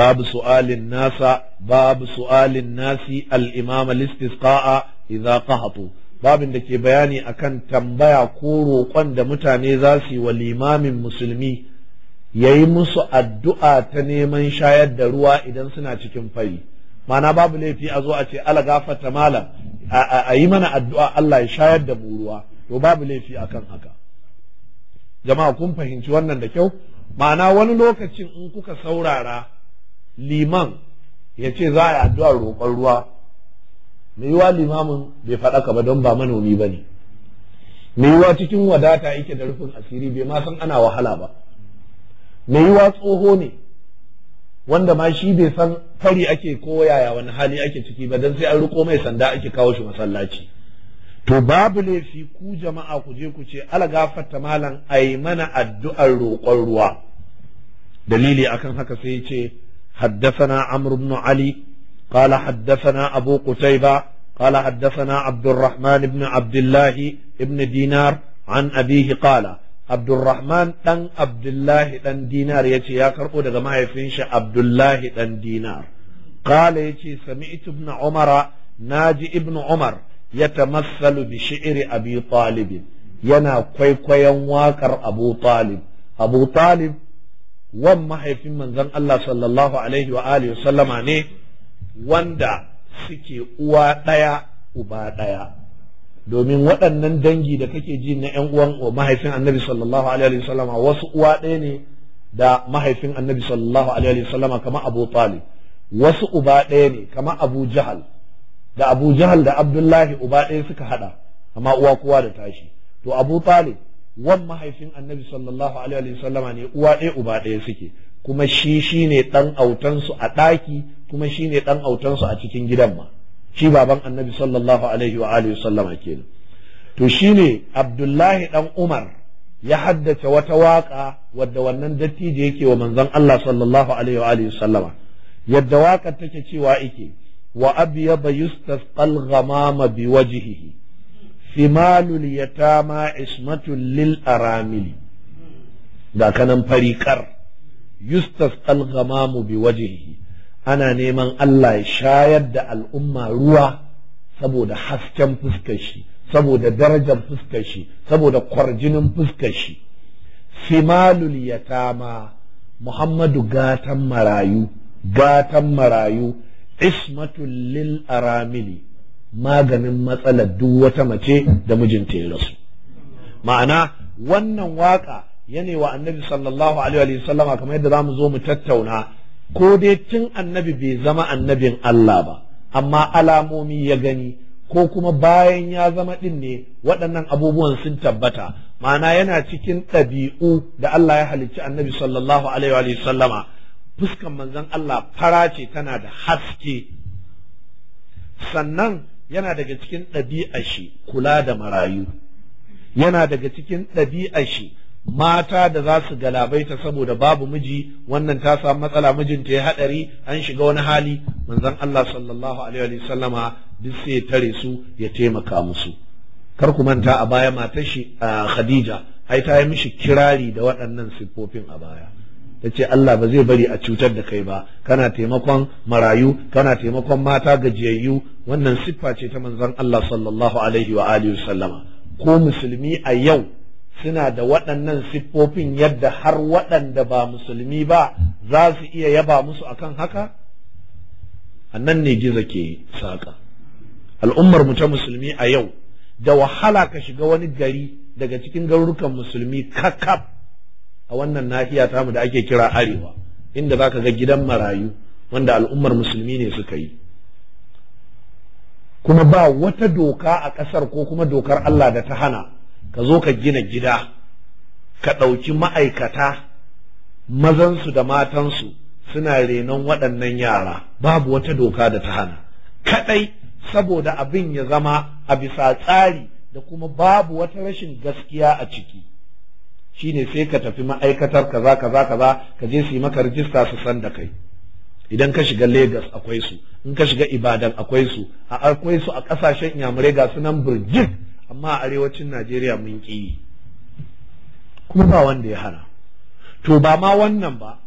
باب سؤال الناس باب سؤال الناس الإمام الاستسقاء إذا قهطوا babin da ke bayani akan tambaya ko roƙon da mutane za su yi wa limamin musulmi ya yi musu addu'a ta neman shayar da ruwa idan suna cikin fari mana babu laifi a zo a ce ala gafata malam a yi mana addu'a Allah ya shayar da mu ruwa to babu laifi akan haka jama'a kun fahimci wannan da kyau ma'ana wani lokacin in kuka saurara liman ya ce za a yi addu'ar roƙon ruwa mai yiwa limamin bai faɗaka ba don ba manomi ba ne mai yiwa cikin wadata yake da rufin asiri bai ma san ana wahala ba mai yiwa tsoho ne wanda ma shi bai san fari ake ko yaya wani hali ake ciki ba don sai an riko mai sanda ake kawo shi masallaci to babu laifi ku jama'a ku je ku ce algafata malam aimana addu'ar roƙon ruwa dalili akan haka sai ce haddasana amr ibn ali qala haddasana abu qutayba qala haddasana abdurrahman ibn abdullah ibn dinar an abihi qala abdurrahman dan abdullahi dan dinar yace ya karbo daga mahaifin shi abdullah dan dinar قال يجي سمعت ابن عمر ناجي ابن عمر يتمثل بشعر أبي طالب ينا yana kwaikwayon waƙar أبو talib أبو talib wan mahaifin في Allah sallallahu alaihi wa عليه وآله ne wanda suke uwa ɗaya uba ɗaya domin waɗannan dangi da kake ji na ƴan uwan mahaifin annabi sallallahu alaihi wa sallama wasu uwa ɗaya ne da mahaifin annabi sallallahu alaihi wa sallama kamar abu talib wasu uba ɗaya ne kamar abu jahal da Abu Jahal da Abdullahi uba ɗaya suka hada amma uwa kowa da tashi to Abu Talib wan mahaifin Annabi sallallahu alaihi sallama ne uwa ɗaya uba ɗaya suke kuma shi shine dan su a ɗaki kuma shine dan autansu a cikin gidan ma shi baban Annabi sallallahu alaihi wa alihi sallama kenan to shine Abdullahi dan Umar ya haddace wata waka wadda wannan dattijo yake wa manzon Allah sallallahu alaihi wa alihi yadda wakar take cewa yake wa abyada yustasqa al-ghamama biwajhihi thimalul yatama ismatul lil aramili da kanan farikar yustasqa al-ghamamu biwajhihi ana neman Allah ya shayar da al'umma ruwa saboda hasken fuskashi, shi saboda darajar fuskar saboda kwarjinin fuskashi. shi simalul yatama muhammadu gatan marayu gatan marayu ismatul lil aramili maganin matsalar duk wata mace da mijinta ya rasu ma'ana wannan waka yane wa annabi sallallahu alaihi wa sallama kamar yadda zamu zo mu tattauna ko dai tun annabi bai zama annabin Allah ba amma alamomi ya gani ko kuma bayan ya zama din ne waɗannan abubuwan sun tabbata ma'ana yana cikin ɗabi'u da Allah ya halicci annabi sallallahu alaihi wa sallama fuskan manzon Allah fara ce tana da haske sannan yana daga cikin ɗabi'ar shi kula da marayu yana daga cikin ɗabi'ar shi mata da za su galabaita saboda babu miji wannan ta samu matsala mijinta ya haɗari an shiga wani hali manzon Allah sallallahu alaihi wa sallama duk sai tare su ya taimaka musu kar ku manta a baya matar shi Khadija ai ta yi mishi kirari da waɗannan siffofin a baya ta ce Allah ba zai bari a cutar da kai ba kana taimakon marayu kana taimakon mata gajiyayyu wannan siffa ce ta manzon Allah sallallahu alaihi wa alihi sallama ko musulmi a yau suna da waɗannan siffofin yadda har waɗanda ba musulmi ba za su iya yaba musu akan haka annan ne giza ke saka al'ummar mu ta musulmi a yau da wahala ka shiga wani gari daga cikin garurukan musulmi kakaf a wannan nahiya tamu da ake kira arewa inda za ka ga gidan marayu wanda al'ummar musulmi ne suka yi kuma ba wata doka a ƙasar ko kuma dokar Allah da ta hana ka zo ka gina gida ka ɗauki ma'aikata mazansu da matansu suna renon waɗannan yara babu wata doka da ta hana kaɗai saboda abin ya zama a bisa tsari da kuma babu wata rashin gaskiya a ciki shine sai ka tafi ma'aikatar kaza kaza kaza ka je su yi maka rijista su san da kai idan ka shiga Legas akwai su in ka shiga Ibadan akwai su a akwai su a kasashen Inyamurai ga sunan birjik amma a arewacin Najeriya mun ki kuma ba wanda ya hana to ba ma wannan ba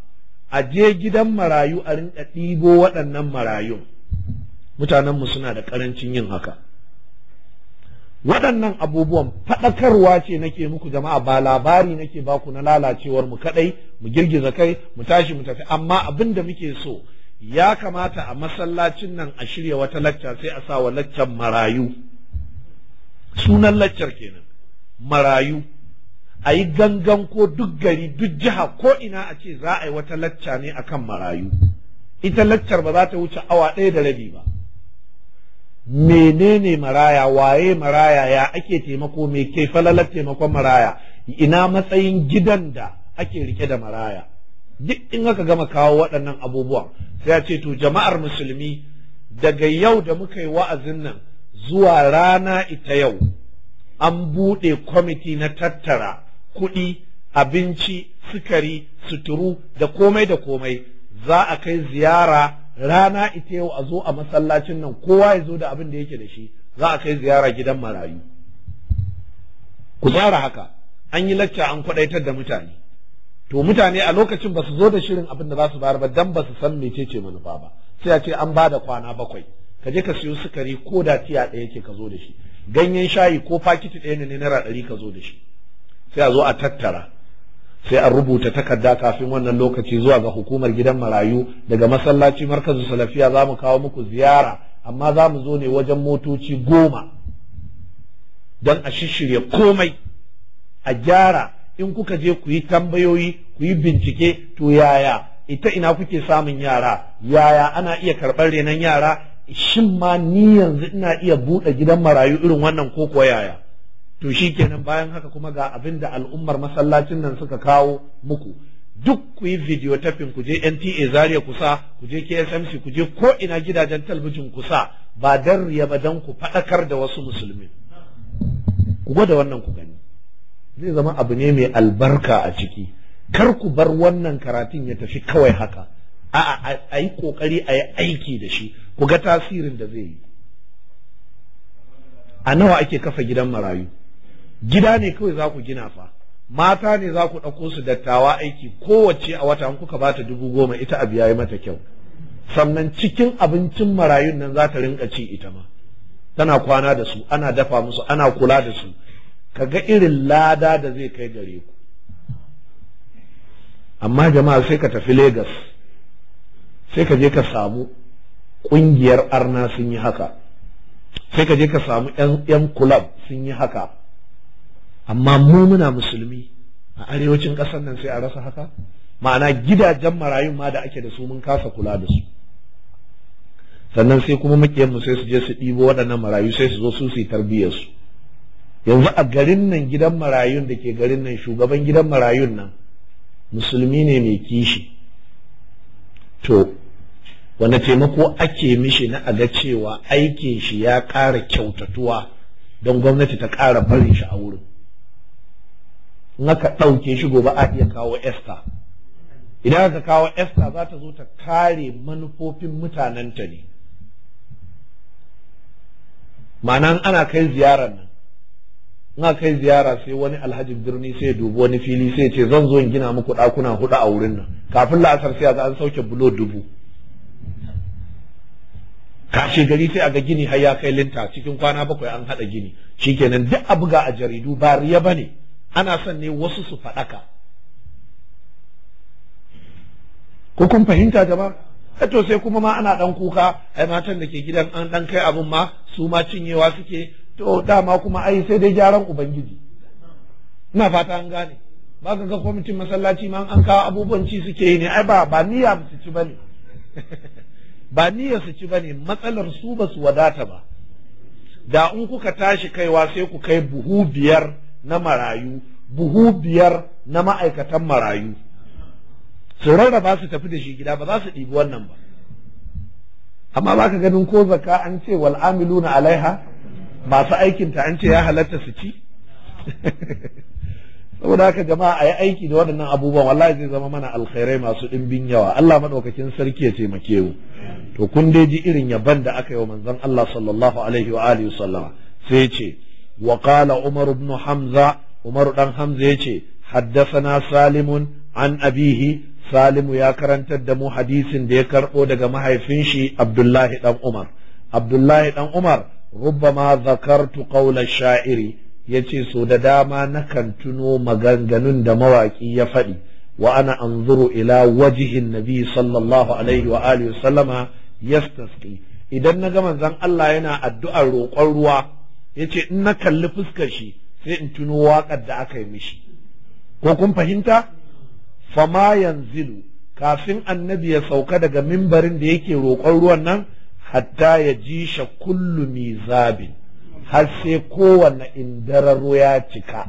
a je gidan marayu a rinka ɗibo waɗannan marayun mutanenmu suna da ƙarancin yin haka waɗannan abubuwan faɗakarwa ce nake muku jama'a ba labari nake ku na lalacewar mu kaɗai mu girgiza kai mu tashi mu tafi amma abin da muke so ya kamata a masallacin nan a shirya wata lacca sai a sa wa laccan marayu sunan laccar kenan marayu a yi gangan ko duk gari duk jiha ko ina a ce za a yi wata lacca ne akan marayu ita laccar ba za ta wuce awa ɗaya da rabi ba menene maraya waye maraya ya ake taimako mai ke falalar taimakon maraya ina matsayin gidan da ake rike da maraya duk in aka gama kawo waɗannan abubuwan sai ya ce to jama'ar musulmi daga yau da muka yi wa'azin nan zuwa rana ita yau an buɗe kwamiti na tattara kuɗi abinci sukari suturu da komai da komai za a kai ziyara rana ita yau a zo a masallacin nan kowa ya zo da abin da yake da shi za a kai ziyara gidan marayu ku tsara haka an yi lacca an kwadaitar da mutane to mutane a lokacin ba su zo da shirin abin da za su bayar ba dan ba su san mecece manufa ba sai a ce an ba da kwana bakwai ka je ka siyo sukari ko da tiya ɗaya ke ka zo da shi ganyen shayi ko fakiti ɗaya ne naira ɗari ka zo da shi sai a zo a tattara sai an rubuta takarda kafin wannan lokaci zuwa ga hukumar gidan marayu daga masallaci markazu salafiya za mu kawo muku ziyara amma za mu zo ne wajen motoci goma don a shishirya komai a gyara in kuka je ku yi tambayoyi ku yi bincike to yaya ita ina kuke samun yara yaya ana iya karɓar renon yara shin ma ni yanzu ina iya buɗe gidan marayu irin wannan ko yaya to shi kenan bayan haka kuma ga abin da al'ummar masallacin nan suka kawo muku duk ku yi video ku je NTA Zaria kusa ku je KSMC ku je ko ina gidajen talbijin kusa ba dan riya ba dan ku faɗakar da wasu musulmi ku gwada wannan ku gani zai zama abu ne mai albarka a ciki kar ku bar wannan karatun ya tafi kawai haka a'a a yi kokari a yi aiki da shi ku ga tasirin da zai yi a nawa ake kafa gidan marayu gida ne kawai za ku gina fa mata ne za ku ɗauko su dattawa aiki kowace a wata kuka bata dubu goma ita abu yayi mata kyau sannan cikin abincin marayun nan za ta rinka ci ita ma tana kwana da su ana dafa musu ana kula da su ka ga irin lada da zai kai gare ku amma jama'a sai ka tafi Legas sai ka je ka samu ƙungiyar arna sun yi haka sai ka je ka samu 'yan kulab sun yi haka amma mu muna musulmi a arewacin ƙasar nan sai a rasa haka ma'ana gidajen marayun ma da ake da su mun kasa kula da su sannan sai kuma makiyanmu sai su je su ɗibo waɗannan marayu sai su zo su su tarbiyyar su yanzu a garin nan gidan marayun da ke garin nan shugaban gidan marayun nan musulmi ne mai kishi to wanda taimako ake mishi na aga cewa aikin shi ya ƙara kyautatuwa don gwamnati ta ƙara barin shi a wurin Naka ka ɗauke shi gobe a iya kawo esta idan aka kawo esta za ta zo ta kare manufofin mutanenta ne ma'ana ana kai ziyarar nan ina kai ziyara sai wani alhajin birni sai dubi wani fili sai ce zan zo in gina muku ɗakuna hudu a wurin nan kafin la'asar sai a an sauke bulo dubu kashe gari sai a ga gini har ya kai linta cikin kwana bakwai an haɗa gini shikenan duk a buga a jaridu ba riya ba ne ana son ne wasu su faɗaka ko kun fahimta jama'a eh to sai kuma ma ana ɗan kuka ai matan da ke gidan an ɗan kai abin ma su ma cinyewa suke to dama kuma ai sai dai gyaran ubangiji ina fata an gane ba ka ga kwamitin masallaci ma an kawo abubuwan ci suke yi ne ai ba ba niyya su ci bane ba niyya su ci bane matsalar su ba su wadata ba da in kuka tashi kaiwa sai ku kai buhu biyar na marayu buhu biyar na ma'aikatan marayu su rarraba su tafi da shi gida ba za su ɗibi wannan ba amma ba ka ganin ko zaka an ce wal amiluna alaiha masu aikinta an ce ya halatta su ci saboda haka jama'a a yi aiki da waɗannan abubuwan wallahi zai zama mana alkhairai masu ɗimbin yawa Allah maɗaukakin sarki ya taimake mu to kun dai ji irin yaban da aka yi wa manzon Allah sallallahu alaihi wa alihi sallama sai ya ce wa umar ibn hamza umar dan hamza ya ce haddasa na salimun an abihi salimu ya karantar da mu hadisin da ya karbo daga mahaifin shi abdullahi dan umar abdullahi dan umar ruba rubbama zakartu qawla sha'iri Ya ce sau da dama nakan tuno maganganun da mawaƙi ya faɗi wa ana anzuru ila wajihin nabi sallallahu alaihi wa sallama yastasqi idan naga manzon Allah yana addu'ar roƙon ruwa yace in na kalli fuskar shi sai in tuno waƙar da aka yi mishi ko kun fahimta fama yanzilu kafin annabi ya sauka daga mimbarin da yake roƙon ruwan nan hatta ya ji sha kullu mizabin har sai kowanne indararo ya cika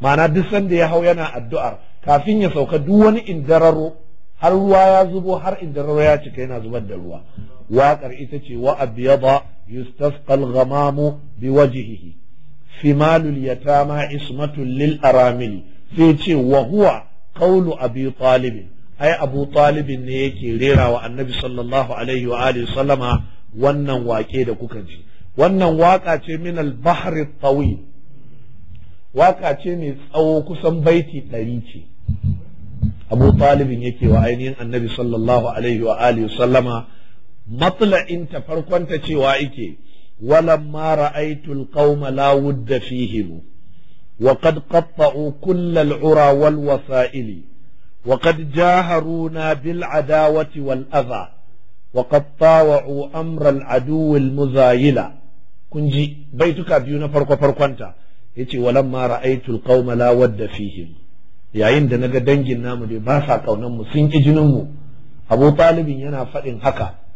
ma'ana duk sanda ya hau yana addu'ar kafin ya sauka duk wani indararo har ruwa ya zubo har indararo ya cika yana zubar da ruwa waƙar ita ce wa abyada yustasqa al-ghamamu biwajhihi fimalul yatama ismatul lil aramili sai ce wa huwa qawlu abi talib ai abu talib ne yake rera wa annabi sallallahu alaihi wa alihi sallama wannan wake da kuka ji wannan waka ce min al-bahr tawil waka ce mai tsawo kusan baiti ɗari ce abu talibin yake wa ainihin annabi sallallahu alaihi wa alihi sallama Matsala'inta farkonta cewa ike walamma ra'aytul qauma la wudda fihim wa qad qatta'u kullal ura wal wasa'ili wa qad jaharuna bil adawati wal adha wa qad tawa'u amra al al muzayila Kunji baituka biyu na farko farkonta yace walamma ra'aytul qauma la wadda fihim yayin da naga dangin namu dai ba sa kaunan mu sun ki jinin mu Abu Talibin yana faɗin haka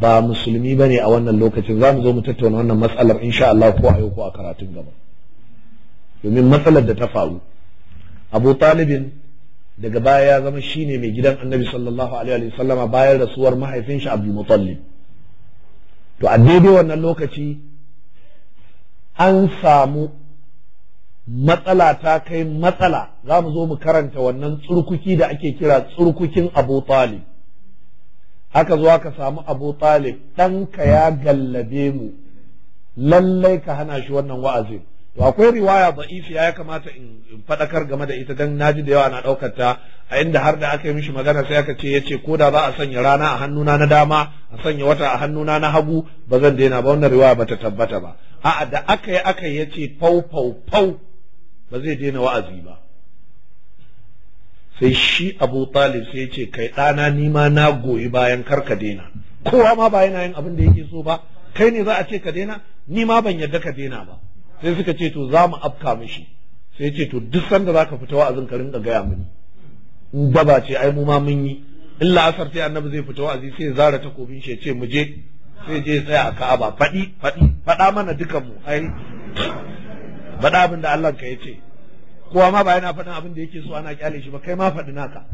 ba musulmi ba ne a wannan lokacin za mu zo mu tattauna wannan matsalar insha Allah ko a yau ko a karatun gaba domin matsalar da ta faru Abu Talibin daga baya ya zama shine mai gidan Annabi sallallahu alaihi wa sallama bayan rasuwar mahaifin shi abu mutallib to a daidai wannan lokaci an samu matsala ta kai matsala za mu zo mu karanta wannan tsurkuki da ake kira tsurkukin Abu Talib aka zo ka samu abu talib ɗanka ya gallabe mu lallai ka hana shi wannan wa'azin to akwai riwaya ba da'ifi ya kamata in faɗakar game da ita dan naji da yawa na ɗaukar ta a inda har da aka yi mishi magana sai aka ce yace ko da za a sanya rana a hannuna na dama a sanya wata a hannuna na hagu ba zan daina ba wannan riwaya bata tabbata ba a'a da aka yi aka yace fau fau fau ba zai daina wa'azi ba sai shi abu talib sai ce kai ɗana nima na goyi bayan kar ka daina kowa ma ba yana yin abin da yake so ba kai ne za a ce ka daina ni ma ban yarda ka daina ba sai suka ce to za mu afka mishi sai ce to duk sanda za ka fita wa'azin ka rinka gaya mini in ba ce ai mu ma mun yi in la'asar sai annabi zai fita wa'azi sai zara takobin shi ya ce mu je sai je tsaya a ka'aba faɗi faɗi faɗa mana dukan mu ai faɗa abin da Allah ka ya ce kowa ma ba yana faɗin abin da yake so ana kyale shi ba kai ma faɗi naka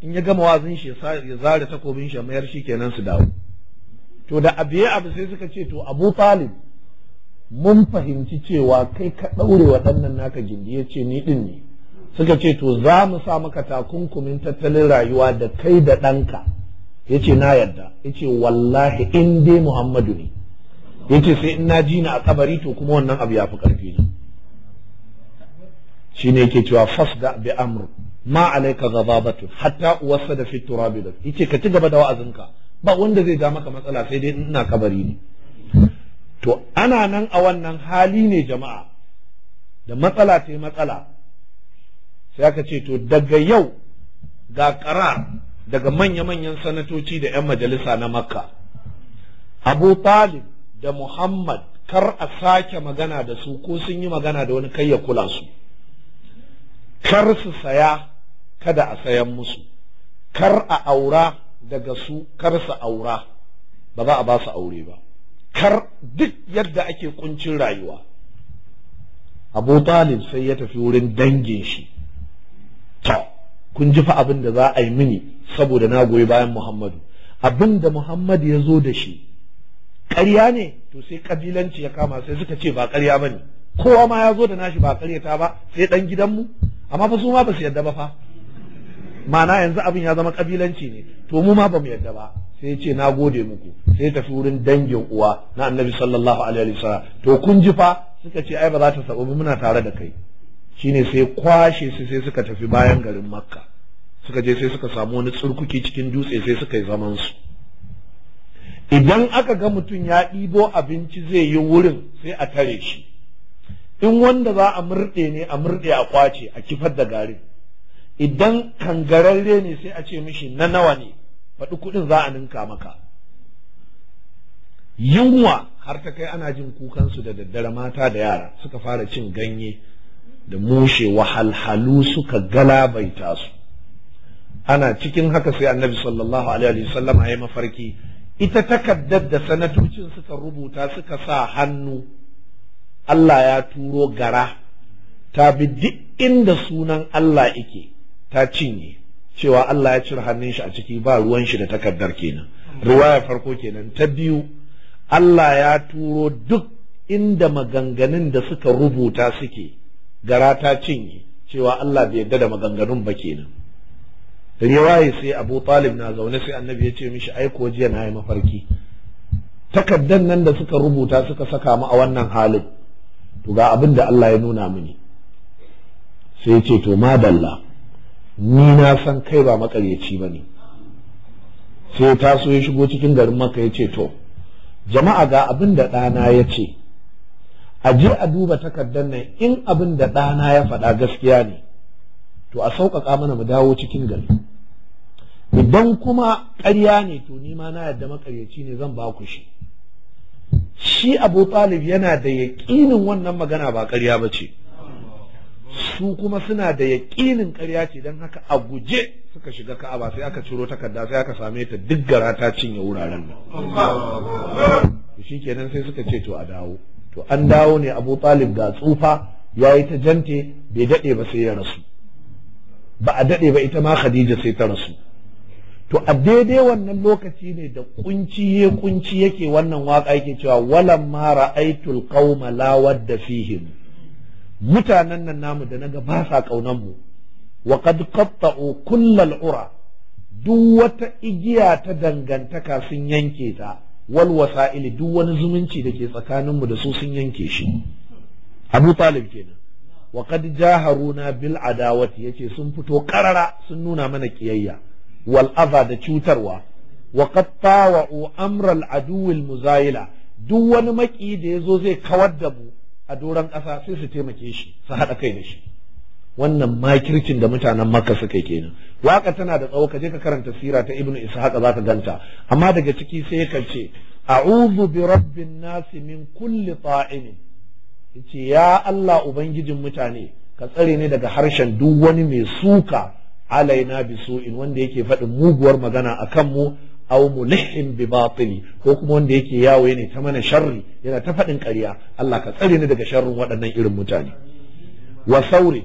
in ya gama wazin shi ya zare takobin shi mayar shi kenan su dawo to da abiye abu sai suka ce to Abu Talib mun fahimci cewa kai ka ɗaure waɗannan naka gindi ya ce ni ɗin ne suka ce to za mu sa maka takunkumin tattalin rayuwa da kai da ɗanka ya ce na yarda ya ce wallahi in dai Muhammadu ne ya ce sai in na ji ni a kabari to kuma wannan abu ya fi ƙarfi ne Shi ne ke cewa fas da bi amru ma alaika ghadabatu hatta wasada fi da yace ka ci gaba da wa'azinka ba wanda zai ja maka matsala sai dai ina kabari ne to ana nan a wannan hali ne jama'a da matsala ta matsala sai aka ce to daga yau ga kara daga manya-manyan sanatoci da 'yan majalisa na makka abu talib da muhammad kar a sake magana da su ko sun yi magana da wani kai ya kula su kar su saya kada a sayan musu kar a aura daga su kar su aura ba za a ba su aure ba kar duk yadda ake kuncin rayuwa abu talib sai ya tafi wurin dangin shi to kun ji fa abin da za a yi mini saboda na goyi bayan muhammadu abin da muhammadu ya zo da shi ƙarya ne to sai kabilanci ya kama sai suka ce ba ƙarya ba ne kowa ma ya zo da nashi ba ƙaryata ba sai ɗan gidanmu amma fa su ma ba su yadda ba fa ma'ana yanzu abin ya zama kabilanci ne to mu ma ba mu yadda ba sai ce na gode muku sai tafi wurin dangin uwa na annabi sallallahu alaihi sallam. to kun ji fa suka ce ai ba za ta mu muna tare da kai shine sai kwashe su sai suka tafi bayan garin makka suka je sai suka samu wani tsurkuki cikin dutse sai suka yi zaman su idan aka ga mutum ya ɗibo abinci zai yi wurin sai a tare shi in wanda za a murɗe ne a murɗe a kwace a kifar da gari idan kangararre ne sai a ce mishi na nawa ne faɗi kuɗin za a ninka maka yunwa har ta kai ana jin kukansu da daddare mata da yara suka fara cin ganye da mushe wahalhalu suka galabaita su ana cikin haka sai annabi sallallahu alaihi wasallam ya mafarki ita takaddar da sanatocin suka rubuta suka sa hannu Allah ya turo gara ta bi duk inda sunan Allah ike ta cinye cewa Allah ya cire hannun shi a ciki ba ruwan shi da takardar kenan ruwaya farko kenan ta biyu Allah ya turo duk inda maganganun da suka rubuta suke gara ta cinye cewa Allah bai yarda da maganganun ba kenan da yi sai Abu Talib na zaune sai Annabi ya ce mishi ai ko jiya na yi mafarki takaddan nan da suka rubuta suka saka mu a wannan halin to ga abin da Allah ya nuna mini sai ce to madalla ni na san kai ba makaryaci ba ne sai ta taso ya shigo cikin garin maka ya ce to jama'a ga abin da ɗana ya ce a je a duba takardar nan in abin da ɗana ya faɗa gaskiya ne to a sauƙaƙa mana mu dawo cikin gari idan kuma ƙarya ne to ni ma na yadda makaryaci ne zan ba ku shi shi abu talib yana da yaƙinin wannan magana ba ƙarya ba ce su kuma suna da yaƙinin ƙarya ce don haka a guje suka shiga ka'aba sai aka ciro takarda sai aka same ta duk gara ta cinye wuraren nan shi kenan sai suka ce to a dawo to an dawo ne abu talib ga tsufa ya yi ta jante bai daɗe ba sai ya rasu ba a daɗe ba ita ma khadija sai ta rasu to a daidai wannan lokaci ne da kunci kunci yake wannan waka yake cewa walam ma ra'aitul qauma la wadda fihim mutanen nan namu da naga ba sa kaunan mu wa qad qatta'u kullal ura duk wata igiya ta dangantaka sun yanke ta wal wasa'ili duk wani zumunci da ke tsakanin mu da su sun yanke shi Abu Talib kenan wa qad jaharuna bil adawati yace sun fito karara sun nuna mana kiyayya wal'aza da cutarwa wa qad tawa'u amra al muzayila duk wani maƙi da ya zo zai kawar da mu a doron ƙasa sai su taimake shi su haɗa kai da shi wannan makircin da mutanen maka suka kenan waka tana da tsawo ka je ka karanta sira ta ibnu ishaq za ka ganta amma daga ciki sai ka ce a'udhu bi rabbin nasi min kulli ta'in ya Allah ubangijin mutane ka tsare ne daga harshen duk wani mai suka alaina bisu'in wanda yake faɗin muguwar magana a kanmu aw mulhin bi batili ko kuma wanda yake yawo yana ta mana sharri yana ta faɗin ƙarya Allah ka tsare ni daga sharrin waɗannan irin mutane wa sauri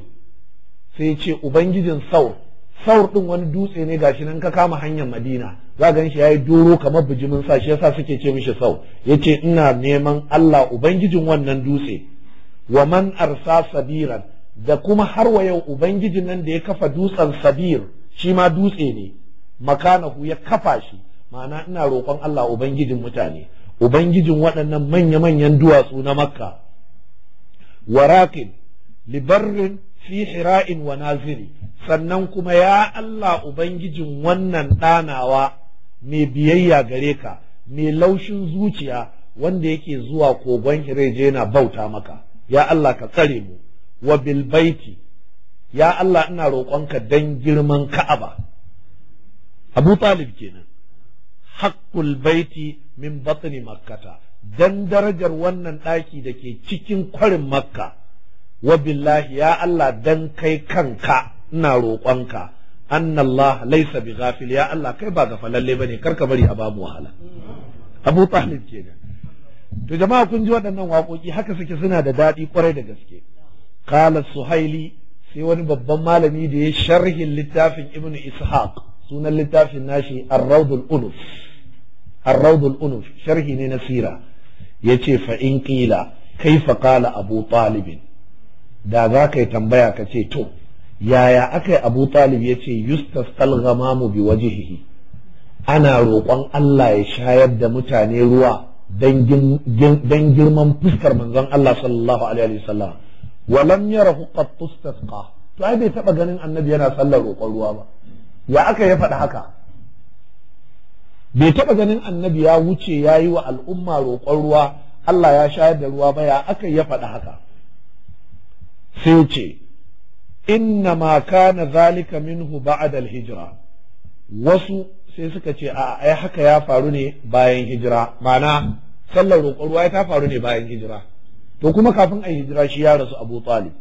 sai ce ubangijin saur saur din wani dutse ne gashi nan ka kama hanyar Madina za gan shi yayi doro kamar bijimin sa shi yasa suke ce mishi saur yace ina neman Allah ubangijin wannan dutse wa man arsa sabiran da kuma har wa yau ubangijin nan da ya kafa dutsen sabir shi ma dutse ne makanahu ya kafa shi ma'ana ina roƙon Allah ubangijin mutane ubangijin waɗannan manya-manyan duwatsu na makka warakin libarrin fi hira'in wa naziri sannan kuma ya Allah ubangijin wannan ɗanawa mai biyayya gare ka mai laushin zuciya wanda yake zuwa kogon hireje na bauta maka ya Allah ka tsare mu wa bil ya Allah ina roƙonka dan girman Ka'aba Abu Talib kenan haƙƙul baiti min batni makkata dan darajar wannan ɗaki da ke cikin kwarin makka wa billahi ya Allah dan kai kanka ina roƙonka laisa bi bighafil ya Allah kai ba gafalalle bane karka bari a wahala Abu Talib kenan to jama'a kun ji waɗannan waƙoƙi haka suke suna da daɗi kwarai da gaske qala suhaili sai wani babban malami da ya sharhin littafin ibnu ishaq sunan littafin nashi ar unuf sharhi ne na sira yace fa inƙila kai kaifa qala abu talib da za ka tambaya ka ce to yaya aka yi abu talib ya ce yustas mu bi wajihihi ana roƙon Allah ya shayar da mutane ruwa don girman fuskar manzon Allah sallallahu alaihi wasallam walam yarahu qat tustasqa to ai bai taba ganin annabi yana sallar roƙon ruwa ba ya aka ya faɗi haka bai taɓa ganin annabi ya wuce ya yi wa al'umma roƙon ruwa Allah ya shayar da ruwa ba ya aka ya faɗi haka sai ce inna ma kana zalika minhu ba'da al-hijra wasu sai suka ce a ai haka ya faru ne bayan hijira ma'ana sallar roƙon ruwa ta faru ne bayan hijira to kuma kafin a hijira shi ya rasu abu talib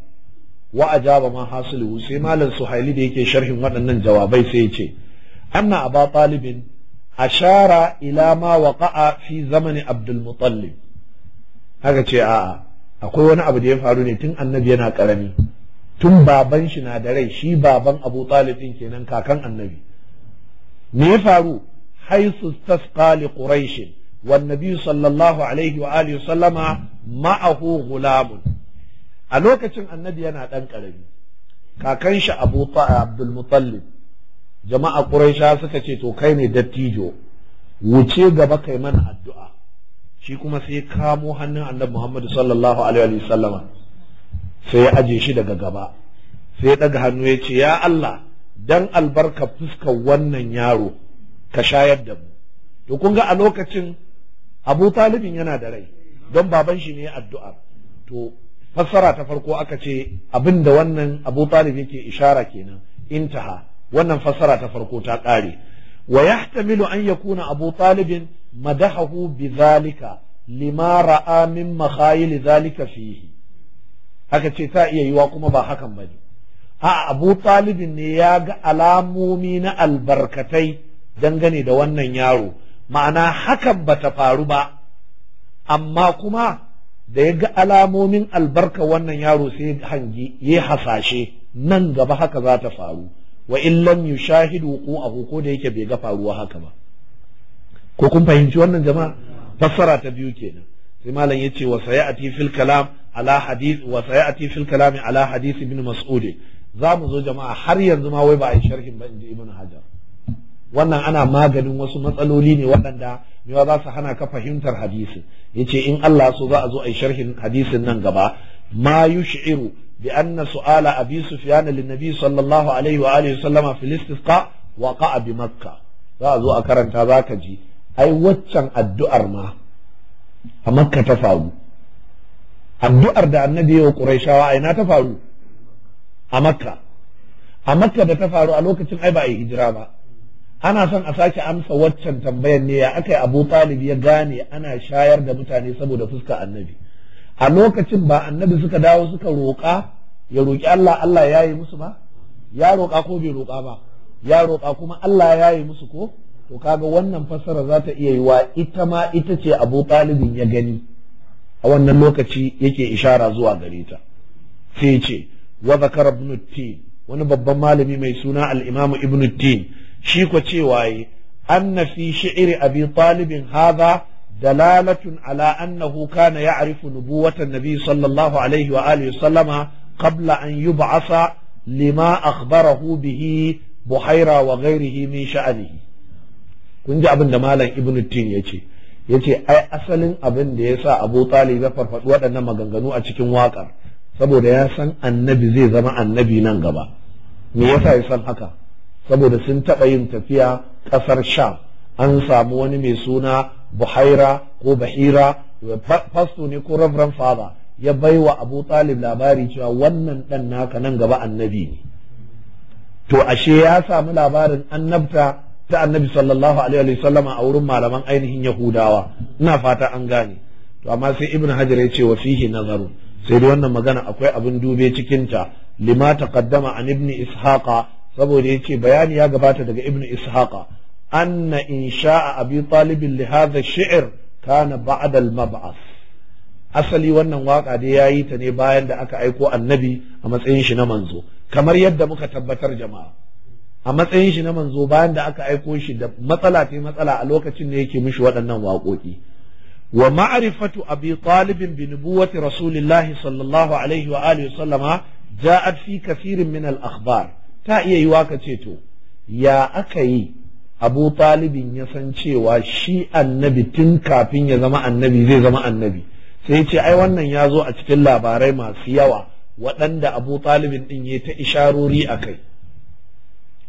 wa ajaba ma sai malam suhaili da yake sharhin waɗannan jawabai sai ya ce anna aba talibin ashara ila ma waqa'a fi zamani abdul muttalib haka ce a'a akwai wani abu da ya faru ne tun annabi yana karami tun baban shi na da rai shi baban abu talib din kenan kakan annabi me ya faru haisu tasqa li quraish wan nabi sallallahu alaihi wa alihi sallama ma'ahu gulamun a lokacin annabi yana ɗan ƙarami kakan shi abu abdul mutallib jama'a ƙuraisha suka ce to kai ne dattijo wuce gaba kai mana addu'a shi kuma sai kamo hannun annabi muhammadu sallallahu alaihi wa sallama sai ya aje shi daga gaba sai ya ɗaga hannu ya ce ya Allah dan albarka fuskar wannan yaro ka shayar da mu to kun ga a lokacin abu talibin yana da rai don baban shi ne addu'a to fassara ta farko aka ce abinda wannan Abu Talib yake ishara kenan intaha wannan fassara ta farko ta ƙare wa yahtamilu an yakuna Abu Talib madahahu zalika lima ra'a min makhayil zalika fihi haka ce ta iya yiwa kuma ba hakan bane a Abu Talib ne ya ga alamomi na albarkatai dangane da wannan yaro ma'ana hakan bata faru ba amma kuma da ya ga alamomin albarka wannan yaro sai hangi ya hasashe nan gaba haka za ta faru wa in lam yushahid wuqu'ahu ko da yake bai ga faruwa haka ba ko kun fahimci wannan jama'a fassara ta biyu kenan sai malam yace wa sayati fil kalam ala hadith wa sayati fil kalam ala hadith ibn mas'ud za mu zo jama'a har yanzu ma wai ba a yi sharhin ba inji ibn hajar wannan ana maganin wasu matsaloli ne waɗanda mewa za su hana ka fahimtar hadisin yace in Allah so za a zo a yi sharhin hadisin nan gaba ma yush'iru bi anna su'ala abi sufyan lin nabi sallallahu alaihi wa alihi sallama fil istisqa bi za a zo a karanta zaka ji ai waccan addu'ar ma a makka ta faru addu'ar da annabi ya quraishawa ai na ta faru a makka a makka da ta faru a lokacin ai ba a yi hijira ba ana son a sake amsa waccan tambayar ne ya aka yi abu talib ya gane ana shayar da mutane saboda fuska annabi a lokacin ba annabi suka dawo suka roƙa ya roƙi Allah Allah ya yi musu ba ya roƙa ko bai roƙa ba ya roƙa kuma Allah ya yi musu ko to kaga wannan fassara za ta iya yi wa ita ma ita ce abu talibin ya gani a wannan lokaci yake ishara zuwa gare ta sai ce wa zakar ibn wani babban malami mai suna al-imam ibn shi ko cewa yi anna fi shi'ri abi talibin hadha dalalatun ala annahu kana ya'rifu nubuwatan nabi sallallahu alaihi wa alihi sallama qabla an yub'asa lima akhbarahu bihi buhaira wa ghairihi min sha'anihi kun ji abin da malam ibnu tin yace yace ai asalin abin da yasa Abu Talib ya farfadu waɗannan maganganu a cikin waƙar saboda ya san annabi zai zama annabi nan gaba me yasa ya san haka saboda sun taɓa yin tafiya ƙasar sham an samu wani mai suna buhaira ko bahira fasto ne ko reverend Fada ya baiwa abu talib labari cewa wannan ɗan naka nan gaba annabi ne to ashe ya samu labarin annabta ta annabi sallallahu alaihi wasallama a wurin malaman ainihin yahudawa ina fata an gane to amma sai ibn hajar ya ce wa fihi nazaru sai da wannan magana akwai abin dube cikinta lima taqaddama an ibn ishaqa saboda yace bayani ya gabata daga ibnu ishaqa anna insha'a abi talib li hadha shi'r kana ba'da al mab'ath asali wannan waka dai yayi ta ne bayan da aka aiko annabi a matsayin shi na manzo kamar yadda muka tabbatar jama'a a matsayin shi na manzo bayan da aka aiko shi da matsala ta matsala a lokacin ne yake mishi waɗannan waƙoƙi wa ma'rifatu abi talib bi nubuwati rasulillahi sallallahu alaihi wa alihi sallama ja'at fi kathirin min al akhbar ta iya yiwa ka ce to ya aka yi abu talibin ya san cewa shi annabi tun kafin ya zama annabi zai zama annabi sai ce ai wannan ya zo a cikin labarai masu yawa waɗanda abu talibin ɗin ya ta isharori a kai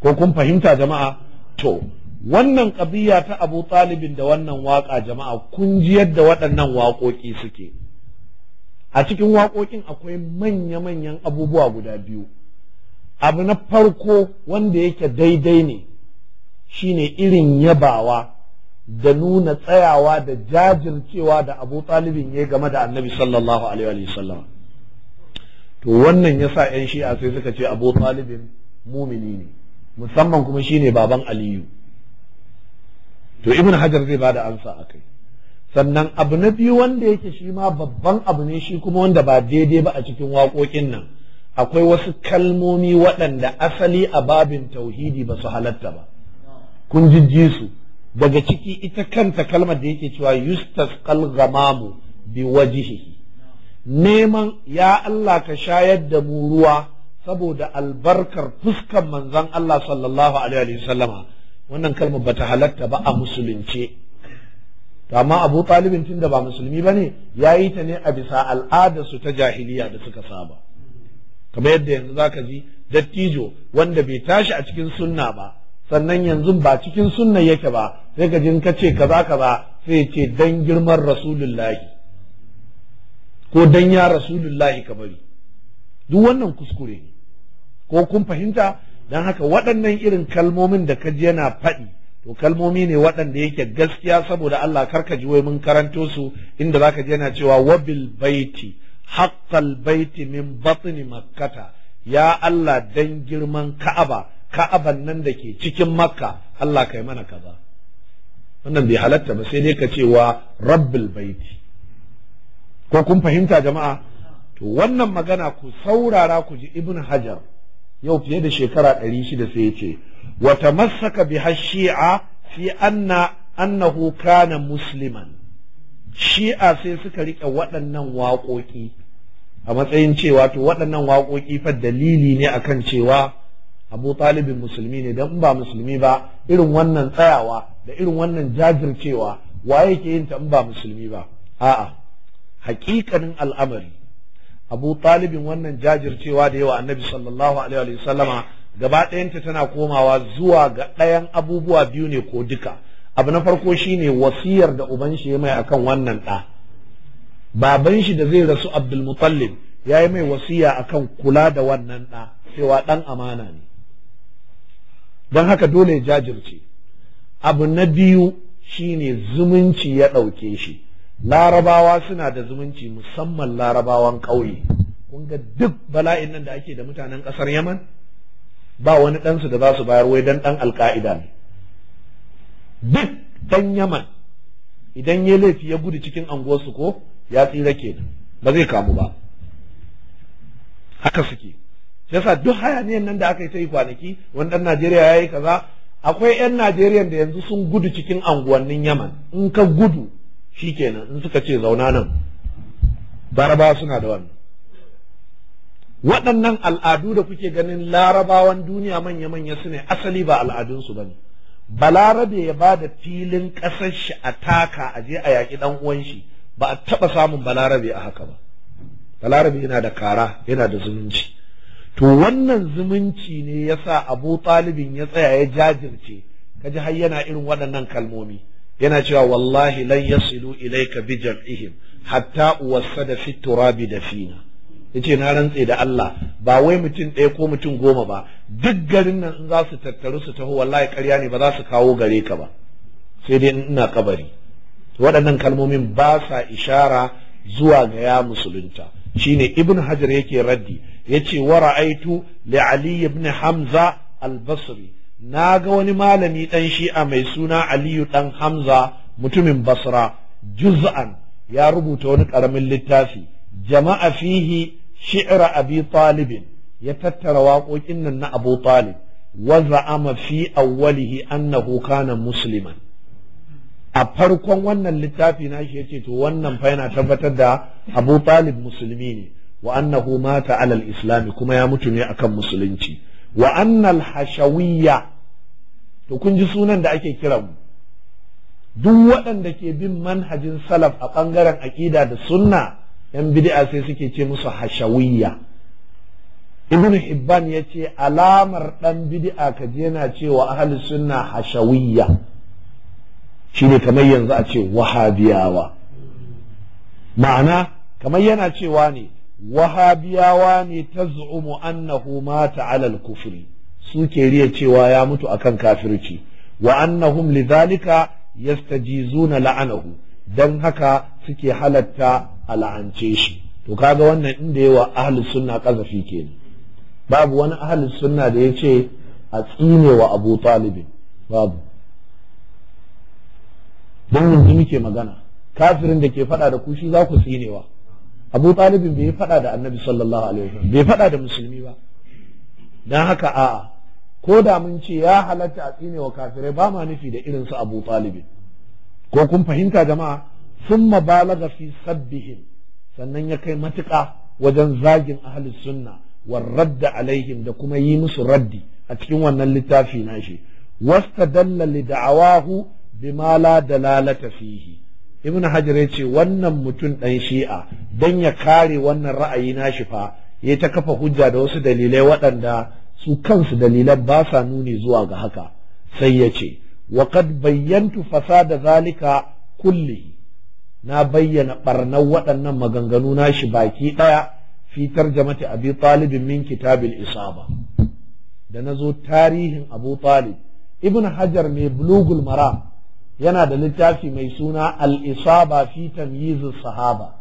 ko kun fahimta jama'a to wannan ƙabiya ta abu talibin da wannan waƙa jama'a kun ji yadda waɗannan waƙoƙi suke a cikin waƙoƙin akwai manya-manyan abubuwa guda biyu abu na farko wanda yake daidai ne shine irin yabawa da nuna tsayawa da jajircewa da abu talibin ya game da annabi sallallahu alaihi wa sallam to wannan yasa yan shi'a sai suka ce abu talibin mumini ne musamman kuma shine baban aliyu to ibn hajar zai bada ansa kai. sannan abu na biyu wanda yake shi ma babban abu ne shi kuma wanda ba daidai ba a cikin waƙoƙin nan akwai wasu kalmomi waɗanda asali a babin tauhidi ba su halatta ba kun jijji su daga ciki ita kanta kalmar da yake cewa yustas kalgamamu bi wajihi neman ya Allah ka shayar da mu ruwa saboda albarkar fuskan manzon Allah sallallahu alaihi wasallama wannan kalmar ba ta halatta ba a musulunce amma abu talibin tun da ba musulmi ba ne ya yi ta ne a bisa al'adarsu ta jahiliya da suka saba kamar yadda yanzu za ka ji dattijo wanda bai tashi a cikin sunna ba sannan yanzu ba cikin sunna yake ba sai ka jin ka ce kaza kaza sai ce dan girman rasulullahi ko dan ya rasulullahi ka bari duk wannan kuskure ne ko kun fahimta don haka waɗannan irin kalmomin da ka ji yana faɗi to kalmomi ne waɗanda yake gaskiya saboda Allah karka ji wai mun karanto su inda zaka ji yana cewa wabil baiti haqqal baiti min batni makkata ya Allah dan girman Ka'aba Ka'aban nan da ke cikin Makka Allah kai mana kaza wannan bai halatta ba sai dai ka ce wa rabbul baiti ko kun fahimta jama'a to wannan magana ku saurara ku ji ibn hajar yau fiye da shekara ɗari shida sai yace ce wa tamassaka bi hashi'a fi anna annahu kana musliman shi'a sai suka riƙe waɗannan waƙoƙi a matsayin cewa to waɗannan waƙoƙi fa dalili ne akan cewa abu talibin musulmi ne don ba musulmi ba irin wannan tsayawa da irin wannan jajircewa waye ke yin ta in ba musulmi ba a'a haƙiƙanin al'amari abu talibin wannan jajircewa da yawa annabi sallallahu alaihi wa sallama gaba ɗayanta tana komawa zuwa ga ɗayan abubuwa biyu ne ko duka abu na farko shine wasiyar da uban shi ya mai akan wannan ɗa baban shi da zai rasu abdul mutallib ya yi mai wasiya akan kula da wannan ɗa cewa ɗan amana ne don haka dole ya jajirce abu na biyu shine zumunci ya ɗauke shi larabawa suna da zumunci musamman larabawan ƙauye kun ga duk bala'in nan da ake da mutanen ƙasar yaman ba wani ɗansu da za su bayar wai dan ɗan alka'ida ne duk dan yaman idan ya laifi ya gudu cikin anguwarsu ko ya tsira ke ba zai kamu ba haka suke shi yasa duk hayaniyan nan da aka yi ta yi kwanaki wani dan Najeriya ya yi kaza akwai 'yan Najeriya da yanzu sun gudu cikin anguwannin Yaman in ka gudu shi shikenan in suka ce zauna nan Baraba suna da wannan waɗannan al'adu da kuke ganin larabawan duniya manya-manya su ne asali ba al'adunsu ba ne balarabe ya ba da filin ƙasar shi a taka a je a yaƙi ɗan uwan shi ba a taɓa samun balarabe a haka ba balarabe yana da kara yana da zumunci to wannan zumunci ne ya sa abu talibin ya tsaya ya jajirce Ka ji har yana irin waɗannan kalmomi yana cewa wallahi lan yasilu ilaika bi jam'ihim hatta uwassada fi turabi da fina yace na rantse da Allah ba wai mutum ɗaya ko mutum goma ba duk garin nan in za su tattaru su taho wallahi ƙarya ne ba za su kawo gare ka ba sai dai ina kabari waɗannan kalmomin ba sa ishara zuwa ga ya musulunta shine ibn hajar yake raddi yace wa ra'aitu li ali ibn hamza al-basri na ga wani malami dan shi'a mai suna aliyu dan hamza mutumin basra juz'an ya rubuta wani karamin littafi jama'a fihi shi'ra abi talibin ya tattara waƙoƙin nan na abu talib wa za'ama fi awwalihi annahu kana musliman a farkon wannan littafi na shi yace to wannan fa yana tabbatar da abu musulmi ne wa annahu mata alal islami kuma ya mutu ne akan musulunci wa to kun ji sunan da ake kiran mu duk waɗanda ke bin manhajin salaf a ɓangaren aƙida da sunna yan bid'a sai suke ce musu hashawiyya ibn hibban ya ce alamar dan bid'a ka je yana cewa ahli sunna hashawiyya shine kamar yanzu a ce wahabiyawa ma'ana kamar yana cewa ne wahabiyawa ne taz'umu annahu mata alal kufri suke riya cewa ya mutu akan kafirci wa annahum lidhalika yastajizuna la'anahu dan haka suke halatta a la'ance shi to kaga wannan inda yawa ahli sunna kazafi kenan babu wani ahli sunna da yace a tsine wa Abu Talib babu dan yanzu muke magana kafirin da ke fada da kushi za ku tsinewa Abu Talib bai fada da Annabi sallallahu alaihi wasallam bai fada da musulmi ba dan haka a'a ko da mun ce ya halatta a tsinewa kafirai ba ma nufi da irin su Abu Talib ko kun fahimta jama'a summa balagha fi sabbihim sannan ya kai matuƙa wajen zagin ahlus sunna war alaihim da kuma yi musu raddi a cikin wannan littafi na shi wastadalla li da'awahu bima la dalalata fihi ibn hajar yace wannan mutum dan shi'a dan ya kare wannan ra'ayi nashi fa ya ta kafa hujja da wasu dalilai waɗanda su kansu dalilan ba sa nuni zuwa ga haka sai ya ce wa qad bayyantu fasada zalika kullihi na bayyana barnar waɗannan maganganu shi baki ɗaya fi tarjamati abi talibin min kitabil isaba da na zo tarihin abu talib ibn hajar mai bulugul mara yana da littafi mai suna al-isaba fi tamyizu sahaba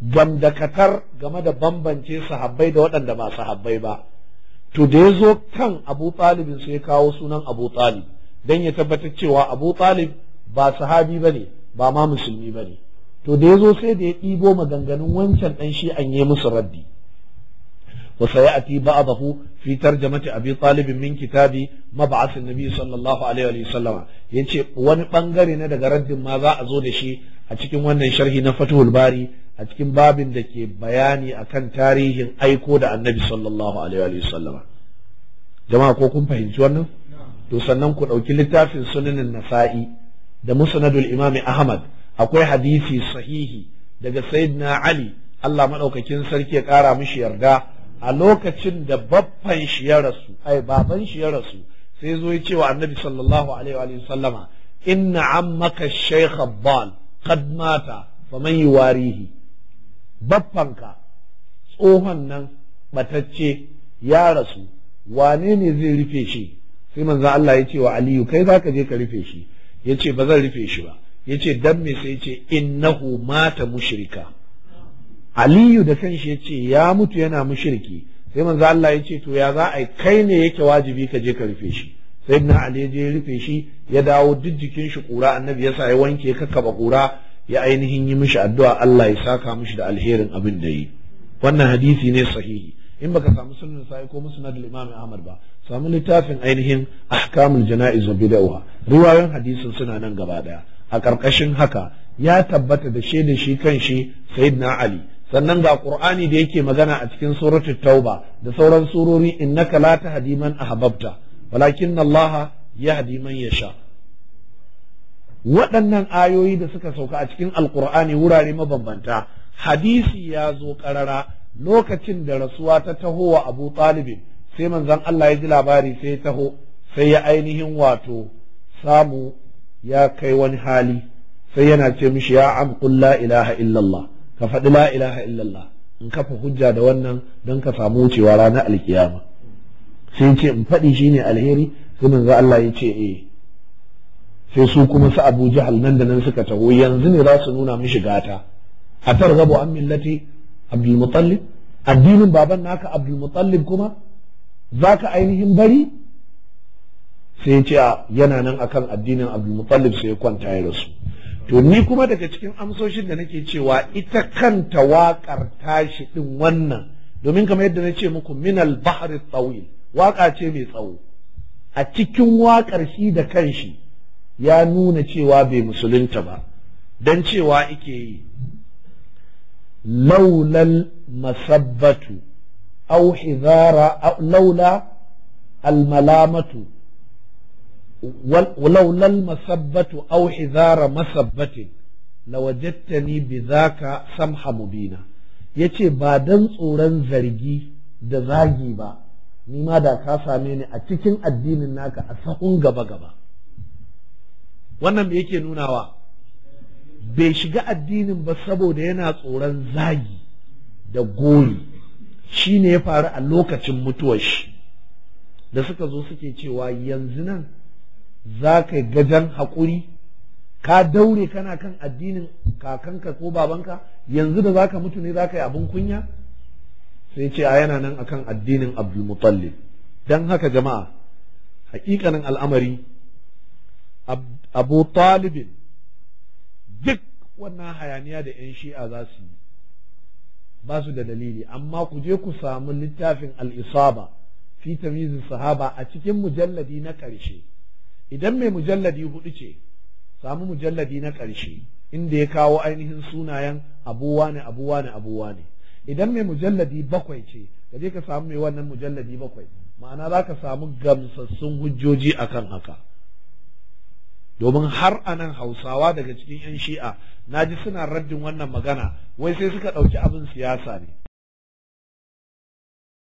dakatar game da bambance sahabbai da waɗanda ba sahabbai ba to da ya zo kan abu talibin sai ya kawo sunan abu talib don ya tabbatar cewa abu talib ba sahabi ba ne ba ma musulmi ba ne to da ya zo sai da ya ɗibo maganganun wancan ɗan shi an yi musu raddi wa sayati ba'dahu fi tarjamati abi talib min kitabi mab'ath an-nabi sallallahu alaihi wa sallam yace wani bangare na daga raddin ma za a zo da shi a cikin wannan sharhi na Fathul Bari a cikin babin da ke bayani akan tarihin aiko da annabi sallallahu alaihi wa sallam jama'a ko kun fahimci wannan to sannan ku ɗauki littafin sunanin nasa'i da musnadul imam ahmad akwai hadisi sahihi daga sayyidina ali Allah madaukakin sarki ya kara mishi yarda a lokacin da babban shi ya rasu ai baban shi ya rasu sai zo ya ce wa annabi sallallahu alaihi wa sallama inna ammaka shaykh abbal qad mata faman yuwarihi Baffanka tsohon nan batacce ya rasu wane ne zai rufe shi sai manzo Allah ya ce wa aliyu kai zaka je ka rufe shi Ya ce ba zan rufe shi ba Ya ce dan me sai in innahu mata mushrika aliyu da kanshi yace ya mutu yana mushriki sai manzo Allah ya ce to ya za a kai ne yake wajibi ka je ka rufe shi sai na ali je rufe shi ya dawo duk jikin shi kura annabi ya sa ya wanke ka kaba kura ya ainihin yi mishi addu'a Allah ya saka mishi da alherin abin da yi wannan hadisi ne sahihi in baka samu sunan sa'i ko musnad al-imam ahmad ba samu littafin ainihin ahkamul jana'iz wa bid'ah riwayoyin hadisin suna nan gaba daya a karkashin haka ya tabbata da shaida shi kan shi sayyidina ali sannan ga qur'ani da yake magana a cikin suratul tauba da sauran surori innaka la tahdi man ahbabta walakin allah yahdi man yasha waɗannan ayoyi da suka sauka a cikin alkur'ani wurare mabambanta hadisi ya zo karara lokacin da rasuwa ta taho wa Abu Talibin sai manzan Allah ya ji labari sai ya taho sai ya ainihin wato samu ya kai wani hali sai yana ce mishi ya am la ilaha illallah ka faɗi la ilaha illallah in kafa hujja da wannan don ka samu wucewa ranar alkiyama sai ce in faɗi shine alheri sai manzo Allah ya ce eh sai su kuma su Abu Jahal nan da nan suka taho yanzu ne za su nuna mishi gata atarghabu an millati abdulmutallib addinin baban naka abdulmutallib kuma za ka ainihin bari sai ya ce yana nan akan addinin abdulmutallib sai ya kwanta ya rasu to ni kuma daga cikin amsoshin da nake cewa ita kanta wakar tashi ɗin wannan domin kamar yadda na ce muku minal bahari tsawil waƙa ce mai tsawo a cikin waƙar shi da kanshi ya nuna cewa bai musulunta ba don cewa ike yi laulal masabbatu au hizara laula almalamatu ولولا المسبة أو حذار مسبة لوجدتني بذاك سمح yace ba dan tsoron zargi da zagi ba ni ma da ka same ni a cikin addinin naka a sahun gaba gaba wannan me yake nunawa bai shiga addinin ba saboda yana tsoron zagi da goyi shi ne ya faru a lokacin mutuwar shi da suka zo suke cewa yanzu nan za ka gajan haƙuri ka daure kana kan addinin kakanka ko babanka yanzu da za ka mutu ne za ka yi abin kunya sai ce a yana nan akan addinin abdulmutallib don haka jama'a hakikanin al'amari abu talibin duk wannan hayaniya da 'yan shi'a za su yi ba su da dalili amma ku je ku samu littafin al'isaba fi tamizin sahaba a cikin mujalladi na ƙarshe idan mai mujalladi hudu ce samu mujalladi na ƙarshe inda ya kawo ainihin sunayen abuwa ne abuwa ne abuwa ne idan mai mujalladi bakwai ce ka je ka samu mai wannan mujalladi bakwai ma'ana za ka samu gamsassun hujjoji akan haka domin har nan hausawa daga cikin 'yan shi'a na ji suna raddin wannan magana wai sai suka ɗauki abin siyasa ne